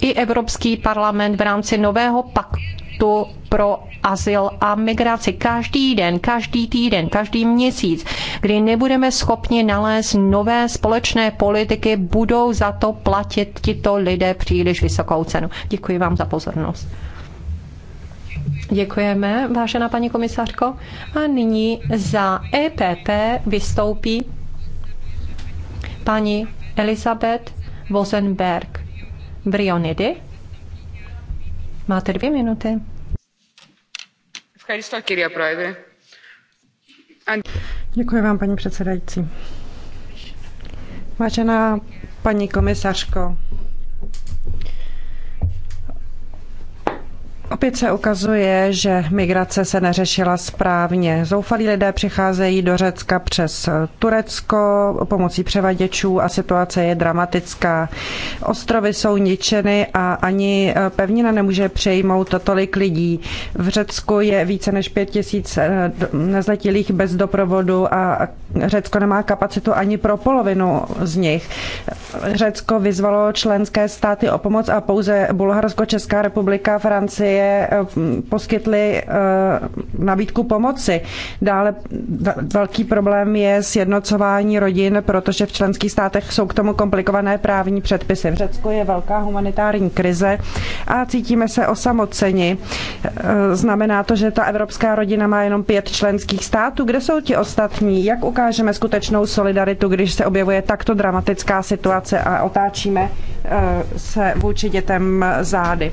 i Evropský parlament v rámci nového paktu paktu pro azyl a migraci. Každý den, každý týden, každý měsíc, kdy nebudeme schopni nalézt nové společné politiky, budou za to platit tito lidé příliš vysokou cenu. Děkuji vám za pozornost. Děkujeme, vážená paní komisařko. A nyní za EPP vystoupí paní Elizabeth Vosenberg Brionidy. Máte dvě minuty. Děkuji vám, paní předsedající. Vážená paní komisařko, Opět se ukazuje, že migrace se neřešila správně. Zoufalí lidé přicházejí do Řecka přes Turecko pomocí převaděčů a situace je dramatická. Ostrovy jsou ničeny a ani pevnina nemůže přejmout tolik lidí. V Řecku je více než pět tisíc eh, nezletilých bez doprovodu a Řecko nemá kapacitu ani pro polovinu z nich. Řecko vyzvalo členské státy o pomoc a pouze Bulharsko, Česká republika, Francie Itálie eh, poskytly eh, nabídku pomoci. Dále velký problém je sjednocování rodin, protože v členských státech jsou k tomu komplikované právní předpisy. V Řecku je velká humanitární krize a cítíme se osamoceni. Eh, znamená to, že ta evropská rodina má jenom pět členských států. Kde jsou ti ostatní? Jak ukážeme skutečnou solidaritu, když se objevuje takto dramatická situace a otáčíme se vůči dětem zády?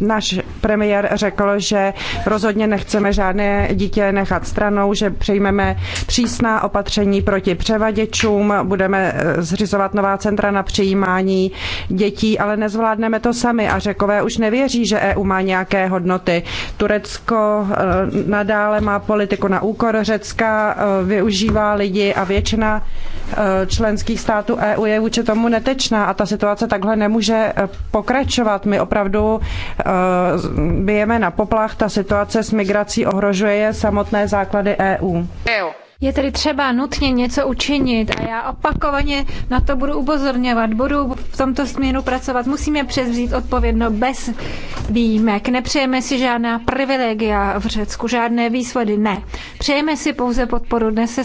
náš premiér řekl, že rozhodně nechceme žádné dítě nechat stranou, že přijmeme přísná opatření proti převaděčům, budeme eh, zřizovat nová centra na přijímání dětí, ale nezvládneme to sami a řekové už nevěří, že EU má nějaké hodnoty. Turecko eh, nadále má politiku na úkor Řecka, eh, využívá lidi a většina členských států EU je vůči tomu netečná a ta situace takhle nemůže pokračovat. My opravdu Eh, bijeme na poplach, ta situace s migrací ohrožuje samotné základy EU. EU. Je tedy třeba nutně něco učinit a já opakovaně na to budu upozorňovat, budu v tomto směru pracovat. Musíme převzít odpovědno bez výjimek. Nepřejeme si žádná privilegia v Řecku, žádné výsledky, ne. Přejeme si pouze podporu. Dnes se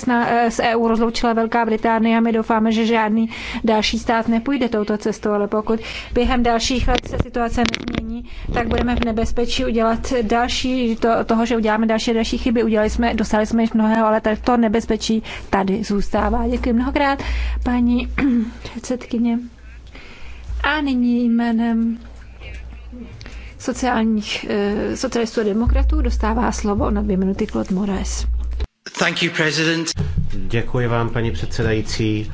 z EU rozloučila Velká Británie a my doufáme, že žádný další stát nepůjde touto cestou, ale pokud během dalších let se situace nezmění, tak budeme v nebezpečí udělat další, to, toho, že uděláme další další chyby. Udělali jsme, dostali jsme již mnohého, ale to ne nebezpečí tady zůstává. Děkuji mnohokrát, paní předsedkyně. A nyní jménem sociálních, eh, socialistů a demokratů dostává slovo na dvě minuty Claude Moraes. Thank you, president. Děkuji vám, paní předsedající.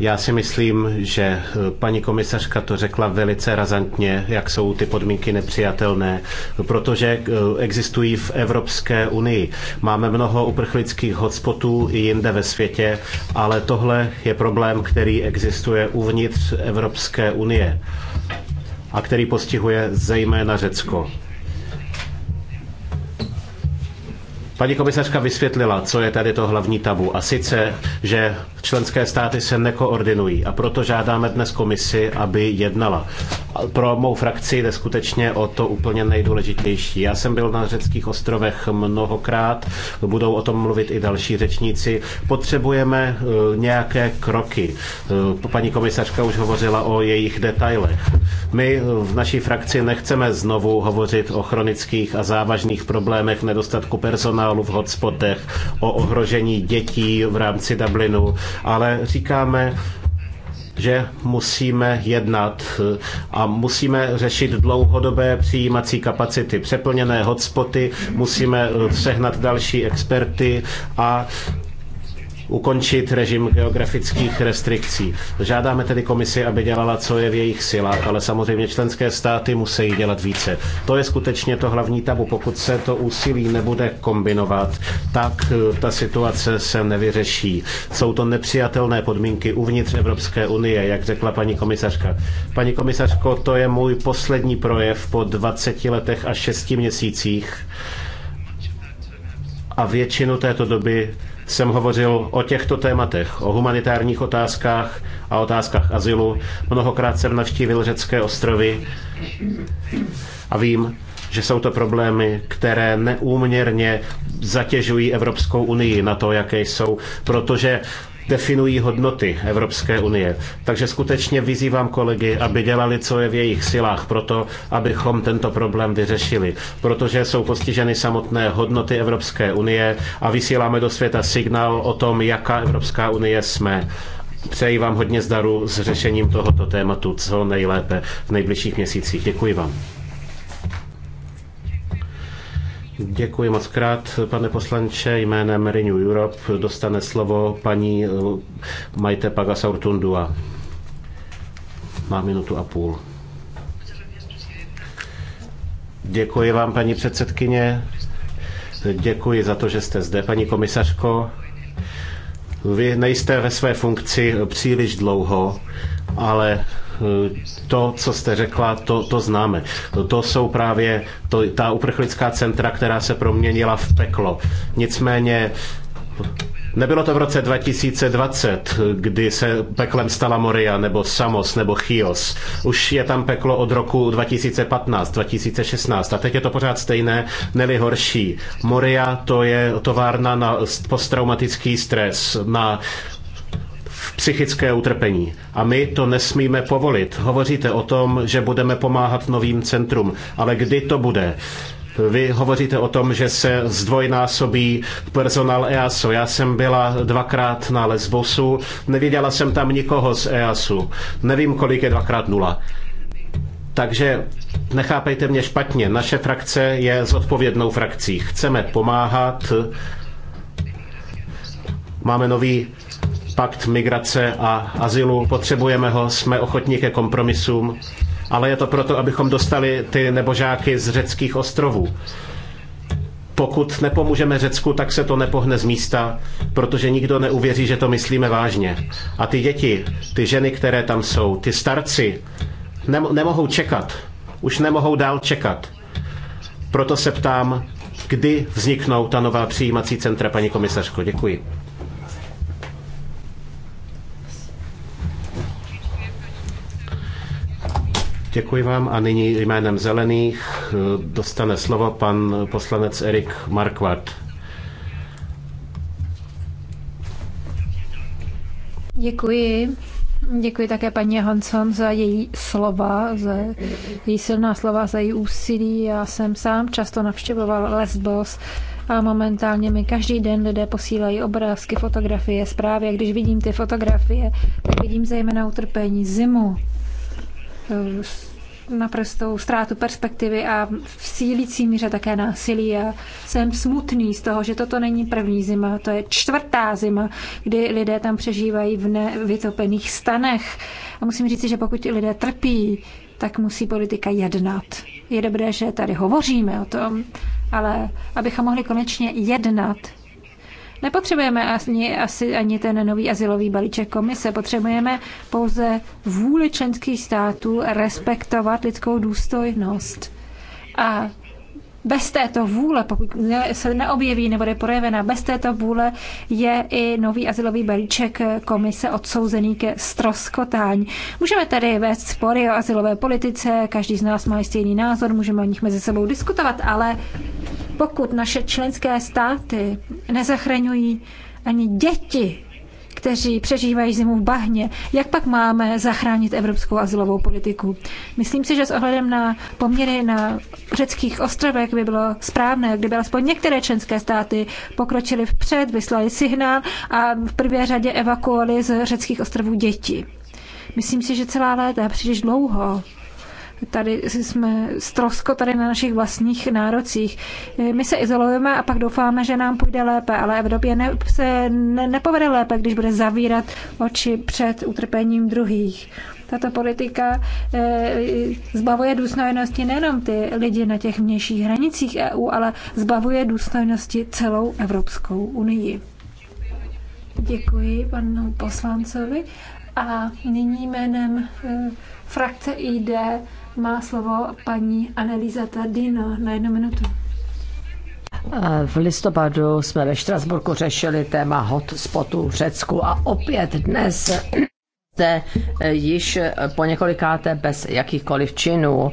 Já si myslím, že eh, paní komisařka to řekla velice razantně, jak jsou ty podmínky nepřijatelné, protože eh, existují v Evropské unii. Máme mnoho uprchlických hotspotů i jinde ve světě, ale tohle je problém, který existuje uvnitř Evropské unie a který postihuje zejména Řecko. Paní komisařka vysvětlila, co je tady to hlavní tabu, a sice, že členské státy se nekoordinují a proto žádáme dnes komisi, aby jednala. Pro mou frakci jde skutečně o to úplně nejdůležitější. Já jsem byl na řeckých ostrovech mnohokrát, budou o tom mluvit i další řečníci. Potřebujeme eh, nějaké kroky. Eh, paní komisařka už hovořila o jejich detailech. My eh, v naší frakci nechceme znovu hovořit o chronických a závažných problémech nedostatku personálu personálu v hotspotech, o ohrožení dětí v rámci Dublinu, ale říkáme, že musíme jednat eh, a musíme řešit dlouhodobé přijímací kapacity, přeplněné hotspoty, musíme sehnat eh, další experty a ukončit režim geografických restrikcí. Žádáme tedy komisi, aby dělala, co je v jejich silách, ale samozřejmě členské státy musí dělat více. To je skutečně to hlavní tabu. Pokud se to úsilí nebude kombinovat, tak eh, ta situace se nevyřeší. Jsou to nepřijatelné podmínky uvnitř Evropské unie, jak řekla paní komisařka. Paní komisařko, to je můj poslední projev po 20 letech a 6 měsících a většinu této doby jsem hovořil o těchto tématech, o humanitárních otázkách a otázkách azylu. Mnohokrát jsem navštívil řecké ostrovy a vím, že jsou to problémy, které neúměrně zatěžují Evropskou unii na to, jaké jsou, protože definují hodnoty Evropské unie. Takže skutečně vyzývám kolegy, aby dělali, co je v jejich silách, proto abychom tento problém vyřešili. Protože jsou postiženy samotné hodnoty Evropské unie a vysíláme do světa signál o tom, jaká Evropská unie jsme. Přeji vám hodně zdaru s řešením tohoto tématu co nejlépe v nejbližších měsících. Děkuji vám. Děkuji moc krát, pane poslanče. Jménem Renew Europe dostane slovo paní eh, Majte Pagasaurtundua. Má minutu a půl. Děkuji vám, paní předsedkyně. Děkuji za to, že jste zde, paní komisařko. Vy nejste ve své funkci příliš dlouho, ale to, co jste řekla, to, to známe. To, to jsou právě to, ta uprchlická centra, která se proměnila v peklo. Nicméně Nebylo to v roce 2020, kdy se peklem stala Moria, nebo Samos, nebo Chios. Už je tam peklo od roku 2015, 2016 a teď je to pořád stejné, neli horší. Moria to je továrna na posttraumatický stres, na psychické utrpení. A my to nesmíme povolit. Hovoříte o tom, že budeme pomáhat novým centrum, ale kdy to bude? Vy hovoříte o tom, že se zdvojnásobí personál EASO. Já jsem byla dvakrát na Lesbosu, neviděla jsem tam nikoho z EASu. Nevím, kolik je dvakrát nula. Takže nechápejte mě špatně, naše frakce je zodpovědnou frakcí. Chceme pomáhat, máme nový pakt migrace a azylu. Potřebujeme ho, jsme ochotní ke kompromisům, ale je to proto, abychom dostali ty nebožáky z řeckých ostrovů. Pokud nepomůžeme Řecku, tak se to nepohne z místa, protože nikdo neuvěří, že to myslíme vážně. A ty děti, ty ženy, které tam jsou, ty starci, nem- nemohou čekat. Už nemohou dál čekat. Proto se ptám, kdy vzniknou ta nová přijímací centra, paní komisařko. Děkuji. Děkuji vám a nyní jménem Zelených eh, dostane slovo pan poslanec Erik Markvart. Děkuji. Děkuji také paní Hanson za její slova, za její silná slova, za její úsilí. Já jsem sám často navštěvoval Lesbos a momentálně mi každý den lidé posílají obrázky, fotografie, zprávy. A když vidím ty fotografie, tak vidím zejména utrpení zimu. Ehm, naprostou ztrátu perspektivy a v sílící míře také násilí. A jsem smutný z toho, že toto není první zima, to je čtvrtá zima, kdy lidé tam přežívají v nevytopených stanech. A musím říct, že pokud lidé trpí, tak musí politika jednat. Je dobré, že tady hovoříme o tom, ale abychom mohli konečně jednat, Nepotřebujeme ani, asi ani ten nový asilový balíček komise, potřebujeme pouze vůli členských států respektovat lidskou důstojnost. A bez této vůle, pokud se neobjeví nebo je projevena, bez této vůle je i nový asilový balíček komise odsouzený ke stroskotání. Můžeme tady vést spory o asilové politice, každý z nás má jistě jiný názor, můžeme o nich mezi sebou diskutovat, ale pokud naše členské státy nezachraňují ani děti, kteří přežívají zimu v bahně, jak pak máme zachránit evropskou azylovou politiku? Myslím si, že s ohledem na poměry na řeckých ostrovech by bylo správné, kdyby alespoň některé členské státy pokročily vpřed, vyslali signál a v prvé řadě evakuovali z řeckých ostrovů děti. Myslím si, že celá léta, příliš dlouho, tady jsme strosko tady na našich vlastních nárocích. My se izolujeme a pak doufáme, že nám půjde lépe, ale Evropě ne, se ne, nepovede lépe, když bude zavírat oči před utrpením druhých. Tato politika eh, zbavuje důstojnosti nejenom ty lidi na těch vnějších hranicích EU, ale zbavuje důstojnosti celou Evropskou unii. Děkuji panu poslancovi. A nyní jménem eh, frakce ID má slovo paní Anelíza Tardino na jednu minutu. V listopadu jsme ve Štrasburku řešili téma hotspotu v Řecku a opět dnes jste eh, již eh, po několikáté bez jakýchkoliv činů.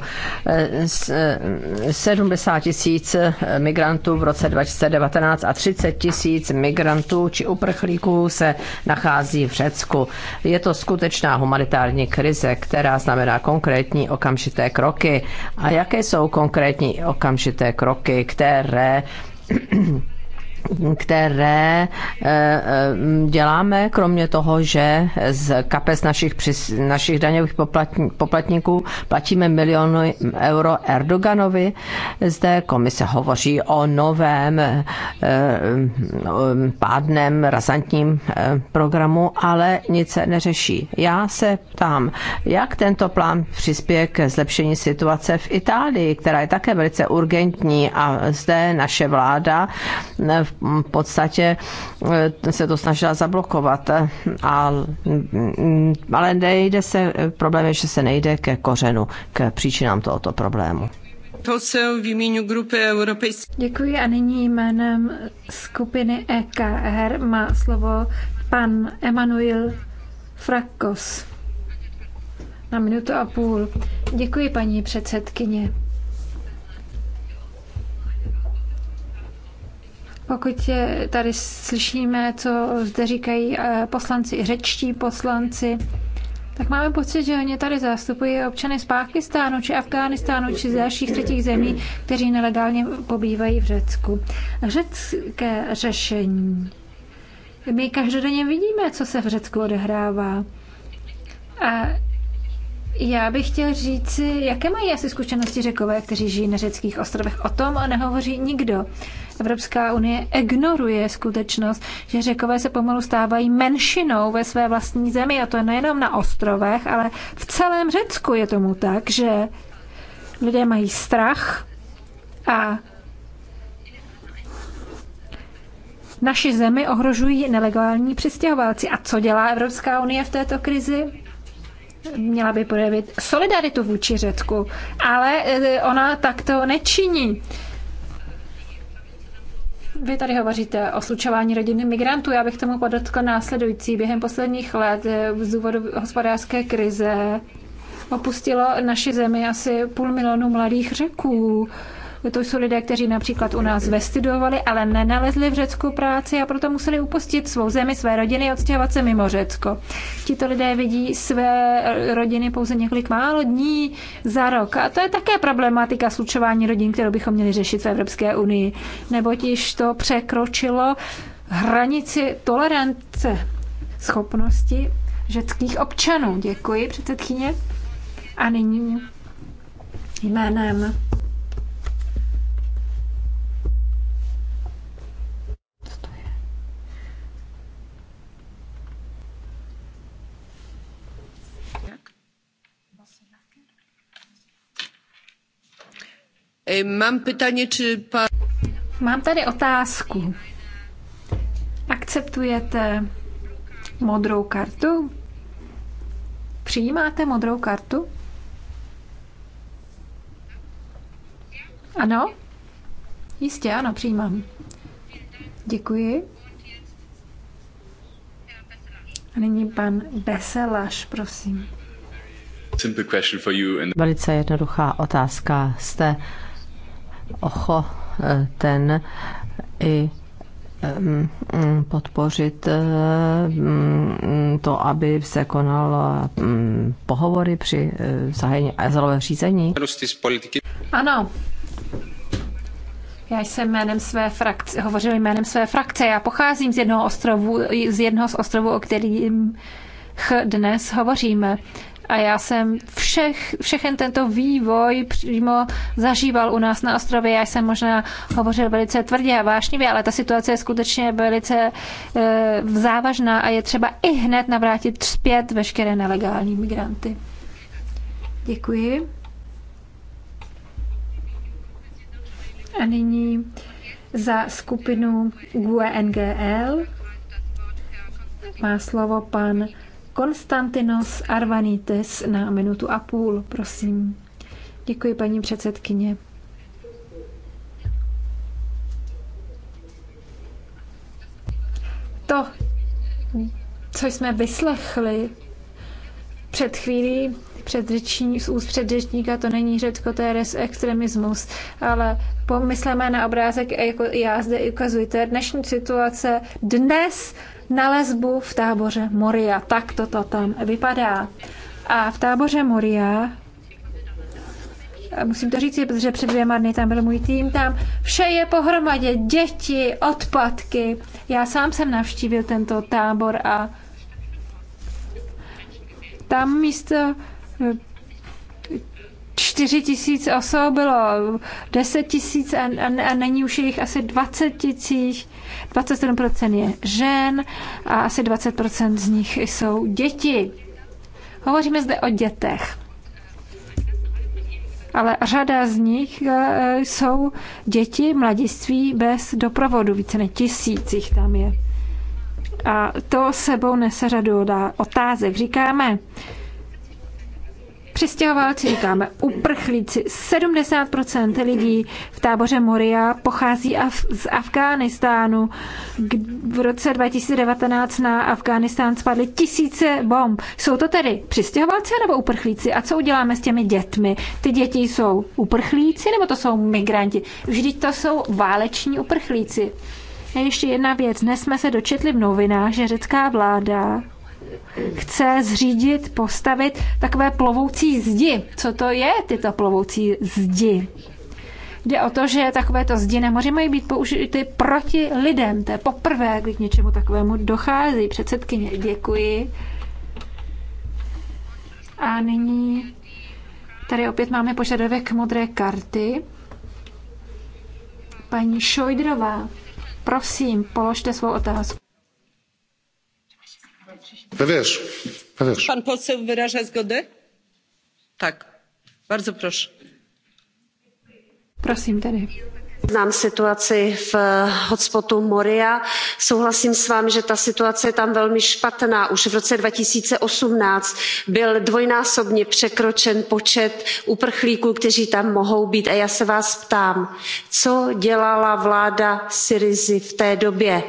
70 eh, tisíc migrantů v roce 2019 a 30 tisíc migrantů či uprchlíků se nachází v Řecku. Je to skutečná humanitární krize, která znamená konkrétní okamžité kroky. A jaké jsou konkrétní okamžité kroky, které které eh, eh, děláme, kromě toho, že z kapes našich, našich daňových poplatníků platíme miliony euro Erdoganovi. Zde komise hovoří o novém eh, pádném razantním programu, ale nic se neřeší. Já se ptám, jak tento plán přispěje k zlepšení situace v Itálii, která je také velice urgentní a zde naše vláda v v podstatě eh, se to snažila zablokovat. A, mm, ale nejde se, problém je, že se nejde ke kořenu, k příčinám tohoto problému. Děkuji a nyní jménem skupiny EKR má slovo pan Emanuel Frakos na minutu a půl. Děkuji, paní předsedkyně. Pokud tady slyšíme, co zde říkají eh, poslanci, řečtí poslanci, tak máme pocit, že oni tady zastupují občany z Pákistánu či Afghánistánu či z dalších třetích zemí, kteří nelegálně pobývají v Řecku. Řecké řešení. My každodenně vidíme, co se v Řecku odehrává. A já bych chtěl říci, jaké mají asi zkušenosti řekové, kteří žijí na řeckých ostrovech. O tom nehovoří nikdo. Evropská unie ignoruje skutečnost, že řekové se pomalu stávají menšinou ve své vlastní zemi. A to je nejenom na ostrovech, ale v celém Řecku je tomu tak, že lidé mají strach a naši zemi ohrožují nelegální přistěhovalci. A co dělá Evropská unie v této krizi? měla by projevit solidaritu vůči Řecku, ale e, ona takto nečiní. Vy tady hovoříte o slučování rodiny migrantů. Já bych tomu podotkl následující. Během posledních let e, z důvodu hospodářské krize opustilo naši zemi asi půl milionu mladých řeků. To jsou lidé, kteří například u nás vestidovali, ale nenalezli v Řecku práci a proto museli upustit svou zemi, své rodiny a odstěhovat se mimo Řecko. Tito lidé vidí své rodiny pouze několik málo dní za rok. A to je také problematika slučování rodin, kterou bychom měli řešit v Evropské unii, neboť již to překročilo hranici tolerance schopnosti řeckých občanů. Děkuji, předsedkyně. A nyní jménem E, Mám pytanie, či pan... Mám tady otázku. Akceptujete modrou kartu? Přijímáte modrou kartu? Ano? Jistě, ano, přijímám. Děkuji. A nyní pan Beselaš, prosím. Velice jednoduchá otázka. Jste ocho eh, ten eh, i mm, podpořit eh, mm, to, aby se konalo mm, pohovory při zahájení azylové řízení? Ano. Já jsem jménem své frakce, hovořil jménem své frakce. Já pocházím z jednoho ostrovu, z jednoho z ostrovů, o kterým dnes hovoříme a já jsem všech, všechen tento vývoj přímo zažíval u nás na ostrově. Já jsem možná hovořil velice tvrdě a vášnivě, ale ta situace je skutečně velice e, závažná a je třeba i hned navrátit zpět veškeré nelegální migranty. Děkuji. A nyní za skupinu GUE NGL má slovo pan Konstantinos Arvanites na minutu a půl, prosím. Děkuji, paní předsedkyně. To, co jsme vyslechli před chvílí, předřečník z úst předřečníka, to není Řecko, to je extremismus, ale pomysleme na obrázek, jako já zde ukazuji, to je dnešní situace dnes na lesbu v táboře Moria. Tak toto tam vypadá. A v táboře Moria musím to říct, protože před dvěma dny tam byl můj tým, tam vše je pohromadě, děti, odpadky. Já sám jsem navštívil tento tábor a tam místo 4 tisíc osob bylo 10 tisíc a, a, a není už jich asi 20 tisíc. 27% je žen a asi 20% z nich jsou děti. Hovoříme zde o dětech. Ale řada z nich e, jsou děti mladiství bez doprovodu. Více než tisíc jich tam je. A to sebou nese řadu otázek. Říkáme, Přistěhovalci říkáme uprchlíci. 70% lidí v táboře Moria pochází Af- z Afghánistánu. V roce 2019 na Afghánistán spadly tisíce bomb. Jsou to tedy přistěhovalci nebo uprchlíci? A co uděláme s těmi dětmi? Ty děti jsou uprchlíci nebo to jsou migranti? Vždyť to jsou váleční uprchlíci. A ještě jedna věc. Dnes jsme se dočetli v novinách, že řecká vláda chce zřídit, postavit takové plovoucí zdi. Co to je, tyto plovoucí zdi? Jde o to, že takovéto zdi na moři mají být použity proti lidem. To je poprvé, kdy k něčemu takovému dochází. Předsedkyně, děkuji. A nyní tady opět máme požadavek modré karty. Paní Šojdrová, prosím, položte svou otázku. Perveš. Perveš. Pan poseł wyraża zgodę? Tak. Bardzo proszę. Prosím tedy. Znám situaci v eh, hotspotu Moria. Souhlasím s vámi, že ta situace je tam velmi špatná. Už v roce 2018 byl dvojnásobně překročen počet uprchlíků, kteří tam mohou být. A já se vás ptám, co dělala vláda Syrizy v té době?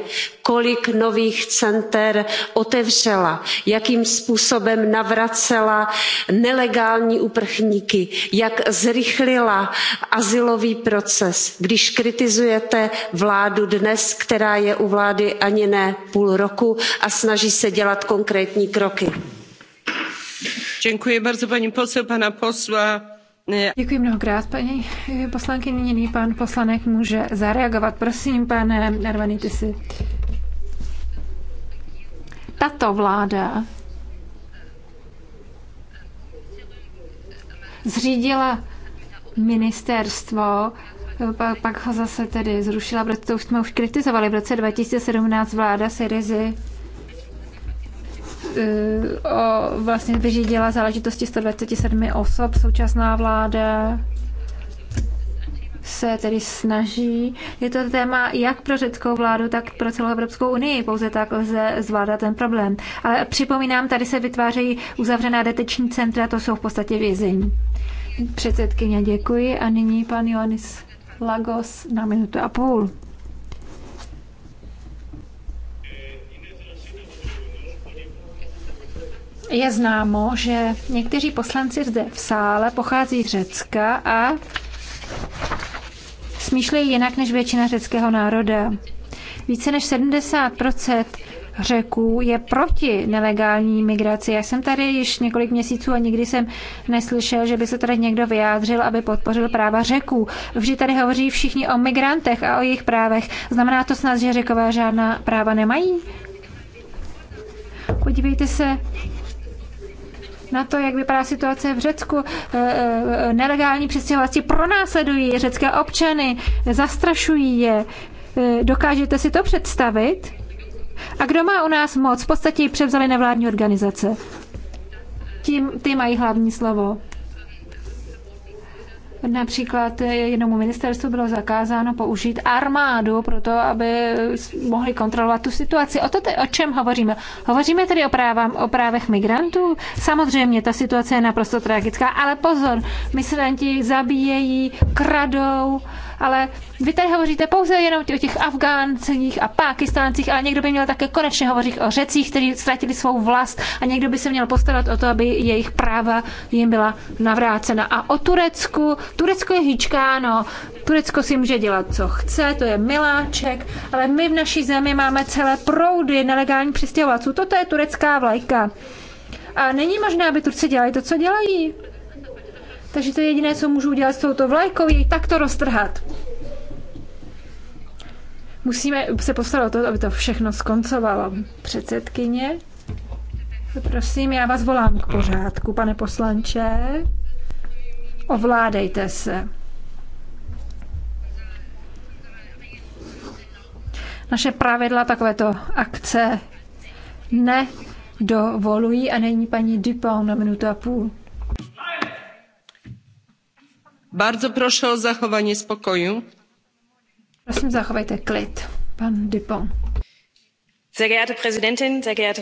kolik nových center otevřela jakým způsobem navracela nelegální uprchlíky jak zrychlila azylový proces když kritizujete vládu dnes která je u vlády ani ne půl roku a snaží se dělat konkrétní kroky. Děkuji bardzo paní posel, pana posla. Děkuji mnohokrát, paní poslankyně. Nyní pan poslanec. může zareagovat. Prosím, pane Narvanitisi tato vláda zřídila ministerstvo, pak, pak ho zase tedy zrušila, protože to už jsme už kritizovali. V roce 2017 vláda Syrizy e, o, vlastně vyřídila záležitosti 127 osob, současná vláda se tedy snaží. Je to téma jak pro řeckou vládu, tak pro celou Evropskou unii. Pouze tak lze zvládat ten problém. Ale připomínám, tady se vytvářejí uzavřená deteční centra, to jsou v podstatě vězení. Předsedkyně, děkuji. A nyní pan Ioannis Lagos na minutu a půl. Je známo, že někteří poslanci zde v sále pochází z Řecka a smýšlejí jinak než většina řeckého národa. Více než 70 řeků je proti nelegální migraci. Já jsem tady již několik měsíců a nikdy jsem neslyšel, že by se tady někdo vyjádřil, aby podpořil práva řeků. Vždy tady hovoří všichni o migrantech a o jejich právech. Znamená to snad, že řekové žádná práva nemají? Podívejte se na to, jak vypadá situace v Řecku. E, e, nelegální přestěhovací pronásledují řecké občany, zastrašují je. E, dokážete si to představit? A kdo má u nás moc? V podstatě ji převzali nevládní organizace. Tím, ty mají hlavní slovo. Například jednomu ministerstvu bylo zakázáno použít armádu pro to, aby mohli kontrolovat tu situaci. O, to te, o čem hovoříme? Hovoříme tedy o, právám, o právech migrantů? Samozřejmě, ta situace je naprosto tragická, ale pozor, migranti zabíjejí, kradou, ale vy tady hovoříte pouze jenom o těch Afgáncích a Pákistáncích, ale někdo by měl také konečně hovořit o Řecích, kteří ztratili svou vlast a někdo by se měl postarat o to, aby jejich práva jim byla navrácena. A o Turecku, Turecko je hýčkáno, Turecko si může dělat, co chce, to je miláček, ale my v naší zemi máme celé proudy nelegálních přistěhovalců. Toto je turecká vlajka. A není možné, aby Turci dělali to, co dělají. Takže to je jediné, co můžu udělat s touto vlajkou, tak to roztrhat. Musíme se postarat o to, aby to všechno skoncovalo. Předsedkyně, prosím, já vás volám k pořádku, pane poslanče. Ovládejte se. Naše pravidla takovéto akce nedovolují a není paní Dupont na minutu a půl. Bardzo proszę o zachování spokoju. Prosím, zachovejte klid. Pan Dupont.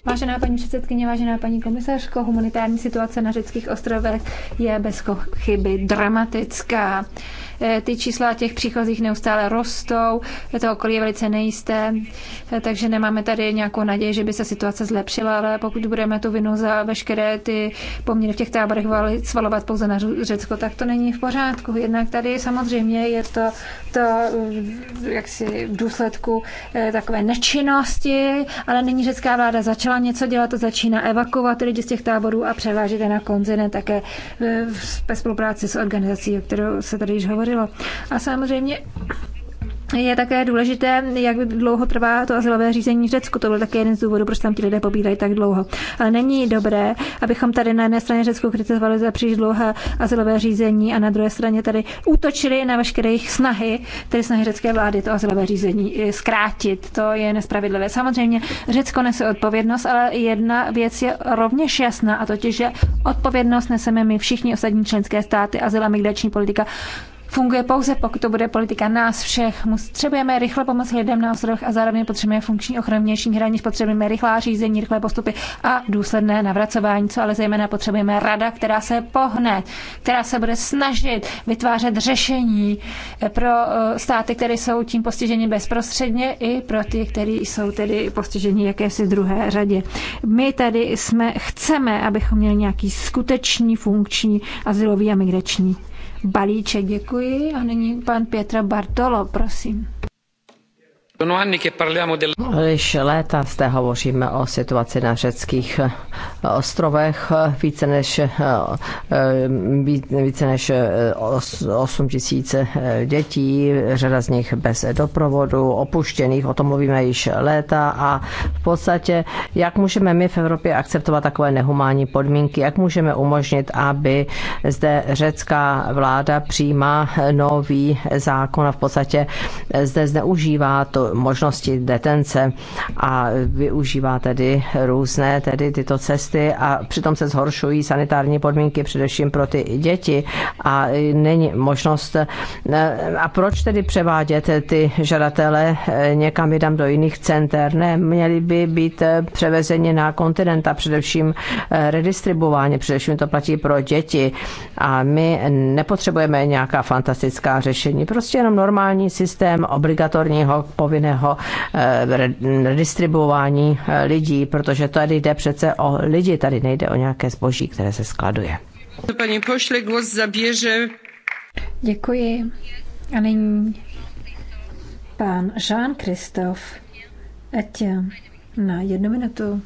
Vážená paní předsedkyně, vážená paní komisařko, humanitární situace na řeckých ostrovech je bez chyby dramatická. Eh, ty čísla těch příchozích neustále rostou, to okolí je velice nejisté, eh, takže nemáme tady nějakou naději, že by se situace zlepšila, ale pokud budeme tu vinu za veškeré ty poměry v těch táborech svalovat pouze na Řecko, tak to není v pořádku. Jednak tady samozřejmě je to, to eh, jaksi v důsledku takové nečinnosti, ale není řecká vláda začala něco dělat, to začíná evakuovat lidi z těch táborů a převážet je na konzine také ve spolupráci s organizací, o kterou se tady již hovořilo podařilo. A samozřejmě je také důležité, jak dlouho trvá to azylové řízení v Řecku. To byl také jeden z důvodů, proč tam ti lidé pobírají tak dlouho. Ale není dobré, abychom tady na jedné straně Řecku kritizovali za příliš dlouhé azylové řízení a na druhé straně tady útočili na veškeré jejich snahy, tedy snahy řecké vlády to azylové řízení eh, zkrátit. To je nespravedlivé. Samozřejmě Řecko nese odpovědnost, ale jedna věc je rovněž jasná, a totiž, že odpovědnost neseme my všichni ostatní členské státy, azyl a migrační politika funguje pouze, pokud to bude politika nás všech. Potřebujeme rychle pomoc lidem na ostrovech a zároveň potřebujeme funkční ochranu vnějších hranic, potřebujeme rychlá řízení, rychlé postupy a důsledné navracování, co ale zejména potřebujeme rada, která se pohne, která se bude snažit vytvářet řešení eh, pro eh, státy, které jsou tím postiženi bezprostředně i pro ty, které jsou tedy postiženi jakési druhé řadě. My tady jsme, chceme, abychom měli nějaký skutečný funkční azylový a migrační balíček. Děkuji a nyní pan Pětr Bartolo, prosím. Když léta zde hovoříme o situaci na řeckých eh, ostrovech. Více než, eh, eh, více než 8 tisíc dětí, řada z nich bez doprovodu, opuštěných, o tom mluvíme již léta a v podstatě, jak můžeme my v Evropě akceptovat takové nehumánní podmínky, jak můžeme umožnit, aby zde řecká vláda přijímá nový zákon a v podstatě zde zneužívá to možnosti detence a využívá tedy různé tedy tyto cesty a přitom se zhoršují sanitární podmínky především pro ty děti a není možnost eh, a proč tedy převádět ty žadatele eh, někam jinam do jiných center? Ne, měli by být eh, převezeni na kontinent a především redistribování především to platí pro děti a my nepotřebujeme nějaká fantastická řešení, prostě jenom normální systém obligatorního povinnosti veřejného eh, redistribuování eh, lidí, protože tady jde přece o lidi, tady nejde o nějaké zboží, které se skladuje. Paní pošle, głos zabierze. Děkuji. A nyní pan Jean-Christophe Etienne na jednu minutu.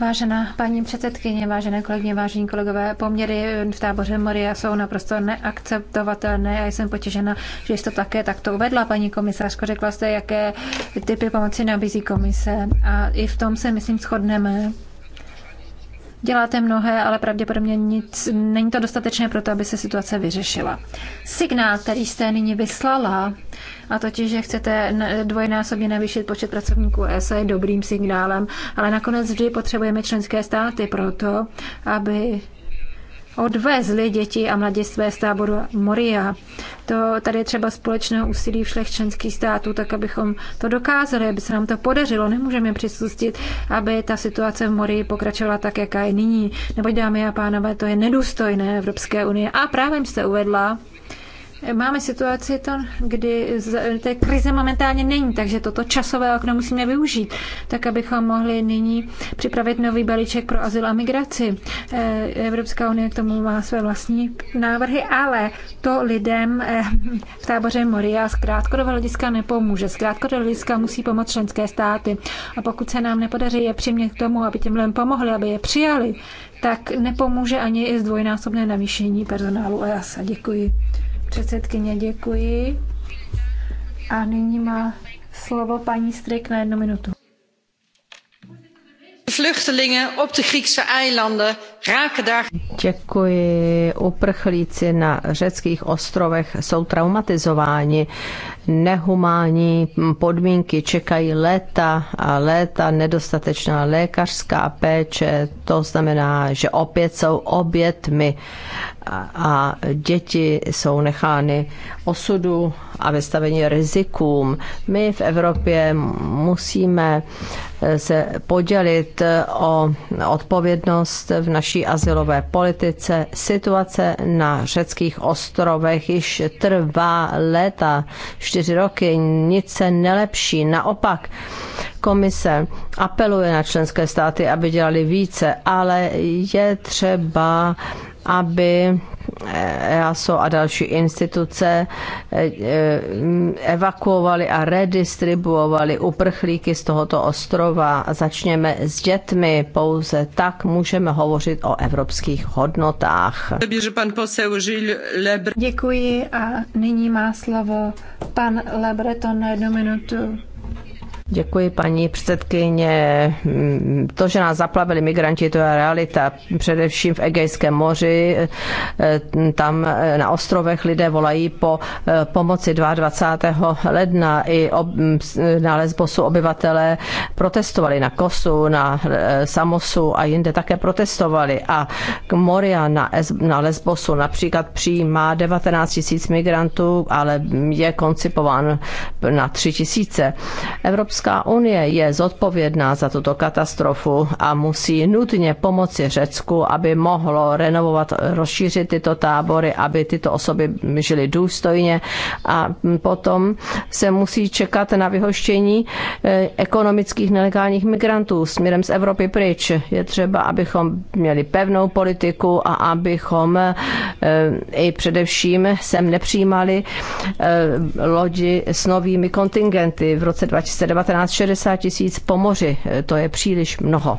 Vážená paní předsedkyně, vážené kolegyně, vážení kolegové, poměry v táboře Moria jsou naprosto neakceptovatelné. a jsem potěšena, že jste to také takto uvedla, paní komisařko. Řekla jste, jaké typy pomoci nabízí komise. A i v tom se, myslím, shodneme. Děláte mnohé, ale pravděpodobně nic, není to dostatečné pro to, aby se situace vyřešila. Signál, který jste nyní vyslala, a totiž, že chcete dvojnásobně navýšit počet pracovníků ESA je dobrým signálem, ale nakonec vždy potřebujeme členské státy pro to, aby odvezli děti a mladistvé z táboru Moria. To tady je třeba společného úsilí všech členských států, tak abychom to dokázali, aby se nám to podařilo. Nemůžeme přisustit, aby ta situace v Morii pokračovala tak, jaká je nyní. Nebo dámy a pánové, to je nedůstojné Evropské unie. A právě jste uvedla, Máme situaci, to, kdy té krize momentálně není, takže toto časové okno musíme využít, tak abychom mohli nyní připravit nový balíček pro azyl a migraci. Eh, Evropská unie k tomu má své vlastní návrhy, ale to lidem eh, v táboře Moria z krátkodobého hlediska nepomůže. Z krátkodobého hlediska musí pomoct členské státy. A pokud se nám nepodaří je přimět k tomu, aby těm lidem pomohli, aby je přijali, tak nepomůže ani i zdvojnásobné navýšení personálu e A se Děkuji. Předsedkyně, děkuji. A nyní má slovo paní Strik na jednu minutu. Vluchtelingen op de Griekse eilanden raken daar. Děkuji. Uprchlíci na řeckých ostrovech jsou traumatizováni nehumánní podmínky, čekají léta a léta nedostatečná lékařská péče, to znamená, že opět jsou obětmi a děti jsou nechány osudu a vystavení rizikům. My v Evropě musíme se podělit eh, o odpovědnost v naší asilové politice. Situace na řeckých ostrovech již trvá léta, čtyři roky, nic se nelepší. Naopak, komise apeluje na členské státy, aby dělali více, ale je třeba, aby EASO a další instituce e, e, evakuovali a redistribuovali uprchlíky z tohoto ostrova. Začněme s dětmi, pouze tak můžeme hovořit o evropských hodnotách. Děkuji a nyní má slovo pan Lebreton na jednu minutu. Děkuji, paní předsedkyně. To, že nás zaplavili migranti, to je realita. Především v Egejském moři, eh, tam eh, na ostrovech lidé volají po eh, pomoci 22. ledna. I ob, na Lesbosu obyvatelé protestovali na Kosu, na Samosu a jinde také protestovali. A Moria na, na Lesbosu například přijímá 19 tisíc migrantů, ale je koncipován na 3 tisíce. Evropské Evropská unie je zodpovědná za tuto katastrofu a musí nutně pomoci Řecku, aby mohlo renovovat, rozšířit tyto tábory, aby tyto osoby žily důstojně a potom se musí čekat na vyhoštění eh, ekonomických nelegálních migrantů směrem z Evropy pryč. Je třeba, abychom měli pevnou politiku a abychom eh, i především sem nepřijímali eh, lodi s novými kontingenty. V roce 2019 1960 tisíc po moři. To je příliš mnoho.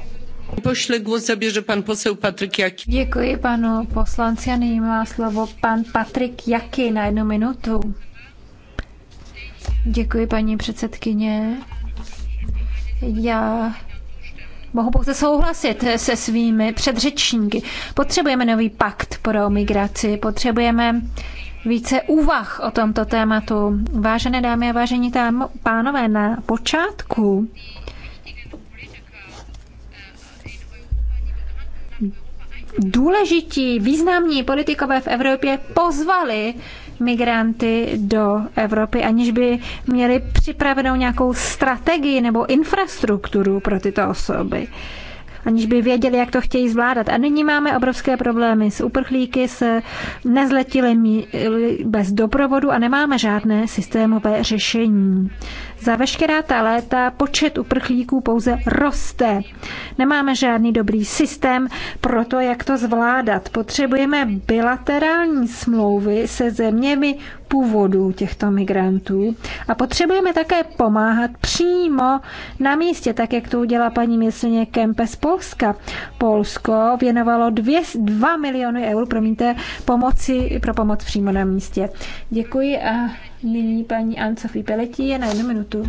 Pošle głos zabierze pan poseł Patryk Jaki. Děkuji panu poslanci a nyní má slovo pan Patrik Jaki na jednu minutu. Děkuji paní předsedkyně. Já mohu pouze souhlasit se svými předřečníky. Potřebujeme nový pakt pro migraci, potřebujeme více úvah o tomto tématu. Vážené dámy a vážení tam, pánové, na počátku důležití, významní politikové v Evropě pozvali migranty do Evropy, aniž by měli připravenou nějakou strategii nebo infrastrukturu pro tyto osoby. Uh, aniž by věděli, jak to chtějí zvládat. A nyní máme obrovské problémy s uprchlíky, s nezletilými bez doprovodu a nemáme žádné systémové řešení. Za veškerá ta léta počet uprchlíků pouze roste. Nemáme žádný dobrý systém pro to, jak to zvládat. Potřebujeme bilaterální smlouvy se zeměmi původu těchto migrantů a potřebujeme také pomáhat přímo na místě, tak jak to udělá paní ministrině Kempe z Polska. Polsko věnovalo 2, 2 miliony eur, promiňte, pomoci, pro pomoc přímo na místě. Děkuji a Nyní paní Anne-Sophie Peletí je na jednu minutu.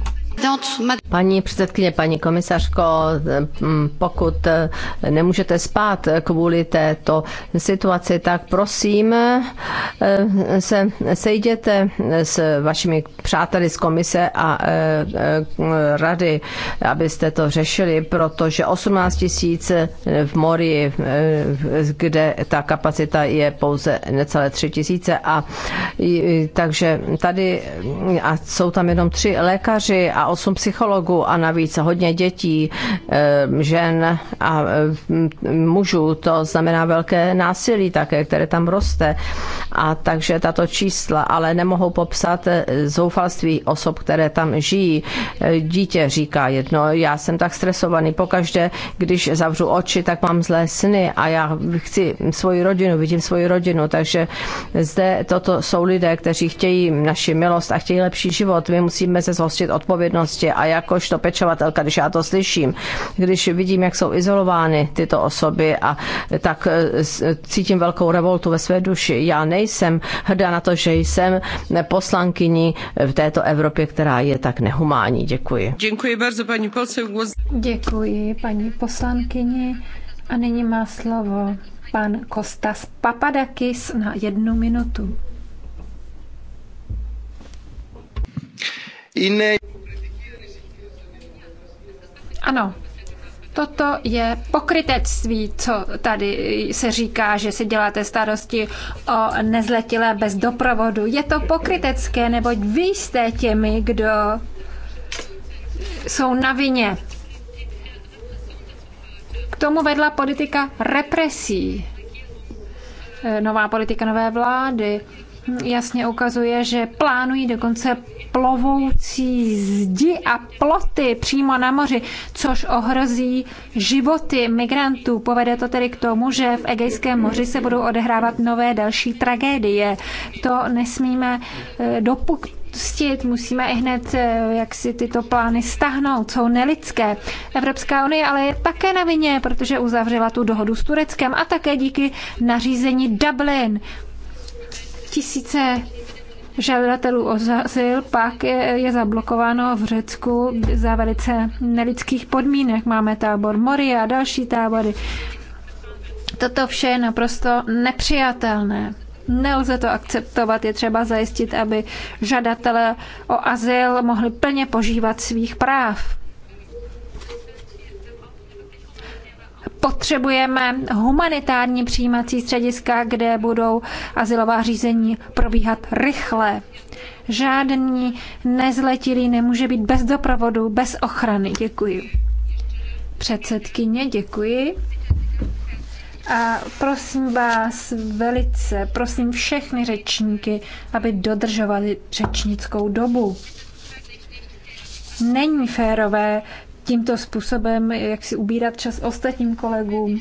Paní předsedkyně, paní komisařko, mm, pokud eh, nemůžete spát kvůli této situaci, tak prosím eh, se sejděte s vašimi přáteli z komise a eh, rady, abyste to řešili, protože 18 tisíc v Morii, kde ta kapacita je pouze necelé 3 tisíce a takže tady a jsou tam jenom tři lékaři a 8 psychologů a navíc hodně dětí, eh, žen a eh, mužů. To znamená velké násilí také, které tam roste. A takže tato čísla ale nemohou popsat eh, zoufalství osob, které tam žijí. Dítě říká jedno, já jsem tak stresovaný pokaždé, když zavřu oči, tak mám zlé sny a já chci svoji rodinu, vidím svoji rodinu, takže zde toto jsou lidé, kteří chtějí naši milost a chtějí lepší život. My musíme se zhostit odpověď odpovědnosti a jakožto pečovatelka, když já to slyším, když vidím, jak jsou izolovány tyto osoby a tak eh, eh, cítím velkou revoltu ve své duši. Já nejsem hrdá na to, že jsem poslankyní v této Evropě, která je tak nehumánní. Děkuji. Děkuji bardzo, paní poslankyni. Děkuji, paní poslankyni. A nyní má slovo pan Kostas Papadakis na jednu minutu. Ano, toto je pokrytectví, co tady se říká, že si děláte starosti o nezletilé bez doprovodu. Je to pokrytecké, neboť vy jste těmi, kdo jsou na vině. K tomu vedla politika represí. Nová politika nové vlády jasně ukazuje, že plánují dokonce plovoucí zdi a ploty přímo na moři, což ohrozí životy migrantů. Povede to tedy k tomu, že v Egejském moři se budou odehrávat nové další tragédie. To nesmíme eh, dopustit Stít, musíme i hned eh, jak si tyto plány stahnout, jsou nelidské. Evropská unie ale je také na vině, protože uzavřela tu dohodu s Tureckem a také díky nařízení Dublin. Tisíce žadatelů o azyl, pak je zablokováno v Řecku za velice nelidských podmínek. Máme tábor Moria a další tábory. Toto vše je naprosto nepřijatelné. Nelze to akceptovat, je třeba zajistit, aby žadatelé o azyl mohli plně požívat svých práv. Potřebujeme humanitární přijímací střediska, kde budou asilová řízení probíhat rychle. Žádný nezletilý nemůže být bez doprovodu, bez ochrany. Děkuji. Předsedkyně, děkuji. A prosím vás velice, prosím všechny řečníky, aby dodržovali řečnickou dobu. Není férové tímto způsobem jak si ubírat čas ostatním kolegům.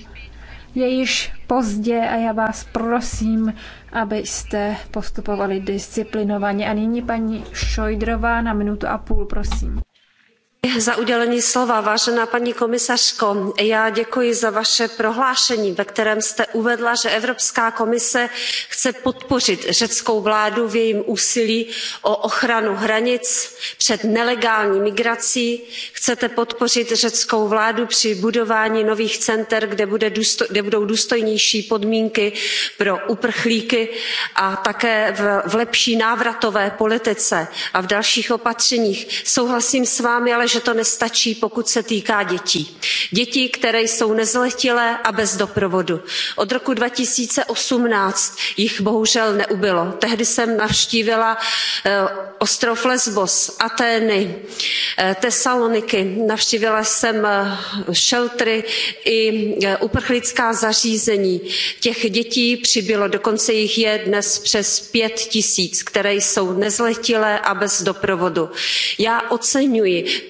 Je již pozdě a já vás prosím, abyste postupovali disciplinovaně. A nyní paní Šojdrová na minutu a půl, prosím. Za udělení slova. Vážená paní komisařko, já děkuji za vaše prohlášení, ve kterém jste uvedla, že Evropská komise chce podpořit řeckou vládu v jejím úsilí o ochranu hranic před nelegální migrací. Chcete podpořit řeckou vládu při budování nových center, kde, bude důsto, kde budou důstojnější podmínky pro uprchlíky a také v, v lepší návratové politice a v dalších opatřeních. Souhlasím s vámi ale že to nestačí pokud se týká dětí dětí které jsou nezletilé a bez doprovodu. od roku two thousand and eighteen jich bohužel neubylo. tehdy jsem navštívila eh, ostrov lesbos athény eh, thessaloniki navštívila jsem sheltery eh, i uprchlická zařízení. těch dětí přibylo dokonce jich je dnes přes five zero které jsou nezletilé a bez doprovodu. já oceňuji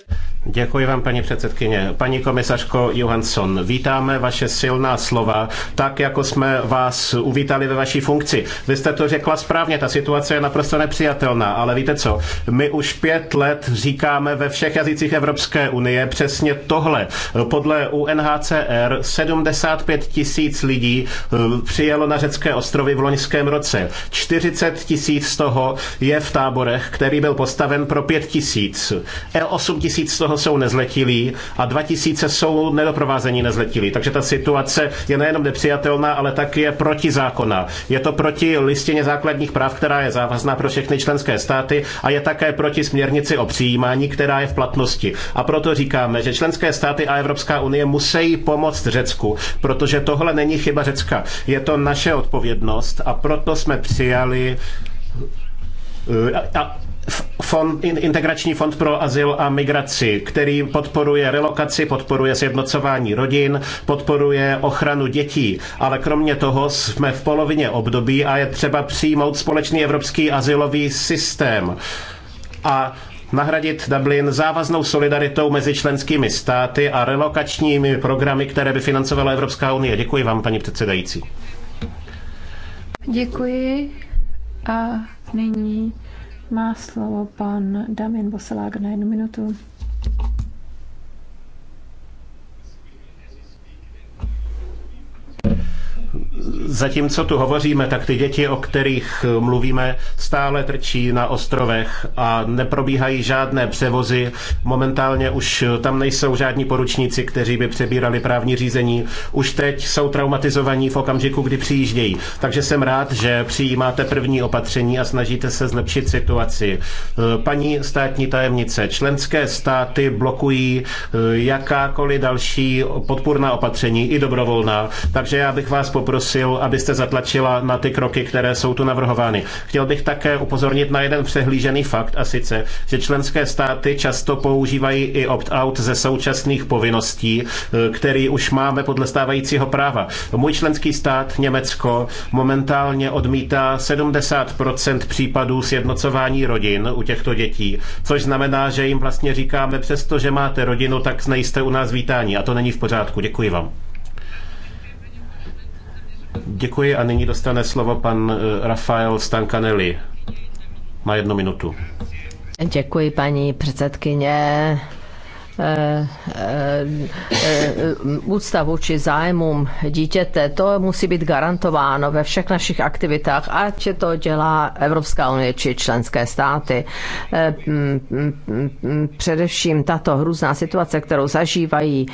Děkuji vám, paní předsedkyně. Paní komisařko Johansson, vítáme vaše silná slova, tak jako jsme vás uvítali ve vaší funkci. Vy jste to řekla správně, ta situace je naprosto nepřijatelná, ale víte co, my už pět let říkáme ve všech jazycích Evropské unie přesně tohle. Podle UNHCR 75 tisíc lidí eh, přijelo na řecké ostrovy v loňském roce. 40 tisíc z toho je v táborech, který byl postaven pro 5 tisíc. 8 eh, tisíc z toho toho jsou nezletilí a 2000 jsou nedoprovázení nezletilí. Takže ta situace je nejenom nepřijatelná, ale taky je protizákonná. Je to proti listině základních práv, která je závazná pro všechny členské státy a je také proti směrnici o přijímání, která je v platnosti. A proto říkáme, že členské státy a Evropská unie musí pomoct Řecku, protože tohle není chyba Řecka. Je to naše odpovědnost a proto jsme přijali eh, fond, integrační fond pro azyl a migraci, který podporuje relokaci, podporuje sjednocování rodin, podporuje ochranu dětí. Ale kromě toho jsme v polovině období a je třeba přijmout společný evropský azylový systém. A nahradit Dublin závaznou solidaritou mezi členskými státy a relokačními programy, které by financovala Evropská unie. Děkuji vám, paní předsedající. Děkuji. A nyní má slovo pan Damien Boselák na jednu minutu zatímco tu hovoříme, tak ty děti, o kterých mluvíme, stále trčí na ostrovech a neprobíhají žádné převozy. Momentálně už tam nejsou žádní poručníci, kteří by přebírali právní řízení. Už teď jsou traumatizovaní v okamžiku, kdy přijíždějí. Takže jsem rád, že přijímáte první opatření a snažíte se zlepšit situaci. Paní státní tajemnice, členské státy blokují eh, jakákoliv další podpůrná opatření, i dobrovolná. Takže já bych vás poprosil, abyste zatlačila na ty kroky, které jsou tu navrhovány. Chtěl bych také upozornit na jeden přehlížený fakt, a sice, že členské státy často používají i opt-out ze současných povinností, eh, který už máme podle stávajícího práva. Můj členský stát, Německo, momentálně odmítá 70% případů sjednocování rodin u těchto dětí, což znamená, že jim vlastně říkáme, přesto, že máte rodinu, tak nejste u nás vítání. a to není v pořádku. Děkuji vám. Děkuji a nyní dostane slovo pan eh, Rafael Stankanelli Má jednu minutu. Děkuji, paní předsedkyně. Eh, eh, eh, úcta vůči zájmům dítěte, to musí být garantováno ve všech našich aktivitách, ať to dělá Evropská unie či členské státy. Především tato hrůzná situace, kterou zažívají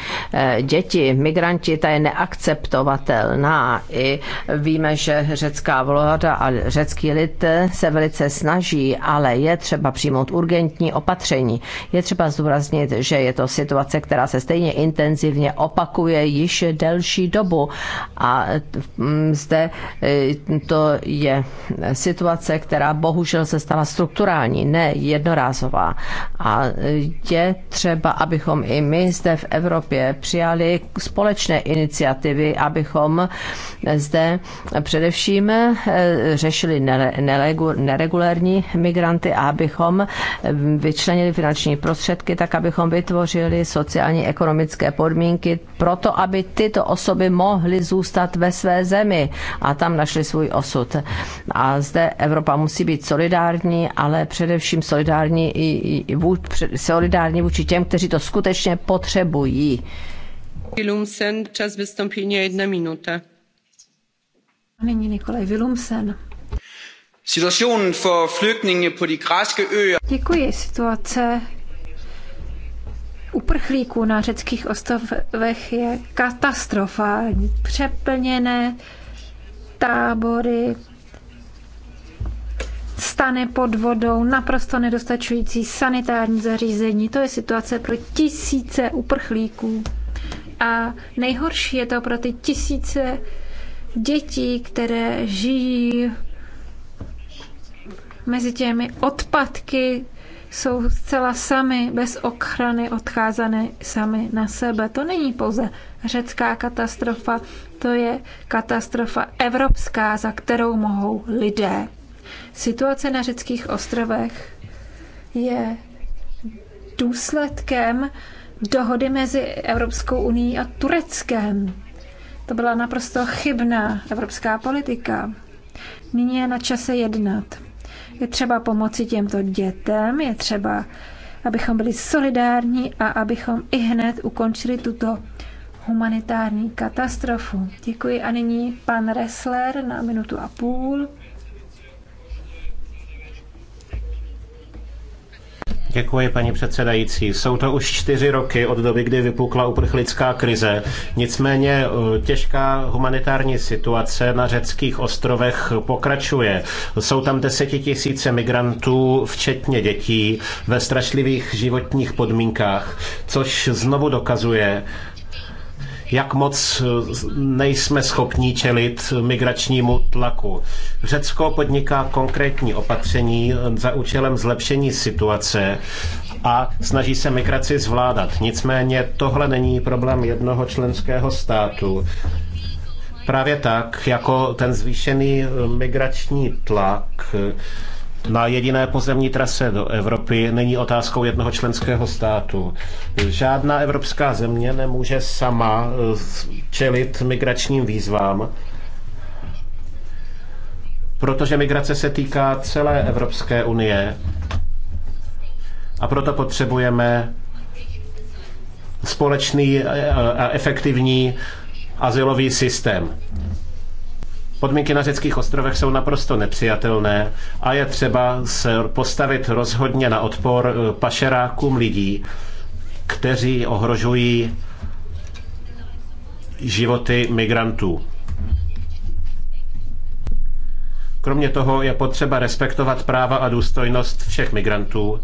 děti, migranti, ta je neakceptovatelná. I víme, že řecká vláda a řecký lid se velice snaží, ale je třeba přijmout urgentní opatření. Je třeba zdůraznit, že je to situace, která se stejně intenzivně opakuje již delší dobu. A mm, zde e, to je situace, která bohužel se stala strukturální, ne jednorázová. A e, je třeba, abychom i my zde v Evropě přijali společné iniciativy, abychom zde především e, řešili neregulérní migranty a abychom vyčlenili finanční prostředky, tak abychom vytvořili vytvořili sociální ekonomické podmínky pro to, aby tyto osoby mohly zůstat ve své zemi a tam našli svůj osud. A zde Evropa musí být solidární, ale především solidární, i, i, vůč, solidární vůči těm, kteří to skutečně potřebují. Vilumsen, čas vystoupení jedna minuta. Nyní Nikolaj Vilumsen. Situationen for flygtninge på de græske øer. Děkuji. Situace uprchlíků na řeckých ostrovech je katastrofální. Přeplněné tábory, stany pod vodou, naprosto nedostačující sanitární zařízení. To je situace pro tisíce uprchlíků. A nejhorší je to pro ty tisíce dětí, které žijí mezi těmi odpadky jsou zcela sami, bez ochrany, odcházeny sami na sebe. To není pouze řecká katastrofa, to je katastrofa evropská, za kterou mohou lidé. Situace na řeckých ostrovech je důsledkem dohody mezi Evropskou unii a Tureckem. To byla naprosto chybná evropská politika. Nyní je na čase jednat. Je třeba pomoci těmto dětem, je třeba, abychom byli solidární a abychom i hned ukončili tuto humanitární katastrofu. Děkuji a nyní pan Ressler na minutu a půl. Děkuji, paní předsedající. Jsou to už čtyři roky od doby, kdy vypukla uprchlická krize. Nicméně eh, těžká humanitární situace na řeckých ostrovech pokračuje. Jsou tam desetitisíce migrantů, včetně dětí, ve strašlivých životních podmínkách, což znovu dokazuje, jak moc eh, nejsme schopni čelit migračnímu tlaku. Řecko podniká konkrétní opatření eh, za účelem zlepšení situace a snaží se migraci zvládat. Nicméně tohle není problém jednoho členského státu. Právě tak, jako ten zvýšený eh, migrační tlak na jediné pozemní trase do Evropy není otázkou jednoho členského státu. Žádná evropská země nemůže sama eh, čelit migračním výzvám, protože migrace se týká celé Evropské unie a proto potřebujeme společný eh, a efektivní azylový systém. Podmínky na řeckých ostrovech jsou naprosto nepřijatelné a je třeba se postavit rozhodně na odpor eh, pašerákům lidí, kteří ohrožují životy migrantů. Kromě toho je potřeba respektovat práva a důstojnost všech migrantů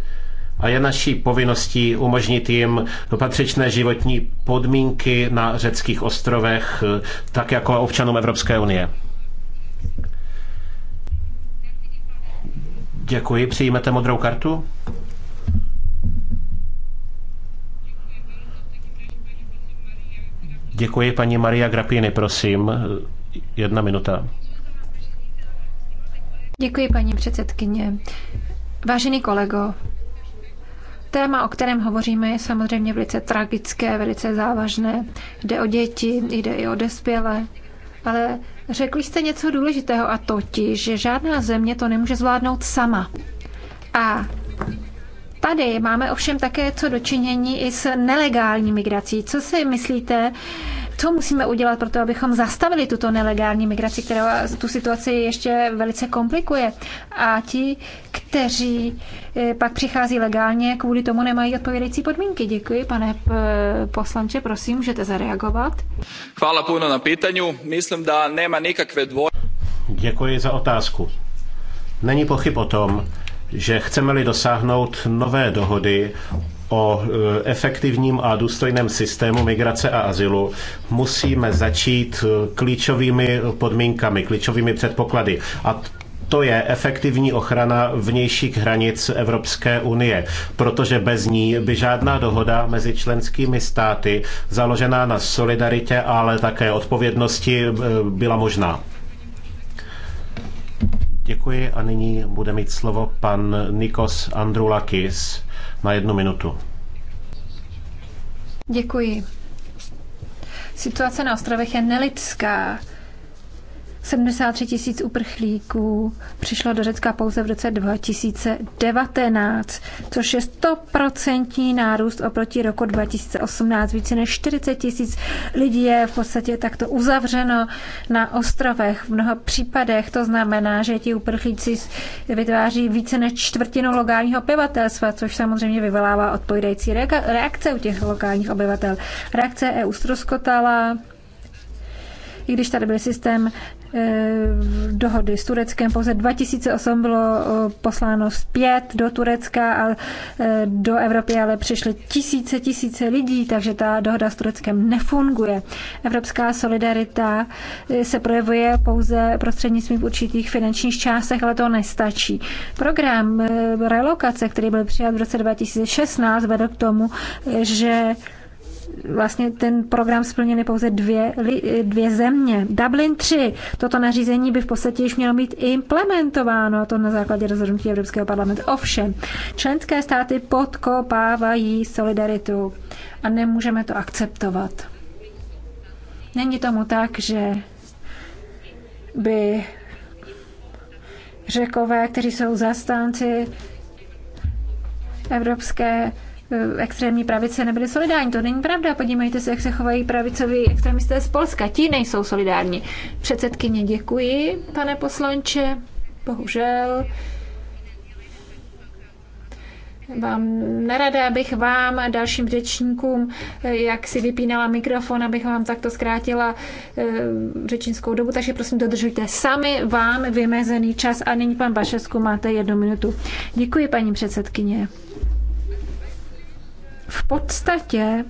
a je naší povinností umožnit jim patřičné životní podmínky na řeckých ostrovech, eh, tak jako občanům Evropské unie. Děkuji. Přijmete modrou kartu? Děkuji, paní Maria Grapini, prosím. Jedna minuta. Děkuji, paní předsedkyně. Vážený kolego, téma, o kterém hovoříme, je samozřejmě velice tragické, velice závažné. Jde o děti, jde i o dospělé, ale Řekli jste něco důležitého a totiž, že žádná země to nemůže zvládnout sama. A tady máme ovšem také co dočinění i s nelegální migrací. Co si myslíte, co musíme udělat pro to, abychom zastavili tuto nelegální migraci, která tu situaci ještě velice komplikuje? A ti, kteří eh, pak přichází legálně, kvůli tomu nemají odpovědající podmínky. Děkuji, pane eh, poslanče, prosím, můžete zareagovat. Chvála půjno na pýtaňu. Myslím, že nemá nikakve dvoj... Děkuji za otázku. Není pochyb o tom, že chceme-li dosáhnout nové dohody o e, efektivním a důstojném systému migrace a azylu, musíme začít e, klíčovými podmínkami, klíčovými předpoklady. A to je efektivní ochrana vnějších hranic Evropské unie, protože bez ní by žádná dohoda mezi členskými státy založená na solidaritě, ale také odpovědnosti e, byla možná. Děkuji a nyní bude mít slovo pan Nikos Andrulakis na jednu minutu. Děkuji. Situace na ostrovech je nelidská. 73 tisíc uprchlíků přišlo do Řecka pouze v roce 2019, což je 100% nárůst oproti roku 2018. Více než 40 tisíc lidí je v podstatě takto uzavřeno na ostrovech. V mnoha případech to znamená, že ti uprchlíci vytváří více než čtvrtinu lokálního obyvatelstva, což samozřejmě vyvolává odpovídající reakce u těch lokálních obyvatel. Reakce EU ztroskotala, i když tady byl systém Eh, dohody s Tureckem. Pouze 2008 bylo eh, posláno zpět do Turecka a eh, do Evropy, ale přišly tisíce, tisíce lidí, takže ta dohoda s Tureckem nefunguje. Evropská solidarita se projevuje pouze prostřednictvím v určitých finančních částech, ale to nestačí. Program relokace, který byl přijat v roce 2016, vedl k tomu, že vlastně ten program splněny pouze dvě, dvě země. Dublin 3. Toto nařízení by v podstatě již mělo být implementováno, a to na základě rozhodnutí Evropského parlamentu. Ovšem, členské státy podkopávají solidaritu a nemůžeme to akceptovat. Není tomu tak, že by řekové, kteří jsou zastánci evropské Eh, extrémní pravice nebyly solidární. To není pravda. Podívejte se, jak se chovají pravicoví extremisté z Polska. Ti nejsou solidární. Předsedkyně, děkuji, pane poslanče. Bohužel vám nerada bych vám a dalším řečníkům, eh, jak si vypínala mikrofon, abych vám takto zkrátila eh, řečnickou dobu, takže prosím dodržujte sami vám vymezený čas a nyní pan Bašesku máte jednu minutu. Děkuji paní předsedkyně v podstatě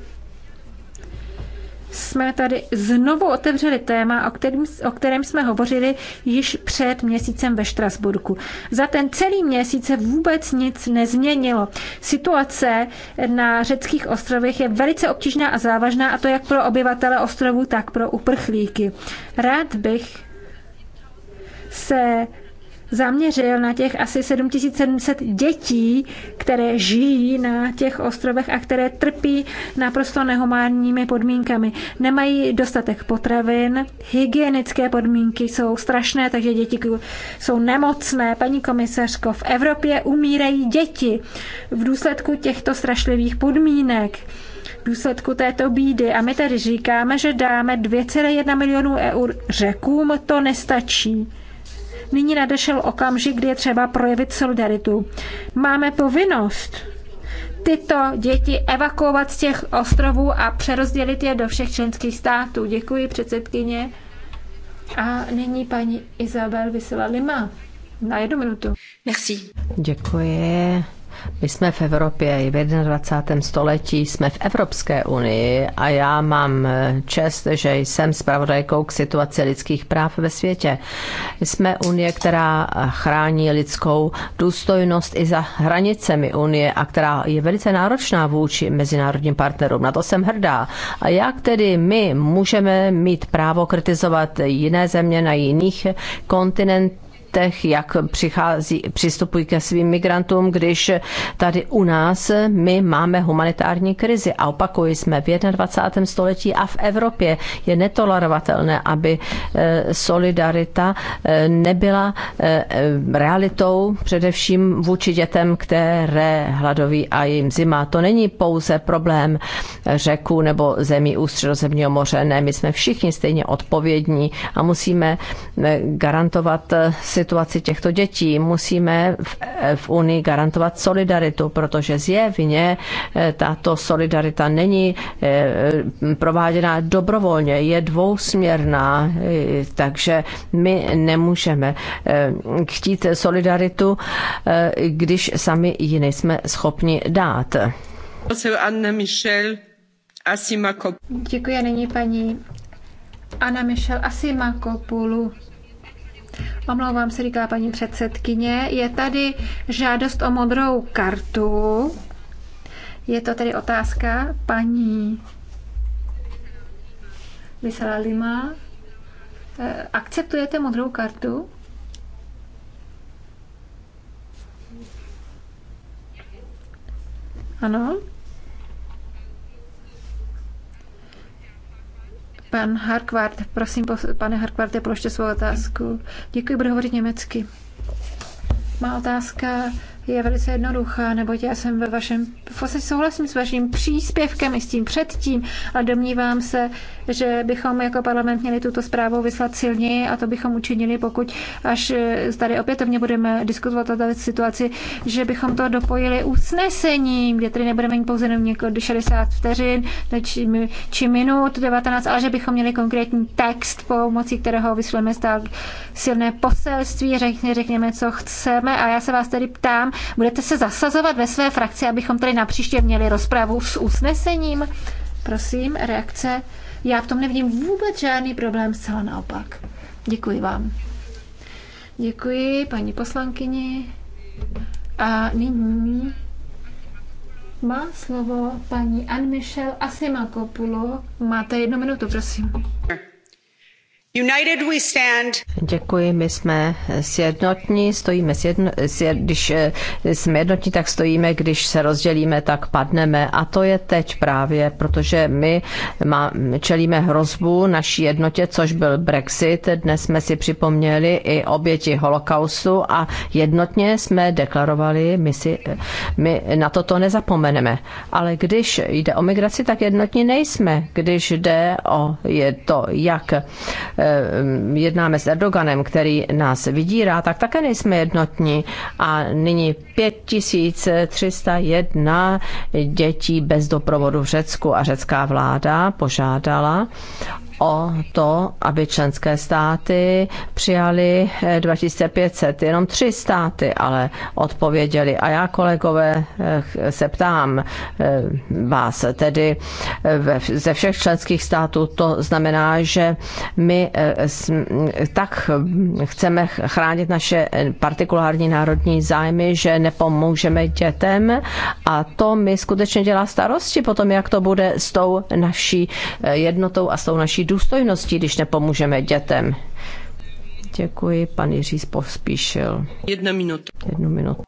jsme tady znovu otevřeli téma, o kterém, o kterém jsme hovořili již před měsícem ve Štrasburku. Za ten celý měsíc se vůbec nic nezměnilo. Situace na řeckých ostrovech je velice obtížná a závažná, a to jak pro obyvatele ostrovů, tak pro uprchlíky. Rád bych se zaměřil na těch asi 7700 dětí, které žijí na těch ostrovech a které trpí naprosto nehumánními podmínkami. Nemají dostatek potravin, hygienické podmínky jsou strašné, takže děti jsou nemocné. Paní komisařko, v Evropě umírají děti v důsledku těchto strašlivých podmínek v důsledku této bídy. A my tedy říkáme, že dáme 2,1 milionů eur řekům, to nestačí. Nyní nadešel okamžik, kdy je třeba projevit solidaritu. Máme povinnost tyto děti evakuovat z těch ostrovů a přerozdělit je do všech členských států. Děkuji předsedkyně. A nyní paní Izabel Vysela Lima. Na jednu minutu. Merci. Děkuji. My jsme v Evropě i v 21. století, jsme v Evropské unii a já mám eh, čest, že jsem zpravodajkou k situaci lidských práv ve světě. Jsme unie, která eh, chrání lidskou důstojnost i za hranicemi unie a která je velice náročná vůči mezinárodním partnerům. Na to jsem hrdá. A jak tedy my můžeme mít právo kritizovat jiné země na jiných kontinentech, limitech, jak přichází, přistupují ke svým migrantům, když tady u nás my máme humanitární krizi. A opakuji, jsme v 21. století a v Evropě je netolerovatelné, aby eh, solidarita eh, nebyla eh, realitou především vůči dětem, které hladoví a jim zima. To není pouze problém řeku nebo zemí ústředozemního moře. Ne, my jsme všichni stejně odpovědní a musíme garantovat si situaci těchto dětí. Musíme v, v Unii garantovat solidaritu, protože zjevně eh, tato solidarita není eh, prováděná dobrovolně, je dvousměrná, eh, takže my nemůžeme chtít solidaritu, když sami ji nejsme schopni dát. Anna Děkuji, nyní paní Anna Michelle Asimakopoulou. Omlouvám se, říká paní předsedkyně. Je tady žádost o modrou kartu. Je to tedy otázka paní Vysala Lima. Eh, akceptujete modrou kartu? Ano. Pan Harkvart, prosím, pane Harkvarte, položte svou otázku. Děkuji, budu hovořit německy. Má otázka je velice jednoduchá, neboť já jsem ve vašem, vlastně souhlasím s vaším příspěvkem i s tím předtím, ale domnívám se, že bychom jako parlament měli tuto zprávu vyslat silněji a to bychom učinili, pokud až eh, tady opětovně budeme diskutovat o této situaci, že bychom to dopojili usnesením, kde tedy nebudeme mít pouze jenom několik 60 vteřin či, či minut 19, ale že bychom měli konkrétní text, pomocí kterého vysleme stát silné poselství, řekně, řekněme, co chceme a já se vás tedy ptám, Budete se zasazovat ve své frakci, abychom tady napříště měli rozpravu s usnesením? Prosím, reakce. Já v tom nevidím vůbec žádný problém, zcela naopak. Děkuji vám. Děkuji paní poslankyni. A nyní má slovo paní anne michelle Asimakopulo. Máte jednu minutu, prosím. United we stand. Děkuji, my jsme sjednotní, stojíme sjedno, sjed, když eh, jsme jednotní, tak stojíme, když se rozdělíme, tak padneme. A to je teď právě, protože my má, čelíme hrozbu naší jednotě, což byl Brexit. Dnes jsme si připomněli i oběti holokaustu a jednotně jsme deklarovali, my, si, my na to to nezapomeneme. Ale když jde o migraci, tak jednotní nejsme. Když jde o je to, jak Eh, jednáme s Erdoganem, který nás vydírá, tak také nejsme jednotní. A nyní 5301 dětí bez doprovodu v Řecku a řecká vláda požádala o to, aby členské státy přijali 2500. Eh, Jenom tři státy ale odpověděli. A já, kolegové, eh, se ptám eh, vás, tedy ze všech členských států to znamená, že my tak chceme chránit naše partikulární národní zájmy, že nepomůžeme dětem a to mi skutečně dělá starosti potom, jak to bude s tou naší jednotou a s tou naší naší důstojnosti, když nepomůžeme dětem. Děkuji, pan Jiří Pospíšil. Jedna minuta. Jednu minutu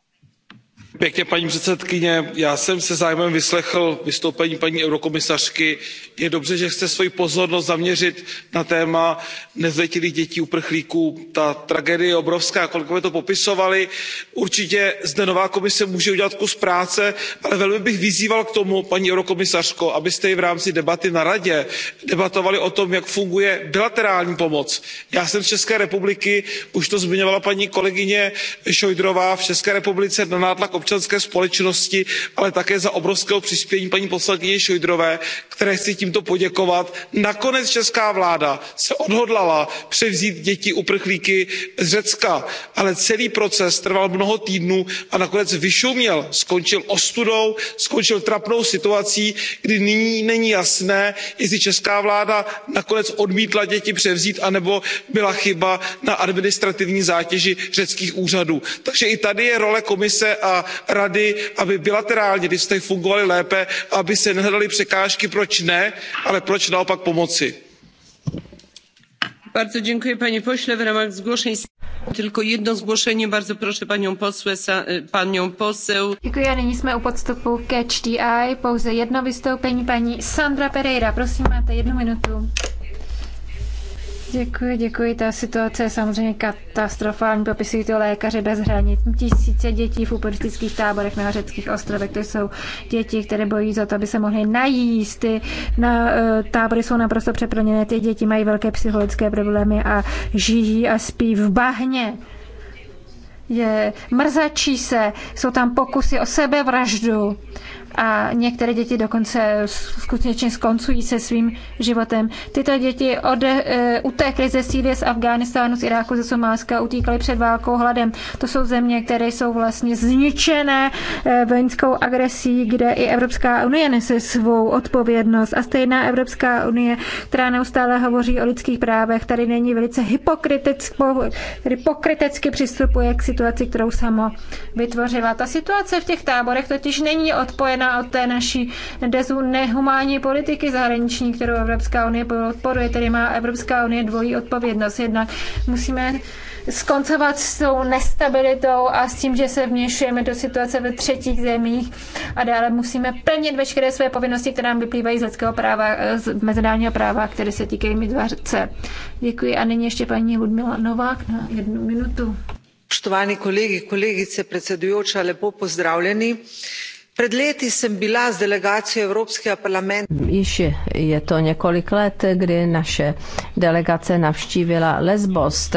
paní předsedající já jsem se zájmem vyslechl vystoupení paní komisařky. je dobře že chce svoji pozornost zaměřit na téma nezletilých dětí uprchlíků. ta tragédie je obrovská kolegové to popisovali. určitě zde nová komise může udělat kus práce ale velmi bych vyzýval k tomu paní komisařko abyste i v rámci debaty na radě debatovali o tom jak funguje bilaterální pomoc. já jsem z české republiky už to zmiňovala paní kolegyně šojdrová v české republice na nátlak občanské společnosti ale také za obrovské přispění paní poslankyně šojdrové které chci tímto poděkovat. nakonec česká vláda se odhodlala převzít děti uprchlíky z řecka ale celý proces trval mnoho týdnů a nakonec vyšuměl skončil ostudou skončil trapnou situací kdy nyní není jasné jestli česká vláda nakonec odmítla děti převzít anebo byla chyba na administrativní zátěži řeckých úřadů. takže i tady je role komise a rady aby bilaterálně vztahy fungovaly lépe aby se nehledaly překážky proč ne ale proč naopak pomoci. Děkuji a nyní jsme u podstupu Catch the Eye. Pouze jedno vystoupení paní Sandra Pereira. Prosím, máte jednu minutu. Děkuji, děkuji. Ta situace je samozřejmě katastrofální. Popisují to lékaři bez hranic. Tisíce dětí v uprchlických táborech na řeckých ostrovech. To jsou děti, které bojí za to, aby se mohly najíst. Ty na, eh, tábory jsou naprosto přeplněné. Ty děti mají velké psychologické problémy a žijí a spí v bahně je, mrzačí se, jsou tam pokusy o sebevraždu a některé děti dokonce skutečně skoncují se svým životem. Tyto děti ode, uh, e, utekly ze Sýrie, z Afghánistánu, z Iráku, ze Somálska, utíkaly před válkou, hladem. To jsou země, které jsou vlastně zničené uh, vojenskou agresí, kde i Evropská unie nese svou odpovědnost. A stejná Evropská unie, která neustále hovoří o lidských právech, tady není velice hypokriticky přistupuje k situaci, kterou samo vytvořila. Ta situace v těch táborech totiž není odpojená jedná od té naší dezu nehumánní politiky zahraniční, kterou Evropská unie podporuje, tedy má Evropská unie dvojí odpovědnost. Jednak musíme skoncovat s tou nestabilitou a s tím, že se vměšujeme do situace ve třetích zemích a dále musíme plnit veškeré své povinnosti, které nám vyplývají z lidského práva, z mezinárodního práva, které se týkají migrace. Děkuji a nyní ještě paní Ludmila Novák na jednu minutu. Spoštovani kolegy kolegice, predsedujoča, lepo pozdravljeni. Před lety jsem byla s delegací Evropského parlamentu. Již je to několik let, kdy naše delegace navštívila Lesbos.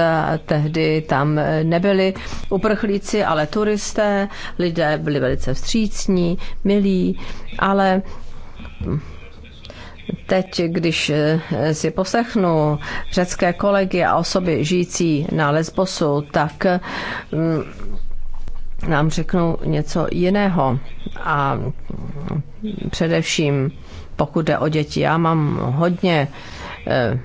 Tehdy tam nebyli uprchlíci, ale turisté. Lidé byli velice vstřícní, milí, ale Teď, když si poslechnu řecké kolegy a osoby žijící na Lesbosu, tak mm, nám řeknou něco jiného. A především, pokud jde o děti, já mám hodně eh,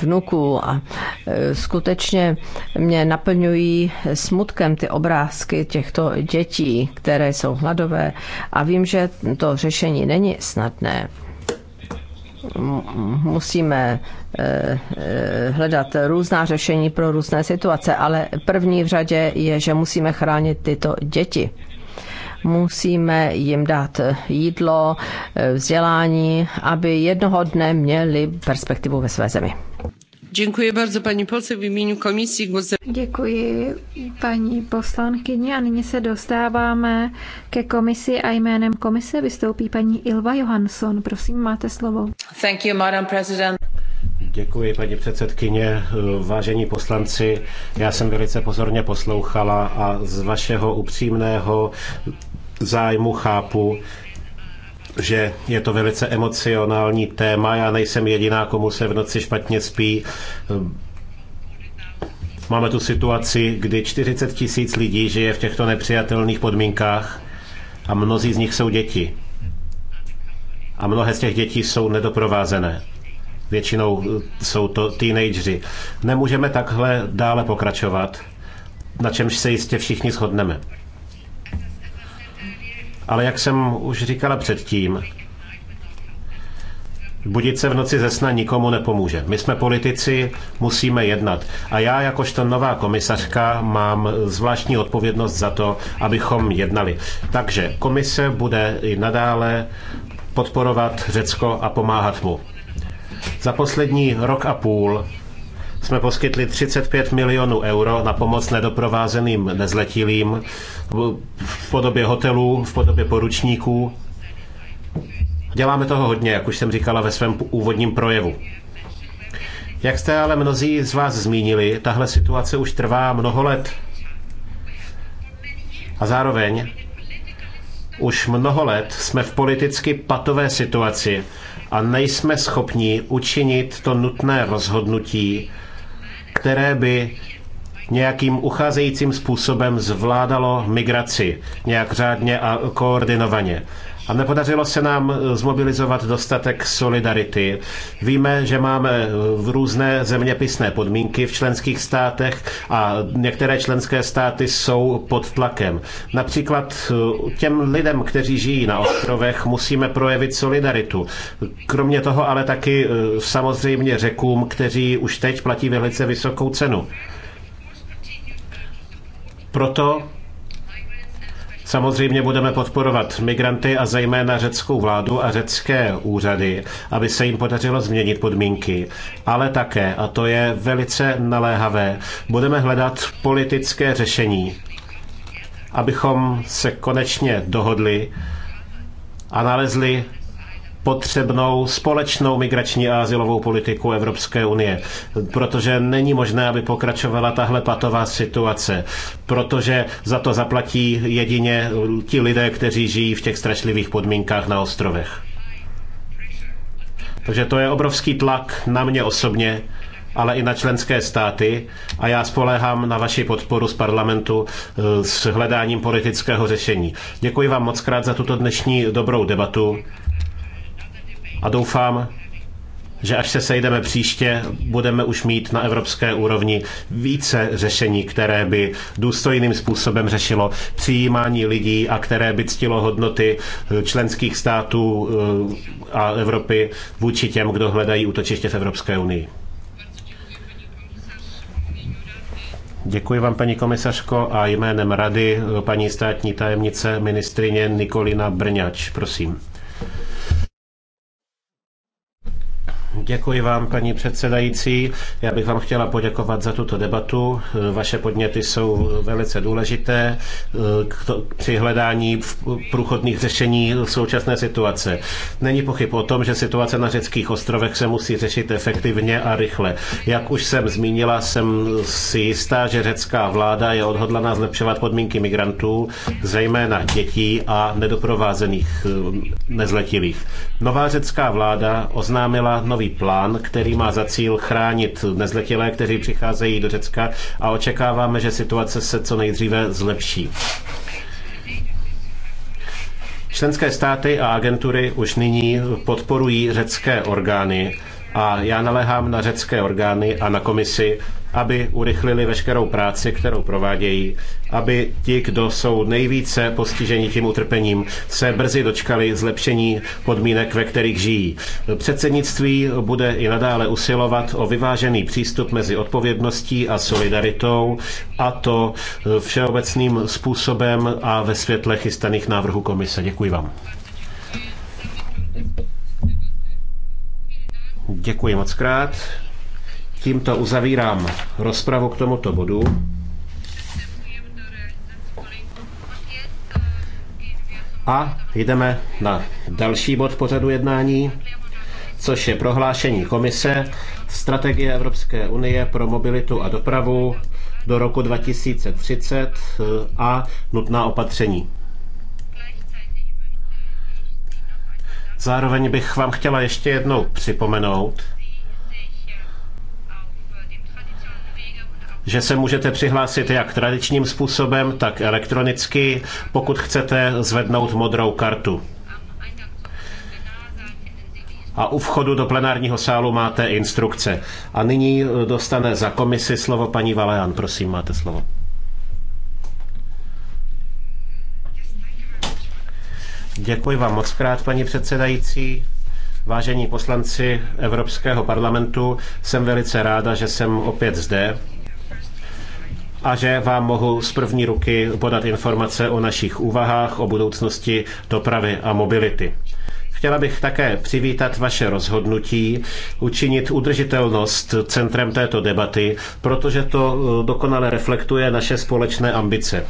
vnuků a eh, skutečně mě naplňují smutkem ty obrázky těchto dětí, které jsou hladové a vím, že to řešení není snadné musíme eh, eh, hledat různá řešení pro různé situace, ale první v řadě je, že musíme chránit tyto děti musíme jim dát eh, jídlo, vzdělání, aby jednoho dne měli perspektivu ve své zemi. Děkuji bardzo paní poseł v jménu Děkuji paní a nyní se dostáváme ke komisi a jménem komise vystoupí paní Ilva Johansson. Prosím, máte slovo. Thank you, Madam President. Děkuji, paní předsedkyně. Vážení poslanci, já jsem velice pozorně poslouchala a z vašeho upřímného zájmu chápu, že je to velice emocionální téma. Já nejsem jediná, komu se v noci špatně spí. Máme tu situaci, kdy 40 tisíc lidí žije v těchto nepřijatelných podmínkách a mnozí z nich jsou děti. A mnohé z těch dětí jsou nedoprovázené. Většinou jsou to teenageři. Nemůžeme takhle dále pokračovat, na čemž se jistě všichni shodneme. Ale jak jsem už říkala předtím, Budit se v noci ze sna nikomu nepomůže. My jsme politici, musíme jednat. A já jakožto nová komisařka mám zvláštní odpovědnost za to, abychom jednali. Takže komise bude i nadále podporovat Řecko a pomáhat mu. Za poslední rok a půl jsme poskytli 35 milionů euro na pomoc nedoprovázeným nezletilým v podobě hotelů, v podobě poručníků. Děláme toho hodně, jak už jsem říkala ve svém úvodním projevu. Jak jste ale mnozí z vás zmínili, tahle situace už trvá mnoho let. A zároveň už mnoho let jsme v politicky patové situaci a nejsme schopni učinit to nutné rozhodnutí které by nějakým ucházejícím způsobem zvládalo migraci, nějak řádně a koordinovaně a nepodařilo se nám eh, zmobilizovat dostatek solidarity. Víme, že máme eh, v různé zeměpisné podmínky v členských státech a některé členské státy jsou pod tlakem. Například eh, těm lidem, kteří žijí na ostrovech, musíme projevit solidaritu. Kromě toho ale taky samozřejmě řekům, kteří už teď platí velice vysokou cenu. Proto Samozřejmě budeme podporovat migranty a zejména řeckou vládu a řecké úřady, aby se jim podařilo změnit podmínky. Ale také, a to je velice naléhavé, budeme hledat politické řešení, abychom se konečně dohodli a nalezli potřebnou společnou migrační a asilovou politiku Evropské unie, protože není možné, aby pokračovala tahle patová situace, protože za to zaplatí jedině ti lidé, kteří žijí v těch strašlivých podmínkách na ostrovech. Takže to je obrovský tlak na mě osobně, ale i na členské státy a já spoléhám na vaši podporu z parlamentu eh, s hledáním politického řešení. Děkuji vám moc krát za tuto dnešní dobrou debatu a doufám, že až se sejdeme příště, budeme už mít na evropské úrovni více řešení, které by důstojným způsobem řešilo přijímání lidí a které by ctilo hodnoty eh, členských států eh, a Evropy vůči těm, kdo hledají útočiště v Evropské unii. Děkuji vám, paní komisařko, a jménem rady eh, paní státní tajemnice ministrině Nikolina Brňač, prosím. Děkuji vám, paní předsedající. Já bych vám chtěla poděkovat za tuto debatu. Vaše podněty jsou velice důležité to, při hledání průchodných řešení současné situace. Není pochyb o tom, že situace na řeckých ostrovech se musí řešit efektivně a rychle. Jak už jsem zmínila, jsem si jistá, že řecká vláda je odhodlaná zlepšovat podmínky migrantů, zejména dětí a nedoprovázených nezletilých. Nová řecká vláda oznámila nové nový plán, který má za cíl chránit nezletilé, kteří přicházejí do Řecka a očekáváme, že situace se co nejdříve zlepší. Členské státy a agentury už nyní podporují řecké orgány a já naléhám na řecké orgány a na komisi, aby urychlili veškerou práci, kterou provádějí, aby ti, kdo jsou nejvíce postiženi tím utrpením, se brzy dočkali zlepšení podmínek, ve kterých žijí. Předsednictví bude i nadále usilovat o vyvážený přístup mezi odpovědností a solidaritou, a to všeobecným způsobem a ve světle chystaných návrhů komise. Děkuji vám. Děkuji moc krát. Tímto uzavírám rozpravu k tomuto bodu. A jdeme na další bod pořadu jednání, což je prohlášení komise Strategie Evropské unie pro mobilitu a dopravu do roku 2030 eh, a nutná opatření. Zároveň bych vám chtěla ještě jednou připomenout, že se můžete přihlásit jak tradičním způsobem, tak elektronicky, pokud chcete zvednout modrou kartu. A u vchodu do plenárního sálu máte instrukce. A nyní dostane za komisi slovo paní Valean. Prosím, máte slovo. Děkuji vám moc krát, paní předsedající. Vážení poslanci Evropského parlamentu, jsem velice ráda, že jsem opět zde a že vám mohu z první ruky podat informace o našich úvahách o budoucnosti dopravy a mobility. Chtěla bych také přivítat vaše rozhodnutí učinit udržitelnost centrem této debaty, protože to eh, dokonale reflektuje naše společné ambice.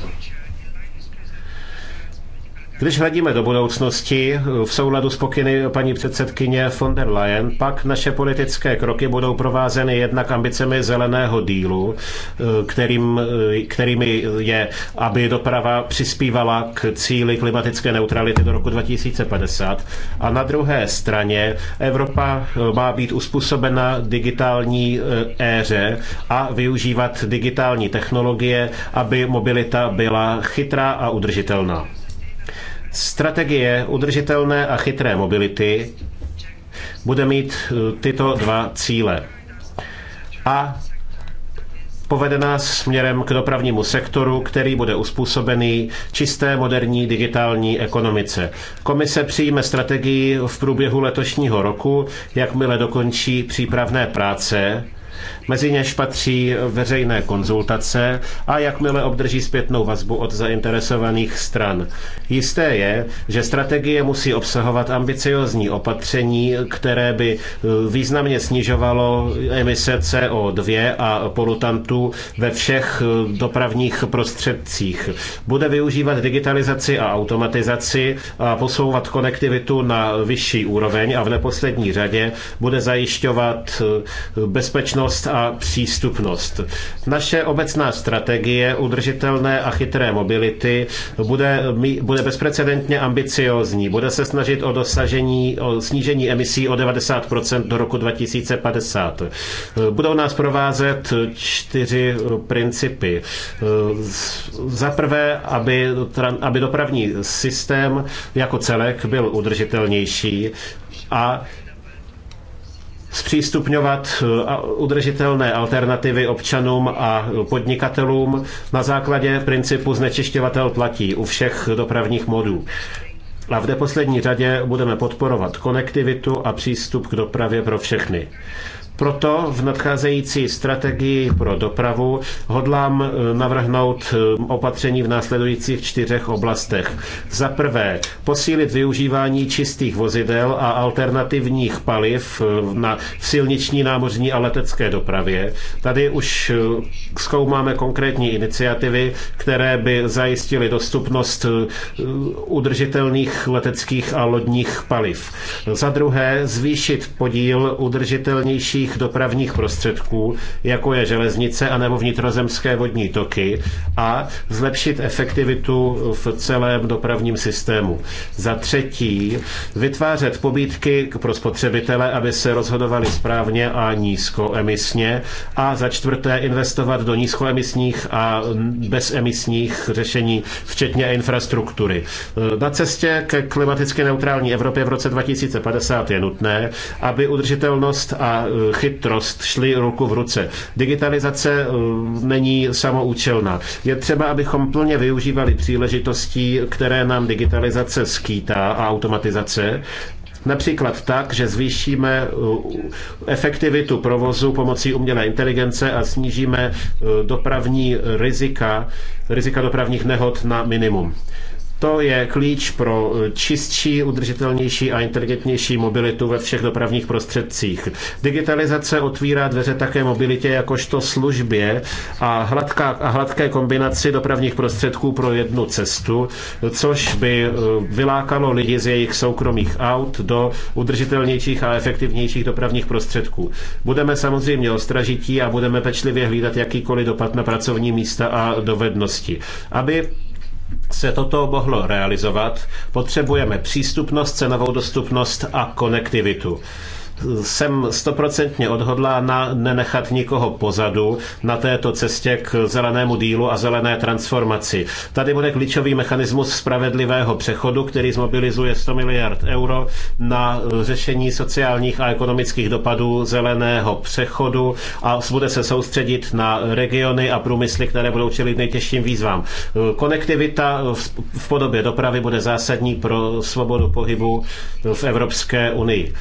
Když hledíme do budoucnosti v souladu s pokyny paní předsedkyně von der Leyen, pak naše politické kroky budou provázeny jednak ambicemi zeleného dílu, eh, kterým, eh, kterými je, aby doprava přispívala k cíli klimatické neutrality do roku 2050. A na druhé straně Evropa eh, má být uspůsobena digitální éře a využívat digitální technologie, aby mobilita byla chytrá a udržitelná. Strategie udržitelné a chytré mobility bude mít eh, tyto dva cíle. A povede nás směrem k dopravnímu sektoru, který bude uspůsobený čisté moderní digitální ekonomice. Komise přijme strategii v průběhu letošního roku, jakmile dokončí přípravné práce Mezi něž patří veřejné konzultace a jakmile obdrží zpětnou vazbu od zainteresovaných stran. Jisté je, že strategie musí obsahovat ambiciozní opatření, které by eh, významně snižovalo emise CO2 a polutantů ve všech eh, dopravních prostředcích. Bude využívat digitalizaci a automatizaci a posouvat konektivitu na vyšší úroveň a v neposlední řadě bude zajišťovat eh, bezpečnost a a přístupnost. Naše obecná strategie udržitelné a chytré mobility bude, bude bezprecedentně ambiciozní. Bude se snažit o dosažení, o snížení emisí o 90% do roku 2050. Budou nás provázet čtyři principy. Za prvé, aby, aby dopravní systém jako celek byl udržitelnější a zpřístupňovat e, udržitelné alternativy občanům a podnikatelům na základě principu znečišťovatel platí u všech dopravních modů. A v neposlední řadě budeme podporovat konektivitu a přístup k dopravě pro všechny. Proto v nadcházející strategii pro dopravu hodlám eh, navrhnout eh, opatření v následujících čtyřech oblastech. Za prvé, posílit využívání čistých vozidel a alternativních paliv eh, na silniční, námořní a letecké dopravě. Tady už zkoumáme konkrétní iniciativy, které by zajistily dostupnost udržitelných leteckých a lodních paliv. Za druhé, zvýšit podíl udržitelnějších jiných dopravních prostředků, jako je železnice anebo vnitrozemské vodní toky a zlepšit efektivitu v celém dopravním systému. Za třetí, vytvářet pobídky pro spotřebitele, aby se rozhodovali správně a nízkoemisně. A za čtvrté, investovat do nízkoemisních a bezemisních řešení, včetně infrastruktury. Na cestě ke klimaticky neutrální Evropě v roce 2050 je nutné, aby udržitelnost a chytrost šly ruku v ruce. Digitalizace eh, není samoučelná. Je třeba, abychom plně využívali příležitostí, které nám digitalizace skýtá a automatizace, Například tak, že zvýšíme eh, efektivitu provozu pomocí umělé inteligence a snížíme eh, dopravní rizika, rizika dopravních nehod na minimum. To je klíč pro eh, čistší, udržitelnější a inteligentnější mobilitu ve všech dopravních prostředcích. Digitalizace otvírá dveře také mobilitě jakožto službě a, hladká, a hladké kombinaci dopravních prostředků pro jednu cestu, což by eh, vylákalo lidi z jejich soukromých aut do udržitelnějších a efektivnějších dopravních prostředků. Budeme samozřejmě ostražití a budeme pečlivě hlídat jakýkoliv dopad na pracovní místa a dovednosti. Aby se toto mohlo realizovat, potřebujeme přístupnost, cenovou dostupnost a konektivitu jsem stoprocentně odhodlána nenechat nikoho pozadu na této cestě k zelenému dílu a zelené transformaci. Tady bude klíčový mechanismus spravedlivého přechodu, který zmobilizuje 100 miliard euro na eh, řešení sociálních a ekonomických dopadů zeleného přechodu a bude se soustředit na regiony a průmysly, které budou čelit nejtěžším výzvám. Eh, konektivita v podobě dopravy bude zásadní pro svobodu pohybu v Evropské unii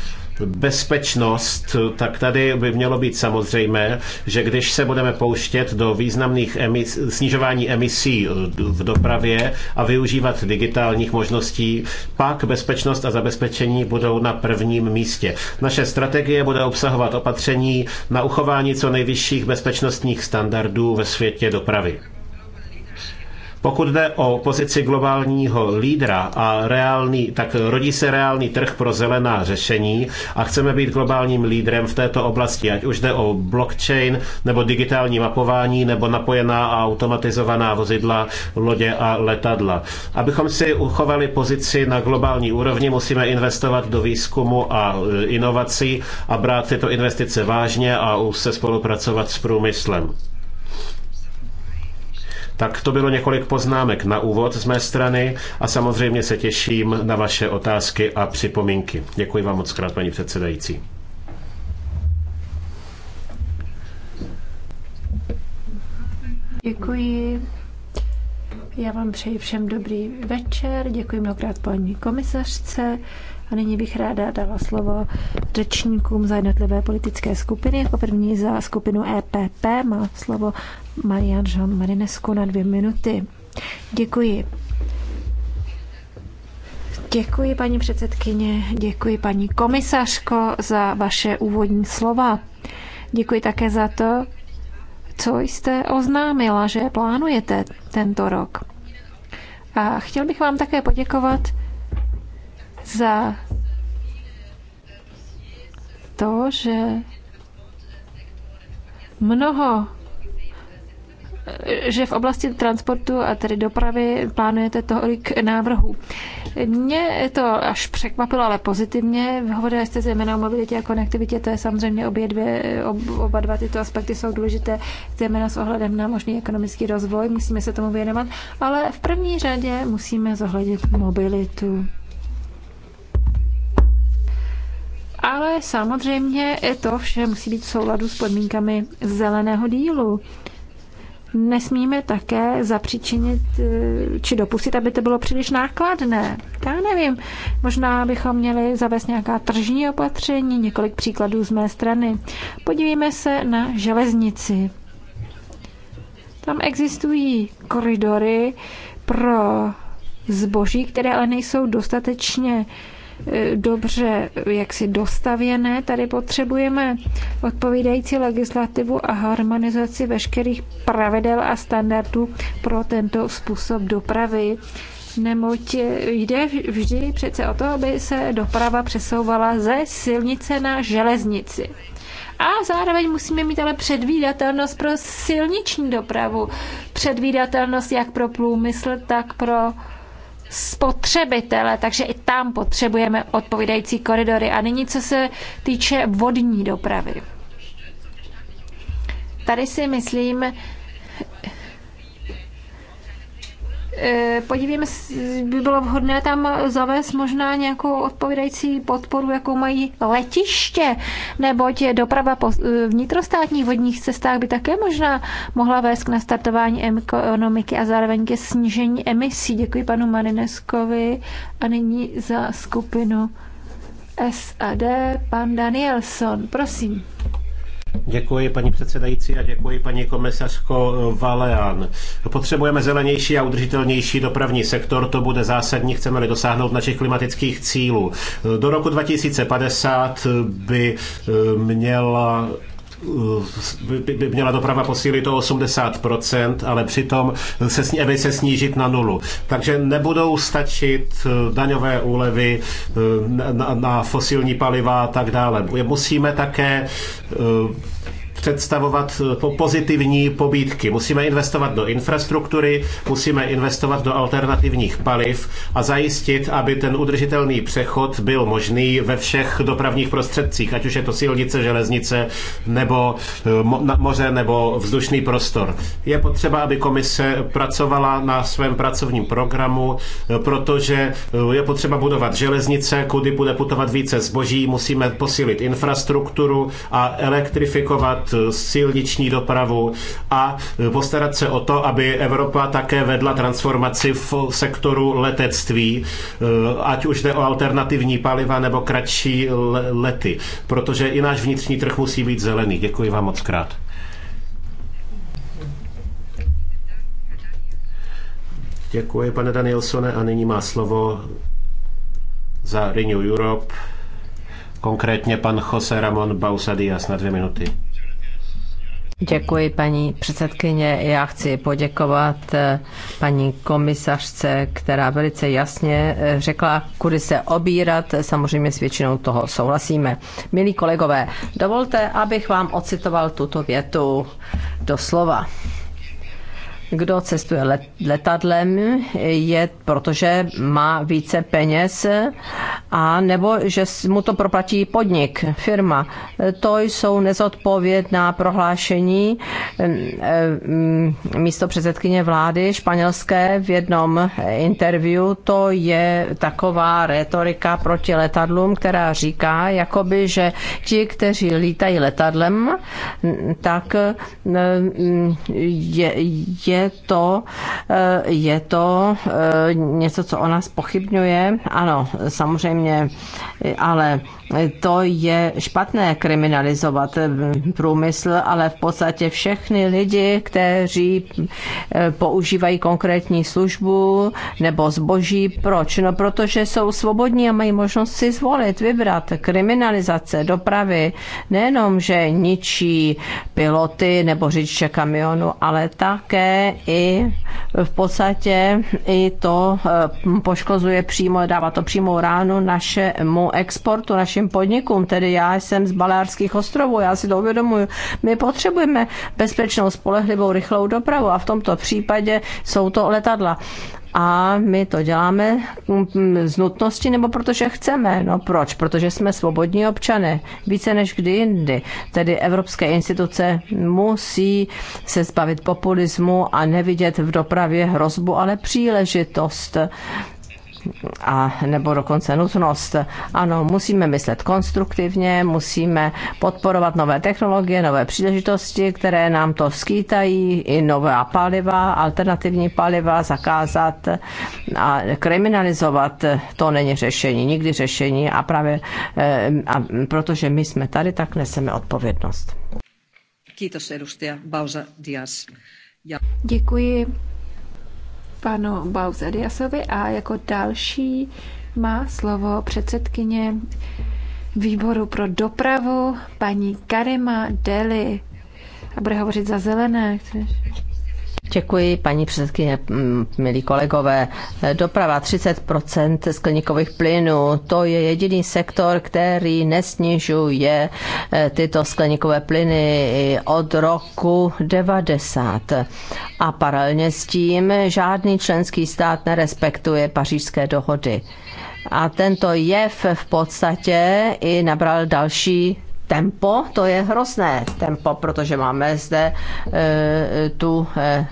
bezpečnost, tak tady by mělo být samozřejmé, že když se budeme pouštět do významných emis, snižování emisí eh, v dopravě a využívat digitálních možností, pak bezpečnost a zabezpečení budou na prvním místě. Naše strategie bude obsahovat opatření na uchování co nejvyšších bezpečnostních standardů ve světě dopravy. Pokud jde o pozici globálního lídra a reálný, tak rodí se reálný trh pro zelená řešení a chceme být globálním lídrem v této oblasti, ať už jde o blockchain nebo digitální mapování nebo napojená a automatizovaná vozidla, lodě a letadla. Abychom si uchovali pozici na globální úrovni, musíme investovat do výzkumu a e, inovací a brát tyto investice vážně a už se spolupracovat s průmyslem. Tak to bylo několik poznámek na úvod z mé strany a samozřejmě se těším na vaše otázky a připomínky. Děkuji vám moc krát, paní předsedající. Děkuji. Já vám přeji všem dobrý večer. Děkuji mnohokrát paní komisařce. A nyní bych ráda dala slovo řečníkům za jednotlivé politické skupiny. Jako první za skupinu EPP má slovo Marian Jean Marinescu na dvě minuty. Děkuji. Děkuji, paní předsedkyně, děkuji, paní komisařko, za vaše úvodní slova. Děkuji také za to, co jste oznámila, že plánujete tento rok. A chtěl bych vám také poděkovat za to, že mnoho že v oblasti transportu a tedy dopravy plánujete tolik návrhů. Mě to až překvapilo, ale pozitivně. Hovořili jste zejména o mobilitě a konektivitě, to je samozřejmě obě dvě, oba dva tyto aspekty jsou důležité, zejména s ohledem na možný ekonomický rozvoj, musíme se tomu věnovat, ale v první řadě musíme zohlednit mobilitu. Ale samozřejmě i to vše musí být v souladu s podmínkami zeleného dílu nesmíme také zapříčinit eh, či dopustit, aby to bylo příliš nákladné. Já nevím, možná bychom měli zavést nějaká tržní opatření, několik příkladů z mé strany. Podívejme se na železnici. Tam existují koridory pro zboží, které ale nejsou dostatečně dobře jaksi dostavěné. Tady potřebujeme odpovídající legislativu a harmonizaci veškerých pravidel a standardů pro tento způsob dopravy neboť jde vždy přece o to, aby se doprava přesouvala ze silnice na železnici. A zároveň musíme mít ale předvídatelnost pro silniční dopravu. Předvídatelnost jak pro průmysl, tak pro spotřebitele, takže i tam potřebujeme odpovídající koridory. A nyní, co se týče vodní dopravy. Tady si myslím, Eh, podívejme, by bylo vhodné tam zavést možná nějakou odpovídající podporu, jakou mají letiště, neboť doprava po eh, vnitrostátních vodních cestách by také možná mohla vést k nastartování ekonomiky a zároveň ke snížení emisí. Děkuji panu Marineskovi a nyní za skupinu SAD pan Danielson. Prosím. Děkuji paní předsedající a děkuji paní komisařko Valean. Potřebujeme zelenější a udržitelnější dopravní sektor, to bude zásadní, chceme-li dosáhnout našich klimatických cílů. Do roku 2050 by eh, měla by, by měla doprava posílit o 80%, ale přitom se, aby se snížit na nulu. Takže nebudou stačit eh, daňové úlevy eh, na, na, na fosilní paliva a tak dále. Musíme také eh, představovat eh, pozitivní pobídky. Musíme investovat do infrastruktury, musíme investovat do alternativních paliv a zajistit, aby ten udržitelný přechod byl možný ve všech dopravních prostředcích, ať už je to silnice, železnice nebo eh, moře nebo vzdušný prostor. Je potřeba, aby komise pracovala na svém pracovním programu, eh, protože je potřeba budovat železnice, kudy bude putovat více zboží, musíme posílit infrastrukturu a elektrifikovat Eh, silniční dopravu a eh, postarat se o to, aby Evropa také vedla transformaci v sektoru letectví, eh, ať už jde o alternativní paliva nebo kratší lety, protože i náš vnitřní trh musí být zelený. Děkuji vám moc krát. Děkuji, pane Danielsone, a nyní má slovo za Renew Europe, konkrétně pan Jose Ramon Bausadias na dvě minuty. Děkuji, paní předsedkyně. Já chci poděkovat eh, paní komisařce, která velice jasně eh, řekla, kudy se obírat. Samozřejmě s většinou toho souhlasíme. Milí kolegové, dovolte, abych vám ocitoval tuto větu doslova. slova kdo cestuje let, letadlem, je protože má více peněz a nebo že mu to proplatí podnik, firma. To jsou nezodpovědná prohlášení místo předsedkyně vlády španělské v jednom interview. To je taková retorika proti letadlům, která říká, jakoby, že ti, kteří lítají letadlem, tak je, je je to, eh, je to eh, něco, co ona pochybňuje. Ano, samozřejmě, ale to je špatné kriminalizovat eh, průmysl, ale v podstatě všechny lidi, kteří eh, používají konkrétní službu nebo zboží. Proč? No, protože jsou svobodní a mají možnost si zvolit, vybrat. Kriminalizace dopravy nejenom, že ničí piloty nebo řidiče kamionu, ale také i v podstatě i to eh, poškozuje přímo, dává to přímou ránu našemu exportu, našemu našim podnikům, tedy já jsem z Balárských ostrovů, já si to uvědomuji. My potřebujeme bezpečnou, spolehlivou, rychlou dopravu a v tomto případě jsou to letadla. A my to děláme mm, mm, z nutnosti nebo protože chceme. No proč? Protože jsme svobodní občané. Více než kdy jindy. Tedy evropské instituce musí se zbavit populismu a nevidět v dopravě hrozbu, ale příležitost a nebo dokonce nutnost. Ano, musíme myslet konstruktivně, musíme podporovat nové technologie, nové příležitosti, které nám to skýtají, i nová paliva, alternativní paliva, zakázat a kriminalizovat, to není řešení, nikdy řešení a právě eh, a protože my jsme tady, tak neseme odpovědnost. Kiitos, edustaja Díaz. Děkuji panu Bauzediasovi a jako další má slovo předsedkyně výboru pro dopravu paní Karima Deli a bude hovořit za zelené. Chceš? Děkuji, paní předsedkyně, mm, milí kolegové. Doprava 30% skleníkových plynů, to je jediný sektor, který nesnižuje eh, tyto skleníkové plyny od roku 90. A paralelně s tím žádný členský stát nerespektuje pařížské dohody. A tento jev v podstatě i nabral další tempo, to je hrozné tempo, protože máme zde e, tu e,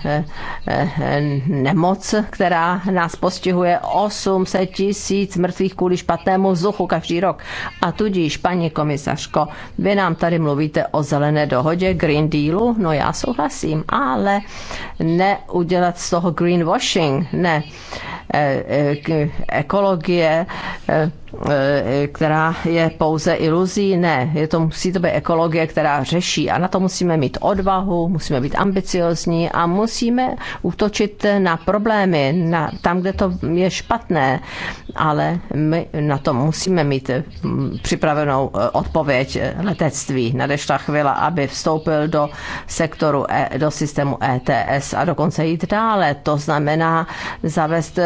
e, nemoc, která nás postihuje 800 tisíc mrtvých kvůli špatnému vzduchu každý rok. A tudíž, paní komisařko, vy nám tady mluvíte o zelené dohodě, Green Dealu, no já souhlasím, ale neudělat z toho greenwashing, ne. Ekologie Eh, která je pouze iluzí, ne. Je to, musí to být ekologie, která řeší a na to musíme mít odvahu, musíme být ambiciozní a musíme útočit na problémy, na, tam, kde to je špatné, ale my na to musíme mít eh, připravenou eh, odpověď letectví. Nadešla chvíla, aby vstoupil do sektoru, e, do systému ETS a dokonce jít dále. To znamená zavést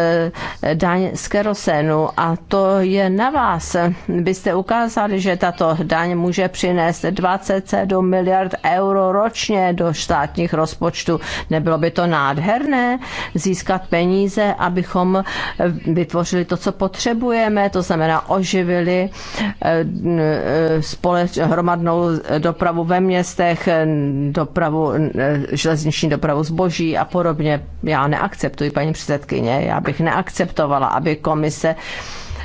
daň z kerosenu a to je na vás byste ukázali, že tato daň může přinést 27 miliard euro ročně do státních rozpočtů. Nebylo by to nádherné získat peníze, abychom vytvořili to, co potřebujeme, to znamená oživili eh, eh, společ, hromadnou dopravu ve městech, dopravu, eh, železniční dopravu zboží a podobně. Já neakceptuji, paní předsedkyně, já bych neakceptovala, aby komise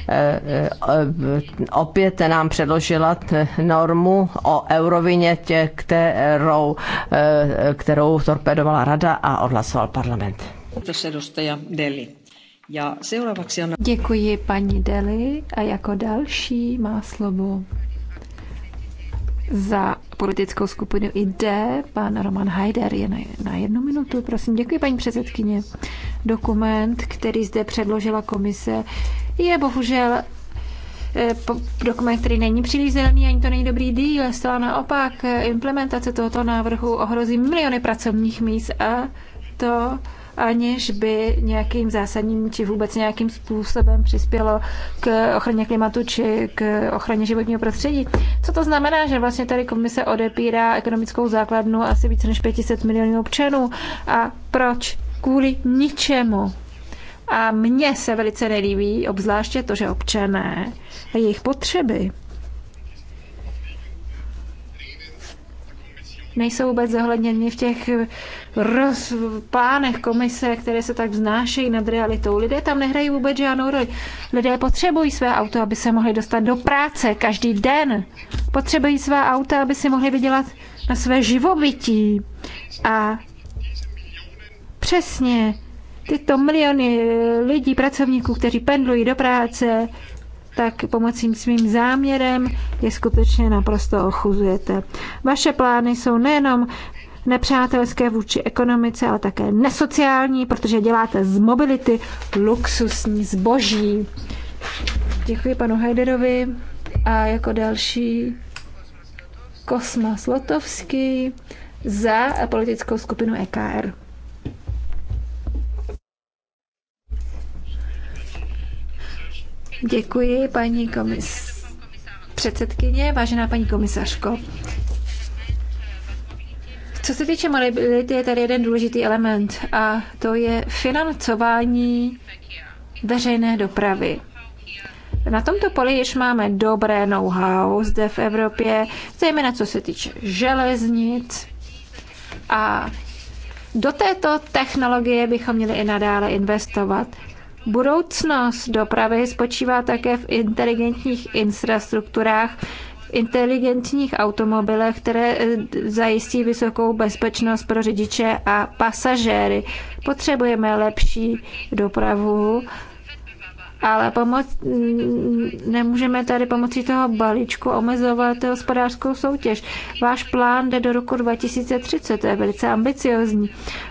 Eh, eh, eh, opět nám předložila normu o tě, kterou, kterou torpedovala rada a odhlasoval parlament. Děkuji paní Deli a jako další má slovo za politickou skupinu ID pan Roman Hajder je na, na jednu minutu. Prosím, děkuji paní předsedkyně. Dokument, který zde předložila komise, je bohužel eh, dokument, který není příliš zelený, ani to není dobrý díl, stala naopak eh, implementace tohoto návrhu ohrozí miliony pracovních míst a to aniž by nějakým zásadním či vůbec nějakým způsobem přispělo k ochraně klimatu či k ochraně životního prostředí. Co to znamená, že vlastně tady komise odepírá ekonomickou základnu asi více než 500 milionů občanů a proč? Kvůli ničemu. A mně se velice nelíbí, obzvláště to, že občané a jejich potřeby nejsou vůbec zohledněni v těch rozpánech komise, které se tak vznášejí nad realitou. Lidé tam nehrají vůbec žádnou roli. Lidé potřebují své auto, aby se mohli dostat do práce každý den. Potřebují své auta, aby si mohli vydělat na své živobytí. A přesně tyto miliony eh, lidí, pracovníků, kteří pendlují do práce, tak pomocí svým záměrem je skutečně naprosto ochuzujete. Vaše plány jsou nejenom nepřátelské vůči ekonomice, ale také nesociální, protože děláte z mobility luxusní zboží. Děkuji panu Heiderovi a jako další Kosmas Lotovský za politickou skupinu EKR. Děkuji, paní komis... předsedkyně, vážená paní komisařko. Co se týče mobility, je tady jeden důležitý element a to je financování veřejné dopravy. Na tomto poli již máme dobré know-how zde v Evropě, zejména co se týče železnic. A do této technologie bychom měli i nadále investovat. Budoucnost dopravy spočívá také v inteligentních infrastrukturách, v inteligentních automobilech, které eh, zajistí vysokou bezpečnost pro řidiče a pasažéry. Potřebujeme lepší dopravu, ale pomoc, nemůžeme tady pomocí toho balíčku omezovat hospodářskou soutěž. Váš plán jde do roku 2030, to je velice ambiciozní.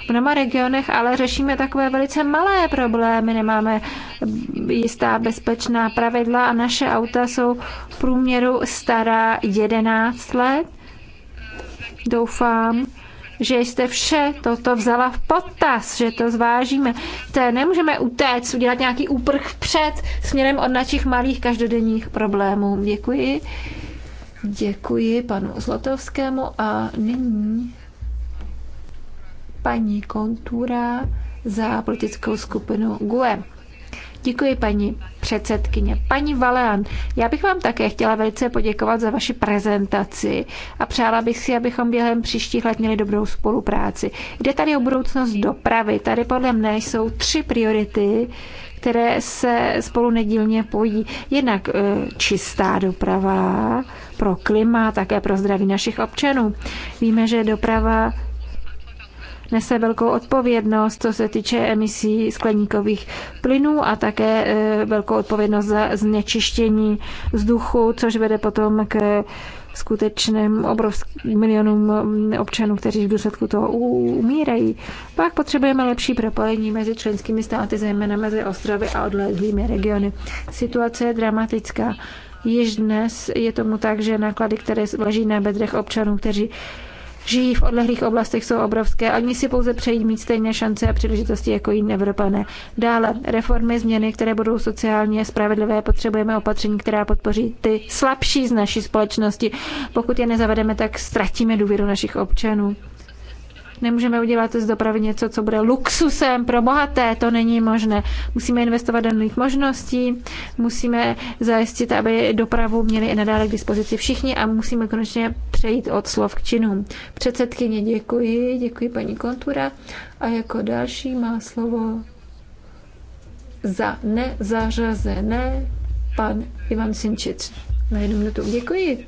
V mnoha regionech ale řešíme takové velice malé problémy, nemáme jistá bezpečná pravidla a naše auta jsou v průměru stará 11 let. Doufám, že jste vše toto vzala v potaz, že to zvážíme. To nemůžeme utéct, udělat nějaký úprch před směrem od našich malých každodenních problémů. Děkuji. Děkuji panu Zlotovskému a nyní paní Kontura za politickou skupinu GUE. Děkuji, paní předsedkyně. Paní Valean, já bych vám také chtěla velice poděkovat za vaši prezentaci a přála bych si, abychom během příštích let měli dobrou spolupráci. Jde tady o budoucnost dopravy. Tady podle mne jsou tři priority, které se spolu nedílně pojí. Jednak e, čistá doprava pro klima, také pro zdraví našich občanů. Víme, že doprava nese velkou odpovědnost, co se týče emisí skleníkových plynů a také e, velkou odpovědnost za znečištění vzduchu, což vede potom k skutečným obrovským milionům občanů, kteří v důsledku toho umírají. Pak potřebujeme lepší propojení mezi členskými státy, zejména mezi ostrovy a odlehlými regiony. Situace je dramatická. Již dnes je tomu tak, že náklady, které leží na bedrech občanů, kteří žijí v odlehlých oblastech, jsou obrovské. Oni si pouze přejí mít stejné šance a příležitosti jako jiní Evropané. Dále reformy, změny, které budou sociálně spravedlivé, potřebujeme opatření, která podpoří ty slabší z naší společnosti. Pokud je nezavedeme, tak ztratíme důvěru našich občanů. Nemůžeme udělat z dopravy něco, co bude luxusem pro bohaté, to není možné. Musíme investovat do nových možností, musíme zajistit, aby dopravu měli i nadále k dispozici všichni a musíme konečně přejít od slov k činům. Předsedkyně, děkuji, děkuji paní Kontura a jako další má slovo za nezařazené pan Ivan Sinčič. Na jednu minutu. Děkuji.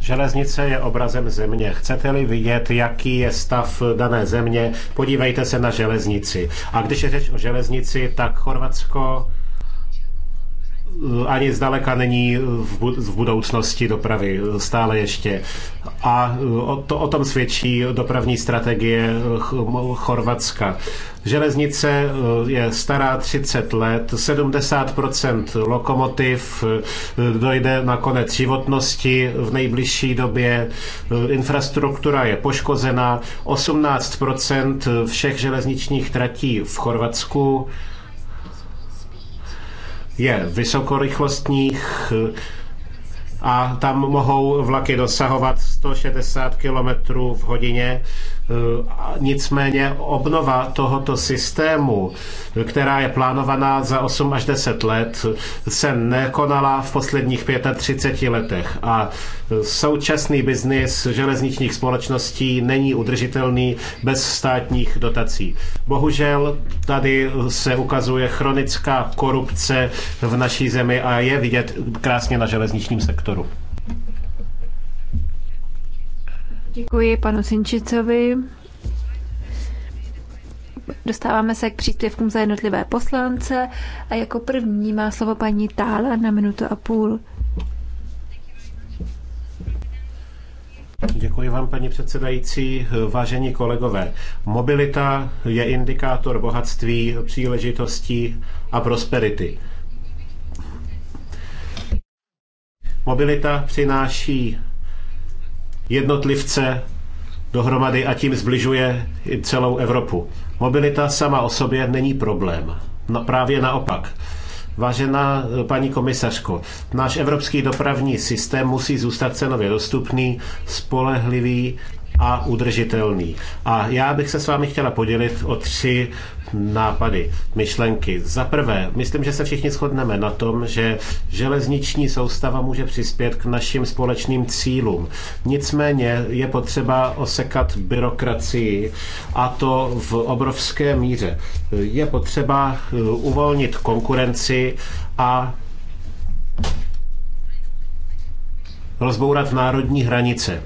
Železnice je obrazem země. Chcete-li vidět, jaký je stav dané země, podívejte se na železnici. A když je řeč o železnici, tak Chorvatsko Eh, ani zdaleka není eh, v budoucnosti dopravy eh, stále ještě. A to, o tom svědčí dopravní strategie Chorvatska. Železnice je stará 30 let, 70% lokomotiv dojde na konec životnosti v nejbližší době, infrastruktura je poškozena, 18% všech železničních tratí v Chorvatsku je vysokorychlostních eh, a tam mohou vlaky dosahovat 160 km v hodině Eh, nicméně obnova tohoto systému, která je plánovaná za 8 až 10 let, se nekonala v posledních 35 letech. A eh, současný biznis železničních společností není udržitelný bez státních dotací. Bohužel tady se ukazuje chronická korupce v naší zemi a je vidět krásně na železničním sektoru. Děkuji panu Sinčicovi. Dostáváme se k příspěvkům za jednotlivé poslance a jako první má slovo paní Tála na minutu a půl. Děkuji vám, paní předsedající. Vážení kolegové, mobilita je indikátor bohatství, příležitostí a prosperity. Mobilita přináší jednotlivce dohromady a tím zbližuje i celou Evropu. Mobilita sama o sobě není problém. No právě naopak. Vážená eh, paní komisařko, náš evropský dopravní systém musí zůstat cenově dostupný, spolehlivý a udržitelný. A já bych se s vámi chtěla podělit o tři nápady, myšlenky. Za prvé, myslím, že se všichni shodneme na tom, že železniční soustava může přispět k našim společným cílům. Nicméně je potřeba osekat byrokracii a to v obrovské míře. Je potřeba uh, uvolnit konkurenci a rozbourat národní hranice.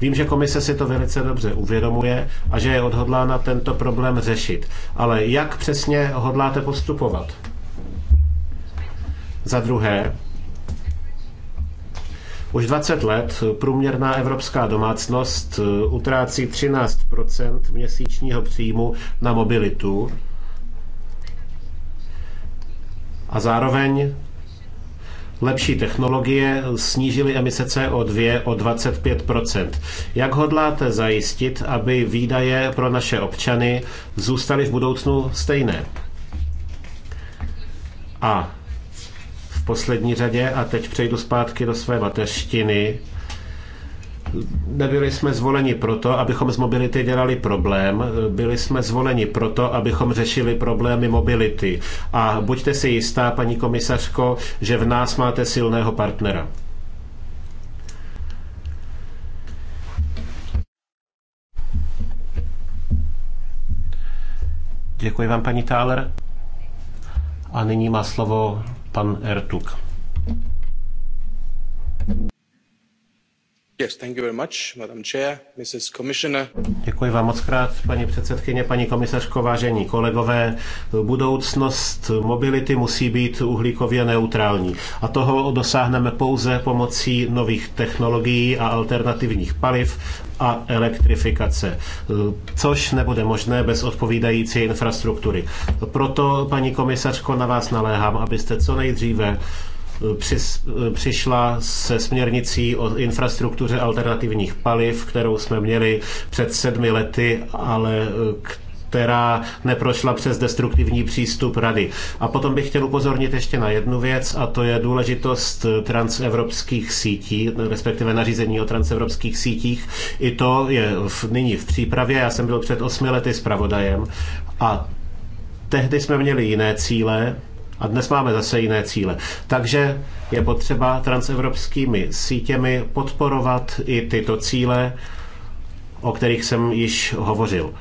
Vím, že komise si to velice dobře uvědomuje a že je odhodlána tento problém řešit. Ale jak přesně hodláte postupovat? Za druhé, už 20 let průměrná evropská domácnost eh, utrácí 13 měsíčního příjmu na mobilitu a zároveň lepší technologie snížily emise CO2 o 25 Jak hodláte zajistit, aby výdaje pro naše občany zůstaly v budoucnu stejné? A v poslední řadě, a teď přejdu zpátky do své mateřštiny, Nebyli jsme zvoleni proto, abychom z mobility dělali problém, byli jsme zvoleni proto, abychom řešili problémy mobility. A buďte si jistá, paní komisařko, že v nás máte silného partnera. Děkuji vám, paní Thaler. A nyní má slovo pan Ertuk. Děkuji vám moc krát, paní předsedkyně, paní komisařko, vážení kolegové. Budoucnost mobility musí být uhlíkově neutrální a toho dosáhneme pouze pomocí nových technologií a alternativních paliv a elektrifikace, což nebude možné bez odpovídající infrastruktury. Proto, paní komisařko, na vás naléhám, abyste co nejdříve přis, přišla se směrnicí o infrastruktuře alternativních paliv, kterou jsme měli před sedmi lety, ale eh, která neprošla přes destruktivní přístup rady. A potom bych chtěl upozornit ještě na jednu věc, a to je důležitost eh, transevropských sítí, respektive nařízení o transevropských sítích. I to je v, nyní v přípravě. Já jsem byl před osmi lety zpravodajem a tehdy jsme měli jiné cíle, a dnes máme zase jiné cíle. Takže je potřeba transevropskými sítěmi podporovat i tyto cíle, o kterých jsem již hovořil.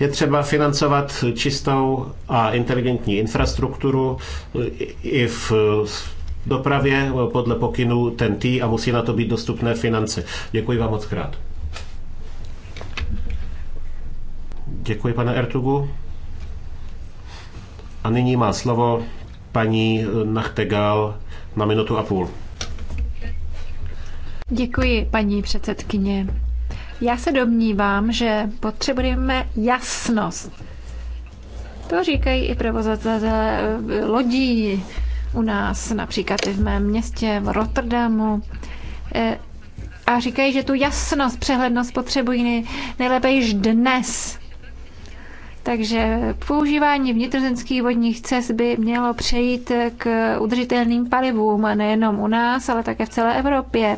Je třeba financovat čistou a inteligentní infrastrukturu i v dopravě podle pokynů TNT a musí na to být dostupné finance. Děkuji vám moc krát. Děkuji, pane Ertugu. A nyní má slovo paní Nachtegal na minutu a půl. Děkuji, paní předsedkyně. Já se domnívám, že potřebujeme jasnost. To říkají i provozatelé lodí u nás, například i v mém městě, v Rotterdamu e, a říkají, že tu jasnost, přehlednost potřebují nejlépe již dnes. Takže používání vnitrozemských vodních cest by mělo přejít k udržitelným palivům, nejenom u nás, ale také v celé Evropě.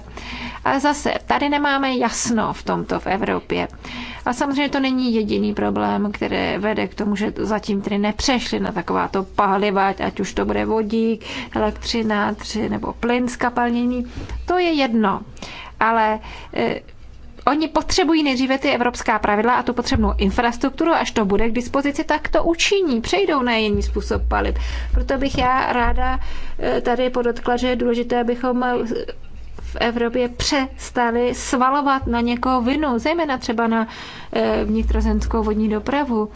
A zase, tady nemáme jasno v tomto v Evropě. A samozřejmě to není jediný problém, který vede k tomu, že zatím tedy nepřešli na takováto paliva, ať už to bude vodík, elektřina, tři, nebo plyn z kapalnění. To je jedno ale eh, Oni potřebují nejdříve ty evropská pravidla a tu potřebnou infrastrukturu, až to bude k dispozici, tak to učiní, přejdou na jiný způsob paliv. Proto bych já ráda eh, tady podotkla, že je důležité, abychom eh, v Evropě přestali svalovat na někoho vinu, zejména třeba na eh, vnitrozemskou vodní dopravu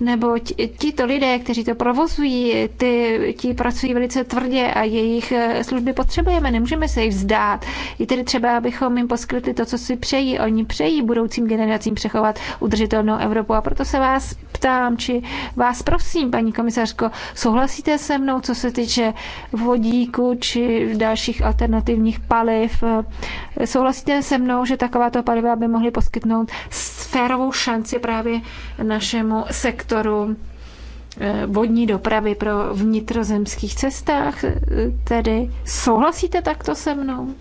nebo tito lidé, kteří to provozují, ty, ti pracují velice tvrdě a jejich eh, služby potřebujeme, nemůžeme se jich vzdát. I tedy třeba, abychom jim poskytli to, co si přejí. Oni přejí budoucím generacím přechovat udržitelnou Evropu a proto se vás ptám, či vás prosím, paní komisařko, souhlasíte se mnou, co se týče vodíku či dalších alternativních paliv? Eh, souhlasíte se mnou, že takováto paliva by mohly poskytnout sférovou šanci právě našemu sektoru eh, vodní dopravy pro vnitrozemských cestách. Eh, tedy souhlasíte takto se mnou?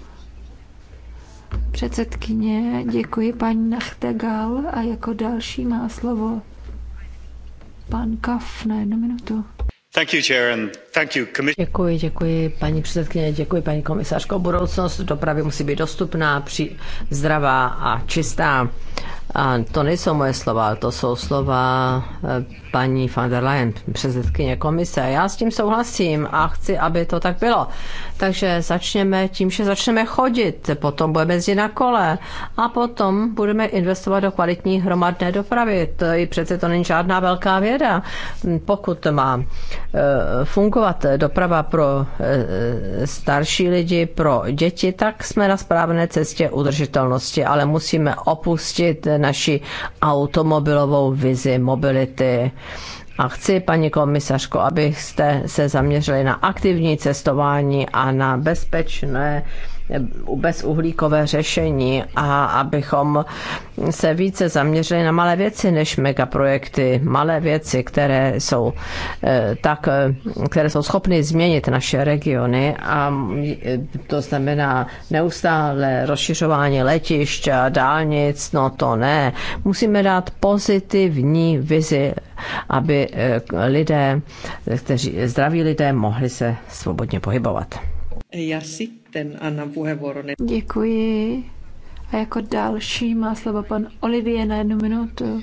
Předsedkyně, děkuji paní Nachtegal a jako další má slovo pan Kaf na jednu minutu. Thank you, Chair, and thank you, děkuji, děkuji paní předsedkyně, děkuji paní komisařko. Budoucnost dopravy musí být dostupná, při, zdravá a čistá. A to nejsou moje slova, to jsou slova eh, paní van der Leyen, předsedkyně komise. Já s tím souhlasím a chci, aby to tak bylo. Takže začněme tím, že začneme chodit, potom budeme jezdit na kole a potom budeme investovat do kvalitní hromadné dopravy. To je přece to není žádná velká věda. Pokud má e, fungovat doprava pro e, starší lidi, pro děti, tak jsme na správné cestě udržitelnosti, ale musíme opustit naši automobilovou vizi mobility a chci, paní komisařko, abyste se zaměřili na aktivní cestování a na bezpečné bezuhlíkové řešení a abychom se více zaměřili na malé věci než megaprojekty, malé věci, které jsou eh, tak, eh, které jsou schopny změnit naše regiony a mm, to znamená neustále rozšiřování letišť a dálnic, no to ne. Musíme dát pozitivní vizi, aby eh, lidé, kteří zdraví lidé, mohli se svobodně pohybovat. si ten Anna puheenvuoron. Děkuji. A jako další má slovo pan Olivie na jednu minutu.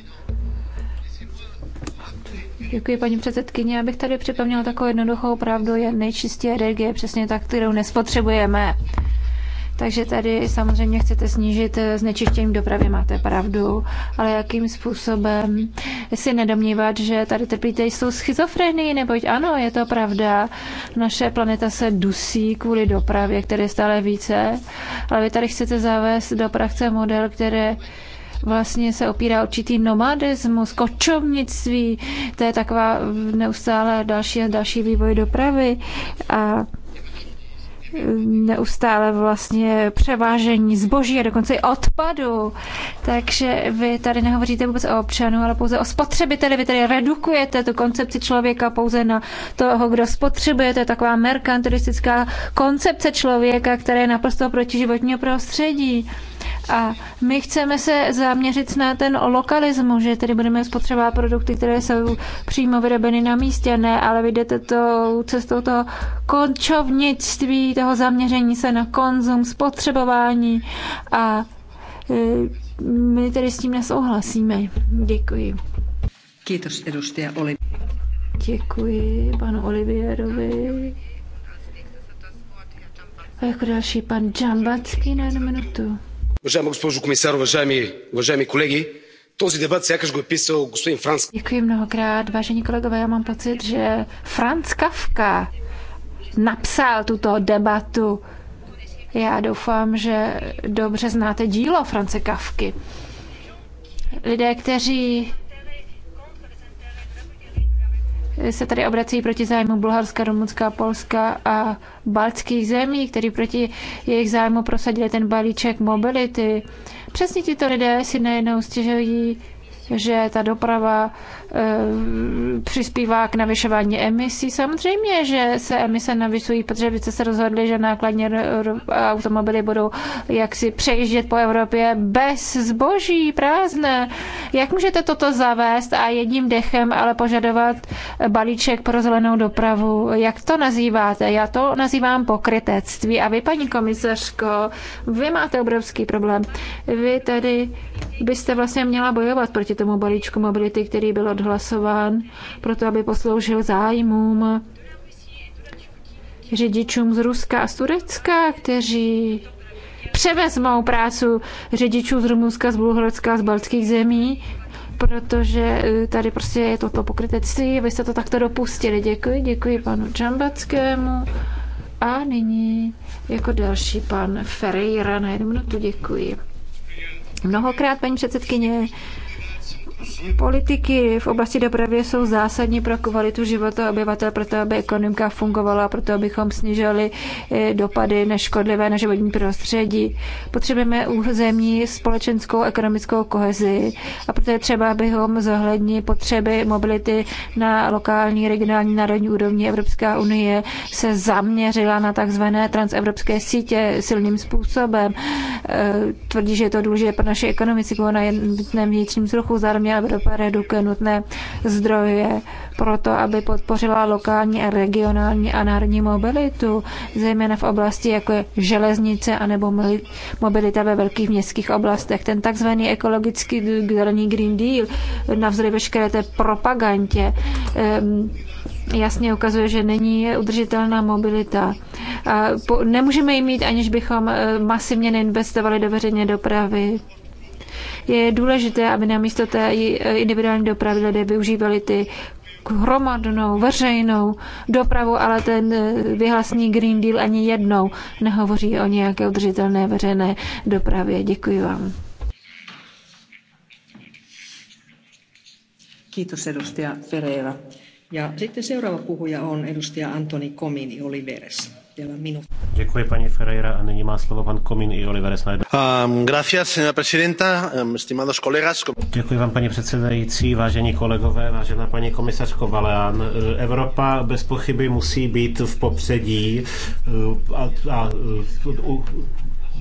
Děkuji, paní předsedkyně. Abych tady připomněla takovou jednoduchou pravdu, je nejčistě energie, přesně tak, kterou nespotřebujeme. Takže tady samozřejmě chcete snížit eh, znečištění dopravy, máte pravdu, ale jakým způsobem si nedomnívat, že tady trpíte jsou schizofrenii, neboť ano, je to pravda, naše planeta se dusí kvůli dopravě, které je stále více, ale vy tady chcete zavést dopravce model, které vlastně se opírá určitý nomadismus, kočovnictví, to je taková neustále další a další vývoj dopravy a neustále vlastně převážení zboží a dokonce i odpadu. Takže vy tady nehovoříte vůbec o občanu, ale pouze o spotřebiteli. Vy tady redukujete tu koncepci člověka pouze na toho, kdo spotřebuje. To je taková merkantilistická koncepce člověka, která je naprosto proti životního prostředí. A my chceme se zaměřit na ten lokalismu, že tedy budeme spotřebovat produkty, které jsou přímo vyrobeny na místě, ne, ale vy jdete tou cestou toho končovnictví, toho zaměření se na konzum, spotřebování a e, my tedy s tím nesouhlasíme. Děkuji. Kiitos edustaja Oli. Děkuji panu Olivierovi. A jako další pan Džambacký na jednu minutu. Уважаема госпожо комисар, уважаеми, уважаеми колеги, този дебат сякаш го е писал господин Франц. Děkuji mnohokrát, vážení kolegové. Já mám pocit, že Franz Kafka napsal tuto debatu. Já doufám, že dobře znáte dílo France Kafky. Lidé, kteří se tady obrací proti zájmu Bulharska, Rumunska, Polska a baltských zemí, který proti jejich zájmu prosadili ten balíček mobility. Přesně tito lidé si najednou stěžují, že ta doprava Eh, přispívá k navyšování emisí. Samozřejmě, že se emise navyšují, protože vy jste se rozhodli, že nákladní automobily budou jaksi přejíždět po Evropě bez zboží, prázdné. Jak můžete toto zavést a jedním dechem ale požadovat balíček pro zelenou dopravu? Jak to nazýváte? Já to nazývám pokrytectví. A vy, paní komisařko, vy máte obrovský problém. Vy tedy byste vlastně měla bojovat proti tomu balíčku mobility, který bylo odhlasován proto, aby posloužil zájmům řidičům z Ruska a z Turecka, kteří převezmou prácu řidičů z Rumunska, z Bulharska, z baltských zemí, protože eh, tady prostě je toto pokrytectví, vy jste to takto dopustili. Děkuji, děkuji panu Čambackému. A nyní jako další pan Ferreira na jednu minutu děkuji. Mnohokrát, paní předsedkyně, Politiky v oblasti dopravy jsou zásadní pro kvalitu života obyvatel, proto aby ekonomika fungovala, proto abychom snižili eh, dopady neškodlivé na životní prostředí. Potřebujeme územní společenskou ekonomickou kohezi a proto je třeba, abychom zohlední potřeby mobility na lokální, regionální, národní úrovni. Evropská unie se zaměřila na takzvané transevropské sítě silným způsobem. Eh, tvrdí, že je to důležité pro naše ekonomici, na je vnitřním vzruchu, zároveň Evropa redukuje nutné zdroje pro to, aby podpořila lokální a regionální a národní mobilitu, zejména v oblasti jako je železnice anebo mobilita ve velkých městských oblastech. Ten takzvaný ekologický zelený Green Deal navzdory veškeré té propagandě jasně ukazuje, že není udržitelná mobilita. Nemůžeme ji mít, aniž bychom eh, masivně neinvestovali do veřejné dopravy. Je důležité, aby na místo té individuální dopravy lidé využívali ty hromadnou, veřejnou dopravu, ale ten e, vyhlasný Green Deal ani jednou nehovoří o nějaké udržitelné veřejné dopravě. Děkuji vám. Kiitos edustaja Ferreira. Ja sitten seuraava puhuja on edustaja Antoni Komini Oliveres. Děkuji paní Ferreira a nyní má slovo pan Komín i Oliver Snyder. Um, gracias, señora presidenta, um, estimados colegas. Děkuji vám, paní předsedající, vážení kolegové, vážená paní komisařko Valeán. Eh, Evropa bez pochyby musí být v popředí eh, a, a, eh,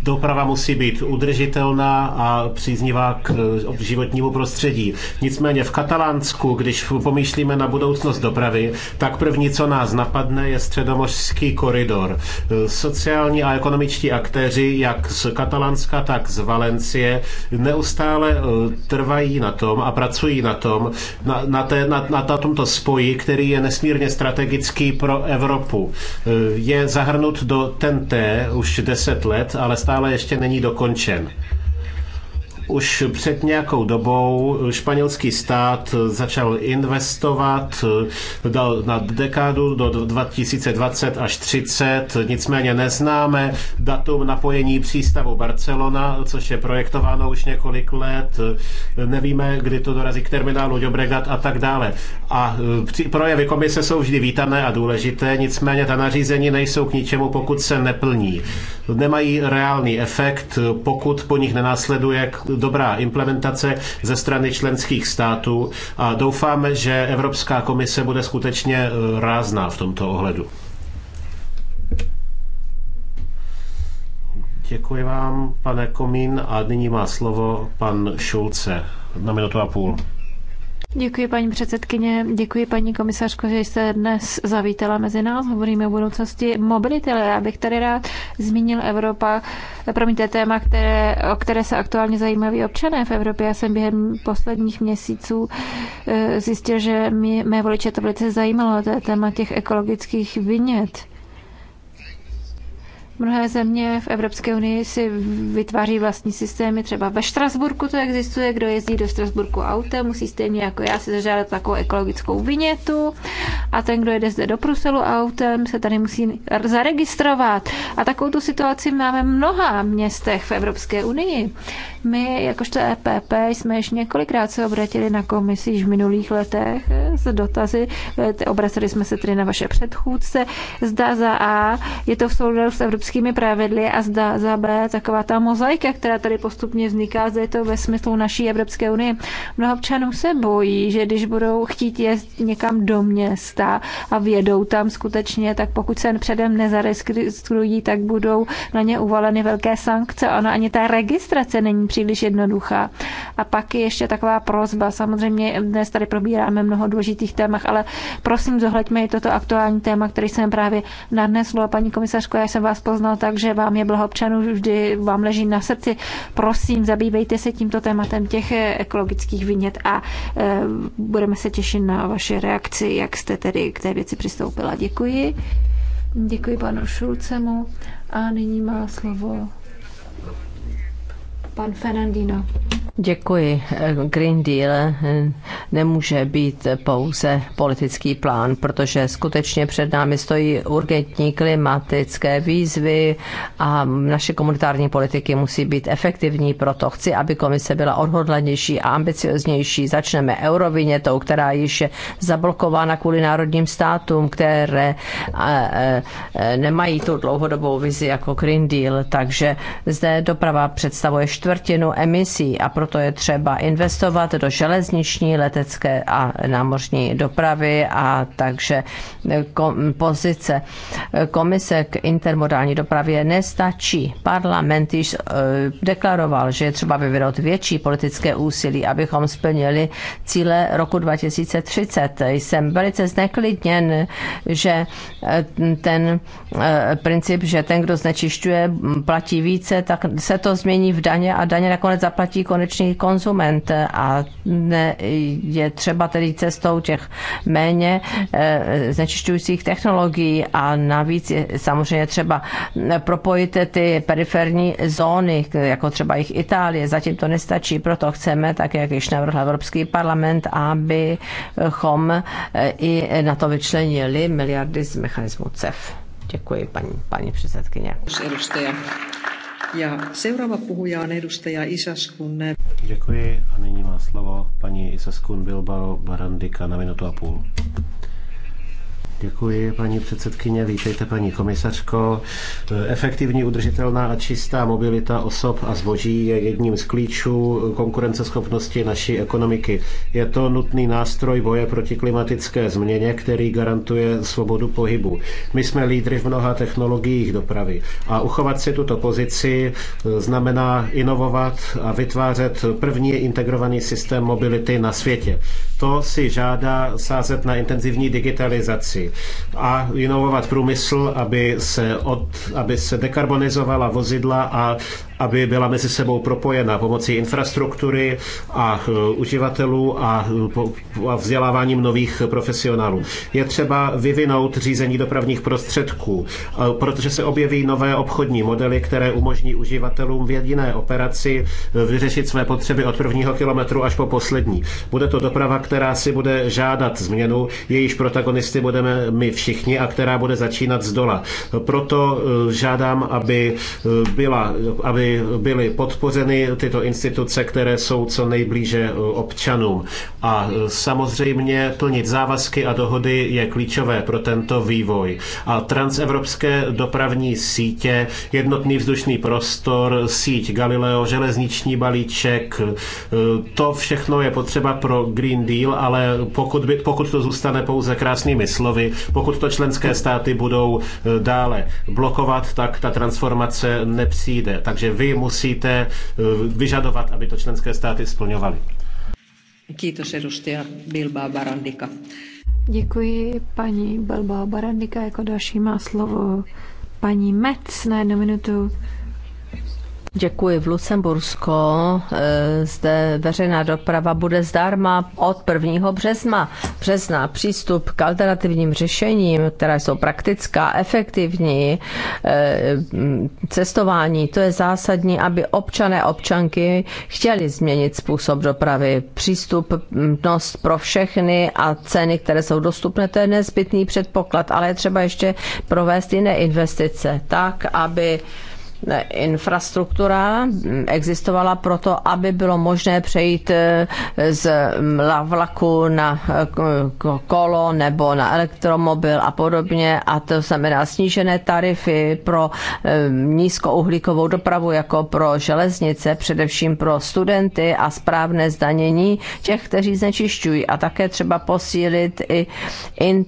doprava musí být udržitelná a příznivá k eh, životnímu prostředí. Nicméně v Katalánsku, když pomýšlíme na budoucnost dopravy, tak první, co nás napadne, je středomořský koridor. Eh, sociální a ekonomičtí aktéři, jak z Katalánska, tak z Valencie, neustále eh, trvají na tom a pracují na tom, na, na, té, na, na tomto spoji, který je nesmírně strategický pro Evropu. Je zahrnut do TNT už 10 let, ale stále ještě není dokončen. Už před nějakou dobou španělský stát začal investovat na dekádu do 2020 až 30, nicméně neznáme datum napojení přístavu Barcelona, což je projektováno už několik let, nevíme, kdy to dorazí k terminálu Dobregat a tak dále. A projevy komise jsou vždy vítané a důležité, nicméně ta nařízení nejsou k ničemu, pokud se neplní. Nemají reálný efekt, pokud po nich nenásleduje dobrá implementace ze strany členských států a doufáme, že Evropská komise bude skutečně eh, rázná v tomto ohledu. Děkuji vám, pane Komín, a nyní má slovo pan Šulce na minutu a půl. Děkuji paní předsedkyně, děkuji paní komisařko, že jste dnes zavítala mezi nás. Hovoríme o budoucnosti mobility, ale já bych tady rád zmínil Evropa, promiňte, téma, které, o které se aktuálně zajímaví občané v Evropě. Já jsem během posledních měsíců eh, zjistil, že mě, mé voliče to velice zajímalo, to je téma těch ekologických vinět. Mnohé země v Evropské unii si vytváří vlastní systémy, třeba ve Štrasburku to existuje, kdo jezdí do Štrasburku autem, musí stejně jako já si zažádat takovou ekologickou vinětu a ten, kdo jede zde do Bruselu autem, se tady musí zaregistrovat. A takovou tu situaci máme v mnoha městech v Evropské unii. My, jakožto EPP, jsme již několikrát se obratili na komisi již v minulých letech s dotazy, obraceli jsme se tedy na vaše předchůdce, zda za A je to v souladu s Evropskou evropskými pravidly a zda za B taková ta mozaika, která tady postupně vzniká, zda je to ve smyslu naší Evropské unie. Mnoho občanů se bojí, že když budou chtít jet někam do města a vědou tam skutečně, tak pokud se předem nezaregistrují, tak budou na ně uvaleny velké sankce. Ona ani ta registrace není příliš jednoduchá. A pak je ještě taková prozba. Samozřejmě dnes tady probíráme mnoho důležitých témat, ale prosím zohleďme i toto aktuální téma, který jsem právě nadneslo. Paní komisařko, já jsem vás poz tak, no, takže vám je blahopřánu, vždy vám leží na srdci. Prosím, zabývejte se tímto tématem těch eh, ekologických vinět a eh, budeme se těšit na vaše reakci, jak jste tedy k té věci přistoupila. Děkuji. Děkuji panu Šulcemu a nyní má slovo Pan Fernandino. Děkuji. Green Deal nemůže být pouze politický plán, protože skutečně před námi stojí urgentní klimatické výzvy a naše komunitární politiky musí být efektivní. Proto chci, aby komise byla odhodlanější a ambicioznější. Začneme tou, která již je zablokována kvůli národním státům, které eh, eh, nemají tu dlouhodobou vizi jako Green Deal, takže zde doprava představuje čtvrt čtvrtinu emisí a proto je třeba investovat do železniční, letecké a námořní dopravy a takže eh, pozice eh, komise k intermodální dopravě nestačí. Parlament již eh, deklaroval, že je třeba vyvinout větší politické úsilí, abychom splnili cíle roku 2030. Jsem velice zneklidněn, že ten princip, že ten, kdo znečišťuje, platí více, tak se to změní v daně a daně nakonec zaplatí konečný konzument a je třeba tedy cestou těch méně eh, znečišťujících technologií a navíc je samozřejmě třeba propojit ty periferní zóny, jako třeba jich Itálie. Zatím to nestačí, proto chceme, tak jak již navrhl Evropský parlament, abychom eh, i na to vyčlenili miliardy z mechanismu CEF. Děkuji, paní, paní předsedkyně. Ja seuraava puhuja on edustaja Isaskun. Děkuji a nyní má slovo paní Isaskun Bilbao Barandika na minutu a půl. Děkuji, paní předsedkyně. Vítejte, paní komisařko. Efektivní, udržitelná a čistá mobilita osob a zboží je jedním z klíčů konkurenceschopnosti naší ekonomiky. Je to nutný nástroj boje proti klimatické změně, který garantuje svobodu pohybu. My jsme lídry v mnoha technologiích dopravy a uchovat si tuto pozici znamená inovovat a vytvářet první integrovaný systém mobility na světě. To si žádá sázet na intenzivní digitalizaci a inovovat průmysl, aby se, od, aby se dekarbonizovala vozidla a aby byla mezi sebou propojena pomocí infrastruktury a e, uživatelů e, a, vzděláváním nových profesionálů. Je třeba vyvinout řízení dopravních prostředků, e, protože se objeví nové obchodní modely, které umožní uživatelům v jediné operaci vyřešit své potřeby od prvního kilometru až po poslední. Bude to doprava, která si bude žádat změnu, jejíž protagonisty budeme my všichni a která bude začínat z dola. Proto žádám, aby byla, aby byly podpořeny tyto instituce, které jsou co nejblíže e, občanům. A e, samozřejmě plnit závazky a dohody je klíčové pro tento vývoj. A transevropské dopravní sítě, jednotný vzdušný prostor, síť Galileo, železniční balíček, e, to všechno je potřeba pro Green Deal, ale pokud, by, pokud to zůstane pouze krásnými slovy, pokud to členské státy budou dále blokovat, tak ta transformace nepřijde. Takže vy musíte eh, vyžadovat, aby to členské státy splňovaly. Kiitos edustaja Bilbao Barandika. Děkuji paní Bilbao Barandika. Jako další má slovo paní Metz na jednu minutu. Děkuji. V Lucembursko eh, zde veřejná doprava bude zdarma od 1. března. Března přístup k alternativním řešením, která jsou praktická, efektivní, eh, mm, cestování, to je zásadní, aby občané občanky chtěli změnit způsob dopravy. Přístupnost mm, pro všechny a ceny, které jsou dostupné, to je nezbytný předpoklad, ale je třeba ještě provést jiné investice tak, aby infrastruktura existovala proto, aby bylo možné přejít e, z vlaku na e, kolo nebo na elektromobil a podobně a to znamená snížené tarify pro e, nízkouhlíkovou dopravu jako pro železnice, především pro studenty a správné zdanění těch, kteří znečišťují a také třeba posílit i, i,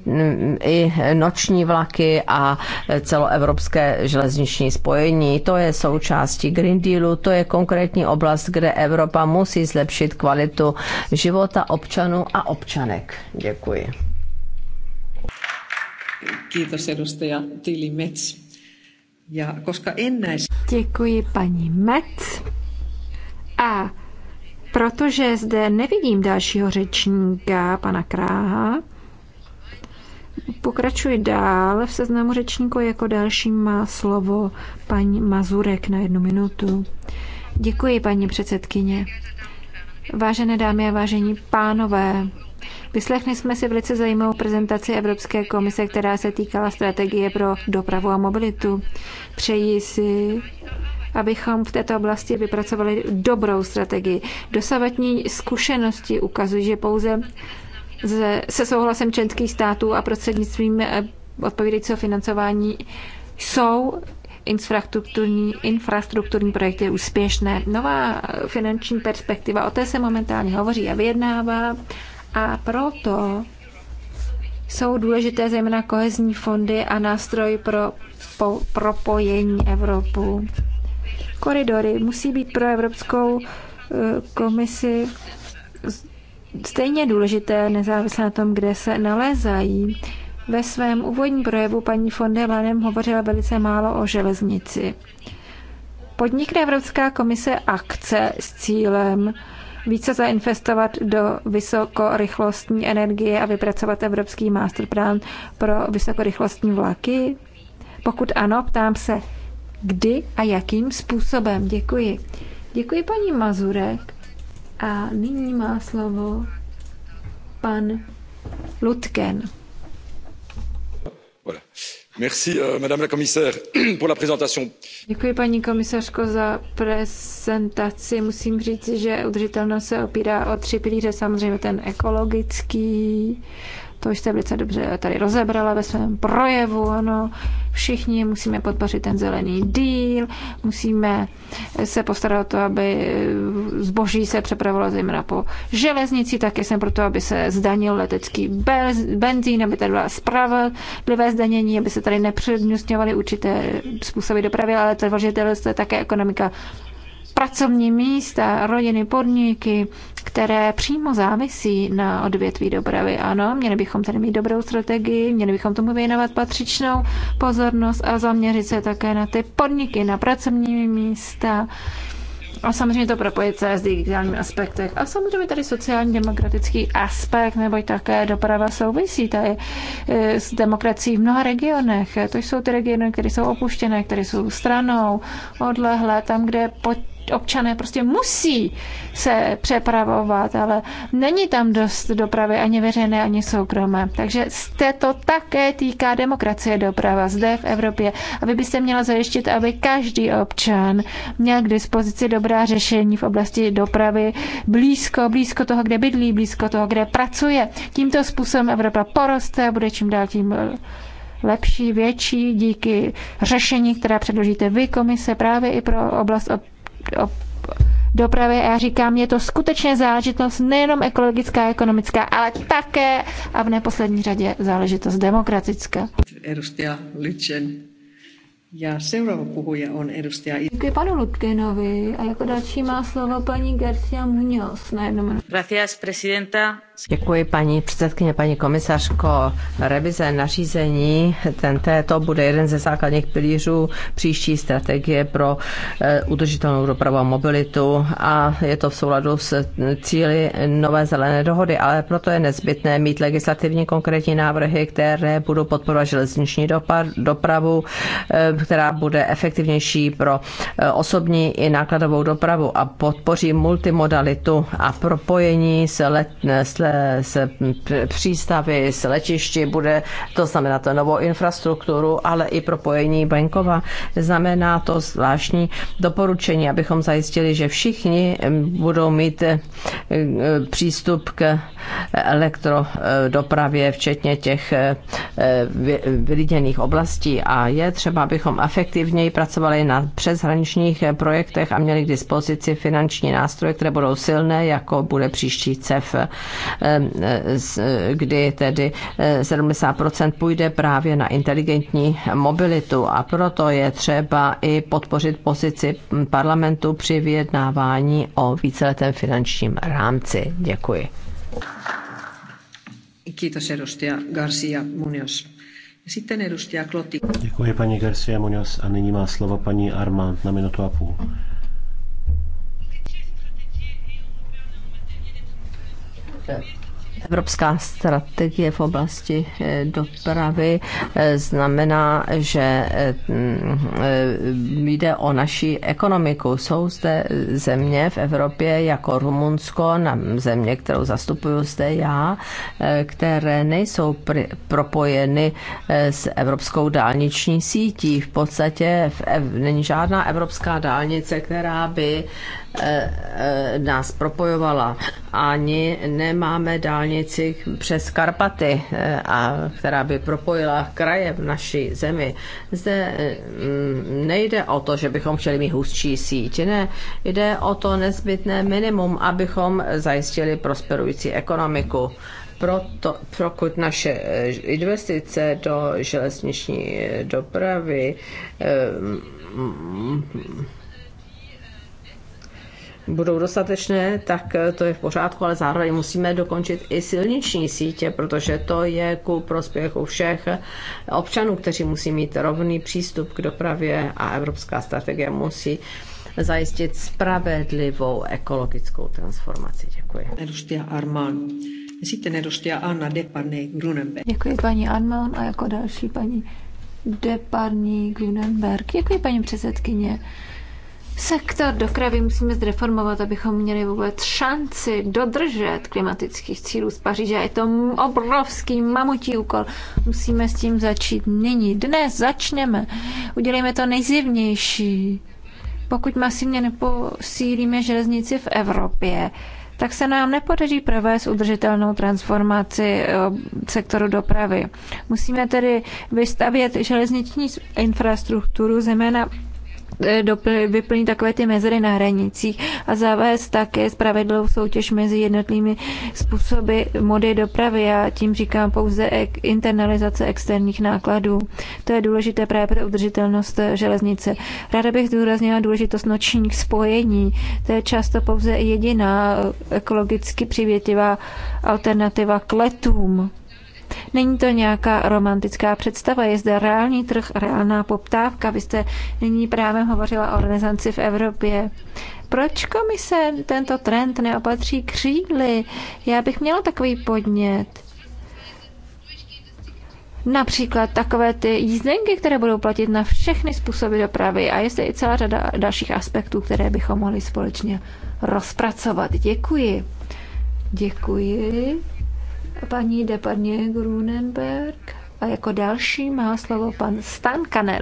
i noční vlaky a celoevropské železniční spojení to je součástí Green Dealu, to je konkrétní oblast, kde Evropa musí zlepšit kvalitu života občanů a občanek. Děkuji. koska Děkuji paní Met. A protože zde nevidím dalšího řečníka, pana Kráha, Pokračuji dál. V seznamu řečníku jako další má slovo paní Mazurek na jednu minutu. Děkuji, paní předsedkyně. Vážené dámy a vážení pánové, Vyslechli jsme si velice zajímavou prezentaci Evropské komise, která se týkala strategie pro dopravu a mobilitu. Přeji si, abychom v této oblasti vypracovali dobrou strategii. Dosavatní zkušenosti ukazují, že pouze se souhlasem členských států a prostřednictvím eh, odpovídajícího financování jsou infrastrukturní, infrastrukturní projekty úspěšné. Nová eh, finanční perspektiva, o té se momentálně hovoří a vyjednává a proto jsou důležité zejména kohezní fondy a nástroj pro po, propojení Evropu. Koridory musí být pro Evropskou eh, komisi stejně důležité, nezávisle na tom, kde se nalézají. Ve svém úvodním projevu paní von der Leyen hovořila velice málo o železnici. Podnikne Evropská komise akce s cílem více zainvestovat do vysokorychlostní energie a vypracovat evropský masterplan pro vysokorychlostní vlaky? Pokud ano, ptám se, kdy a jakým způsobem. Děkuji. Děkuji paní Mazurek. A nyní má slovo pan Lutken. Merci, euh, madame la commissaire, pour la présentation. Děkuji, paní komisařko, za prezentaci. Musím říct, že udržitelnost se opírá o tři pilíře, samozřejmě ten ekologický, to jste velice dobře tady rozebrala ve svém projevu. Ano, všichni musíme podpořit ten zelený díl, musíme se postarat o to, aby zboží se přepravovalo zejména po železnici, také jsem proto, aby se zdanil letecký benzín, aby tady byla spravedlivé zdanění, aby se tady nepřednostňovaly určité způsoby dopravy, ale to je také ekonomika pracovní místa, rodiny, podniky, které přímo závisí na odvětví dopravy. Ano, měli bychom tady mít dobrou strategii, měli bychom tomu věnovat patřičnou pozornost a zaměřit se také na ty podniky, na pracovní místa. A samozřejmě to propojit se s digitálním aspektem. A samozřejmě tady sociálně demokratický aspekt, nebo také doprava souvisí tady e, s demokracií v mnoha regionech. To jsou ty regiony, které jsou opuštěné, které jsou stranou, odlehlé, tam, kde občané prostě musí se přepravovat, ale není tam dost dopravy ani veřejné, ani soukromé. Takže jste to také týká demokracie doprava zde v Evropě. A vy byste měla zajištit, aby každý občan měl k dispozici dobrá řešení v oblasti dopravy blízko, blízko toho, kde bydlí, blízko toho, kde pracuje. Tímto způsobem Evropa poroste a bude čím dál tím lepší, větší díky řešení, která předložíte vy, komise, právě i pro oblast dopravy a já říkám, je to skutečně záležitost nejenom ekologická, ekonomická, ale také a v neposlední řadě záležitost demokratická. Já seuraava puhuja on edustaja... Děkuji panu Lutkinovi a jako další má slovo paní Garcia Muñoz Gracias, presidenta. Děkuji paní předsedkyně, paní komisařko. Revize nařízení ten to bude jeden ze základních pilířů příští strategie pro eh, udržitelnou dopravu a mobilitu a je to v souladu s cíly nové zelené dohody, ale proto je nezbytné mít legislativní konkrétní návrhy, které budou podporovat železniční dopravu, eh, která bude efektivnější pro eh, osobní i nákladovou dopravu a podpoří multimodalitu a propojení s, let, s, s přístavy, s letišti, bude to znamenat novou infrastrukturu, ale i propojení venkova. Znamená to zvláštní doporučení, abychom zajistili, že všichni eh, budou mít eh, přístup k elektrodopravě, včetně těch vyliděných oblastí a je třeba, abychom abychom efektivněji pracovali na přeshraničních projektech a měli k dispozici finanční nástroje, které budou silné, jako bude příští CEF, eh, kdy tedy 70% eh, půjde právě na inteligentní mobilitu a proto je třeba i podpořit pozici parlamentu při vyjednávání o víceletém finančním rámci. Děkuji. Kiitos edustaja Garcia Munoz. Sitten edustaja Klotti. Děkuji paní Garcia Munoz a nyní má slovo paní Armand na minutu a půl. Okay. Evropská strategie v oblasti eh, dopravy eh, znamená, že eh, mm, jde o naši ekonomiku. Jsou zde země v Evropě jako Rumunsko, na země, kterou zastupuju zde já, které nejsou propojeny s evropskou dálniční sítí. V podstatě v, není žádná evropská dálnice, která by Eh, eh, nás propojovala. Ani nemáme dálnici přes Karpaty, eh, a, která by propojila kraje v naší zemi. Zde mm, nejde o to, že bychom chtěli mít hustší síť. Ne, jde o to nezbytné minimum, abychom zajistili prosperující ekonomiku proto, pokud naše investice do železniční dopravy budou dostatečné, tak to je v pořádku, ale zároveň musíme dokončit i silniční sítě, protože to je ku prospěchu všech občanů, kteří musí mít rovný přístup k dopravě a evropská strategie musí zajistit spravedlivou ekologickou transformaci. Děkuji. Arman. Anna Děkuji paní Arman a jako další paní Deparní Grunenberg. Děkuji paní předsedkyně sektor dopravy musíme zreformovat, abychom měli vůbec šanci dodržet klimatických cílů z Paříže. Je to obrovský mamutí úkol. Musíme s tím začít nyní. Dnes začněme. Udělejme to nejzivnější. Pokud masivně neposílíme železnici v Evropě, tak se nám nepodaří provést udržitelnou transformaci eh, sektoru dopravy. Musíme tedy vystavět železniční infrastrukturu, zejména Eh, vyplnit takové ty mezery na hranicích a zavést také spravedlivou soutěž mezi jednotlivými způsoby mody dopravy. Já tím říkám pouze internalizace externích nákladů. To je důležité právě pro udržitelnost eh, železnice. Ráda bych zdůraznila důležitost nočních spojení. To je často pouze jediná eh, ekologicky přivětivá alternativa k letům. Není to nějaká romantická představa, je zde reálný trh, reálná poptávka. Vy jste nyní právě hovořila o renesanci v Evropě. Proč komise tento trend neopatří křídly? Já bych měla takový podnět. Například takové ty jízdenky, které budou platit na všechny způsoby dopravy a je i celá řada dalších aspektů, které bychom mohli společně rozpracovat. Děkuji. Děkuji paní Deparně Grunenberg. A jako další má slovo pan Stan Kanel.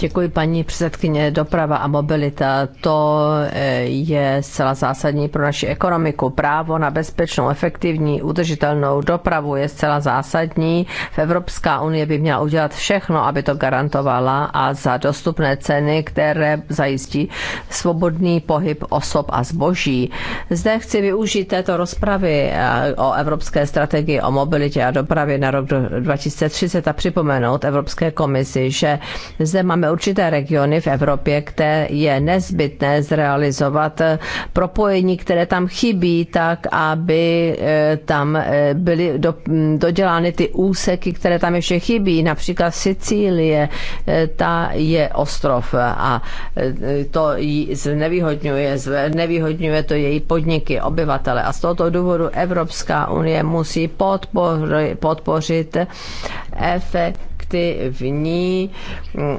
Děkuji paní předsedkyně. Doprava a mobilita, to eh, je zcela zásadní pro naši ekonomiku. Právo na bezpečnou, efektivní, udržitelnou dopravu je zcela zásadní. V Evropská unie by měla udělat všechno, aby to garantovala a za dostupné ceny, které zajistí svobodný pohyb osob a zboží. Zde chci využít této rozpravy eh, o evropské strategii o mobilitě a dopravě na rok 2030 30 a připomenout Evropské komisi, že zde máme určité regiony v Evropě, které je nezbytné zrealizovat eh, propojení, které tam chybí, tak aby eh, tam eh, byly do, mm, dodělány ty úseky, které tam ještě chybí. Například Sicílie, ta je ostrov a to nevýhodňuje, nevýhodňuje to její podniky, obyvatele. A z tohoto důvodu Evropská unie musí podpořit, podpořit efektivní mm,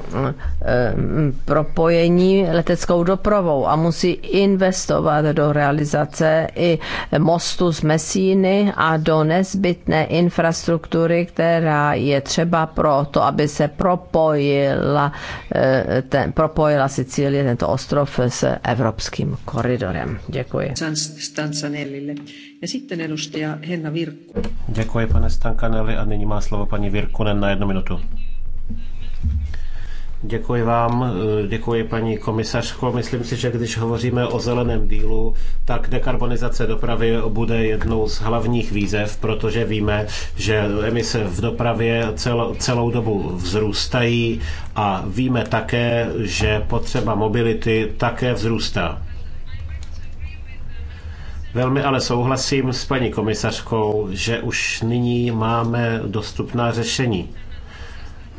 mm, propojení leteckou dopravou a musí investovat do realizace i mostu z Mesíny a do nezbytné infrastruktury, která je třeba pro to, aby se propojila, eh, ten, propojila Sicílie, tento ostrov s evropským koridorem. Děkuji. Ja sitten edustaja Henna Virkku. Děkuji, pane Stankaneli, a nyní má slovo paní Virkunen na jednu minutu. Děkuji vám, eh, děkuji paní komisařko. Myslím si, že když hovoříme o zeleném dílu, tak dekarbonizace dopravy bude jednou z hlavních výzev, protože víme, že emise v dopravě celou dobu vzrůstají a víme také, že potřeba mobility také vzrůstá. Velmi ale souhlasím s paní komisařkou, že už nyní máme dostupná řešení.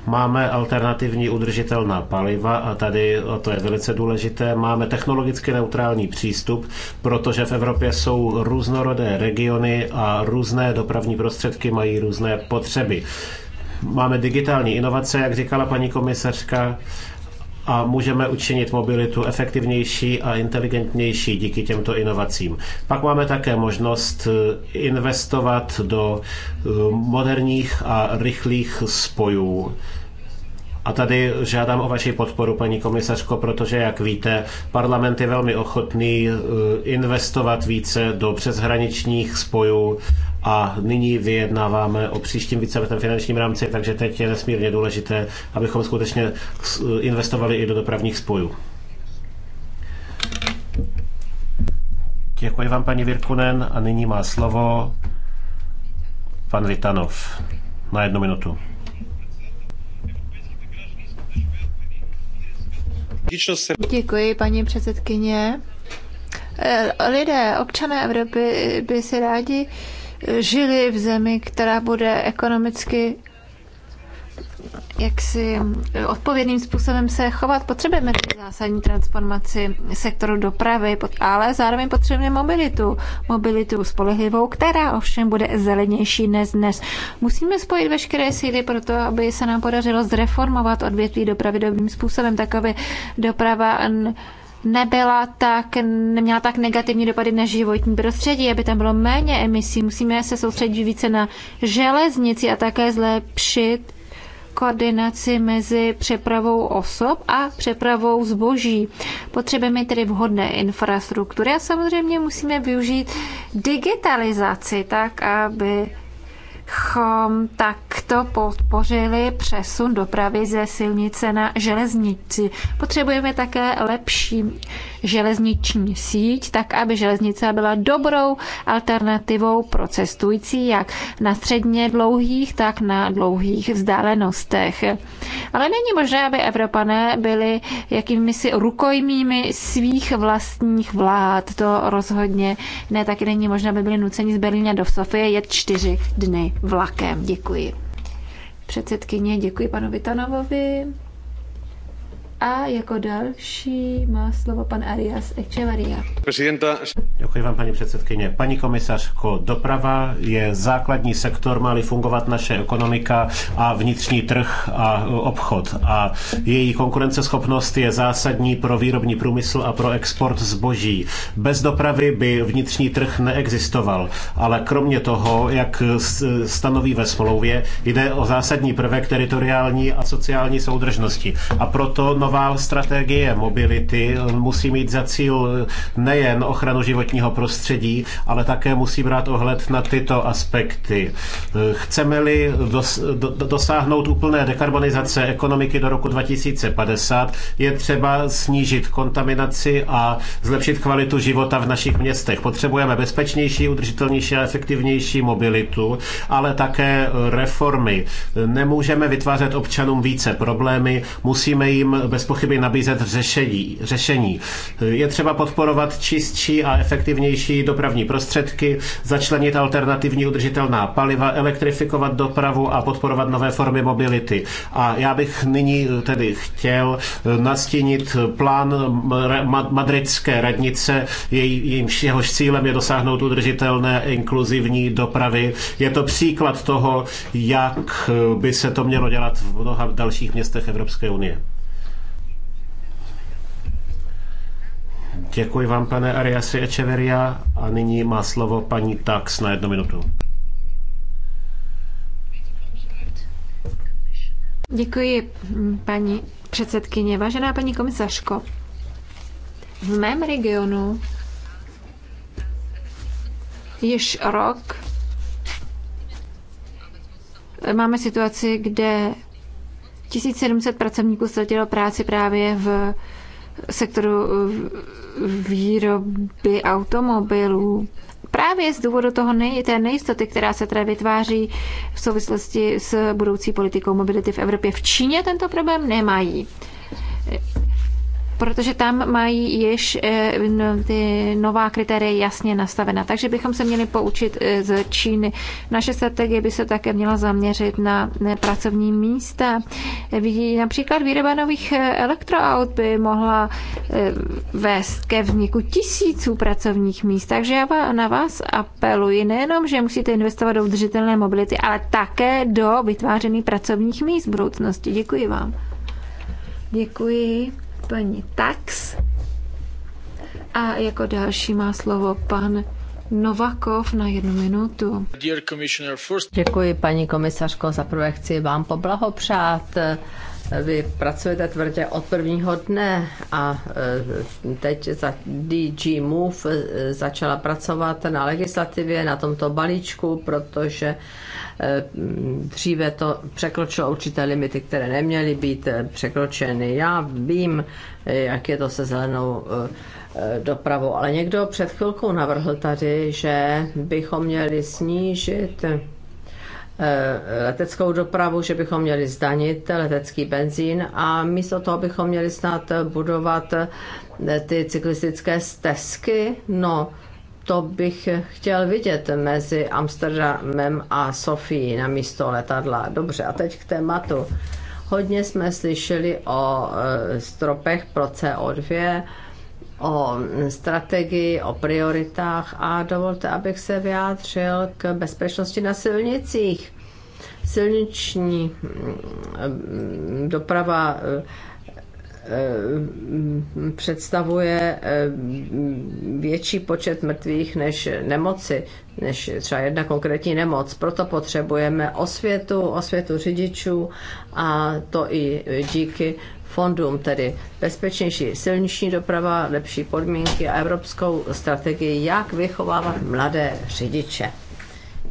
Máme alternativní udržitelná paliva a tady, a to je velice důležité, máme technologicky neutrální přístup, protože v Evropě jsou různorodé regiony a různé dopravní prostředky mají různé potřeby. Máme digitální inovace, jak říkala paní komisařka, a můžeme učinit mobilitu efektivnější a inteligentnější díky těmto inovacím. Pak máme také možnost eh, investovat do eh, moderních a rychlých spojů. A tady žádám o vaši podporu, paní komisařko, protože, jak víte, parlament je velmi ochotný eh, investovat více do přeshraničních spojů a nyní vyjednáváme o příštím víceletém finančním rámci, takže teď je nesmírně důležité, abychom skutečně eh, investovali i do dopravních spojů. Děkuji vám, paní Virkunen, a nyní má slovo pan Vitanov na jednu minutu. Děkuji, paní předsedkyně. Eh, lidé, občané Evropy by si rádi žili v zemi, která bude ekonomicky jak si odpovědným způsobem se chovat. Potřebujeme zásadní transformaci sektoru dopravy, ale zároveň potřebujeme mobilitu. Mobilitu spolehlivou, která ovšem bude zelenější dnes dnes. Musíme spojit veškeré síly pro to, aby se nám podařilo zreformovat odvětví dopravy dobrým způsobem, tak aby doprava nebyla tak, neměla tak negativní dopady na životní prostředí, aby tam bylo méně emisí. Musíme se soustředit více na železnici a také zlepšit koordinaci mezi přepravou osob a přepravou zboží. Potřebujeme tedy vhodné infrastruktury a samozřejmě musíme využít digitalizaci tak, aby abychom takto podpořili přesun dopravy ze silnice na železnici. Potřebujeme také lepší železniční síť, tak aby železnice byla dobrou alternativou pro cestující, jak na středně dlouhých, tak na dlouhých vzdálenostech. Ale není možné, aby Evropané byli jakými si rukojmími svých vlastních vlád. To rozhodně ne, taky není možné, aby byli nuceni z Berlína do Sofie jet čtyři dny vlakem. Děkuji. Předsedkyně, děkuji panu Vitanovovi. A jako další má slovo pan Arias Echevaria. Děkuji vám, paní předsedkyně. Paní komisařko, doprava je základní sektor, má fungovat naše ekonomika a vnitřní trh a obchod. A její konkurenceschopnost je zásadní pro výrobní průmysl a pro export zboží. Bez dopravy by vnitřní trh neexistoval. Ale kromě toho, jak stanoví ve smlouvě, jde o zásadní prvek teritoriální a sociální soudržnosti. A proto nové cílová strategie mobility musí mít za cíl nejen ochranu životního prostředí, ale také musí brát ohled na tyto aspekty. Chceme-li dosáhnout úplné dekarbonizace ekonomiky do roku 2050, je třeba snížit kontaminaci a zlepšit kvalitu života v našich městech. Potřebujeme bezpečnější, udržitelnější a efektivnější mobilitu, ale také reformy. Nemůžeme vytvářet občanům více problémy, musíme jim bezpečnější bez pochyby nabízet řešení, řešení. Je třeba podporovat čistší a efektivnější dopravní prostředky, začlenit alternativní udržitelná paliva, elektrifikovat dopravu a podporovat nové formy mobility. A já bych nyní eh, tedy chtěl eh, nastínit plán madridské radnice, jej, jejímž jehož cílem je dosáhnout udržitelné inkluzivní dopravy. Je to příklad toho, jak eh, by se to mělo dělat v mnoha dalších městech Evropské unie. Děkuji vám, pane Ariasi Echeveria. A nyní má slovo paní Tax na jednu minutu. Děkuji, paní předsedkyně. Vážená paní komisařko, v mém regionu již rok máme situaci, kde 1700 pracovníků ztratilo práci právě v sektoru výroby automobilů. Právě z důvodu toho nej, té nejistoty, která se tady vytváří v souvislosti s budoucí politikou mobility v Evropě, v Číně tento problém nemají protože tam mají již eh, no, ty nová kritéria jasně nastavena. Takže bychom se měli poučit eh, z Číny. Naše strategie by se také měla zaměřit na eh, pracovní místa. Například výroba nových elektroaut by mohla vést ke vzniku tisíců pracovních míst. Takže já na vás apeluji nejenom, že musíte investovat do udržitelné mobility, ale také do vytváření pracovních míst v budoucnosti. Děkuji vám. Děkuji paní Tax. A jako další má slovo pan Novakov na jednu minutu. Děkuji, paní komisařko. Za prvé chci vám poblahopřát vy pracujete tvrdě od prvního dne a e, teď za DG Move e, začala pracovat na legislativě, na tomto balíčku, protože e, dříve to překročilo určité limity, které neměly být překročeny. Já vím, jak je to se zelenou dopravou, ale někdo před chvilkou navrhl tady, že bychom měli snížit Eh, leteckou dopravu, že bychom měli zdanit letecký benzín a místo toho bychom měli snad budovat eh, ty cyklistické stezky. No, to bych chtěl vidět mezi Amsterdamem a Sofií na místo letadla. Dobře, a teď k tématu. Hodně jsme slyšeli o eh, stropech pro CO2, o strategii, o prioritách a dovolte, abych se vyjádřil k bezpečnosti na silnicích. Silniční mm, doprava eh, eh, představuje eh, větší počet mrtvých než nemoci, než třeba jedna konkrétní nemoc. Proto potřebujeme osvětu, osvětu řidičů a to i díky fondům, tedy bezpečnější silniční doprava, lepší podmínky a evropskou strategii, jak vychovávat mladé řidiče.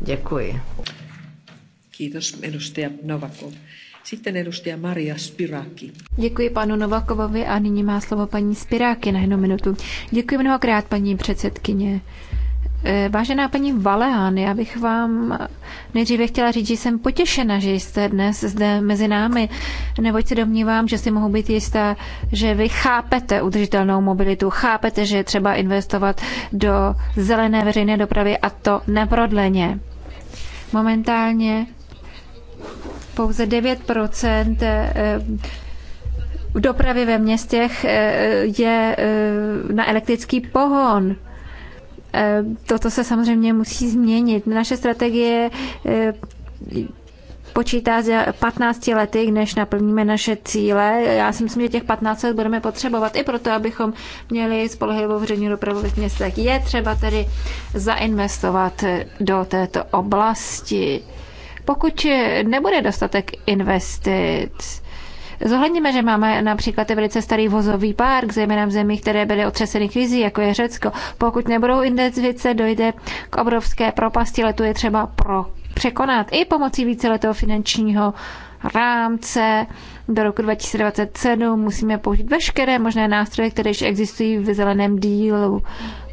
Děkuji. Kýtos, edustaja Novakov. Sitten edustaja Maria Spiráky. Děkuji panu Novakovovi a nyní má slovo paní Spiráky na jednu minutu. Děkuji mnohokrát, paní předsedkyně. Eh, vážená paní Valeán, já bych vám nejdříve chtěla říct, že jsem potěšena, že jste dnes zde mezi námi, neboť se domnívám, že si mohu být jistá, že vy chápete udržitelnou mobilitu, chápete, že je třeba investovat do zelené veřejné dopravy a to neprodleně. Momentálně pouze 9 eh, dopravy ve městech eh, je na elektrický pohon. Eh, toto se samozřejmě musí změnit. Naše strategie eh, počítá z 15 lety, než naplníme naše cíle. Já si myslím, že těch 15 let budeme potřebovat i proto, abychom měli spolehlivou veřejnou dopravu ve městech. Je třeba tedy zainvestovat do této oblasti. Pokud nebude dostatek investic, Zohledněme, že máme například velice starý vozový park, zejména v zemích, které byly otřeseny krizí, jako je Řecko. Pokud nebudou investice, dojde k obrovské propasti, letu je třeba pro překonat i pomocí víceletého finančního rámce do roku 2027 musíme použít veškeré možné nástroje, které již existují v zeleném dílu.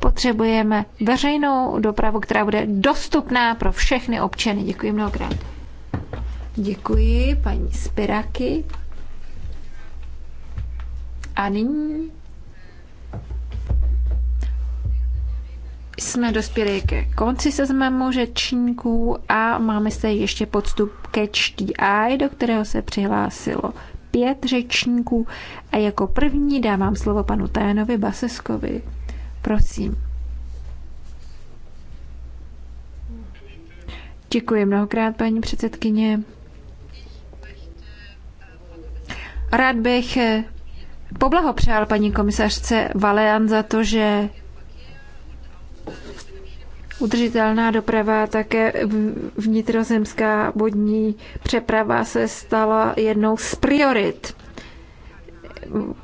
Potřebujeme veřejnou dopravu, která bude dostupná pro všechny občany. Děkuji mnohokrát. Děkuji paní Spiraky. A nyní jsme dospěli ke konci seznamu řečníků a máme se ještě podstup ke čtí do kterého se přihlásilo pět řečníků a jako první dávám slovo panu Tajanovi Baseskovi. Prosím. Děkuji mnohokrát, paní předsedkyně. Rád bych poblahopřál paní komisařce Valean za to, že udržitelná doprava, také vnitrozemská vodní přeprava se stala jednou z priorit.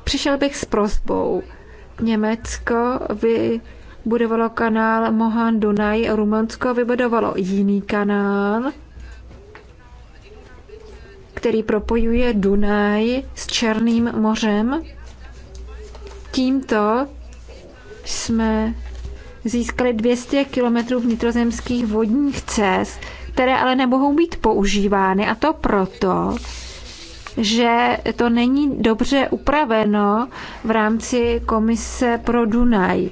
Přišel bych s prozbou. Německo vybudovalo kanál Mohan Dunaj, Rumunsko vybudovalo jiný kanál který propojuje Dunaj s Černým mořem. Tímto jsme získali 200 kilometrů vnitrozemských vodních cest, které ale nemohou být používány a to proto, že to není dobře upraveno v rámci Komise pro Dunaj.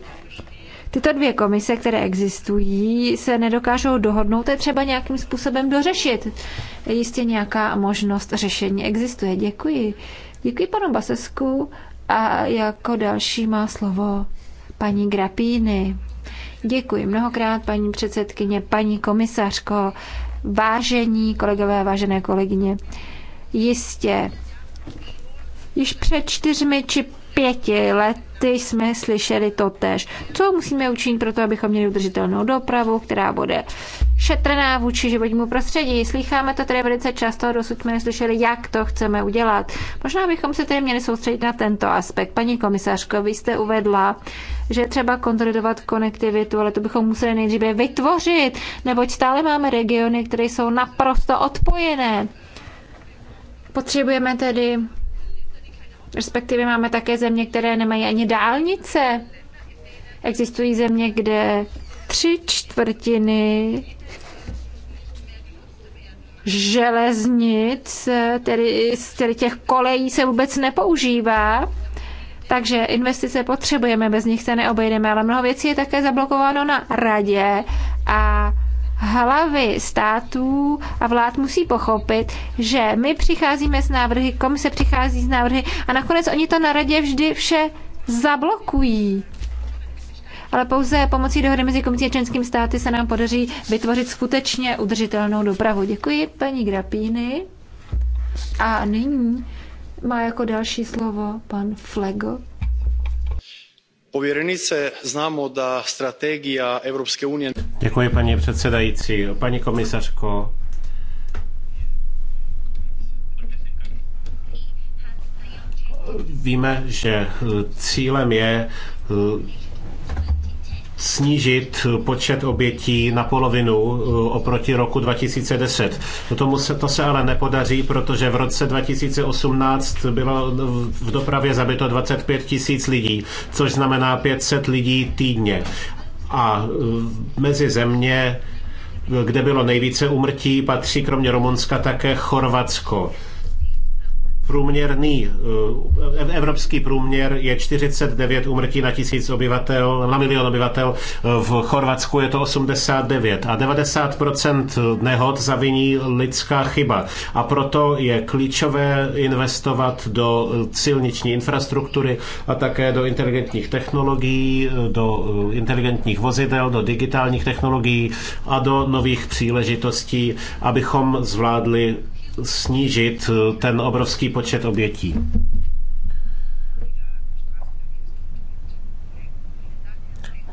Tyto dvě komise, které existují, se nedokážou dohodnout, je třeba nějakým způsobem dořešit. Jistě nějaká možnost řešení existuje. Děkuji. Děkuji panu Basesku a jako další má slovo paní Grapíny. Děkuji mnohokrát, paní předsedkyně, paní komisařko, vážení kolegové, vážené kolegyně. Jistě, již před čtyřmi či pěti lety jsme slyšeli to tež. Co musíme učinit pro to, abychom měli udržitelnou dopravu, která bude šetrná vůči životnímu prostředí. Slycháme to tedy velice často, dosud jsme neslyšeli, jak to chceme udělat. Možná bychom se tedy měli soustředit na tento aspekt. Paní komisařko, vy jste uvedla, že třeba kontrolovat konektivitu, ale to bychom museli nejdříve vytvořit, neboť stále máme regiony, které jsou naprosto odpojené. Potřebujeme tedy Respektive máme také země, které nemají ani dálnice. Existují země, kde tři čtvrtiny železnic, tedy, tedy těch kolejí se vůbec nepoužívá. Takže investice potřebujeme, bez nich se neobejdeme, ale mnoho věcí je také zablokováno na radě a hlavy států a vlád musí pochopit, že my přicházíme s návrhy, komise přichází s návrhy a nakonec oni to na radě vždy vše zablokují. Ale pouze pomocí dohody mezi komisí a členským státy se nám podaří vytvořit skutečně udržitelnou dopravu. Děkuji paní Grapíny. A nyní má jako další slovo pan Flego Povjerenice, známo da strategija Evropske unie... Děkuji, paní předsedající. Paní komisařko, víme, že cílem je snížit počet obětí na polovinu eh, oproti roku 2010. No tomu se, to se ale nepodaří, protože v roce 2018 bylo v dopravě zabito 25 tisíc lidí, což znamená 500 lidí týdně. A eh, mezi země, eh, kde bylo nejvíce umrtí, patří kromě Rumunska také Chorvatsko průměrný, eh, evropský průměr je 49 umrtí na tisíc obyvatel, na milion obyvatel, v Chorvatsku je to 89 a 90% nehod zaviní lidská chyba a proto je klíčové investovat do silniční infrastruktury a také do inteligentních technologií, do eh, inteligentních vozidel, do digitálních technologií a do nových příležitostí, abychom zvládli snížit eh, ten obrovský počet obětí.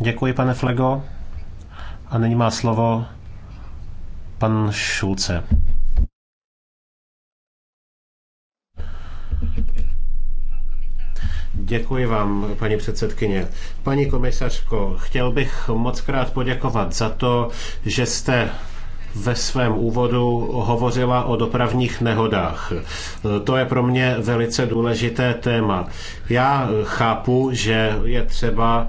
Děkuji, pane Flego. A nyní má slovo pan Šulce. Děkuji vám, paní předsedkyně. Paní komisařko, chtěl bych moc krát poděkovat za to, že jste ve svém úvodu hovořila o dopravních nehodách. To je pro mě velice důležité téma. Já chápu, že je třeba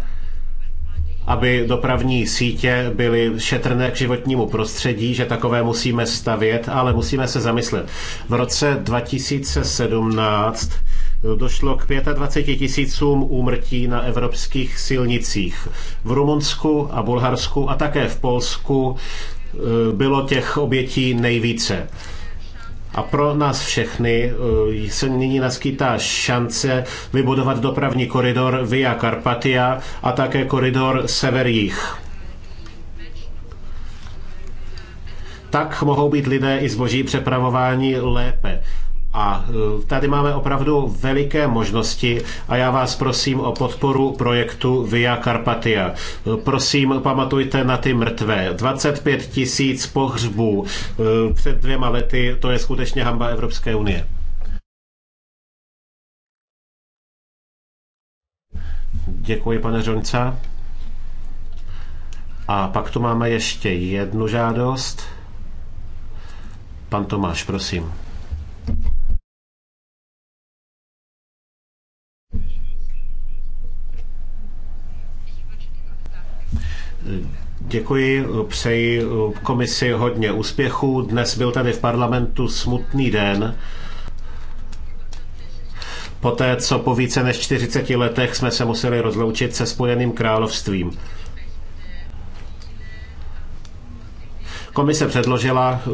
aby dopravní sítě byly šetrné k životnímu prostředí, že takové musíme stavět, ale musíme se zamyslet. V roce 2017 došlo k 25 tisícům úmrtí na evropských silnicích. V Rumunsku a Bulharsku a také v Polsku Eh, bylo těch obětí nejvíce. A pro nás všechny eh, se nyní naskytá šance vybudovat dopravní koridor Via Carpatia a také koridor sever Tak mohou být lidé i zboží přepravování lépe. A e, tady máme opravdu veliké možnosti a já vás prosím o podporu projektu Via Carpatia. E, prosím, pamatujte na ty mrtvé. 25 tisíc pohřbů e, před dvěma lety, to je skutečně hamba Evropské unie. Děkuji, pane Žonca. A pak tu máme ještě jednu žádost. Pan Tomáš, prosím. Děkuji, přeji komisi hodně úspěchů. Dnes byl tady v parlamentu smutný den. Poté, co po více než 40 letech jsme se museli rozloučit se Spojeným královstvím. Komise předložila eh,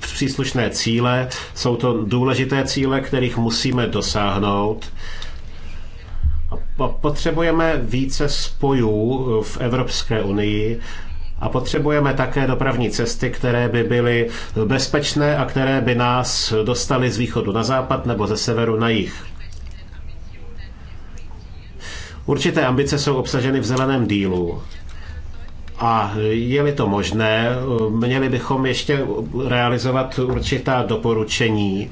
příslušné cíle. Jsou to důležité cíle, kterých musíme dosáhnout. Potřebujeme více spojů eh, v Evropské unii, a potřebujeme také dopravní cesty, které by byly bezpečné a které by nás dostaly z východu na západ nebo ze severu na jih. Určité ambice jsou obsaženy v zeleném dílu. A je-li to možné, eh, měli bychom ještě realizovat určitá doporučení,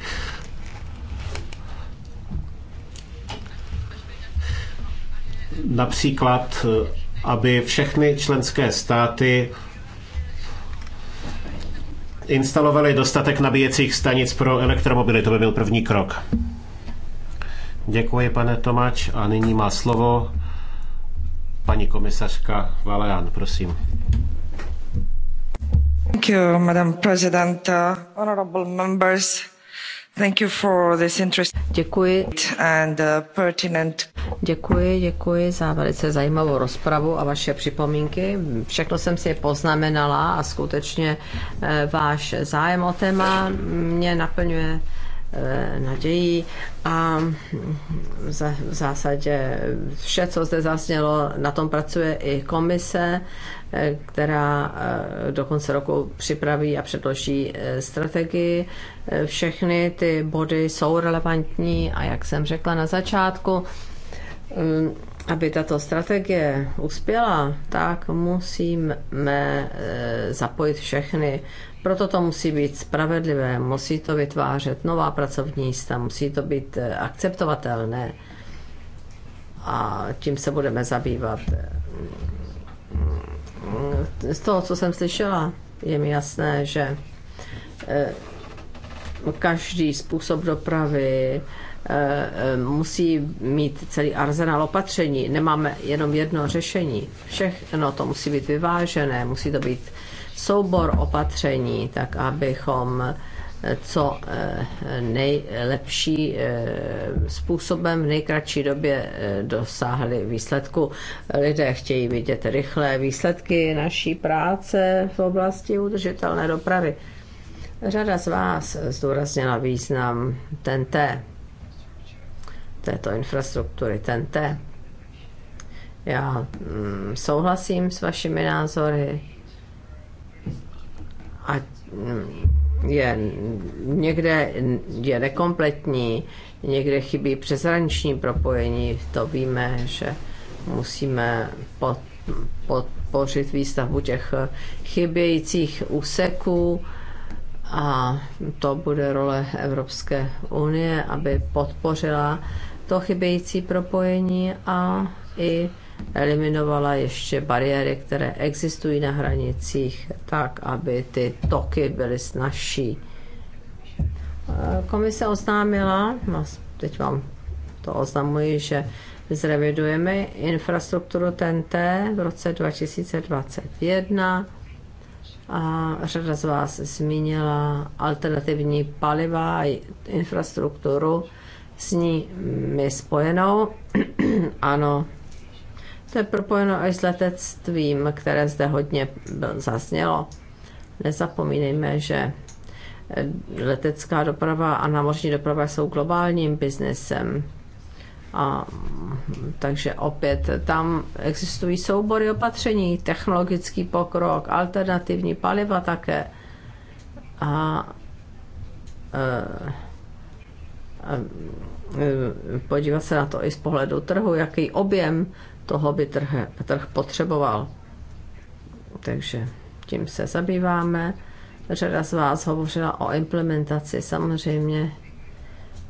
Například, eh, aby všechny členské státy instalovali dostatek nabíjecích stanic pro elektromobily. To by byl první krok. Děkuji, pane Tomáč. A nyní má slovo paní komisařka Valean, prosím. Thank you, Madam President, uh, honorable members. Thank you for this interest. Děkuji. And, uh, pertinent. Děkuji, děkuji za velice zajímavou rozpravu a vaše připomínky. Všechno jsem si poznamenala a skutečně eh, váš zájem o téma mě naplňuje eh, nadějí a mm, v zásadě vše, co zde zaznělo, na tom pracuje i komise, eh, která do konce roku připraví a předloží strategii všechny ty body jsou relevantní a jak jsem řekla na začátku, mm, aby tato strategie uspěla, tak musíme eh, zapojit všechny. Proto to musí být spravedlivé, musí to vytvářet nová pracovní místa, musí to být eh, akceptovatelné. A tím se budeme zabývat. Mm, mm, z toho, co jsem slyšela, je mi jasné, že eh, každý způsob dopravy eh, eh, musí mít celý arzenál opatření. Nemáme jenom jedno řešení. Všechno to musí být vyvážené, musí to být soubor opatření, tak abychom eh, co nejlepší způsobem v nejkratší době dosáhli výsledku. Lidé chtějí vidět rychlé výsledky naší práce v oblasti udržitelné dopravy. Řada z vás zdůraznila význam TNT, této infrastruktury TNT. Já mm, souhlasím s vašimi názory a mm, je někde je nekompletní, někde chybí přeshraniční propojení, to víme, že musíme pod, podpořit výstavbu těch chybějících úseků, a to bude role Evropské unie, aby podpořila to chybějící propojení a i eliminovala ještě bariéry, které existují na hranicích, tak, aby ty toky byly snažší. Komise oznámila, no, teď vám to oznamuji, že zrevidujeme infrastrukturu TNT v roce 2021 a řada z vás zmínila alternativní paliva a infrastrukturu s nimi spojenou. ano, to je propojeno i s letectvím, které zde hodně zaznělo. Nezapomínejme, že eh, letecká doprava a námořní doprava jsou globálním biznesem a, takže opět tam existují soubory opatření, technologický pokrok, alternativní paliva také. A, a, e, a e, podívat se na to i z pohledu trhu, jaký objem toho by trh, trh potřeboval. Takže tím se zabýváme. Řada z vás hovořila o implementaci. Samozřejmě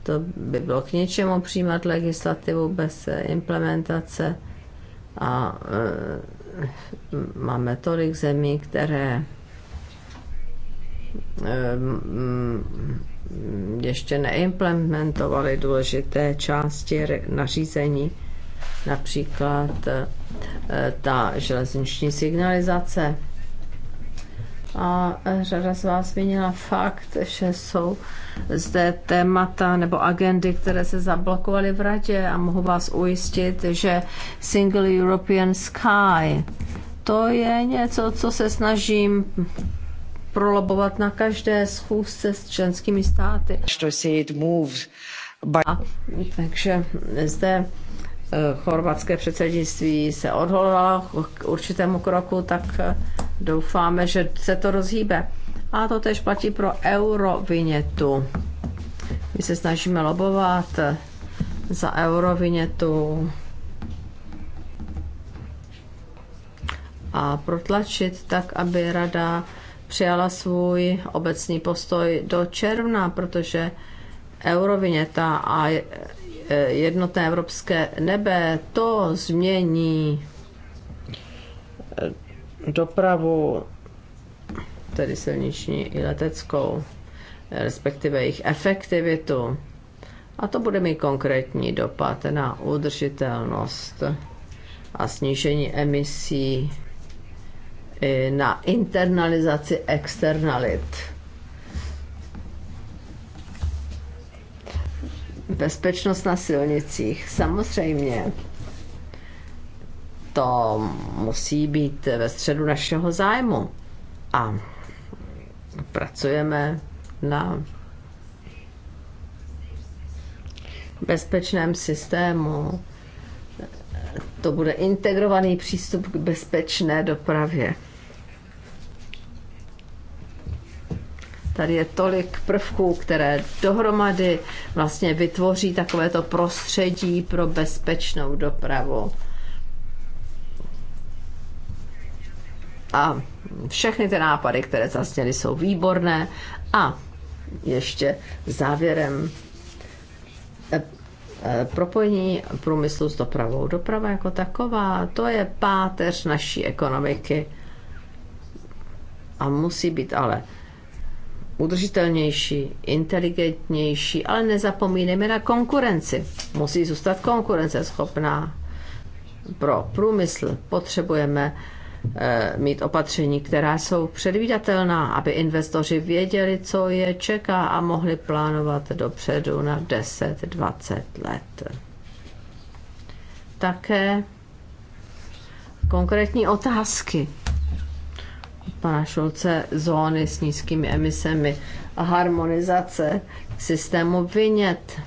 to by bylo k něčemu přijímat legislativu bez eh, implementace a e, máme tolik zemí, které eh, ještě neimplementovaly důležité části nařízení, například ta železniční signalizace a řada z vás zmínila fakt, že jsou zde témata nebo agendy, které se zablokovaly v radě a mohu vás ujistit, že Single European Sky to je něco, co se snažím prolobovat na každé schůzce s členskými státy. A, takže zde Eh, chorvatské předsednictví se odhodlalo k určitému kroku, tak eh, doufáme, že se to rozhýbe. A to tež platí pro eurovinětu. My se snažíme lobovat eh, za eurovinětu a protlačit tak, aby rada přijala svůj obecný postoj do června, protože euroviněta a Eh, jednotné evropské nebe, to změní eh, dopravu, tedy silniční i leteckou, eh, respektive jejich efektivitu. A to bude mít konkrétní dopad na udržitelnost a snížení emisí na internalizaci externalit. bezpečnost na silnicích. Samozřejmě to musí být ve středu našeho zájmu. A pracujeme na bezpečném systému. To bude integrovaný přístup k bezpečné dopravě. Tady je tolik prvků, které dohromady vlastně vytvoří takovéto prostředí pro bezpečnou dopravu. A všechny ty nápady, které zasněly, jsou výborné. A ještě závěrem eh, eh, propojení průmyslu s dopravou. Doprava jako taková, to je páteř naší ekonomiky a musí být ale udržitelnější, inteligentnější, ale nezapomínejme na konkurenci. Musí zůstat konkurenceschopná. Pro průmysl potřebujeme eh, mít opatření, která jsou předvídatelná, aby investoři věděli, co je čeká a mohli plánovat dopředu na 10-20 let. Také konkrétní otázky pana Šulce zóny s nízkými emisemi a harmonizace systému vynět.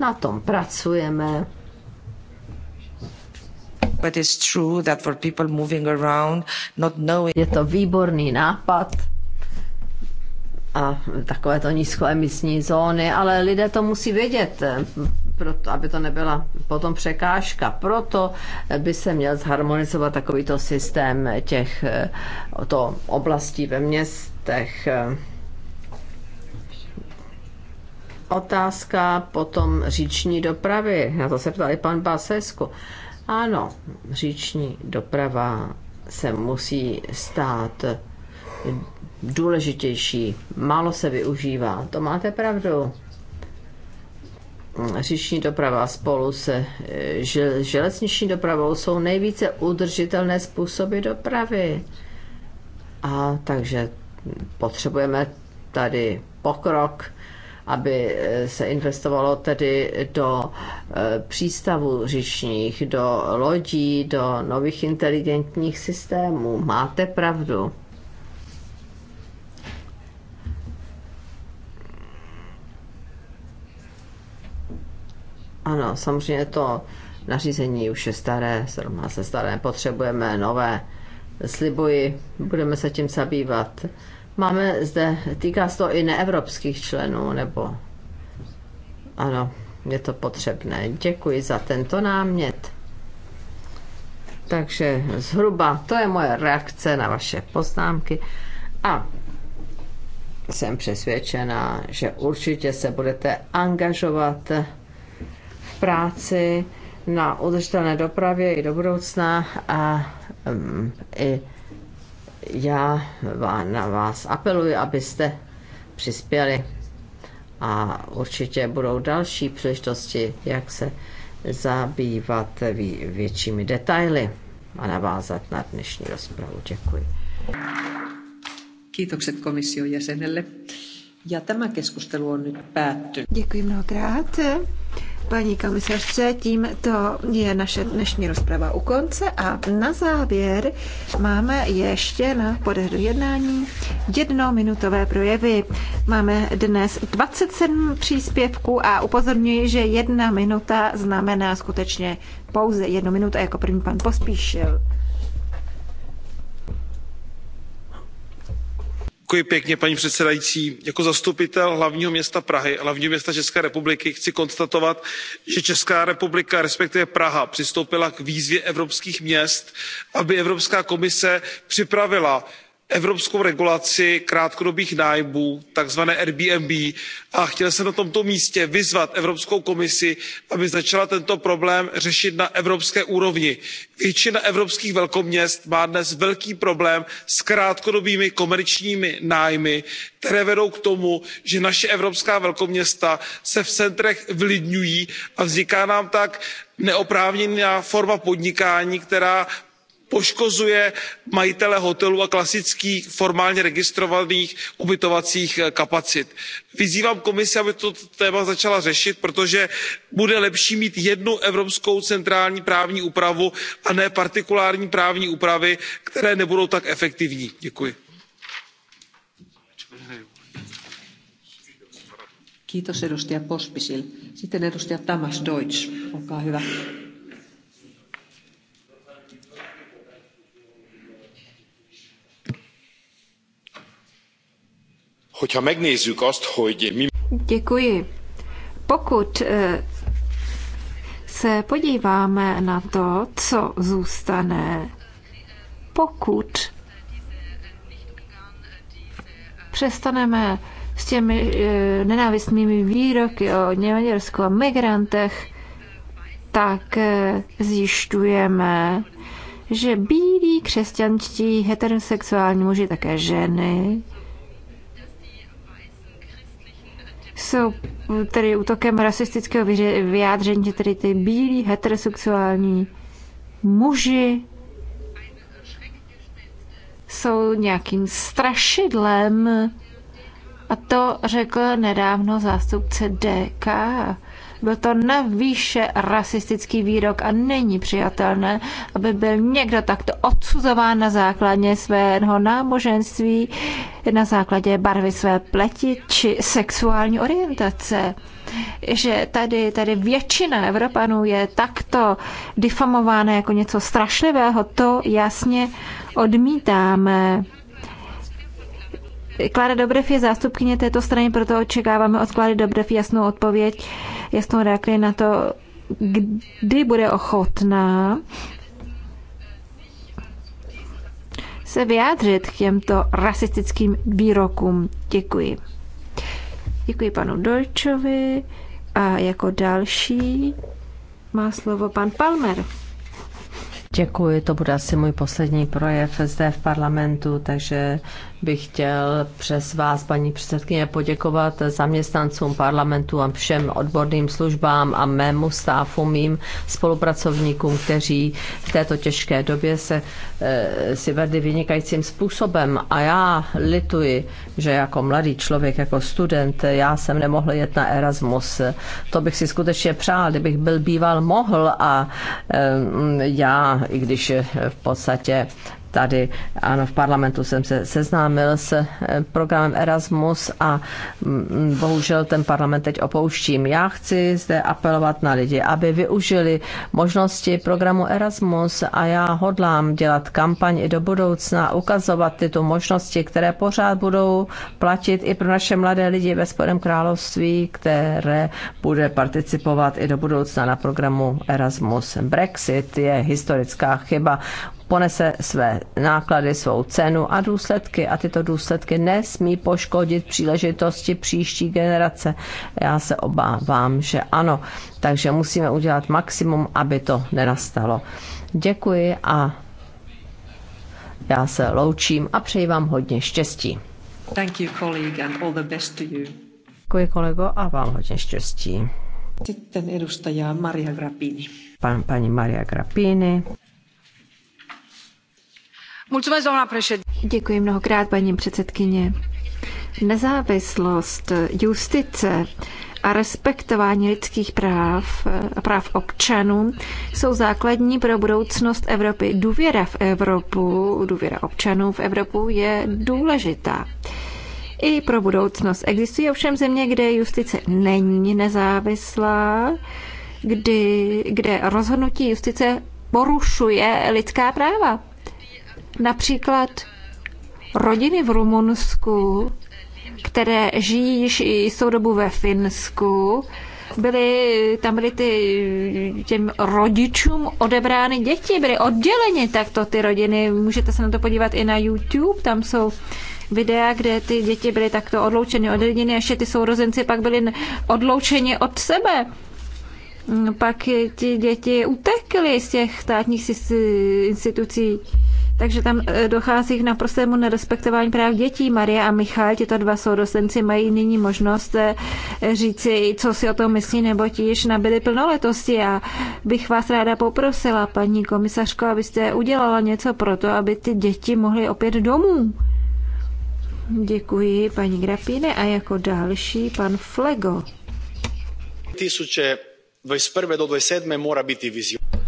Na tom pracujeme. Je to výborný nápad a takové to nízkoemisní zóny, ale lidé to musí vědět, proto, aby to nebyla potom překážka. Proto by se měl zharmonizovat takovýto systém těch to oblastí ve městech. Otázka potom říční dopravy. Na to se ptal i pan Basesku. Ano, říční doprava se musí stát důležitější. Málo se využívá. To máte pravdu říční doprava spolu se eh, železniční dopravou jsou nejvíce udržitelné způsoby dopravy. A takže potřebujeme tady pokrok, aby eh, se investovalo tedy do eh, přístavů říčních, do lodí, do nových inteligentních systémů. Máte pravdu. Ano, samozřejmě to nařízení už je staré, zrovna se staré, potřebujeme nové. Slibuji, budeme se tím zabývat. Máme zde, týká se to i neevropských členů, nebo ano, je to potřebné. Děkuji za tento námět. Takže zhruba to je moje reakce na vaše poznámky a jsem přesvědčena, že určitě se budete angažovat práci na udržitelné dopravě i do budoucna a um, i já na vás apeluji, abyste přispěli a určitě budou další příležitosti, jak se zabývat většími detaily a navázat na dnešní rozpravu. Děkuji. Kiitokset komission jäsenelle. Ja tämä keskustelu on nyt päättynyt. Děkuji mnohokrát paní komisařce. Tímto je naše dnešní rozprava u konce a na závěr máme ještě na podehru jednání jednominutové projevy. Máme dnes 27 příspěvků a upozorňuji, že jedna minuta znamená skutečně pouze jednu minutu a jako první pan Pospíšil. paní předsedající jako zastupitel hlavního města prahy a hlavního města české republiky chci konstatovat že česká republika respektive praha přistoupila k výzvě evropských měst aby evropská komise připravila evropskou regulaci krátkodobých nájmů takzvané airbnb a chtěl jsem na tomto místě vyzvat evropskou komisi aby začala tento problém řešit na evropské úrovni. většina evropských velkoměst má dnes velký problém s krátkodobými komerčními nájmy které vedou k tomu že naše evropská velkoměsta se v centrech vylidňují a vzniká nám tak neoprávněná forma podnikání která poškozuje majitele hotelů a klasických formálně registrovaných ubytovacích eh, kapacit. vyzývám komisi aby toto téma začala řešit protože bude lepší mít jednu evropskou centrální právní úpravu a ne partikulární právní úpravy které nebudou tak efektivní. děkuji. Deutsch, Hogyha megnézzük azt, hogy mi... Děkuji. Pokud eh, se podíváme na to, co zůstane, pokud přestaneme s těmi e, nenávistnými výroky o Německu a migrantech, tak e, zjišťujeme, že bílí křesťanští heterosexuální muži, také ženy, jsou tedy útokem rasistického vyjádření, že tedy ty bílí heterosexuální muži jsou nějakým strašidlem. A to řekl nedávno zástupce DK. Byl to navýše rasistický výrok a není přijatelné, aby byl někdo takto odsuzován na základě svého náboženství, na základě barvy své pleti či sexuální orientace že tady, tady většina Evropanů je takto difamována jako něco strašlivého, to jasně odmítáme. Klára Dobrev je zástupkyně této strany, proto očekáváme od Kláry Dobrev jasnou odpověď, jasnou reakci na to, kdy bude ochotná se vyjádřit k těmto rasistickým výrokům. Děkuji. Děkuji panu Dolčovi a jako další má slovo pan Palmer. Děkuji, to bude asi můj poslední projev zde v parlamentu, takže bych chtěl přes vás, paní předsedkyně, poděkovat zaměstnancům parlamentu a všem odborným službám a mému stáfu, mým spolupracovníkům, kteří v této těžké době se e, si vedli vynikajícím způsobem. A já lituji, že jako mladý člověk, jako student, já jsem nemohl jet na Erasmus. To bych si skutečně přál, kdybych byl býval mohl a e, já, i když v podstatě tady ano, v parlamentu jsem se seznámil s eh, programem Erasmus a mm, bohužel ten parlament teď opouštím. Já chci zde apelovat na lidi, aby využili možnosti programu Erasmus a já hodlám dělat kampaň i do budoucna, ukazovat tyto možnosti, které pořád budou platit i pro naše mladé lidi ve Spodem království, které bude participovat i do budoucna na programu Erasmus. Brexit je historická chyba ponese své náklady, svou cenu a důsledky. A tyto důsledky nesmí poškodit příležitosti příští generace. Já se obávám, že ano. Takže musíme udělat maximum, aby to nenastalo. Děkuji a já se loučím a přeji vám hodně štěstí. Thank you, colleague, and all the best to you. Děkuji kolego a vám hodně štěstí. Sitten Maria Grappini. Pan, paní Maria Grappini. Děkuji mnohokrát, paní předsedkyně. Nezávislost justice a respektování lidských práv a práv občanů jsou základní pro budoucnost Evropy. Důvěra v Evropu, důvěra občanů v Evropu je důležitá. I pro budoucnost. Existují ovšem země, kde justice není nezávislá, kdy, kde rozhodnutí justice porušuje lidská práva. Například rodiny v Rumunsku, které žijí již i jsou dobu ve Finsku, byly, tam byly ty, těm rodičům odebrány děti, byly odděleny takto ty rodiny. Můžete se na to podívat i na YouTube, tam jsou videa, kde ty děti byly takto odloučeny od rodiny, ještě ty sourozenci pak byly odloučeni od sebe. Pak ti děti utekly z těch státních institucí. Takže tam e, dochází k naprostému nerespektování práv dětí. Maria a Michal, tito dva sourozenci, mají nyní možnost e, říci, co si o tom myslí, nebo ti již nabili plnoletosti. A bych vás ráda poprosila, paní komisařko, abyste udělala něco pro to, aby ty děti mohly opět domů. Děkuji paní Grapíne a jako další pan Flego. 2021 do 2027 mora být vizionář.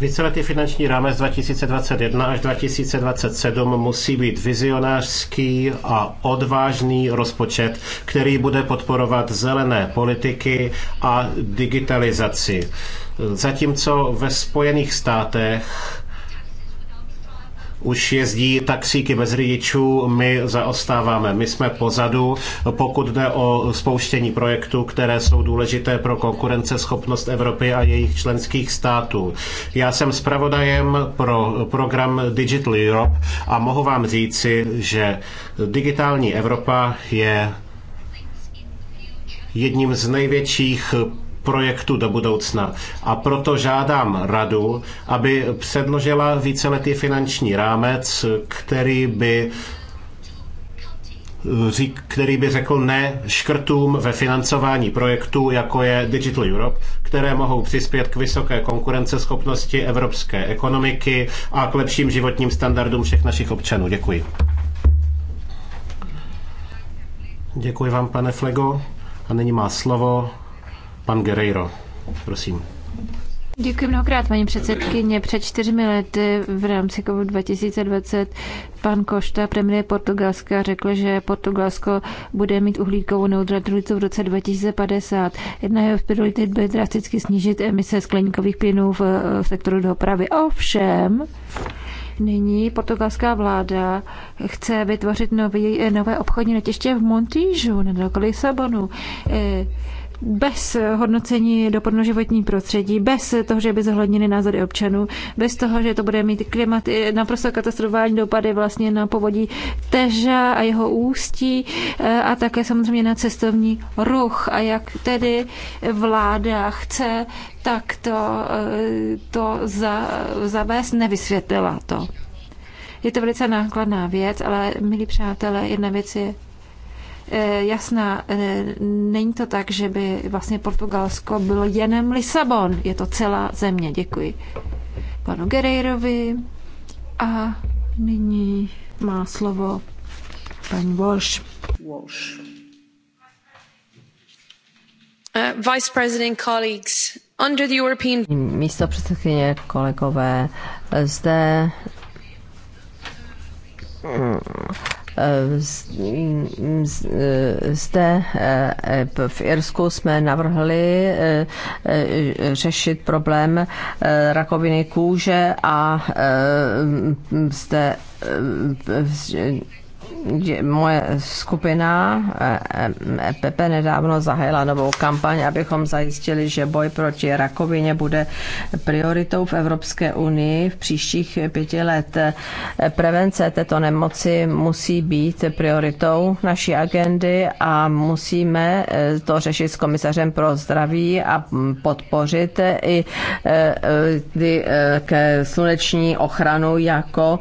Víceletý finanční rámec 2021 až 2027 musí být vizionářský a odvážný rozpočet, který bude podporovat zelené politiky a digitalizaci. Zatímco ve Spojených státech už jezdí taxíky bez řidičů, my zaostáváme, my jsme pozadu, pokud jde o spouštění projektů, které jsou důležité pro konkurenceschopnost Evropy a jejich členských států. Já jsem zpravodajem pro program Digital Europe a mohu vám říci, že digitální Evropa je jedním z největších projektu do budoucna. A proto žádám radu, aby předložila víceletý finanční rámec, který by který by řekl ne škrtům ve financování projektů, jako je Digital Europe, které mohou přispět k vysoké konkurenceschopnosti evropské ekonomiky a k lepším životním standardům všech našich občanů. Děkuji. Děkuji vám, pane Flego. A nyní má slovo Pan Guerreiro, prosím. Děkuji mnohokrát, paní předsedkyně. Před čtyřmi lety v rámci COVID 2020 pan Košta, premiér Portugalska, řekl, že Portugalsko bude mít uhlíkovou neutralitu v roce 2050. Jedna jeho priority by drasticky snížit emise skleníkových plynů v, v sektoru dopravy. Ovšem, Nyní portugalská vláda chce vytvořit nový, nové obchodní letiště v Montížu, nedaleko Lisabonu. E, bez hodnocení dopadnu životní prostředí, bez toho, že by zohlednili názory občanů, bez toho, že to bude mít klimat, eh, naprosto katastrofální dopady vlastně na povodí Teža a jeho ústí eh, a také samozřejmě na cestovní ruch a jak tedy vláda chce tak to, eh, to za, zavést, nevysvětlila to. Je to velice nákladná věc, ale milí přátelé, jedna věc je Eh, jasná, eh, není to tak, že by vlastně Portugalsko bylo jenom Lisabon, je to celá země. Děkuji panu Guerreirovi a nyní má slovo paní Walsh. Walsh. Uh, Vice President, colleagues, under the European... Místo předsedkyně, kolegové, zde zde eh, eh, v Irsku jsme navrhli eh, řešit problém rakoviny kůže a zde moje skupina eh, eh, EPP nedávno zahájila novou kampaň, abychom zajistili, že boj proti rakovině bude prioritou v Evropské unii v příštích pěti let. Eh, prevence této nemoci musí být prioritou naší agendy a musíme to řešit s komisařem pro zdraví a podpořit i ty ke sluneční ochranu jako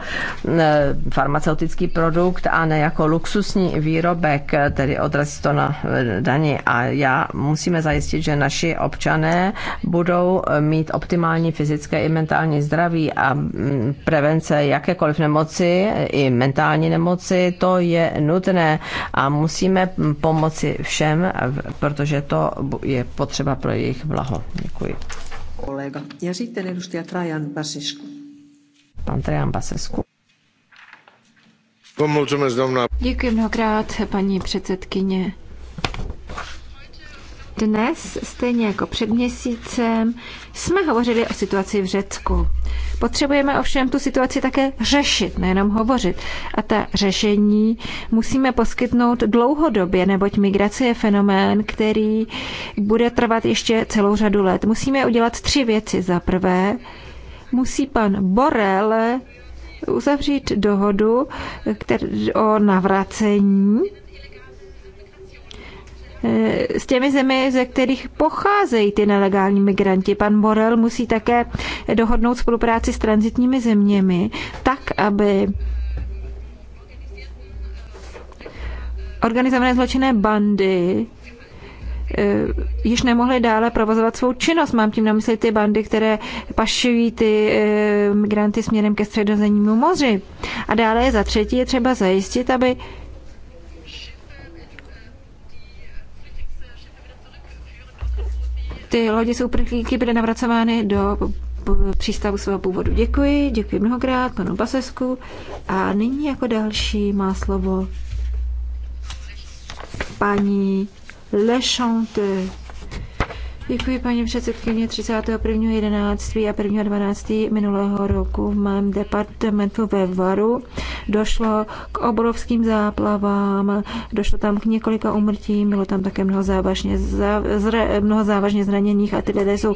farmaceutický produkt a ne vnímána jako luxusní výrobek, tedy odrazí to na daní A já musíme zajistit, že naši občané budou mít optimální fyzické i mentální zdraví a mm, prevence jakékoliv nemoci, i mentální nemoci, to je nutné a musíme mm, pomoci všem, protože to je potřeba pro jejich blaho. Děkuji. Kolega. Ja sitten edustaja Trajan Basescu. Pan Trajan Basescu. Děkuji mnohokrát, paní předsedkyně. Dnes, stejně jako před měsícem, jsme hovořili o situaci v Řecku. Potřebujeme ovšem tu situaci také řešit, nejenom hovořit. A ta řešení musíme poskytnout dlouhodobě, neboť migrace je fenomén, který bude trvat ještě celou řadu let. Musíme udělat tři věci. Za prvé, musí pan Borel uzavřít dohodu o navracení eh, s těmi zemi, ze kterých pocházejí ty nelegální migranti. Pan Borel musí také dohodnout spolupráci s transitními zeměmi, tak, aby organizované zločinné bandy Eh, již nemohly dále provozovat svou činnost. Mám tím na mysli ty bandy, které pašují ty eh, migranty směrem ke středozemnímu moři. A dále za třetí je třeba zajistit, aby ty lodi jsou uprchlíky byly navracovány do přístavu svého původu. Děkuji, děkuji mnohokrát panu Basesku. A nyní jako další má slovo paní Chante. Děkuji paní předsedkyně 31.11. a 1.12. minulého roku v mém departementu ve Varu došlo k obrovským záplavám, došlo tam k několika umrtím, bylo tam také mnoho závažně, zra, mnoho závažně zraněných a ty lidé jsou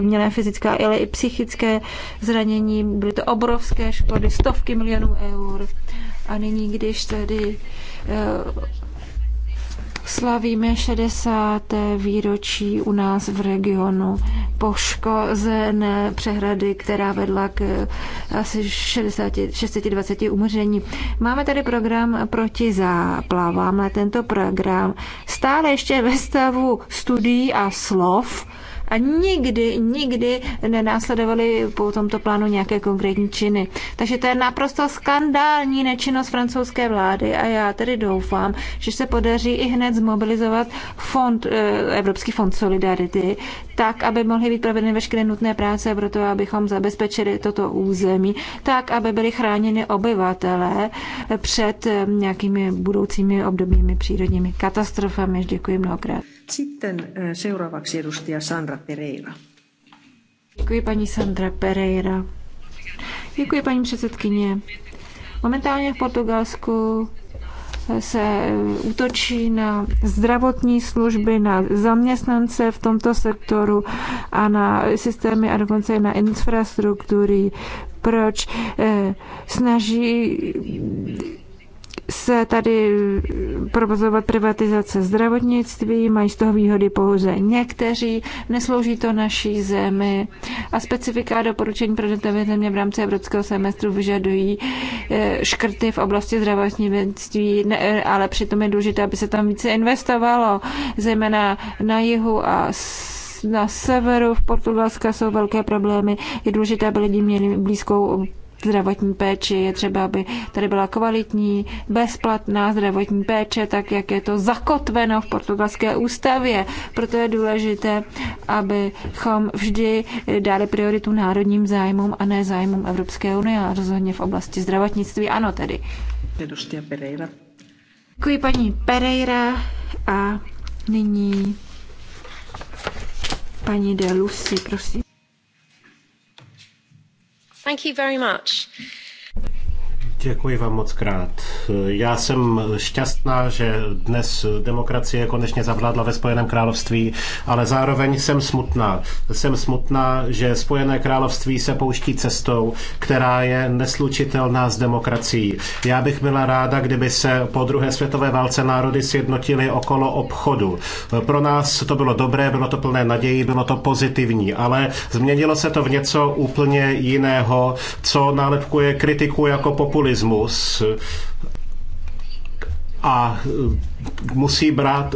měné fyzická, ale i psychické zranění. Byly to obrovské škody, stovky milionů eur. A nyní, když tedy eh, slavíme 60. výročí u nás v regionu poškozené přehrady, která vedla k eh, asi 60, 620 umření. Máme tady program proti záplavám, ale tento program stále ještě ve stavu studií a slov, a nikdy, nikdy nenásledovali po tomto plánu nějaké konkrétní činy. Takže to je naprosto skandální nečinnost francouzské vlády a já tedy doufám, že se podaří i hned zmobilizovat fond, eh, Evropský fond Solidarity, tak, aby mohly být provedeny veškeré nutné práce pro to, abychom zabezpečili toto území, tak, aby byly chráněny obyvatelé před eh, nějakými budoucími obdobími přírodními katastrofami. Děkuji mnohokrát. Sitten eh, seuraavaksi edustaja Sandra Pereira. Děkuji paní Sandra Pereira. Děkuji paní předsedkyně. Momentálně v Portugalsku eh, se eh, útočí na zdravotní služby, na zaměstnance v tomto sektoru a na systémy a dokonce i na infrastruktury. Proč snaží se tady provozovat privatizace zdravotnictví, mají z toho výhody pouze někteří, neslouží to naší zemi a specifika doporučení pro jednotlivé země v rámci evropského semestru vyžadují eh, škrty v oblasti zdravotnictví, ale přitom je důležité, aby se tam více investovalo, zejména na jihu a na severu v Portugalska jsou velké problémy. Je důležité, aby lidi měli blízkou zdravotní péči. Je třeba, aby tady byla kvalitní, bezplatná zdravotní péče, tak jak je to zakotveno v portugalské ústavě. Proto je důležité, abychom vždy dali prioritu národním zájmům a ne zájmům Evropské unie a rozhodně v oblasti zdravotnictví. Ano tedy. Děkuji paní Pereira a nyní paní De Lucy, prosím paní předsedající very Děkuji vám moc krát. Já jsem šťastná, že dnes demokracie konečně zavládla ve Spojeném království, ale zároveň jsem smutná. Jsem smutná, že Spojené království se pouští cestou, která je neslučitelná s demokracií. Já bych byla ráda, kdyby se po druhé světové válce národy sjednotily okolo obchodu. Pro nás to bylo dobré, bylo to plné naději, bylo to pozitivní, ale změnilo se to v něco úplně jiného, co nálepkuje kritiku jako populismus terorismus a musí, brát,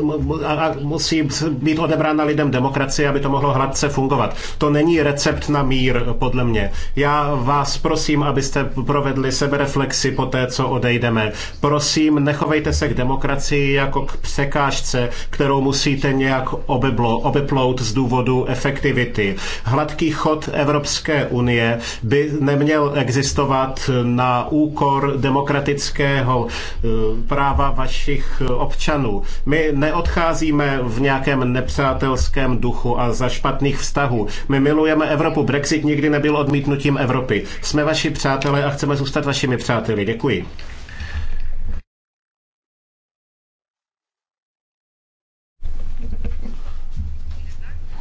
a musí být odebrána lidem demokracie, aby to mohlo hladce fungovat. To není recept na mír, podle mě. Já vás prosím, abyste provedli sebereflexi po té, co odejdeme. Prosím, nechovejte se k demokracii jako k překážce, kterou musíte nějak obeblo, obeplout z důvodu efektivity. Hladký chod Evropské unie by neměl existovat na úkor demokratického eh, práva vašich občanů občanů. My neodcházíme v nějakém nepřátelském duchu a za špatných vztahů. My milujeme Evropu. Brexit nikdy nebyl odmítnutím Evropy. Jsme vaši přátelé a chceme zůstat vašimi přáteli. Děkuji.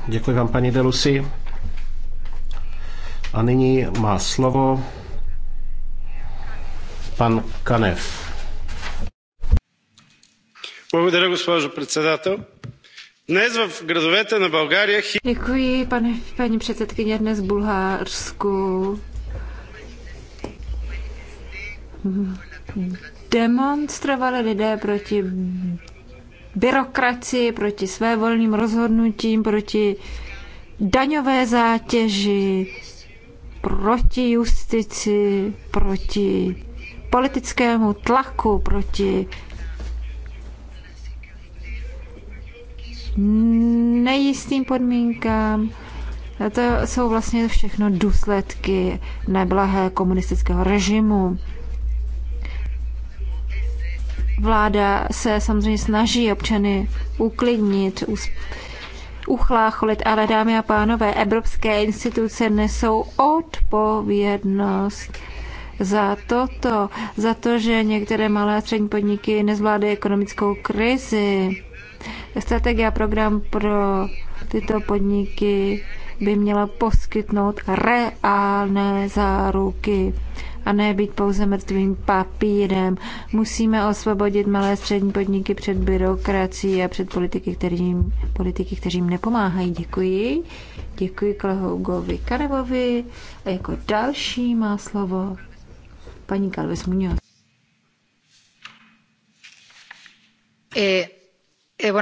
Děkuji vám, paní Delusi. A nyní má slovo pan Kanev. Госпожо председател. Dnes v gradovete na Bulgárie... Děkuji, pane, paní předsedkyně, dnes v Bulharsku demonstrovali lidé proti byrokracii, proti volným rozhodnutím, proti daňové zátěži, proti justici, proti politickému tlaku, proti nejistým podmínkám. To jsou vlastně všechno důsledky neblahé komunistického režimu. Vláda se samozřejmě snaží občany uklidnit, uchlácholit, ale dámy a pánové, evropské instituce nesou odpovědnost za toto, za to, že některé malé a střední podniky nezvládají ekonomickou krizi Strategie a program pro tyto podniky by měla poskytnout reálné záruky a ne být pouze mrtvým papírem. Musíme osvobodit malé střední podniky před byrokracií a před politiky, kterým, politiky, kterým nepomáhají. Děkuji. Děkuji kolegovi Karevovi. A jako další má slovo paní Kalves Muñoz. Eh, Eh,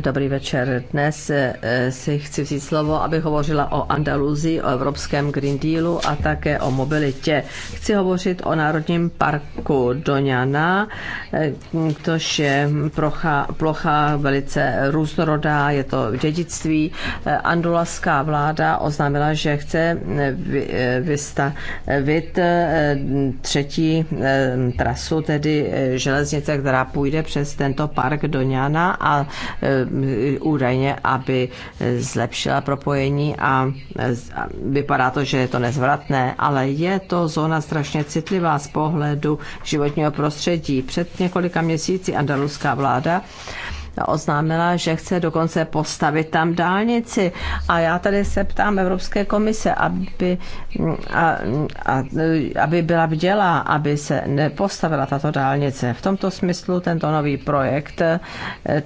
Dobrý večer. Dnes eh, si chci vzít slovo, aby hovořila o Andaluzii, o Evropském Green Dealu a také o mobilitě. Chci hovořit o Národním parku Doňana, eh, což je plocha, plocha velice různorodá, je to dědictví. Andolaská vláda oznámila, že chce vystavit třetí trasu, tedy železnice, která půjde přes tento park Doňana Čína a e, údajně, aby zlepšila propojení e, a vypadá to, že je to nezvratné, ale je to zóna strašně citlivá z pohledu životního prostředí. Před několika měsíci andaluská vláda oznámila, že chce dokonce postavit tam dálnici. A já tady se ptám Evropské komise, aby, a, a, aby byla bdělá, aby se nepostavila tato dálnice. V tomto smyslu tento nový projekt,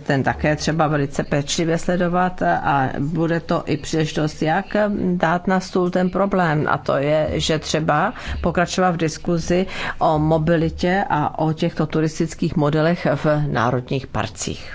ten také třeba velice pečlivě sledovat a bude to i příležitost, jak dát na stůl ten problém. A to je, že třeba pokračovat v diskuzi o mobilitě a o těchto turistických modelech v národních parcích.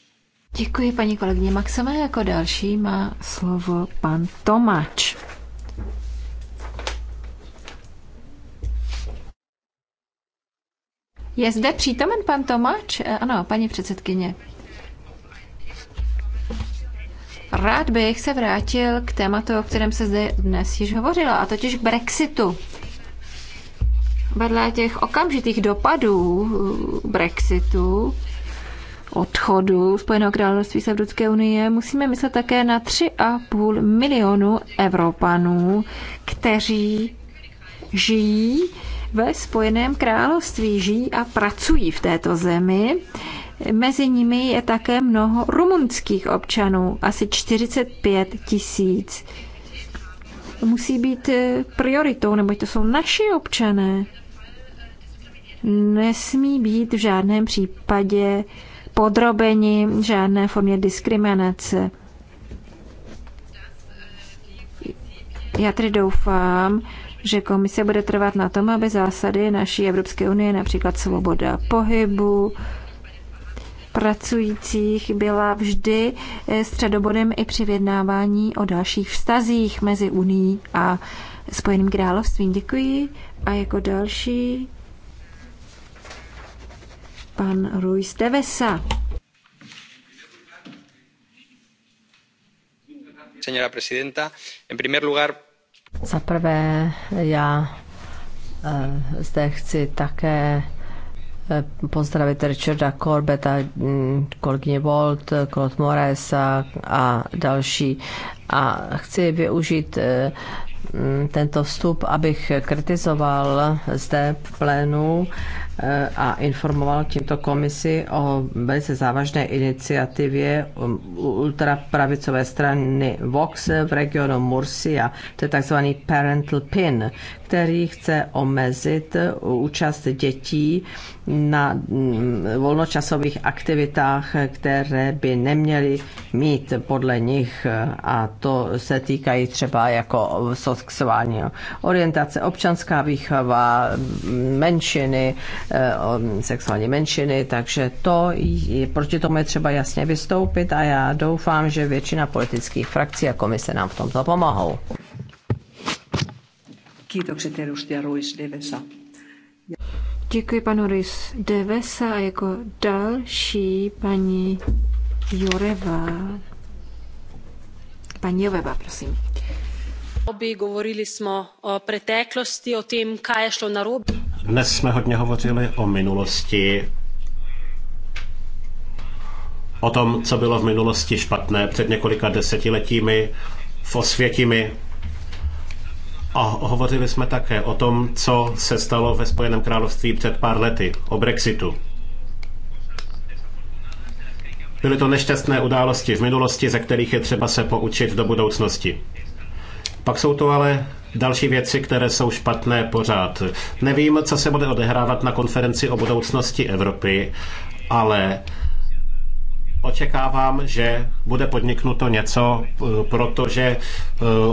Děkuji paní kolegyně Maxové. Jako další má slovo pan Tomáč. Je zde přítomen pan Tomáč? Eh, ano, paní předsedkyně. Rád bych se vrátil k tématu, o kterém se zde dnes již hovořila, a totiž Brexitu. Vedle těch okamžitých dopadů Brexitu odchodu Spojeného království z Evropské unie, musíme myslet také na 3,5 milionu Evropanů, kteří žijí ve Spojeném království, žijí a pracují v této zemi. Mezi nimi je také mnoho rumunských občanů, asi 45 tisíc. Musí být eh, prioritou, neboť to jsou naši občané. Nesmí být v žádném případě podrobeni žádné formě diskriminace. Já tedy doufám, že komise bude trvat na tom, aby zásady naší Evropské unie, například svoboda pohybu, pracujících byla vždy eh, středobodem i při vyjednávání o dalších vztazích mezi Unii a Spojeným královstvím. Děkuji. A jako další pan Ruiz Tevesa. Señora presidenta, en primer lugar... Za prvé já eh, zde chci také eh, pozdravit Richarda Corbeta, mm, kolegyně Bolt, Claude Morris a, a další. A chci využít eh, mm, tento vstup, abych kritizoval zde v plénu a informoval tímto komisi o velice závažné iniciativě um, ultrapravicové strany Vox v regionu Murcia. To je takzvaný parental pin, který chce omezit účast dětí na mm, volnočasových aktivitách, které by neměly mít podle nich a to se týkají třeba jako sexuální orientace, občanská výchova, menšiny, Eh, sexuální menšiny, takže to je, proti tomu je třeba jasně vystoupit a já doufám, že většina politických frakcí a komise nám v tomto pomohou. Děkuji panu Ruiz Devesa a jako další paní Jureva. Paní Joveva, prosím. Dnes jsme hodně hovořili o minulosti, o tom, co bylo v minulosti špatné před několika desetiletími v Osvětimi. A hovořili jsme také o tom, co se stalo ve Spojeném království před pár lety, o Brexitu. Byly to nešťastné události v minulosti, ze kterých je třeba se poučit do budoucnosti. Pak jsou to ale další věci, které jsou špatné pořád. Nevím, co se bude odehrávat na konferenci o budoucnosti Evropy, ale očekávám, že bude podniknuto něco, eh, protože eh,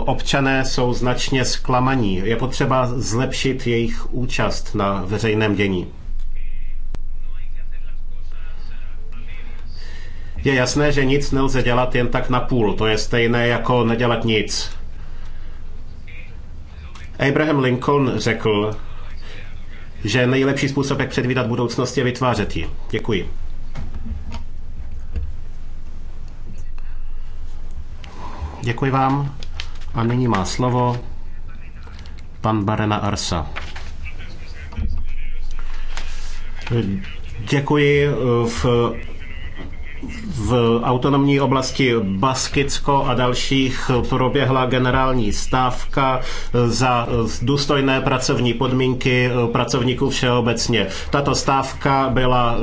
občané jsou značně zklamaní. Je potřeba zlepšit jejich účast na veřejném dění. Je jasné, že nic nelze dělat jen tak na půl. To je stejné jako nedělat nic. Abraham Lincoln řekl, že nejlepší způsob, jak předvídat budoucnost, je vytvářet ji. Děkuji. Děkuji vám. A nyní má slovo pan Barena Arsa. Děkuji. V v autonomní oblasti Baskicko a dalších proběhla generální stávka za důstojné pracovní podmínky pracovníků všeobecně. Tato stávka byla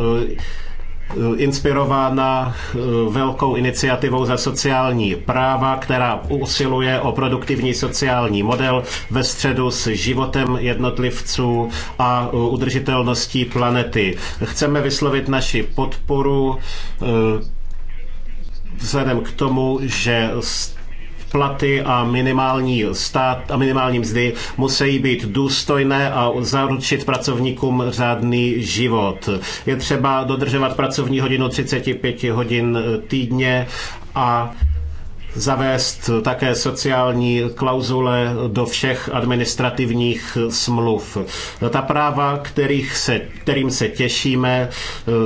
Eh, inspirována eh, velkou iniciativou za sociální práva, která usiluje o produktivní sociální model ve středu s životem jednotlivců a eh, udržitelností planety. Chceme vyslovit naši podporu vzhledem k tomu, že platy a minimální, stát, a minimální mzdy musí být důstojné a zaručit pracovníkům řádný život. Je třeba dodržovat pracovní hodinu 35 hodin týdně a zavést také sociální klauzule do všech administrativních smluv. Ta práva, kterých se, kterým se těšíme,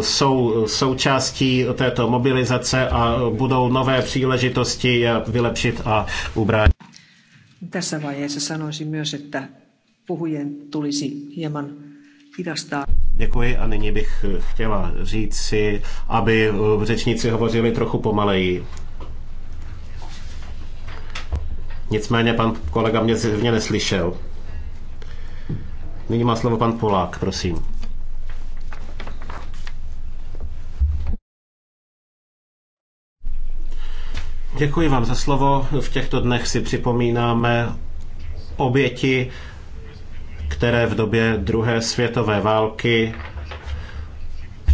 jsou součástí této mobilizace a budou nové příležitosti vylepšit a ubránit. Tässä vaiheessa sanoisin myös, että puhujen tulisi hieman hidastaa. Děkuji a nyní bych chtěla říct si, aby řečníci hovořili trochu pomaleji. Nicméně pan kolega mě zjevně neslyšel. Nyní má slovo pan Polák, prosím. Děkuji vám za slovo. V těchto dnech si připomínáme oběti, které v době druhé světové války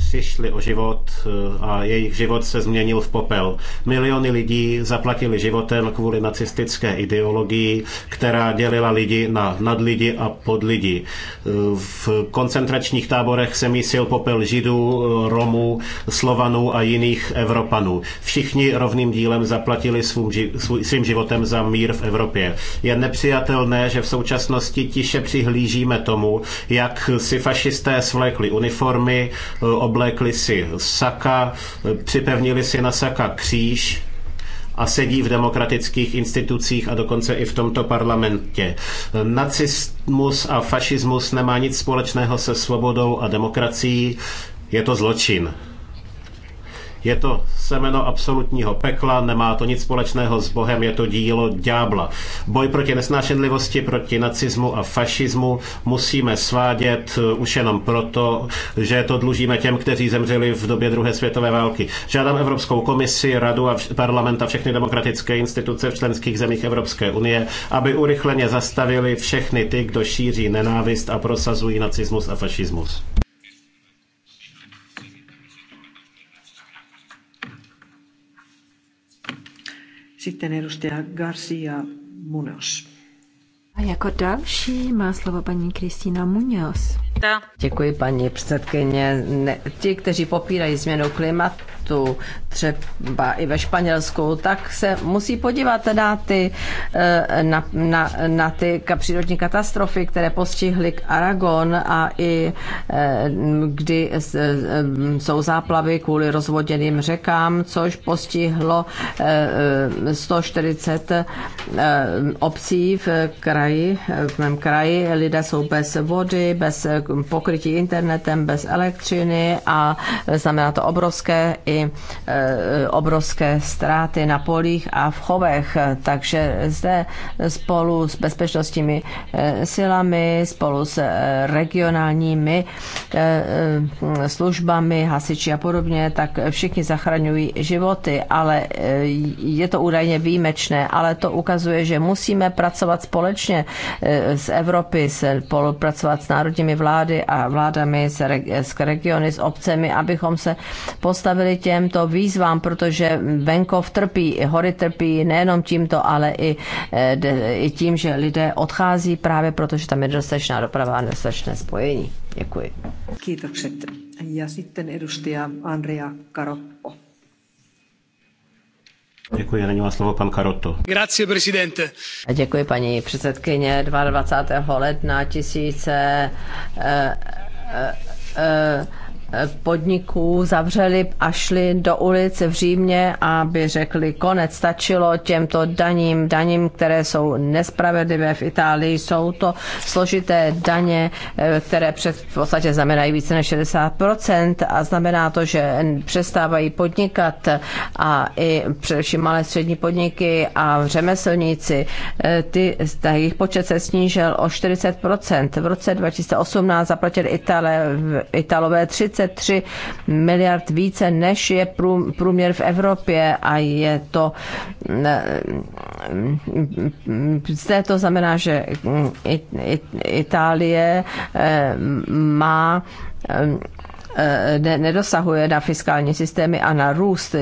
přišli o život eh, a jejich život se změnil v popel. Miliony lidí zaplatili životem kvůli nacistické ideologii, která dělila lidi na nadlidi a podlidi. Eh, v koncentračních táborech se mísil popel židů, eh, Romů, Slovanů a jiných Evropanů. Všichni rovným dílem zaplatili svým životem za mír v Evropě. Je nepřijatelné, že v současnosti tiše přihlížíme tomu, jak si fašisté svlékli uniformy, oblekli oblékli si saka, připevnili si na saka kříž a sedí v demokratických institucích a dokonce i v tomto parlamentě. Nacismus a fašismus nemá nic společného se svobodou a demokracií, je to zločin. Je to semeno absolutního pekla, nemá to nic společného s Bohem, je to dílo ďábla. Boj proti nesnášenlivosti, proti nacismu a fašismu musíme svádět eh, už jenom proto, že to dlužíme těm, kteří zemřeli v době druhé světové války. Žádám Evropskou komisi, radu a parlament a všechny demokratické instituce v členských zemích Evropské unie, aby urychleně zastavili všechny ty, kdo šíří nenávist a prosazují nacismus a fašismus. Sitten edustaja Garcia Munoz. A jako další má slovo paní Kristina Munoz. Děkuji, paní předsedkyně. Ne, ti, kteří popírají změnu klimatu, třeba i ve Španělsku, tak se musí podívat na ty, eh, na, na, na ty přírodní katastrofy, které postihly Aragon a i eh, kdy eh, jsou záplavy kvůli rozvoděným řekám, což postihlo 140 obcí v kraji, v mém kraji. Lidé jsou bez vody, bez pokrytí internetem, bez elektřiny a znamená to obrovské i e, obrovské ztráty na polích a v chovech. Takže zde spolu s bezpečnostními e, silami, spolu s e, regionálními službami, hasiči a podobně, tak všichni zachraňují životy, ale je to údajně výjimečné, ale to ukazuje, že musíme pracovat společně z Evropy, spolupracovat s národními vládami, vlády a vládami s, reg- s regiony, s obcemi, abychom se postavili těmto výzvám, protože venkov trpí, hory trpí nejenom tímto, ale i, eh, i tím, že lidé odchází právě proto, že tam je dostatečná doprava a dostatečné spojení. Děkuji. Kiitokset. Ja sitten edustaja Andrea Karoppo. Děkuji, není má slovo pan Karoto. Grazie, presidente. Děkuji, paní předsedkyně. 22. ledna tisíce eh, eh, eh, podniků zavřeli a šli do ulic v Římě, aby řekli konec, stačilo těmto daním, daním, které jsou nespravedlivé v Itálii. Jsou to složité daně, eh, které před, v podstatě znamenají více než 60% a znamená to, že přestávají podnikat a i především malé střední podniky a řemeslníci. Eh, ty, jejich počet se snížil o 40%. V roce 2018 zaplatili Italové 30 33 miliard více, než je průměr v Evropě a je to eh, zde to znamená, že Itálie eh, má eh, Eh, ne, nedosahuje na fiskální systémy a na růst,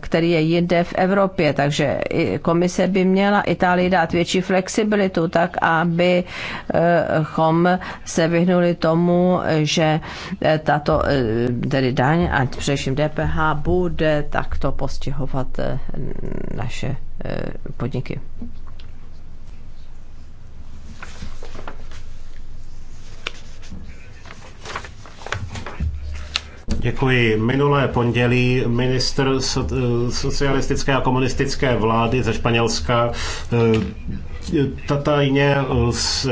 který je jinde v Evropě. Takže komise by měla Itálii dát větší flexibilitu, tak abychom eh, se vyhnuli tomu, že eh, tato tedy daň a především DPH bude takto postihovat naše podniky. Děkuji. Minulé pondělí minister eh, socialistické a komunistické vlády ze Španělska eh, tajně eh, se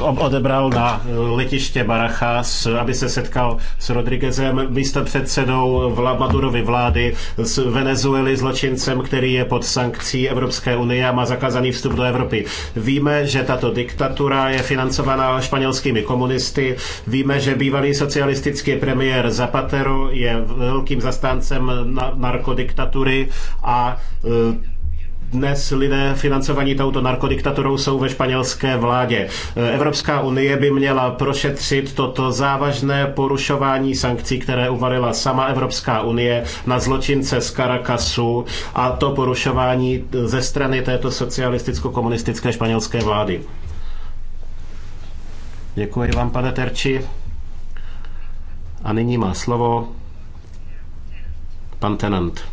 odebral na eh, letiště Barachas, aby se setkal s Rodriguezem, místopředsedou vla, Madurovy vlády, z Venezuely zločincem, který je pod sankcí Evropské unie a má zakázaný vstup do Evropy. Víme, že tato diktatura je financovaná španělskými komunisty, víme, že bývalý socialistický premiér Zapatero je velkým zastáncem narkodiktatury a eh, dnes lidé financovaní touto narkodiktaturou jsou ve španělské vládě. Evropská unie by měla prošetřit toto závažné porušování sankcí, které uvalila sama Evropská unie na zločince z Caracasu a to porušování ze strany této socialisticko-komunistické španělské vlády. Děkuji vám, pane Terči. A nyní má slovo pan Tenant.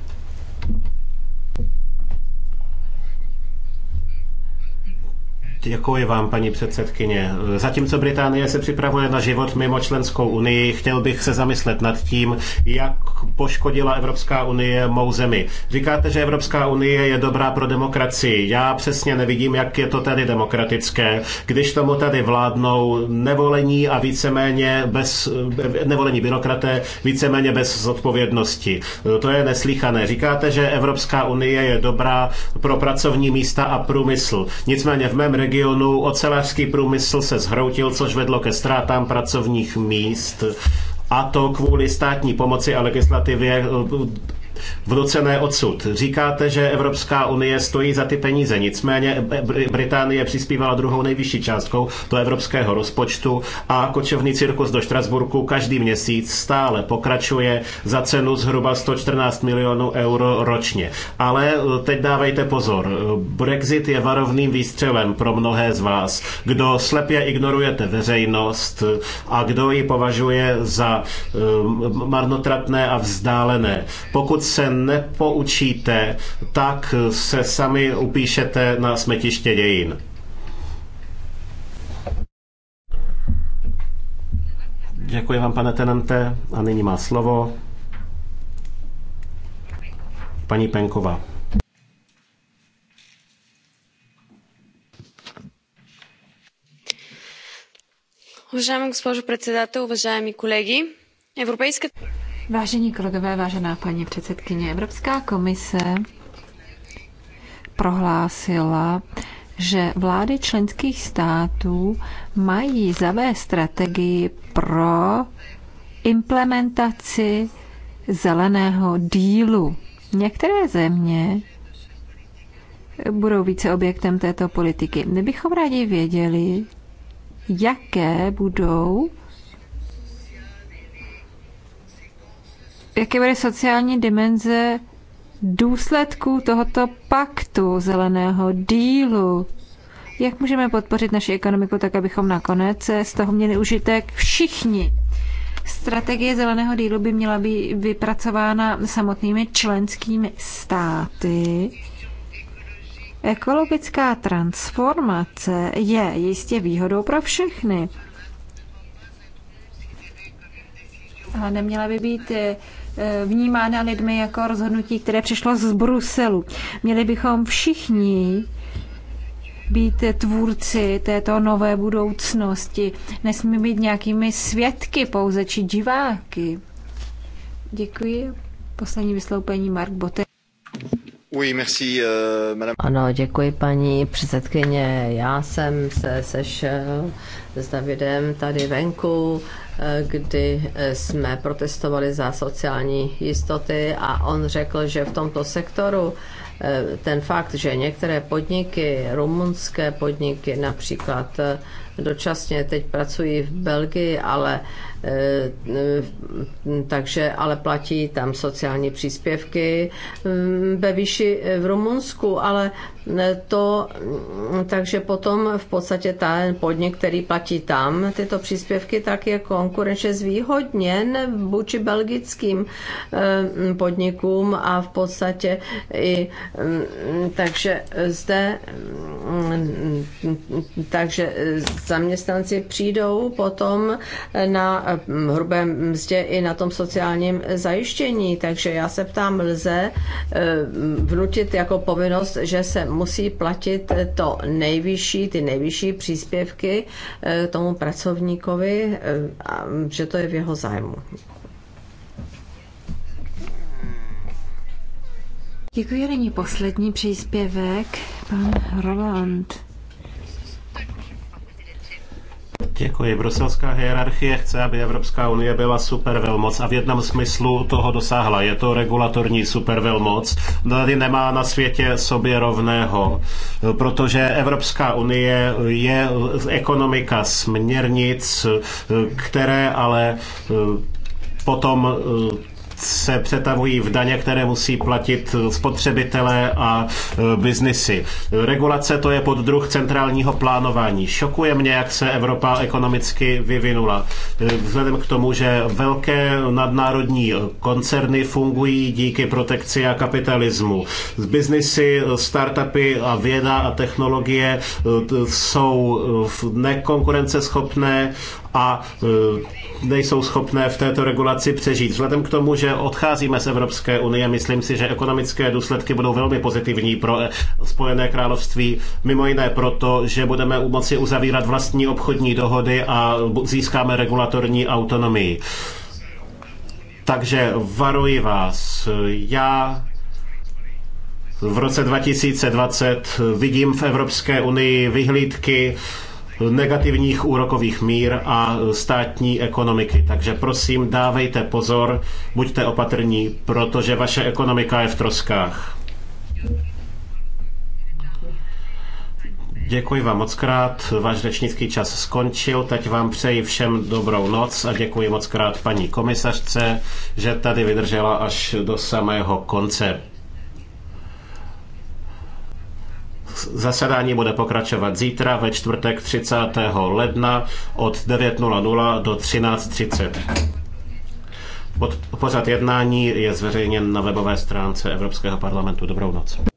Děkuji vám, paní předsedkyně. Zatímco Británie se připravuje na život mimo členskou unii, chtěl bych se zamyslet nad tím, jak poškodila Evropská unie mou zemi. Říkáte, že Evropská unie je dobrá pro demokracii. Já přesně nevidím, jak je to tady demokratické, když tomu tady vládnou nevolení a víceméně bez nevolení byrokraté, víceméně bez zodpovědnosti. To je neslychané. Říkáte, že Evropská unie je dobrá pro pracovní místa a průmysl. Nicméně v mém regionu regionu. Ocelářský průmysl se zhroutil, což vedlo ke ztrátám pracovních míst a to kvůli státní pomoci a legislativě v ruce ne odsud. Říkáte, že Evropská unie stojí za ty peníze, nicméně Británie přispívala druhou nejvyšší částkou do evropského rozpočtu a kočovný cirkus do Štrasburku každý měsíc stále pokračuje za cenu zhruba 114 milionů euro ročně. Ale eh, teď dávejte pozor, Brexit je varovným výstřelem pro mnohé z vás. Kdo slepě ignorujete veřejnost eh, a kdo ji považuje za eh, marnotratné a vzdálené. Pokud se nepoučíte, tak se sami upíšete na smetiště dějin. Děkuji vám, pane Tenente. A nyní má slovo paní Penková. Vážený госпожо председател, уважаеми колеги, Европейската Vážení kolegové, vážená paní předsedkyně, Evropská komise prohlásila, že vlády členských států mají zavést strategii pro implementaci zeleného dílu. Některé země budou více objektem této politiky. My bychom rádi věděli, jaké budou jaké bude sociální dimenze důsledků tohoto paktu zeleného dílu. Jak můžeme podpořit naši ekonomiku tak, abychom nakonec z toho měli užitek všichni? Strategie zeleného dílu by měla být vypracována samotnými členskými státy. Ekologická transformace je jistě výhodou pro všechny. Ale neměla by být eh, vnímána lidmi jako rozhodnutí, které přišlo z Bruselu. Měli bychom všichni být tvůrci této nové budoucnosti. Nesmí být nějakými svědky pouze či diváky. Děkuji. Poslední vystoupení Mark Botte. Oui, merci, uh, madame. Ano, děkuji paní předsedkyně. Já jsem se sešel s Davidem tady venku kdy eh, jsme protestovali za sociální jistoty a on řekl, že v tomto sektoru eh, ten fakt, že některé podniky, rumunské podniky například, eh, dočasně teď pracují v Belgii, ale takže ale platí tam sociální příspěvky mm, ve výši v Rumunsku, ale to, takže potom v podstatě ten podnik, který platí tam tyto příspěvky, tak je konkurenčně zvýhodněn vůči belgickým eh, podnikům a v podstatě i mm, takže zde mm, takže zaměstnanci přijdou potom na eh, hrubém mzdě i na tom sociálním zajištění. Takže já se ptám, lze eh, vnutit jako povinnost, že se musí platit to nejvyšší, ty nejvyšší příspěvky eh, tomu pracovníkovi, eh, mm, že to je v jeho zájmu. Děkuji, není poslední příspěvek, pan Roland. Děkuji. Bruselská hierarchie chce, aby Evropská unie byla supervelmoc a v jednom smyslu toho dosáhla. Je to regulatorní supervelmoc. Tady nemá na světě sobě rovného, protože Evropská unie je ekonomika směrnic, které ale eh, potom eh, se přetavují v daně, které musí platit spotřebitelé a e, biznisy. Regulace to je pod druh centrálního plánování. Šokuje mě, jak se Evropa ekonomicky vyvinula. E, vzhledem k tomu, že velké nadnárodní koncerny fungují díky protekci a kapitalismu. Z biznisy, startupy a věda a technologie e, jsou nekonkurenceschopné a e, nejsou schopné v této regulaci přežít. Vzhledem k tomu, že odcházíme z Evropské unie, myslím si, že ekonomické důsledky budou velmi pozitivní pro e, Spojené království, mimo jiné proto, že budeme moci uzavírat vlastní obchodní dohody a získáme regulatorní autonomii. Takže varuji vás. Já v roce 2020 vidím v Evropské unii vyhlídky negativních úrokových mír a státní ekonomiky. Takže prosím, dávejte pozor, buďte opatrní, protože vaše ekonomika je v troskách. Děkuji vám moc krát, váš řečnický čas skončil, teď vám přeji všem dobrou noc a děkuji moc krát paní komisařce, že tady vydržela až do samého konce. Zasedání bude pokračovat zítra ve čtvrtek 30. ledna od 9.00 do 13.30. Pořad jednání je zveřejněn na webové stránce Evropského parlamentu. Dobrou noc.